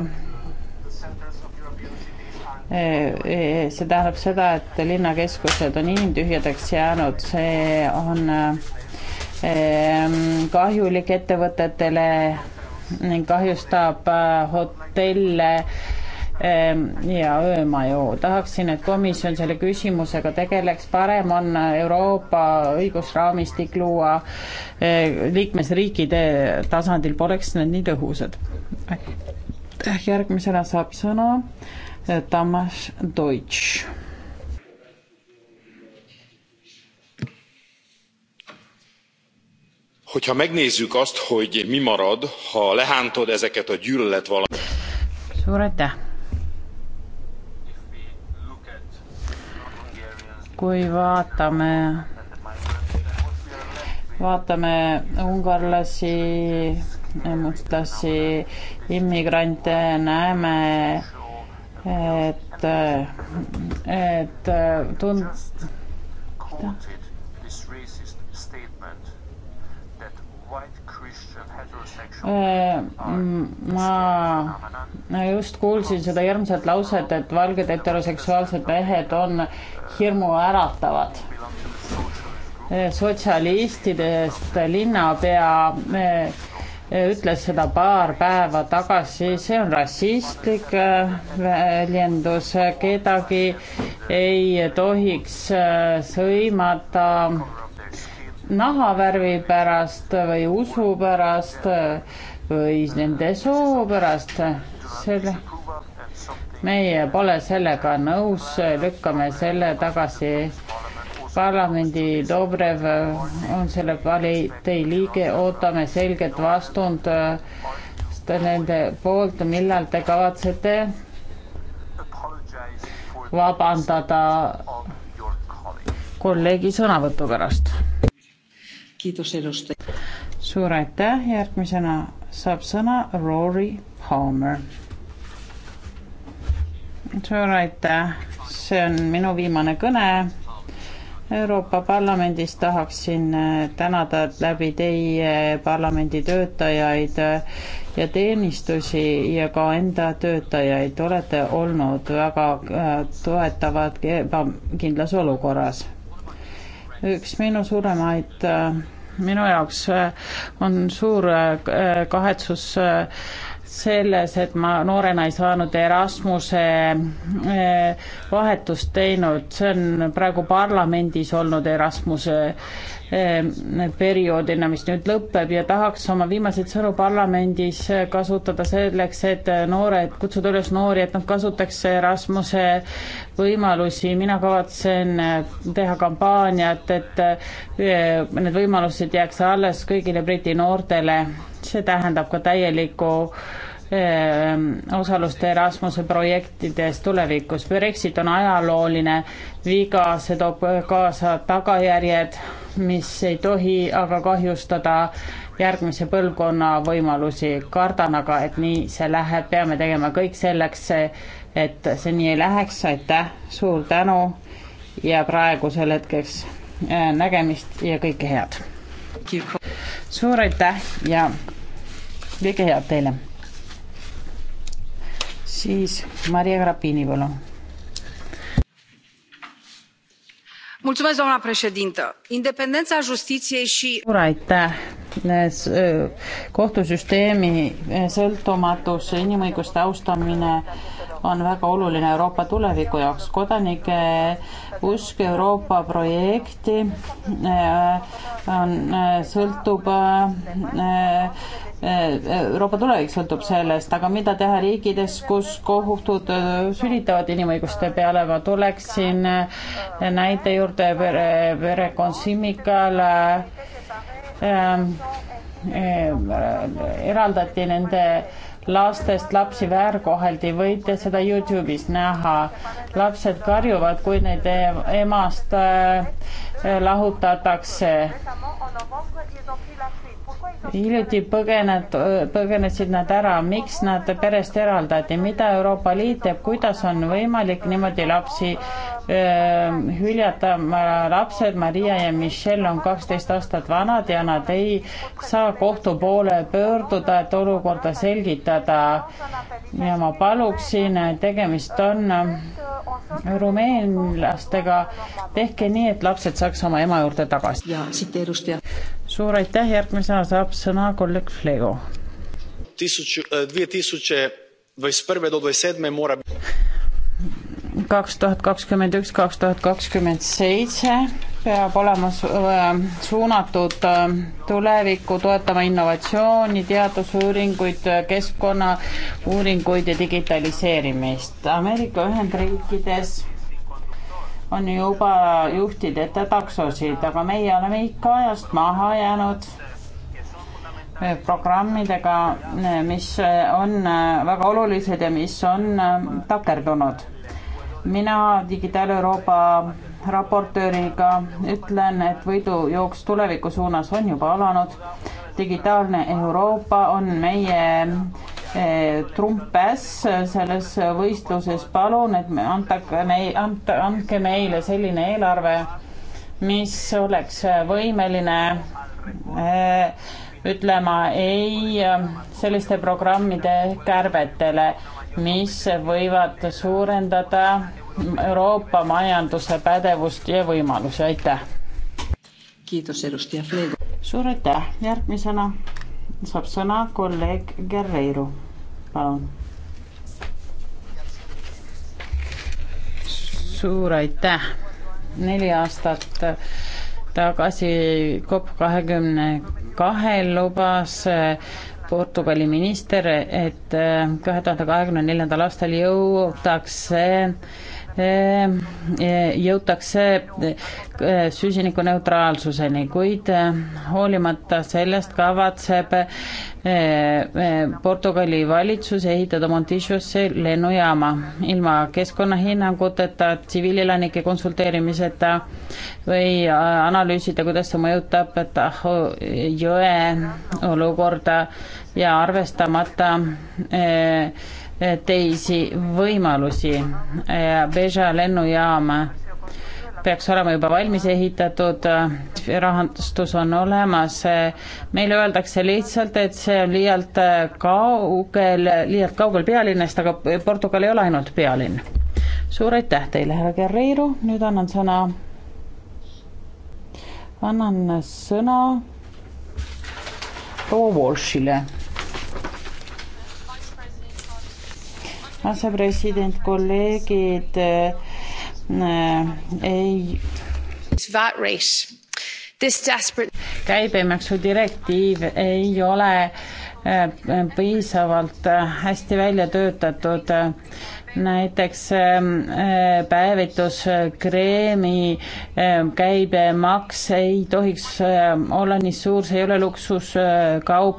E, e, see tähendab seda, et linnakeskused on inimtühjadeks jäänud, see on e, kahjulik ettevõtetele ning kahjustab hotelle Ehm, ja öömaju. tahaksin, et komisjon selle küsimusega tegeleks, parem on Euroopa õigusraamistik luua eh, liikmesriikide tasandil, poleks need nii tõhusad. aitäh, järgmisena saab sõna eh, Tamas Deutsch. Hogyha megnézzük azt, hogy mi marad, ha lehántod ezeket a gyűlölet valamit. Suur aitäh! kui vaatame, vaatame ungarlasi, mustlasi, immigrante, näeme, et, et tund-, Äh, ma just kuulsin seda hirmsat lauset, et valged heteroseksuaalsed mehed on hirmuäratavad. Äh, sotsialistidest linnapea äh, ütles seda paar päeva tagasi, see on rassistlik väljendus, kedagi ei tohiks sõimata nahavärvi pärast või usu pärast või nende soo pärast. selle, meie pole sellega nõus, lükkame selle tagasi. parlamendi Dobrev on selle partei liige, ootame selget vastund nende poolt, millal te kavatsete vabandada kolleegi sõnavõtu pärast suur aitäh, järgmisena saab sõna Rory Palmer. suur aitäh, see on minu viimane kõne Euroopa Parlamendis tahaksin äh, tänada läbi teie parlamendi töötajaid äh, ja teenistusi ja ka enda töötajaid, olete olnud väga äh, toetavad ebakindlas olukorras üks minu suuremaid, minu jaoks äh, on suur äh, kahetsus äh, selles, et ma noorena ei saanud Erasmuse vahetust teinud, see on praegu parlamendis olnud Erasmuse Ehm, perioodina, mis nüüd lõpeb ja tahaks oma viimaseid sõnu parlamendis eh, kasutada selleks, et eh, noored, kutsuda üles noori, et nad kasutaks Erasmuse võimalusi, mina kavatsen eh, teha kampaaniat, et need võimalused jääks alles kõigile Briti noortele, see tähendab ka täielikku ehm, osalust Erasmuse projektides tulevikus. Brexit on ajalooline viga, see toob kaasa tagajärjed mis ei tohi aga kahjustada järgmise põlvkonna võimalusi. kardan aga, et nii see läheb, peame tegema kõik selleks, et see nii ei läheks, aitäh, suur tänu ja praegusel hetkeks äh, nägemist ja kõike head. suur aitäh ja kõike head teile. siis Maria Grapini, palun doamnă președintă independența justiției și. aitäh uh, Äh, kohtusüsteemi äh, sõltumatus, inimõiguste austamine on väga oluline Euroopa tuleviku jaoks. kodanike usk Euroopa projekti äh, on, sõltub Euroopa tulevik sõltub sellest, aga mida teha riikides, kus kohtud sülitavad inimõiguste peale, ma tuleksin näite juurde pere, perekond Simikale Ähm, äh, äh, eraldati nende lastest lapsi väärkoheldi, võite seda Youtube'is näha. lapsed karjuvad, kui neid e-, emast äh, lahutatakse hiljuti põgened, põgenesid nad ära, miks nad perest eraldati, mida Euroopa Liit teeb, kuidas on võimalik niimoodi lapsi öö, hüljata, lapsed Maria ja Michelle on kaksteist aastat vanad ja nad ei saa kohtu poole pöörduda, et olukorda selgitada. ja ma paluksin, tegemist on rumeenlastega, tehke nii, et lapsed saaks oma ema juurde tagasi. ja siit edust ja. suur aitäh, järgmisena saab sõna kolleeg Flego. E, kaks tuhat kakskümmend üks, kaks tuhat kakskümmend seitse peab olema e, suunatud e, tulevikku, toetama innovatsiooni, teadusuuringuid, keskkonnauuringuid ja digitaliseerimist. Ameerika Ühendriikides on juba juhtideta taksosid, aga meie oleme ikka ajast maha jäänud programmidega, mis on väga olulised ja mis on takerdunud. mina Digitaal-Euroopa raportööriga ütlen, et võidujooks tuleviku suunas on juba alanud. digitaalne Euroopa on meie eh, trumpäss selles võistluses, palun, et me antage, anta, andke meile selline eelarve, mis oleks võimeline äh, ütlema ei ähm, selliste programmide kärbetele, mis võivad suurendada Euroopa majanduse pädevust ja võimalusi, aitäh! suur aitäh, järgmisena saab sõna kolleeg Guerreiro, palun. suur aitäh, neli aastat tagasi COP kahekümne kahel lubas eh, Portugali minister, et eh, kahe tuhande kahekümne neljandal aastal jõutakse Ehm, eh, jõutakse eh, süsinikuneutraalsuseni, kuid eh, hoolimata sellest kavatseb Portugali valitsus ehitada Montichosse lennujaama ilma keskkonnahinnanguteta, tsiviilelanike konsulteerimiseta või analüüsida, kuidas see mõjutab Taho jõe olukorda ja arvestamata eh, teisi võimalusi. Beja lennujaam peaks olema juba valmis ehitatud, rahastus on olemas, meile öeldakse lihtsalt, et see on liialt kaugel, liialt kaugel pealinnast, aga Portugal ei ole ainult pealinn. suur aitäh teile, härra Guerreiro, nüüd annan sõna, annan sõna proua Walshile asepresident, kolleegid äh,, ei. käibemaksu direktiiv ei ole äh, piisavalt äh, hästi välja töötatud. näiteks ähm, äh, päevituskreemi käibemaks ei tohiks olla nii suur, see ei ole luksuskaup,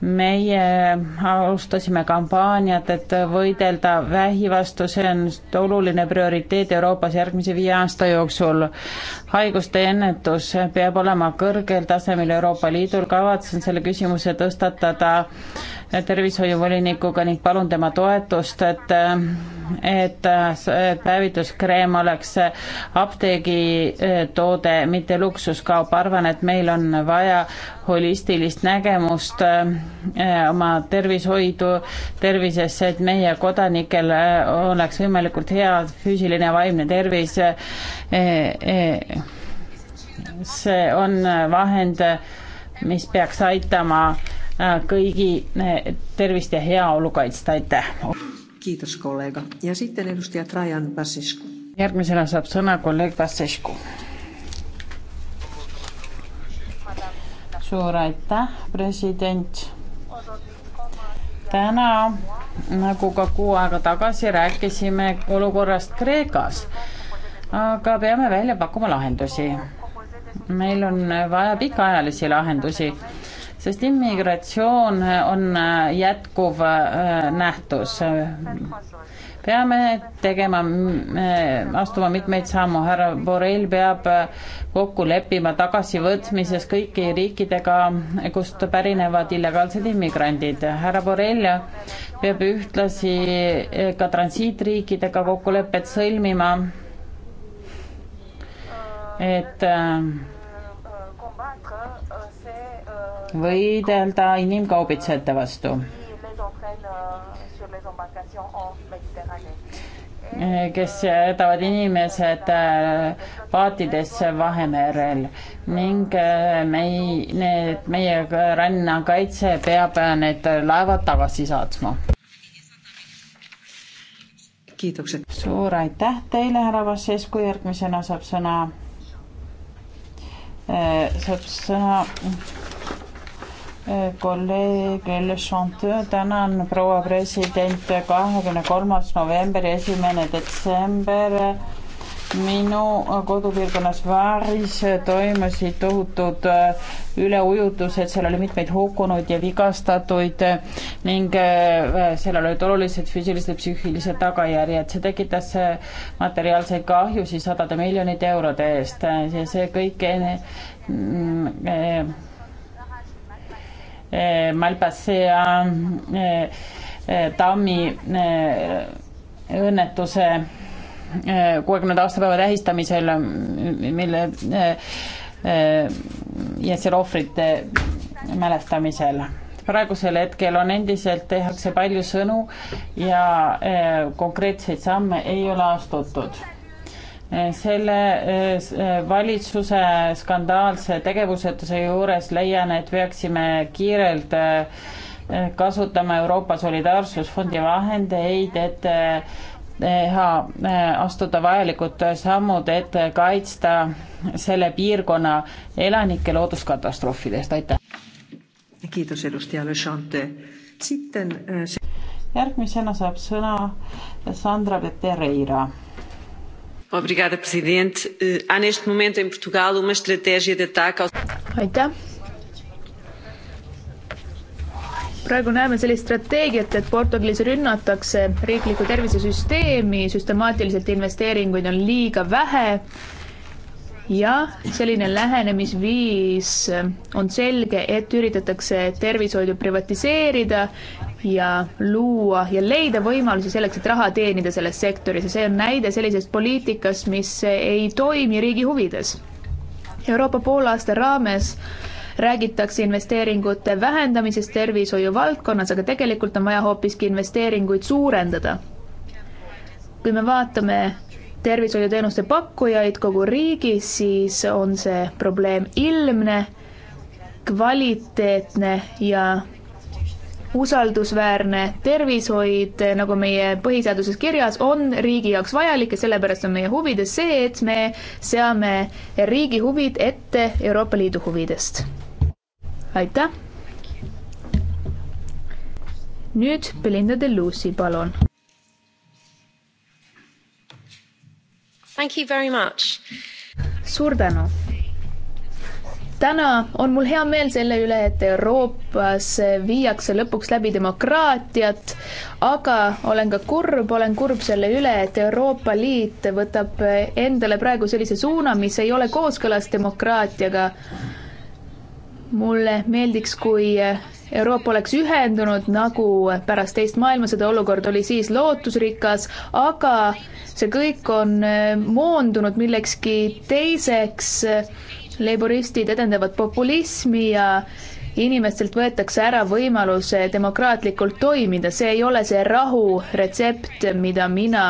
meie alustasime kampaaniat, et võidelda vähi vastu, see on oluline prioriteet Euroopas järgmise viie aasta jooksul. haiguste ennetus peab olema kõrgel tasemel Euroopa Liidul, kavatsen selle küsimuse tõstatada tervishoiuvolinikuga ning palun tema toetust, et et päevituskreem oleks apteegitoode, mitte luksuskaup, arvan, et meil on vaja holistilist nägemust äh, äh, oma tervishoidu, tervisesse, et meie kodanikel äh, oleks võimalikult hea füüsiline ja vaimne tervis. see on vahend, mis peaks aitama kõigi tervist ja heaolu kaitsta, aitäh. kiitos kolleega ja siit on edustaja Trajan Basescu. järgmisena saab sõna kolleeg Basescu suur aitäh, president. täna nagu ka kuu aega tagasi rääkisime olukorrast Kreekas, aga peame välja pakkuma lahendusi. meil on vaja pikaajalisi lahendusi, sest immigratsioon on jätkuv äh, nähtus peame tegema, astuma mitmeid sammu, härra Borrell peab kokku leppima tagasivõtmises kõiki riikidega, kust pärinevad illegaalsed immigrandid. härra Borrell peab ühtlasi ka transiitriikidega kokkulepped sõlmima, et äh, võidelda inimkaubitsejate vastu kes jätavad inimesed äh, paatidesse Vahemerel ning äh, mei-, need, meie rannakaitse peab äh, need laevad tagasi saatma. kiitokset. suur aitäh teile, härra Vassesku, järgmisena saab sõna, saab sõna kolleegil Chantöö, tänan, proua president, kahekümne kolmas november ja esimene detsember minu kodupiirkonnas Vaaris toimusid tohutud äh, üleujutused, seal oli mitmeid hukkunuid ja vigastatuid ning äh, sellel olid olulised füüsilised ja psüühilised tagajärjed. see tekitas äh, materiaalseid kahjusid sadade miljonite eurode eest ja see kõik mm, Eh, Malpasea eh, eh, tammi õnnetuse kuuekümnenda aastapäeva tähistamisel, mille ja selle ohvrite mälestamisel praegusel hetkel on endiselt, tehakse palju sõnu ja konkreetseid samme ei ole astutud Eh, selle eh, eh, valitsuse skandaalse tegevusetuse juures leian, et peaksime kiirelt kasutama Euroopa Solidaarsusfondi vahendeid, et teha, astuda vajalikud sammud, et kaitsta selle piirkonna elanikke looduskatastroofide eest, aitäh. kiidus edustaja Le Chante. sitten järgmisena saab sõna Sandra Petereira Obrigada, president. Eh, há neste momento em Portugal uma estrateegia de ataque ao... aitäh. praegu näeme sellist strateegiat, et Portugalis rünnatakse riiklikku tervisesüsteemi, süstemaatiliselt investeeringuid on liiga vähe jah, selline lähenemisviis äh, on selge, et üritatakse tervishoidu privatiseerida ja luua ja leida võimalusi selleks, et raha teenida selles sektoris ja see on näide sellisest poliitikast, mis ei toimi riigi huvides. Euroopa poolaasta raames räägitakse investeeringute vähendamisest tervishoiu valdkonnas, aga tegelikult on vaja hoopiski investeeringuid suurendada. kui me vaatame tervishoiuteenuste pakkujaid kogu riigis, siis on see probleem ilmne, kvaliteetne ja usaldusväärne tervishoid, nagu meie põhiseaduses kirjas, on riigi jaoks vajalik ja sellepärast on meie huvides see, et me seame riigi huvid ette Euroopa Liidu huvidest. aitäh! nüüd Belinda de Lucy, palun suur tänu! täna on mul hea meel selle üle, et Euroopas viiakse lõpuks läbi demokraatiat, aga olen ka kurb, olen kurb selle üle, et Euroopa Liit võtab endale praegu sellise suuna, mis ei ole kooskõlas demokraatiaga. mulle meeldiks, kui Euroopa oleks ühendunud, nagu pärast teist maailmasõda olukord oli siis lootusrikas, aga see kõik on äh, moondunud millekski teiseks. Leiboristid edendavad populismi ja inimestelt võetakse ära võimalus demokraatlikult toimida, see ei ole see rahu retsept, mida mina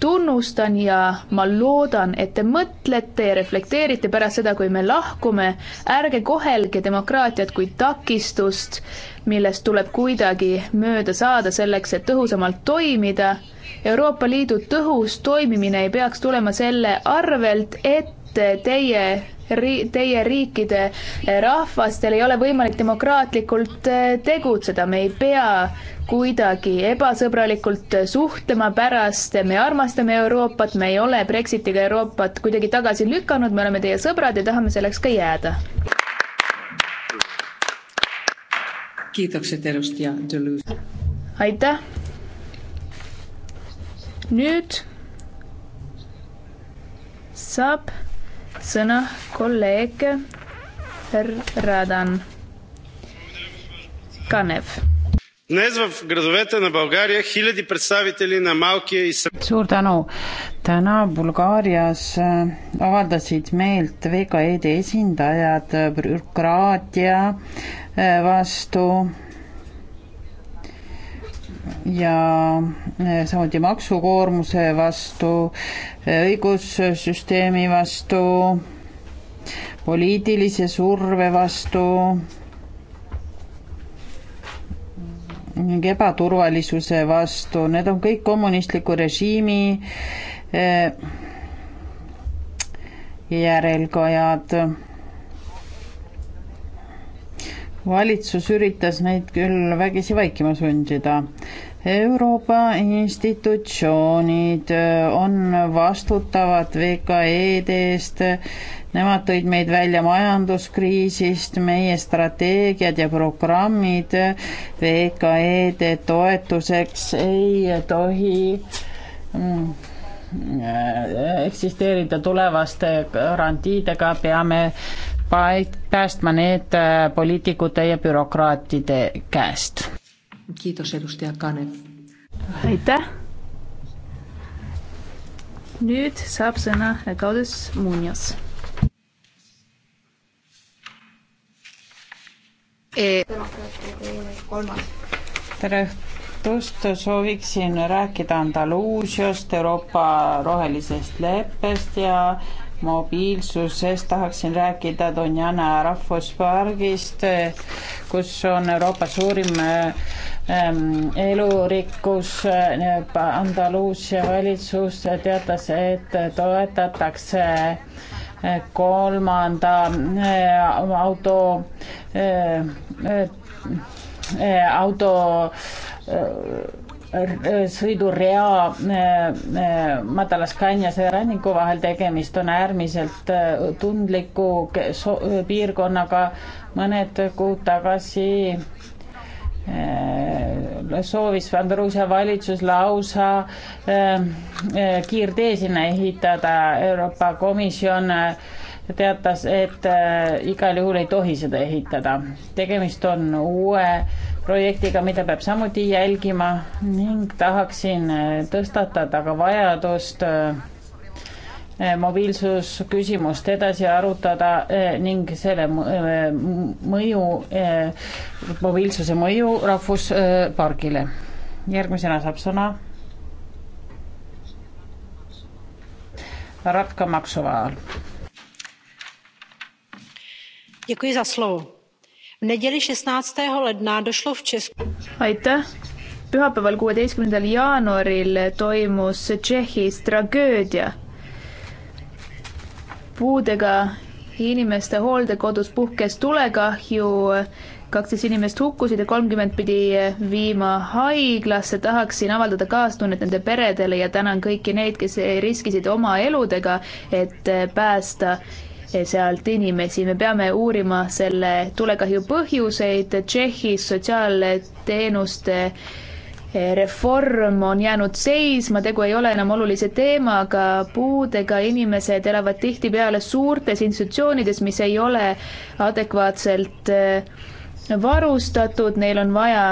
tunnustan ja ma loodan, et te mõtlete ja reflekteerite pärast seda, kui me lahkume. ärge kohelge demokraatiat kui takistust, millest tuleb kuidagi mööda saada selleks, et tõhusamalt toimida. Euroopa Liidu tõhus toimimine ei peaks tulema selle arvelt, et et teie ri-, teie riikide eh, rahvastel ei ole võimalik demokraatlikult eh, tegutseda, me ei pea kuidagi ebasõbralikult eh, suhtlema pärast, me armastame Euroopat, me ei ole Brexitiga Euroopat kuidagi tagasi lükanud, me oleme teie sõbrad ja tahame selleks ka jääda. kiitokset, edustaja Deleuze. aitäh. nüüd saab sõna kolleeg Radan Kanev. Днес в градовете на България хиляди представители на малкия и Suur tänu. Täna Bulgaarias äh, avaldasid meelt VKE-de esindajad bürokraatia äh, vastu ja eh, samuti maksukoormuse vastu, eh, õigussüsteemi vastu, poliitilise surve vastu ning ebaturvalisuse vastu, need on kõik kommunistliku režiimi eh, järelkojad valitsus üritas neid küll vägisi vaikima sundida. Euroopa institutsioonid äh, on vastutavad VKE-de eest, nemad tõid meid välja majanduskriisist, meie strateegiad ja programmid VKE-de toetuseks ei tohi mm, äh, eksisteerida tulevaste garantiidega, peame päästma need äh, poliitikute ja bürokraatide käest. aitäh. nüüd saab sõna Gaudes Munjas. E- tere õhtust, sooviksin rääkida Andaluusiast, Euroopa rohelisest leppest ja mobiilsusest tahaksin rääkida Donjana rahvuspargist, kus on Euroopa suurim ähm, elurikkus. Andaluusia valitsus teatas, et toetatakse äh, kolmanda äh, auto, äh, auto sõidurea äh, äh, Madalaskanjas ja ranniku vahel tegemist on äärmiselt äh, tundliku piirkonnaga. mõned kuud tagasi soovis Andaluusia valitsus lausa kiirtee sinna ehitada. Euroopa Komisjon teatas, et igal juhul ei tohi seda ehitada. tegemist on uue projektiga, mida peab samuti jälgima ning tahaksin äh, tõstatada ka vajadust äh, mobiilsusküsimust edasi arutada äh, ning selle mõju, mobiilsuse mõju rahvuspargile. järgmisena saab sõna Radka Maksova. Děkuji za slovo v neděli 16. ledna došlo v Česku. aitäh, pühapäeval, kuueteistkümnendal jaanuaril toimus Tšehhis tragöödia. puudega inimeste hooldekodus puhkes tulekahju, kaksteist inimest hukkusid ja kolmkümmend pidi viima haiglasse. tahaksin avaldada kaastunnet nende peredele ja tänan kõiki neid, kes riskisid oma eludega, et päästa sealt inimesi. me peame uurima selle tulekahju põhjuseid. Tšehhis sotsiaalteenuste eh, reform on jäänud seisma, tegu ei ole enam olulise teemaga, puudega inimesed elavad tihtipeale suurtes institutsioonides, mis ei ole adekvaatselt eh, varustatud, neil on vaja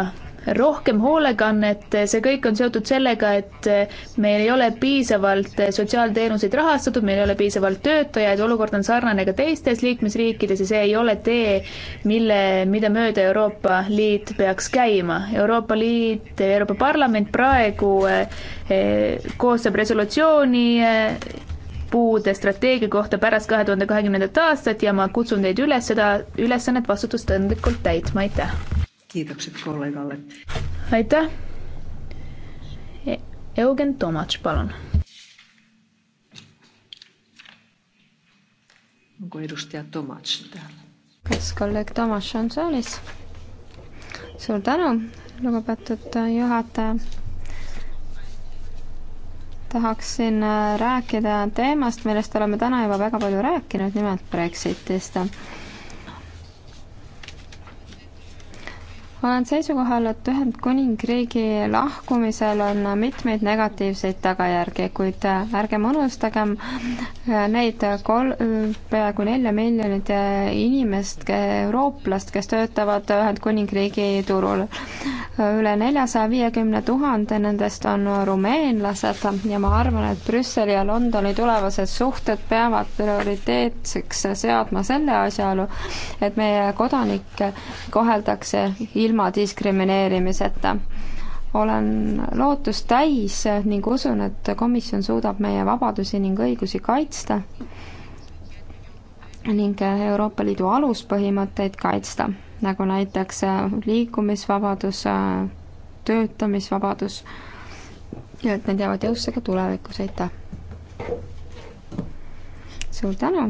rohkem hoolekannet, see kõik on seotud sellega, et meil ei ole piisavalt sotsiaalteenuseid rahastatud, meil ei ole piisavalt töötajaid, olukord on sarnane ka teistes liikmesriikides ja see ei ole tee, mille, mida mööda Euroopa Liit peaks käima. Euroopa Liit, Euroopa Parlament praegu eh, koostab resolutsiooni eh, puude strateegia kohta pärast kahe tuhande kahekümnendat aastat ja ma kutsun teid üles seda ülesannet vastutustundlikult täitma, aitäh! Kiitokset kollegalle. Aitäh! E-, Eugen Tomats, palun. Onko edustaja Tomats täällä? Kas kolleeg Tomas on saalis? suur tänu, lugupeetud juhataja. tahaksin äh, rääkida teemast, millest oleme täna juba väga palju rääkinud, nimelt Brexitist olen seisukohal, et Ühendkuningriigi lahkumisel on mitmeid negatiivseid tagajärgi, kuid ärgem unustagem äh, neid kol-, peaaegu nelja miljonit äh, inimest, eurooplast, kes töötavad Ühendkuningriigi turul. üle neljasaja viiekümne tuhande nendest on rumeenlased ja ma arvan, et Brüsseli ja Londoni tulevased suhted peavad prioriteetseks seadma selle asjaolu, et meie kodanikke koheldakse ilma diskrimineerimiseta. olen lootust täis ning usun, et komisjon suudab meie vabadusi ning õigusi kaitsta ning Euroopa Liidu aluspõhimõtteid kaitsta, nagu näiteks liikumisvabadus, töötamisvabadus ja et need jäävad jõusse ka tulevikus, aitäh! suur tänu!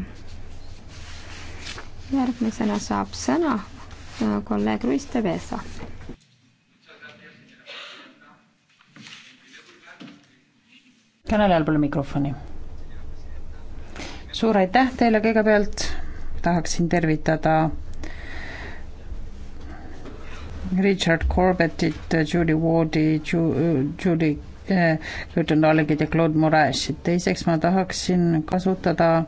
järgmisena saab sõna kolleeg Ruiz de Besa. kõnelejal pole mikrofoni. suur aitäh teile kõigepealt, tahaksin tervitada Richard Corbettit, Judy Wardi, Judy eh, Kürtendalegid ja Claude Moraesit. teiseks ma tahaksin kasutada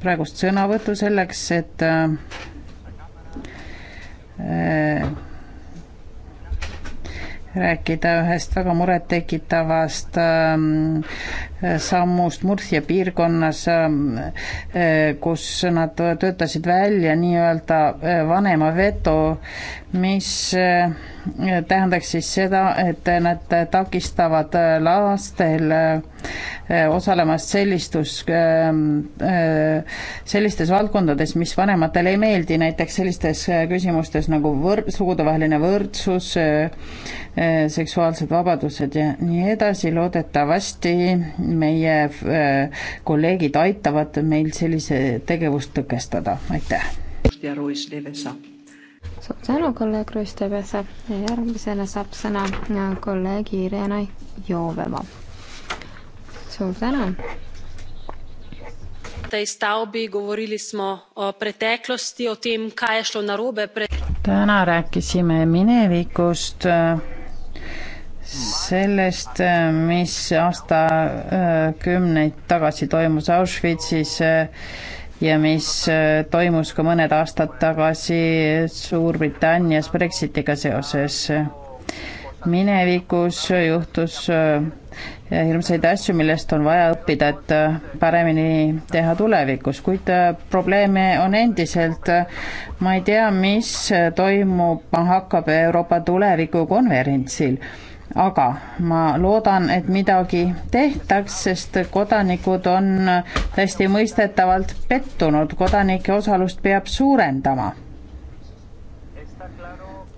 praegust sõnavõttu selleks, et rääkida ühest väga murettekitavast ähm, sammust Murcia piirkonnas, ähm, äh, kus nad töötasid välja nii-öelda äh, vanema veto, mis äh, tähendaks siis seda, et nad takistavad lastel osalemast sellistus, ähm, sellistes valdkondades, mis vanematele ei meeldi, näiteks sellistes küsimustes nagu võrd-, sugudevaheline võrdsus, seksuaalsed vabadused ja nii edasi, loodetavasti meie äh, kolleegid aitavad meil sellise tegevust tõkestada, aitäh. suur tänu, kolleeg Ruistevese ja järgmisena saab sõna äh, kolleeg Irena Joovema. suur tänu tej stavbi, govorili smo o preteklosti, o tem, kaj je šlo narobe. täna rääkisime minevikust äh, sellest, äh, mis aastakümneid äh, tagasi toimus Auschwitzis äh, ja mis toimus ka mõned aastad tagasi Suurbritannias Brexitiga seoses. minevikus juhtus hirmsaid asju, millest on vaja õppida, et paremini teha tulevikus, kuid probleeme on endiselt. ma ei tea, mis toimub, hakkab Euroopa tulevikukonverentsil aga ma loodan, et midagi tehtaks, sest kodanikud on täiesti mõistetavalt pettunud, kodanike osalust peab suurendama.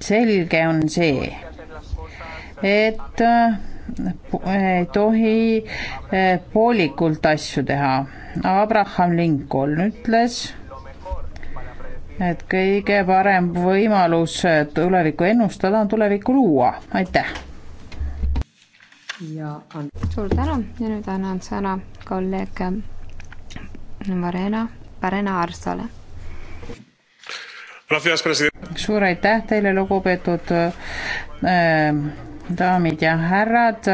selge on see, et äh, ei tohi äh, poolikult asju teha. Abraham Lincoln ütles, et kõige parem võimalus äh, tulevikku ennustada on tulevikku luua, aitäh ja on. suur tänu ja nüüd annan sõna kolleeg Varena, ähm, Varena Arsale. suur aitäh teile, lugupeetud äh, daamid ja härrad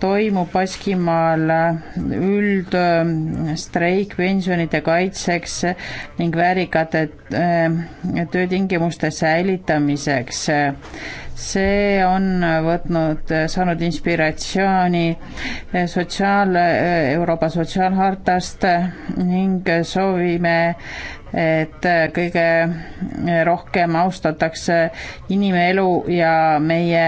toimub Baskimaal äh, üldstreik ähm, pensionide kaitseks ning väärikate ähm, töötingimuste säilitamiseks see on võtnud, saanud inspiratsiooni sotsiaal, Euroopa sotsiaalhartast ning soovime, et kõige rohkem austatakse inimelu ja meie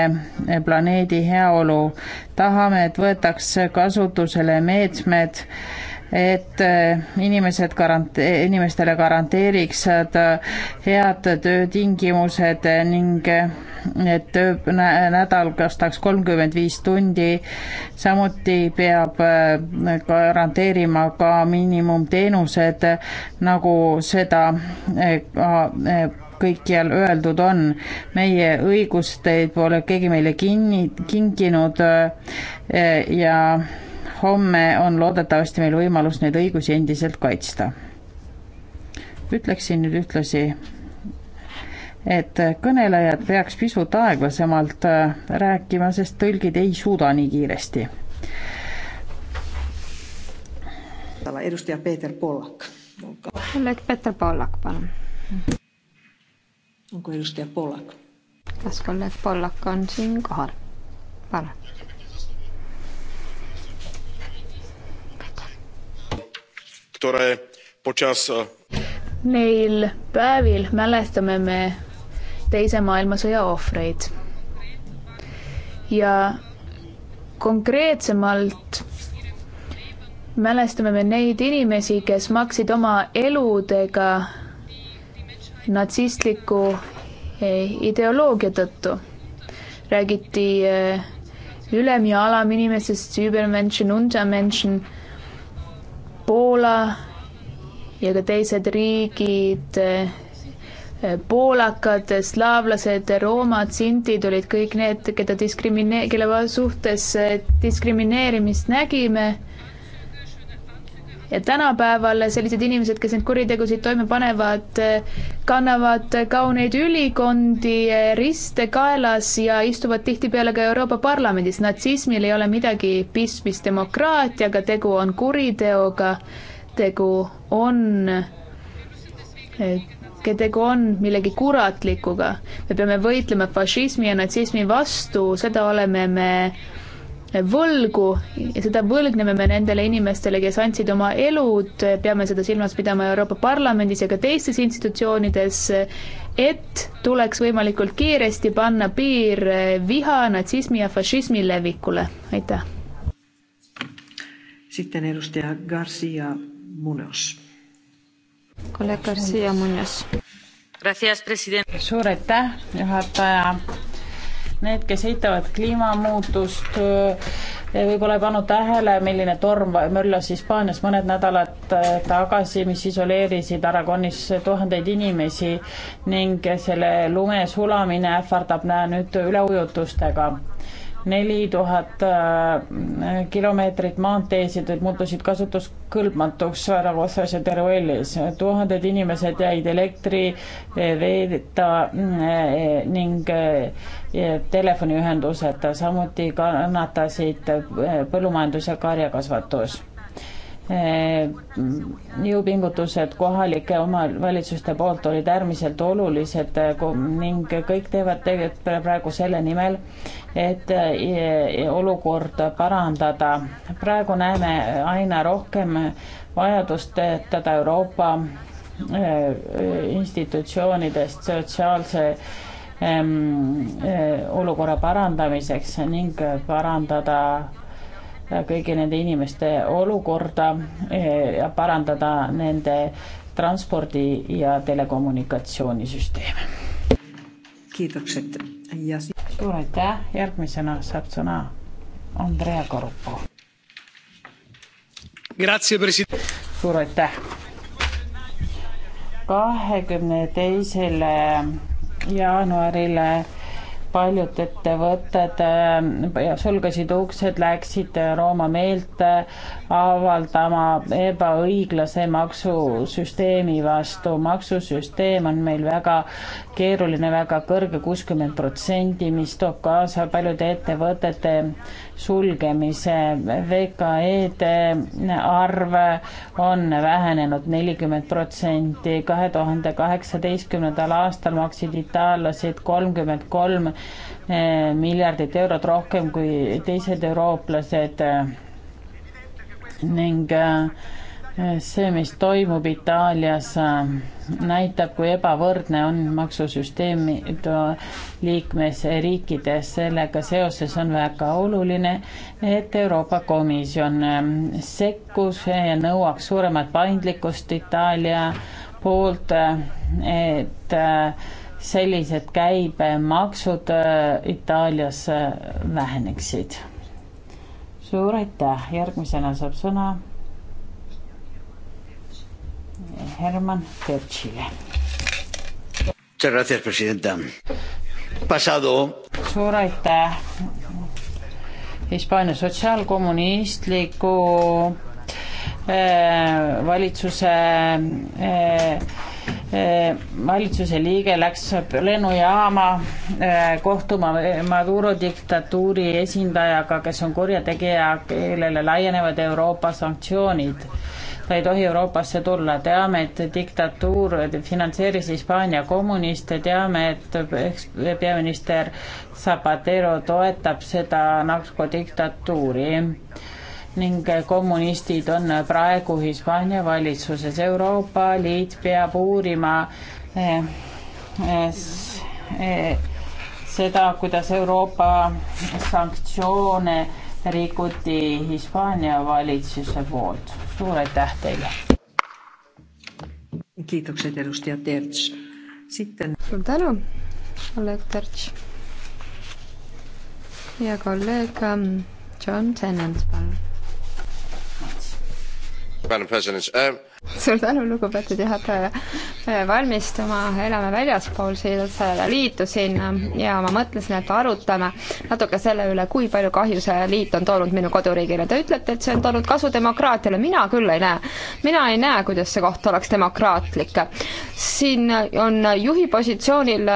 planeedi heaolu. tahame, et võetaks kasutusele meetmed meet,, et eh, inimesed garante-, inimestele garanteeriks eh, head töötingimused ning eh, et töönädal kestaks kolmkümmend viis tundi. samuti peab garanteerima ka miinimumteenused, nagu seda ka kõikjal öeldud on. meie õigusteid pole keegi meile kinni, kinkinud ja homme on loodetavasti meil võimalus neid õigusi endiselt kaitsta. ütleksin nüüd ühtlasi, et kõnelejad peaks pisut aeglasemalt äh, rääkima, sest tõlgid ei suuda nii kiiresti. edustaja Peeter Pollak. kolleeg Peeter Pollak, palun. onko edustaja Pollak? kas kolleeg Pollak on siin kohal? palun ktoré počas Neil e, päevil mälestame me teise maailmasõja ohvreid. ja konkreetsemalt mälestame me neid inimesi, kes maksid oma eludega natsistliku e, ideoloogia tõttu. räägiti e, ülem- ja alaminimestest, Übermenschen, Untermenschen Poola ja ka teised riigid, eh, poolakad, slaavlased, roomad, sintid olid kõik need, keda diskrimineer-, kelle suhtes eh, diskrimineerimist nägime ja tänapäeval sellised inimesed, kes neid kuritegusid toime panevad, kannavad kauneid ülikondi riste kaelas ja istuvad tihtipeale ka Euroopa Parlamendis. natsismil ei ole midagi pistmist demokraatiaga, tegu on kuriteoga, tegu on tegu on millegi kuratlikuga. me peame võitlema fašismi ja natsismi vastu, seda oleme me äh, võlgu ja seda võlgneme me nendele inimestele, kes andsid oma elud, peame seda silmas pidama Euroopa Parlamendis ja ka teistes institutsioonides, et tuleks võimalikult kiiresti panna piir viha, natsismi ja fašismi levikule, aitäh. sitten edustaja Garcia Munoz. kolleeg Garcia Munoz. suur aitäh, juhataja Need, kes eitavad kliimamuutust, eh, võib-olla ei pannud tähele, milline torm möllas Hispaanias mõned nädalad eh, tagasi, mis isoleerisid Aragonis tuhandeid inimesi ning selle lume sulamine ähvardab nüüd üleujutustega neli tuhat äh, kilomeetrit maanteesid muutusid kasutuskõlbmatuks Saragosas ja Teruelis. tuhanded inimesed jäid elektri, veeta äh, ning äh, telefoniühenduseta, samuti kannatasid põllumajandus ja karjakasvatus Eh, jõupingutused kohalike omavalitsuste poolt olid äärmiselt olulised eh, ning kõik teevad tegelikult praegu selle nimel, et eh, olukorda parandada. praegu näeme aina rohkem vajadust töötada Euroopa institutsioonidest sotsiaalse ehm, olukorra parandamiseks ning parandada kõigi nende inimeste olukorda eh, ja parandada nende transpordi ja telekommunikatsioonisüsteeme. kiitokset ja si-. suur aitäh, järgmisena saab sõna Andrea Karupo. suur aitäh. kahekümne teisele jaanuarile paljud ettevõtted äh, sulgesid uksed, läksid Rooma meelt äh, avaldama ebaõiglase maksusüsteemi vastu. maksusüsteem on meil väga keeruline, väga kõrge, kuuskümmend protsenti, mis toob kaasa paljude ettevõtete sulgemise. VKE-de arv on vähenenud nelikümmend protsenti. kahe tuhande kaheksateistkümnendal aastal maksid itaallased kolmkümmend kolm eh, miljardit eurot rohkem kui teised eurooplased ning äh, see, mis toimub Itaalias, äh, näitab, kui ebavõrdne on maksusüsteem liikmesriikides. sellega seoses on väga oluline, et Euroopa Komisjon äh, sekkus ja nõuaks suuremat paindlikkust Itaalia poolt, äh, et sellised käibemaksud Itaalias väheneksid. suur aitäh, järgmisena saab sõna Herman Tertšile. suur aitäh. Hispaania sotsiaalkommunistliku äh, valitsuse äh, äh valitsuse liige läks lennujaama äh, kohtuma Maduro diktatuuri esindajaga, kes on kurjategija, kellele laienevad Euroopa sanktsioonid ta ei tohi Euroopasse tulla. teame, et diktatuur finantseeris Hispaania kommuniste, teame, et peaminister Zapatero toetab seda narkodiktatuuri ning kommunistid on praegu Hispaania valitsuses. Euroopa Liit peab uurima eh, eh, eh seda, kuidas Euroopa sanktsioone rikuti Hispaania valitsuse poolt suur aitäh teile. kiitokset edustaja Terts. Sitten... suur tänu, kolleeg Terts. ja kolleeg ähm, John Tennant, palun. Madam President um, [laughs] suur tänu, lugupeetud juhataja. valmistuma, elame väljaspool seda liitu siin ja ma mõtlesin, et arutame natuke selle üle, kui palju kahju see liit on toonud minu koduriigile. Te ütlete, et see on toonud kasu demokraatiale, mina küll ei näe. mina ei näe, kuidas see koht oleks demokraatlik. siin on juhi positsioonil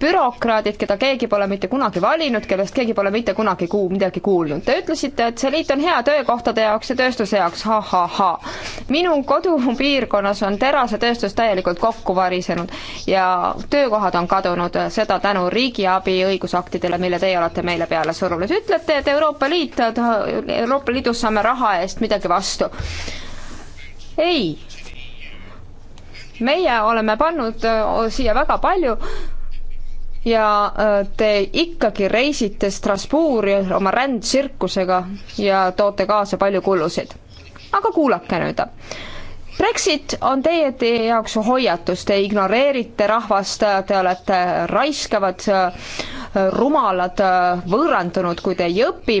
bürokraadid, keda keegi pole mitte kunagi valinud, kellest keegi pole mitte kunagi kuu-, midagi kuulnud. Te ütlesite, et see liit on hea töökohtade jaoks ja tööstuse jaoks ha,, ha-ha-ha. minu kodu piirkonnas on terasetööstus täielikult kokku varisenud ja töökohad on kadunud, seda tänu riigiabi õigusaktidele, mille teie olete meile peale surunud. ütlete, et Euroopa Liit, Euroopa Liidus saame raha eest midagi vastu. ei. meie oleme pannud siia väga palju ja te ikkagi reisite Strasbourgi oma rändtsirkusega ja toote kaasa palju kulusid. aga kuulake nüüd Brexit on teie, teie jaoks hoiatus, te ignoreerite rahvast, te olete raiskavad, rumalad, võõrandunud, kui te ei õpi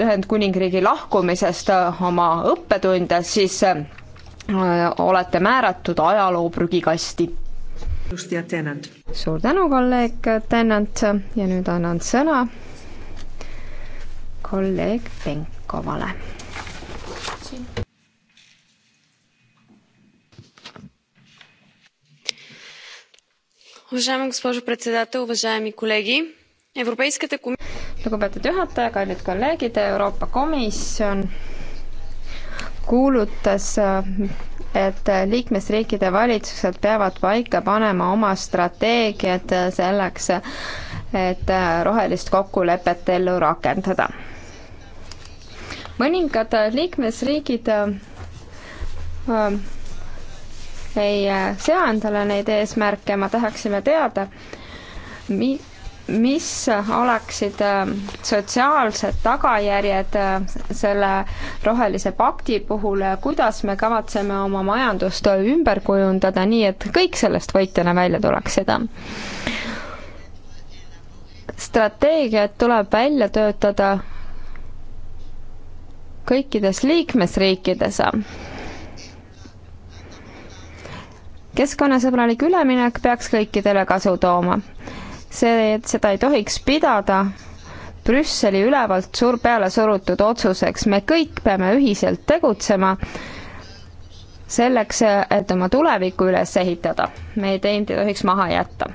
Ühendkuningriigi lahkumisest oma õppetunde, siis äh, olete määratud ajaloo prügikasti. suur tänu, kolleeg Tennant ja nüüd annan sõna kolleeg Penkovale lugupeetud juhataja, kallid kolleegid, Euroopa Komisjon kuulutas, et liikmesriikide valitsused peavad paika panema oma strateegiad selleks, et rohelist kokkulepet ellu rakendada. mõningad liikmesriigid äh, ei äh, sea endale neid eesmärke, me tahaksime teada, mi-, mis oleksid äh, sotsiaalsed tagajärjed äh, selle rohelise pakti puhul, kuidas me kavatseme oma majandust ümber kujundada, nii et kõik sellest võitjana välja tuleksid? strateegiad tuleb välja töötada kõikides liikmesriikides keskkonnasõbralik üleminek peaks kõikidele kasu tooma. see, et seda ei tohiks pidada Brüsseli ülevalt sur-, peale surutud otsuseks, me kõik peame ühiselt tegutsema selleks, et oma tulevikku üles ehitada. meid ei tohiks maha jätta.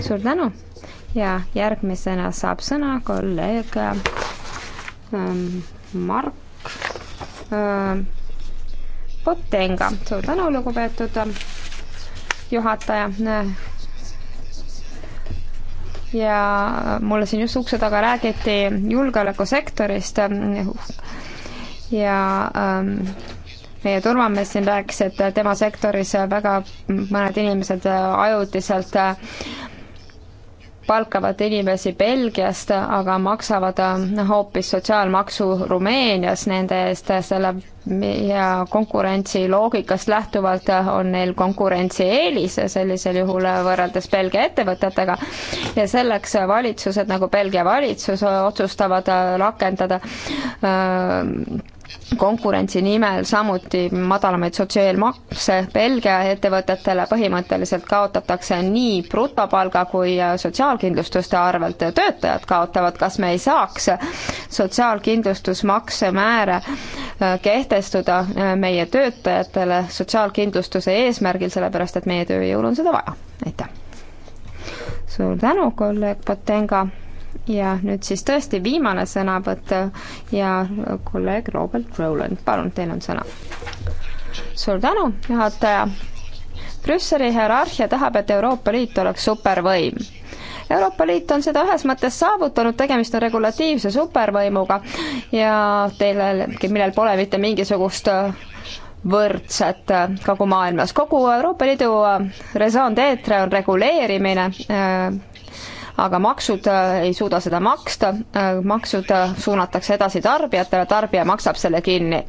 suur tänu ja järgmisena saab sõna kolleeg ähm, Mark ähm, Potenga. suur tänu, lugupeetud juhataja. ja mulle siin just ukse taga räägiti julgeolekusektorist ja ähm, meie turvamees siin rääkis, et tema sektoris väga mõned inimesed äh, ajutiselt äh, palkavad inimesi Belgiast, aga maksavad noh, hoopis sotsiaalmaksu Rumeenias nende eest, selle ja konkurentsiloogikast lähtuvalt on neil konkurentsieelis sellisel juhul võrreldes Belgia ettevõtetega ja selleks valitsused nagu Belgia valitsus otsustavad rakendada öö, ähm, konkurentsi nimel samuti madalamaid sotsiaalmakse Belgia ettevõtetele, põhimõtteliselt kaotatakse nii brutopalga kui sotsiaalkindlustuste arvelt, töötajad kaotavad, kas me ei saaks sotsiaalkindlustusmakse määre äh, kehtestada äh, meie töötajatele sotsiaalkindlustuse eesmärgil, sellepärast et meie tööjõul on seda vaja, aitäh. suur tänu, kolleeg Potenga ja nüüd siis tõesti viimane sõnavõtt ja kolleeg Robert Rowland, palun, teil on sõna. suur tänu, juhataja. Brüsseli hierarhia tahab, et Euroopa Liit oleks supervõim Euroopa Liit on seda ühes mõttes saavutanud, tegemist on regulatiivse supervõimuga ja teil, millel pole mitte mingisugust võrdset kogu maailmas. kogu Euroopa Liidu raison d'etre on reguleerimine aga maksud äh, ei suuda seda maksta, äh, maksud äh, suunatakse edasi tarbijatele, tarbija maksab selle kinni.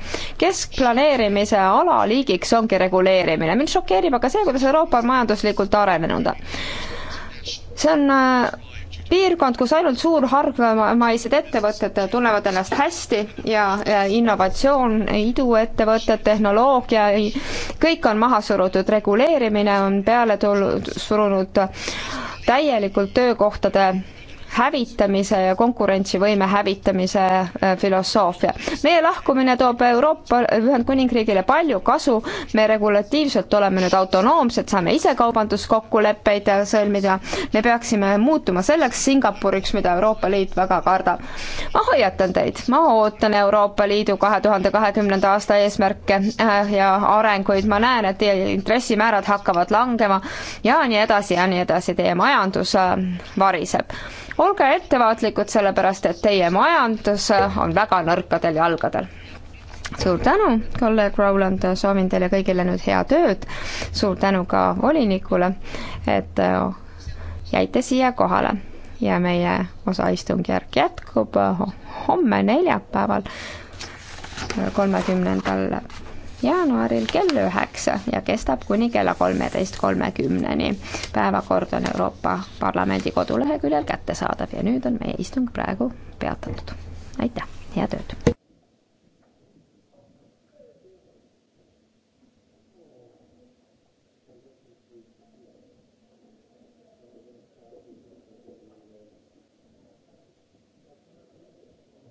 keskplaneerimise alaliigiks ongi reguleerimine, mind šokeerib aga see, kuidas Euroopa on majanduslikult arenenud see on piirkond, kus ainult suur hargmaised ettevõtted tunnevad ennast hästi ja, ja innovatsioon, iduettevõtted, tehnoloogia, kõik on maha surutud, reguleerimine on peale tulnud, surunud täielikult töökohtade hävitamise ja konkurentsivõime hävitamise äh, filosoofia. meie lahkumine toob Euroopa Ühendkuningriigile palju kasu, me regulatiivselt oleme nüüd autonoomsed, saame ise kaubanduskokkuleppeid sõlmida, me peaksime muutuma selleks Singapuriks, mida Euroopa Liit väga kardab. ma hoiatan teid, ma ootan Euroopa Liidu kahe tuhande kahekümnenda aasta eesmärke äh, ja arenguid, ma näen, et teie intressimäärad hakkavad langema ja nii edasi ja nii edasi, teie majandus äh, variseb olge ettevaatlikud, sellepärast et teie majandus on väga nõrkadel jalgadel suur tänu, kolleeg Roland, soovin teile kõigile nüüd head ööd, suur tänu ka volinikule, et äh, jäite siia kohale ja meie osaistungjärk jätkub äh, homme, neljapäeval, kolmekümnendal jaanuaril kell üheksa ja kestab kuni kella kolmeteist kolmekümneni. päevakord on Euroopa Parlamendi koduleheküljel kättesaadav ja nüüd on meie istung praegu peatatud. aitäh, head ööd!